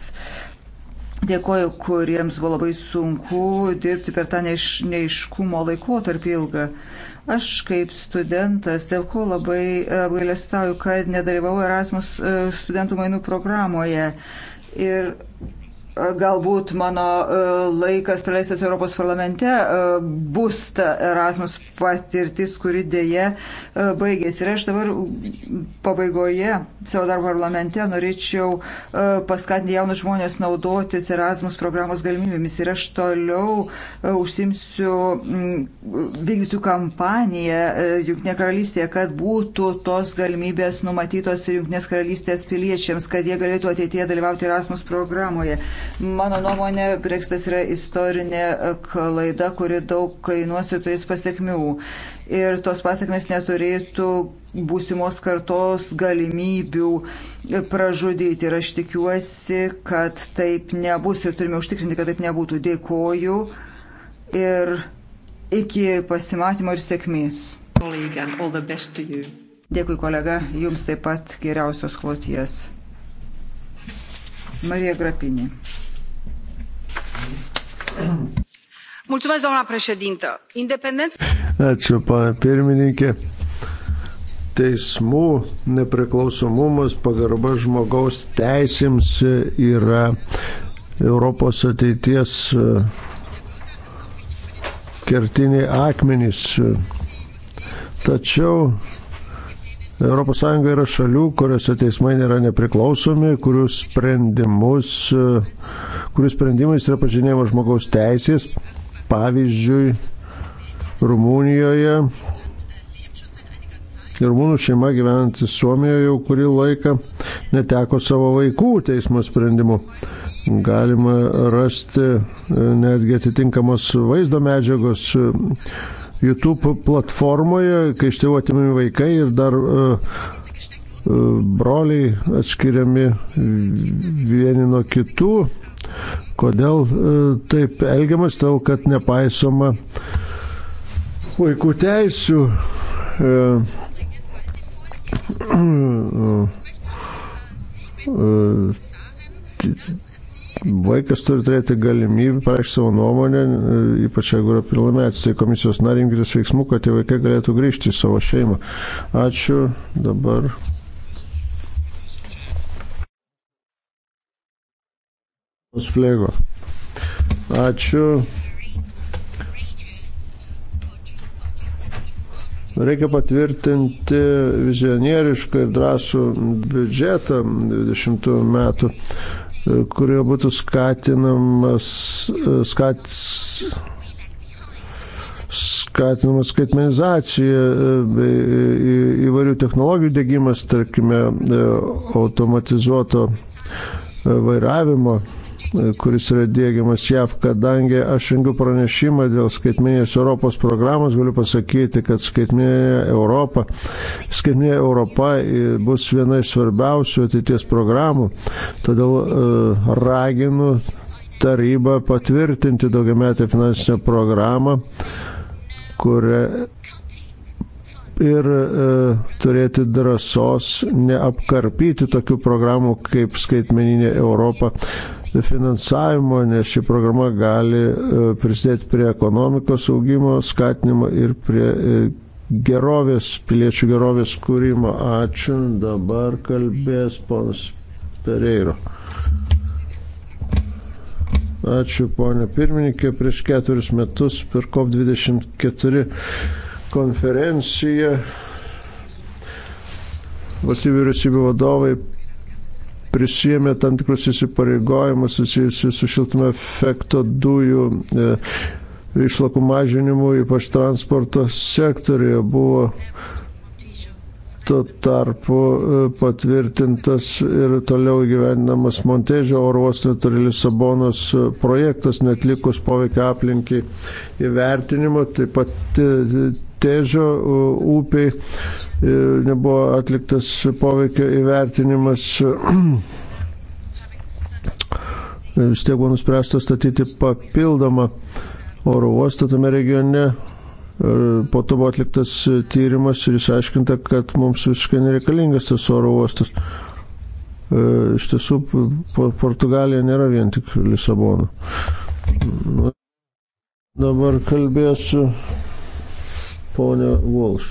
Dėkuoju, kuriems buvo labai sunku dirbti per tą neiš, neiškumo laikotarpį ilgą. Uh, Aš kaip studentas, dėl ko labai e, apgailestauju, kad nedalyvau Erasmus e, studentų mainų programoje. Ir E, galbūt mano e, laikas praleistas Europos parlamente e, bus ta Erasmus patirtis, kuri dėje baigėsi. Ir aš dabar pabaigoje savo darbo parlamente norėčiau paskatinti jaunus žmonės naudotis Erasmus programos galimybėmis. Ir aš toliau užsimsiu, mm, vykdysiu kampaniją Junktinė karalystėje, kad būtų tos galimybės numatytos Junktinės karalystės piliečiams, kad jie galėtų ateitie dalyvauti Erasmus programoje. Mano nuomonė, Brexitas yra istorinė klaida, kuri daug kainuos ir turės pasiekmių. Ir tos pasiekmes neturėtų būsimos kartos galimybių pražudyti. Ir aš tikiuosi, kad taip nebus ir turime užtikrinti, kad taip nebūtų. Dėkoju ir iki pasimatymo ir sėkmės. Dėkui kolega, jums taip pat geriausios kloties. Marija Grapinė. Mulțumesc, doamna președintă. Independența. Ačiū, pana pirmininkė. Teismų nepriklausomumas, pagarba žmogaus teisėms yra Europos ateities e, kertiniai akmenys. Tačiau ES yra šalių, kuriuose teismai nėra nepriklausomi, kurių, kurių sprendimais yra pažinėjama žmogaus teisės. Pavyzdžiui, Rumunijoje Rumūnų šeima gyvenanti Suomijoje jau kurį laiką neteko savo vaikų teismo sprendimu. Galima rasti netgi atitinkamos vaizdo medžiagos YouTube platformoje, kai iš tėvų atimami vaikai ir dar uh, broliai atskiriami vieni nuo kitų. Kodėl e, taip elgiamas, todėl kad nepaisoma vaikų teisių. Vaikas turi turėti galimybę pareikšti savo nuomonę, e, ypač jeigu yra pilnametis, tai komisijos narinkitės veiksmų, kad tie vaikai galėtų grįžti į savo šeimą. Ačiū. Dabar Slėgo. Ačiū. Reikia patvirtinti vizionierišką ir drąsų biudžetą 20 metų kurioje būtų skatinamas, e, skat, skatinamas skaitmenizacija e, bei e, įvairių technologijų dėgymas, tarkime, automatizuoto vairavimo kuris yra dėgiamas JAV, kadangi aš rengiu pranešimą dėl skaitminės Europos programos, galiu pasakyti, kad skaitminė Europa, skaitminė Europa e, bus viena iš svarbiausių ateities programų, todėl e, raginu tarybą patvirtinti daugiametę finansinę programą, kuria ir e, turėti drąsos neapkarpyti tokių programų kaip skaitmeninė Europa finansavimo, nes ši programa gali e, prisidėti prie ekonomikos augimo, skatinimo ir prie e, gerovės, piliečių gerovės kūrimo. Ačiū, dabar kalbės ponas Pereiro. Ačiū, ponė pirmininkė, prieš keturis metus per COP24 konferenciją valstybių vyriausybių vadovai prisėmė tam tikrus įsipareigojimus susijusius su šiltame efekto dujų e, išlakų mažinimu, ypač transporto sektorija buvo tuo tarpu e, patvirtintas ir toliau gyvenamas Montežio oro uosto turi Lisabonos e, projektas, netlikus poveikia aplinkiai įvertinimo, taip pat Težo upiai e, nebuvo atliktas poveikio įvertinimas. E, vis tiek buvo nuspręsta statyti papildomą oro uostą tame regione. Po to buvo atliktas tyrimas ir išaiškinta, kad mums visiškai nereikalingas tas oro uostas. E, iš tiesų, Portugalija nėra vien tik Lisabona. Dabar kalbėsiu ponio Walsh.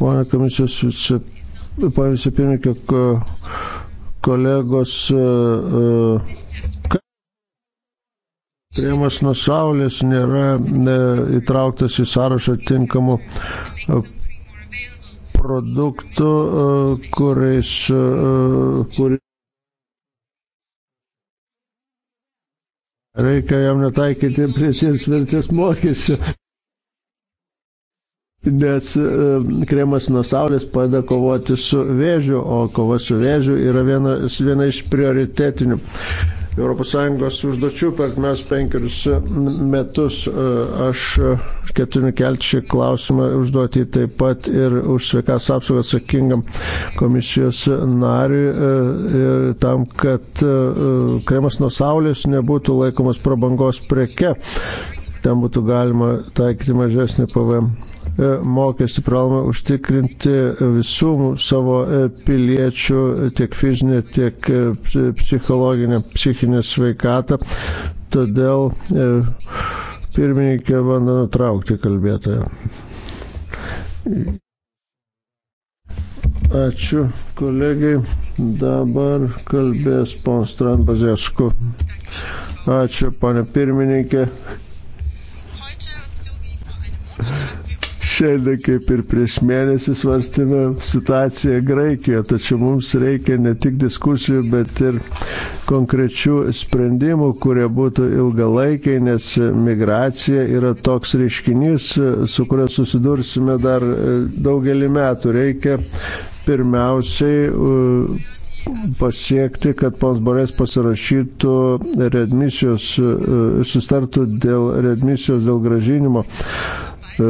Pone komisijos vice, pavyzdžiui, pirmininkė, kolegos Krėmas e, e, nuo saulės nėra e, įtrauktas į sąrašą tinkamų produktų, kuriais, kuriais Reikia jam netaikyti priešės vertės mokesčio. Nes e, kremas nuo saulės padeda kovoti su vėžiu, o kova su vėžiu yra viena, viena iš prioritetinių ES užduočių per mes penkerius metus. E, aš e, ketinu kelti šį klausimą, užduoti taip pat ir už sveikas apsaugą atsakingam komisijos nariui e, ir tam, kad kremas nuo saulės nebūtų laikomas prabangos preke. Ten būtų galima taikyti mažesnį PVM E, mokestį privalome užtikrinti visų savo e, piliečių e, tiek fizinę, tiek psichologinę, psichinę sveikatą. Todėl pirmininkė bando nutraukti kalbėtoją. Ačiū kolegai. Dabar kalbės ponas Tranbazėsku. Ačiū, pane pirmininkė. Šiandien, kaip ir prieš mėnesį, svarstėme situaciją Graikijoje, tačiau mums reikia ne tik diskusijų, bet ir konkrečių sprendimų, kurie būtų ilgalaikiai, nes migracija yra toks reiškinys, su kuria susidursime dar daugelį metų. Reikia pirmiausiai pasiekti, kad pons Borės pasirašytų redmisijos, sustartų dėl redmisijos, dėl gražinimo E,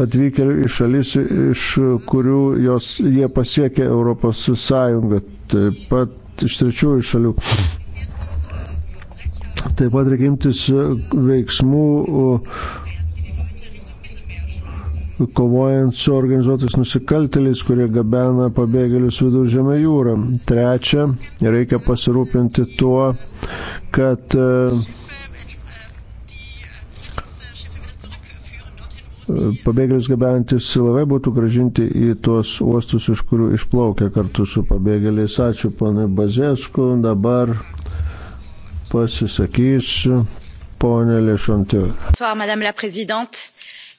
atvykėlių iš šalis, iš kurių jos, jie pasiekė Europos Sąjungą, taip pat iš trečiųjų šalių. Taip pat reikia imtis veiksmų kovojant su organizuotais nusikaltėliais, kurie gabena pabėgėlius viduržėme jūrą. Trečia, reikia pasirūpinti tuo, kad uh, pabėgėlius gabenantis laivai būtų gražinti į tuos uostus, iš kurių išplaukia kartu su pabėgėliais. Ačiū, ponai Bazėsku. Dabar pasisakysiu, ponė Lešantė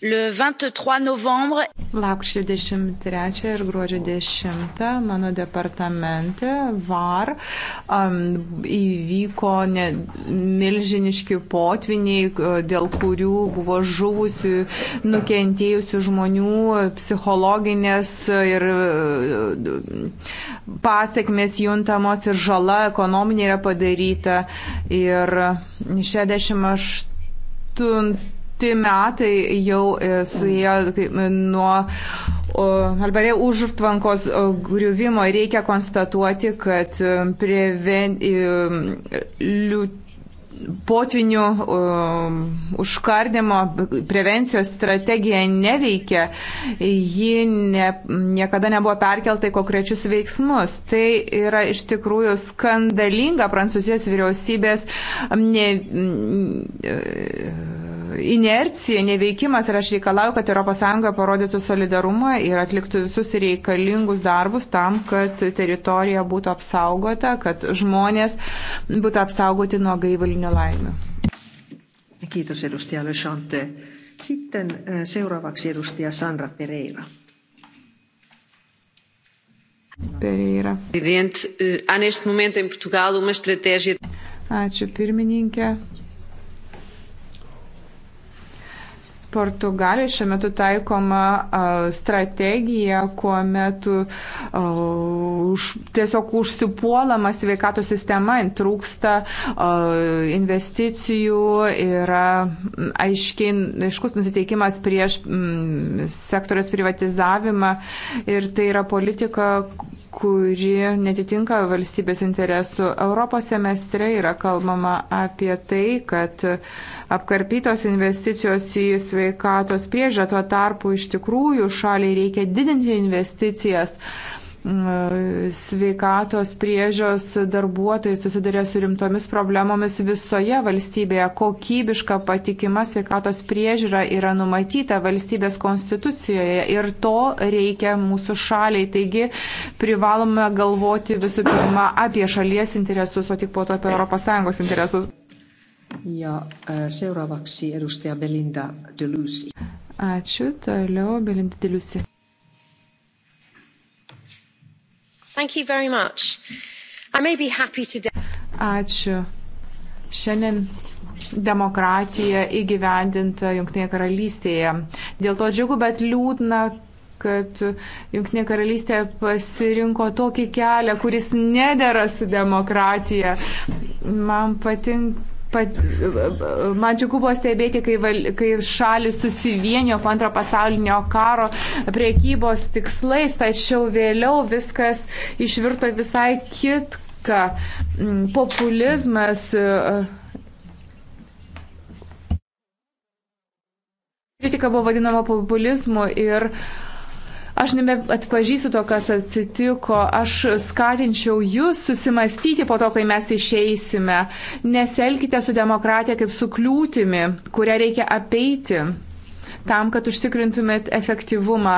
le 23 novembre. Lapkričio 23 ir gruodžio 10 mano departamente VAR um, įvyko ne, milžiniški potviniai, dėl kurių buvo žuvusių, nukentėjusių žmonių psichologinės ir e, pasiekmes juntamos ir žala ekonominė yra padaryta. Ir 68 Ti metai jau e, suėjo e, nuo Albarė užtvankos e, griuvimo ir reikia konstatuoti, kad preven... liūtis potvinių um, užkardimo prevencijos strategija neveikia, ji ne, niekada nebuvo perkelta į konkrečius veiksmus. Tai yra iš tikrųjų skandalinga Prancūzijos vyriausybės ne, ne, inercija, neveikimas ir aš reikalauju, kad ES parodytų solidarumą ir atliktų visus reikalingus darbus tam, kad teritorija būtų apsaugota, kad žmonės būtų apsaugoti nuo gaivalinių laimių. Kiitos edustaja Lesante. Sitten eh, seuraavaksi edustaja Sandra Pereira. Pereira. Presidente, eh, há neste momento em Portugal uma estratégia. Ačiū pirmininkė. Portugalijoje šiuo metu taikoma strategija, kuomet už, tiesiog užsipuolama sveikatos sistema, trūksta investicijų, yra aiškiai, aiškus nusiteikimas prieš sektorius privatizavimą ir tai yra politika, kuri netitinka valstybės interesų. Europos semestre yra kalbama apie tai, kad apkarpytos investicijos į sveikatos priežą, tuo tarpu iš tikrųjų šaliai reikia didinti investicijas. Uh, sveikatos priežios darbuotojai susiduria su rimtomis problemomis visoje valstybėje. Kokybiška patikima sveikatos priežiūra yra numatyta valstybės konstitucijoje ir to reikia mūsų šaliai. Taigi privalome galvoti visų pirma apie šalies interesus, o tik po to apie ES interesus. Ja äh, seuraavaksi edustaja Belinda Delusi. Ačiū, toliau Belinda Delusi. Ačiū. Šiandien demokratija įgyvendinta Junktinėje karalystėje. Dėl to džiugu, bet liūdna, kad Junktinė karalystė pasirinko tokį kelią, kuris nedėra su demokratija. Man patinka man džiugu buvo stebėti, kai, val, kai šalis susivienijo po antro pasaulinio karo priekybos tikslais, tačiau vėliau viskas išvirto visai kitką. Mm, populizmas. E, kritika buvo vadinama populizmu ir uh, Aš nebeatpažįstu to, kas atsitiko. Aš skatinčiau jūs susimastyti po to, kai mes išeisime. Neselkite su demokratija kaip su kliūtimi, kurią reikia apeiti tam, kad užtikrintumėt efektyvumą.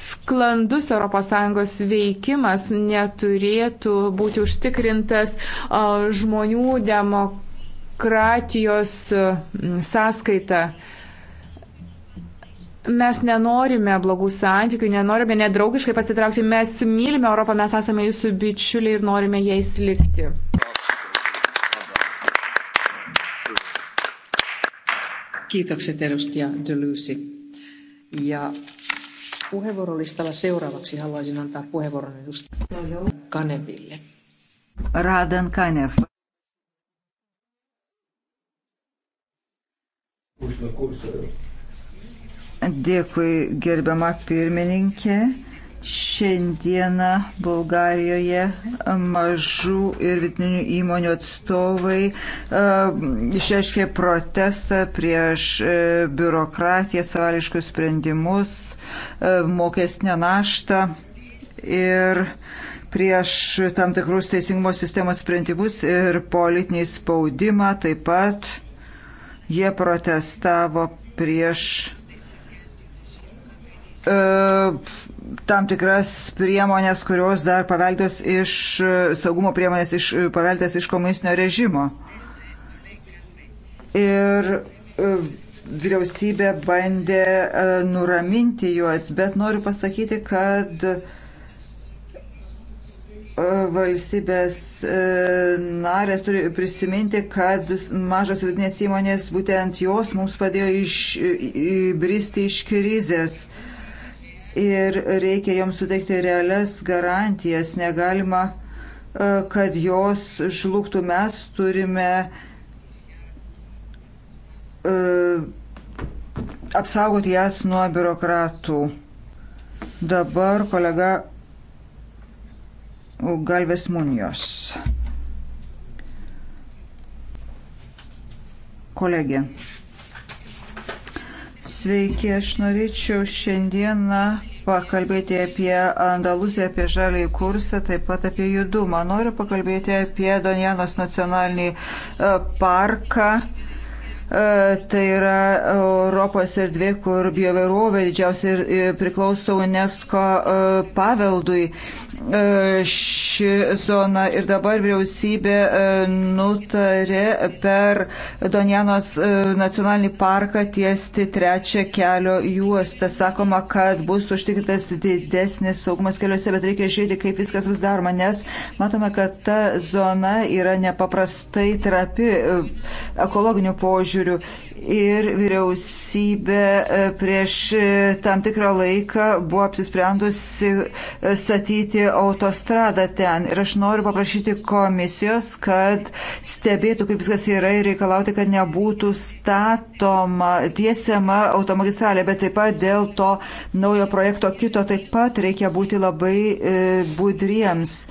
Sklandus ES veikimas neturėtų būti užtikrintas žmonių demokratijos sąskaita. Mes nenorime blogų santykių, nenorime nedraugiškai pasitraukti, mes mylime Europą, mes esame jūsų bičiuliai ir norime jais likti. Kiitokset edustaja Deleuze. Ja puheenvuorolistalla seuraavaksi haluaisin antaa puheenvuoron edustaja Kaneville. Radan Kanev. Kurssilla, kurssilla. Dėkui, gerbiama pirmininkė. Šiandieną Bulgarijoje mažų ir vidutinių įmonių atstovai e, išreiškė protestą prieš e, biurokratiją, savališkus sprendimus, e, mokesnę naštą ir prieš tam tikrus teisingumo sistemos sprendimus ir politinį spaudimą. Taip pat jie protestavo prieš E, tam tikras priemonės, kurios dar paveldės iš e, saugumo priemonės iš, e, paveldės iš komunistinio režimo. Ir vyriausybė bandė nuraminti juos, bet noriu pasakyti, kad valstybės narės turi prisiminti, kad mažos vidinės įmonės būtent jos mums padėjo iš, įbristi iš krizės ir reikia joms suteikti realias garantijas. Negalima, e, kad jos žlugtų. Mes turime e, apsaugoti jas nuo biurokratų. Dabar kolega Galvės Munijos. Kolegė. Sveiki, aš norėčiau šiandieną pakalbėti apie Andaluziją, apie žalį kursą, taip pat apie judumą. Noriu pakalbėti apie Donjanos nacionalinį e, parką. E, tai yra Europos erdvė, kur bioverovė didžiausiai priklauso UNESCO e, paveldui. E, ši zona ir dabar vyriausybė e, nutarė per Donjanos e, nacionalinį parką tiesti trečią kelio juostą. Sakoma, kad bus užtikrintas didesnis saugumas keliuose, bet reikia žiūrėti, kaip viskas bus daroma, nes matome, kad ta zona yra nepaprastai trapi ekologiniu požiūriu ir vyriausybė e, prieš e, tam tikrą laiką buvo apsisprendusi e, statyti autostradą ten. Ir aš noriu paprašyti komisijos, kad stebėtų, kaip viskas yra ir reikalauti, kad nebūtų statoma, tiesiama automagistralė, bet taip pat dėl to naujo projekto kito taip pat reikia būti labai budriems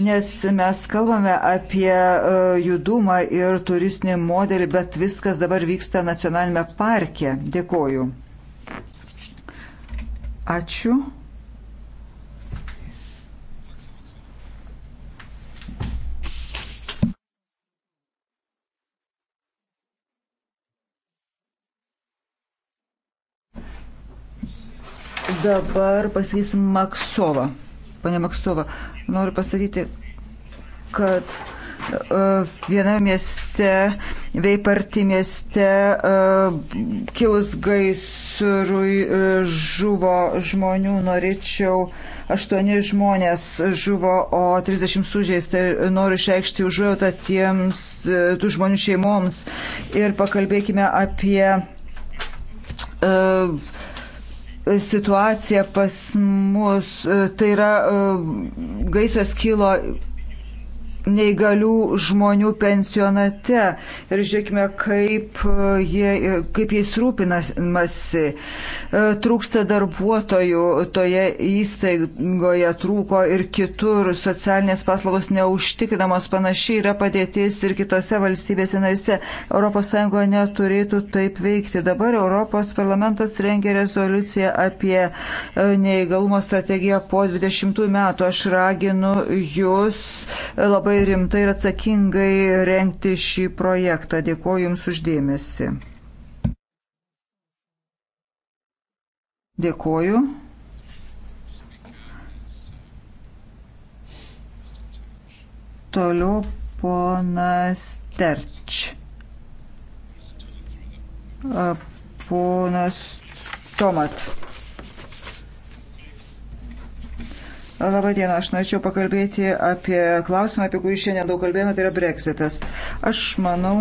nes mes kalbame apie e, judumą ir turistinį modelį, bet viskas dabar vyksta nacionalinėme parke. Dėkoju. Ačiū. Dabar pasakysim Maksovą ponė Maksova, noriu pasakyti, kad e, viename mieste, Veiparti mieste, e, kilus gaisrui e, žuvo žmonių, norėčiau, aštuoni žmonės žuvo, o 30 sužeista ir noriu išreikšti užuotą tiems tų žmonių šeimoms ir pakalbėkime apie uh, situacija pas mus. E, tai yra e, gaisras kilo neįgalių žmonių pensionate ir žiūrėkime, kaip, e, jie, e, kaip jais rūpinamasi. E, trūksta darbuotojų toje įstaigoje, trūko ir kitur, socialinės paslaugos neužtikrinamos, panašiai yra padėtis ir kitose valstybėse narise. ES neturėtų taip veikti. Dabar Europos parlamentas rengia rezoliuciją apie neįgalumo strategiją po 20 metų. Aš raginu jūs labai labai rimtai ir atsakingai renkti šį projektą. Dėkuoju Jums uždėmesi. Dėkuoju. Toliau ponas Terč. Ponas Tomat. Labą dieną, aš norėčiau pakalbėti apie klausimą, apie kurį šiandien daug kalbėjome, tai yra Brexitas. Aš manau,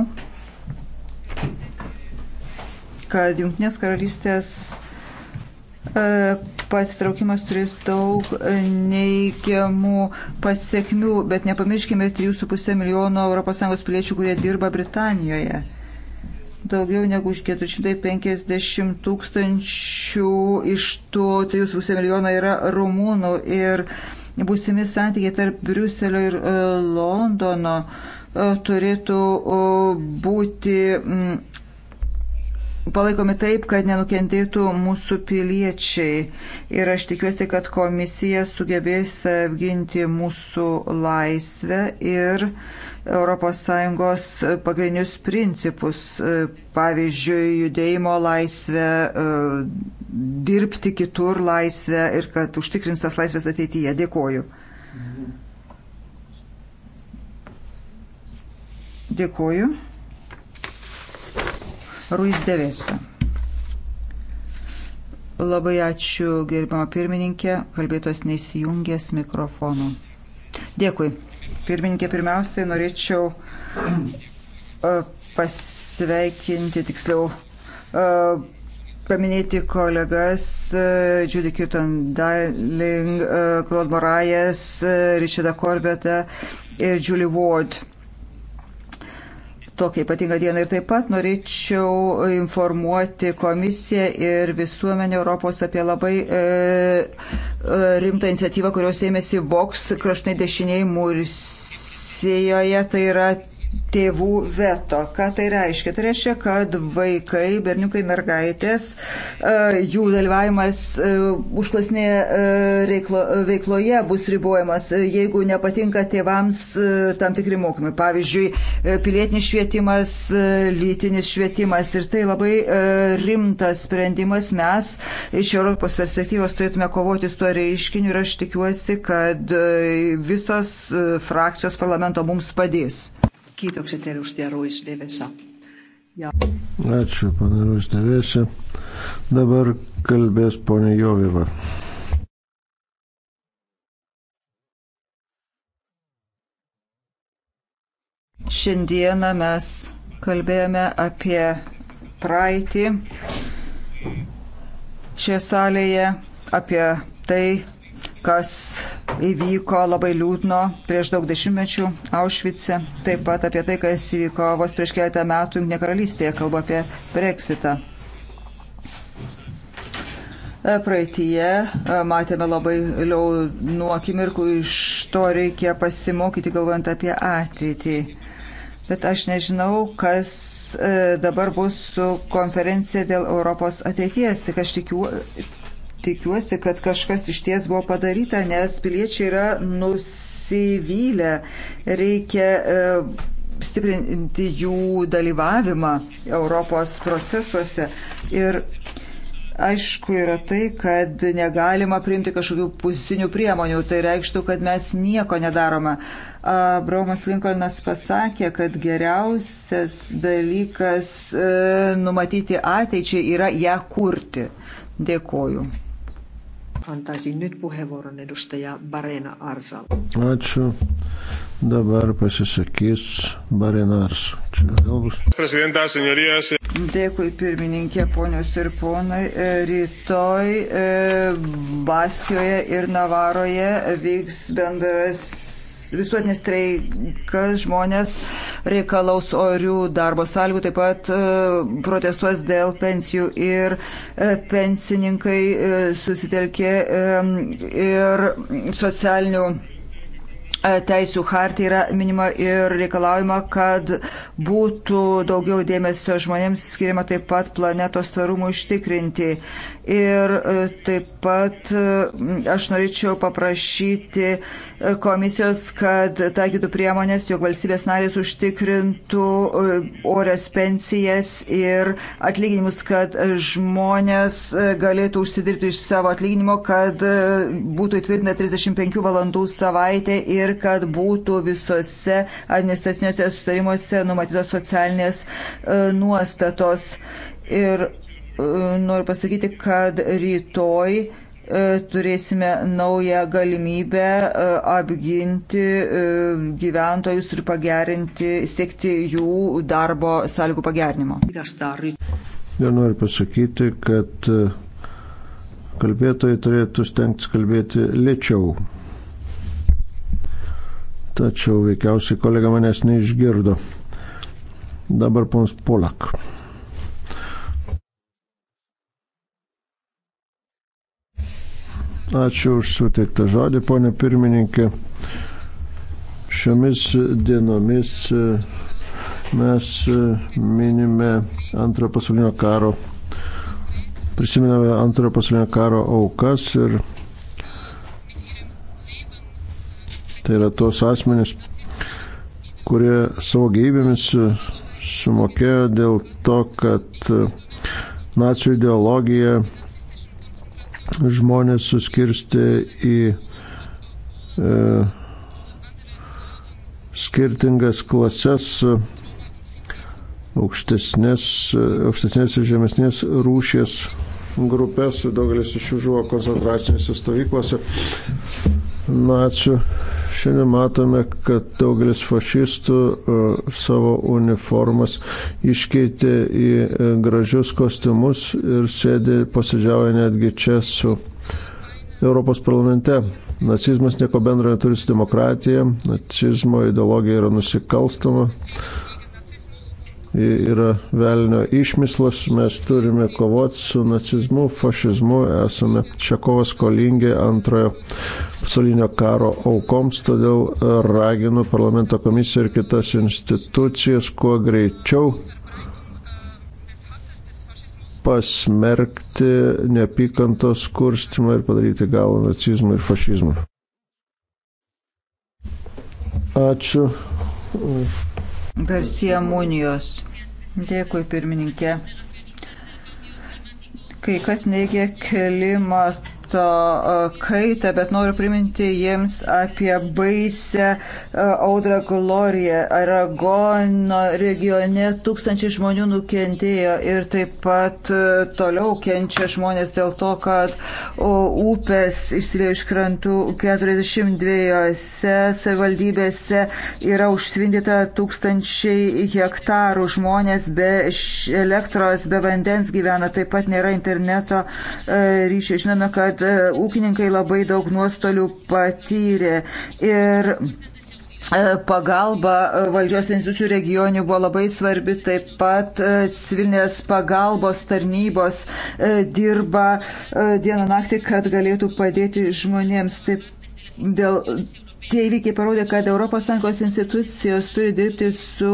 kad Junktinės karalystės e, pasitraukimas turės daug neigiamų pasiekmių, bet nepamirškime 3,5 milijono ES piliečių, kurie dirba Britanijoje daugiau negu 450 tūkstančių iš tų 3,5 milijono yra rumūnų ir būsimi santykiai tarp Briuselio ir e, Londono e, turėtų būti palaikomi taip, kad nenukentėtų mūsų piliečiai. Ir aš tikiuosi, kad komisija sugebės apginti mūsų laisvę ir ES pagrindinius principus, pavyzdžiui, judėjimo laisvę, e, dirbti kitur laisvę ir kad užtikrins tas laisvės ateityje. Dėkoju. Dėkoju. Ruiz Devesa. Labai ačiū, gerbama pirmininkė, kalbėtos neįsijungęs mikrofonu. Dėkui. Pirmininkė, pirmiausiai norėčiau e, pasveikinti, tiksliau, e, paminėti kolegas e, Judy Kirton Darling, Claude Moraes, Richardą Corbetą ir Julie Ward tokią ypatingą dieną. Ir taip pat norėčiau informuoti komisiją ir visuomenę Europos apie labai e, e rimtą iniciatyvą, kurios ėmėsi Vox kraštai dešiniai Mursijoje. Tai yra tėvų veto. Ką tai reiškia? Tai reiškia, kad vaikai, berniukai, mergaitės, e, jų dalyvavimas e, užklasinėje veikloje bus ribojamas, e, jeigu nepatinka tėvams tam tikri mokymai. Pavyzdžiui, pilietinis švietimas, lytinis švietimas ir tai labai rimtas sprendimas. Mes iš Europos perspektyvos turėtume kovoti su tuo reiškiniu ir aš tikiuosi, kad visos frakcijos parlamento mums padės. Kiitokset edustaja Ruisdevesa. Ja... Ačiū, pana Ruisdevesa. Dabar kalbės ponia Joviva. Šiandieną mes kalbėjome apie praeitį šioje salėje, apie tai, kas įvyko labai liūdno prieš daug dešimtmečių Aušvice, taip pat apie tai, kas įvyko vos prieš keletą metų Junktinė karalystėje, kalba apie Brexitą. Praeitie e, matėme labai liūdnų akimirkų, iš to reikia pasimokyti galvojant apie ateitį. Bet aš nežinau, kas e, dabar bus su konferencija dėl Europos ateities. Tik aš tikiu, tikiuosi, kad kažkas iš ties buvo padaryta, nes piliečiai yra nusivylę. Reikia e, stiprinti jų dalyvavimą Europos procesuose. Ir aišku yra tai, kad negalima priimti kažkokių pusinių priemonių. Tai reikštų, kad mes nieko nedarome. Braumas Lincolnas pasakė, kad geriausias dalykas e, numatyti ateičiai yra ją kurti. Dėkoju antaisin nyt puheenvuoron edustaja Barena Arsal. Ačiū. Dabar pasisakys Barinars. Prezidentas, senjorijas. Dėkui pirmininkė, ponios ir ponai. E, rytoj e, Baskijoje ir Navaroje vyks bendras visuotinis streikas, žmonės reikalaus orių darbo sąlygų, taip pat e, protestuos dėl pensijų ir e, pensininkai e, susitelkė ir socialinių teisų hartį yra minima ir reikalaujama, kad būtų daugiau dėmesio žmonėms skiriama taip pat planetos tvarumui užtikrinti. Ir e, taip pat e, aš norėčiau paprašyti e, komisijos, kad taikytų priemonės, jog valstybės narės užtikrintų orės pensijas ir atlyginimus, kad žmonės galėtų užsidirbti iš savo atlyginimo, kad būtų įtvirtinta 35 valandų savaitė ir kad būtų visose administraciniuose sustarimuose numatytos socialinės nuostatos. Ir noriu pasakyti, kad rytoj e, turėsime naują galimybę e, apginti e, gyventojus ir pagerinti, siekti jų darbo sąlygų pagerinimo. Dar noriu pasakyti, kad kalbėtojai turėtų stengtis kalbėti lėčiau. Tačiau veikiausiai kolega manęs neišgirdo. Dabar pons Polak. Ačiū už suteiktą žodį, ponė pirmininkė. Šiomis dienomis e, mes e, minime antrojo pasaulinio karo, prisiminame antrojo pasaulinio karo aukas ir tai yra tos asmenys, kurie savo gyvybėmis e, sumokėjo dėl to, kad nacijų ideologija žmonės suskirsti į e, skirtingas klases, aukštesnės, aukštesnės ir žemesnės rūšės grupės, daugelis iš jų žuvo koncentracinėse stovyklose. Nacių. Šiandien matome, kad daugelis fašistų e, savo uniformas iškeitė į e, gražius kostiumus ir sėdi, posėdžiauja netgi čia su Europos parlamente. Nacizmas nieko bendro neturi su demokratija, nacizmo ideologija yra nusikalstama, yra velnio išmislas, mes turime kovoti su nacizmu, fašizmu, esame šią kovą skolingi antrojo pasaulinio karo aukoms, todėl raginu parlamento komisiją ir kitas institucijas kuo greičiau pasmerkti neapykantos kurstimą ir padaryti galą nacizmui ir fašizmui. Ačiū už Garcia Munijos. Dėkui, pirmininkė. Kai kas neigia klimato klimato e, kaitą, bet noriu priminti jiems apie baisę e, audrą Gloriją. Aragono regione tūkstančiai žmonių nukentėjo ir taip pat e, toliau kenčia žmonės dėl to, kad upės išsiliejo iš krantų 42 savivaldybėse yra užsvindyta tūkstančiai hektarų žmonės be elektros, be vandens gyvena, taip pat nėra interneto ryšio. Žinome, kad kad e, ūkininkai labai daug nuostolių patyrė. Ir e, Pagalba e, valdžios institucijų regionių buvo labai svarbi, taip pat civilinės pagalbos tarnybos dirba dieną naktį, kad galėtų padėti žmonėms. Taip, dėl Tie įvykiai parodė, kad ES institucijos turi dirbti su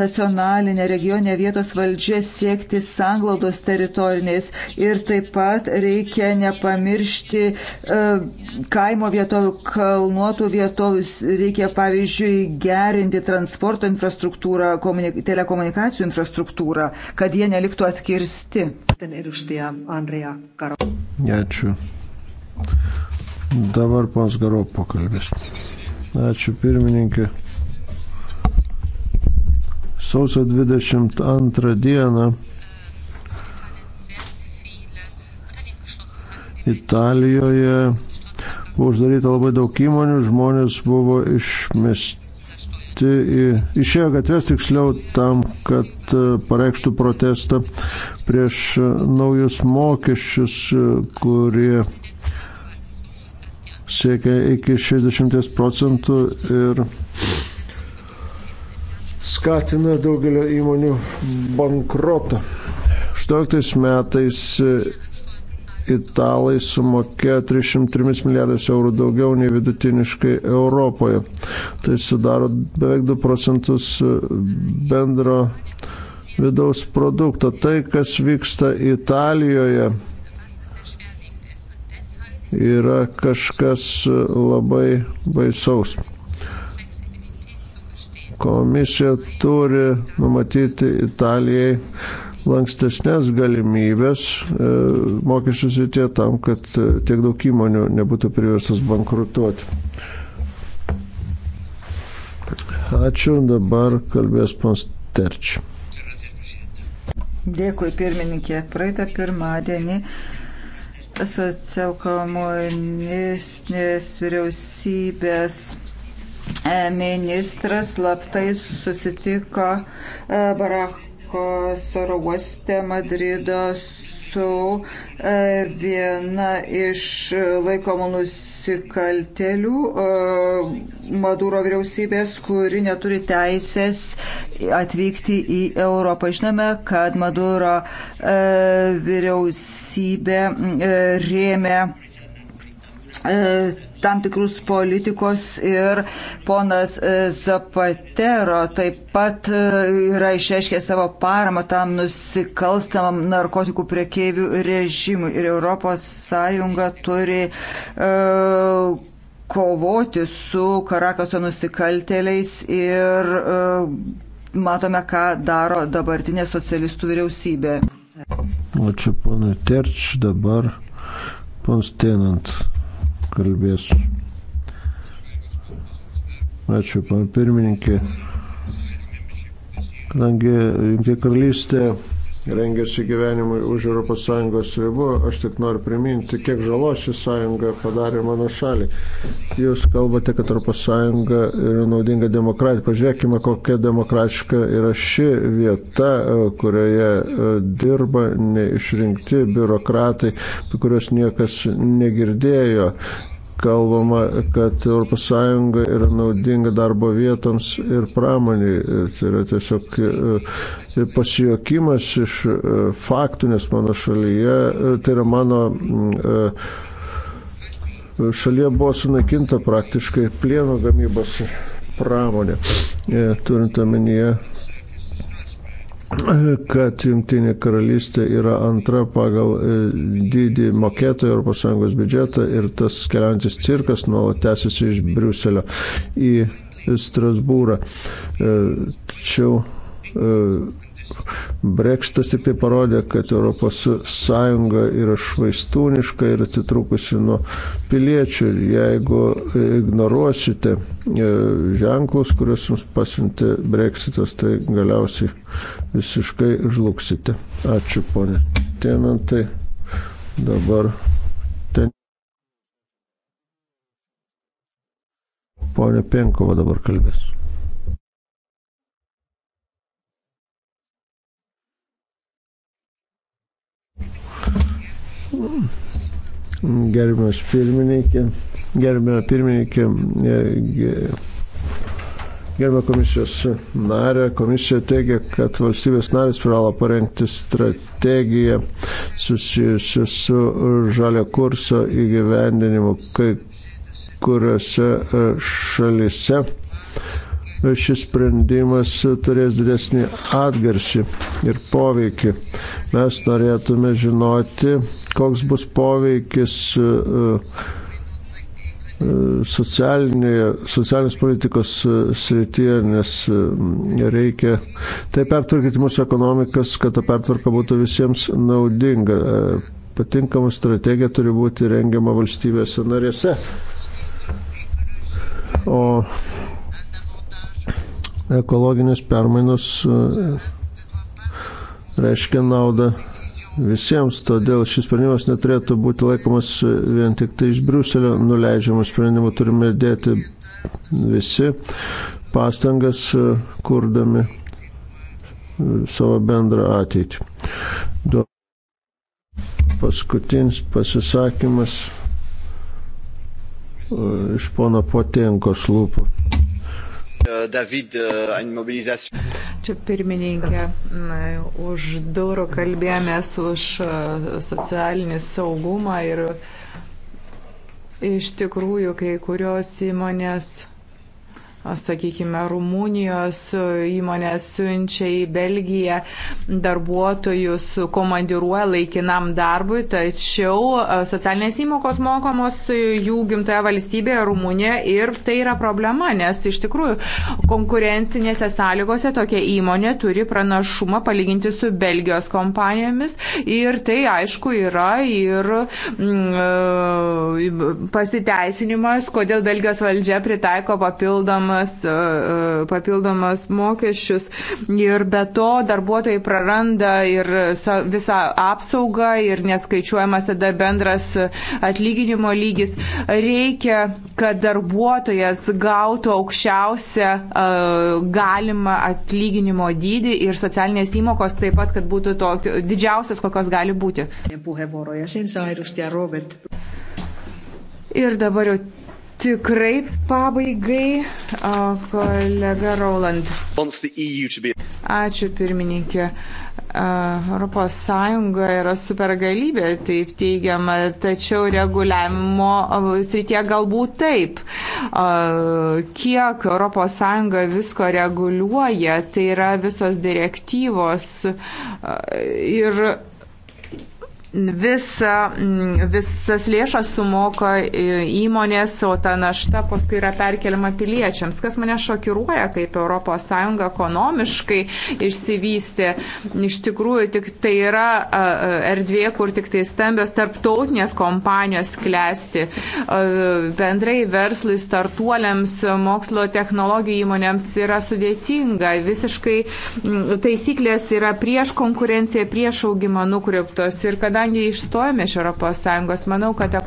nacionalinė, regioninė vietos valdžia, siekti sanglaudos teritoriniais ir taip pat reikia nepamiršti e, kaimo vietovių, kalnuotų vietovių, reikia pavyzdžiui gerinti transporto infrastruktūrą, komunik telekomunikacijų infrastruktūrą, kad jie neliktų atkirsti. Ačiū. Dabar pons Garau pakalbės. Ačiū pirmininkė. Sausio 22 dieną Italijoje buvo uždaryta labai daug įmonių, žmonės buvo išmesti, į, išėjo gatvės tiksliau tam, kad e, pareikštų protestą prieš e, naujus mokesčius, e, kurie siekia iki 60 procentų ir skatina daugelio įmonių bankrotą. 18 metais italai sumokėjo 303 milijardus eurų daugiau nei vidutiniškai Europoje. Tai sudaro beveik 2 procentus bendro vidaus produkto. Tai, kas vyksta Italijoje, yra kažkas labai baisaus. Komisija turi numatyti Italijai lankstesnės galimybės e, mokesčių srityje tam, kad e, tiek daug įmonių nebūtų priverstas bankrutuoti. Ačiū, dabar kalbės pons Terč. Dėkui pirmininkė. Praeitą pirmadienį socialkomunistinės vyriausybės e, ministras slaptai susitiko e, Barakos oro uoste Madrido su e, viena iš laikomų nusikaltimų nusikaltelių Maduro vyriausybės, kuri neturi teisės atvykti į Europą. Žinome, kad Maduro e, vyriausybė e, rėmė e, tam tikrus politikus ir ponas e, Zapatero taip pat e, yra išreiškę savo paramą tam nusikalstamam narkotikų priekeivių režimui ir ES turi uh, kovoti su Karakaso nusikaltėliais ir uh, matome, ką daro dabartinė socialistų vyriausybė. Ačiū ponui Terč, dabar pons Tenant kalbės. Ačiū, pan pirmininkė. Kadangi Junktė karalystė rengiasi gyvenimui už ES ribų. Aš tik noriu priminti, kiek žalos ši sąjunga padarė mano šaliai. Jūs kalbate, kad ES yra naudinga demokratija. Pažiūrėkime, kokia demokratiška yra ši vieta, kurioje e, dirba neišrinkti biurokratai, apie kuriuos niekas negirdėjo kalbama, kad ES yra naudinga darbo vietoms ir pramoniai. Tai yra tiesiog e, pasijokimas iš e, faktų, nes mano šalyje, e, tai yra mano šalyje buvo sunaikinta praktiškai plieno gamybos pramonė, turint omenyje kad Junktinė karalystė yra antra pagal e, dydį mokėtoja Europos Sąjungos biudžetą ir tas keliantis cirkas nuolat tęsiasi iš Briuselio į Strasbūrą. E, tačiau e, Brexitas tik tai parodė, kad ES yra švaistūniška ir atsitrukusi nuo piliečių. Jeigu ignoruosite e, ženklus, kuriuos jums pasiuntė Brexitas, tai galiausiai visiškai žlugsite. Ačiū, ponė. Tenantai dabar ten. Pone Penkova dabar kalbės. gerbiamas pirmininkė, gerbiamą pirmininkę, e, gerbiamą komisijos narę. Komisija teigia, kad valstybės narės privalo parengti strategiją susijusią su žalio kurso įgyvendinimu kai kuriuose e, šalise. Šis sprendimas turės didesnį atgarsį ir poveikį. Mes norėtume žinoti, koks bus poveikis e, e, socialinės politikos e, srityje, nes reikia taip pertvarkyti mūsų ekonomikas, kad ta pertvarka būtų visiems naudinga. Patinkama strategija turi būti rengiama valstybėse narėse. O ekologinės permainos reiškia naudą visiems, todėl šis sprendimas neturėtų būti laikomas vien tik tai iš Briuselio nuleidžiamų sprendimų. Turime dėti visi pastangas, e, kurdami e, savo bendrą ateitį. Du paskutinis pasisakymas e, iš pono Potenkos lūpų. Euh, David, euh, une mobilisation. Čia pirmininkė, už durų kalbėjomės už e, socialinį saugumą ir iš tikrųjų kai kurios įmonės sakykime, Rumunijos įmonės siunčia į Belgiją darbuotojus, komandiruoja laikinam darbui, tačiau socialinės įmokos mokamos jų gimtoje valstybėje Rumunijoje ir tai yra problema, nes iš tikrųjų konkurencinėse sąlygose tokia įmonė turi pranašumą palyginti su Belgijos kompanijomis ir tai aišku yra ir mm, pasiteisinimas, kodėl Belgijos valdžia pritaiko papildomą papildomas, e, e, papildomas mokesčius ir be to darbuotojai praranda ir visą apsaugą ir neskaičiuojamas tada bendras atlyginimo lygis. Reikia, kad darbuotojas gautų aukščiausią e, galimą atlyginimo dydį ir socialinės įmokos taip pat, kad būtų tokio, didžiausios, kokios gali būti. Ir dabar jau Tikrai pabaigai, kolega Roland. E Ačiū pirmininkė. Europos Sąjunga yra supergalybė, taip teigiama, tačiau reguliavimo srityje galbūt taip. Kiek Europos Sąjunga visko reguliuoja, tai yra visos direktyvos ir visa, mm, visas lėšas sumoka e, įmonės, o ta našta paskui yra perkeliama piliečiams. Kas mane šokiruoja, kaip ES ekonomiškai išsivystė. Iš tikrųjų, tik tai yra erdvė, kur tik tai stambios tarptautinės kompanijos klesti. Bendrai verslui, startuoliams, mokslo technologijų įmonėms yra sudėtinga. Visiškai taisyklės yra prieš konkurenciją, prieš augimą nukreiptos. Ir kada kadangi išstojame iš ES, manau, kad e,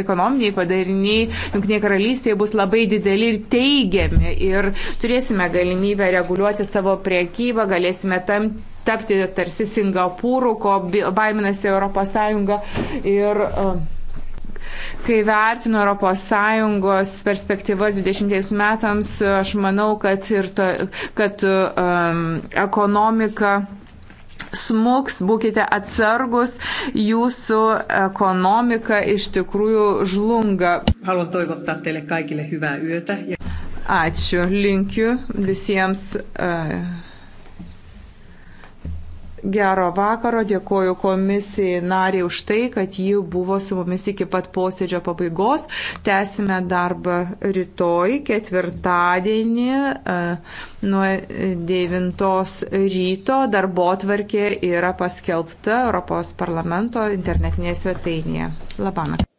ekonominiai padariniai Junktinėje karalystėje bus labai dideli ir teigiami ir turėsime galimybę reguliuoti savo priekybą, galėsime tam tapti tarsi Singapūrų, ko baiminasi ES. Ir, e, kai vertinu ES perspektyvas 20 metams, aš manau, kad, ir to, kad um, ekonomika smuks, būkite atsargus, jūsų ekonomika iš tikrųjų žlunga. Haluan toivottaa teille kaikille hyvää yötä. Ačiū, linkiu visiems. Uh, Gero vakaro, dėkoju komisijai nariai už tai, kad ji buvo su mumis iki pat posėdžio pabaigos. Tęsime darbą rytoj, ketvirtadienį e, nuo 9 ryto. Darbo tvarkė yra paskelbta Europos parlamento internetinėje svetainėje. Labanakt.